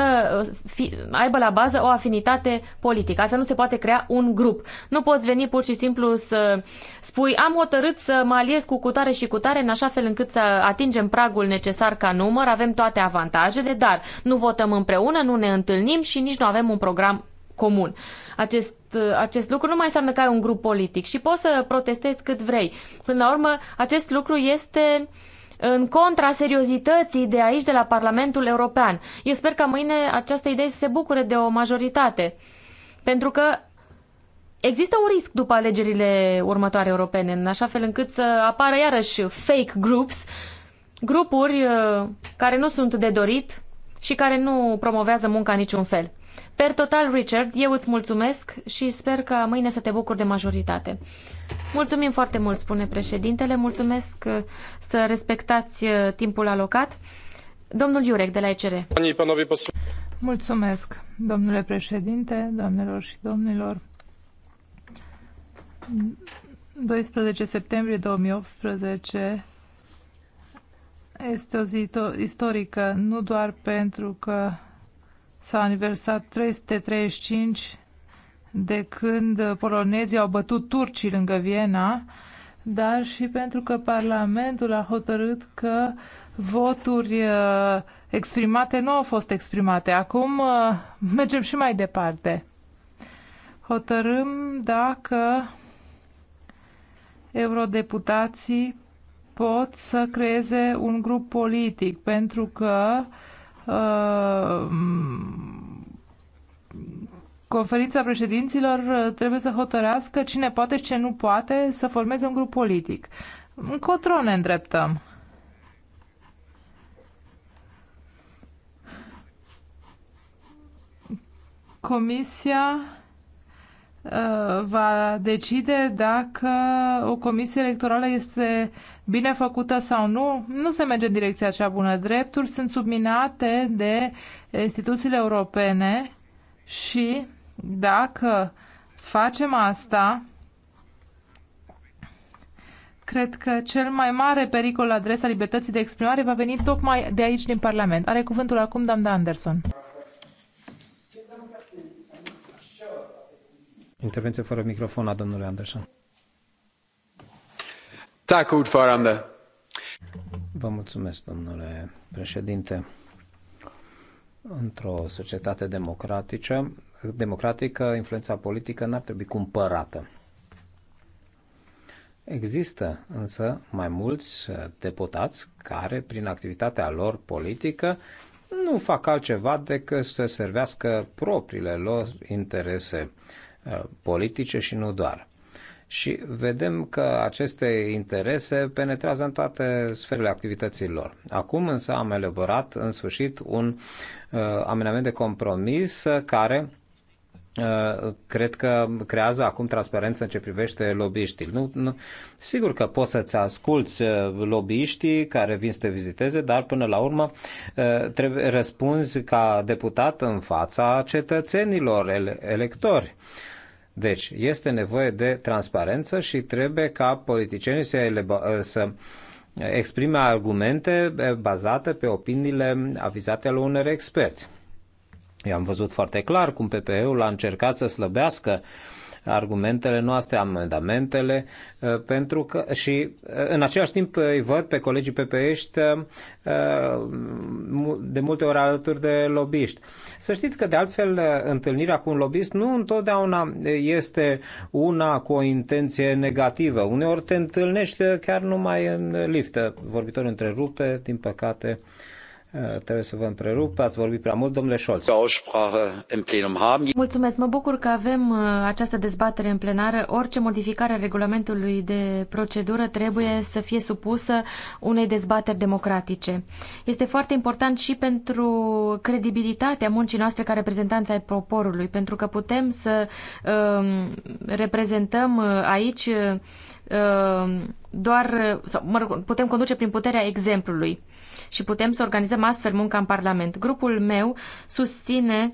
uh, fi, aibă la bază o afinitate politică. Altfel nu se poate crea un grup. Nu poți veni pur și simplu să spui am hotărât să mă aliez cu cutare și cutare în așa fel încât să atingem pragul necesar ca număr, avem toate avantajele, dar nu votăm împreună, nu ne întâlnim și nici nu avem un program comun. Acest, uh, acest lucru nu mai înseamnă că ai un grup politic și poți să protestezi cât vrei. Până la urmă, acest lucru este în contra seriozității de aici, de la Parlamentul European. Eu sper ca mâine această idee să se bucure de o majoritate. Pentru că Există un risc după alegerile următoare europene, în așa fel încât să apară iarăși fake groups, grupuri uh, care nu sunt de dorit și care nu promovează munca niciun fel. Per total, Richard, eu îți mulțumesc și sper că mâine să te bucuri de majoritate. Mulțumim foarte mult, spune președintele. Mulțumesc uh, să respectați uh, timpul alocat. Domnul Iurec, de la ECR. Mulțumesc, domnule președinte, doamnelor și domnilor. 12 septembrie 2018 este o zi istorică, nu doar pentru că s-a aniversat 335 de când polonezii au bătut turcii lângă Viena, dar și pentru că Parlamentul a hotărât că voturi uh, exprimate nu au fost exprimate. Acum uh, mergem și mai departe. Hotărâm dacă eurodeputații pot să creeze un grup politic, pentru că uh, Uh, conferința președinților uh, trebuie să hotărească cine poate și ce nu poate să formeze un grup politic. Încotro ne îndreptăm. Comisia uh, va decide dacă o comisie electorală este bine făcută sau nu, nu se merge în direcția cea bună. Drepturi sunt subminate de instituțiile europene și dacă facem asta, cred că cel mai mare pericol la adresa libertății de exprimare va veni tocmai de aici din Parlament. Are cuvântul acum doamna Anderson. Intervenție fără microfon a domnului Anderson. Vă mulțumesc, domnule președinte. Într-o societate democratică, democratică, influența politică n-ar trebui cumpărată. Există însă mai mulți uh, deputați care, prin activitatea lor politică, nu fac altceva decât să servească propriile lor interese uh, politice și nu doar și vedem că aceste interese penetrează în toate sferele activității lor. Acum însă am elaborat în sfârșit un uh, amenament de compromis care uh, cred că creează acum transparență în ce privește lobbyiștii. Nu, nu, sigur că poți să-ți asculți uh, lobbyiștii care vin să te viziteze, dar până la urmă uh, trebuie răspunzi ca deputat în fața cetățenilor ele- electori. Deci, este nevoie de transparență și trebuie ca politicienii să, să exprime argumente eh, bazate pe opiniile avizate ale unor experți. Eu am văzut foarte clar cum PPE-ul a încercat să slăbească uh, argumentele noastre, amendamentele, uh, pentru că și uh, în același timp îi văd pe colegii PPEști uh, de multe ori alături de lobbyști. Să știți că de altfel întâlnirea cu un lobbyist nu întotdeauna este una cu o intenție negativă. Uneori te întâlnești chiar numai în lift. vorbitorul întrerupe, din păcate. Eh, trebuie să vă întrerup, ați vorbit prea mult, domnule Scholz. Mulțumesc, mă bucur că avem eh, această dezbatere în plenară. Orice modificare a regulamentului de procedură trebuie să fie supusă unei dezbateri democratice. Este foarte important și pentru credibilitatea muncii noastre ca reprezentanți ai poporului, pentru că putem să um, reprezentăm eh, aici um, doar, sau, mă rog, putem conduce prin puterea exemplului și putem să organizăm astfel munca în Parlament. Grupul meu susține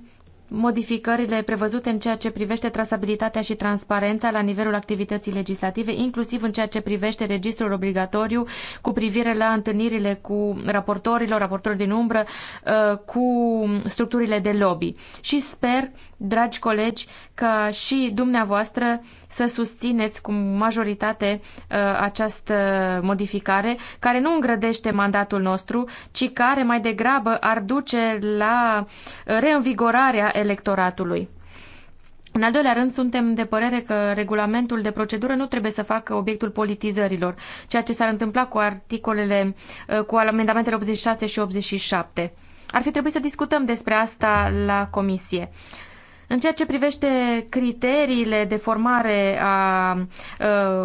modificările prevăzute în ceea ce privește trasabilitatea și transparența la nivelul activității legislative, inclusiv în ceea ce privește registrul obligatoriu cu privire la întâlnirile cu raportorilor, raportori din umbră, uh, cu structurile de lobby. Și sper dragi colegi, ca și dumneavoastră să susțineți cu majoritate uh, această modificare, care nu îngrădește mandatul nostru, ci care mai degrabă ar duce la reînvigorarea electoratului. În al doilea rând, suntem de părere că regulamentul de procedură nu trebuie să facă obiectul politizărilor, ceea ce s-ar întâmpla cu articolele, uh, cu amendamentele 86 și 87. Ar fi trebuit să discutăm despre asta la comisie. În ceea ce privește criteriile de formare a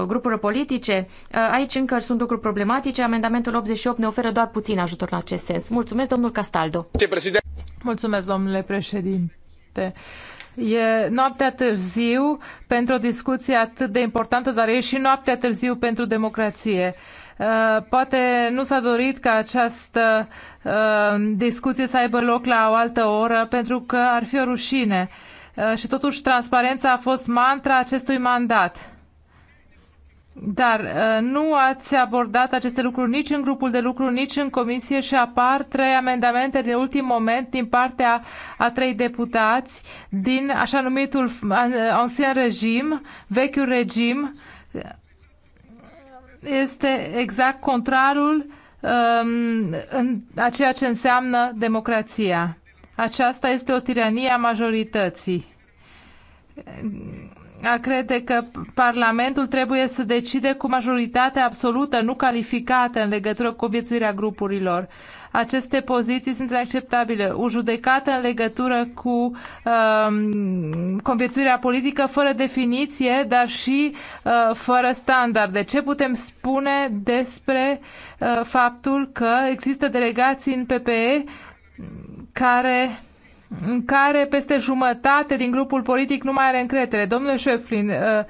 grupurilor politice, aici încă sunt lucruri problematice. Amendamentul 88 ne oferă doar puțin ajutor în acest sens. Mulțumesc, domnul Castaldo. Mulțumesc, domnule președinte. E noaptea târziu pentru o discuție atât de importantă, dar e și noaptea târziu pentru democrație. Uh, poate nu s-a dorit ca această uh, discuție să aibă loc la o altă oră, pentru că ar fi o rușine. Uh, Uh, și totuși transparența a fost mantra acestui mandat. Dar uh, nu ați abordat aceste lucruri nici în grupul de lucru, nici în comisie și apar trei amendamente de ultim moment din partea a trei deputați din așa numitul ancien regim, vechiul regim. Este exact contrarul um, în, a ceea ce înseamnă democrația. Aceasta este o tiranie a majorității. A crede că Parlamentul trebuie să decide cu majoritate absolută, nu calificată, în legătură cu viețuirea grupurilor aceste poziții sunt acceptabile. O judecată în legătură cu um, conviețuirea politică fără definiție, dar și uh, fără standarde. Ce putem spune despre uh, faptul că există delegații în PPE care în care peste jumătate din grupul politic nu mai are încredere. Domnule Șeflin, uh,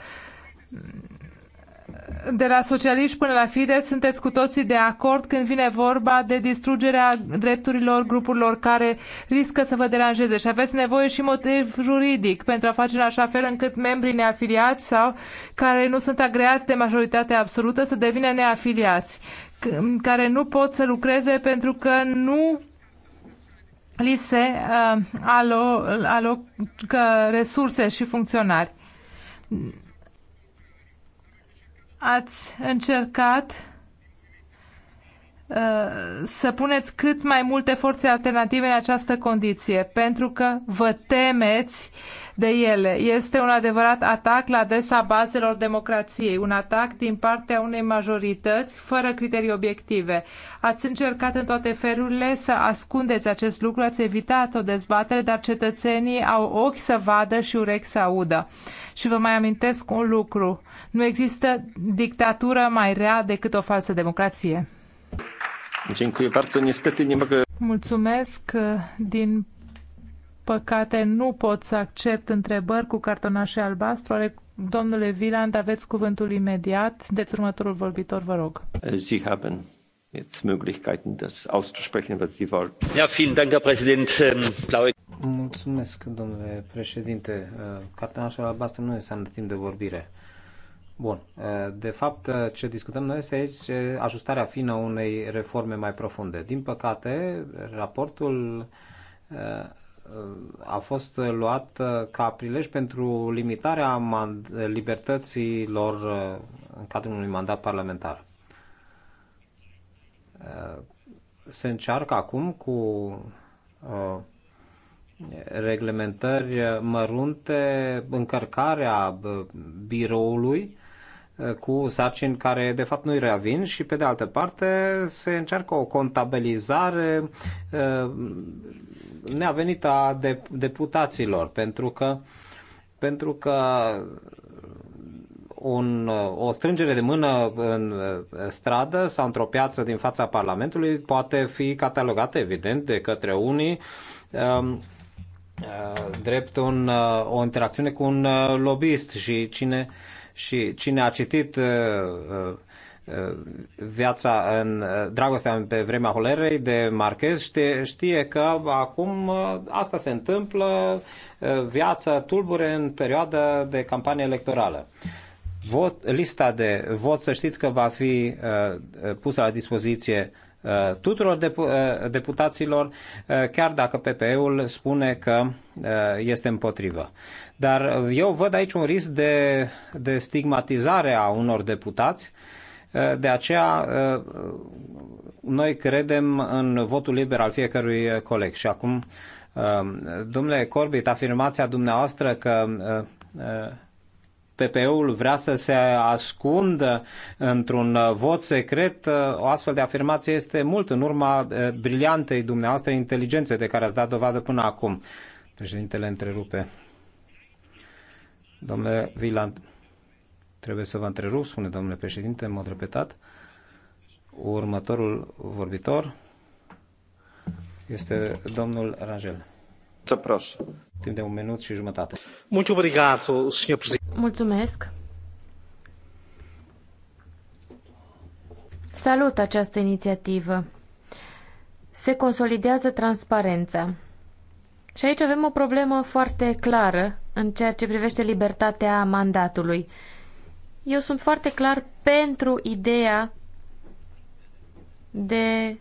de la socialiști până la Fidesz sunteți cu toții de acord când vine vorba de distrugerea drepturilor grupurilor care riscă să vă deranjeze și aveți nevoie și motiv juridic pentru a face în așa fel încât membrii neafiliați sau care nu sunt agreați de majoritatea absolută să devină neafiliați care nu pot să lucreze pentru că nu li se uh, alo, alocă resurse și funcționari. Ați încercat uh, să puneți cât mai multe forțe alternative în această condiție, pentru că vă temeți uh, de ele. Este un adevărat atac la adresa bazelor democrației, un atac din partea unei majorități fără criterii obiective. Ați încercat în toate felurile să ascundeți acest lucru, ați evitat o dezbatere, dar cetățenii au ochi să vadă și urechi să audă. Și vă mai amintesc un lucru. Nu există dictatură mai rea decât o falsă democrație. Mulțumesc. Din păcate, nu pot să accept întrebări cu cartonașe albastru. Ale domnule Viland, aveți cuvântul imediat. Deți următorul vorbitor, vă rog. Äh, Sie haben jetzt Möglichkeiten, das auszusprechen, was Sie wollen. Ja, vielen Dank, Herr Präsident. Ähm, Mulțumesc, domnule președinte. Äh, cartonașul albastru nu înseamnă timp de vorbire. Bun. Äh, de fapt, ce discutăm noi este aici ajustarea fină unei reforme mai profunde. Din păcate, raportul a fost luat uh, ca prilej pentru limitarea libertăților uh, în cadrul unui mandat parlamentar. Uh, se încearcă acum cu reglementări mărunte încărcarea biroului cu sarcini care de fapt nu-i reavin și pe de altă parte se încearcă o contabilizare ne a de deputaților, pentru că, pentru că un, o strângere de mână în stradă sau într-o piață din fața Parlamentului poate fi catalogată, evident, de către unii um, uh, drept un, uh, o interacțiune cu un uh, lobbyist și cine, și cine a citit viața în dragostea pe vremea holerei de Marchez știe, știe că acum uh, asta se întâmplă, uh, viața tulbure în perioada de campanie electorală. Vot, lista de vot, să știți că va fi uh, pusă la dispoziție uh, tuturor depu- deputaților, chiar dacă PPE-ul spune că este împotrivă. Dar eu văd aici un risc de, de stigmatizare a unor deputați uh, Eh, de aceea, eh, noi credem în votul liber al fiecărui coleg. Și acum, eh, domnule Corbit, afirmația dumneavoastră că PPE-ul vrea să se ascundă într-un vot secret, o astfel de afirmație este mult în urma briliantei dumneavoastră inteligențe de care ați dat dovadă până acum. Președintele întrerupe. Domnule Viland, Trebuie să vă întrerup, spune domnule președinte, în mod repetat. Următorul vorbitor este domnul Rangel. Să proș. Timp de un minut și jumătate. Mulțumesc. Salut această inițiativă. Se consolidează transparența. Și aici avem o problemă foarte clară în ceea ce privește libertatea mandatului. Eu sunt foarte clar pentru ideea de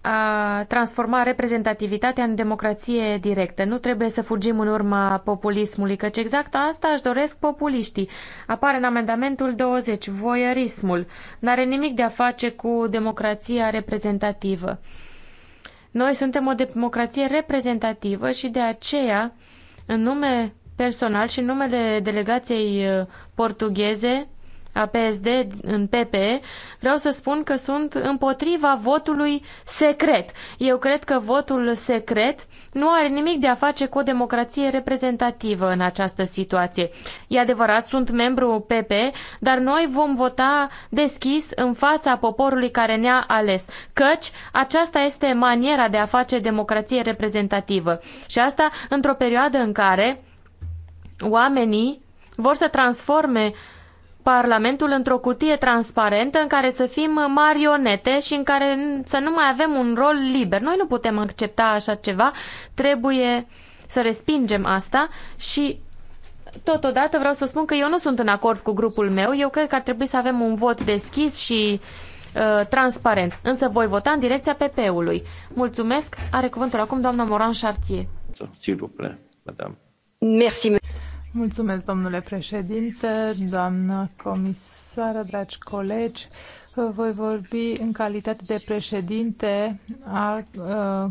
a transforma reprezentativitatea în democrație directă. Nu trebuie să fugim în urma populismului, căci exact asta își doresc populiștii. Apare în amendamentul 20, voyeurismul. N-are nimic de a face cu democrația reprezentativă. Noi suntem o democrație reprezentativă și de aceea, în nume personal și numele delegației uh, portugheze a PSD în PPE, vreau să spun că sunt împotriva votului secret. Eu cred că votul secret nu are nimic de a face cu o democrație reprezentativă în această situație. E adevărat, sunt membru PP, dar noi vom vota deschis în fața poporului care ne-a ales, căci aceasta este maniera de a face democrație reprezentativă. Și asta într-o perioadă în care Oamenii vor să transforme Parlamentul într-o cutie transparentă în care să fim marionete și în care să nu mai avem un rol liber. Noi nu putem accepta așa ceva, trebuie să respingem asta și totodată vreau să spun că eu nu sunt în acord cu grupul meu, eu cred că ar trebui să avem un vot deschis și uh, transparent, însă voi vota în direcția PP-ului. Mulțumesc, are cuvântul acum doamna Moran Chartier. Merci. Mulțumesc, domnule președinte, doamnă comisară, dragi colegi. Voi vorbi în calitate de președinte a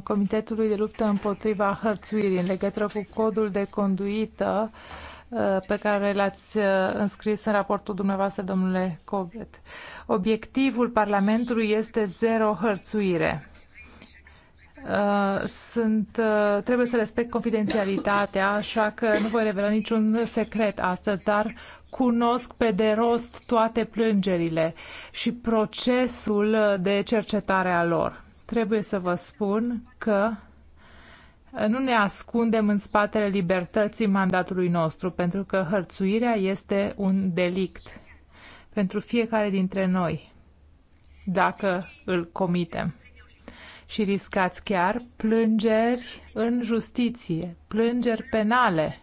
Comitetului de luptă împotriva hărțuirii în legătură cu codul de conduită pe care l-ați înscris în raportul dumneavoastră, domnule Covet. Obiectivul Parlamentului este zero hărțuire Uh, sunt, uh, trebuie să respect confidențialitatea, așa că nu voi revela niciun secret astăzi, dar cunosc pe de rost toate plângerile și procesul de cercetare a lor. Trebuie să vă spun că nu ne ascundem în spatele libertății mandatului nostru, pentru că hărțuirea este un delict pentru fiecare dintre noi, dacă îl comitem și riscați chiar plângeri în justiție, plângeri penale.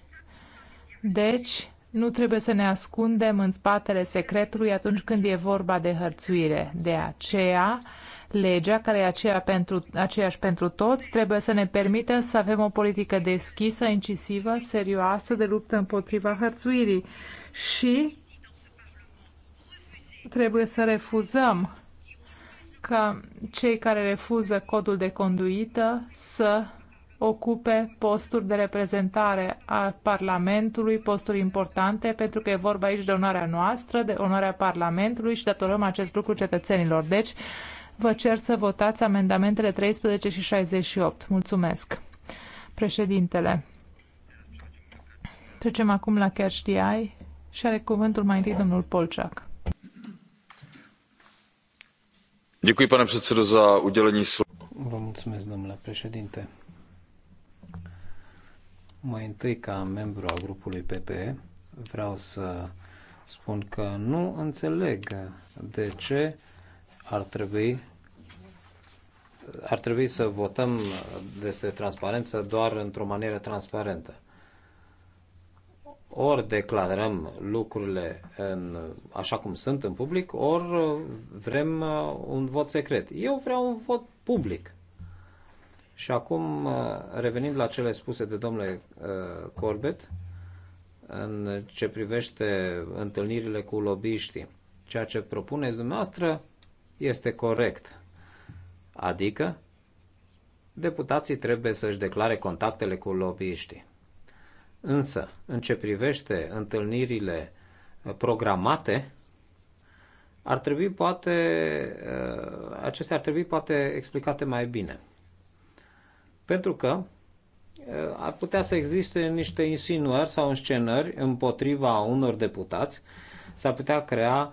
Deci, nu trebuie să ne ascundem în spatele secretului atunci când e vorba de hărțuire. De aceea, legea, care e aceea pentru, aceeași pentru toți, trebuie să ne permită să avem o politică deschisă, incisivă, serioasă de luptă împotriva hărțuirii. Și trebuie să refuzăm ca cei care refuză codul de conduită să ocupe posturi de reprezentare a Parlamentului, posturi importante, pentru că e vorba aici de onoarea noastră, de onoarea Parlamentului și datorăm acest lucru cetățenilor. Deci, vă cer să votați amendamentele 13 și 68. Mulțumesc. Președintele. Trecem acum la Catch DI și are cuvântul mai întâi domnul Polciac. pane președinte domnule președinte mai întâi ca membru al grupului ppe vreau să spun că nu înțeleg de ce ar trebui ar trebui să votăm despre transparență doar într-o manieră transparentă ori declarăm lucrurile în, așa cum sunt în public, ori uh, vrem uh, un vot secret. Eu vreau un vot public. Și acum, uh, revenind la cele spuse de domnule Corbett, în ce privește întâlnirile cu lobiștii, ceea ce propuneți dumneavoastră este corect. Adică, deputații trebuie să-și declare contactele cu lobbyiștii. Însă, în ce privește întâlnirile uh, programate, ar trebui poate, uh, acestea ar trebui poate explicate mai bine. Pentru că uh, ar putea să existe niște insinuări sau înscenări împotriva unor deputați, s-ar putea crea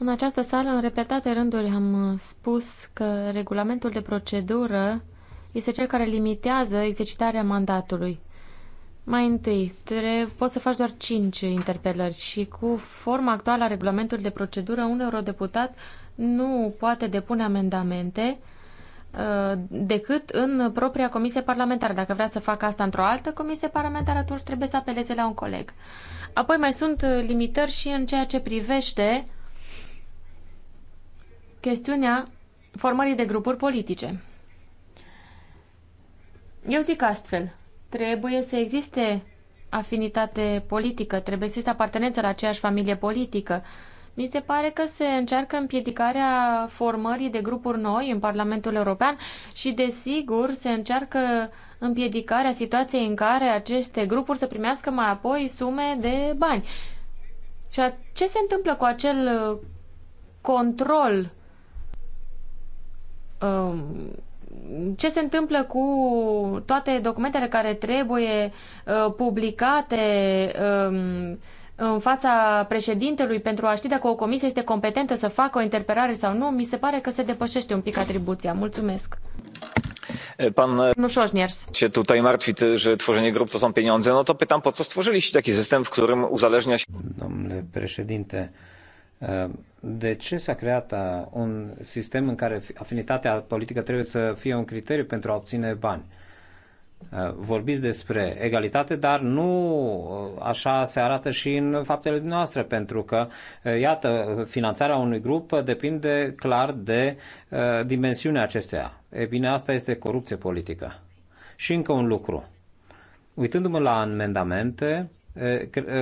În această sală, în repetate rânduri, am uh, spus că regulamentul de procedură este cel care limitează exercitarea mandatului. Mai întâi, poți să faci doar 5 interpelări și cu forma actuală a regulamentului de procedură, un eurodeputat nu poate depune amendamente uh, decât în propria comisie parlamentară. Dacă vrea să facă asta într-o altă comisie parlamentară, atunci trebuie să apeleze la un coleg. Apoi mai sunt uh, limitări și în ceea ce privește chestiunea formării de grupuri politice. Eu zic astfel, trebuie să existe afinitate politică, trebuie să existe apartenență la aceeași familie politică. Mi se pare că se încearcă împiedicarea formării de grupuri noi în Parlamentul European și, desigur, se încearcă împiedicarea situației în care aceste grupuri să primească mai apoi sume de bani. Și ce se întâmplă cu acel control Um, ce se întâmplă cu toate documentele care trebuie uh, publicate um, în fața președintelui pentru a ști dacă o comisie este competentă să facă o interpelare sau nu, mi se pare că se depășește un pic atribuția. Mulțumesc. Pan się tutaj martwi, że tworzenie grup to są pieniądze. No to pytam, po co stworzyliście taki system, w którym uzależnia się... Domnule președinte, Ehm, de ce s-a creat un sistem în care afinitatea politică trebuie să fie un criteriu pentru a obține bani? Ehm, vorbiți despre egalitate, dar nu ehm, așa se arată și în faptele noastre, pentru că, iată, finanțarea unui grup depinde clar de dimensiunea acesteia. E bine, asta este corupție politică. Și încă un lucru. Uitându-mă la amendamente,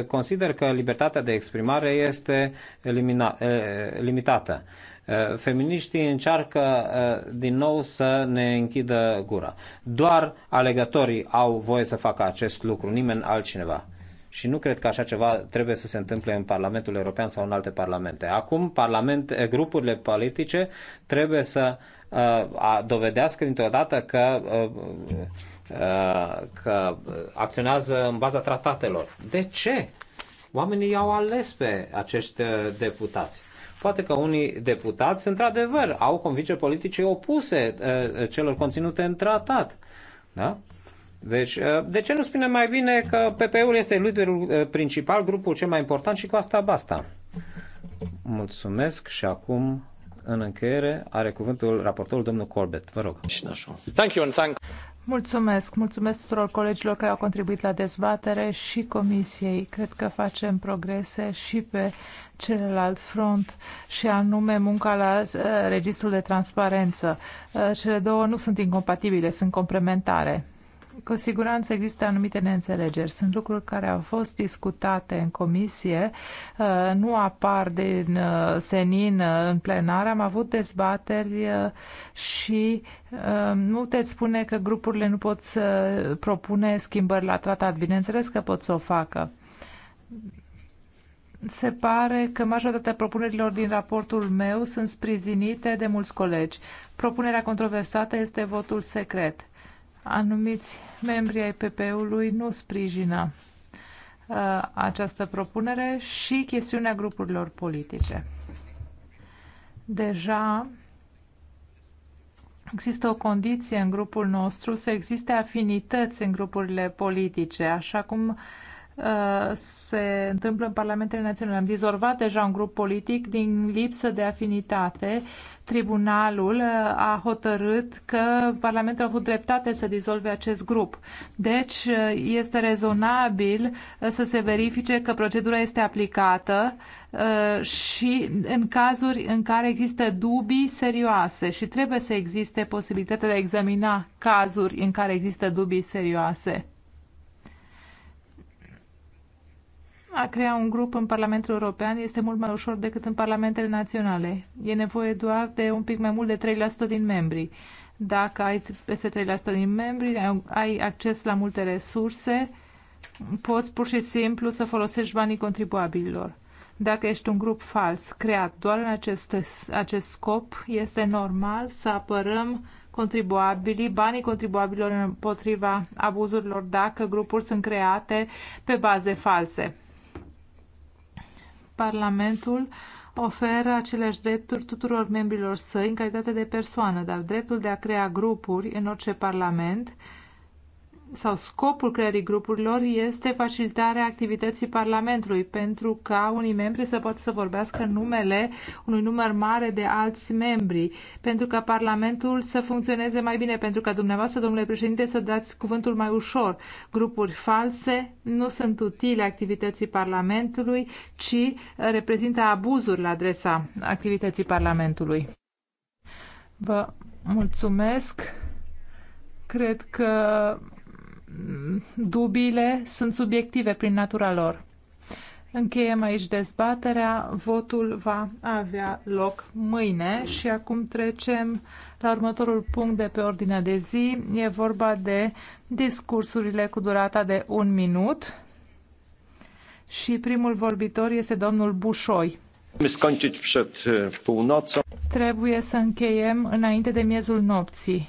consider că libertatea de exprimare este elimina, limitată. Feminiștii încearcă din nou să ne închidă gura. Doar alegătorii au voie să facă acest lucru, nimeni altcineva. Și nu cred că așa ceva trebuie să se întâmple în Parlamentul European sau în alte parlamente. Acum, parlament, grupurile politice trebuie să uh, dovedească dintr-o dată că uh, Uh, că acționează în baza tratatelor. De ce? Oamenii i-au ales pe acești uh, deputați. Poate că unii deputați, într-adevăr, au convingeri politice opuse uh, celor conținute în tratat. Da? Deci, de ce nu spune mai bine că PPE-ul este liderul principal, grupul cel mai important și cu asta basta? Mulțumesc și acum, în încheiere, are cuvântul raportorul domnul Corbett. Vă rog. Thank you and thank Mulțumesc, mulțumesc tuturor colegilor care au contribuit la dezbatere și comisiei. Cred că facem progrese și pe celălalt front, și anume munca la uh, registrul de transparență. Uh, cele două nu sunt incompatibile, sunt complementare. Cu siguranță există anumite neînțelegeri. Sunt lucruri care au fost discutate în comisie, uh, nu apar din uh, senin uh, în plenar. Am avut dezbateri și nu te spune că grupurile nu pot să propune schimbări la tratat. Bineînțeles că pot să o facă. Se pare că majoritatea propunerilor din raportul meu sunt sprijinite de mulți colegi. Propunerea controversată este votul secret Anumiți membri ai PP-ului nu sprijină uh, această propunere și chestiunea grupurilor politice. Deja există o condiție în grupul nostru să existe afinități în grupurile politice, așa cum uh, Uh, se întâmplă în Parlamentele Naționale. Am dizolvat deja un grup politic din lipsă de afinitate. Tribunalul uh, a hotărât că Parlamentul a avut dreptate să dizolve acest grup. Deci uh, este rezonabil să se verifice că procedura este aplicată și în cazuri în care există dubii serioase și trebuie să existe posibilitatea de a examina cazuri în care există dubii serioase a crea un grup în Parlamentul European este mult mai ușor decât în Parlamentele Naționale. E nevoie doar de un pic mai mult de 3% din membri. Dacă ai peste 3% din membri, ai acces la multe resurse, poți pur și simplu să folosești banii contribuabililor. Dacă ești un grup fals creat doar în acest, acest scop, este normal să apărăm contribuabilii, banii contribuabililor împotriva abuzurilor dacă grupuri sunt create pe baze false. Parlamentul oferă aceleași drepturi tuturor membrilor săi în calitate de persoană, dar dreptul de a crea grupuri în orice parlament sau scopul creării grupurilor este facilitarea activității Parlamentului pentru ca unii membri să poată să vorbească numele unui număr mare de alți membri, pentru ca Parlamentul să funcționeze mai bine, pentru ca dumneavoastră, domnule președinte, să dați cuvântul mai ușor. Grupuri false nu sunt utile activității Parlamentului, ci eh, reprezintă abuzuri la adresa activității Parlamentului. Vă mulțumesc. Cred că dubiile sunt subiective prin natura lor. Încheiem aici dezbaterea. Votul va avea loc mâine și acum trecem la următorul punct de pe ordinea de zi. E vorba de discursurile cu durata de un minut și primul vorbitor este domnul Bușoi. Trebuie să eh, încheiem înainte de miezul nopții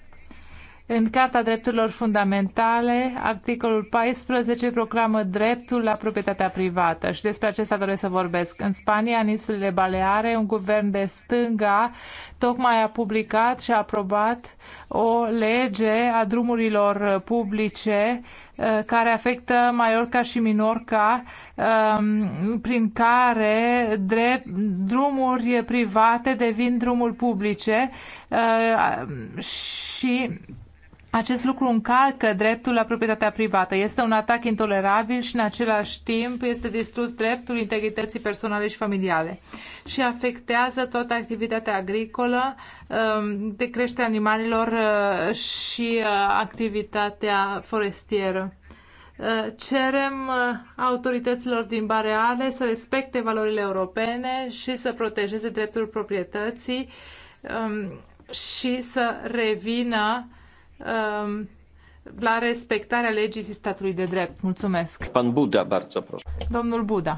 În Carta Drepturilor Fundamentale, articolul 14 proclamă dreptul la proprietatea privată și despre acesta doresc să vorbesc. În Spania, în insulele Baleare, un guvern de stânga tocmai a publicat și a aprobat o lege a drumurilor publice uh, care afectă Mallorca și Minorca, um, prin care drept, drumuri private devin drumuri publice uh, și acest lucru încalcă dreptul la proprietatea privată. Este un atac intolerabil și în același timp este distrus dreptul integrității personale și familiale și afectează toată activitatea agricolă um, de creșterea animalelor uh, și uh, activitatea forestieră. Uh, cerem autorităților din Bareale să respecte valorile europene și să protejeze dreptul proprietății um, și să revină Um, la respectarea legii și statului de drept. Mulțumesc. Pan Buda, bardzo proszę. Domnul Buda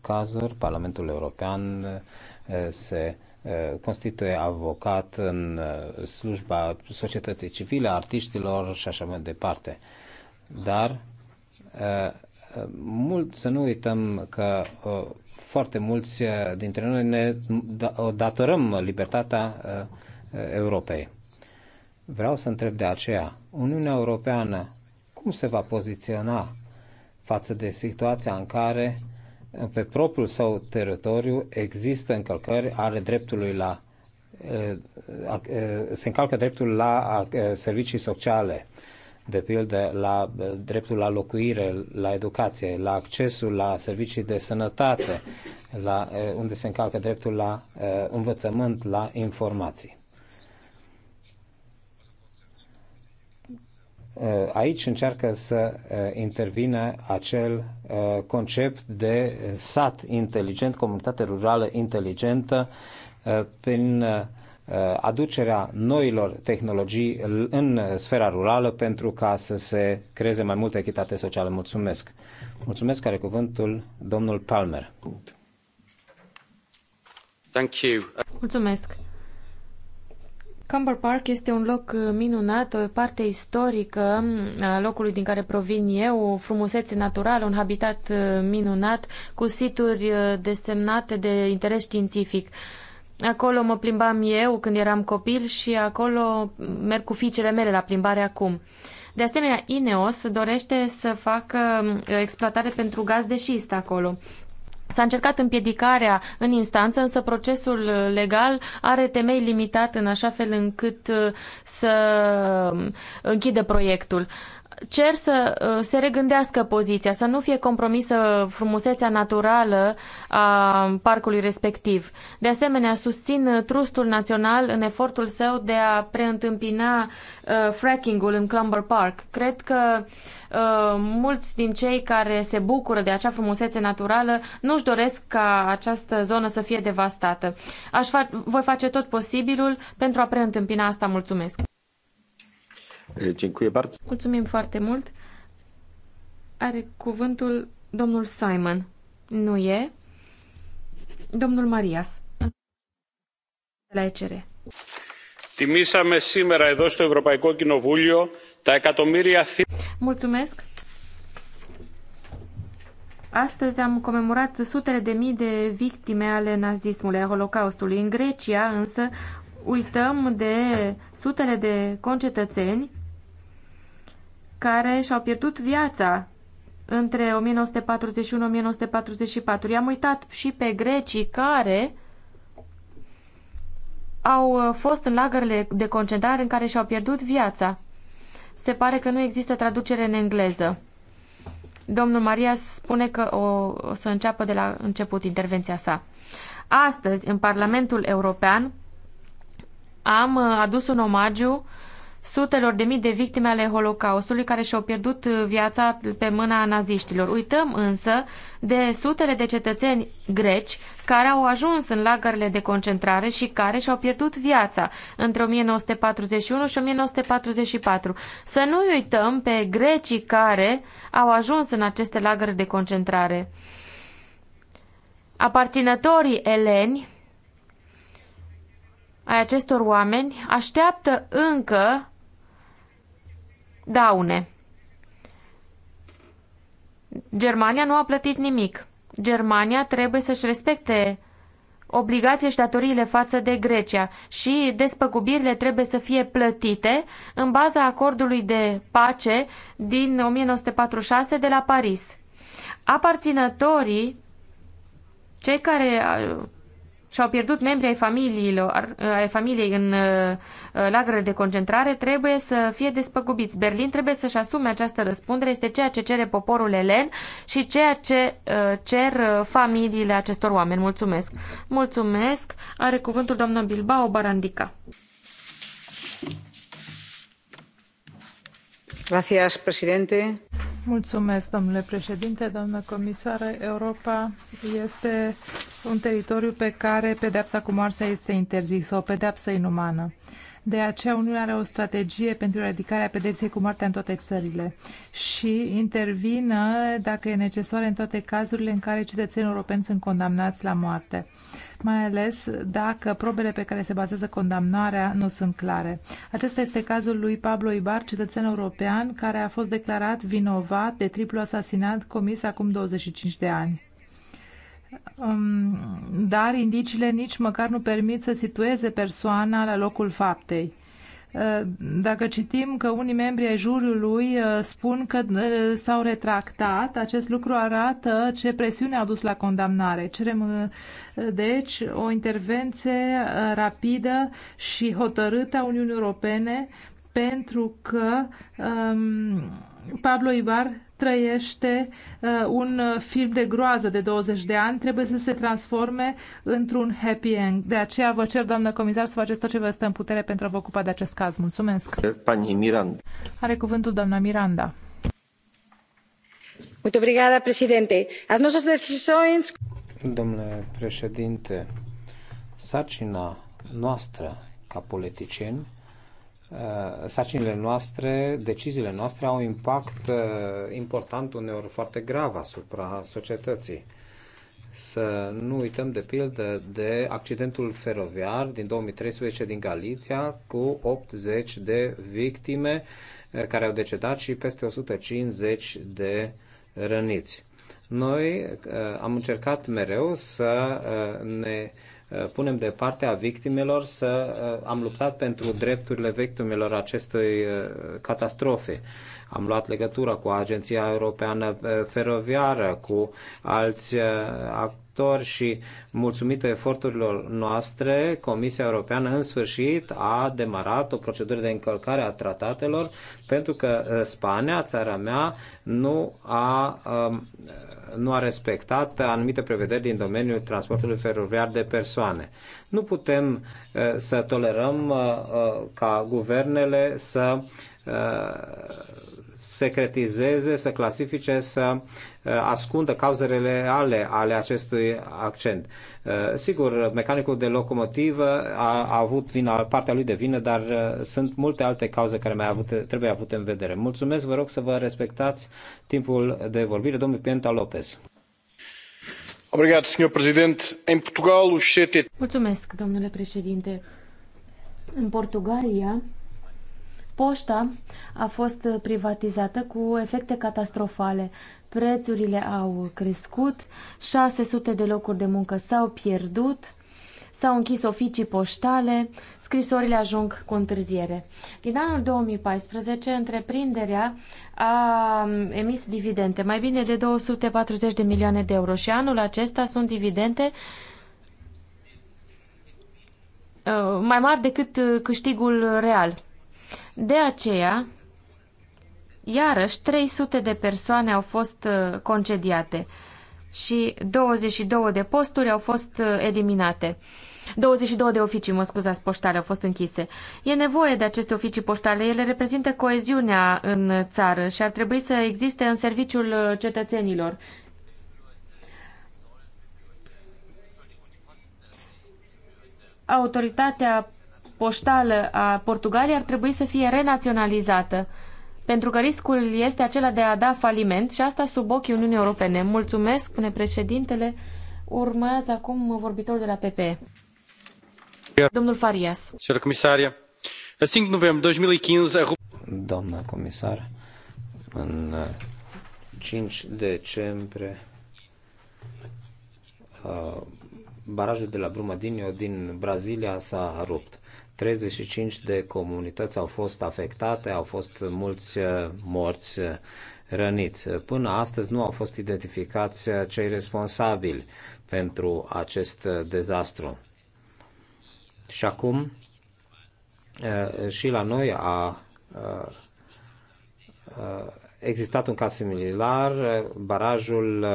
cazuri, Parlamentul European eh, se eh, constituie avocat în eh, slujba societății civile, artiștilor și așa mai departe. Dar mult să nu uităm că foarte mulți dintre noi ne da, datorăm libertatea Europei. Vreau să întreb de aceea, Uniunea Europeană cum se va poziționa față de situația în care pe propriul său teritoriu există încălcări ale dreptului la eh, eh, se încalcă dreptul la eh, servicii sociale, de pildă la dreptul la locuire, la educație, la accesul la servicii de sănătate, la, unde se încalcă dreptul la învățământ, la informații. Uh, aici încearcă să uh, intervine acel uh, concept de sat inteligent, comunitate rurală inteligentă, prin aducerea noilor tehnologii în sfera rurală pentru ca să se creeze mai multă echitate socială. Mulțumesc! Mulțumesc, are cuvântul domnul Palmer. Thank you. Mulțumesc! Cumber Park este un loc uh, minunat, o parte istorică a uh, locului din care provin eu, o frumusețe naturală, un habitat uh, minunat, cu situri desemnate de interes științific. Acolo mă plimbam eu când eram copil și acolo mm, merg cu fiicele mele la plimbare acum. De asemenea, INEOS dorește să facă mm, exploatare pentru gaz de șist acolo. S-a încercat împiedicarea în instanță, însă procesul legal are temei limitat în așa fel încât uh, să um, închidă proiectul cer să uh, se regândească poziția, să nu fie compromisă frumusețea naturală a parcului respectiv. De asemenea, susțin Trustul Național în efortul său de a preîntâmpina uh, frackingul în Clumber Park. Cred că uh, Uh, mulți din cei care se bucură de acea frumusețe naturală nu-și doresc ca această zonă să fie devastată. Aș fa- voi face tot posibilul pentru a preîntâmpina asta. Mulțumesc! Mulțumim foarte mult! Are cuvântul domnul Simon. Nu e? Domnul Marias. la ECR. Τιμήσαμε σήμερα εδώ στο Ευρωπαϊκό Κοινοβούλιο Mulțumesc! Astăzi am comemorat sutele de mii de victime ale nazismului, a Holocaustului. În Grecia, însă, uităm de sutele de concetățeni care și-au pierdut viața între 1941-1944. I-am uitat și pe grecii care au fost în lagările de concentrare în care și-au pierdut viața se pare că nu există traducere în engleză. Domnul Maria spune că o, o să înceapă de la început intervenția sa. Astăzi, în Parlamentul European, am uh, adus un omagiu uh, sutelor de mii de victime ale Holocaustului care și-au pierdut viața pe mâna naziștilor. Uităm însă de sutele de cetățeni greci care au ajuns în lagărele de concentrare și care și-au pierdut viața între 1941 și 1944. Să nu uităm pe grecii care au ajuns în aceste lagăre de concentrare. Aparținătorii eleni ai acestor oameni așteaptă încă daune. Germania nu a plătit nimic. Germania trebuie să-și respecte obligații și datoriile față de Grecia și despăgubirile trebuie să fie plătite în baza acordului de pace din 1946 de la Paris. Aparținătorii, cei care și-au pierdut membrii ai, familiilor, uh, ai familiei în uh, lagărele de concentrare trebuie să fie despăgubiți. Berlin trebuie să-și asume această răspundere, este ceea ce cere poporul elen și ceea ce uh, cer familiile acestor oameni. Mulțumesc! Mulțumesc! Are cuvântul doamna Bilbao Barandica. Mulțumesc, domnule președinte, doamnă comisară. Europa este un teritoriu pe care pedepsa cu moartea este interzisă, o pedeapsă inumană. De aceea, Uniunea are o strategie pentru eradicarea pedepsei cu moartea în toate țările și intervine dacă e necesar, în toate cazurile în care cetățenii europeni sunt condamnați la moarte mai ales dacă probele pe care se bazează condamnarea nu sunt clare. Acesta este cazul lui Pablo Ibar, cetățen european, care a fost declarat vinovat de triplu asasinat comis acum 25 de ani. Um, dar indiciile nici măcar nu permit să situeze persoana la locul faptei. Eh, dacă citim că unii membri ai juriului eh, spun că eh, s-au retractat, acest lucru arată ce presiune a dus la condamnare. Cerem, deci, o intervenție rapidă și hotărâtă a Uniunii Europene pentru că um, Pablo Ibar trăiește uh, un uh, film de groază de 20 de ani, trebuie să se transforme într-un happy end. De aceea vă cer, doamnă comisar, să faceți tot ce vă stă în putere pentru a vă ocupa de acest caz. Mulțumesc! Pani Miranda. Are cuvântul doamna Miranda. Mulțumesc, președinte. As nossas decisões... Domnule președinte, sarcina noastră ca politicieni Uh, sarcinile noastre, deciziile noastre au un impact uh, important, uneori foarte grav asupra societății. Să nu uităm de pildă de accidentul feroviar din 2013 din Galiția cu 80 de victime uh, care au decedat și peste 150 de răniți. Noi am încercat mereu să ne Uh, punem de a victimelor, să uh, am luptat pentru drepturile victimelor acestei uh, catastrofe. Am luat legătura cu Agenția Europeană Feroviară, cu alți actori și mulțumită eforturilor noastre, Comisia Europeană în sfârșit a demarat o procedură de încălcare a tratatelor pentru că Spania, țara mea, nu a um, nu a respectat anumite prevederi din domeniul transportului feroviar de persoane. Nu putem uh, să tolerăm uh, uh, ca guvernele să secretizeze, să clasifice, să uh, ascundă cauzele ale ale acestui accent. Uh, sigur, mecanicul de locomotivă a, a avut vina, partea lui de vină, dar uh, sunt multe alte cauze care mai avute, trebuie avute în vedere. Mulțumesc, vă rog să vă respectați timpul de vorbire. Domnul Pienta Lopez. Mulțumesc, domnule președinte. În Portugalia, Poșta a fost privatizată cu efecte catastrofale. Prețurile au crescut, 600 de locuri de muncă s-au pierdut, s-au închis oficii poștale, scrisorile ajung cu întârziere. Din anul 2014, întreprinderea a emis dividende, mai bine de 240 de milioane de euro și anul acesta sunt dividende uh, mai mari decât uh, câștigul real. De aceea, iarăși 300 de persoane au fost uh, concediate și 22 de posturi au fost uh, eliminate. 22 de oficii, mă scuzați, poștale au fost închise. E nevoie de aceste oficii poștale, ele reprezintă coeziunea în țară și ar trebui să existe în serviciul uh, cetățenilor. Autoritatea poștală a Portugaliei ar trebui să fie renaționalizată, pentru că riscul este acela de a da faliment și asta sub ochii Uniunii Europene. Mulțumesc, spune președintele. Urmează acum vorbitorul de la PPE. Domnul Farias. Senhora Comissária, în 5 noiembrie 2015... Doamna comisar, în 5 uh, decembrie uh, barajul de la Brumadinho din Brazilia s-a rupt. 35 de comunități au fost afectate, au fost mulți uh, morți uh, răniți. Până astăzi nu au fost identificați uh, cei responsabili pentru acest dezastru. Și acum și la noi a existat un caz similar, barajul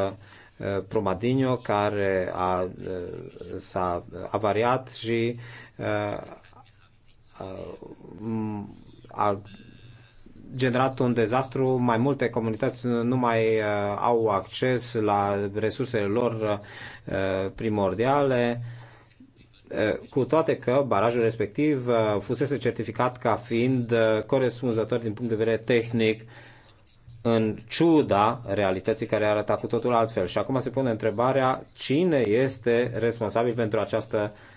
Promadinho care a, s-a avariat și Uh, a generat un dezastru, mai multe comunități nu mai uh, au acces la resursele lor uh, primordiale, cu toate că barajul respectiv fusese certificat ca fiind corespunzător din punct de vedere tehnic în ciuda realității care arăta cu totul altfel. Și acum se pune întrebarea cine este responsabil pentru această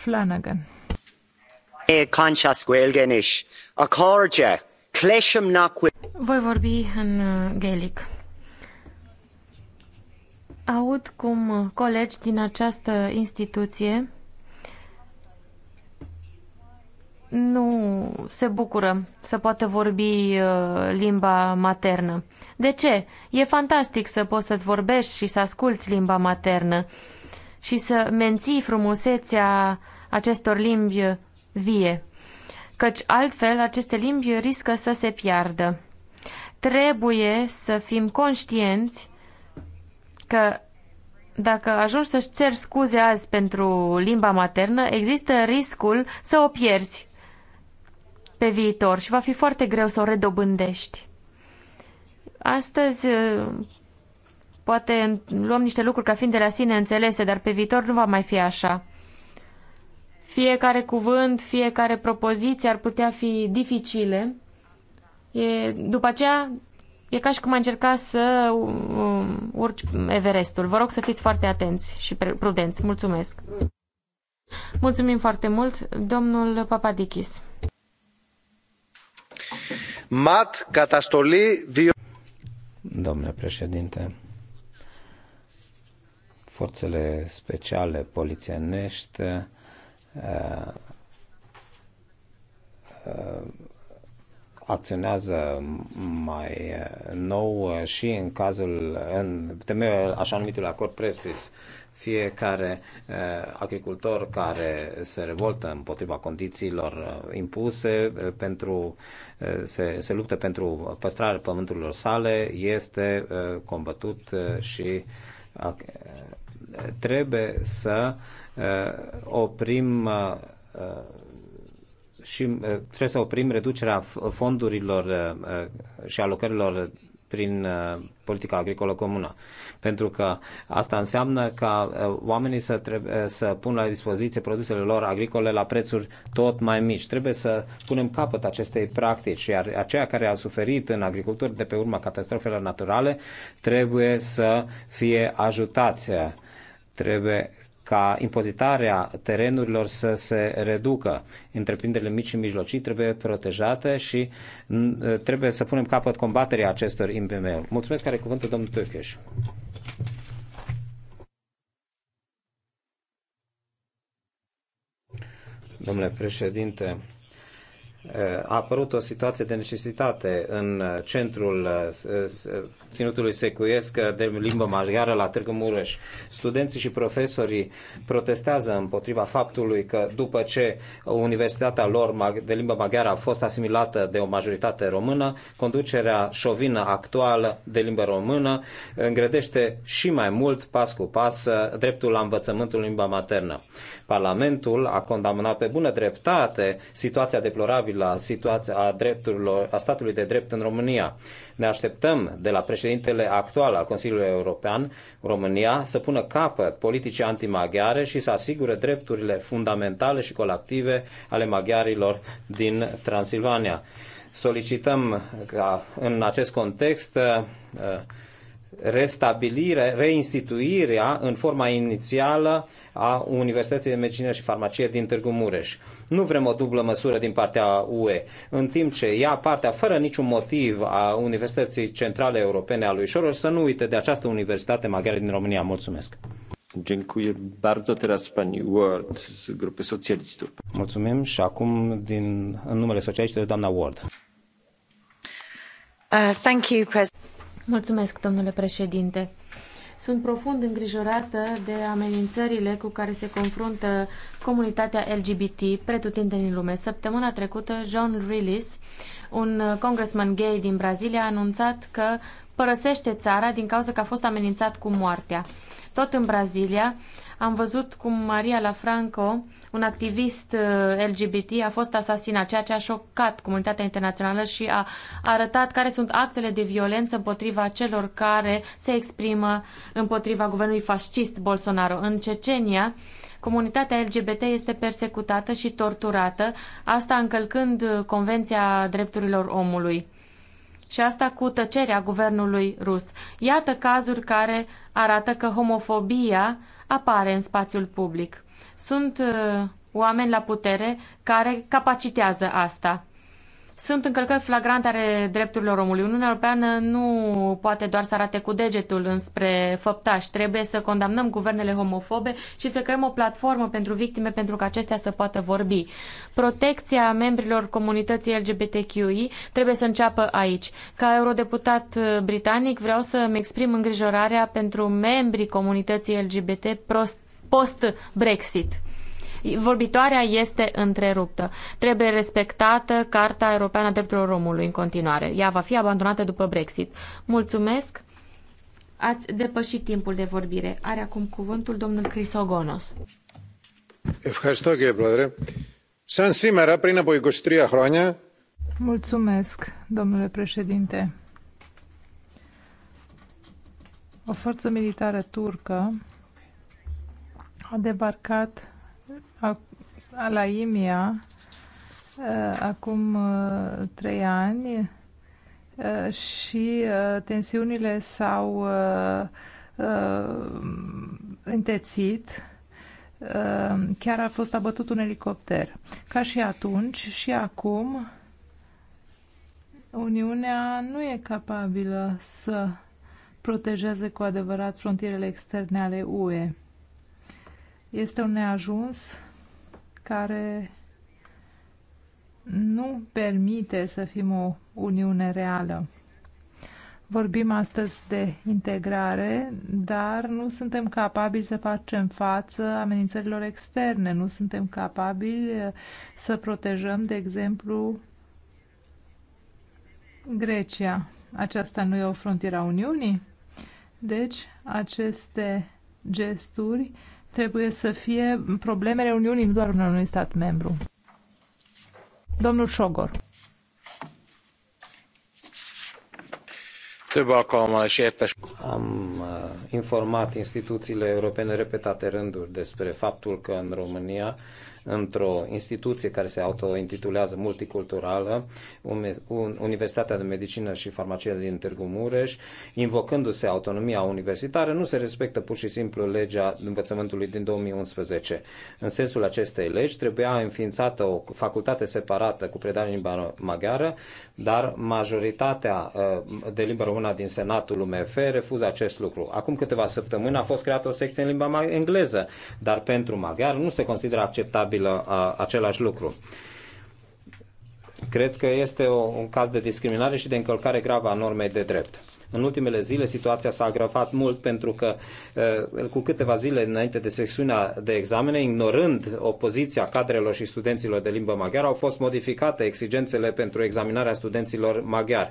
Flanagan. Voi vorbi în uh, gaelic. Aud cum uh, colegi din această instituție nu se bucură să poată vorbi uh, limba maternă. De ce? E fantastic să poți să-ți vorbești și să asculți limba maternă și să menții frumusețea acestor limbi vie, căci altfel aceste limbi riscă să se piardă. Trebuie să fim conștienți că dacă ajungi să-ți ceri scuze azi pentru limba maternă, există riscul să o pierzi pe viitor și va fi foarte greu să o redobândești. Astăzi poate luăm niște lucruri ca fiind de la sine înțelese, dar pe viitor nu va mai fi așa. Fiecare cuvânt, fiecare propoziție ar putea fi dificile. E, după aceea, e ca și cum a încerca să um, urci Everestul. Vă rog să fiți foarte atenți și prudenți. Mulțumesc! Mulțumim foarte mult, domnul Papadikis. Mat, catastoli, dio... Domnule președinte, forțele speciale polițienești Uh, uh, acționează mai uh, nou și în cazul, în temeiul așa numitul acord prespis, fiecare uh, agricultor care se revoltă împotriva condițiilor impuse pentru, uh, se, se luptă pentru păstrarea pământurilor sale, este uh, combătut și uh, trebuie să uh, Uh, oprim uh, uh, și trebuie să oprim reducerea fondurilor și alocărilor prin politica agricolă comună. Pentru că asta înseamnă ca oamenii să, trebuie, să pun la dispoziție produsele lor agricole la prețuri tot mai mici. Trebuie să punem capăt acestei practici, iar aceia care au suferit în agricultură de pe urma catastrofelor naturale trebuie să fie ajutați. Trebuie ca impozitarea terenurilor să se reducă. Întreprinderile mici și mijlocii trebuie protejate și mm, trebuie să punem capăt combaterea acestor IMM-uri. Mulțumesc, care cuvântul domnul Tăcheș. Domnule președinte, Eh, a apărut o situație de necesitate în centrul eh, ținutului secuiesc eh, de limbă maghiară la Târgu Mureș. Studenții și profesorii protestează împotriva faptului că după ce universitatea lor de limbă maghiară a fost asimilată de o majoritate română, conducerea șovină actuală de limbă română îngredește și mai mult, pas cu pas, dreptul la învățământul în limba maternă. Parlamentul a condamnat pe bună dreptate situația deplorabilă favorabilă a, situația, a, drepturilor, a statului de drept în România. Ne așteptăm de la președintele actual al Consiliului European, România, să pună capăt politicii antimaghiare și să asigure drepturile fundamentale și colective ale maghiarilor din Transilvania. Solicităm ca în acest context restabilire, reinstituirea în forma inițială a Universității de Medicină și Farmacie din Târgu Mureș. Nu vrem o dublă măsură din partea UE, în timp ce ia partea fără niciun motiv a Universității Centrale Europene a lui Soros, să nu uite de această universitate maghiară din România. Mulțumesc! Dziękuję bardzo. Teraz pani Ward z grupy socjalistów. Mulțumim și acum din, numele socjalistów, doamna Ward. Uh, thank you, President. Mulțumesc, domnule președinte. Sunt profund îngrijorată de amenințările cu care se confruntă comunitatea LGBT pretutindeni în lume. Săptămâna trecută, John Rillis, un congressman gay din Brazilia, a anunțat că părăsește țara din cauza că a fost amenințat cu moartea. Tot în Brazilia am văzut cum Maria Lafranco, un activist uh, LGBT, a fost asasinat, ceea ce a șocat comunitatea internațională și a arătat care sunt actele de violență împotriva celor care se exprimă împotriva guvernului fascist Bolsonaro. În Cecenia, comunitatea LGBT este persecutată și torturată, asta încălcând Convenția Drepturilor Omului și asta cu tăcerea guvernului rus. Iată cazuri care arată că homofobia apare în spațiul public. Sunt uh, oameni la putere care capacitează asta. Sunt încălcări flagrante ale drepturilor omului. Uniunea Europeană nu poate doar să arate cu degetul înspre făptași. Trebuie să condamnăm guvernele homofobe și să creăm o platformă pentru victime pentru că acestea să poată vorbi. Protecția membrilor comunității LGBTQI trebuie să înceapă aici. Ca eurodeputat britanic vreau să-mi exprim îngrijorarea pentru membrii comunității LGBT post-Brexit. Vorbitoarea este întreruptă. Trebuie respectată Carta Europeană a Drepturilor Omului în continuare. Ea va fi abandonată după Brexit. Mulțumesc! Ați depășit timpul de vorbire. Are acum cuvântul domnul Crisogonos. Mulțumesc, domnule președinte. O forță militară turcă a debarcat la IMIA uh, acum uh, trei ani uh, și tensiunile s-au întețit chiar a fost abătut un elicopter. Ca și atunci, și acum, Uniunea nu e capabilă să protejeze cu adevărat frontierele externe ale UE. Este un neajuns care nu permite să fim o uniune reală. Vorbim astăzi de integrare, dar nu suntem capabili să facem față amenințărilor externe, nu suntem capabili eh, să protejăm, de exemplu, Grecia. Aceasta nu e o frontieră a Uniunii? Deci, aceste gesturi trebuie să fie problemele Uniunii, nu doar în unui stat membru. Domnul Șogor. Több Am uh, informat instituțiile europene repetate rânduri despre faptul că în România într-o instituție care se autointitulează multiculturală, Universitatea de Medicină și Farmacie din Târgu Mureș, invocându-se autonomia universitară, nu se respectă pur și simplu legea învățământului din 2011. În sensul acestei legi trebuia înființată o facultate separată cu predare în limba maghiară, dar majoritatea uh, de limba română din Senatul UMF refuză acest lucru. Acum câteva săptămâni a fost creată o secție în limba engleză, dar pentru maghiar nu se consideră acceptabil valabilă a, același lucru. Cred că este o, un caz de discriminare și de încălcare gravă a normei de drept. În ultimele zile situația s-a agravat mult pentru că eh, cu câteva zile înainte de secțiunea de examene, ignorând opoziția cadrelor și studenților de limbă maghiară, au fost modificate exigențele pentru examinarea studenților maghiari.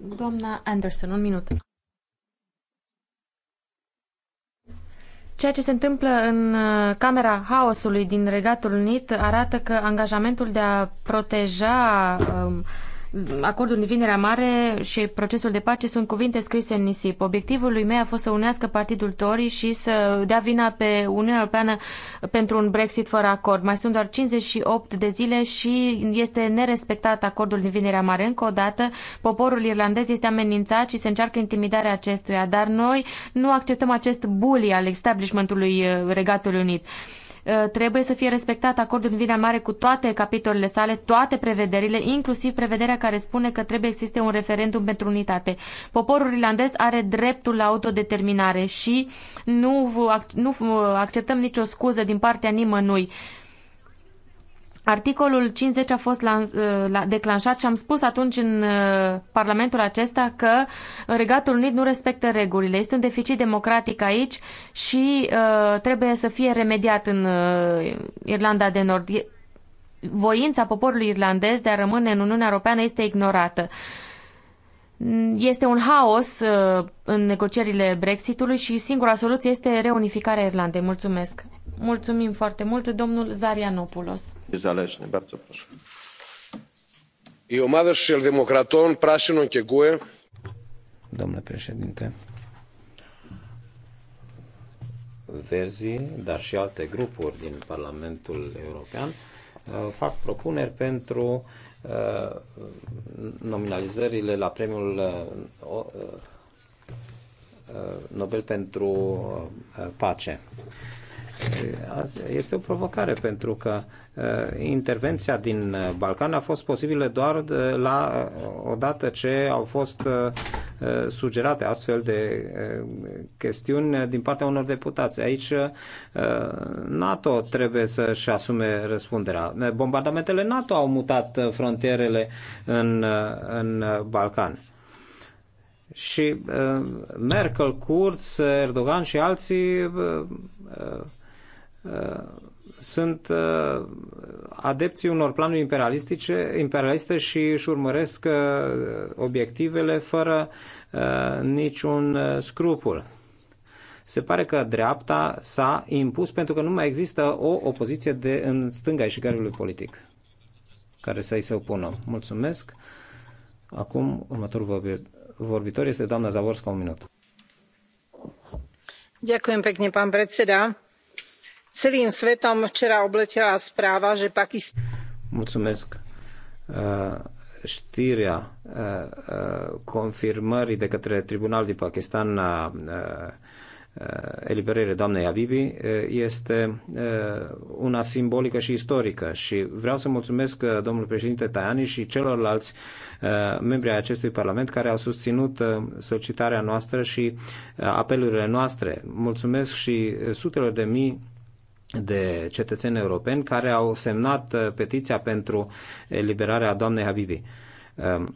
Doamna Anderson, un minut. Ceea ce se întâmplă în uh, Camera Haosului din Regatul Unit arată că angajamentul de a proteja um, acordul din Vinerea Mare și procesul de pace sunt cuvinte scrise în nisip. Obiectivul lui mei a fost să unească partidul Tory și să dea vina pe Uniunea Europeană pentru un Brexit fără acord. Mai sunt doar 58 de zile și este nerespectat acordul din Vinerea Mare. Încă o dată, poporul irlandez este amenințat și se încearcă intimidarea acestuia, dar noi nu acceptăm acest bully al establishmentului uh, Regatului Unit. Uh, trebuie să fie respectat acordul în Vina Mare cu toate capitolele sale, toate prevederile, inclusiv prevederea care spune că trebuie să existe un referendum pentru unitate. Poporul irlandez are dreptul la autodeterminare și nu, nu acceptăm nicio scuză din partea nimănui. Articolul 50 a fost ă, declanșat și am spus atunci în ă, Parlamentul acesta că Regatul Unit nu respectă regulile. Este un deficit democratic aici și ă, trebuie să fie remediat în Irlanda de Nord. Voința poporului irlandez de a rămâne în Uniunea Europeană este ignorată. Este un haos în negocierile Brexitului și singura soluție este reunificarea Irlandei. Mulțumesc! Mulțumim foarte mult, domnul Zarianopoulos niezależny. Bardzo proszę. I ομάδα Σοσιαλδημοκρατών, Πράσινων και Domnule președinte, Verzii, dar și alte grupuri din Parlamentul European uh, fac propuneri pentru uh, nominalizările la premiul uh, Nobel pentru pace. Este o provocare pentru că uh, intervenția din Balcan a fost posibilă doar la uh, odată ce au fost uh, sugerate astfel de chestiuni din partea unor deputați. Aici NATO trebuie să-și asume răspunderea. Bombardamentele NATO au mutat frontierele în, în Balcan. Și uh, Merkel, Kurz, Erdogan și alții uh, uh, Uh, sunt uh, adepții unor planuri imperialistice, imperialiste și își urmăresc uh, obiectivele fără niciun scrupul. Se pare că dreapta s-a impus pentru că nu mai există o opoziție de, în stânga ieșigarului politic care să-i se opună. Mulțumesc. Acum, următorul vorbitor este doamna Zavorska, un minut. Ďakujem pekne, pan predseda celým svetom včera obletela správa, že Pakistan... Mulțumesc. Eh, știrea eh, eh, confirmării de către Tribunal din Pakistan a eliberării doamnei Abibi este una simbolică și istorică și vreau să mulțumesc domnului președinte Tajani și celorlalți membri ai acestui parlament care au susținut solicitarea noastră și apelurile noastre. Mulțumesc și sutelor de mii de cetățeni europeni care au semnat uh, petiția pentru eliberarea doamnei Habibi. Um,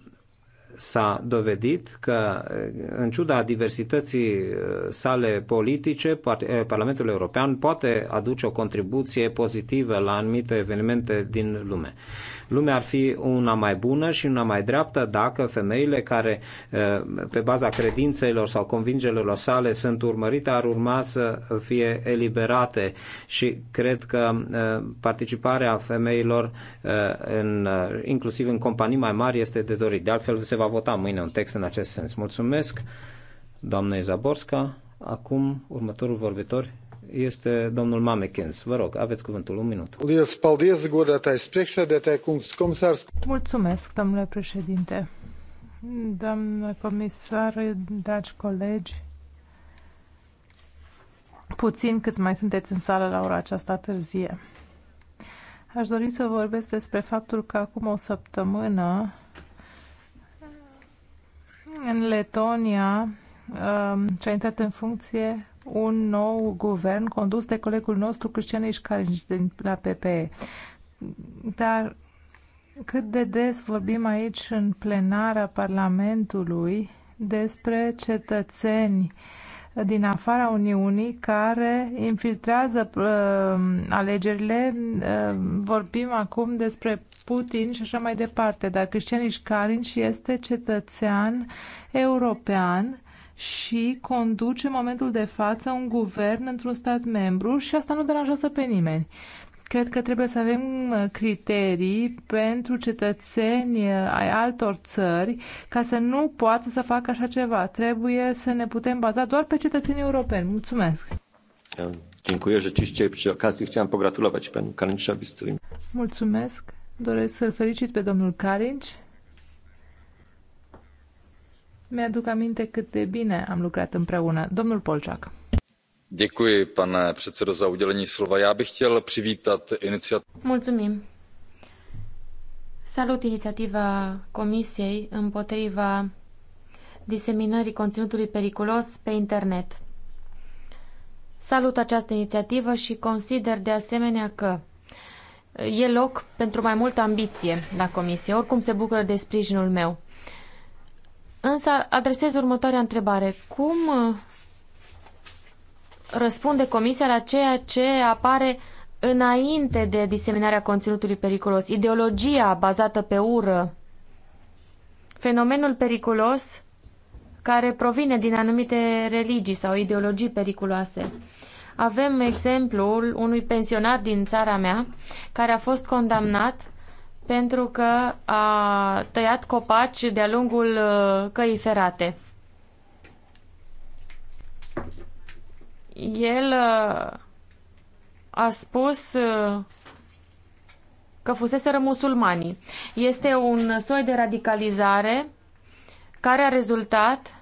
s-a dovedit că, uh, în ciuda diversității uh, sale politice, Parlamentul European poate aduce o contribuție pozitivă la anumite evenimente din lume. Lumea ar fi una mai bună și una mai dreaptă dacă femeile care, eh, pe baza credințelor sau convingerilor sale, sunt urmărite, ar urma să fie eliberate. Și cred că eh, participarea femeilor, eh, în, inclusiv în companii mai mari, este de dorit. De altfel, se va vota mâine un text în acest sens. Mulțumesc, doamnei Zaborska. Acum, următorul vorbitor este domnul Mamekins. Vă rog, aveți cuvântul, un minut. Mulțumesc, domnule președinte. Doamnă comisar, dragi colegi, puțin câți mai sunteți în sală la ora aceasta târzie. Aș dori să vorbesc despre faptul că acum o săptămână în Letonia ce a intrat în funcție un nou guvern condus de colegul nostru Cristian Ișcarici din la PPE. Dar cât de des vorbim aici în plenara Parlamentului despre cetățeni din afara Uniunii care infiltrează uh, alegerile. Uh, vorbim acum despre Putin și așa mai departe, dar Cristian Ișcarin și este cetățean european și conduce în momentul de față un guvern într-un stat membru și asta nu deranjează pe nimeni. Cred că trebuie să avem uh, criterii pentru cetățeni uh, ai altor țări ca să nu poată să facă așa ceva. Trebuie să ne putem baza doar pe cetățenii europeni. Mulțumesc! Dziękuję. okazji chciałem pogratulować panu Mulțumesc. Doresc să-l felicit pe domnul Carinci mi-aduc aminte cât de bine am lucrat împreună. Domnul Polciac. Děkuji, pane předsedo, za udělení slova. Já bych chtěl přivítat iniciativu. Mulțumim. Salut inițiativa Comisiei împotriva diseminării conținutului periculos pe internet. Salut această inițiativă și consider de asemenea că e loc pentru mai multă ambiție la Comisie. Oricum se bucură de sprijinul meu. Însă adresez următoarea întrebare. Cum uh, răspunde Comisia la ceea ce apare înainte de diseminarea conținutului periculos? Ideologia bazată pe ură, fenomenul periculos care provine din anumite religii sau ideologii periculoase. Avem exemplul unui pensionar din țara mea care a fost condamnat pentru că a tăiat copaci de-a lungul uh, căii ferate. El uh, a spus uh, că fusese musulmanii. Este un soi de radicalizare care a rezultat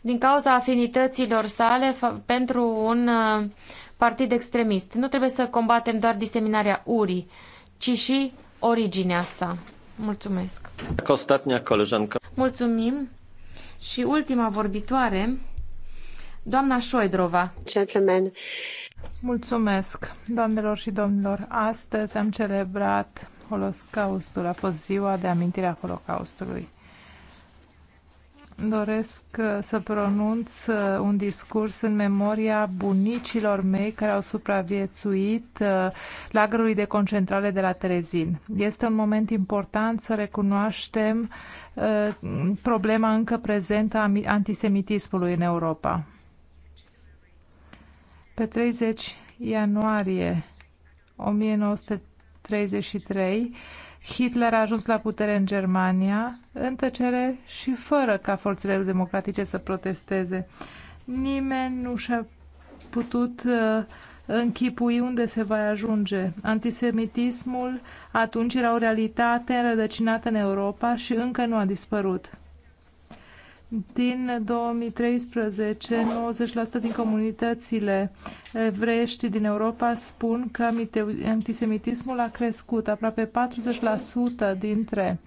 din cauza afinităților sale pentru un partid extremist. Nu trebuie să combatem doar diseminarea urii, ci și originea sa. Mulțumesc! Costatnia, coleżanka. Mulțumim! Și ultima vorbitoare, doamna Șoidrova. Gentlemen. Mulțumesc, doamnelor și domnilor! Astăzi am celebrat Holocaustul. A fost ziua de amintire a Holocaustului doresc uh, să pronunț uh, un discurs în memoria bunicilor mei care au supraviețuit uh, lagărului de concentrare de la Terezin. Este un moment important să recunoaștem problema încă prezentă a antisemitismului în Europa. Pe 30 ianuarie 1933, Hitler a ajuns la putere în Germania în tăcere și fără ca forțele democratice să protesteze. Nimeni nu și-a putut uh, închipui unde se va ajunge. Antisemitismul atunci era o realitate înrădăcinată în Europa și încă nu a dispărut. Din 2013, 90% din comunitățile evreiești din Europa spun că antisemitismul a crescut. Aproape 40% dintre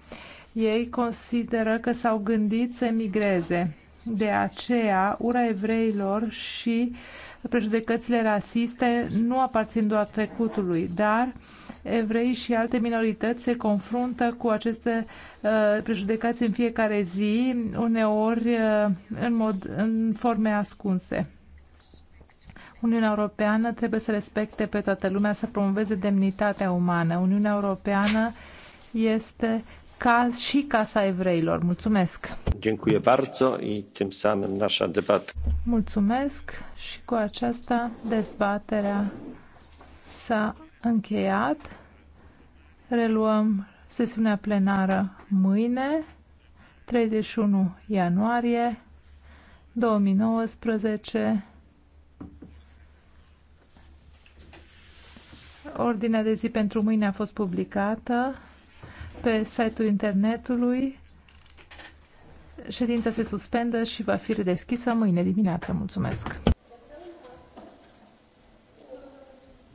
ei consideră că s-au gândit să emigreze. De aceea, ura evreilor și prejudecățile rasiste nu aparțin doar trecutului, dar uh, evrei și alte minorități se confruntă cu aceste uh, în fiecare zi, uneori uh, în, mod, în forme ascunse. Uniunea Europeană trebuie să respecte pe toată lumea, să promoveze demnitatea umană. Uniunea Europeană este ca și Casa Evreilor. Mulțumesc! Dziękuję bardzo i tym samym nasza debata. Mulțumesc și cu aceasta dezbaterea s-a încheiat. Reluăm sesiunea plenară mâine, 31 ianuarie 2019. Ordinea de zi pentru mâine a fost publicată pe site-ul internetului. Ședința se suspendă și va fi redeschisă mâine dimineață. Mulțumesc!